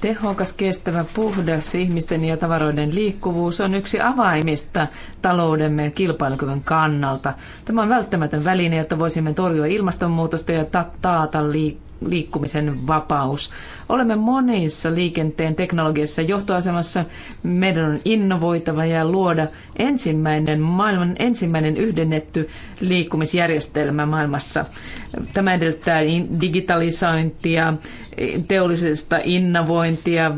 Tehokas, kestävä, puhdas ihmisten ja tavaroiden liikkuvuus on yksi avaimista taloudemme ja kilpailukyvyn kannalta. Tämä on välttämätön väline, jotta voisimme torjua ilmastonmuutosta ja taata liikkuvuutta liikkumisen vapaus. Olemme monissa liikenteen teknologiassa johtoasemassa. Meidän on innovoitava ja luoda ensimmäinen maailman ensimmäinen yhdennetty liikkumisjärjestelmä maailmassa. Tämä edellyttää digitalisointia, teollisesta innovointia,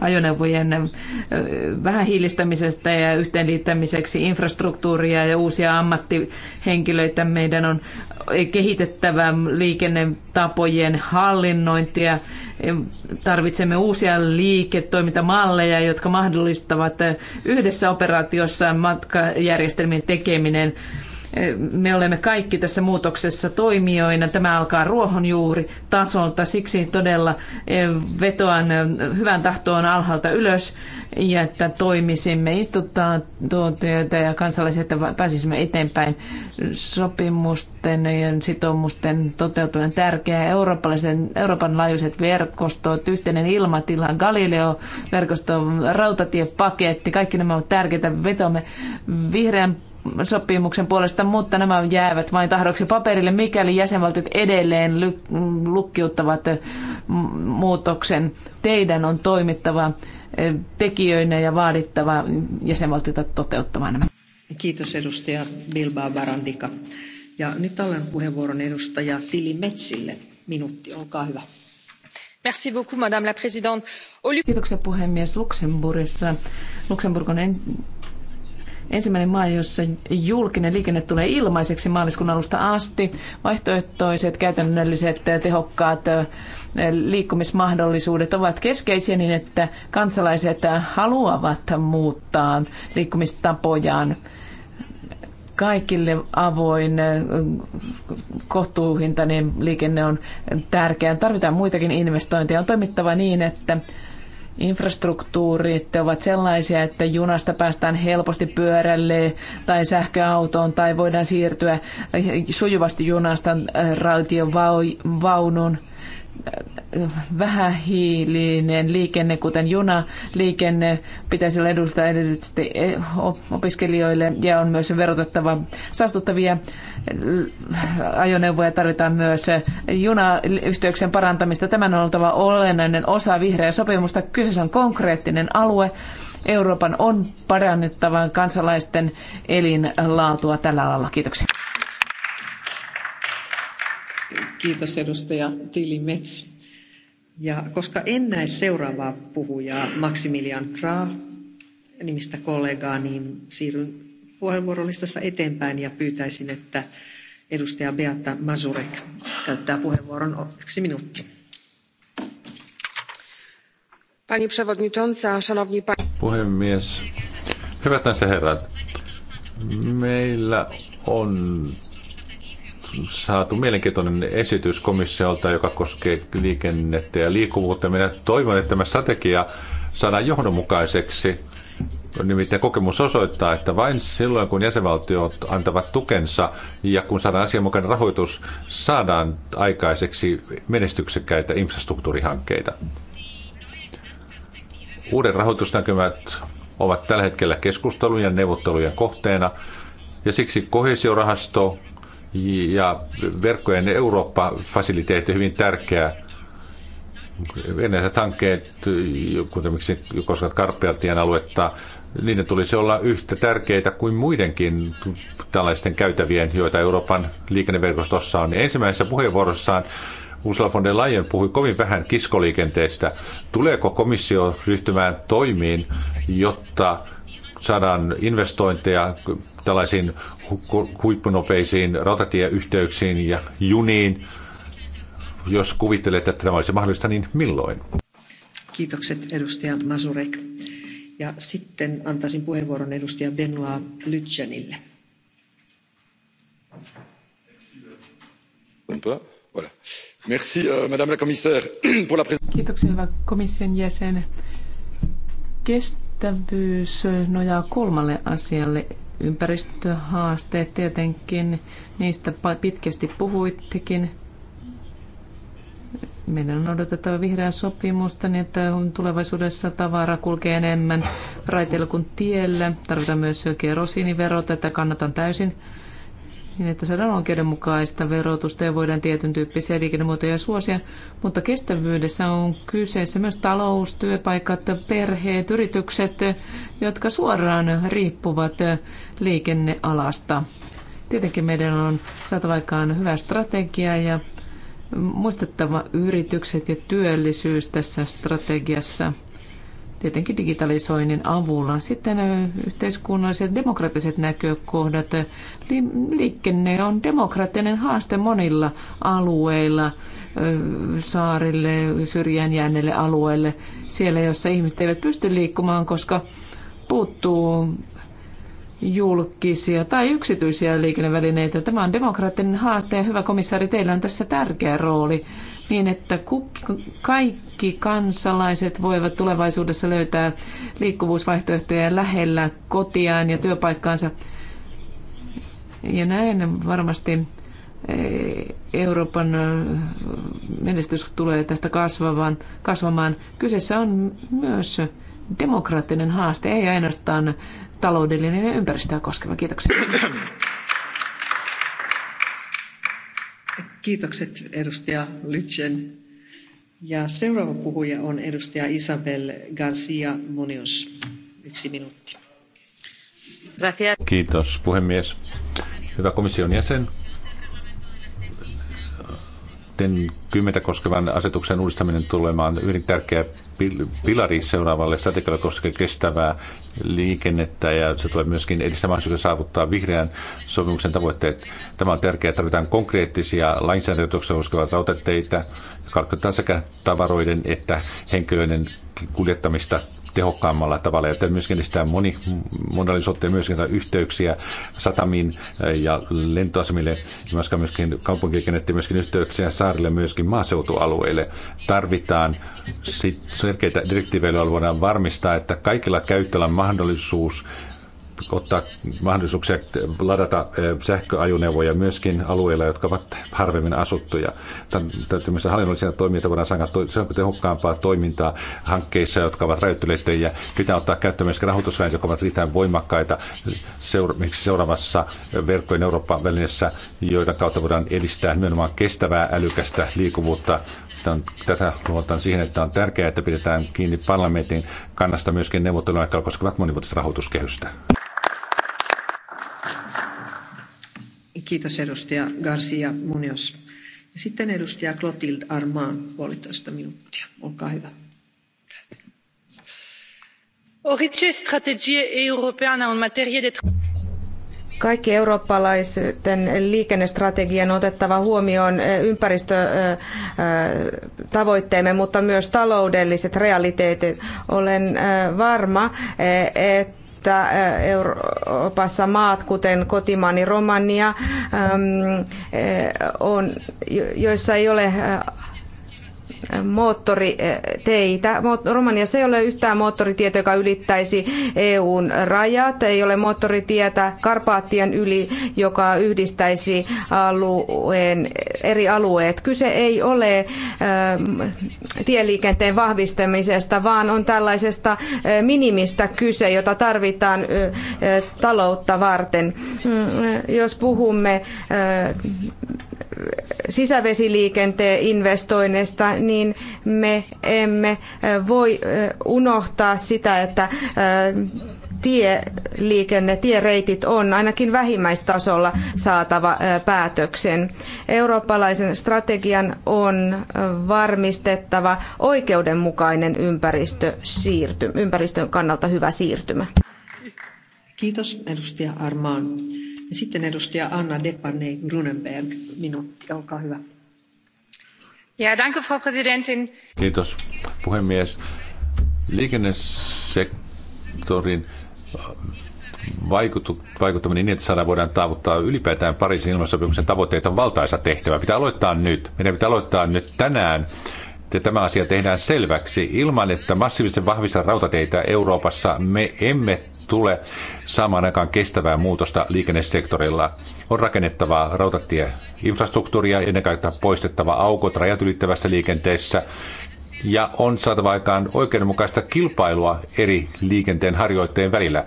ajoneuvojen vähähiilistämisestä ja yhteenliittämiseksi infrastruktuuria ja uusia ammattihenkilöitä. Meidän on kehitettävä liikennetapojen hallinnointia. Tarvitsemme uusia liiketoimintamalleja, jotka mahdollistavat yhdessä operaatiossa matkajärjestelmien tekeminen me olemme kaikki tässä muutoksessa toimijoina. Tämä alkaa ruohonjuuri tasolta, siksi todella eh, vetoan eh, hyvän tahtoon alhaalta ylös ja että toimisimme istuttaa tuon ja kansalaiset, että pääsisimme eteenpäin sopimusten ja sitoumusten toteutuminen tärkeää. Eurooppalaisen, Euroopan laajuiset verkostot, yhteinen ilmatila, Galileo-verkosto, rautatiepaketti, kaikki nämä ovat tärkeitä. Vetoamme vihreän sopimuksen puolesta, mutta nämä jäävät vain tahdoksi paperille, mikäli jäsenvaltiot edelleen lukkiuttavat muutoksen. Teidän on toimittava tekijöinä ja vaadittava jäsenvaltiota toteuttamaan nämä. Kiitos edustaja Bilbao Barandika. Ja nyt olen puheenvuoron edustaja Tili Metsille. Minuutti, olkaa hyvä. Merci beaucoup, madame la présidente. Kiitoksia puhemies Luxemburgissa. Luxemburg on en ensimmäinen maa, jossa julkinen liikenne tulee ilmaiseksi maaliskuun alusta asti. Vaihtoehtoiset, käytännölliset, tehokkaat liikkumismahdollisuudet ovat keskeisiä niin, että kansalaiset haluavat muuttaa liikkumistapojaan kaikille avoin, kohtuuhintainen liikenne on tärkeää. Tarvitaan muitakin investointeja. On toimittava niin, että infrastruktuurit ovat sellaisia, että junasta päästään helposti pyörälle tai sähköautoon tai voidaan siirtyä sujuvasti junasta äh, rautiovaunun vähähiilinen liikenne, kuten junaliikenne, pitäisi olla edustaa erityisesti e- opiskelijoille ja on myös verotettava saastuttavia ajoneuvoja. Tarvitaan myös junayhteyksien parantamista. Tämän on oltava olennainen osa vihreää sopimusta. Kyseessä on konkreettinen alue. Euroopan on parannettava kansalaisten elinlaatua tällä alalla. Kiitoksia. Kiitos edustaja Tilimets. Ja koska en näe seuraavaa puhujaa Maximilian Kraa nimistä kollegaa, niin siirryn puheenvuorolistassa eteenpäin ja pyytäisin, että edustaja Beata Mazurek käyttää puheenvuoron yksi minuutti. Pani przewodnicząca, szanowni pani... Puhemies, hyvät naiset ja herrat, meillä on saatu mielenkiintoinen esitys komissiolta, joka koskee liikennettä ja liikkuvuutta. Minä toivon, että tämä strategia saadaan johdonmukaiseksi. Nimittäin kokemus osoittaa, että vain silloin, kun jäsenvaltiot antavat tukensa ja kun saadaan asianmukainen rahoitus, saadaan aikaiseksi menestyksekkäitä infrastruktuurihankkeita. Uudet rahoitusnäkymät ovat tällä hetkellä keskustelujen ja neuvottelujen kohteena, ja siksi kohesiorahasto ja verkkojen Eurooppa-fasiliteetti hyvin tärkeä. Venäjät hankkeet, kuten miksi koskaan Karppialtien aluetta, niiden tulisi olla yhtä tärkeitä kuin muidenkin tällaisten käytävien, joita Euroopan liikenneverkostossa on. Ensimmäisessä puheenvuorossaan Ursula von der Leyen puhui kovin vähän kiskoliikenteestä. Tuleeko komissio ryhtymään toimiin, jotta saadaan investointeja tällaisiin huippunopeisiin rautatieyhteyksiin ja juniin. Jos kuvittelet, että tämä olisi mahdollista, niin milloin? Kiitokset edustaja Masurek. Ja sitten antaisin puheenvuoron edustaja Benoit Lytsenille. Euh, Kiitoksia hyvä komission jäsen kestävyys nojaa kolmalle asialle. Ympäristöhaasteet tietenkin, niistä pitkästi puhuittekin. Meidän on odotettava vihreää sopimusta niin, että tulevaisuudessa tavara kulkee enemmän raiteilla kuin tiellä. Tarvitaan myös kerosiiniverot, että kannatan täysin niin että saadaan oikeudenmukaista verotusta ja voidaan tietyn tyyppisiä liikennemuotoja suosia, mutta kestävyydessä on kyseessä myös talous, työpaikat, perheet, yritykset, jotka suoraan riippuvat liikennealasta. Tietenkin meidän on saatava aikaan hyvä strategia ja muistettava yritykset ja työllisyys tässä strategiassa – tietenkin digitalisoinnin avulla. Sitten yhteiskunnalliset demokraattiset näkökohdat. Liikenne on demokraattinen haaste monilla alueilla, saarille, syrjään jääneille alueille, siellä jossa ihmiset eivät pysty liikkumaan, koska puuttuu julkisia tai yksityisiä liikennevälineitä. Tämä on demokraattinen haaste ja hyvä komissaari, teillä on tässä tärkeä rooli niin, että kaikki kansalaiset voivat tulevaisuudessa löytää liikkuvuusvaihtoehtoja lähellä kotiaan ja työpaikkaansa. Ja näin varmasti eh, Euroopan eh, menestys tulee tästä kasvamaan. kasvamaan. Kyseessä on myös demokraattinen haaste, ei ainoastaan taloudellinen ja ympäristöä koskeva. Kiitoksia. Kiitokset edustaja Lytsen. Ja seuraava puhuja on edustaja Isabel Garcia Munoz. Yksi minuutti. Kiitos puhemies. Hyvä komission jäsen. 20 koskevan asetuksen uudistaminen tulemaan hyvin tärkeä pilari seuraavalle strategialle koskee kestävää liikennettä ja se tulee myöskin edistämään mahdollisuuden saavuttaa vihreän sopimuksen tavoitteet. Tämä on tärkeää. Tarvitaan konkreettisia lainsäädäntöjä koskevat rautateitä, tarkoittaa sekä tavaroiden että henkilöiden kuljettamista tehokkaammalla tavalla, jotta myöskin edistää moni eh, ja myöskin yhteyksiä satamiin ja lentoasemille, myöskin, myöskin kaupunkikennettiin, myöskin yhteyksiä saarille, myöskin maaseutualueille. Tarvitaan selkeitä direktiiveillä voidaan varmistaa, että kaikilla käyttäjillä on mahdollisuus ottaa mahdollisuuksia ladata eh, sähköajoneuvoja myöskin alueilla, jotka ovat harvemmin asuttuja. Tämmöisiä hallinnollisia toimijoita voidaan saada tehokkaampaa toimintaa hankkeissa, jotka ovat rajoittuneita pitää ottaa käyttöön myöskin rahoitusväen, jotka ovat erittäin voimakkaita seura- seuraavassa verkkojen Euroopan välineessä, joiden kautta voidaan edistää nimenomaan kestävää älykästä liikuvuutta. tätä luotan siihen, että on tärkeää, että pidetään kiinni parlamentin kannasta myöskin aikaa koskevat monivuotista rahoituskehystä. Kiitos edustaja Garcia Munoz. Sitten edustaja Clotilde puolitoista minuuttia. Olkaa hyvä. E kaikki eurooppalaisten liikennestrategian on otettava huomioon eh, ympäristötavoitteemme, eh, eh, mutta myös taloudelliset realiteetit. Olen varma, että että Euroopassa maat, kuten kotimaani Romania, on, joissa ei ole moottoriteitä. Romaniassa ei ole yhtään moottoritietä, joka ylittäisi EUn rajat. Ei ole moottoritietä Karpaattien yli, joka yhdistäisi alueen, eri alueet. Kyse ei ole tieliikenteen vahvistamisesta, vaan on tällaisesta minimistä kyse, jota tarvitaan taloutta varten. Mm, jos puhumme sisävesiliikenteen investoinneista, niin me emme voi unohtaa sitä, että tieliikenne, tiereitit on ainakin vähimmäistasolla saatava päätöksen. Eurooppalaisen strategian on varmistettava oikeudenmukainen ympäristö ympäristön kannalta hyvä siirtymä. Kiitos edustaja Armaan sitten edustaja Anna Depanne Grunenberg, minuutti, olkaa hyvä. Ja, danke, Frau Präsidentin. Kiitos, puhemies. Liikennesektorin äh, vaikutut, vaikuttaminen niin, että saadaan voidaan tavoittaa ylipäätään Pariisin ilmastosopimuksen tavoitteita on valtaisa tehtävä. Pitää aloittaa nyt. Meidän pitää aloittaa nyt tänään että tämä asia tehdään selväksi. Ilman, että massiivisesti vahvistetaan rautateitä Euroopassa, me emme tule saamaan aikaan kestävää muutosta liikennesektorilla. On rakennettava rautatieinfrastruktuuria, ennen kaikkea poistettava aukot rajat ylittävässä liikenteessä ja on saatava aikaan oikeudenmukaista kilpailua eri liikenteen harjoitteen välillä.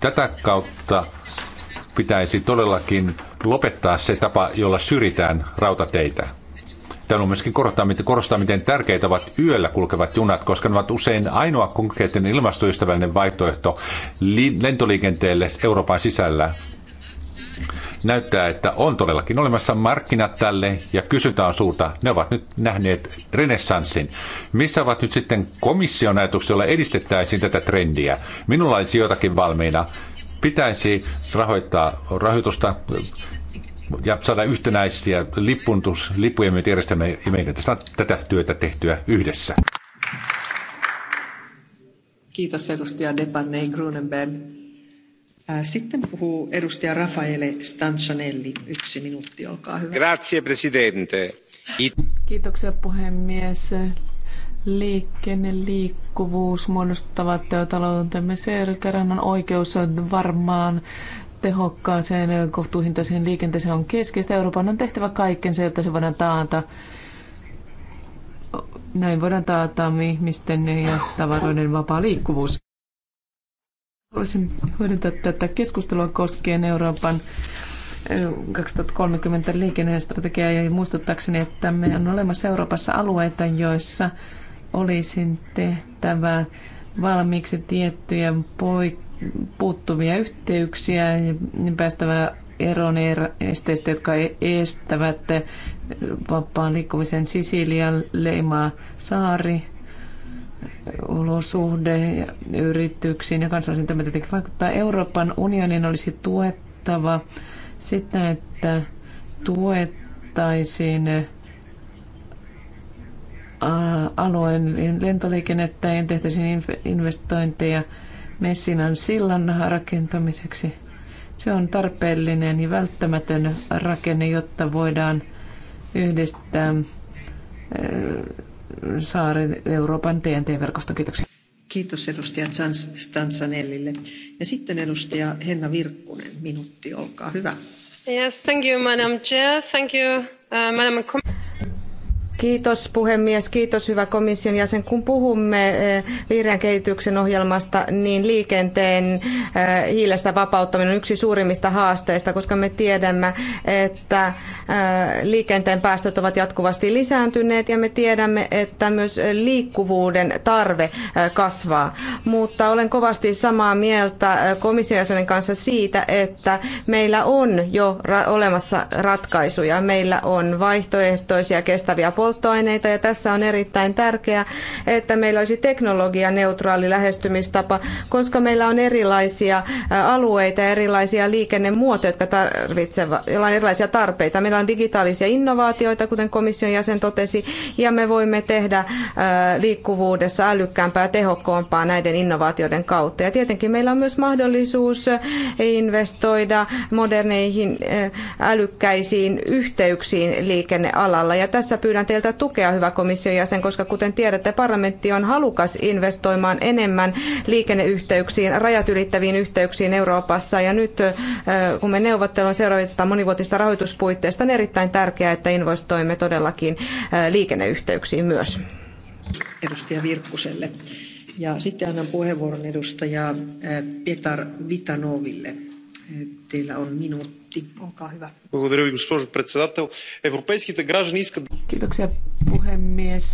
Tätä kautta pitäisi todellakin lopettaa se tapa, jolla syrjitään rautateitä. Täällä on myöskin korostaa, korostaa, miten tärkeitä ovat yöllä kulkevat junat, koska ne ovat usein ainoa konkreettinen ilmastoystävällinen vaihtoehto lentoliikenteelle Euroopan sisällä. Näyttää, että on todellakin olemassa markkinat tälle ja kysyntä on suurta. Ne ovat nyt nähneet renessanssin. Missä ovat nyt sitten komission ajatukset, joilla edistettäisiin tätä trendiä? Minulla olisi jotakin valmiina pitäisi rahoittaa rahoitusta ja saada yhtenäisiä lippuntus, lippujen järjestelmiä ja meidän tässä on tätä työtä tehtyä yhdessä. Kiitos edustaja Depanne Grunenberg. Äh, sitten puhuu edustaja Rafaele Stancianelli. Yksi minuutti, olkaa hyvä. Grazie, presidente. It- Kiitoksia puhemies. Liikenne, liikkuvuus muodostavat taloutemme selkärannan oikeus on varmaan tehokkaaseen kohtuuhintaiseen liikenteeseen on keskeistä. Euroopan on tehtävä kaikkensa, jotta se voidaan taata. Näin voidaan taata ihmisten ja tavaroiden vapaa liikkuvuus. Haluaisin hyödyntää tätä keskustelua koskien Euroopan 2030 liikennestrategiaa ja muistuttaakseni, että me on olemassa Euroopassa alueita, joissa olisi tehtävä valmiiksi tiettyjä poikkeuksia puuttuvia yhteyksiä ja päästävä eroon esteistä, jotka estävät vapaan liikkumisen Sisilian leimaa saari olosuhde ja yrityksiin ja kansallisiin tämä tietenkin vaikuttaa. Euroopan unionin olisi tuettava sitä, että tuettaisiin alueen lentoliikennettä ja tehtäisiin investointeja Messinan sillan rakentamiseksi. Se on tarpeellinen ja välttämätön rakenne, jotta voidaan yhdistää saari Euroopan TNT-verkosto. Kiitoksia. Kiitos edustaja Stansanellille. Ja sitten edustaja Henna Virkkunen, minuutti, olkaa hyvä. Yes, thank you, Madam Chair. Thank you, uh, Madam Kiitos puhemies, kiitos hyvä komission jäsen. Kun puhumme eh, vihreän kehityksen ohjelmasta, niin liikenteen eh, hiilestä vapauttaminen on yksi suurimmista haasteista, koska me tiedämme, että eh, liikenteen päästöt ovat jatkuvasti lisääntyneet ja me tiedämme, että myös liikkuvuuden tarve kasvaa. Mutta olen kovasti samaa mieltä komission jäsenen kanssa siitä, että meillä on jo olemassa ratkaisuja. Meillä on vaihtoehtoisia kestäviä polttoaineita polttoaineita ja tässä on erittäin tärkeää, että meillä olisi teknologianeutraali lähestymistapa, koska meillä on erilaisia alueita ja erilaisia liikennemuotoja, jotka tarvitsevat, joilla on erilaisia tarpeita. Meillä on digitaalisia innovaatioita, kuten komission jäsen totesi, ja me voimme tehdä liikkuvuudessa älykkäämpää ja tehokkaampaa näiden innovaatioiden kautta. Ja tietenkin meillä on myös mahdollisuus investoida moderneihin älykkäisiin yhteyksiin liikennealalla. Ja tässä pyydän teiltä teiltä tukea, hyvä komission jäsen, koska kuten tiedätte, parlamentti on halukas investoimaan enemmän liikenneyhteyksiin, rajat ylittäviin yhteyksiin Euroopassa. Ja nyt kun me neuvottelemme seuraavista monivuotista rahoituspuitteista, on erittäin tärkeää, että investoimme todellakin liikenneyhteyksiin myös. Edustaja Virkkuselle. Ja sitten annan puheenvuoron edustaja Petar Vitanoville. Teillä on minuutti госпожо председател. Европейските граждани искат... Kiitoksia puhemies.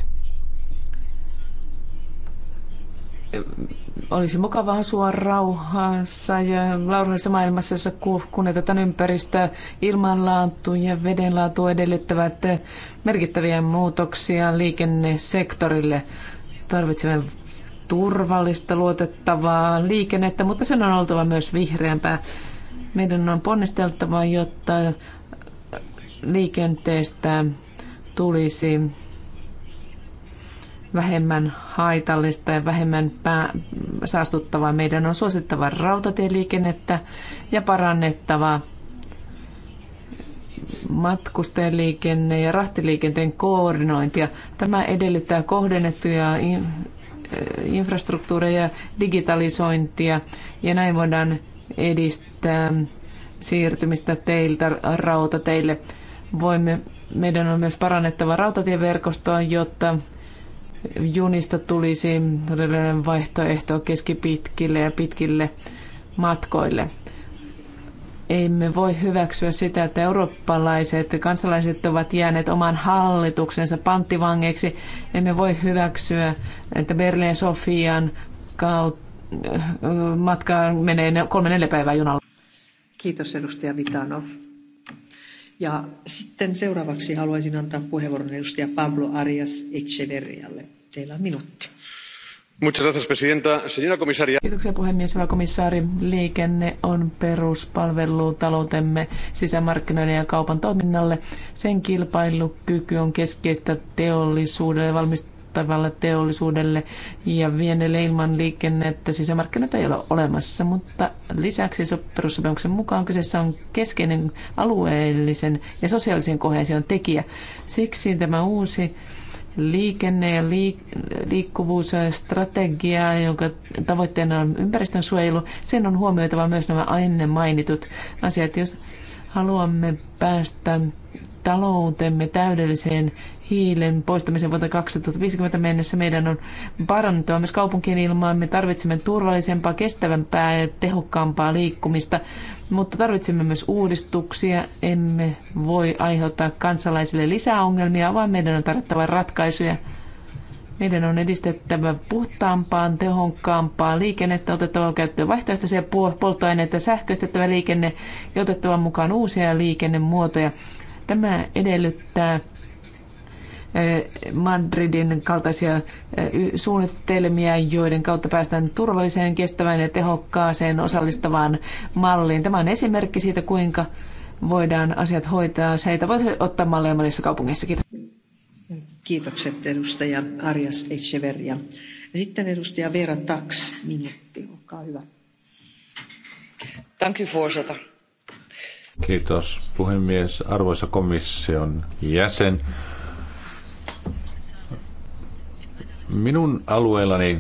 Olisi mukava asua rauhassa ja rauhallisessa maailmassa, jossa kunnioitetaan ympäristöä, ilmanlaatu ja vedenlaatu edellyttävät merkittäviä muutoksia liikennesektorille. Tarvitsemme turvallista, luotettavaa liikennettä, mutta sen on oltava myös vihreämpää. Meidän on ponnisteltava, jotta liikenteestä tulisi vähemmän haitallista ja vähemmän pää, saastuttavaa. Meidän on suosittava rautatieliikennettä ja parannettava matkustajaliikenne ja rahtiliikenteen koordinointia. Tämä edellyttää kohdennettuja infrastruktuureja, digitalisointia ja näin voidaan edistää siirtymistä teiltä rautateille. Voimme, meidän on myös parannettava rautatieverkostoa, jotta junista tulisi todellinen vaihtoehto keskipitkille ja pitkille matkoille. Emme voi hyväksyä sitä, että eurooppalaiset kansalaiset ovat jääneet oman hallituksensa panttivangeiksi. Emme voi hyväksyä, että Berliin Sofian kautta matkaan menee kolme neljä päivää junalla. Kiitos edustaja Vitano. Ja sitten seuraavaksi haluaisin antaa puheenvuoron edustaja Pablo Arias Echeverrialle. Teillä on minuutti. Muchas presidenta. Señora comisaria. Kiitoksia puhemies. Hyvä komissaari. Liikenne on peruspalvelu taloutemme sisämarkkinoiden ja kaupan toiminnalle. Sen kilpailukyky on keskeistä teollisuudelle valmistaa tuottavalle teollisuudelle ja vienelle ilman liikennettä sisämarkkinoita ei ole olemassa, mutta lisäksi perussopimuksen mukaan kyseessä on keskeinen alueellisen ja sosiaalisen kohesion tekijä. Siksi tämä uusi liikenne- ja liik- liikkuvuusstrategia, jonka tavoitteena on ympäristön suojelu, sen on huomioitava myös nämä ennen mainitut asiat, jos haluamme päästä taloutemme täydelliseen hiilen poistamiseen vuoteen 2050 mennessä. Meidän on parannettava myös kaupunkien ilmaa. Me tarvitsemme turvallisempaa, kestävämpää ja tehokkaampaa liikkumista, mutta tarvitsemme myös uudistuksia. Emme voi aiheuttaa kansalaisille lisää ongelmia, vaan meidän on tarjottava ratkaisuja. Meidän on edistettävä puhtaampaan, tehokkaampaa liikennettä, otettava käyttöön vaihtoehtoisia polttoaineita, sähköistettävä liikenne ja otettava mukaan uusia liikennemuotoja. Tämä edellyttää Madridin kaltaisia suunnitelmia, joiden kautta päästään turvalliseen, kestävään ja tehokkaaseen osallistavaan malliin. Tämä on esimerkki siitä, kuinka voidaan asiat hoitaa. Seitä voisi ottaa malleja monissa kaupungeissa. Kiitos. Kiitokset edustaja Arias Echeverria. Ja sitten edustaja Vera Tax, minuutti, olkaa hyvä. Dank u voorzitter. Kiitos puhemies. Arvoisa komission jäsen. Minun alueellani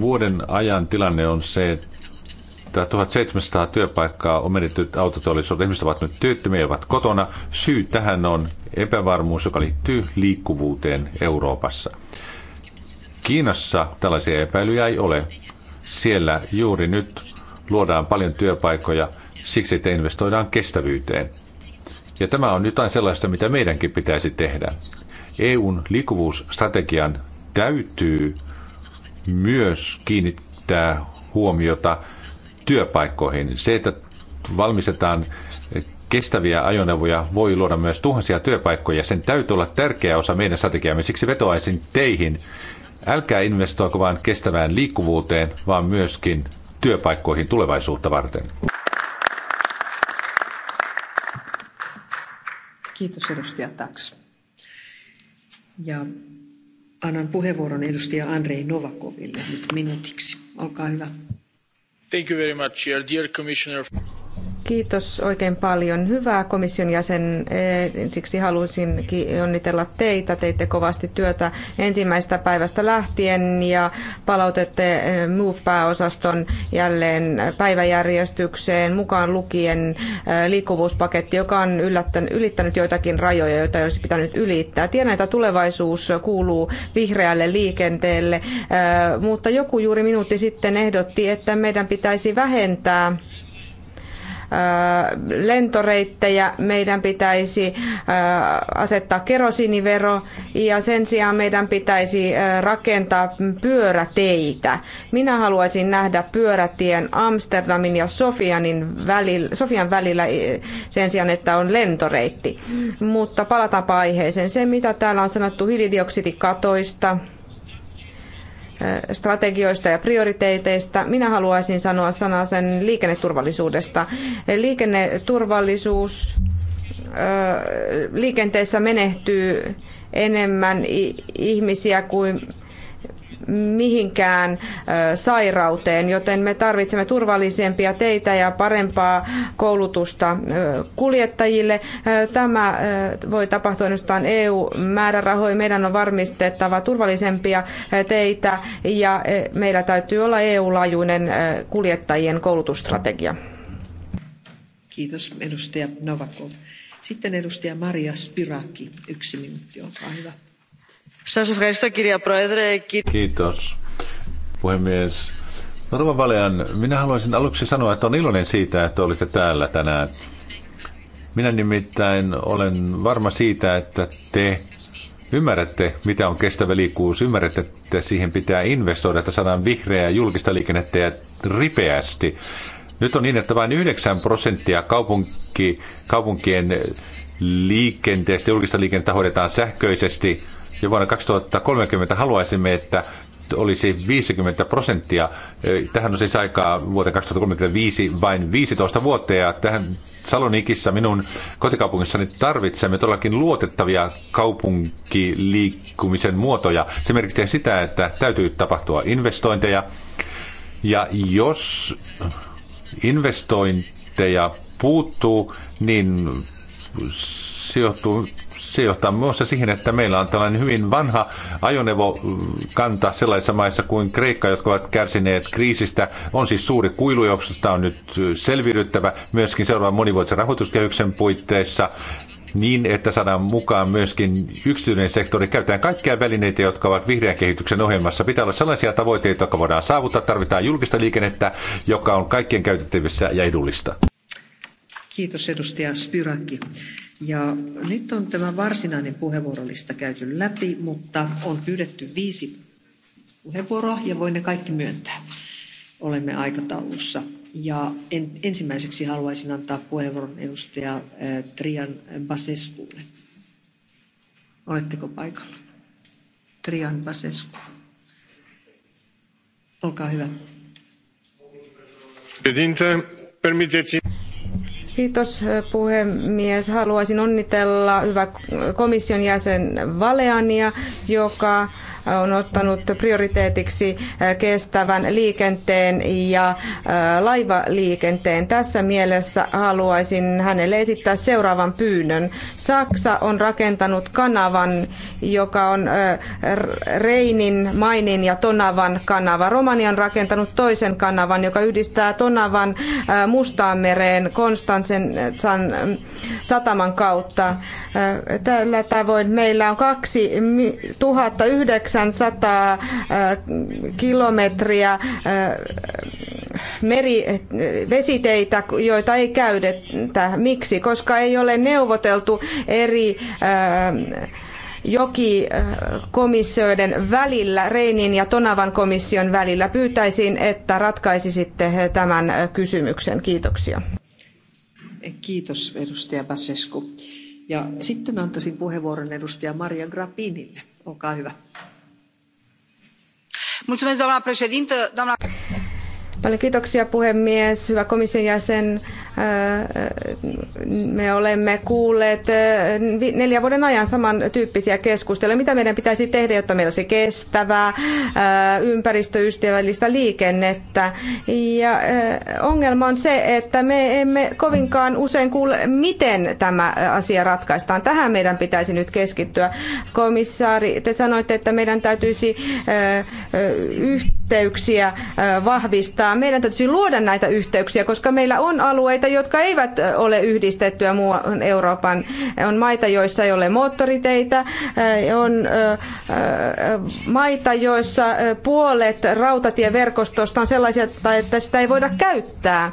vuoden ajan tilanne on se, että 1700 työpaikkaa on menetty autoteollisuuteen. Ihmiset ovat nyt työttömiä, ovat kotona. Syy tähän on epävarmuus, joka liittyy liikkuvuuteen Euroopassa. Kiinassa tällaisia epäilyjä ei ole. Siellä juuri nyt luodaan paljon työpaikkoja siksi, että investoidaan kestävyyteen. Ja tämä on jotain sellaista, mitä meidänkin pitäisi tehdä. EUn liikkuvuusstrategian täytyy myös kiinnittää huomiota työpaikkoihin. Se, että valmistetaan kestäviä ajoneuvoja, voi luoda myös tuhansia työpaikkoja. Sen täytyy olla tärkeä osa meidän strategiamme. Siksi vetoaisin teihin. Älkää investoiko vain kestävään liikkuvuuteen, vaan myöskin työpaikkoihin tulevaisuutta varten. Kiitos edustaja Tax. Ja annan puheenvuoron edustaja Andrei Novakoville nyt minuutiksi. Olkaa hyvä. Thank you very much, dear commissioner. Kiitos oikein paljon. Hyvää komission jäsen. Siksi halusin onnitella teitä. Teitte kovasti työtä ensimmäistä päivästä lähtien ja palautette eh, MOVE-pääosaston jälleen päiväjärjestykseen mukaan lukien eh, liikkuvuuspaketti, joka on ylittänyt joitakin rajoja, joita olisi pitänyt ylittää. Tiedän, että tulevaisuus kuuluu vihreälle liikenteelle, eh, mutta joku juuri minuutti sitten ehdotti, että meidän pitäisi vähentää lentoreittejä, meidän pitäisi asettaa kerosinivero ja sen sijaan meidän pitäisi rakentaa pyöräteitä. Minä haluaisin nähdä pyörätien Amsterdamin ja Sofianin välillä, Sofian välillä sen sijaan, että on lentoreitti. Mutta palataanpa aiheeseen. Se, mitä täällä on sanottu hiilidioksidikatoista, strategioista ja prioriteeteista. Minä haluaisin sanoa sanaa sen liikenneturvallisuudesta. Liikenneturvallisuus liikenteessä menehtyy enemmän ihmisiä kuin mihinkään sairauteen, joten me tarvitsemme turvallisempia teitä ja parempaa koulutusta kuljettajille. Tämä voi tapahtua ainoastaan EU-määrärahoja. Meidän on varmistettava turvallisempia teitä ja meillä täytyy olla EU-laajuinen kuljettajien koulutusstrategia. Kiitos edustaja Novakov. Sitten edustaja Maria Spiraki yksi minuutti, olkaa hyvä. Kiitos, puhemies. Rouva Rova Valean, minä haluaisin aluksi sanoa, että on iloinen siitä, että olette täällä tänään. Minä nimittäin olen varma siitä, että te ymmärrätte, mitä on kestävä liikkuvuus, ymmärrätte, että siihen pitää investoida, että saadaan vihreää julkista liikennettä ja ripeästi. Nyt on niin, että vain 9 prosenttia kaupunki, kaupunkien liikenteestä, julkista liikennettä hoidetaan sähköisesti – ja vuonna 2030 haluaisimme, että olisi 50 prosenttia. Tähän on siis aikaa vuoteen 2035 vain 15 vuotta ja tähän Salonikissa minun kotikaupungissani tarvitsemme todellakin luotettavia kaupunkiliikkumisen muotoja. Se merkitsee sitä, että täytyy tapahtua investointeja ja jos investointeja puuttuu, niin sijoittuu se johtaa myös siihen, että meillä on tällainen hyvin vanha ajoneuvokanta sellaisissa maissa kuin Kreikka, jotka ovat kärsineet kriisistä. On siis suuri kuilu, josta on nyt selviydyttävä myöskin seuraavan monivuotisen rahoituskehyksen puitteissa niin, että saadaan mukaan myöskin yksityinen sektori. Käytetään kaikkia välineitä, jotka ovat vihreän kehityksen ohjelmassa. Pitää olla sellaisia tavoitteita, jotka voidaan saavuttaa. Tarvitaan julkista liikennettä, joka on kaikkien käytettävissä ja edullista. Kiitos edustaja Ja nyt on tämä varsinainen puheenvuorolista käyty läpi, mutta on pyydetty viisi puheenvuoroa ja voin ne kaikki myöntää. Olemme aikataulussa. Ja en, ensimmäiseksi haluaisin antaa puheenvuoron edustaja äh, Trian Basesculle. Oletteko paikalla? Trian Basescu. Olkaa hyvä. Președinte, permiteți Kiitos eh, puhemies. Haluaisin onnitella hyvä komission jäsen Valeania, joka on ottanut prioriteetiksi äh, kestävän liikenteen ja äh, laivaliikenteen. Tässä mielessä haluaisin hänelle esittää seuraavan pyynnön. Saksa on rakentanut kanavan, joka on äh, Reinin, Mainin ja Tonavan kanava. Romania on rakentanut toisen kanavan, joka yhdistää Tonavan Mustaanmereen Konstansen sataman kautta. Tällä tavoin meillä on 2009 800 kilometriä meri, vesiteitä, joita ei käydetä. Miksi? Koska ei ole neuvoteltu eri jokikomissioiden välillä, Reinin ja Tonavan komission välillä. Pyytäisin, että ratkaisisitte tämän kysymyksen. Kiitoksia. Kiitos edustaja Basescu. Ja sitten antaisin puheenvuoron edustaja Maria Grappinille. Olkaa hyvä doamnă președintă doamnă. comisar Paljon kiitoksia puhemies, hyvä komission jäsen. Äh, me olemme kuulleet äh, neljän vuoden ajan samantyyppisiä keskusteluja. Mitä meidän pitäisi tehdä, jotta meillä olisi kestävää, äh, ympäristöystävällistä liikennettä? Ja ongelma on se, että me emme kovinkaan usein kuule, miten tämä asia ratkaistaan. Tähän meidän pitäisi nyt keskittyä. Komissaari, te sanoitte, että meidän täytyisi yhteyksiä vahvistaa meidän täytyisi luoda näitä yhteyksiä, koska meillä on alueita, jotka eivät ole yhdistettyä muuhun Euroopan. On maita, joissa ei ole moottoriteitä, on maita, joissa puolet rautatieverkostosta on sellaisia, että sitä ei voida käyttää.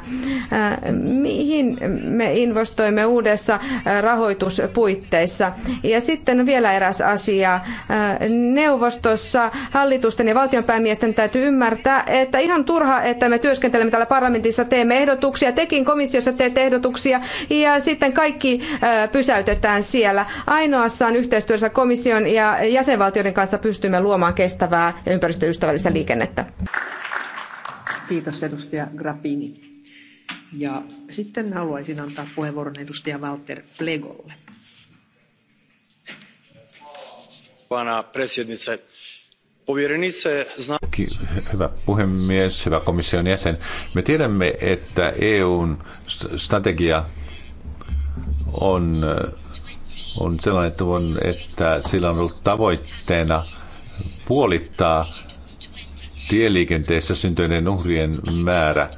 Mihin me investoimme uudessa rahoituspuitteissa? Ja sitten vielä eräs asia. Neuvostossa hallitusten ja valtionpäämiesten täytyy ymmärtää, että ihan turha, että mitä me työskentelemme täällä parlamentissa, teemme ehdotuksia, tekin komissiossa teet ehdotuksia ja sitten kaikki pysäytetään siellä. Ainoassaan yhteistyössä komission ja jäsenvaltioiden kanssa pystymme luomaan kestävää ja ympäristöystävällistä liikennettä. Kiitos edustaja Grappini. Ja sitten haluaisin antaa puheenvuoron edustaja Walter Plegolle. Pana presidentti. Hyvä puhemies, hyvä komission jäsen. Me tiedämme, että EUn strategia on, on sellainen, että, on, että sillä on ollut tavoitteena puolittaa tieliikenteessä syntyneiden uhrien määrä.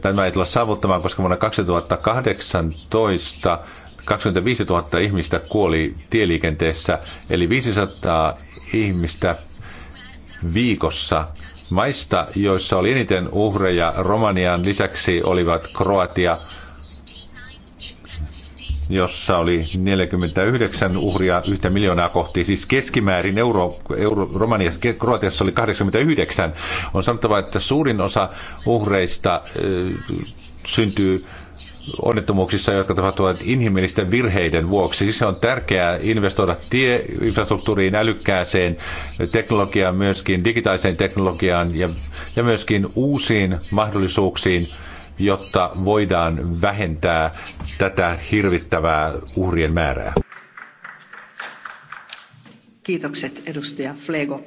Tämä ei tule saavuttamaan, koska vuonna 2018 25 000 ihmistä kuoli tieliikenteessä, eli 500 ihmistä viikossa. Maista, joissa oli eniten uhreja Romanian lisäksi, olivat Kroatia, jossa oli 49 uhria yhtä miljoonaa kohti. Siis keskimäärin Euro, Euro, Romaniassa, Kroatiassa oli 89. On sanottava, että suurin osa uhreista ö, syntyy onnettomuuksissa, jotka tapahtuvat inhimillisten virheiden vuoksi. Siis on tärkeää investoida tieinfrastruktuuriin, älykkääseen teknologiaan, myöskin digitaaliseen teknologiaan ja, ja myöskin uusiin mahdollisuuksiin, jotta voidaan vähentää tätä hirvittävää uhrien määrää. Kiitokset edustaja Flego.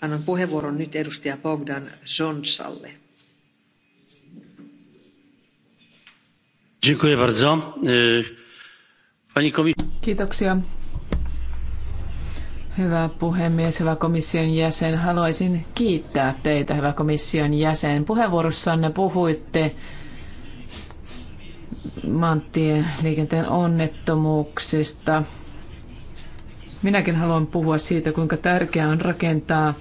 Annan puheenvuoron nyt edustaja Bogdan Jonsalle. Kiitoksia. Hyvä puhemies, hyvä komission jäsen. Haluaisin kiittää teitä, hyvä komission jäsen. Puheenvuorossanne puhuitte maantien liikenteen onnettomuuksista. Minäkin haluan puhua siitä, kuinka tärkeää on rakentaa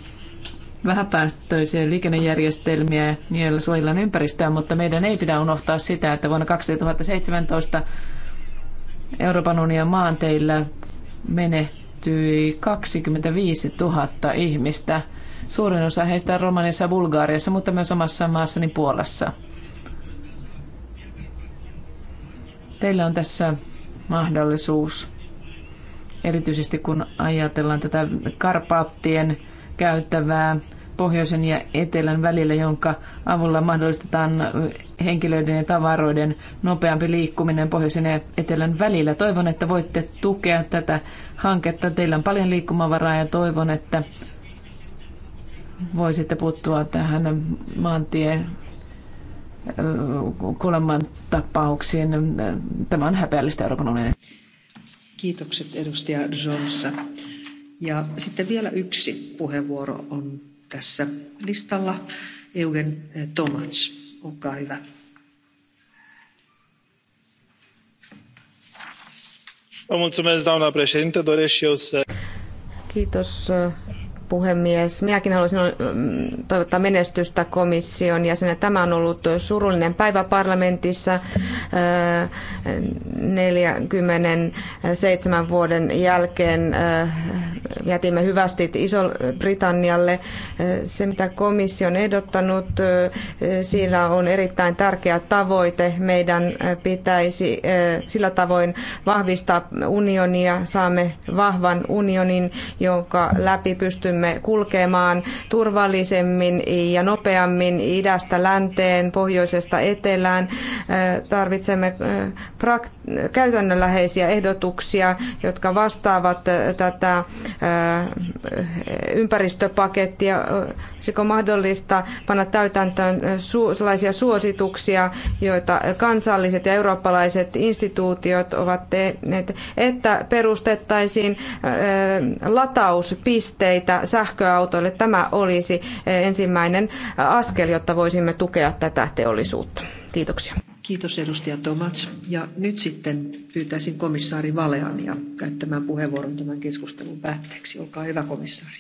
vähäpäästöisiä liikennejärjestelmiä, niillä suojellaan ympäristöä, mutta meidän ei pidä unohtaa sitä, että vuonna 2017 Euroopan unionin maanteillä menehtyi 25 000 ihmistä. Suurin osa heistä on Romaniassa ja Bulgaariassa, mutta myös omassa maassani Puolassa. Teillä on tässä mahdollisuus, erityisesti kun ajatellaan tätä Karpaattien käytävää pohjoisen ja etelän välillä, jonka avulla mahdollistetaan henkilöiden ja tavaroiden nopeampi liikkuminen pohjoisen ja etelän välillä. Toivon, että voitte tukea tätä hanketta. Teillä on paljon liikkumavaraa ja toivon, että voisitte puuttua tähän maantien kuoleman tapauksiin. Tämä on häpeällistä Euroopan unionin. Kiitokset edustaja Johnson. Ja sitten vielä yksi puheenvuoro on tässä listalla. Eugen eh, Tomac, olkaa hyvä. Vă mulțumesc, doamna președinte. Doresc și eu să... Kiitos eh, puhemies. Minäkin haluaisin mm, toivottaa menestystä komission jäsenen. Tämä on ollut surullinen päivä parlamentissa 47 vuoden jälkeen. Jätimme hyvästit Iso-Britannialle. Se, mitä komissio on ehdottanut, sillä on erittäin tärkeä tavoite. Meidän pitäisi sillä tavoin vahvistaa unionia. Saamme vahvan unionin, jonka läpi pystymme pystymme kulkemaan turvallisemmin ja nopeammin idästä länteen, pohjoisesta etelään. Tarvitsemme käytännönläheisiä ehdotuksia, jotka vastaavat tätä ympäristöpakettia olisiko mahdollista panna täytäntöön sellaisia suosituksia, joita kansalliset ja eurooppalaiset instituutiot ovat tehneet, että perustettaisiin latauspisteitä sähköautoille. Tämä olisi ensimmäinen askel, jotta voisimme tukea tätä teollisuutta. Kiitoksia. Kiitos edustaja Tomats. Ja nyt sitten pyytäisin komissaari Valeania käyttämään puheenvuoron tämän keskustelun päätteeksi. Olkaa hyvä komissaari.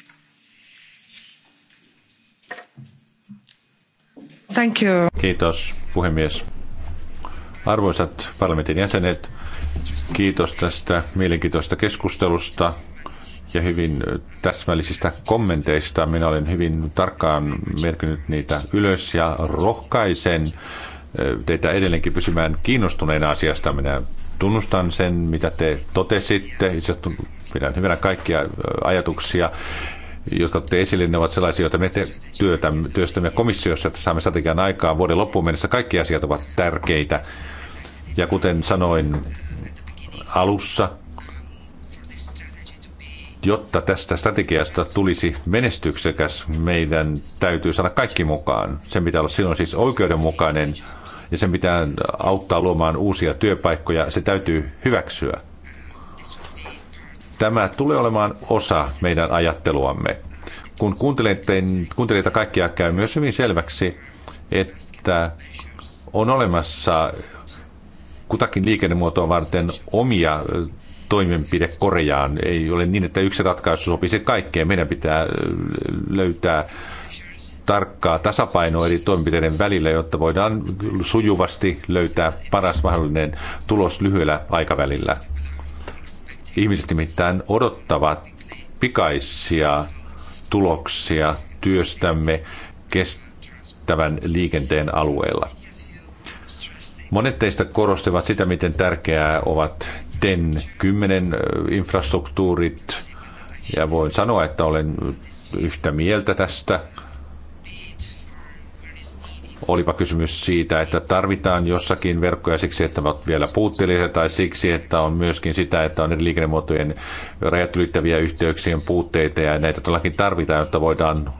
Thank you. Kiitos, puhemies. Arvoisat parlamentin jäsenet, kiitos tästä mielenkiintoista keskustelusta ja hyvin täsmällisistä kommenteista. Minä olen hyvin tarkkaan merkinnyt niitä ylös ja rohkaisen teitä edelleenkin pysymään kiinnostuneena asiasta. Minä tunnustan sen, mitä te totesitte. Itse pidän hyvänä kaikkia ajatuksia jotka otte esille, ne ovat sellaisia, joita me te- työtä, työstämme komissiossa, että saamme strategian aikaan vuoden loppuun mennessä. Kaikki asiat ovat tärkeitä. Ja kuten sanoin alussa, jotta tästä strategiasta tulisi menestyksekäs, meidän täytyy saada kaikki mukaan. Sen pitää olla silloin siis oikeudenmukainen ja sen pitää auttaa luomaan uusia työpaikkoja. Se täytyy hyväksyä. Tämä tulee olemaan osa meidän ajatteluamme. Kun kuuntelijoita kaikkia käy myös hyvin selväksi, että on olemassa kutakin liikennemuotoa varten omia toimenpidekorjaan. Ei ole niin, että yksi ratkaisu sopisi kaikkeen. Meidän pitää löytää tarkkaa tasapainoa eri toimenpiteiden välillä, jotta voidaan sujuvasti löytää paras mahdollinen tulos lyhyellä aikavälillä. Ihmiset nimittäin odottavat pikaisia tuloksia työstämme kestävän liikenteen alueella. Monet teistä korostivat sitä, miten tärkeää ovat TEN-10 infrastruktuurit, ja voin sanoa, että olen yhtä mieltä tästä. Olipa kysymys siitä, että tarvitaan jossakin verkkoja siksi, että ovat vielä puutteellisia tai siksi, että on myöskin sitä, että on eri liikennemuotojen rajat ylittäviä yhteyksien puutteita ja näitä todellakin tarvitaan, jotta voidaan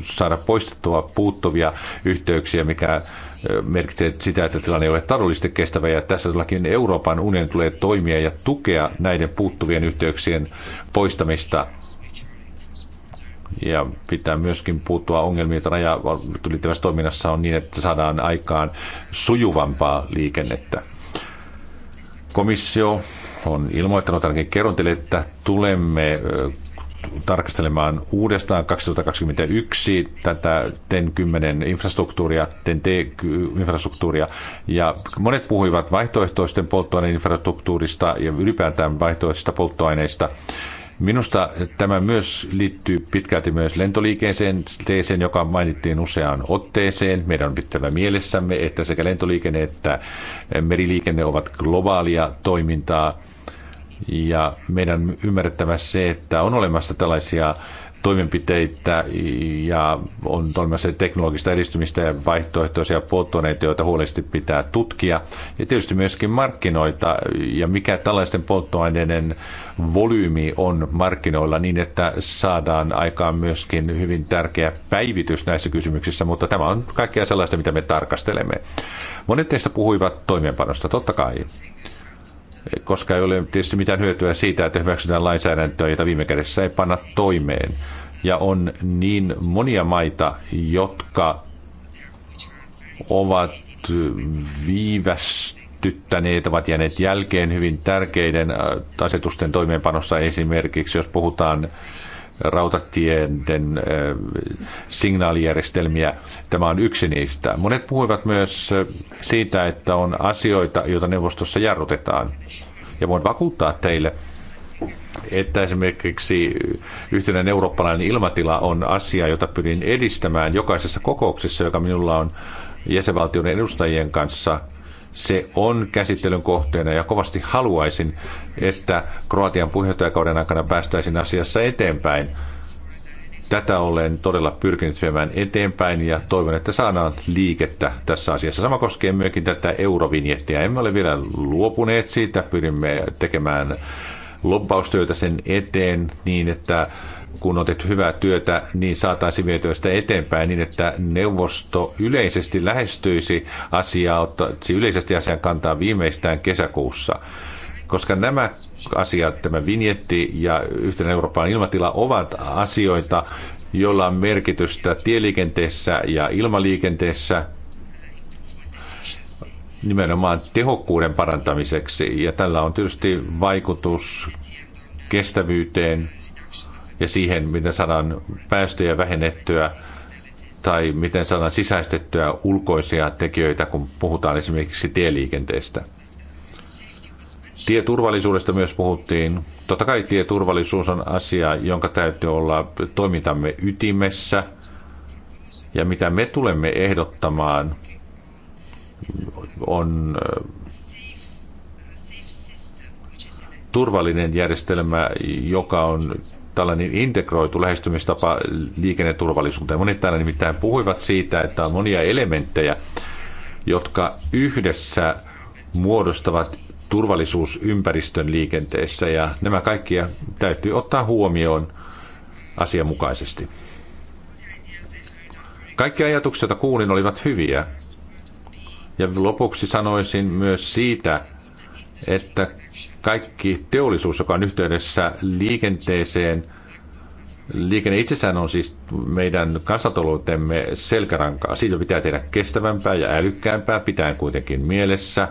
saada poistettua puuttuvia yhteyksiä, mikä merkitsee sitä, että tilanne ei ole taloudellisesti kestävä ja tässä todellakin Euroopan unionin tulee toimia ja tukea näiden puuttuvien yhteyksien poistamista ja pitää myöskin puuttua ongelmiin, että rajavaltuutettu toiminnassa on niin, että saadaan aikaan sujuvampaa liikennettä. Komissio on ilmoittanut ainakin kerron teille, että tulemme tarkastelemaan uudestaan 2021 tätä TEN-10 infrastruktuuria, TEN-T-infrastruktuuria. Ja monet puhuivat vaihtoehtoisten polttoaineinfrastruktuurista ja ylipäätään vaihtoehtoisista polttoaineista. Minusta tämä myös liittyy pitkälti myös lentoliikenteeseen, joka mainittiin useaan otteeseen. Meidän on pitävä mielessämme, että sekä lentoliikenne että meriliikenne ovat globaalia toimintaa. Ja meidän ymmärrettävä se, että on olemassa tällaisia toimenpiteitä ja on olemassa teknologista edistymistä ja vaihtoehtoisia polttoaineita, joita huolellisesti pitää tutkia. Ja tietysti myöskin markkinoita ja mikä tällaisten polttoaineiden volyymi on markkinoilla niin, että saadaan aikaan myöskin hyvin tärkeä päivitys näissä kysymyksissä, mutta tämä on kaikkea sellaista, mitä me tarkastelemme. Monet teistä puhuivat toimeenpanosta, totta kai koska ei ole tietysti mitään hyötyä siitä, että hyväksytään lainsäädäntöä, jota viime kädessä ei panna toimeen. Ja on niin monia maita, jotka ovat viivästyttäneet, ovat jääneet jälkeen hyvin tärkeiden äh, asetusten toimeenpanossa esimerkiksi, jos puhutaan rautatieiden signaalijärjestelmiä. Tämä on yksi niistä. Monet puhuivat myös siitä, että on asioita, joita neuvostossa jarrutetaan. Ja voin vakuuttaa teille, että esimerkiksi yhtenäinen eurooppalainen ilmatila on asia, jota pyrin edistämään jokaisessa kokouksessa, joka minulla on jäsenvaltioiden edustajien kanssa – se on käsittelyn kohteena ja kovasti haluaisin, että Kroatian puheenjohtajakauden aikana päästäisiin asiassa eteenpäin. Tätä olen todella pyrkinyt viemään eteenpäin ja toivon, että saadaan liikettä tässä asiassa. Sama koskee myöskin tätä eurovinjettiä. Emme ole vielä luopuneet siitä, pyrimme tekemään lobbaustyötä sen eteen niin, että kun on tehty hyvää työtä, niin saataisiin vietyä sitä eteenpäin niin, että neuvosto yleisesti lähestyisi asiaa, ottaisi yleisesti asian kantaa viimeistään kesäkuussa. Koska nämä asiat, tämä vinjetti ja yhtenä Euroopan ilmatila ovat asioita, joilla on merkitystä tieliikenteessä ja ilmaliikenteessä, nimenomaan tehokkuuden parantamiseksi. Ja tällä on tietysti vaikutus kestävyyteen, ja siihen, miten saadaan päästöjä vähennettyä tai miten saadaan sisäistettyä ulkoisia tekijöitä, kun puhutaan esimerkiksi tieliikenteestä. Tieturvallisuudesta myös puhuttiin. Totta kai tieturvallisuus on asia, jonka täytyy olla toimintamme ytimessä. Ja mitä me tulemme ehdottamaan, on äh, turvallinen järjestelmä, joka on tällainen integroitu lähestymistapa liikenneturvallisuuteen. Monet täällä nimittäin puhuivat siitä, että on monia elementtejä, jotka yhdessä muodostavat turvallisuusympäristön liikenteessä ja nämä kaikkia täytyy ottaa huomioon asianmukaisesti. Kaikki ajatukset, joita kuulin, olivat hyviä. Ja lopuksi sanoisin myös siitä, että kaikki teollisuus, joka on yhteydessä liikenteeseen, liikenne itsessään on siis meidän kansantaloutemme selkärankaa. Siitä pitää tehdä kestävämpää ja älykkäämpää, pitää kuitenkin mielessä,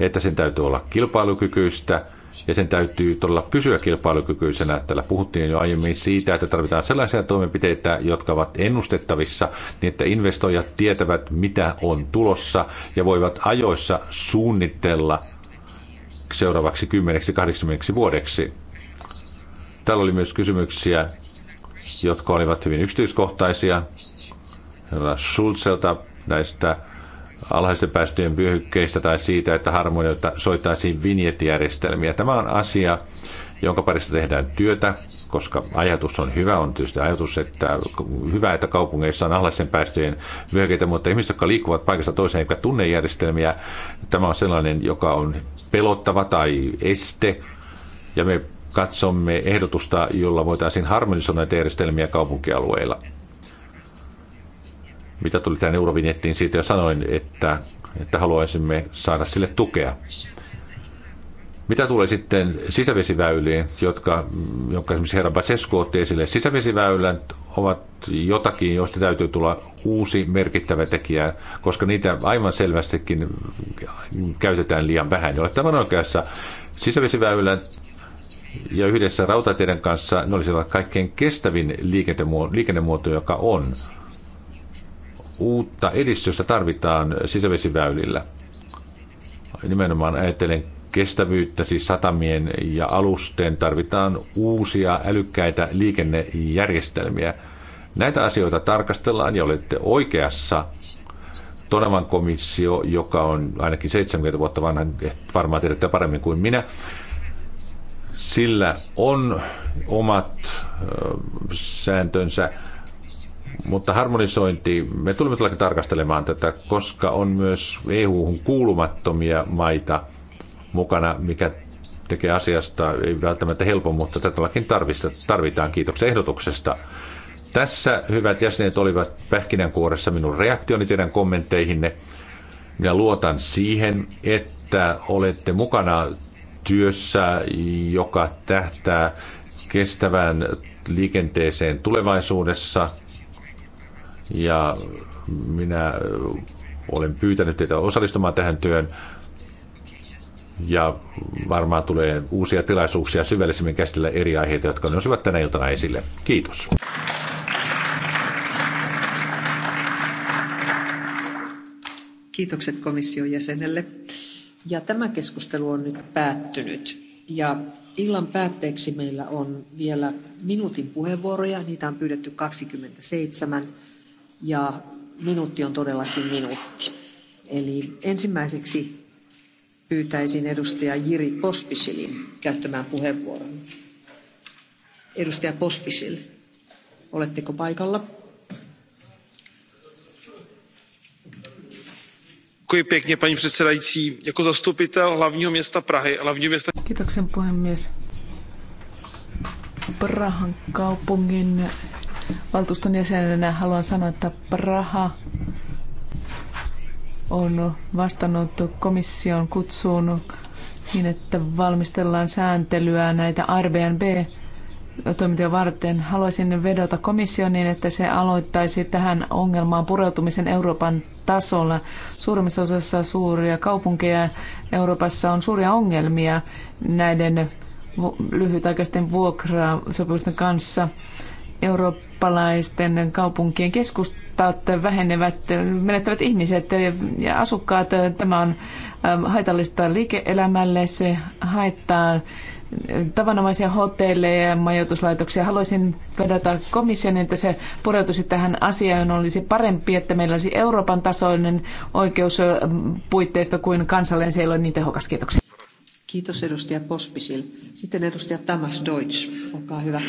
että sen täytyy olla kilpailukykyistä – ja sen täytyy todella pysyä kilpailukykyisenä. Täällä puhuttiin jo aiemmin siitä, että tarvitaan sellaisia toimenpiteitä, jotka ovat ennustettavissa, niin että investoijat tietävät, mitä on tulossa ja voivat ajoissa suunnitella seuraavaksi 10 20 vuodeksi. Täällä oli myös kysymyksiä, jotka olivat hyvin yksityiskohtaisia. Herra Schulzelta näistä alhaisten päästöjen vyöhykkeistä tai siitä, että harmonioita soitaisiin vinjettijärjestelmiä. Tämä on asia, jonka parissa tehdään työtä koska ajatus on hyvä, on tietysti ajatus, että hyvä, että kaupungeissa on alhaisen päästöjen vyöhykeitä, mutta ihmiset, jotka liikkuvat paikasta toiseen eivätkä tunne järjestelmiä, tämä on sellainen, joka on pelottava tai este, ja me katsomme ehdotusta, jolla voitaisiin harmonisoida näitä järjestelmiä kaupunkialueilla. Mitä tuli tähän Eurovinjettiin, siitä jo sanoin, että, että haluaisimme saada sille tukea. Mitä tulee sitten sisävesiväyliin, jotka, jotka esimerkiksi herra Basesko otti esille, sisävesiväylät ovat jotakin, joista täytyy tulla uusi merkittävä tekijä, koska niitä aivan selvästikin käytetään liian vähän. Olet tämän oikeassa. Sisävesiväylät ja yhdessä rautateiden kanssa ne olisivat kaikkein kestävin liikennemuoto joka on. Uutta edistystä tarvitaan sisävesiväylillä. Nimenomaan ajattelen kestävyyttä, siis satamien ja alusten, tarvitaan uusia älykkäitä liikennejärjestelmiä. Näitä asioita tarkastellaan ja olette oikeassa. Tonavan komissio, joka on ainakin 70 vuotta vanha, varmaan tiedätte paremmin kuin minä, sillä on omat sääntönsä, mutta harmonisointi, me tulemme todellakin tarkastelemaan tätä, koska on myös EU-hun kuulumattomia maita, mukana, mikä tekee asiasta ei välttämättä helpon, mutta tätäkin tarvitaan. Kiitoksia ehdotuksesta. Tässä, hyvät jäsenet, olivat pähkinänkuoressa minun reaktioni teidän kommentteihinne. Minä luotan siihen, että olette mukana työssä, joka tähtää kestävään liikenteeseen tulevaisuudessa. Ja minä olen pyytänyt teitä osallistumaan tähän työhön ja varmaan tulee uusia tilaisuuksia syvällisemmin käsitellä eri aiheita, jotka nousivat tänä iltana esille. Kiitos. Kiitokset komission jäsenelle. Ja tämä keskustelu on nyt päättynyt. Ja illan päätteeksi meillä on vielä minuutin puheenvuoroja. Niitä on pyydetty 27 ja minuutti on todellakin minuutti. Eli ensimmäiseksi pyytäisin edustaja Jiri Pospisilin käyttämään puheenvuoron. Edustaja Pospisil, oletteko paikalla? Kiitoksen puhemies. Prahan kaupungin valtuuston jäsenenä haluan sanoa, että Praha on vastannut komission kutsuun niin, että valmistellaan sääntelyä näitä RBNB toimintoja varten. Haluaisin vedota komissioon niin, että se aloittaisi tähän ongelmaan pureutumisen Euroopan tasolla. Suurimmassa osassa suuria kaupunkeja Euroopassa on suuria ongelmia näiden lyhytaikaisten vuokrasopimusten kanssa eurooppalaisten kaupunkien keskustat vähenevät, menettävät ihmiset ja asukkaat. Tämä on äh, haitallista liike-elämälle, se haittaa tavanomaisia hotelleja ja majoituslaitoksia. Haluaisin vedota komission, että se pureutuisi tähän asiaan. Olisi parempi, että meillä olisi Euroopan tasoinen oikeuspuitteisto kuin kansallinen. Se ei ole niin tehokas. Kiitoksia. Kiitos edustaja Pospisil. Sitten edustaja Tamas Deutsch, olkaa hyvä.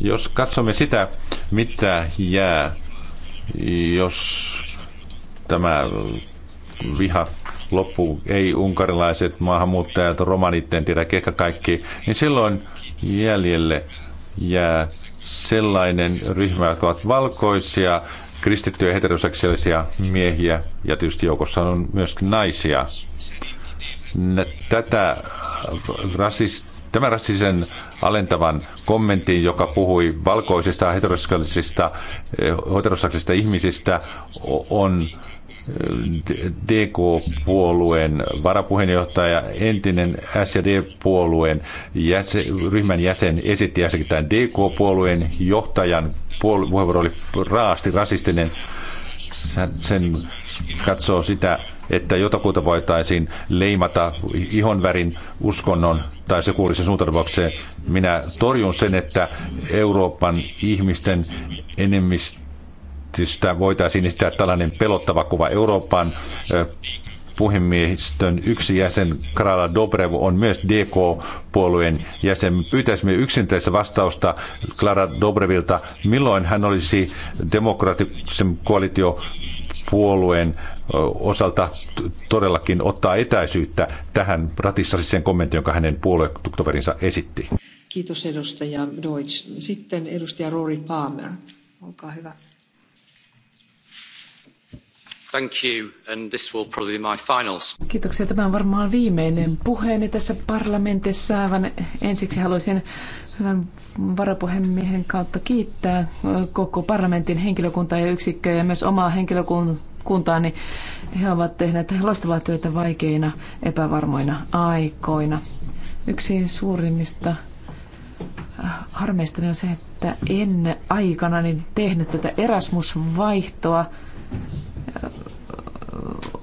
Jos katsomme sitä, mitä jää, jos tämä viha loppuu, ei unkarilaiset, maahanmuuttajat, romanit, en tiedä, ehkä kaikki, niin silloin jäljelle jää sellainen ryhmä, jotka ovat valkoisia, kristittyjä heteroseksuaalisia miehiä ja tietysti joukossa on myös naisia. Tätä rasistia Tämä rassisen alentavan kommentin, joka puhui valkoisista heteroseksuaalisista eh, heteroseksuaalisista ihmisistä, on eh, DK-puolueen varapuheenjohtaja, entinen SD-puolueen jäsen, ryhmän jäsen esitti äsken DK-puolueen johtajan puol- puheenvuoro oli raasti rasistinen. Sen katsoo sitä että jotakuta voitaisiin leimata ihonvärin, uskonnon tai sekuulisen suuntautuvaukseen. Minä torjun sen, että Euroopan ihmisten enemmistöstä voitaisiin esittää tällainen pelottava kuva Euroopan puhemiehistön yksi jäsen Krala Dobrev on myös DK-puolueen jäsen. Pyytäisimme yksinteistä vastausta Klara Dobrevilta, milloin hän olisi demokraattisen koalitio puolueen osalta todellakin ottaa etäisyyttä tähän ratissa sen jonka hänen puoluetuktoverinsa esitti. Kiitos edustaja Deutsch. Sitten edustaja Rory Palmer. Olkaa hyvä. Thank you, and this will probably be my final. Kiitoksia. Tämä on varmaan viimeinen puheeni tässä parlamentissa. Aivan ensiksi haluaisin hyvän varapuhemiehen kautta kiittää koko parlamentin henkilökuntaa ja yksikköä ja myös omaa henkilökuntaani. Niin he ovat tehneet loistavaa työtä vaikeina, epävarmoina aikoina. Yksi suurimmista äh, harmeista on se, että en aikana niin tehnyt tätä Erasmus-vaihtoa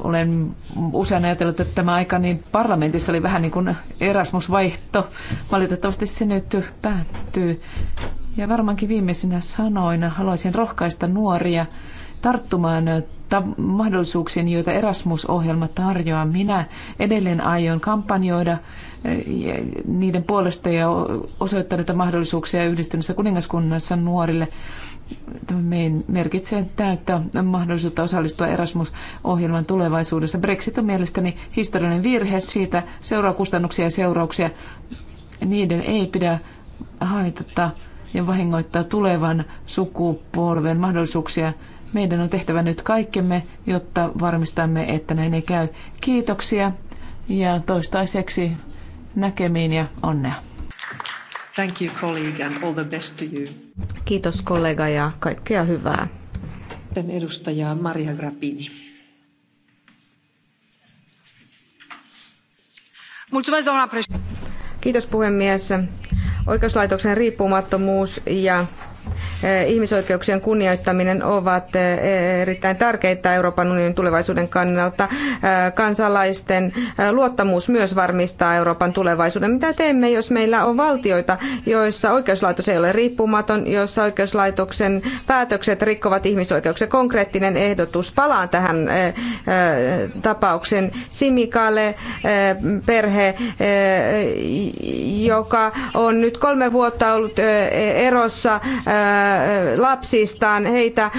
olen usein ajatellut, että tämä aika niin parlamentissa oli vähän niin kuin Erasmus-vaihto. Valitettavasti se nyt päättyy. Ja varmaankin viimeisinä sanoina haluaisin rohkaista nuoria tarttumaan ta- mahdollisuuksiin, joita Erasmus-ohjelma tarjoaa. Minä edelleen aion kampanjoida eh, niiden puolesta ja osoittaa näitä mahdollisuuksia yhdistyneessä kuningaskunnassa nuorille merkitsee täyttä mahdollisuutta osallistua Erasmus-ohjelman tulevaisuudessa. Brexit on mielestäni historiallinen virhe. Siitä seuraa kustannuksia ja seurauksia. Niiden ei pidä haitata ja vahingoittaa tulevan sukupolven mahdollisuuksia. Meidän on tehtävä nyt kaikkemme, jotta varmistamme, että näin ei käy. Kiitoksia ja toistaiseksi näkemiin ja onnea. Thank you colleague and all the best to you. Kiitos kollega ja kaikkea hyvää. Sitten edustaja Maria Grappini. Kiitos puhemies. Oikeuslaitoksen riippumattomuus ja Eh, ihmisoikeuksien kunnioittaminen ovat eh, erittäin tärkeitä Euroopan unionin tulevaisuuden kannalta. Eh, kansalaisten luottamus myös varmistaa Euroopan tulevaisuuden. Mitä teemme, jos meillä on valtioita, joissa oikeuslaitos ei ole riippumaton, joissa oikeuslaitoksen päätökset rikkovat ihmisoikeuksia? Konkreettinen ehdotus. Palaan tähän tapauksen Simikale perhe, joka on nyt kolme vuotta ollut erossa Äh, lapsistaan. Heitä äh,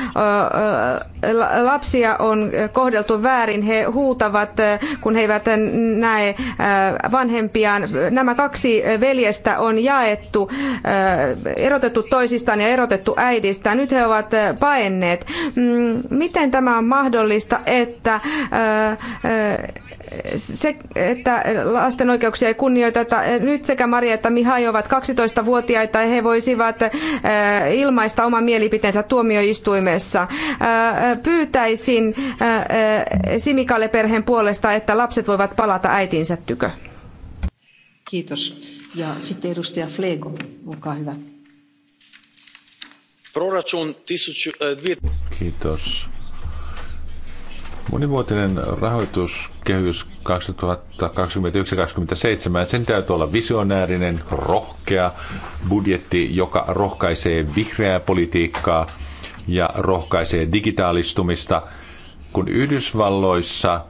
äh, lapsia on kohdeltu väärin. He huutavat, kun he eivät näe vanhempiaan. Nämä kaksi veljestä on jaettu, erotettu toisistaan ja erotettu äidistään. Nyt he ovat paenneet. Mm, miten tämä on mahdollista, että se, että lasten oikeuksia ei kunnioiteta. Nyt sekä Maria että Mihai ovat 12-vuotiaita ja he voisivat äh, ilmaista oman mielipiteensä tuomioistuimessa. Äh, pyytäisin äh, Simikalle perheen puolesta, että lapset voivat palata äitinsä tykö. Kiitos. Ja sitten edustaja Flego, olkaa hyvä. E, Kiitos. Monivuotinen rahoituskehys 2021-2027, sen täytyy olla visionäärinen, rohkea budjetti, joka rohkaisee vihreää politiikkaa ja rohkaisee digitaalistumista, kun Yhdysvalloissa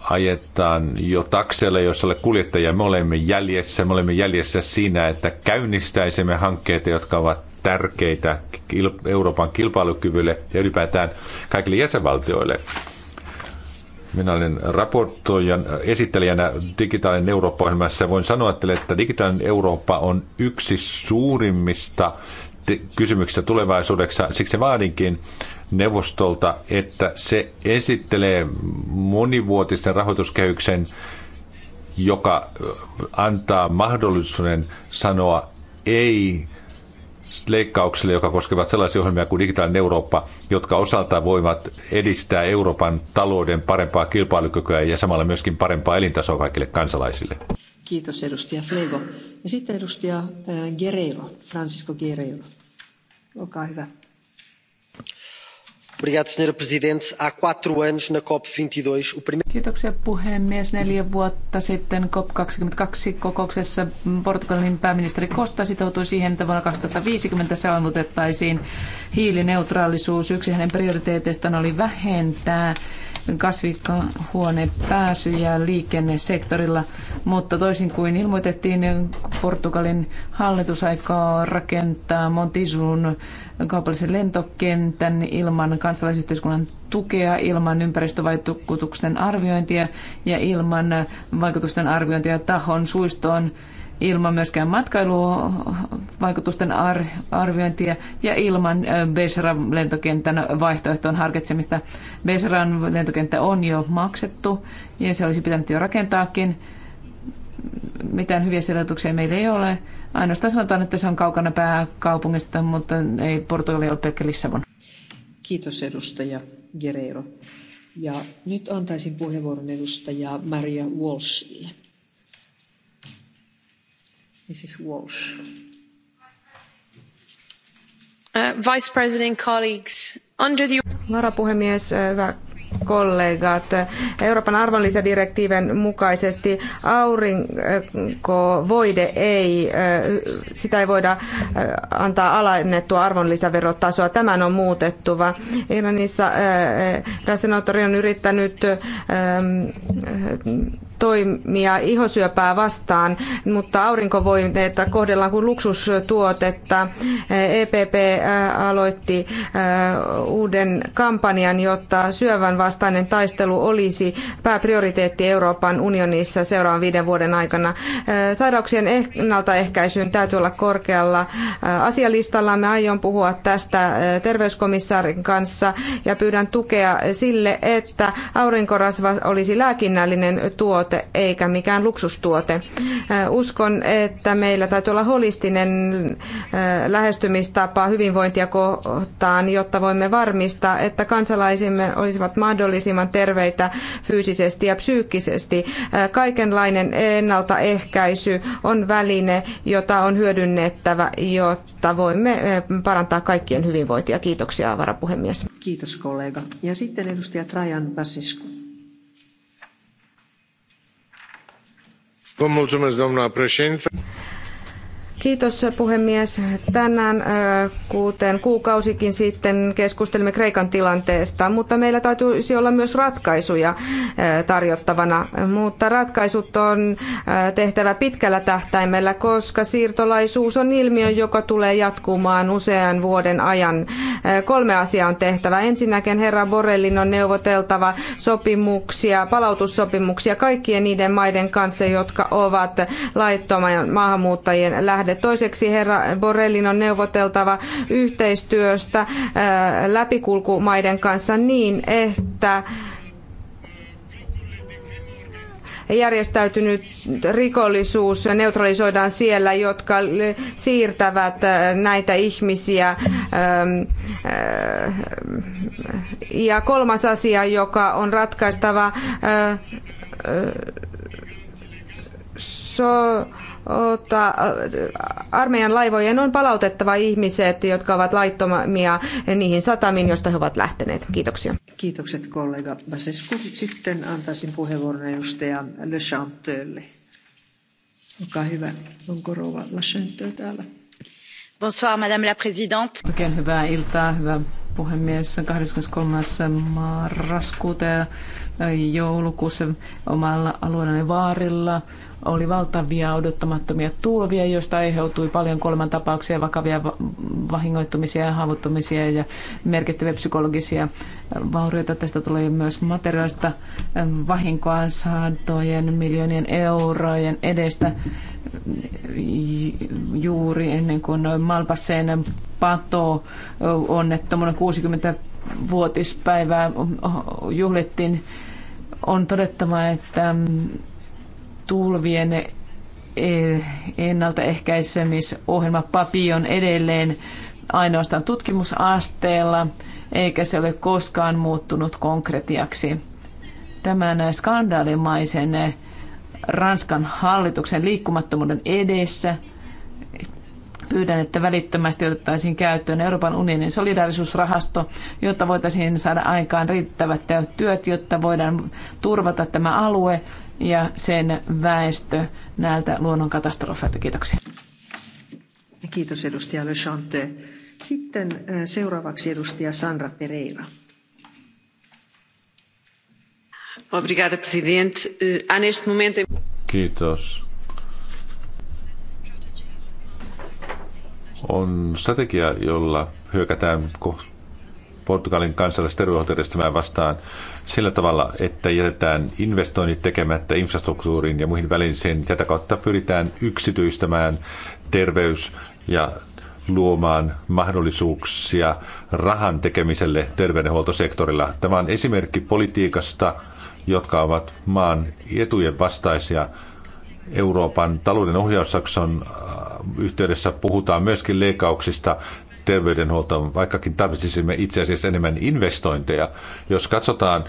ajetaan jo takseilla, jos ole kuljettajia. Me olemme jäljessä, me olemme jäljessä siinä, että käynnistäisimme hankkeita, jotka ovat tärkeitä Euroopan kilpailukyvylle ja ylipäätään kaikille jäsenvaltioille. Minä olen raportoijan esittelijänä digitaalinen Eurooppa-ohjelmassa. Voin sanoa teille, että digitaalinen Eurooppa on yksi suurimmista kysymyksistä tulevaisuudessa. Siksi vaadinkin neuvostolta, että se esittelee monivuotisten rahoituskehyksen, joka antaa mahdollisuuden sanoa ei leikkauksille, joka koskevat sellaisia ohjelmia kuin Digitaalinen Eurooppa, jotka osaltaan voivat edistää Euroopan talouden parempaa kilpailukykyä ja samalla myöskin parempaa elintasoa kaikille kansalaisille. Kiitos edustaja Flego. Ja sitten edustaja Gereiro, Francisco Gereiro. Olkaa hyvä. Senhor president, há quatro anos na COP 22. E Kiitoksia puhemies. Neljä vuotta sitten COP22 kokouksessa Portugalin pääministeri Costa sitoutui siihen, että vuonna 2050 saavutettaisiin hiilineutraalisuus. Yksi hänen prioriteeteistaan oli vähentää kasvihuonepääsyjä liikennesektorilla, mutta toisin kuin ilmoitettiin, Portugalin hallitus aikoo rakentaa Montisun kaupallisen lentokentän ilman kansalaisyhteiskunnan tukea, ilman ympäristövaikutusten arviointia ja ilman vaikutusten arviointia tahon suistoon ilman myöskään matkailuvaikutusten arviointia ja ilman Besaran lentokentän vaihtoehtoon harkitsemista. Besaran lentokenttä on jo maksettu ja se olisi pitänyt jo rakentaakin. Mitään hyviä selvityksiä meillä ei ole. Ainoastaan sanotaan, että se on kaukana pääkaupungista, mutta ei Portugali ole pelkkä Lissabon. Kiitos edustaja Guerreiro. Ja nyt antaisin puheenvuoron edustaja Maria Walshille. Uh, varapuhemies uh, hyvä kollegat euroopan arvonlisädirektiivin mukaisesti aurinkovoide ei uh, sitä ei voida antaa alennettua arvonlisäverotasoa tämän on muutettuva Irlannissa eräs senaattori on yrittänyt um, toimia ihosyöpää vastaan, mutta aurinkovoineita kohdellaan kuin luksustuotetta. EPP äh, aloitti äh, uuden kampanjan, jotta syövän vastainen taistelu olisi pääprioriteetti Euroopan unionissa seuraavan viiden vuoden aikana. Äh, sairauksien ennaltaehkäisyyn täytyy olla korkealla asialistalla. Me aion puhua tästä terveyskomissaarin kanssa ja pyydän tukea sille, että aurinkorasva olisi lääkinnällinen tuote tuote eikä mikään luksustuote. Uskon, että meillä täytyy olla holistinen lähestymistapa hyvinvointia kohtaan, jotta voimme varmistaa, että kansalaisimme olisivat mahdollisimman terveitä fyysisesti ja psyykkisesti. Kaikenlainen ennaltaehkäisy on väline, jota on hyödynnettävä, jotta voimme parantaa kaikkien hyvinvointia. Kiitoksia varapuhemies. Kiitos kollega. Ja sitten edustaja Trajan Basisku. domnule președinte. Kiitos puhemies. Tänään, kuten kuukausikin sitten, keskustelimme Kreikan tilanteesta, mutta meillä täytyisi olla myös ratkaisuja tarjottavana. Mutta ratkaisut on tehtävä pitkällä tähtäimellä, koska siirtolaisuus on ilmiö, joka tulee jatkumaan usean vuoden ajan. Kolme asiaa on tehtävä. Ensinnäkin herra Borellin on neuvoteltava sopimuksia, palautussopimuksia kaikkien niiden maiden kanssa, jotka ovat laittoman maahanmuuttajien lähde Toiseksi herra Borrellin on neuvoteltava yhteistyöstä äh, läpikulkumaiden kanssa niin, että järjestäytynyt rikollisuus neutralisoidaan siellä, jotka siirtävät äh, näitä ihmisiä. Ähm, äh, ja kolmas asia, joka on ratkaistava, so, Ota, äh, armeijan laivojen on palautettava ihmiset, jotka ovat laittomia niihin satamiin, joista he ovat lähteneet. Kiitoksia. Kiitokset kollega Basescu. Sitten antaisin puheenvuoron edustaja Le Chanteelle. Olkaa hyvä. Onko rouva Le Chantelle täällä? Bonsoir, madame la présidente. Oikein hyvää iltaa, hyvä puhemies. 23. marraskuuta joulukuussa omalla alueellani Vaarilla – oli valtavia odottamattomia tulvia, joista aiheutui paljon kuolemantapauksia, vakavia vahingoittumisia ja haavoittumisia ja merkittäviä psykologisia vaurioita. Tästä tulee myös materiaalista ähm, vahinkoa saatojen miljoonien eurojen edestä juuri ennen kuin Malpasseen pato äh, onnettomana 60-vuotispäivää äh, juhlittiin. On todettava, että tulvien e, ennaltaehkäisemisohjelma PAPI on edelleen ainoastaan tutkimusasteella, eikä se ole koskaan muuttunut konkretiaksi. Tämän skandaalimaisen Ranskan hallituksen liikkumattomuuden edessä pyydän, että välittömästi otettaisiin käyttöön Euroopan unionin solidaarisuusrahasto, jotta voitaisiin saada aikaan riittävät työt, jotta voidaan turvata tämä alue ja sen väestö näiltä luonnonkatastrofeilta. Kiitoksia. Kiitos edustaja Le Chante. Sitten seuraavaksi edustaja Sandra Pereira. Obrigada, presidente. A neste momento... Kiitos. On strategia, jolla hyökätään kohti Portugalin kansallista terveydenhuoltojärjestelmää vastaan sillä tavalla, että jätetään investoinnit tekemättä infrastruktuuriin ja muihin välineisiin. Tätä kautta pyritään yksityistämään terveys ja luomaan mahdollisuuksia rahan tekemiselle terveydenhuoltosektorilla. Tämä on esimerkki politiikasta, jotka ovat maan etujen vastaisia. Euroopan talouden ohjausjakson äh, yhteydessä puhutaan myöskin leikkauksista terveydenhuoltoon, vaikkakin tarvitsisimme itse asiassa enemmän investointeja. Jos katsotaan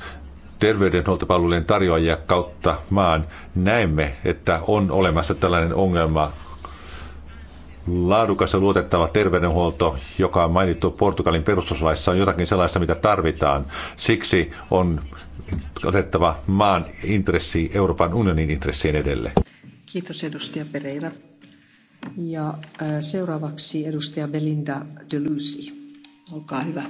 terveydenhuoltopalvelujen tarjoajia kautta maan, näemme, että on olemassa tällainen ongelma laadukas ja luotettava terveydenhuolto, joka on mainittu Portugalin perustuslaissa, on jotakin sellaista, mitä tarvitaan. Siksi on otettava maan intressi Euroopan unionin intressiin edelle. Kiitos edustaja Pereira. Ja äh, seuraavaksi edustaja Belinda Delusi. Olkaa hyvä.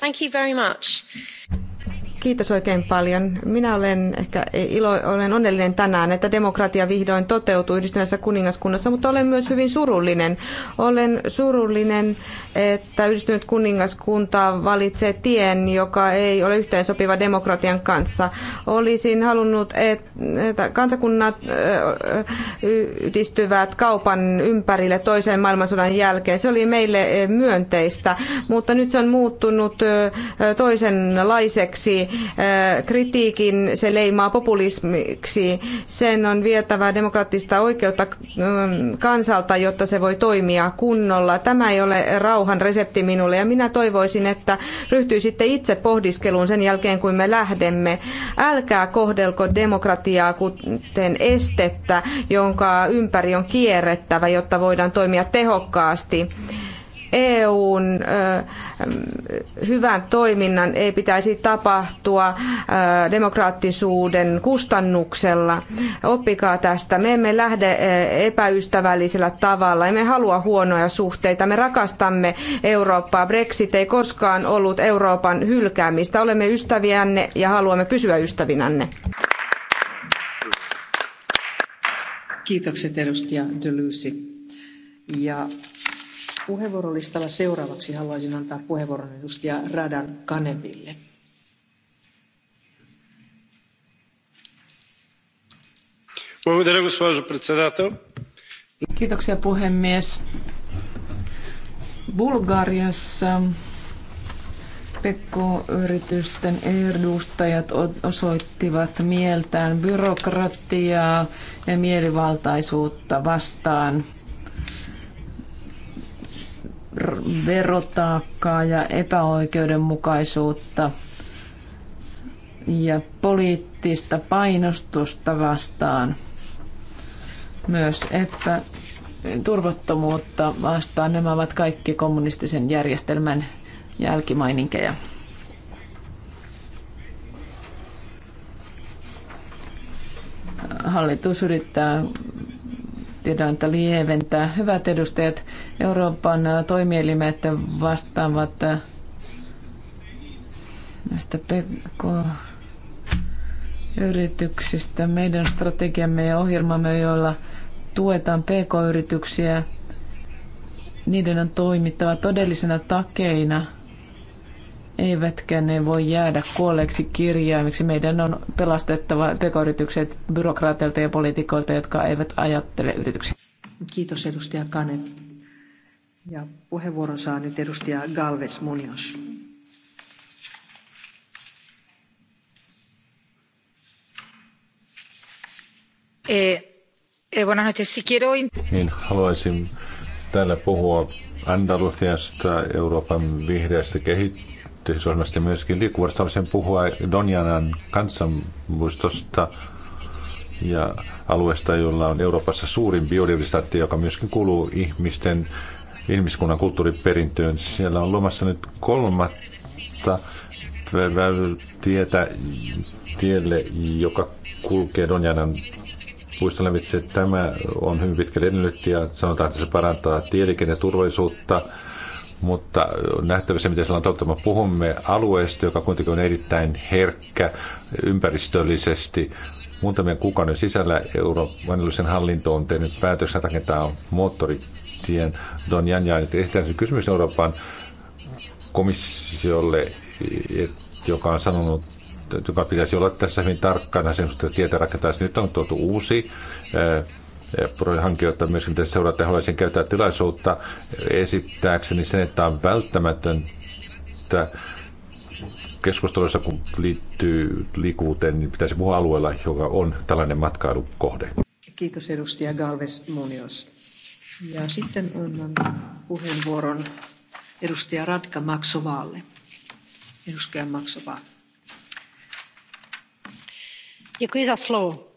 Thank you very much. Kiitos oikein paljon. Minä olen ehkä e, ilo, olen onnellinen tänään, että demokratia vihdoin toteutuu yhdistyneessä kuningaskunnassa, mutta olen myös hyvin surullinen. Olen surullinen, että yhdistynyt kuningaskunta valitsee tien, joka ei ole sopiva demokratian kanssa. Olisin halunnut, että kansakunnat yhdistyvät kaupan ympärille toisen maailmansodan jälkeen. Se oli meille e, myönteistä, mutta nyt se on muuttunut toisenlaiseksi toiseksi äh, kritiikin se leimaa populismiksi. Sen on vietävä demokraattista oikeutta ähm, kansalta, jotta se voi toimia kunnolla. Tämä ei ole rauhan resepti minulle ja minä toivoisin, että ryhtyisitte itse pohdiskeluun sen jälkeen, kun me lähdemme. Älkää kohdelko demokratiaa kuten estettä, jonka ympäri on kierrettävä, jotta voidaan toimia tehokkaasti. EUn hyvän toiminnan ei pitäisi tapahtua demokraattisuuden kustannuksella. Oppikaa tästä. Me emme lähde epäystävällisellä tavalla. Emme halua huonoja suhteita. Me rakastamme Eurooppaa. Brexit ei koskaan ollut Euroopan hylkäämistä. Olemme ystäviänne ja haluamme pysyä ystävinänne. Kiitokset edustaja Delysi. Ja puheenvuorolistalla seuraavaksi haluaisin antaa puheenvuoron edustaja Radan Kaneville. Kiitoksia puhemies. Bulgariassa PK-yritysten edustajat osoittivat mieltään byrokratiaa ja mielivaltaisuutta vastaan verotaakkaa ja epäoikeudenmukaisuutta ja poliittista painostusta vastaan. Myös epä, turvattomuutta vastaan. Nämä ovat kaikki kommunistisen järjestelmän jälkimaininkeja. Hallitus yrittää tilannetta lieventää. Hyvät edustajat, Euroopan toimielimet vastaavat äh, näistä PK-yrityksistä. Meidän strategiamme ja ohjelmamme, joilla tuetaan PK-yrityksiä, niiden on toimittava todellisena takeina – eivätkä ne voi jäädä kuolleeksi kirjaimiksi. Meidän on pelastettava pk-yritykset byrokraateilta ja poliitikoilta, jotka eivät ajattele yrityksiä. Kiitos edustaja Kane. Ja puheenvuoron saa nyt edustaja Galves Munios. Eh, eh, niin, haluaisin täällä puhua Andalusiasta, Euroopan vihreästä kehityksestä yhteisohjelmasta myöskin liikkuvuudesta. Haluaisin puhua Donjanan kansanmuistosta ja alueesta, jolla on Euroopassa suurin biodiversiteetti, joka myöskin kuuluu ihmisten, ihmiskunnan kulttuuriperintöön. Siellä on lomassa nyt kolmatta tietä tielle, joka kulkee Donjanan puiston lävitse. Tämä on hyvin pitkälle edellytty ja sanotaan, että se parantaa tieliikenneturvallisuutta turvallisuutta mutta nähtävissä, miten sillä on totta. Me puhumme alueesta, joka kuitenkin on erittäin herkkä ympäristöllisesti. Muutamien kuukauden sisällä Euroopan hallinto on tehnyt päätöksen rakentaa moottoritien Don Janjan. Esitän kysymys Euroopan komissiolle, joka on sanonut joka pitäisi olla tässä hyvin tarkkana sen, että tietä rakentaisi. Nyt on tuotu uusi hankijoita myöskin tässä seurata. Haluaisin käyttää tilaisuutta esittääkseni sen, että on välttämätöntä keskusteluissa, kun liittyy liikkuvuuteen, niin pitäisi puhua alueella, joka on tällainen matkailukohde. Kiitos edustaja Galves Munios. Ja sitten annan puheenvuoron edustaja Ratka Maksovaalle. Edustaja Maksovaa. Děkuji za slovo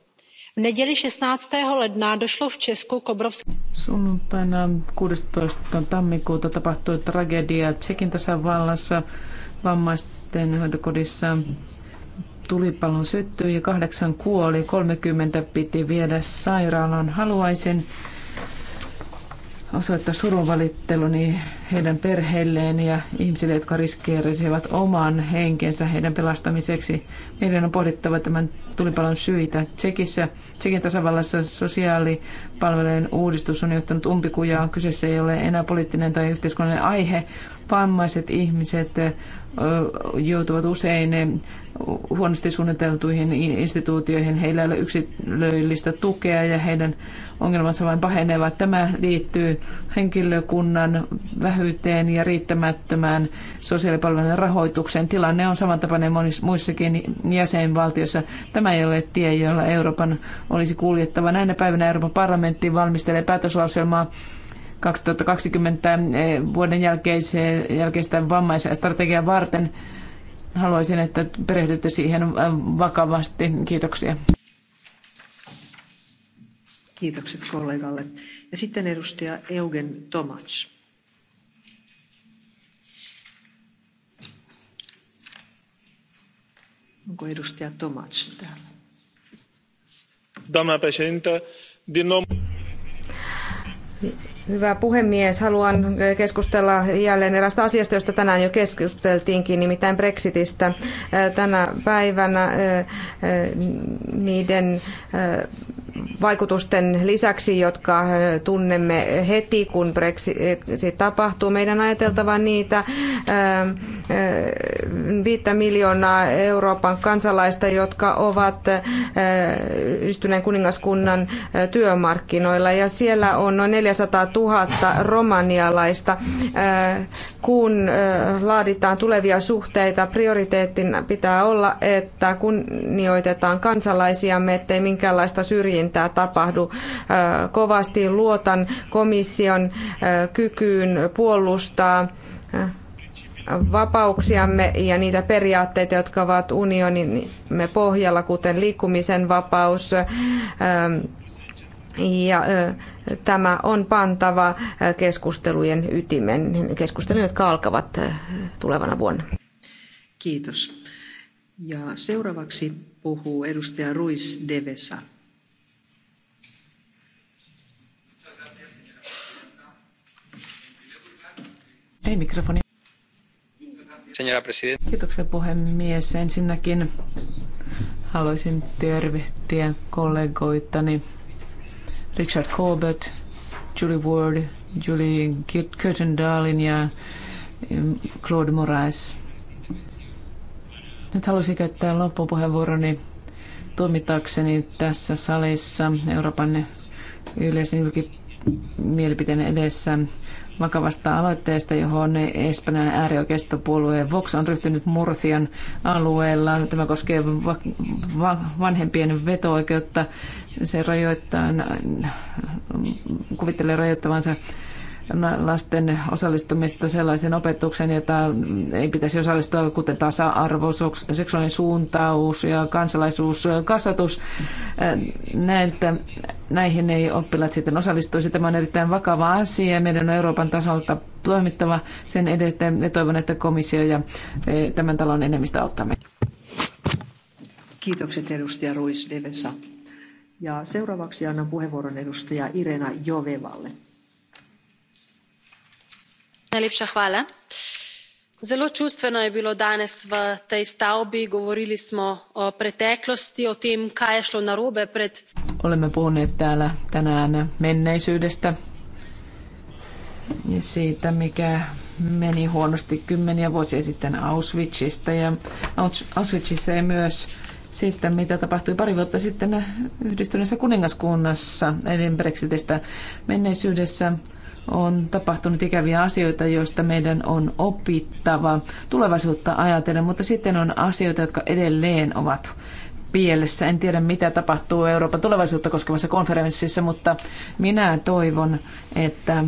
V neděli 16. ledna došlo v Česku k obrovskému... Sunnuntaina 16. tammikuuta tapahtui tragedia Tsekin tasavallassa vammaisten hoitokodissa. Tulipalon syttyi ja kahdeksan kuoli, 30 piti viedä sairaalaan. Haluaisin osoittaa niin heidän perheilleen ja ihmisille, jotka riskeerisivät oman henkensä heidän pelastamiseksi. Meidän on pohdittava tämän tulipalon syitä. Tsekissä, Tsekin tasavallassa sosiaalipalvelujen uudistus on johtanut umpikujaan. Kyseessä ei ole enää poliittinen tai yhteiskunnallinen aihe, Vammaiset ihmiset joutuvat usein huonosti suunniteltuihin instituutioihin. Heillä ei ole yksilöllistä tukea ja heidän ongelmansa vain pahenevat. Tämä liittyy henkilökunnan vähyyteen ja riittämättömään sosiaalipalvelujen rahoitukseen. Tilanne on samantapainen monissa muissakin jäsenvaltioissa. Tämä ei ole tie, jolla Euroopan olisi kuljettava. Näinä päivinä Euroopan parlamentti valmistelee päätöslauselmaa 2020 eh, vuoden jälkeistä vammaisen strategian varten. Haluaisin, että perehdytte siihen eh, vakavasti. Kiitoksia. Kiitokset kollegalle. Ja sitten edustaja Eugen Tomac. Onko edustaja Tomac täällä? Doamna președintă, din nou... Hyvä puhemies. Haluan keskustella jälleen erästä asiasta, josta tänään jo keskusteltiinkin, nimittäin Brexitistä. Äh, tänä päivänä äh, äh, niiden vaikutusten lisäksi, jotka tunnemme heti, kun Brexit tapahtuu. Meidän ajateltava niitä äh, viittä miljoonaa Euroopan kansalaista, jotka ovat äh, yhdistyneen kuningaskunnan äh, työmarkkinoilla. Ja siellä on noin 400 000 romanialaista. Kun laaditaan tulevia suhteita, prioriteettina pitää olla, että kunnioitetaan kansalaisiamme, ettei minkäänlaista syrjintää toimintaa tapahdu. Kovasti luotan komission kykyyn puolustaa vapauksiamme ja niitä periaatteita, jotka ovat unionimme pohjalla, kuten liikkumisen vapaus. Ja tämä on pantava keskustelujen ytimen, keskustelujen, jotka alkavat tulevana vuonna. Kiitos. Ja seuraavaksi puhuu edustaja Ruiz Devesa. Ei mikrofoni. Kiitoksia puhemies. Ensinnäkin haluaisin tervehtiä kollegoitani Richard Corbett, Julie Ward, Julie Curtin Darlin ja Claude Moraes. Nyt haluaisin käyttää loppupuheenvuoroni tuomittaakseni tässä salissa Euroopan yleisen julkimielipiteen edessä vakavasta aloitteesta, johon Espanjan äärioikeistopuolueen Vox on ryhtynyt Murcian alueella. Tämä koskee va- va- vanhempien veto-oikeutta. Se rajoittaa, kuvittelee rajoittavansa lasten osallistumista sellaisen opetuksen, jota ei pitäisi osallistua, kuten tasa-arvo, seksuaalinen suuntaus ja kansalaisuus, kasvatus. Näiltä, näihin ei oppilaat sitten osallistuisi. Tämä on erittäin vakava asia. Meidän on Euroopan tasolta toimittava sen edestä ja toivon, että komissio ja e, tämän talon enemmistö auttaa meitä. Kiitokset edustaja Ruiz Devesa. Ja seuraavaksi annan puheenvuoron edustaja Irena Jovevalle. Najlepša hvala. Zelo čustveno je bilo danes v tej stavbi. Govorili smo o preteklosti, o tem, kaj je šlo narobe pred. Olemme puhuneet täällä tänään menneisyydestä ja siitä, mikä meni huonosti kymmeniä vuosia sitten Auschwitzista ja Auschwitzissa ja myös siitä, mitä tapahtui pari vuotta sitten yhdistyneessä kuningaskunnassa, eli Brexitistä menneisyydessä on tapahtunut ikäviä asioita, joista meidän on opittava tulevaisuutta ajatellen, mutta sitten on asioita, jotka edelleen ovat pielessä. En tiedä, mitä tapahtuu Euroopan tulevaisuutta koskevassa konferenssissa, mutta minä toivon, että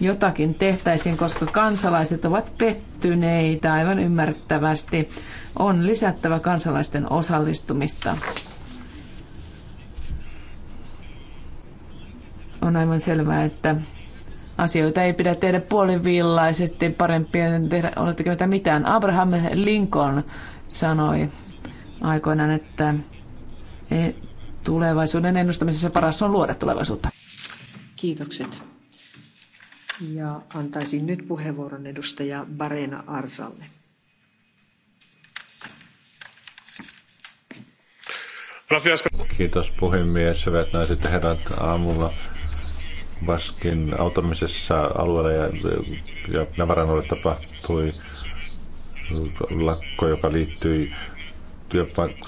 jotakin tehtäisiin, koska kansalaiset ovat pettyneitä aivan ymmärrettävästi. On lisättävä kansalaisten osallistumista. On aivan selvää, että Asioita ei pidä tehdä puolivillaisesti, parempi tehdä, oletteko mitä mitään. Abraham Lincoln sanoi aikoinaan, että e- tulevaisuuden ennustamisessa paras on luoda tulevaisuutta. Kiitokset. Ja antaisin nyt puheenvuoron edustaja Barena Arsalle. Kiitos puhemies, hyvät naiset ja herrat. Aamulla vaskin automisessa alueella ja, ja Navaranolle tapahtui lakko, joka liittyi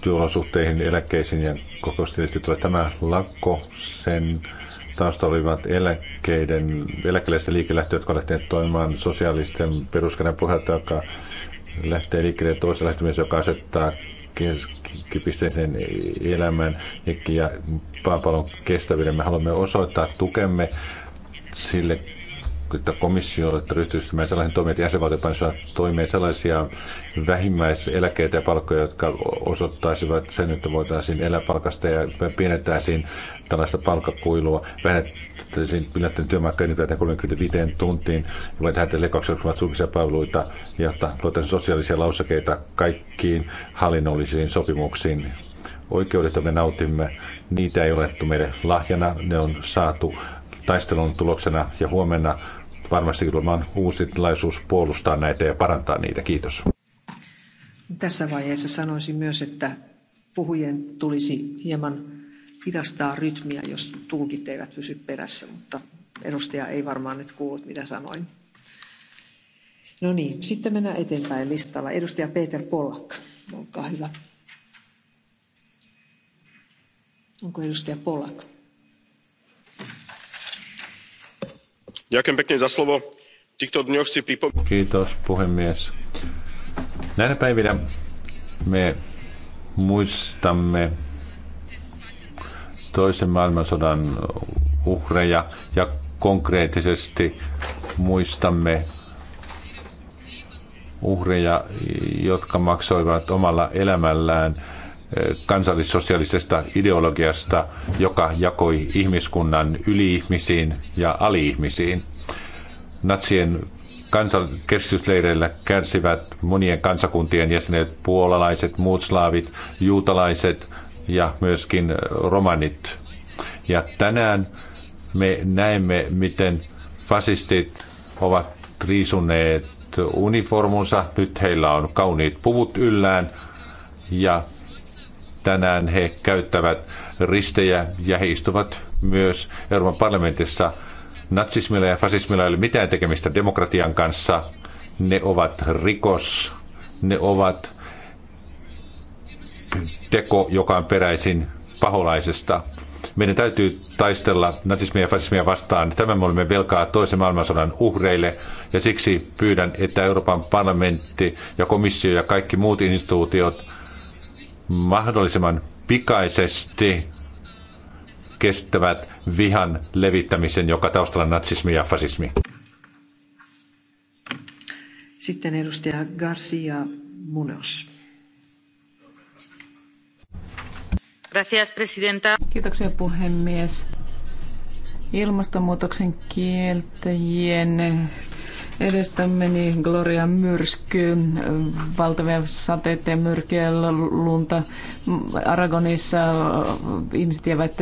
työolosuhteihin, eläkkeisiin ja kokoustilistöön. Tämä lakko, sen taustalla olivat eläkkeiden, eläkeläisten liikelähtö, jotka lähtivät toimimaan sosiaalisten peruskannan pohjalta, joka lähtee liikkeelle toisen lähtemisen, joka asettaa keskipisteisen elämän ja maapallon kestävyyden. Me haluamme osoittaa tukemme sille että komissio ryhtyisi sellaisen toimeen, että jäsenvaltiopansa toimeen sellaisia vähimmäiseläkeitä ja palkkoja, jotka osoittaisivat sen, että voitaisiin elää palkasta ja pienentäisiin tällaista palkkakuilua, vähennettäisiin yllättäen työmarkkinoiden 35 tuntiin, voi tehdä leikkauksia julkisia palveluita, jotta luotaisiin sosiaalisia lausakeita kaikkiin hallinnollisiin sopimuksiin. Oikeudet, joita me nautimme, niitä ei ole meille lahjana, ne on saatu taistelun tuloksena ja huomenna varmasti tulemaan uusi tilaisuus puolustaa näitä ja parantaa niitä. Kiitos. Tässä vaiheessa sanoisin myös, että puhujien tulisi hieman hidastaa rytmiä, jos tulkit eivät pysy perässä, mutta edustaja ei varmaan nyt kuullut, mitä sanoin. No niin, sitten mennään eteenpäin listalla. Edustaja Peter Pollak, olkaa hyvä. Onko edustaja Pollak? Kiitos puhemies. Näinä päivinä me muistamme toisen maailmansodan uhreja ja konkreettisesti muistamme uhreja, jotka maksoivat omalla elämällään kansallissosialistisesta ideologiasta, joka jakoi ihmiskunnan yliihmisiin ja aliihmisiin. Natsien kansan kärsivät monien kansakuntien jäsenet, puolalaiset, muut slaavit, juutalaiset ja myöskin romanit. Ja tänään me näemme, miten fasistit ovat riisuneet uniformunsa. Nyt heillä on kauniit puvut yllään ja Tänään he käyttävät ristejä ja he istuvat myös Euroopan parlamentissa. Natsismilla ja fasismilla ei ole mitään tekemistä demokratian kanssa. Ne ovat rikos, ne ovat teko, joka on peräisin paholaisesta. Meidän täytyy taistella natsismia ja fasismia vastaan. Tämä me olemme velkaa toisen maailmansodan uhreille ja siksi pyydän, että Euroopan parlamentti ja komissio ja kaikki muut instituutiot mahdollisimman pikaisesti kestävät vihan levittämisen, joka taustalla on natsismi ja fasismi. Sitten edustaja Garcia Munoz. Gracias, presidenta. Kiitoksia puhemies. Ilmastonmuutoksen kieltäjien Edestämme niin Gloria myrsky, valtavia sateita ja myrkyä, lunta. Aragonissa ihmiset jäävät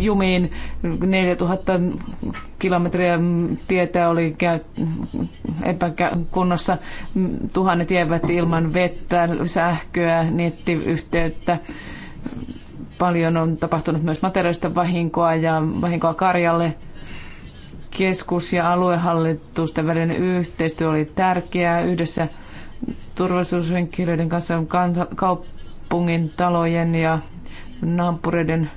jumiin 4000 kilometriä tietä oli epäkunnossa. Tuhannet jäävät ilman vettä, sähköä, nettiyhteyttä Paljon on tapahtunut myös materiaalista vahinkoa ja vahinkoa karjalle. Keskus- ja aluehallitusten välinen yhteistyö oli tärkeää. Yhdessä turvallisuushenkilöiden kanssa kaupungin, talojen ja naapureiden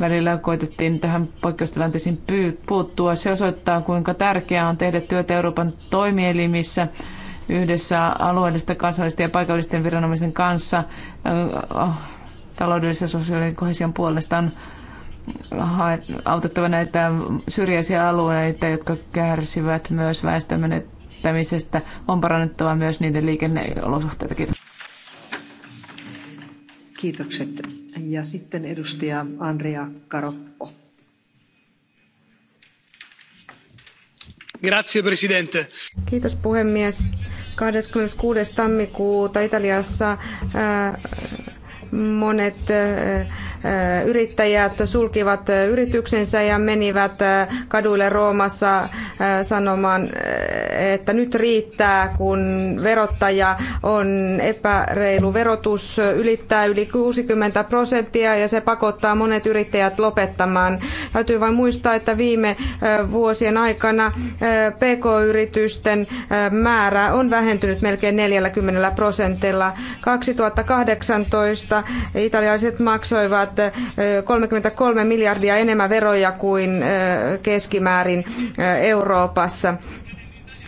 välillä koitettiin tähän poikkeustilanteisiin puuttua. Se osoittaa, kuinka tärkeää on tehdä työtä Euroopan toimielimissä yhdessä alueellista, kansallisten ja paikallisten viranomaisten kanssa taloudellisen ja sosiaalisen kohesion puolesta on autettava näitä syrjäisiä alueita, jotka kärsivät myös väestön menettämisestä. On parannettava myös niiden liikenneolosuhteita. Kiitos. Kiitokset. Ja sitten edustaja Andrea Karoppo. Grazie, presidente. Kiitos puhemies. 26. tammikuuta Italiassa ää, Monet äh, äh, yrittäjät sulkivat äh, yrityksensä ja menivät kaduille Roomassa sanomaan, että nyt riittää, kun verottaja on epäreilu. Verotus ylittää yli 60 prosenttia ja se pakottaa monet yrittäjät lopettamaan. Täytyy vain muistaa, että viime vuosien aikana PK-yritysten määrä on vähentynyt melkein 40 prosentilla. 2018 italialaiset maksoivat 33 miljardia enemmän veroja kuin keskimäärin Euroopassa.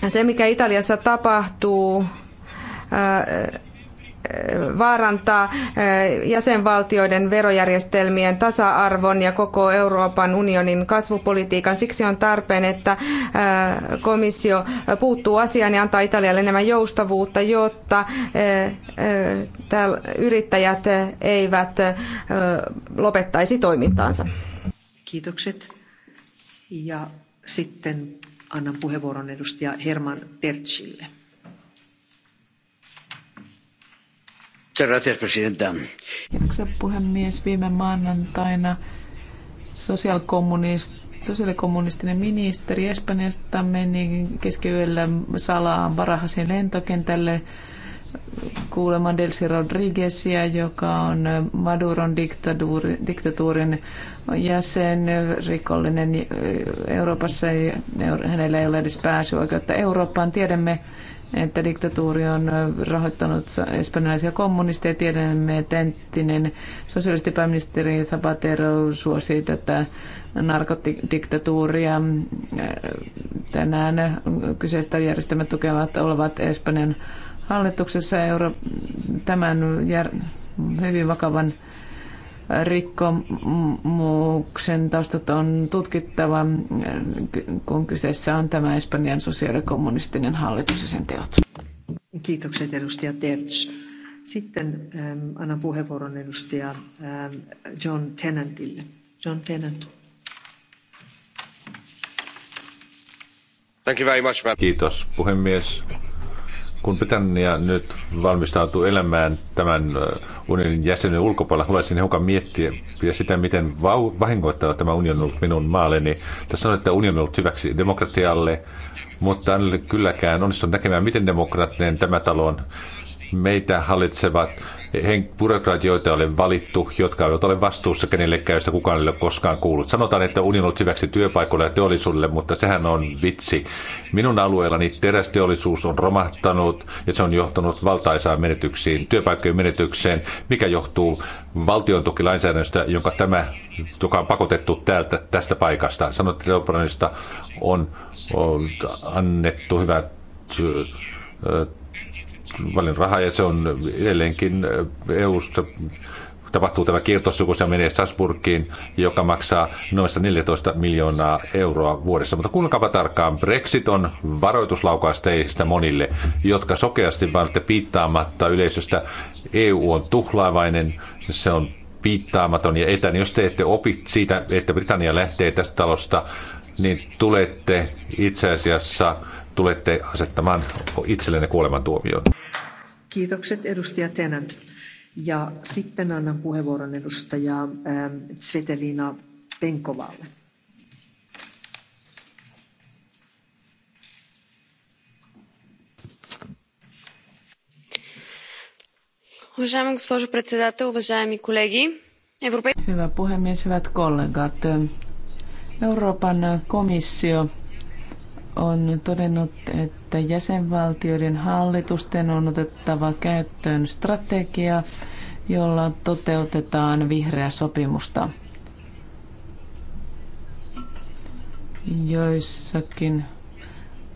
Se, mikä Italiassa tapahtuu, Eh, vaarantaa eh, jäsenvaltioiden verojärjestelmien tasa-arvon ja koko Euroopan unionin kasvupolitiikan. Siksi on tarpeen, että eh, komissio puuttuu asiaan ja antaa Italialle enemmän joustavuutta, jotta yrittäjät eivät lopettaisi toimintaansa. Kiitokset. Ja sitten annan puheenvuoron edustaja Herman Tertsille. Arvoisa puhemies. Viime maanantaina sosiaalikommunist sosiaalikommunistinen ministeri Espanjasta meni keskiyöllä salaa Barahasin lentokentälle kuulemaan Delsi Rodriguezia, joka on Maduron diktatuurin jäsen, rikollinen Euroopassa. Hänellä ei ole edes pääsyoikeutta Eurooppaan. Tiedämme, että diktatuuri on rahoittanut espanjalaisia kommunisteja. Tiedämme, että entinen sosialistipääministeri Zapatero suosii tätä narkotiktatuuria. Tänään kyseistä järjestelmät tukevat olevat Espanjan hallituksessa euro, tämän jär, hyvin vakavan rikkomuksen taustat on tutkittava, kun kyseessä on tämä Espanjan sosiaalikommunistinen hallitus ja sen teot. Kiitokset edustaja Terts. Sitten ähm, annan puheenvuoron edustaja ähm, John Tennantille. John Tennant. Thank you very much, man. Kiitos puhemies. Kun Britannia nyt valmistautuu elämään tämän äh, unionin jäsenen ulkopuolella. Haluaisin hiukan miettiä ja sitä, miten vahingoittava tämä union on ollut minun maalleni. Tässä on, että union on ollut hyväksi demokratialle, mutta en kylläkään onnistunut näkemään, miten demokraattinen tämä talo on. Meitä hallitsevat joita olen valittu, jotka eivät ole vastuussa kenellekään, josta kukaan ei ole koskaan kuullut. Sanotaan, että unioni on hyväksi työpaikoille ja teollisuudelle, mutta sehän on vitsi. Minun alueellani terästeollisuus on romahtanut ja se on johtanut valtaisaan menetyksiin, työpaikkojen menetykseen, mikä johtuu valtion tukilainsäädännöstä, jonka tämä, joka on pakotettu täältä, tästä paikasta. Sanotte, että on, on annettu hyvät paljon rahaa ja se on edelleenkin eu eh, e tapahtuu tämä kiertosuku, se menee Strasburgiin, joka maksaa noin 14 miljoonaa euroa vuodessa. Mutta kuulkaapa tarkkaan, Brexit on varoituslaukaus teistä monille, jotka sokeasti vaaditte piittaamatta yleisöstä. EU on tuhlaavainen, se on piittaamaton ja etäinen. Jos te ette opi siitä, että Britannia lähtee tästä talosta, niin tulette itse asiassa tulette asettamaan itsellenne kuolemantuomioon. Kiitokset edustaja Tenant. Ja sitten annan puheenvuoron edustaja ähm, Svetelina Penkovalle. Уважаема госпожо председател, уважаеми колеги, Hyvä puhemies, hyvät kollegat. Euroopan komissio on todennut, että jäsenvaltioiden hallitusten on otettava käyttöön strategia, jolla toteutetaan vihreää sopimusta. Joissakin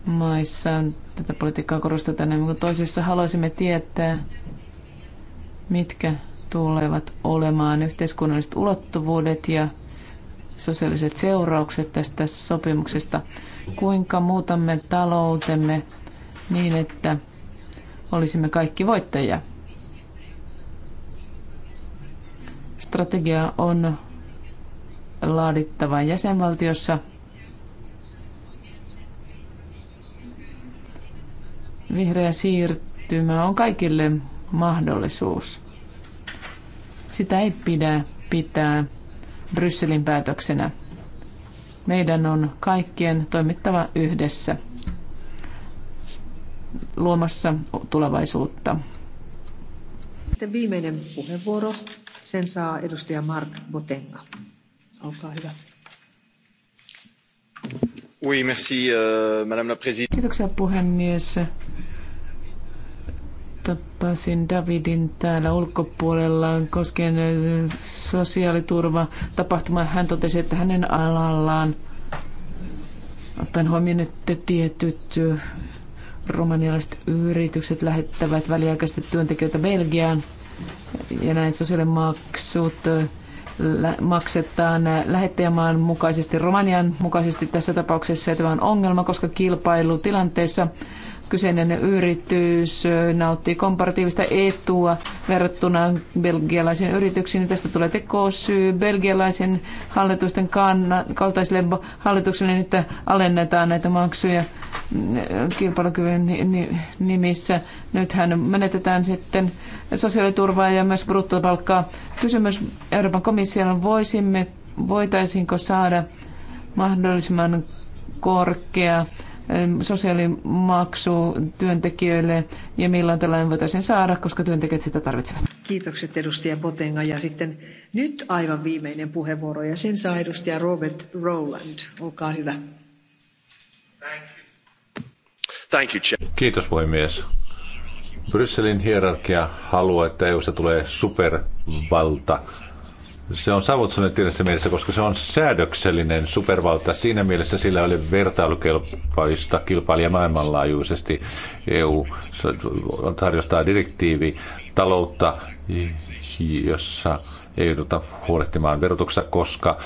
maissa tätä politiikkaa korostetaan enemmän kuin toisissa. Haluaisimme tietää, mitkä tulevat olemaan yhteiskunnalliset ulottuvuudet ja sosiaaliset seuraukset tästä sopimuksesta. Kuinka muutamme taloutemme niin, että olisimme kaikki voittajia? Strategia on laadittava jäsenvaltiossa. Vihreä siirtymä on kaikille mahdollisuus. Sitä ei pidä pitää Brysselin päätöksenä. Meidän on kaikkien toimittava yhdessä luomassa tulevaisuutta. Sitten viimeinen puheenvuoro. Sen saa edustaja Mark Botenga. Olkaa hyvä. Oui, merci, euh, Madame la Présidente. Kiitoksia puhemies. Tapasin Davidin täällä ulkopuolella koskien äh, sosiaaliturva tapahtuma. Hän totesi, että hänen alallaan ottaen huomioon, että tietyt äh, romanialaiset yritykset lähettävät väliaikaisesti työntekijöitä Belgiaan ja näin sosiaalimaksut äh, maksetaan lähettäjämaan mukaisesti, Romanian mukaisesti tässä tapauksessa. Ja tämä on ongelma, koska kilpailutilanteessa tilanteessa kyseinen yritys nauttii komparatiivista etua verrattuna belgialaisiin yrityksiin. Tästä tulee tekosyy belgialaisen hallitusten kanna, kaltaisille hallituksille, että alennetaan näitä maksuja kilpailukyvyn nimissä. Nythän menetetään sitten sosiaaliturvaa ja myös bruttopalkkaa. Kysymys Euroopan komissiolla, voisimme, voitaisiinko saada mahdollisimman korkea sosiaalimaksu työntekijöille ja milloin tällainen voitaisiin saada, koska työntekijät sitä tarvitsevat. Kiitokset edustaja Botenga ja sitten nyt aivan viimeinen puheenvuoro ja sen saa edustaja Robert Rowland. Olkaa hyvä. Thank you. Kiitos puhemies. Brysselin hierarkia haluaa, että EUsta tulee supervalta se on saavuttanut tietyssä mielessä, koska se on säädöksellinen supervalta. Siinä mielessä sillä oli vertailukelpoista kilpailija maailmanlaajuisesti. EU tarjostaa direktiivi taloutta, jossa ei jouduta huolehtimaan verotuksesta, koska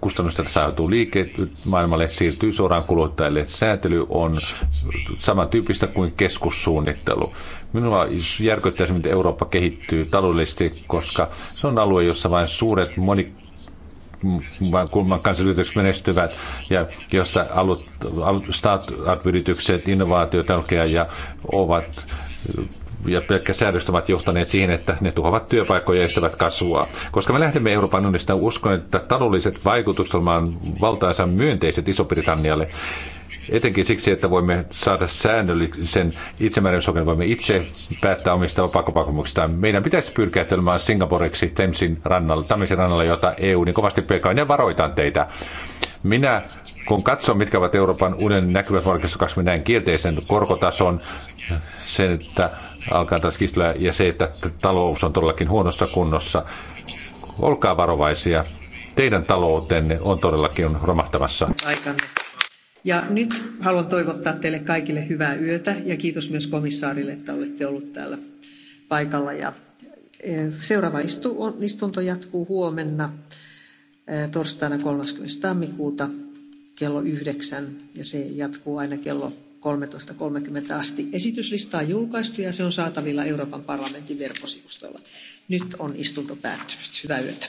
kustannusten saatu liike maailmalle siirtyy suoraan kuluttajille. Säätely on samantyyppistä kuin keskussuunnittelu. Minua järkyttää se, miten Eurooppa kehittyy taloudellisesti, koska se on alue, jossa vain suuret moni kulman kansallisyritykset menestyvät ja josta alut, alut, startup-yritykset, innovaatiotelkeja ja ovat ja pelkkä säädöstä ovat johtaneet siihen, että ne tuhoavat työpaikkoja ja estävät kasvua. Koska me lähdemme Euroopan unionista, uskon, että taloudelliset vaikutukset ovat valtaansa myönteiset Iso-Britannialle etenkin siksi, että voimme saada säännöllisen itsemääräysoikeuden, voimme itse päättää omista pakopakomuksistaan. Meidän pitäisi pyrkiä tulemaan Singaporeksi Temsin rannalla, Tamisen rannalla, jota EU niin kovasti pekaa, ja varoitan teitä. Minä, kun katson, mitkä ovat Euroopan unionin näkyvät markkinoissa, minä näen kielteisen korkotason, sen, että alkaa taas kistellä, ja se, että talous on todellakin huonossa kunnossa. Olkaa varovaisia. Teidän taloutenne on todellakin romahtamassa. Aikamme. Ja nyt haluan toivottaa teille kaikille hyvää yötä ja kiitos myös komissaarille, että olette ollut täällä paikalla. Ja e, seuraava istunto jatkuu huomenna e, torstaina 30. tammikuuta kello yhdeksän ja se jatkuu aina kello 13.30 asti. Esityslista on julkaistu ja se on saatavilla Euroopan parlamentin verkkosivustolla. Nyt on istunto päättynyt. Hyvää yötä.